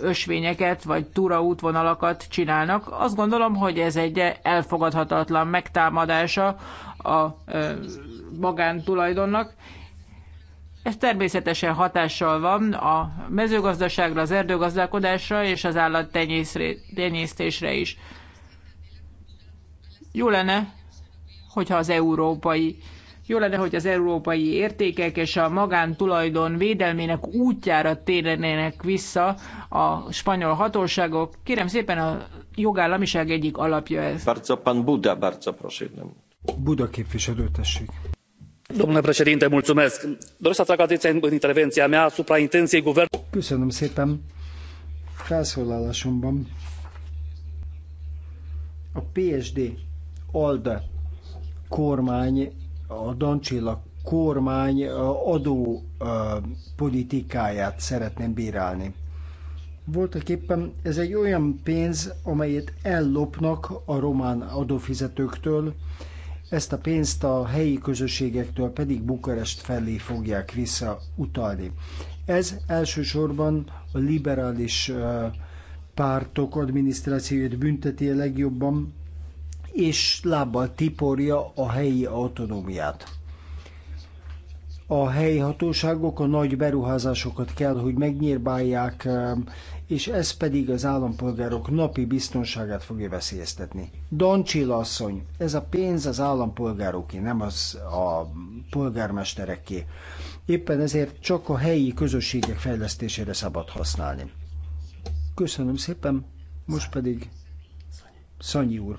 ösvényeket vagy túraútvonalakat csinálnak. Azt gondolom, hogy ez egy elfogadhatatlan megtámadása a magántulajdonnak. Ez természetesen hatással van a mezőgazdaságra, az erdőgazdálkodásra és az állattenyésztésre is. Jó lenne, hogyha az európai jó lenne, hogy az európai értékek és a magántulajdon védelmének útjára térnének vissza a spanyol hatóságok. Kérem szépen, a jogállamiság egyik alapja ez. Barca, pan Buda, bardzo prosím. Buda képviselő, tessék. Köszönöm szépen. Felszólalásomban a PSD ALDE kormány a Dancsilla kormány adó politikáját szeretném bírálni. Voltak éppen ez egy olyan pénz, amelyet ellopnak a román adófizetőktől, ezt a pénzt a helyi közösségektől pedig Bukarest felé fogják visszautalni. Ez elsősorban a liberális pártok adminisztrációját bünteti a legjobban, és lábbal tiporja a helyi autonómiát. A helyi hatóságok a nagy beruházásokat kell, hogy megnyírbálják, eh, és ez pedig az állampolgárok napi biztonságát fogja veszélyeztetni. Dancsila asszony, ez a pénz az állampolgároké, nem az a polgármestereké. Éppen ezért csak a helyi közösségek fejlesztésére szabad használni. Köszönöm szépen, most pedig Szanyi úr.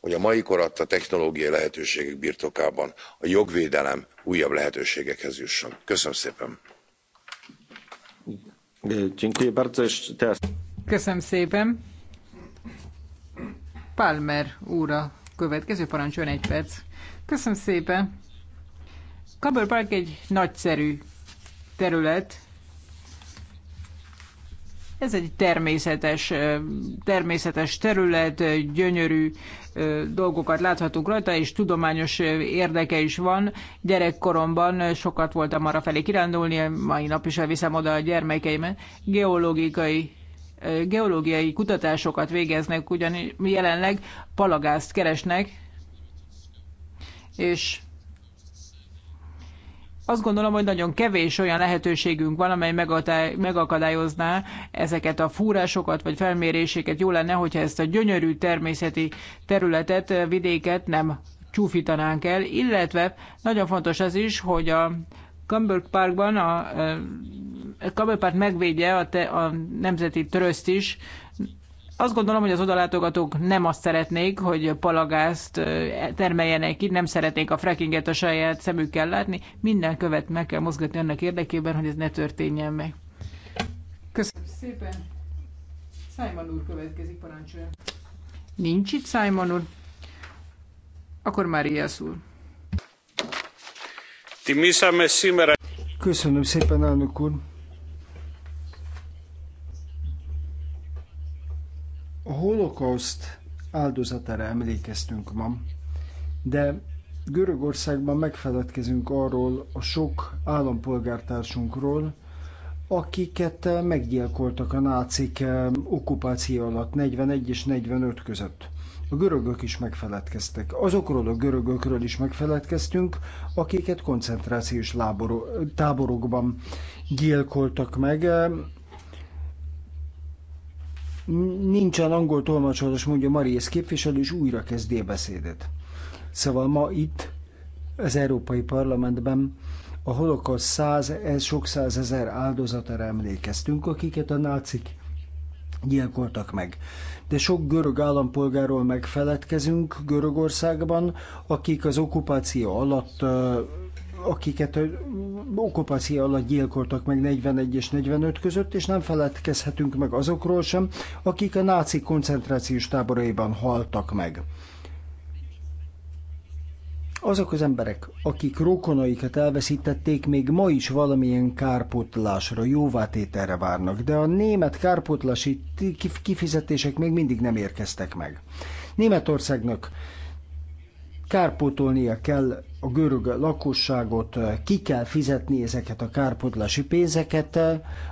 hogy a mai kor adta technológiai lehetőségek birtokában a jogvédelem újabb lehetőségekhez jusson. Köszönöm szépen! Köszönöm szépen! Palmer úr a következő parancsoljon egy perc. Köszönöm szépen! Kabel Park egy nagyszerű terület, ez egy természetes, természetes terület, gyönyörű dolgokat láthatunk rajta, és tudományos érdeke is van. Gyerekkoromban sokat voltam arra felé kirándulni, mai nap is elviszem oda a gyermekeimet. Geológikai geológiai kutatásokat végeznek, ugyanis jelenleg palagázt keresnek, és azt gondolom, hogy nagyon kevés olyan lehetőségünk van, amely megakadályozná ezeket a fúrásokat vagy felméréseket. Jó lenne, hogyha ezt a gyönyörű természeti területet, eh, vidéket nem csúfítanánk el, illetve nagyon fontos az is, hogy a Camberg Parkban a, a eh, Camberg Park megvédje a, te, a nemzeti tröszt is, azt gondolom, hogy az odalátogatók nem azt szeretnék, hogy palagázt termeljenek itt, nem szeretnék a frackinget a saját szemükkel látni. Minden követ meg kell mozgatni annak érdekében, hogy ez ne történjen meg. Köszönöm szépen. Simon úr következik, parancsolja. Nincs itt Simon úr. Akkor már úr. Köszönöm szépen, elnök úr. holokauszt áldozatára emlékeztünk ma, de Görögországban megfeledkezünk arról a sok állampolgártársunkról, akiket meggyilkoltak a nácik eh, okupáció alatt 41 és 45 között. A görögök is megfeledkeztek. Azokról a görögökről is megfeledkeztünk, akiket koncentrációs láborok, táborokban gyilkoltak meg, eh, nincsen angol tolmácsolás, mondja Mariész képviselő, és újra kezdi a beszédet. Szóval ma itt, az Európai Parlamentben a holokauszt száz, ez sok százezer áldozatára emlékeztünk, akiket a nácik gyilkoltak meg. De sok görög állampolgáról megfeledkezünk Görögországban, akik az okupáció alatt akiket okupáció alatt gyilkoltak meg 41 és 45 között, és nem feledkezhetünk meg azokról sem, akik a náci koncentrációs táboraiban haltak meg. Azok az emberek, akik rokonaikat elveszítették, még ma is valamilyen kárpótlásra, jóvátételre várnak, de a német kárpótlási kifizetések még mindig nem érkeztek meg. Németországnak kárpótolnia kell a görög lakosságot, ki kell fizetni ezeket a kárpótlási pénzeket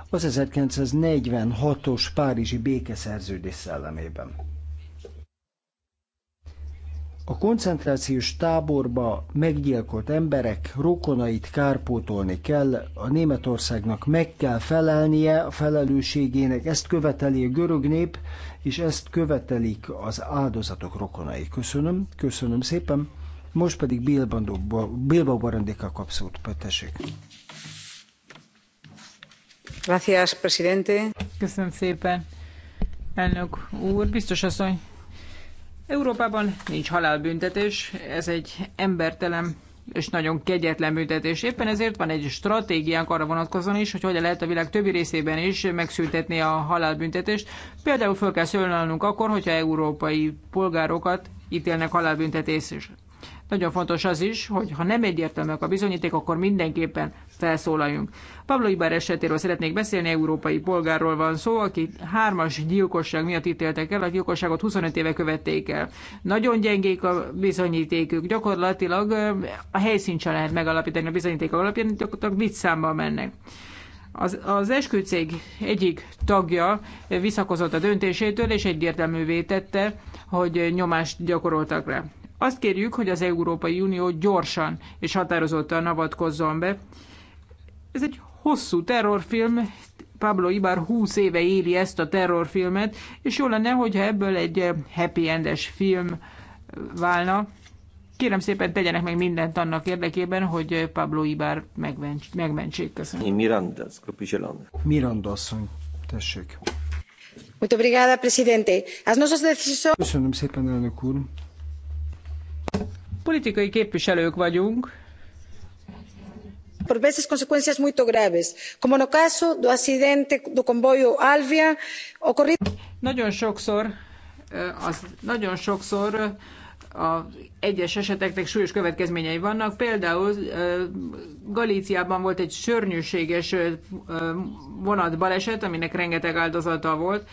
az 1946-os Párizsi békeszerződés szellemében. A koncentrációs táborba meggyilkolt emberek rokonait kárpótolni kell, a Németországnak meg kell felelnie a felelősségének, ezt követeli a görög nép, és ezt követelik az áldozatok rokonai. Köszönöm, köszönöm szépen. Most pedig Bilbao Barandika kap szót, tessék. Gracias, presidente. Köszönöm szépen, elnök úr. Biztos asszony, Európában nincs halálbüntetés, ez egy embertelen és nagyon kegyetlen büntetés. Éppen ezért van egy stratégiánk arra vonatkozóan is, hogy hogyan lehet a világ többi részében is megszüntetni a halálbüntetést. Például föl kell szólnálnunk akkor, hogyha európai polgárokat ítélnek halálbüntetésre. Nagyon fontos az is, hogy ha nem egyértelműek a bizonyíték, akkor mindenképpen felszólaljunk. Pablo Ibar esetéről szeretnék beszélni, európai polgárról van szó, aki hármas gyilkosság miatt ítéltek el, a gyilkosságot 25 éve követték el. Nagyon gyengék a bizonyítékük, gyakorlatilag a helyszínt sem lehet megalapítani a bizonyíték alapján, gyakorlatilag mit számba mennek. Az, az eskücég egyik tagja visszakozott a döntésétől, és egyértelművé tette, hogy nyomást gyakoroltak rá. Azt kérjük, hogy az Európai Unió gyorsan és határozottan avatkozzon be. Ez egy hosszú terrorfilm, Pablo Ibar 20 éve éli ezt a terrorfilmet, és jó lenne, hogyha ebből egy happy endes film válna. Kérem szépen tegyenek meg mindent annak érdekében, hogy Pablo Ibar megmentsék. Köszönöm. Én Miranda, Miranda asszony, tessék. Muito obrigada, presidente. As nossas decisões... Köszönöm szépen, elnök úr. Politikai képviselők vagyunk. Por veces consecuencias muy graves, como el caso del accidente del comboio Alvia ocurrido. Nagyon sokszor, eh, az, nagyon sokszor eh, a egyes eseteknek súlyos következményei vannak. Például eh, Galíciában volt egy sörnyűséges vonat baleset, aminek rengeteg áldozata volt.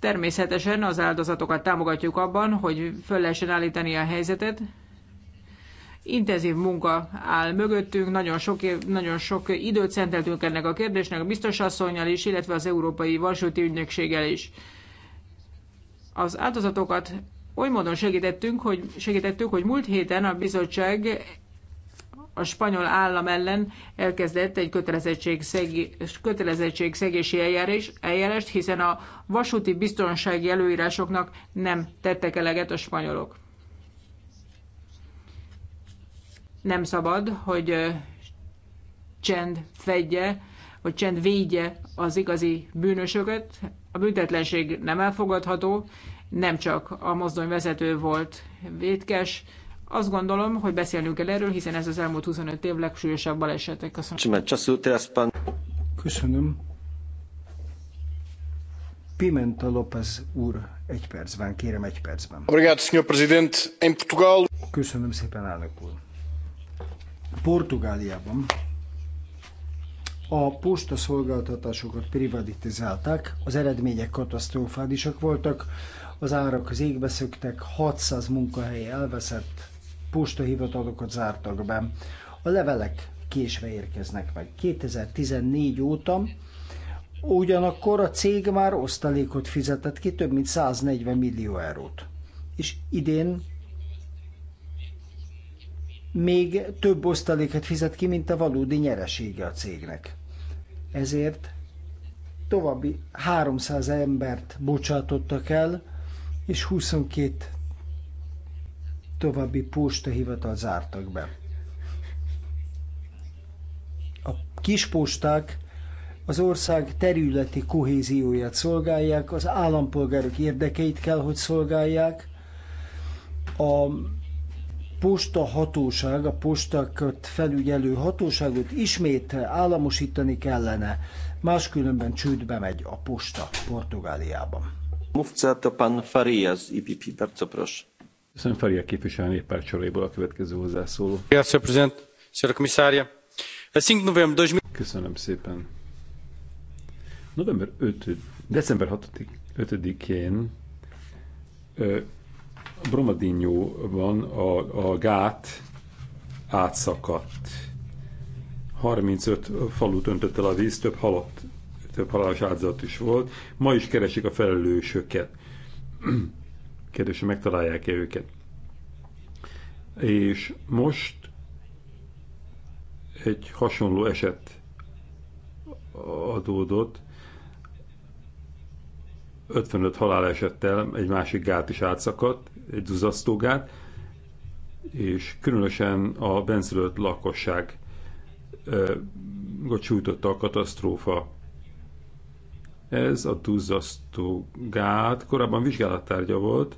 Természetesen az áldozatokat támogatjuk abban, hogy föl lehessen állítani a helyzetet. Intenzív munka áll mögöttünk, nagyon sok, év, nagyon sok időt szenteltünk ennek a kérdésnek, a biztosasszonynal is, illetve az Európai Vasúti Ügynökséggel is. Az áldozatokat oly módon segítettünk, hogy, segítettük, hogy múlt héten a bizottság a spanyol állam ellen elkezdett egy kötelezettségszegési kötelezettség eljárás, eljárást, hiszen a vasúti biztonsági előírásoknak nem tettek eleget a spanyolok. Nem szabad, hogy csend fedje, hogy csend védje az igazi bűnösöket. A büntetlenség nem elfogadható, nem csak a mozdony vezető volt vétkes. Azt gondolom, hogy beszélnünk el erről, hiszen ez az elmúlt 25 év legsúlyosabb balesetek. Köszönöm. Köszönöm. Pimenta López úr, egy percben, kérem egy percben. Obrigado, senhor presidente. Em Portugal. Köszönöm szépen, elnök úr. Portugáliában a postaszolgáltatásokat privatizálták, az eredmények katasztrofálisak voltak, az árak az égbe szöktek, 600 munkahely elveszett, postahivatalokat zártak be. A levelek késve érkeznek meg. 2014 óta ugyanakkor a cég már osztalékot fizetett ki, több mint 140 millió eurót. És idén még több osztaléket fizet ki, mint a valódi nyeresége a cégnek. Ezért további 300 embert bocsátottak el, és 22 további postahivatal zártak be. A kisposták az ország területi kohézióját szolgálják, az állampolgárok érdekeit kell, hogy szolgálják, a posta hatóság, a postákat felügyelő hatóságot ismét államosítani kellene, máskülönben csődbe megy a posta Portugáliában. Mufca to Farias, IPP, bardzo proszę. Köszönöm Faria képviselő néppárt soréból a következő hozzászóló. Köszönöm szépen. November 5 december 6-én Bromadinnyóban a, a gát átszakadt. 35 falut öntött el a víz, több halott, több halálos áldozat is volt. Ma is keresik a felelősöket. Kérdés, hogy megtalálják-e őket. És most egy hasonló eset adódott, 55 halálesettel egy másik gát is átszakadt, egy duzasztó gát, és különösen a benszülött lakosság sújtotta a katasztrófa. Ez a duzasztó gát korábban vizsgálattárgya volt,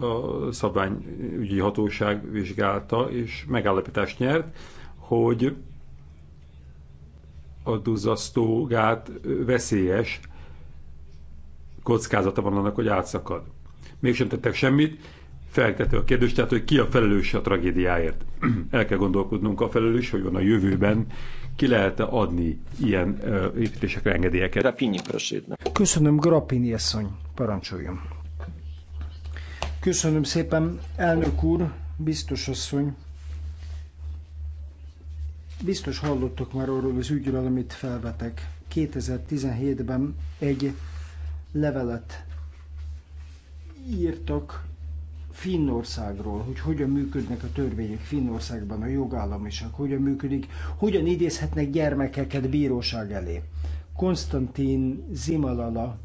a szabványügyi hatóság vizsgálta, és megállapítást nyert, hogy a duzasztó gát veszélyes kockázata van annak, hogy átszakad. Mégsem tettek semmit, Feltette a kérdést, tehát hogy ki a felelős a tragédiáért. (clears throat) El kell gondolkodnunk a felelős, hogy van a jövőben, ki lehet -e adni ilyen uh, építésekre engedélyeket. Grappini, Köszönöm, Grappini asszony, parancsoljon. Köszönöm szépen, elnök úr, biztos asszony. Biztos hallottak már arról az ügyről, amit felvetek. 2017-ben egy levelet írtak Finnországról, hogy hogyan működnek a törvények Finnországban, a jogállamiság hogyan működik, hogyan idézhetnek gyermekeket bíróság elé. Konstantin Zimalala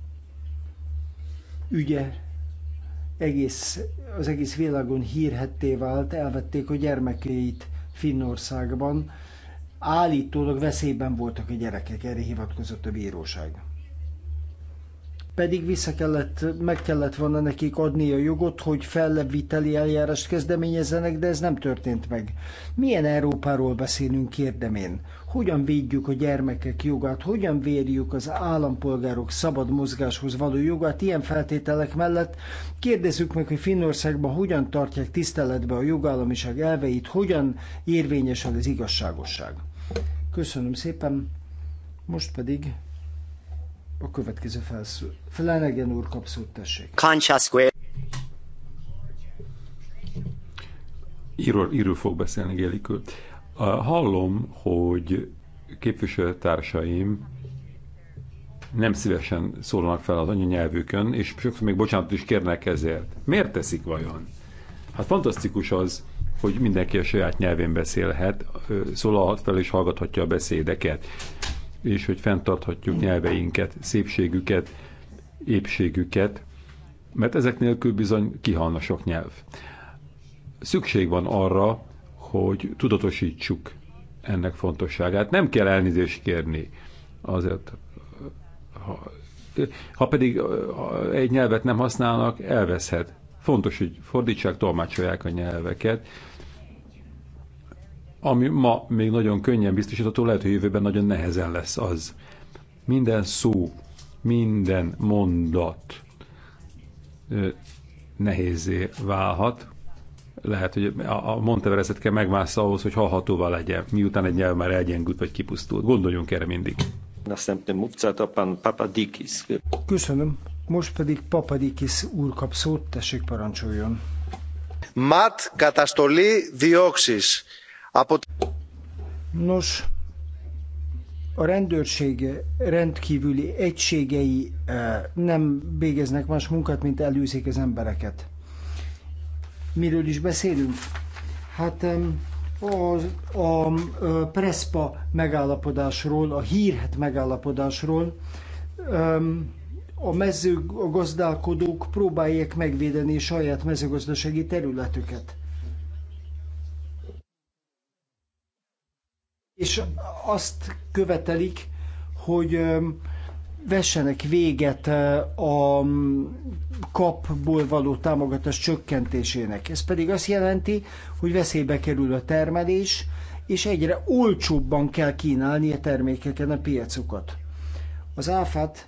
ügye egész, az egész világon hírhetté vált, elvették a gyermekeit Finnországban, állítólag veszélyben voltak a gyerekek, erre hivatkozott a bíróság pedig vissza kellett, meg kellett volna nekik adni a jogot, hogy felleviteli eljárást kezdeményezzenek, de ez nem történt meg. Milyen Európáról beszélünk, kérdem én? Hogyan védjük a gyermekek jogát, hogyan védjük az állampolgárok szabad mozgáshoz való jogát ilyen feltételek mellett? Kérdezzük meg, hogy Finnországban hogyan tartják tiszteletbe a jogállamiság elveit, hogyan érvényesül az igazságosság. Köszönöm szépen, most pedig a következő felszól. Felelegen úr kapszót tessék. Concha Square. Íról, íról fog beszélni, Gélikő. Hallom, hogy képviselőtársaim nem szívesen szólnak fel az anyanyelvükön, és sokszor még bocsánatot is kérnek ezért. Miért teszik vajon? Hát fantasztikus az, hogy mindenki a saját nyelvén beszélhet, szólalhat fel és hallgathatja a beszédeket és hogy fenntarthatjuk nyelveinket, szépségüket, épségüket, mert ezek nélkül bizony kihalna sok nyelv. Szükség van arra, hogy tudatosítsuk ennek fontosságát. Nem kell elnézést kérni azért, ha, ha pedig egy nyelvet nem használnak, elveszhet. Fontos, hogy fordítsák, tolmácsolják a nyelveket, ami ma még nagyon könnyen biztosítható, lehet, hogy jövőben nagyon nehezen lesz az. Minden szó, minden mondat nehézé válhat. Lehet, hogy a Monteverestet kell megmászni ahhoz, hogy hallhatóvá legyen, miután egy nyelv már elgyengült vagy kipusztult. Gondoljunk erre mindig. Köszönöm. Most pedig Papadikis úr kap szót, tessék parancsoljon. Mat katastoli dioxis Nos, a rendőrség rendkívüli egységei eh, nem végeznek más munkát, mint elűzik az embereket. Miről is beszélünk? Hát a, a, eh, a Prespa megállapodásról, a hírhet megállapodásról a mezőgazdálkodók próbálják megvédeni saját mezőgazdasági területüket. és azt követelik, hogy vessenek véget a kapból való támogatás csökkentésének. Ez pedig azt jelenti, hogy veszélybe kerül a termelés, és egyre olcsóbban kell kínálni a termékeken a piacokat. Az áfát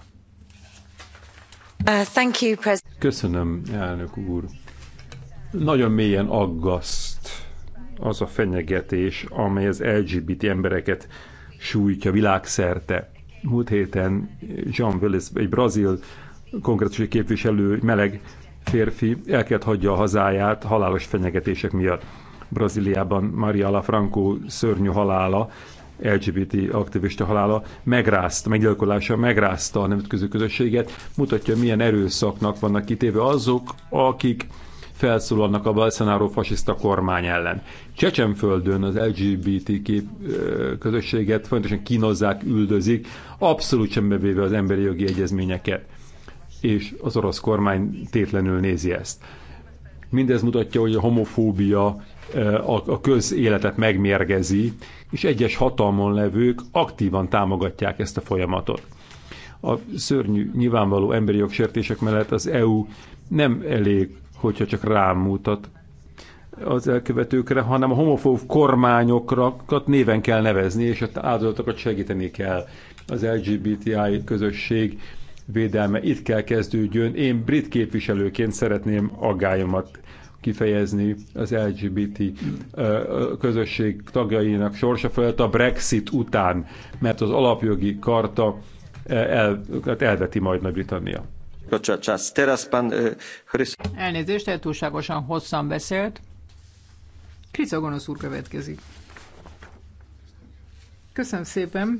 Uh, Köszönöm, elnök úr. Nagyon mélyen aggaszt az a fenyegetés, amely az LGBT embereket sújtja világszerte. Múlt héten Jean Willis, egy brazil kongresszusi képviselő, meleg férfi el kellett hagyja a hazáját halálos fenyegetések miatt. Brazíliában Maria La Franco szörnyű halála LGBT aktivista halála megrázta, meggyilkolása megrázta a nemzetközi közösséget, mutatja, milyen erőszaknak vannak kitéve azok, akik felszólalnak a Bolsonaro fasiszta kormány ellen. Csecsenföldön az LGBT kép, közösséget fontosan kínozzák, üldözik, abszolút sem bevéve az emberi jogi egyezményeket. És az orosz kormány tétlenül nézi ezt. Mindez mutatja, hogy a homofóbia a közéletet megmérgezi, és egyes hatalmon levők aktívan támogatják ezt a folyamatot. A szörnyű, nyilvánvaló emberi jogsértések mellett az EU nem elég, hogyha csak rámutat az elkövetőkre, hanem a homofób kormányokat néven kell nevezni, és az áldozatokat segíteni kell. Az LGBTI közösség védelme itt kell kezdődjön. Én brit képviselőként szeretném aggályomat kifejezni az LGBT közösség tagjainak sorsa felett a Brexit után, mert az alapjogi karta el, hát elveti majd Nagy-Britannia. Elnézést, el túlságosan hosszan beszélt. Gonosz úr következik. Köszönöm szépen.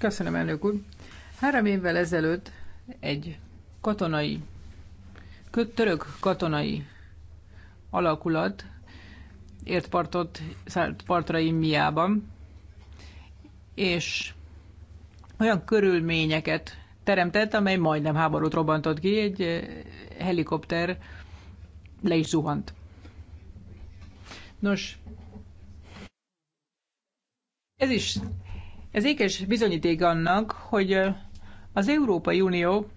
Köszönöm, elnök úr. Három évvel ezelőtt egy katonai török katonai alakulat ért partot, szállt partra Immiában, és olyan körülményeket teremtett, amely majdnem háborút robbantott ki, egy eh, helikopter le is zuhant. Nos, ez is, ez ékes bizonyíték annak, hogy eh, az Európai Unió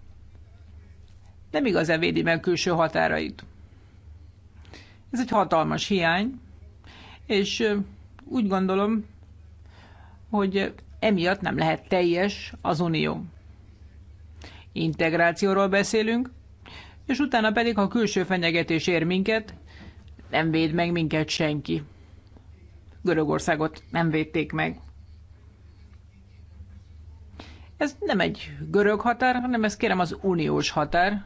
nem igazán védi meg külső határait. Ez egy hatalmas hiány, és úgy gondolom, hogy emiatt nem lehet teljes az unió. Integrációról beszélünk, és utána pedig, ha külső fenyegetés ér minket, nem véd meg minket senki. Görögországot nem védték meg. Ez nem egy görög határ, hanem ez kérem az uniós határ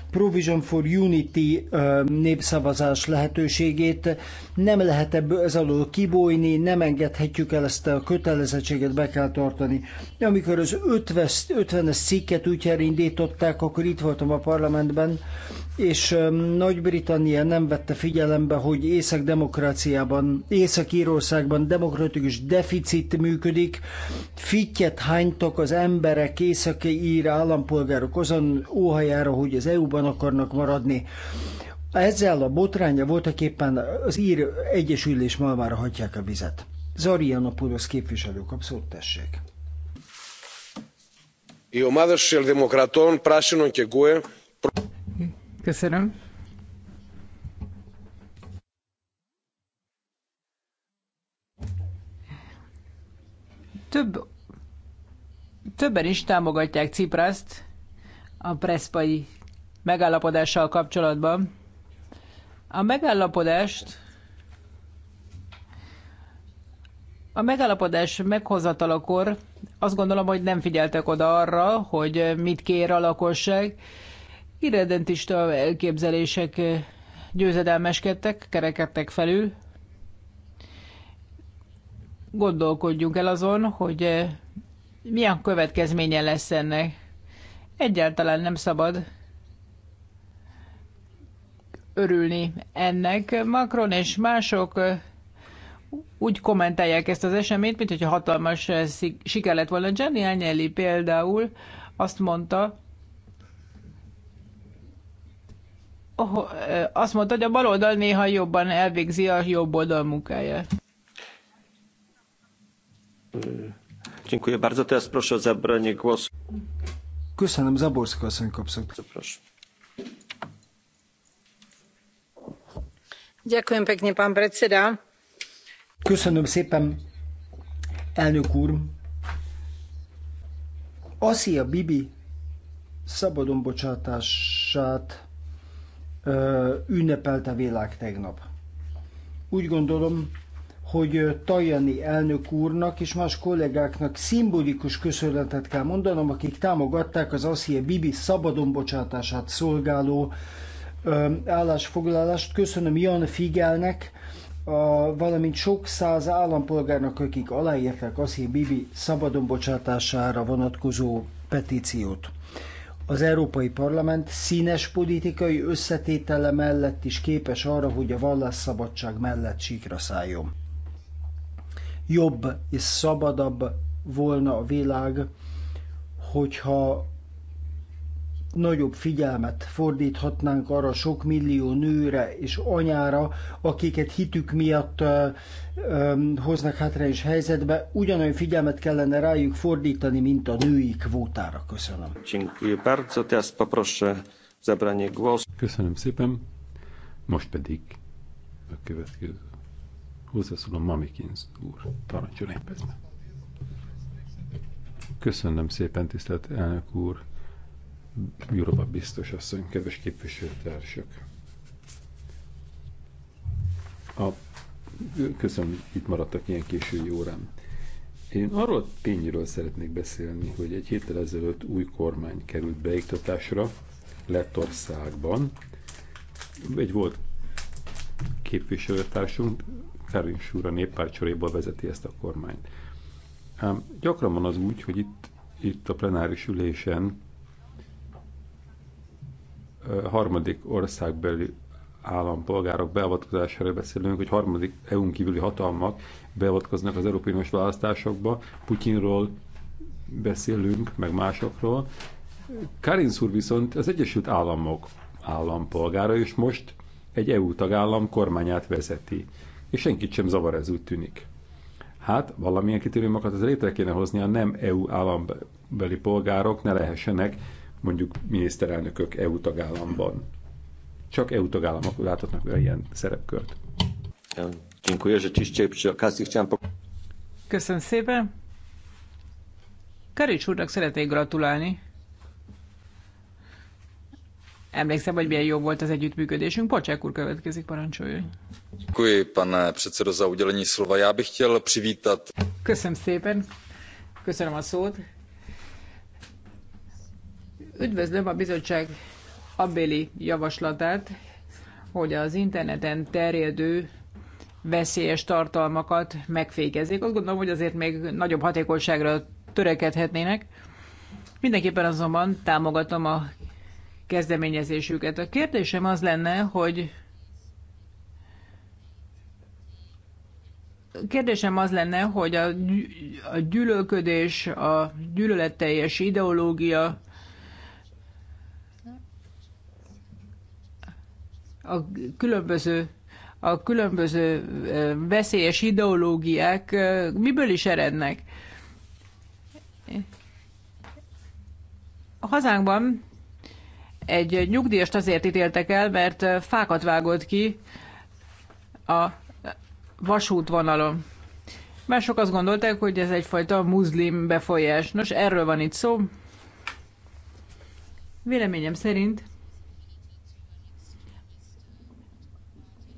Provision for Unity népszavazás lehetőségét. Nem lehet ebből ez alól kibújni, nem engedhetjük el ezt a kötelezettséget, be kell tartani. De Amikor az 50-es cikket útjára indították, akkor itt voltam a parlamentben, és Nagy-Britannia nem vette figyelembe, hogy Észak-demokráciában, Észak-Írországban demokratikus deficit működik, fittyet hánytak az emberek, északi ír állampolgárok azon óhajára, hogy az EU-ban akarnak maradni. Ezzel a botránya voltak éppen az ír egyesülés malmára hagyják a vizet. Zarianopoulos képviselő kap szót tessék. Η ομάδα Σοσιαλδημοκρατών, Πράσινων και Köszönöm. Több, többen is támogatják Cipraszt a preszpai megállapodással kapcsolatban. A megállapodást a megállapodás meghozatalakor azt gondolom, hogy nem figyeltek oda arra, hogy mit kér a lakosság, irredentista elképzelések eh, győzedelmeskedtek, kerekedtek felül. Gondolkodjunk el azon, hogy eh, milyen következménye lesz ennek. Egyáltalán nem szabad örülni ennek. Macron és mások eh, úgy kommentálják ezt az eseményt, mint hogyha hatalmas siker lett volna. Gianni Agnelli például azt mondta, Oh, azt mondta, hogy a baloldal néha jobban elvégzi a jobb oldal munkáját. Dziękuję bardzo. Teraz proszę o zabranie głosu. Köszönöm, Zaborszka asszony kapszott. Proszę. Ďakujem pekne, pán predseda. Köszönöm szépen, elnök úr. Asia Bibi szabadon bocsátását ünnepelt a világ tegnap. Úgy gondolom, hogy Tajani elnök úrnak és más kollégáknak szimbolikus köszönetet kell mondanom, akik támogatták az Aszia Bibi szabadonbocsátását szolgáló ö, állásfoglalást. Köszönöm Jan Figelnek, a, valamint sok száz állampolgárnak, akik aláírták Aszia Bibi szabadonbocsátására vonatkozó petíciót az Európai Parlament színes politikai összetétele mellett is képes arra, hogy a vallásszabadság mellett síkra szálljon. Jobb és szabadabb volna a világ, hogyha nagyobb figyelmet fordíthatnánk arra sok millió nőre és anyára, akiket hitük miatt ö, ö, hoznak hátrányos helyzetbe, ugyanolyan figyelmet kellene rájuk fordítani, mint a női kvótára. Köszönöm. Köszönöm szépen. Most pedig a következő. Hozzászólom a Mamikins úr. Parancsoljon Köszönöm szépen, tisztelt elnök úr Jurova biztos asszony, kedves képviselőtársak! A, köszönöm, itt maradtak ilyen késői órán. Én arról a tényről szeretnék beszélni, hogy egy héttel ezelőtt új kormány került beiktatásra Lettországban. Egy volt képviselőtársunk, Karin Súra néppárcsoréból vezeti ezt a kormányt. Ám gyakran van az úgy, hogy itt, itt a plenáris ülésen harmadik országbeli állampolgárok beavatkozásáról beszélünk, hogy harmadik EU-n kívüli hatalmak beavatkoznak az európai most választásokba. Putyinról beszélünk, meg másokról. Karin Szur viszont az Egyesült Államok állampolgára, és most egy EU tagállam kormányát vezeti. És senkit sem zavar ez úgy tűnik. Hát, valamilyen kritériumokat az létre kéne hozni, a nem EU állambeli polgárok ne lehessenek mondjuk miniszterelnökök EU tagállamban. Csak EU tagállamok láthatnak olyan ilyen szerepkört. Köszönöm szépen. Karics úrnak szeretnék gratulálni. Emlékszem, hogy milyen jó volt az együttműködésünk. Pocsák úr következik, parancsoljon. Děkuji, pane předsedo, za udělení slova. Já bych chtěl přivítat. Köszönöm szépen. Köszönöm a szót. Üdvözlöm a bizottság abbéli javaslatát, hogy az interneten terjedő veszélyes tartalmakat megfékezzék. Azt gondolom, hogy azért még nagyobb hatékonyságra törekedhetnének. Mindenképpen azonban támogatom a kezdeményezésüket. A kérdésem az lenne, hogy kérdésem az lenne, hogy a, gyűlölködés, a gyűlöletteljes ideológia a különböző a különböző veszélyes ideológiák miből is erednek. A hazánkban egy nyugdíjast azért ítéltek el, mert fákat vágott ki a vasútvonalon. Mások azt gondolták, hogy ez egyfajta muszlim befolyás. Nos, erről van itt szó. Véleményem szerint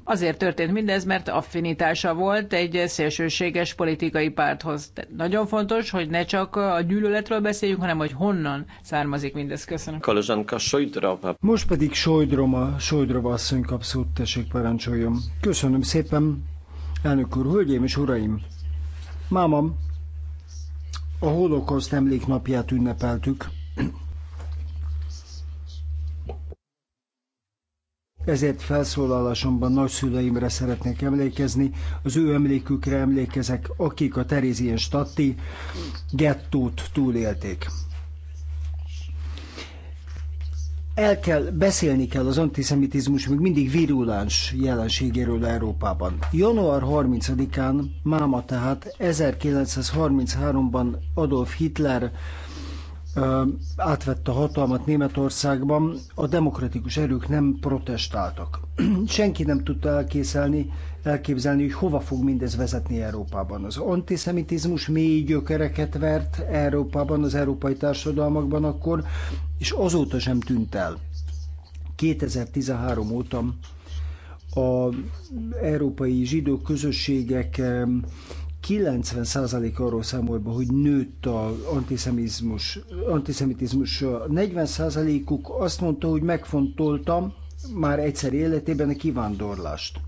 Azért történt mindez, mert affinitása volt egy szélsőséges politikai párthoz. De nagyon fontos, hogy ne csak a gyűlöletről beszéljünk, hanem hogy honnan származik mindez. Köszönöm. Kolozsanka Sojdrova. Most pedig Sojdroma, Sojdrova asszony kap szót, tessék parancsoljon. Köszönöm szépen, elnök úr, hölgyeim és uraim. Mámam, a holokauszt emléknapját ünnepeltük, Ezért felszólalásomban nagyszüleimre szeretnék emlékezni, az ő emlékükre emlékezek, akik a Terézien statti gettót túlélték. El kell, beszélni kell az antiszemitizmus még mindig viruláns jelenségéről Európában. Január 30-án, máma tehát 1933-ban Adolf Hitler átvette a hatalmat Németországban, a demokratikus erők nem protestáltak. (clears throat) Senki nem tudta elkészelni, elképzelni, hogy hova fog mindez vezetni Európában. Az antiszemitizmus mély gyökereket vert Európában, az európai társadalmakban akkor, és azóta sem tűnt el. 2013 óta a európai zsidó közösségek 90% arról számol be, hogy nőtt az antiszemizmus, antiszemitizmus. 40%-uk azt mondta, hogy megfontoltam már egyszer életében a kivándorlást.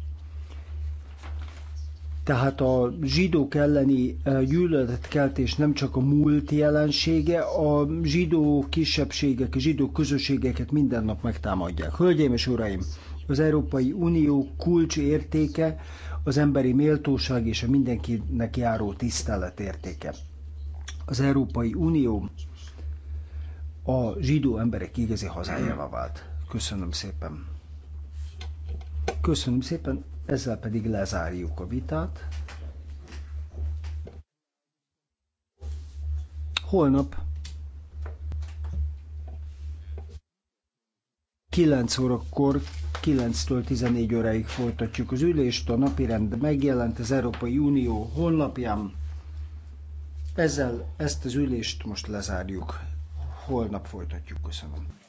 Tehát a zsidók elleni eh, gyűlöletkeltés nem csak a múlt jelensége, a zsidó kisebbségek, a zsidó közösségeket minden nap megtámadják. Hölgyeim és uraim, az Európai Unió kulcsértéke az emberi méltóság és a mindenkinek járó tisztelet értéke. Az Európai Unió a zsidó emberek igazi hazájává vált. Köszönöm szépen. Köszönöm szépen, ezzel pedig lezárjuk a vitát. Holnap 9 órakor 9-től 14 óráig folytatjuk az ülést. A napirend megjelent az Európai Unió honlapján. Ezzel ezt az ülést most lezárjuk. Holnap folytatjuk. Köszönöm.